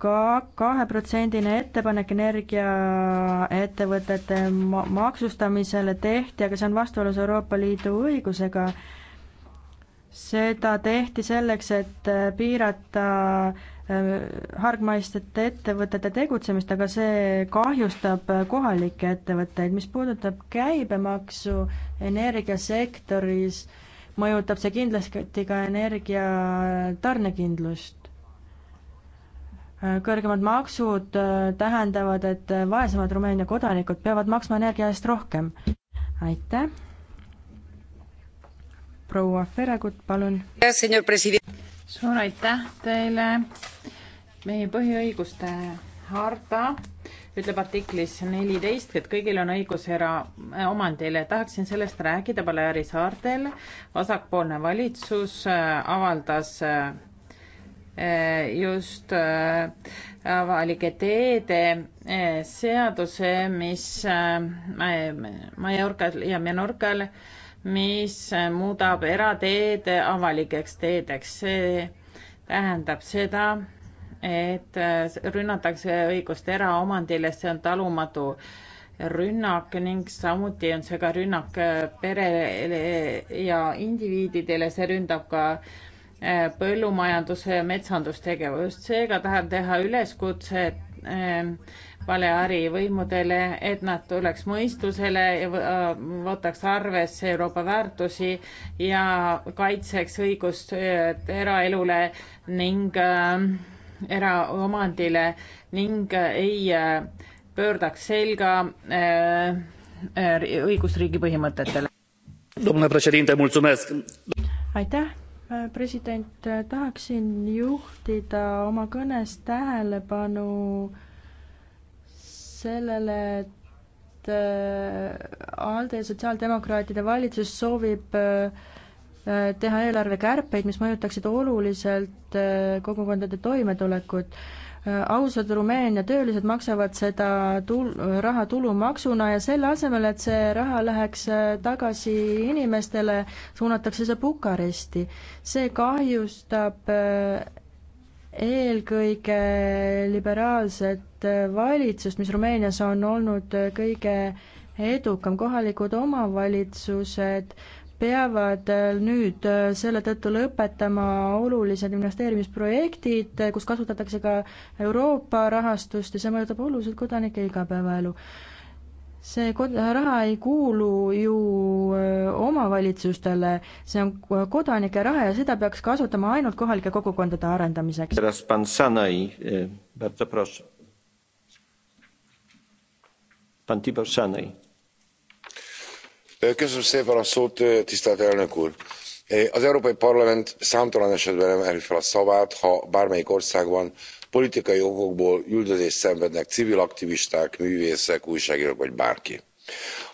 ka kaheprotsendine ettepanek energiaettevõtete ma maksustamisele tehti, aga see on vastuolus Euroopa Liidu õigusega. seda tehti selleks, et äh, piirata äh, hargmaistete ettevõtete tegutsemist, aga see kahjustab äh, kohalikke ettevõtteid. mis puudutab käibemaksu energiasektoris, mõjutab see kindlasti ka energia tarnekindlust Äh, kõrgemad maksud äh, tähendavad, et äh, vaesemad Rumeenia kodanikud peavad maksma energia eest rohkem. aitäh. proua Feregut, palun. suur aitäh teile. meie põhiõiguste harta ütleb artiklis neliteist, et kõigil on õigus eraomandile. tahaksin sellest rääkida Baleari saartel. vasakpoolne valitsus avaldas just äh, avalike teede äh, seaduse, mis äh, Mallorcal ja Menorcal, mis muudab erateed avalikeks teedeks. see tähendab seda, et rünnatakse õigust eraomandile, see on talumatu rünnak ning samuti on see ka rünnak perele ja indiviididele, see ründab ka äh, Eh, põllumajanduse ja metsandustegevust. seega tahan teha üleskutse eh, Baleari võimudele, et nad tuleks mõistusele ja äh, võtaks arvesse Euroopa väärtusi ja kaitseks õigust eraelule ning äh, eraomandile ning äh, ei pöördaks selga õigusriigi põhimõtetele. aitäh Äh, president, äh, tahaksin juhtida oma kõnes tähelepanu sellele, et äh, ALDE ja sotsiaaldemokraatide valitsus soovib teha eelarvekärpeid, mis mõjutaksid oluliselt kogukondade toimetulekut Äh, ausad Rumeenia töölised maksavad seda tul-, raha tulumaksuna ja selle asemel, et see raha läheks äh, tagasi inimestele, suunatakse see Bukaresti. see kahjustab äh, eelkõige liberaalset valitsust, mis Rumeenias on olnud kõige edukam, kohalikud omavalitsused peavad äh, nüüd äh, selle tõttu lõpetama olulised investeerimisprojektid, äh, kus kasutatakse ka Euroopa rahastust ja see mõjutab oluliselt kodanike igapäevaelu. see kod-, raha ei kuulu ju omavalitsustele, see on kodanike raha ja seda peaks kasutama ainult kohalike kogukondade arendamiseks. E, pan Tibor Sanei tisztelt elnök úr! az európai parlament számtalan esetben emeli fel a szavát ha bármelyik országban politikai okokból üldözést szenvednek civil aktivisták művészek újságrók vagy bárki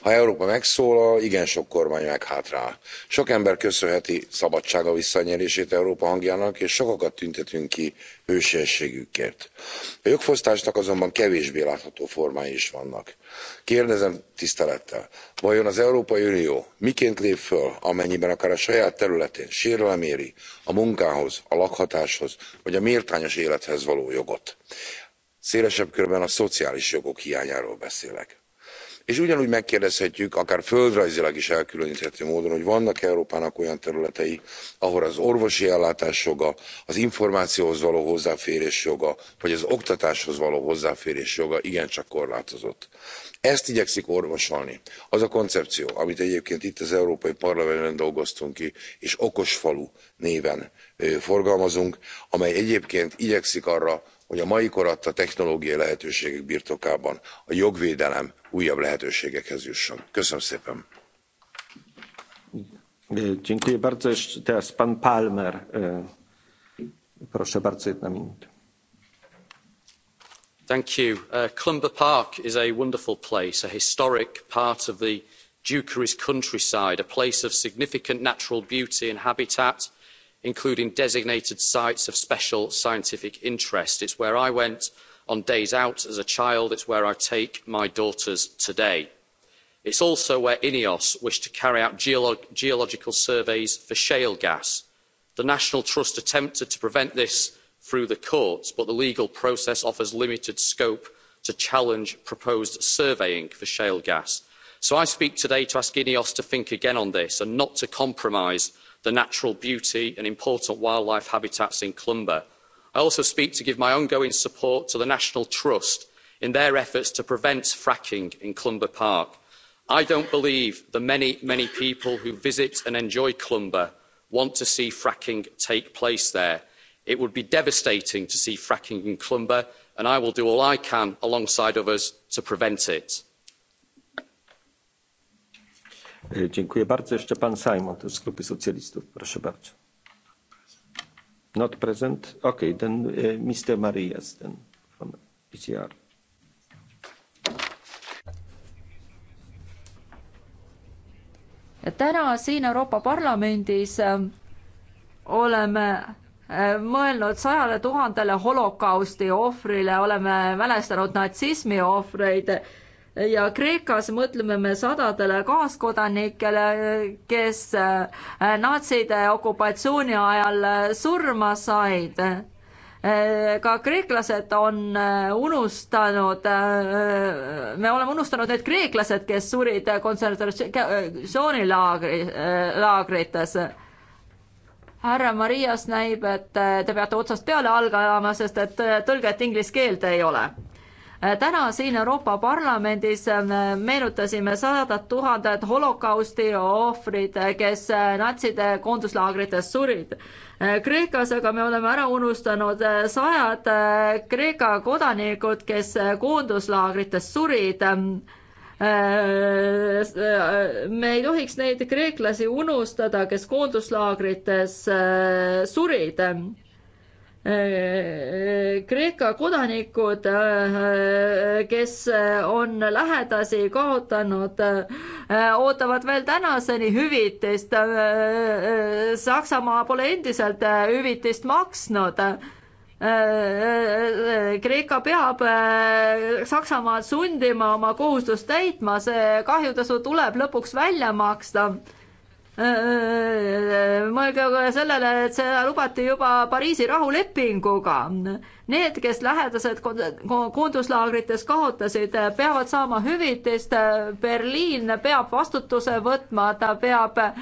ha európa megszólal igen sok kormány meghátrál. sok ember köszönheti szabadsága visszanyerését európa hangjának és sokakat tüntetünk ki hősiességükért. a jogfosztásnak azonban kevésbé látható formái is vannak. kérdezem tisztelettel vajon az európai unió miként lép föl amennyiben akár a saját területén sérelem éri a munkához a lakhatáshoz vagy a méltányos élethez való jogot? szélesebb körben a szociális jogok hiányáról beszélek és ugyanúgy megkérdezhetjük akár földrajzilag is elkülönthető módon hogy vannak e európának olyan területei ahol az orvosi ellátás joga az információhoz való hozzáférés joga vagy az oktatáshoz való hozzáférés joga igencsak korlátozott. ezt igyekszik orvosolni az a koncepció amit egyébként itt az európai parlamentben dolgoztunk ki és okos falu néven forgalmazunk amely egyébként igyekszik arra hogy a mai koratta technológiai lehetőségek birtokában a jogvédelem újabb lehetőségekhez jusson. Köszönöm szépen. Dziękuję bardzo. Jeszcze teraz pan Palmer. Proszę bardzo, jedna minuta. Thank you. Uh, Clumber Park is a wonderful place, a historic part of the Dukeries countryside, a place of significant natural beauty and habitat, including designated sites of special scientific interest. it's where i went on days out as a child it's where i take my daughters today. it's also where ineos wish to carry out geological surveys for shale gas. the national trust attempted to prevent this through the courts but the legal process offers limited scope to challenge proposed surveying for shale gas. so i speak today to ask ineos to think again on this and not to compromise the natural beauty and important wildlife habitats in clumber. i also speak to give my ongoing support to the national trust in their efforts to prevent fracking in clumber park. i don't believe the many many people who visit and enjoy clumber want to see fracking take place there. it would be devastating to see fracking in clumber and i will do all i can alongside others to prevent it. E, dziękuję bardzo. Jeszcze pan Simon też z grupy socjalistów. Proszę bardzo. Not present? Okay, then e, Mr. Marias then from ECR. täna siin Euroopa Parlamendis e, oleme mõelnud sajale tuhandele holokausti ohvrile, oleme mälestanud natsismi ohvreid ja Kreekas mõtleme me sadadele kaaskodanikele, kes äh, natside äh, okupatsiooni ajal äh, surma said ka kreeklased on unustanud, me oleme unustanud need kreeklased, kes surid kontsentratsioonilaagri, laagrites. härra Marias näib, et te peate otsast peale algajaama, sest et tõlget inglise keelde ei ole Äh, täna siin Euroopa Parlamendis äh, meenutasime sadat tuhandet holokausti ohvrid, kes äh, natside koonduslaagrites surid. Kreekas aga me oleme ära unustanud sajad Kreeka kodanikud, kes koonduslaagrites surid me ei tohiks neid kreeklasi unustada, kes koonduslaagrites surid Kreeka kodanikud, äh, kes on lähedasi kaotanud, äh, ootavad veel tänaseni hüvitist. Äh, Saksamaa pole endiselt hüvitist maksnud Kreeka peab Saksamaad sundima oma kohustust täitma, see kahjutasu tuleb lõpuks välja maksta mõelge sellele, et seda lubati juba Pariisi rahulepinguga. Need, kes lähedased koonduslaagrites kaotasid, peavad saama hüvitist. Berliin peab vastutuse võtma, ta peab eh,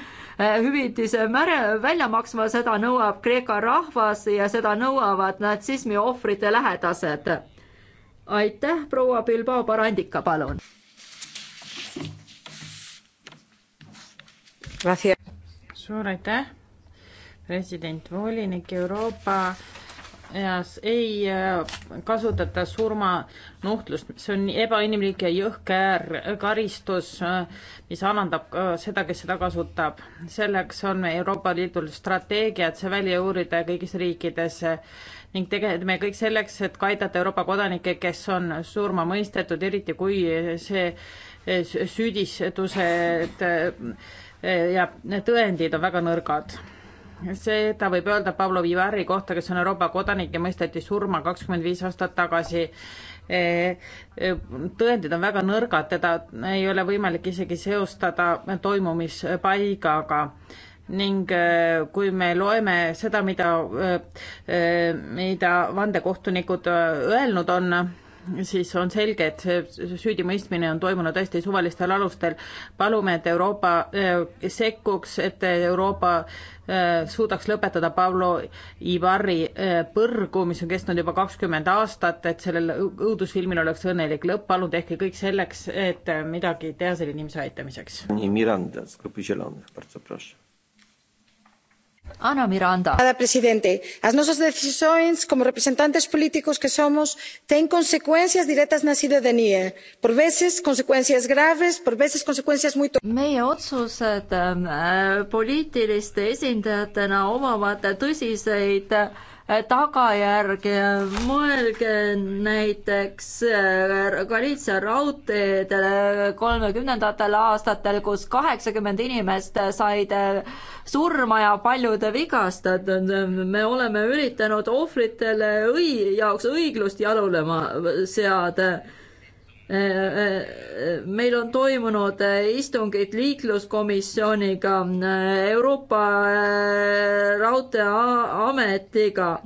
hüvitise määr-, välja maksma, seda nõuab Kreeka rahvas ja seda nõuavad natsismi ohvrite lähedased. aitäh, proua Bilbao Barandika, palun suur aitäh, president, volinik Euroopa eas ei äh, kasutata surmanuhtlust, see on ebainimlik ja jõhker karistus, äh, mis alandab ka äh, seda, kes seda kasutab. selleks on Euroopa Liidul strateegia, et see välja uurida kõigis riikides ning tegeleme kõik selleks, et ka aidata Euroopa kodanikke, kes on surma mõistetud, eriti kui see süüdistused Eh, ja tõendid on väga nõrgad. seda võib öelda Pablo Vivari kohta, kes on Euroopa kodanik ja mõisteti surma kakskümmend viis aastat tagasi. Eh, tõendid on väga nõrgad, teda ei ole võimalik isegi seostada toimumispaigaga ning eh, kui me loeme seda, mida, mida vandekohtunikud öelnud on, siis on selge, et süüdimõistmine on toimunud hästi suvalistel alustel. palume, et Euroopa eh, sekkuks, et Euroopa eh, suudaks lõpetada Pablo Ibarri eh, põrgu, mis on kestnud juba kakskümmend aastat, et sellel õudusfilmil oleks õnnelik lõpp. palun tehke kõik selleks, et midagi teha selle inimese aitamiseks. nii, Miranda, Skupõšilon, Partsaprošev señora presidenta as nosas decisións como representantes políticos que somos ten consecuencias directas na cidadanía por veces consecuencias graves por veces consecuencias muito. meie otsused ähm, äh, poliitiliste esindajatena omavad tõsiseid Äh, tagajärge, mõelge näiteks äh, Galiitsia raudteedele kolmekümnendatel aastatel, kus kaheksakümmend inimest said äh, surma ja paljud vigastatud. me oleme üritanud ohvritele õi-, jaoks õiglust jalule seada Äh, äh, meil on toimunud äh, istungid liikluskomisjoniga, Euroopa Raudteeametiga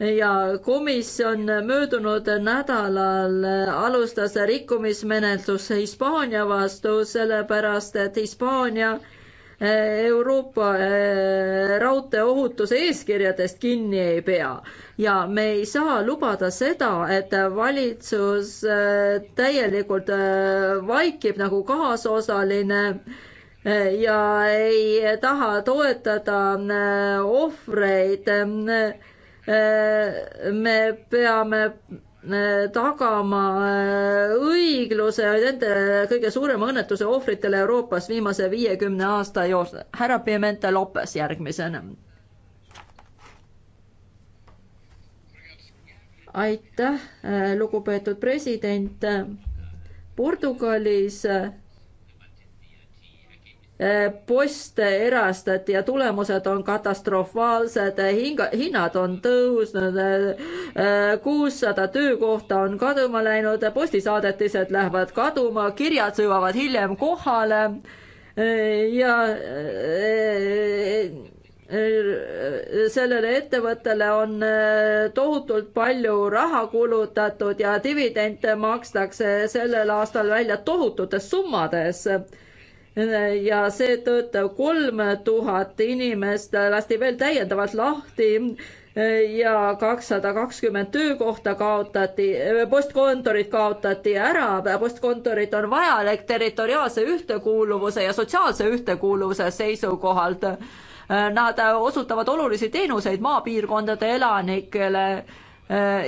ja komisjon möödunud nädalal alustas rikkumismenetlus Hispaania vastu, sellepärast et Hispaania Euroopa eh, raudteeohutuse eeskirjadest kinni ei pea ja me ei saa lubada seda, et valitsus eh, täielikult eh, vaikib nagu kaasosaline ja ei taha toetada ohvreid me peame tagama äh, õigluse nende kõige suurema õnnetuse ohvritele Euroopas viimase viiekümne aasta jooksul. härra Pimente Lopes järgmisena. aitäh, äh, lugupeetud president. Portugalis äh, Äh, poste erastati ja tulemused on katastrofaalsed, hinnad on tõusnud, äh, kuussada töökohta on kaduma läinud, postisaadetised lähevad kaduma, kirjad jõuavad hiljem kohale äh, ja sellele ettevõttele on tohutult palju raha kulutatud ja dividende makstakse sellel aastal välja tohututes summades ja seetõttu kolm tuhat inimest lasti veel täiendavalt lahti ja kakssada kakskümmend töökohta kaotati, postkontorid kaotati ära, postkontorid on vajalik territoriaalse ühtekuuluvuse ja sotsiaalse ühtekuuluvuse seisukohalt. Nad osutavad olulisi teenuseid maapiirkondade elanikele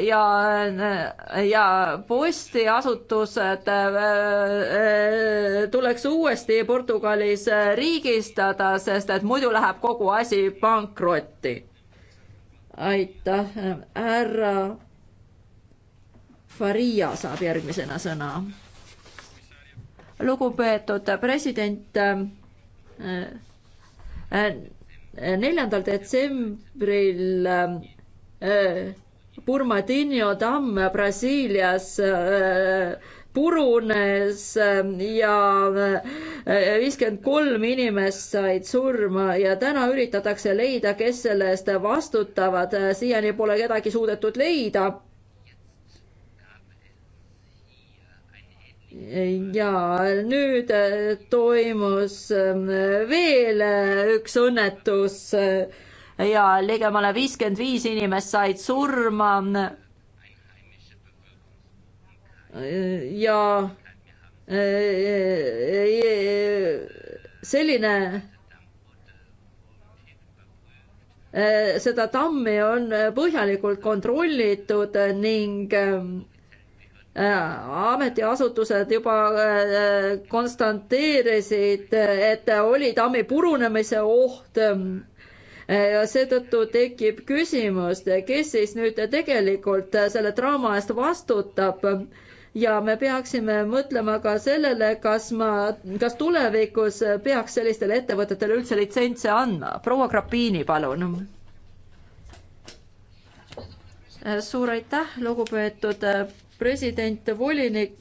ja, ja postiasutused äh, äh, tuleks uuesti Portugalis riigistada, sest et muidu läheb kogu asi pankrotti. aitäh, härra Faria saab järgmisena sõna. lugupeetud president, äh, neljandal detsembril Burmadinho tamm Brasiilias äh, purunes äh, ja äh, viiskümmend kolm inimest said surma ja täna üritatakse leida, kes selle eest vastutavad. siiani pole kedagi suudetud leida. ja nüüd toimus veel üks õnnetus ja ligemale viiskümmend viis inimest said surma. ja e, e, e, selline seda tammi on põhjalikult kontrollitud ning ametiasutused juba konstanteerisid, et oli tammi purunemise oht Eh, ja seetõttu tekib küsimus, kes siis nüüd tegelikult eh, selle draama eest vastutab ja me peaksime mõtlema ka sellele, kas ma, kas tulevikus peaks sellistele ettevõtetele üldse litsentse andma. proua Grapini, palun. Eh, suur aitäh, lugupeetud president, volinik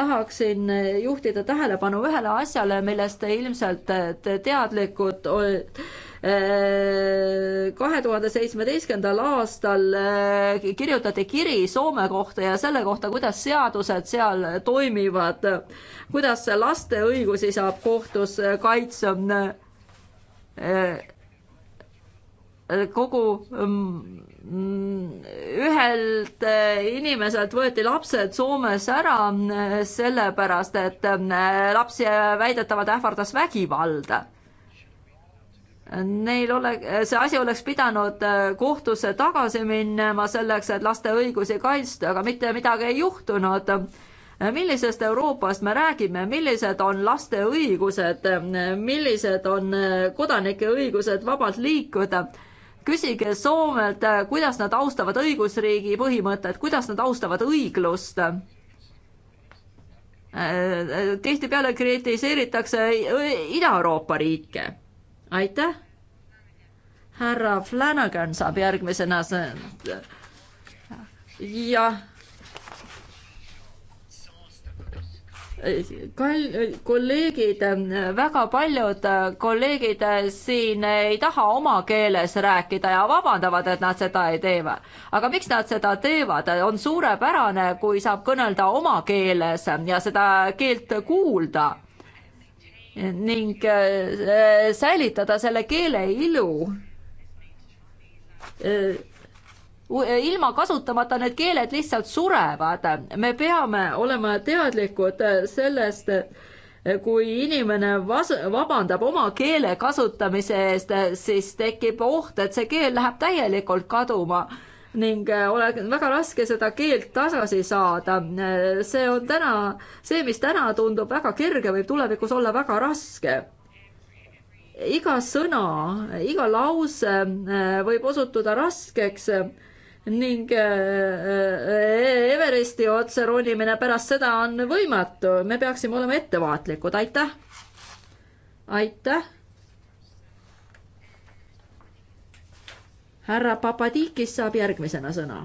tahaksin juhtida tähelepanu ühele asjale, millest te ilmselt teadlikud olete kahe tuhande seitsmeteistkümnendal aastal äh, kirjutati kiri Soome kohta ja selle kohta, kuidas seadused seal toimivad, kuidas laste õigusi saab kohtus kaitsta. Äh, äh, kogu mm, mm, ühelt inimeselt võeti lapsed Soomes ära sellepärast, et lapsi väidetavalt ähvardas vägivald Neil ole, see asi oleks pidanud äh, kohtusse tagasi minema selleks, et laste õigusi kaitsta, aga mitte midagi ei juhtunud. millisest Euroopast me räägime, millised on laste õigused, millised on äh, kodanike õigused vabalt liikuda? küsige Soomelt, äh, kuidas nad austavad õigusriigi põhimõtet, kuidas nad austavad õiglust tihtipeale kritiseeritakse Ida-Euroopa riike aitäh. härra Flanagan saab järgmisena sõna. jah kall-, kolleegid, väga paljud kolleegid siin ei taha oma keeles rääkida ja vabandavad, et nad seda ei tee. aga miks nad seda teevad, on suurepärane, kui saab kõnelda oma keeles ja seda keelt kuulda ning äh, säilitada selle keele ilu. Äh, ilma kasutamata need keeled lihtsalt surevad. me peame olema teadlikud äh, sellest, kui inimene vas-, vabandab oma keele kasutamise eest, siis tekib oht, et see keel läheb täielikult kaduma ning äh, oleks väga raske seda keelt tagasi saada. see on täna, see, mis täna tundub väga kerge, võib tulevikus olla väga raske iga sõna, iga lause äh, võib osutuda raskeks ning äh, Everesti otse ronimine pärast seda on võimatu, me peaksime olema ettevaatlikud, aitäh. aitäh. härra Papadikis saab järgmisena sõna.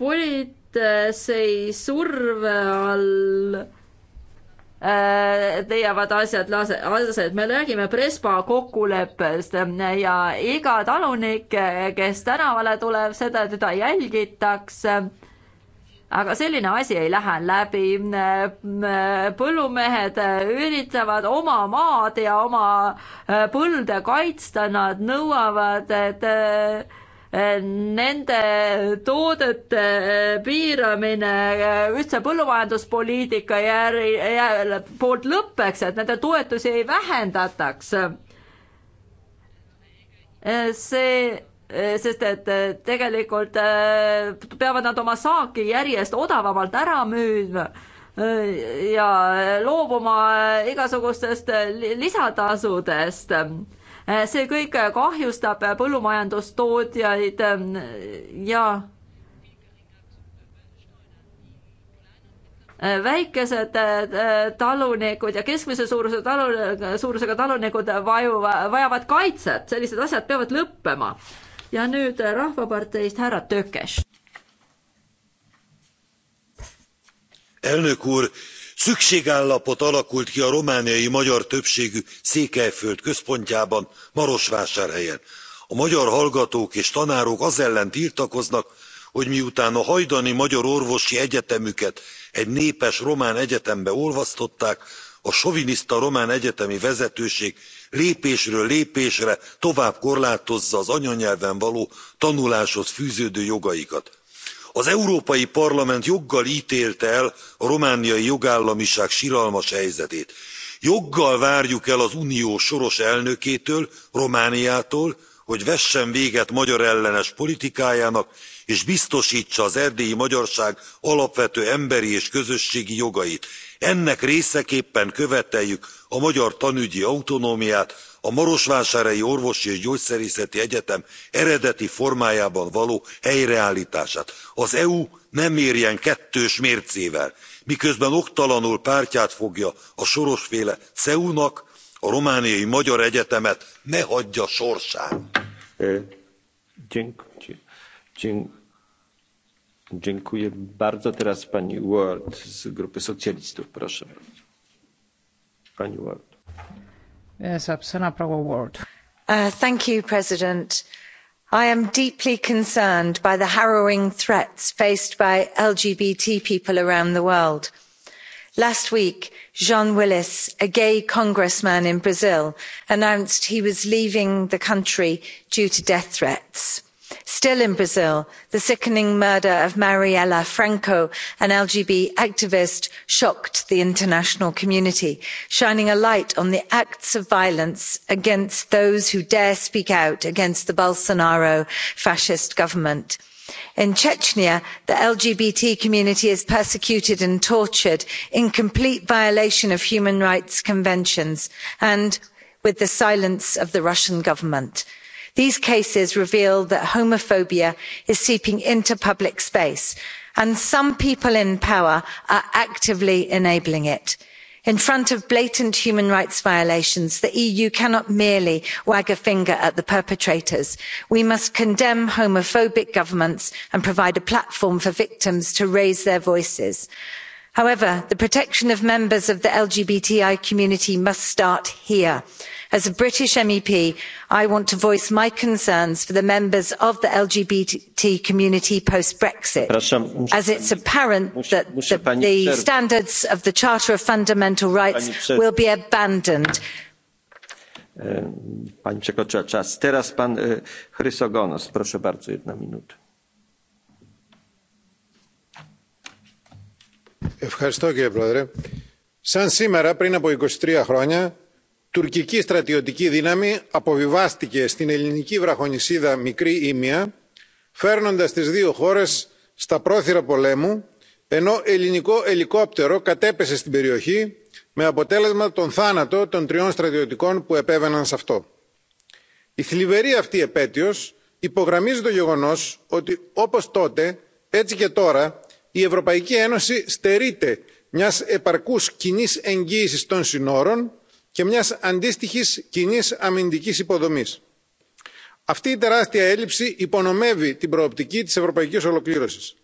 politsei surve all äh, leiavad asjad lase, aset, me räägime Prespa kokkuleppest ja iga talunik, kes tänavale tuleb, seda, teda jälgitakse aga selline asi ei lähe läbi. Äh, äh, põllumehed äh, üritavad oma maad ja oma põlde kaitsta, nad nõuavad, et nende toodete piiramine üldse põllumajanduspoliitika järgi poolt lõpeks, et nende toetusi ei vähendataks. see Äh, sest et äh, tegelikult äh, peavad nad oma saaki järjest odavamalt ära müüma ja loobuma igasugustest lisatasudest. see kõik kahjustab põllumajandustootjaid ja väikesed talunikud ja keskmise suuruse talu, suurusega talunikud vaju, vajavad kaitset, sellised asjad peavad lõppema ja nüüd äh, Rahvaparteist härra Tökes. elnök úr, szükségállapot alakult ki a romániai magyar többségű Székelyföld központjában, Marosvásárhelyen. A magyar hallgatók és tanárok az ellen tiltakoznak, hogy miután a hajdani magyar orvosi egyetemüket egy népes román egyetembe olvasztották a soviniszta román egyetemi vezetőség lépésről lépésre tovább korlátozza az anyanyelven való tanuláshoz fűződő jogaikat. az európai parlament joggal télte el a romániai jogállamiság siralmas helyzetét. joggal várjuk el az unió soros elnökétől romániától hogy vessen véget magyarellenes politikájának és biztostsa az erdélyi magyarság alapvető emberi és közösségi jogait ennek részeképpen követeljük a magyar tanügyi autonómiát a marosvásárhelyi orvosi és gyógyszerészeti egyetem eredeti formájában való helyreálltását. az eu ne mérjen kettős mércével miközben oktalanul pártját fogja a soros féle ceu nak a romániai magyar egyetemet ne hagyja sorsára. Dziękuję bardzo. Teraz pani Ward z grupy socjalistów, proszę. Pani Ward. Yes, sõna proua Ward. Uh, thank you, president. I am deeply concerned by the harrowing threats faced by LGBT people around the world. Last week, Jean Willis, a gay congressman in Brazil, announced he was leaving the country due to death threats still in brazil the sickening murder of marielle franco an lgb activist shocked the international community shining a light on the acts of violence against those who dare speak out against the bolsonaro fascist government. in chechnya the lgbt community is persecuted and tortured in complete violation of human rights conventions and with the silence of the russian government these cases reveal that homophobia is seeping into public space and some people in power are actively enabling it. in front of blatant human rights violations the eu cannot merely wag a finger at the perpetrators. we must condemn homophobic governments and provide a platform for victims to raise their voices however the protection of members of the lgbti community must start here. as a british mep i want to voice my concerns for the members of the lgbt community post brexit as it's apparent that the standards of the charter of fundamental rights will be abandoned. E, panie przewodniczący! κύριε πρόεδρε σαν σήμερα πριν από είκοσι τρία χρόνια τουρκική στρατιωτική δύναμη αποβιβάστηκε στην ελληνική βραχονησίδα μικρή ήμια φέρνοντας τις δύο χώρες στα πρόθυρα πολέμου ενώ ελληνικό ελικόπτερο κατέπεσε στην περιοχή με αποτέλεσμα τον θάνατο των τριών στρατιωτικών που επέβαιναν σε αυτό. η θλιβερή αυτή επέτειος υπογραμμίζει το γεγονός ότι όπως τότε έτσι και τώρα η ευρωπαϊκή ένωση στερείται μιας επαρκούς κοινής εγγύησης των συνόρων και μιας αντίστοιχης κοινή αμυντικής υποδομής. αυτή η τεράστια έλλειψη υπονομεύει την προοπτική της ευρωπαϊκής ολοκλήρωσης.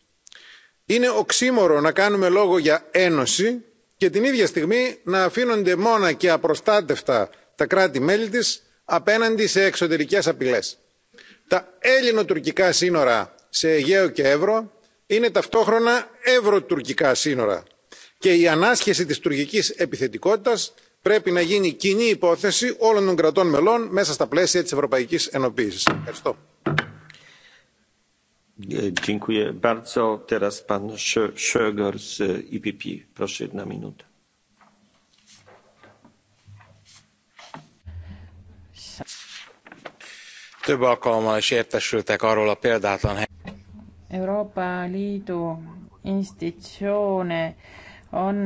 είναι οξύμορο να κάνουμε λόγο για ένωση και την ίδια στιγμή να αφήνονται μόνα και απροστάτευτα τα κράτη μέλη της απέναντι σε εξωτερικές απειλές. τα έλλεινο τουρκικά σύνορα σε αιγαίο και εύρο είναι ταυτόχρονα ευρωτουρκικά σύνορα και η ανάσχεση της τουρκικής επιθετικότητας πρέπει να γίνει κοινή υπόθεση όλων των κρατών μελών μέσα στα πλαίσια της ευρωπαϊκής ενοποίησης. Ευχαριστώ. Dziękuję bardzo. Teraz pan Schöger z e, IPP. Proszę jedna minuta. Több alkalommal is értesültek arról a példátlan Euroopa Liidu institutsioone on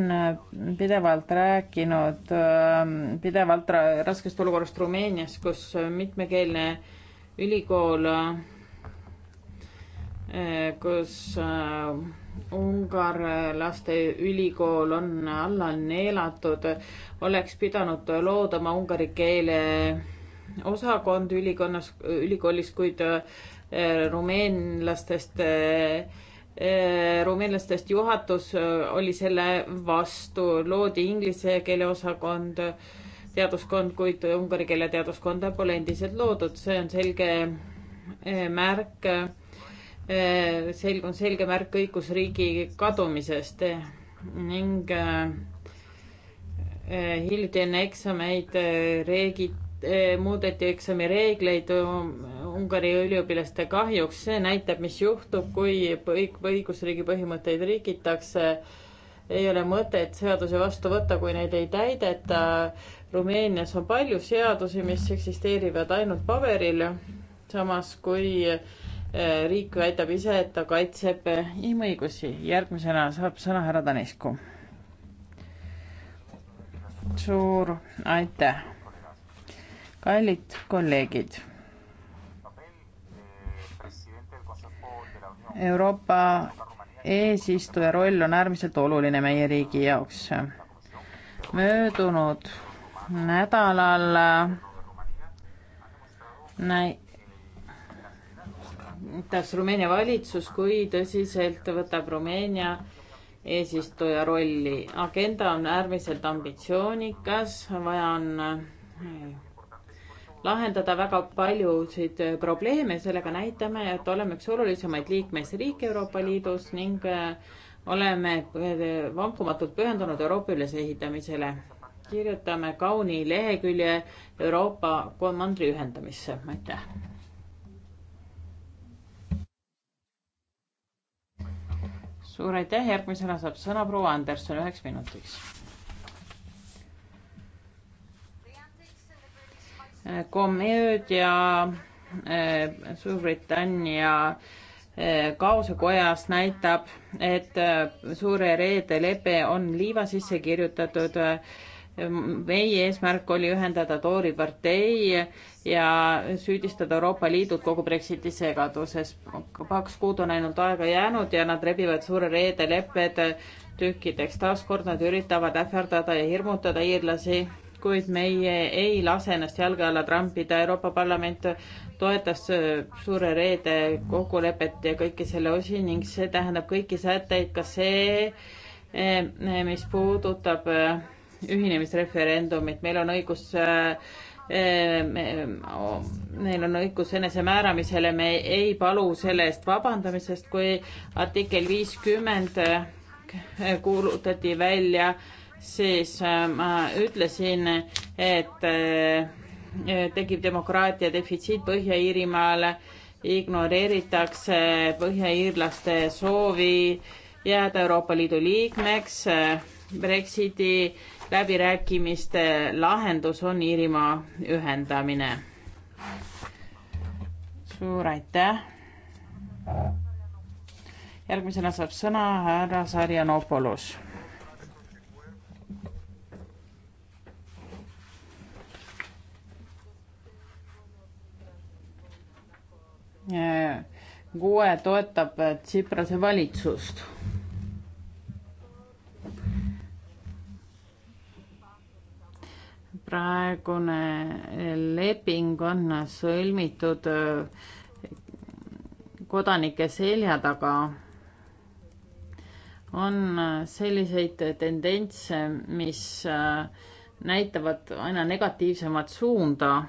pidevalt rääkinud ähm, pidevalt raskest olukorrast Rumeenias, kus mitmekeelne ülikool, äh, kus äh, ungarlaste ülikool on alla neelatud, oleks pidanud loodama ungari keele osakond ülikonnas, ülikoolis, kuid äh, Äh, rumeenlastest, äh, rumeenlastest juhatus äh, oli selle vastu, loodi inglise keele osakond, teaduskond, kuid ungari keele teaduskonda pole endiselt loodud, see on selge märk, selg on selge märk õigusriigi kadumisest ning hiljuti enne eksameid reeglid, muudeti eksami reegleid um, Ungari üliõpilaste kahjuks, see näitab, mis juhtub, kui õigusriigi põhimõtteid rikitakse. ei ole mõtet seadusi vastu võtta, kui neid ei täideta. Rumeenias on palju seadusi, mis eksisteerivad ainult paberil. samas kui eh, riik väidab ise, et ta kaitseb eh, inimõigusi. järgmisena saab sõna härra Tanescu. suur aitäh, kallid kolleegid Euroopa eesistuja roll on äärmiselt oluline meie riigi jaoks. möödunud nädalal näitas Rumeenia valitsus, kui tõsiselt võtab Rumeenia eesistuja rolli. agenda on äärmiselt ambitsioonikas, vaja on lahendada väga paljusid äh, probleeme, sellega näitame, et oleme üks olulisemaid liikmesriike Euroopa Liidus ning äh, oleme äh, vankumatult pühendunud Euroopa ülesehitamisele. kirjutame kauni lehekülje Euroopa mandri ühendamisse, aitäh. suur aitäh, järgmisena saab sõna proua Anderson üheks minutiks komöödia eh, Suurbritannia eh, kaosekojast näitab, et eh, Suure Reede lepe on liiva sisse kirjutatud. meie eesmärk oli ühendada Toori partei ja süüdistada Euroopa Liidut kogu Brexiti segaduses. kaks kuud on ainult aega jäänud ja nad rebivad Suure Reede lepped tükkideks. taaskord nad üritavad ähvardada ja hirmutada iirlasi kuid meie ei lase ennast jalge alla trampida. Euroopa Parlament toetas äh, suure reede kokkulepet ja kõiki selle osi ning see tähendab kõiki sätteid, ka see, äh, mis puudutab äh, ühinemisreferendumit. meil on õigus Neil on õigus enesemääramisele, me ei palu selle eest vabandamisest, kui artikkel viiskümmend kuulutati välja äh, siis äh, ma ütlesin, et äh, tekib demokraatia defitsiit Põhja-Iirimaal, ignoreeritakse põhjaiirlaste soovi jääda Euroopa Liidu liikmeks. Äh, Brexiti läbirääkimiste lahendus on Iirimaa ühendamine. suur aitäh. järgmisena saab sõna härra Sarjanopolus kuue äh, toetab äh, Tsiprase valitsust. praegune äh, leping on sõlmitud kodanike selja taga. on selliseid tendentse, mis näitavad aina negatiivsemat suunda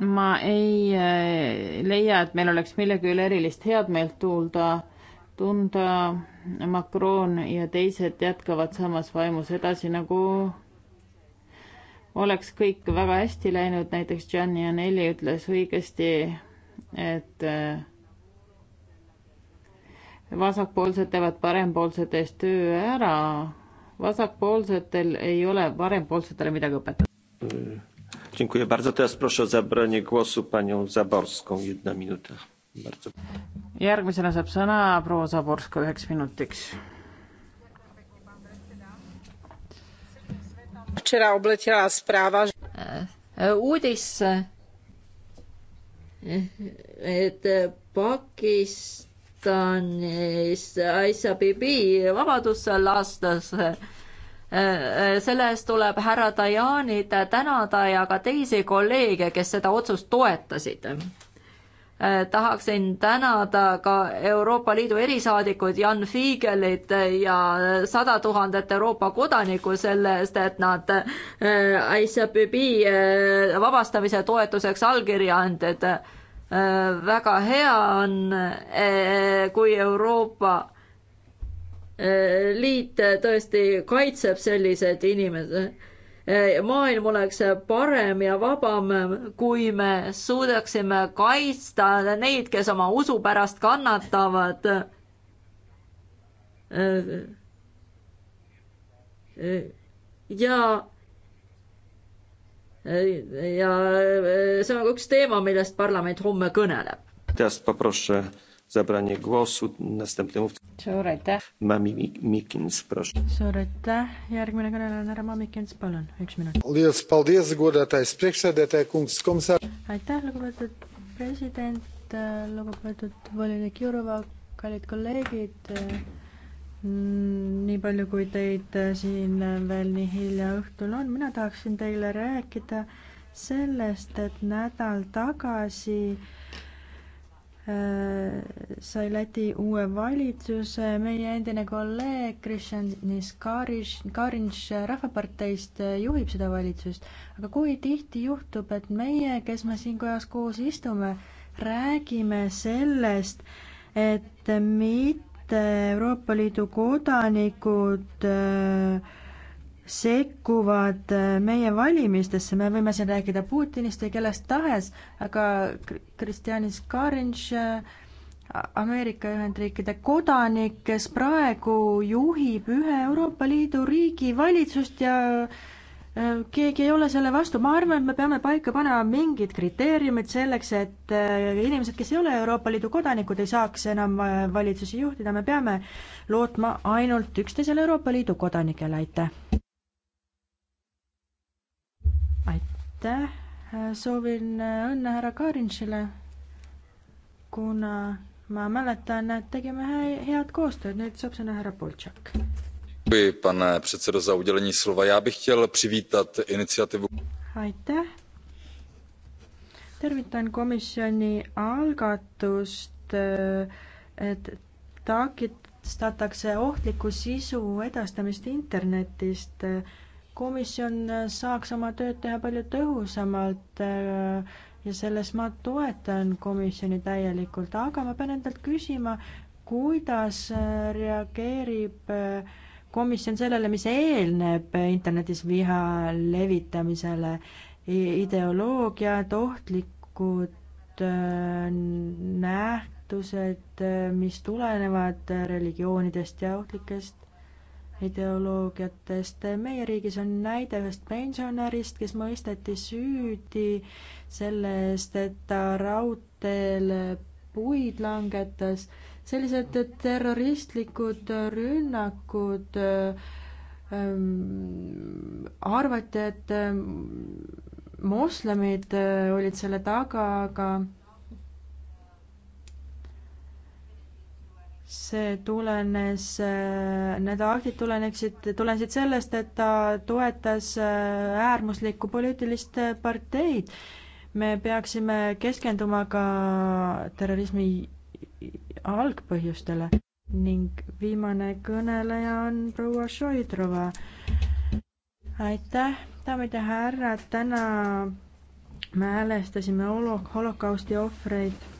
ma ei äh, leia, et meil oleks millegi üle erilist headmeelt tuulda, tunda. Macron ja teised jätkavad samas vaimus edasi, nagu oleks kõik väga hästi läinud, näiteks Gianni Anelli ütles õigesti, et äh, vasakpoolsed teevad parempoolsete eest töö ära. vasakpoolsetel ei ole parempoolsetele midagi õpetada. Äh. Dziękuję bardzo. Teraz proszę o zabranie głosu panią Zaborską. Jedna minuta. Bardzo. järgmisena saab sõna proua Zaborska üheks minutiks. E, uudis, e, et Pakistanis Aissabibi vabadusse lastas e, Äh, äh, selle eest tuleb härra Dajanit tänada ja ka teisi kolleege, kes seda otsust toetasid. Äh, tahaksin tänada ka Euroopa Liidu erisaadikud Jan Fiegelit ja sada tuhandet Euroopa kodanikku selle eest, et nad ICPB vabastamise toetuseks allkirja andid. väga hea on, kui Euroopa liit tõesti kaitseb sellised inimesed. Äh, maailm oleks parem ja vabam, kui me suudaksime kaitsta neid, kes oma usu pärast kannatavad. Äh, äh, ja ja see on ka üks teema, millest parlament homme kõneleb zabranie głosu następny mówca. suur aitäh. Mami Mikins, proszę. suur aitäh, järgmine kõneleja on härra Mami Mikins, palun, üks minut. aitäh, lugupeetud president, lugupeetud volinik Jurova, kallid kolleegid. nii palju, kui teid siin veel nii hilja õhtul on, mina tahaksin teile rääkida sellest, et nädal tagasi äh, Äh, sai Läti uue valitsuse, meie endine kolleeg Kristjan Niskaris, Karins Rahvaparteist juhib seda valitsust. aga kui tihti juhtub, et meie, kes me siin kojas koos istume, räägime sellest, et mitte Euroopa Liidu kodanikud äh, sekkuvad äh, meie valimistesse, me võime siin rääkida Putinist või kellest tahes, aga Kristjanis Karinš, äh, Ameerika Ühendriikide kodanik, kes praegu juhib ühe Euroopa Liidu riigi valitsust ja äh, keegi ei ole selle vastu, ma arvan, et me peame paika panema mingid kriteeriumid selleks, et inimesed, kes ei ole Euroopa Liidu kodanikud, ei saaks enam valitsusi juhtida, me peame lootma ainult üksteisele Euroopa Liidu kodanikele, aitäh! aitäh, soovin äh, õnne härra Karinšile, kuna ma mäletan, et tegime head koostööd, nüüd saab sõna härra Boltšak. pane predsedo za udelení slova, ja bych chtěl privitat initsiatiivu. aitäh. tervitan komisjoni algatust, äh, et takistatakse ohtliku sisu edastamist internetist komisjon saaks oma tööd teha palju tõhusamalt äh, ja selles ma toetan komisjoni täielikult, aga ma pean endalt küsima, kuidas äh, reageerib äh, komisjon sellele, mis eelneb internetis viha levitamisele, ideoloogiad, ohtlikud nähtused, mis tulenevad religioonidest ja ohtlikest ideoloogiatest. meie riigis on näide ühest pensionärist, kes mõisteti süüdi selle eest, et ta raudteele puid langetas. sellised terroristlikud rünnakud ähm, arvati, et ähm, moslemid äh, olid selle taga, aga see tulenes, äh, need aktid tuleneksid, tulenesid sellest, et ta toetas äh, äärmuslikku poliitilist parteid. me peaksime keskenduma ka terrorismi algpõhjustele ning viimane kõneleja on proua Šoidrova. aitäh, daamid ja härrad, täna me häälestasime holo-, holokausti ohvreid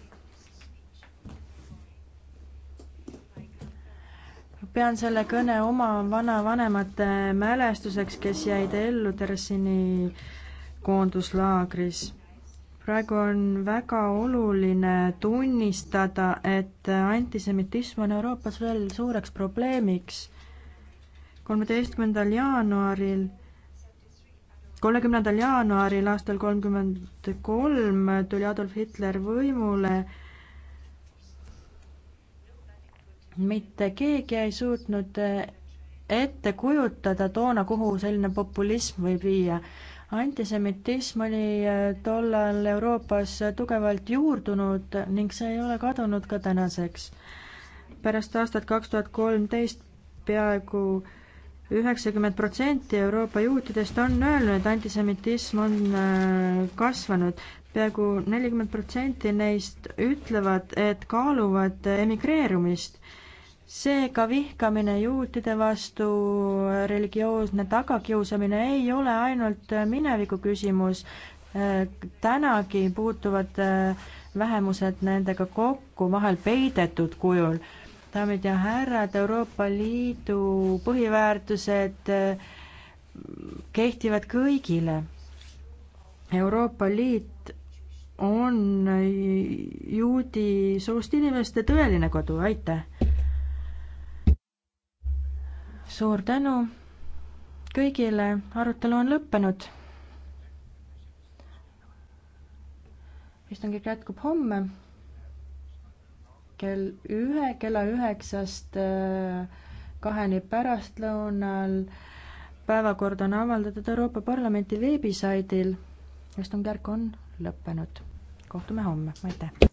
pean selle kõne oma vanavanemate mälestuseks, kes jäid ellu Teresini koonduslaagris. praegu on väga oluline tunnistada, et antisemitism on Euroopas veel suureks probleemiks. kolmeteistkümnendal jaanuaril kolmekümnendal jaanuaril aastal kolmkümmend kolm tuli Adolf Hitler võimule mitte keegi ei suutnud eh, ette kujutada toona, kuhu selline populism võib viia. antisemitism oli eh, tollal Euroopas tugevalt juurdunud ning see ei ole kadunud ka tänaseks. pärast aastat kaks tuhat kolmteist peaaegu üheksakümmend protsenti Euroopa juutidest on öelnud, et antisemitism on eh, kasvanud. peaaegu nelikümmend protsenti neist ütlevad, et kaaluvad emigreerumist seega vihkamine juutide vastu, religioosne tagakiusamine ei ole ainult mineviku küsimus, tänagi puutuvad äh, vähemused nendega kokku, vahel peidetud kujul. daamid ja härrad, Euroopa Liidu põhiväärtused äh, kehtivad kõigile. Euroopa Liit on juudi soost inimeste tõeline kodu, aitäh! suur tänu kõigile, arutelu on lõppenud. istung jätkub homme kell ühe, kella üheksast äh, kaheni pärastlõunal. päevakord on avaldatud Euroopa Parlamenti veebisaidil. istungjärk on lõppenud. kohtume homme, aitäh!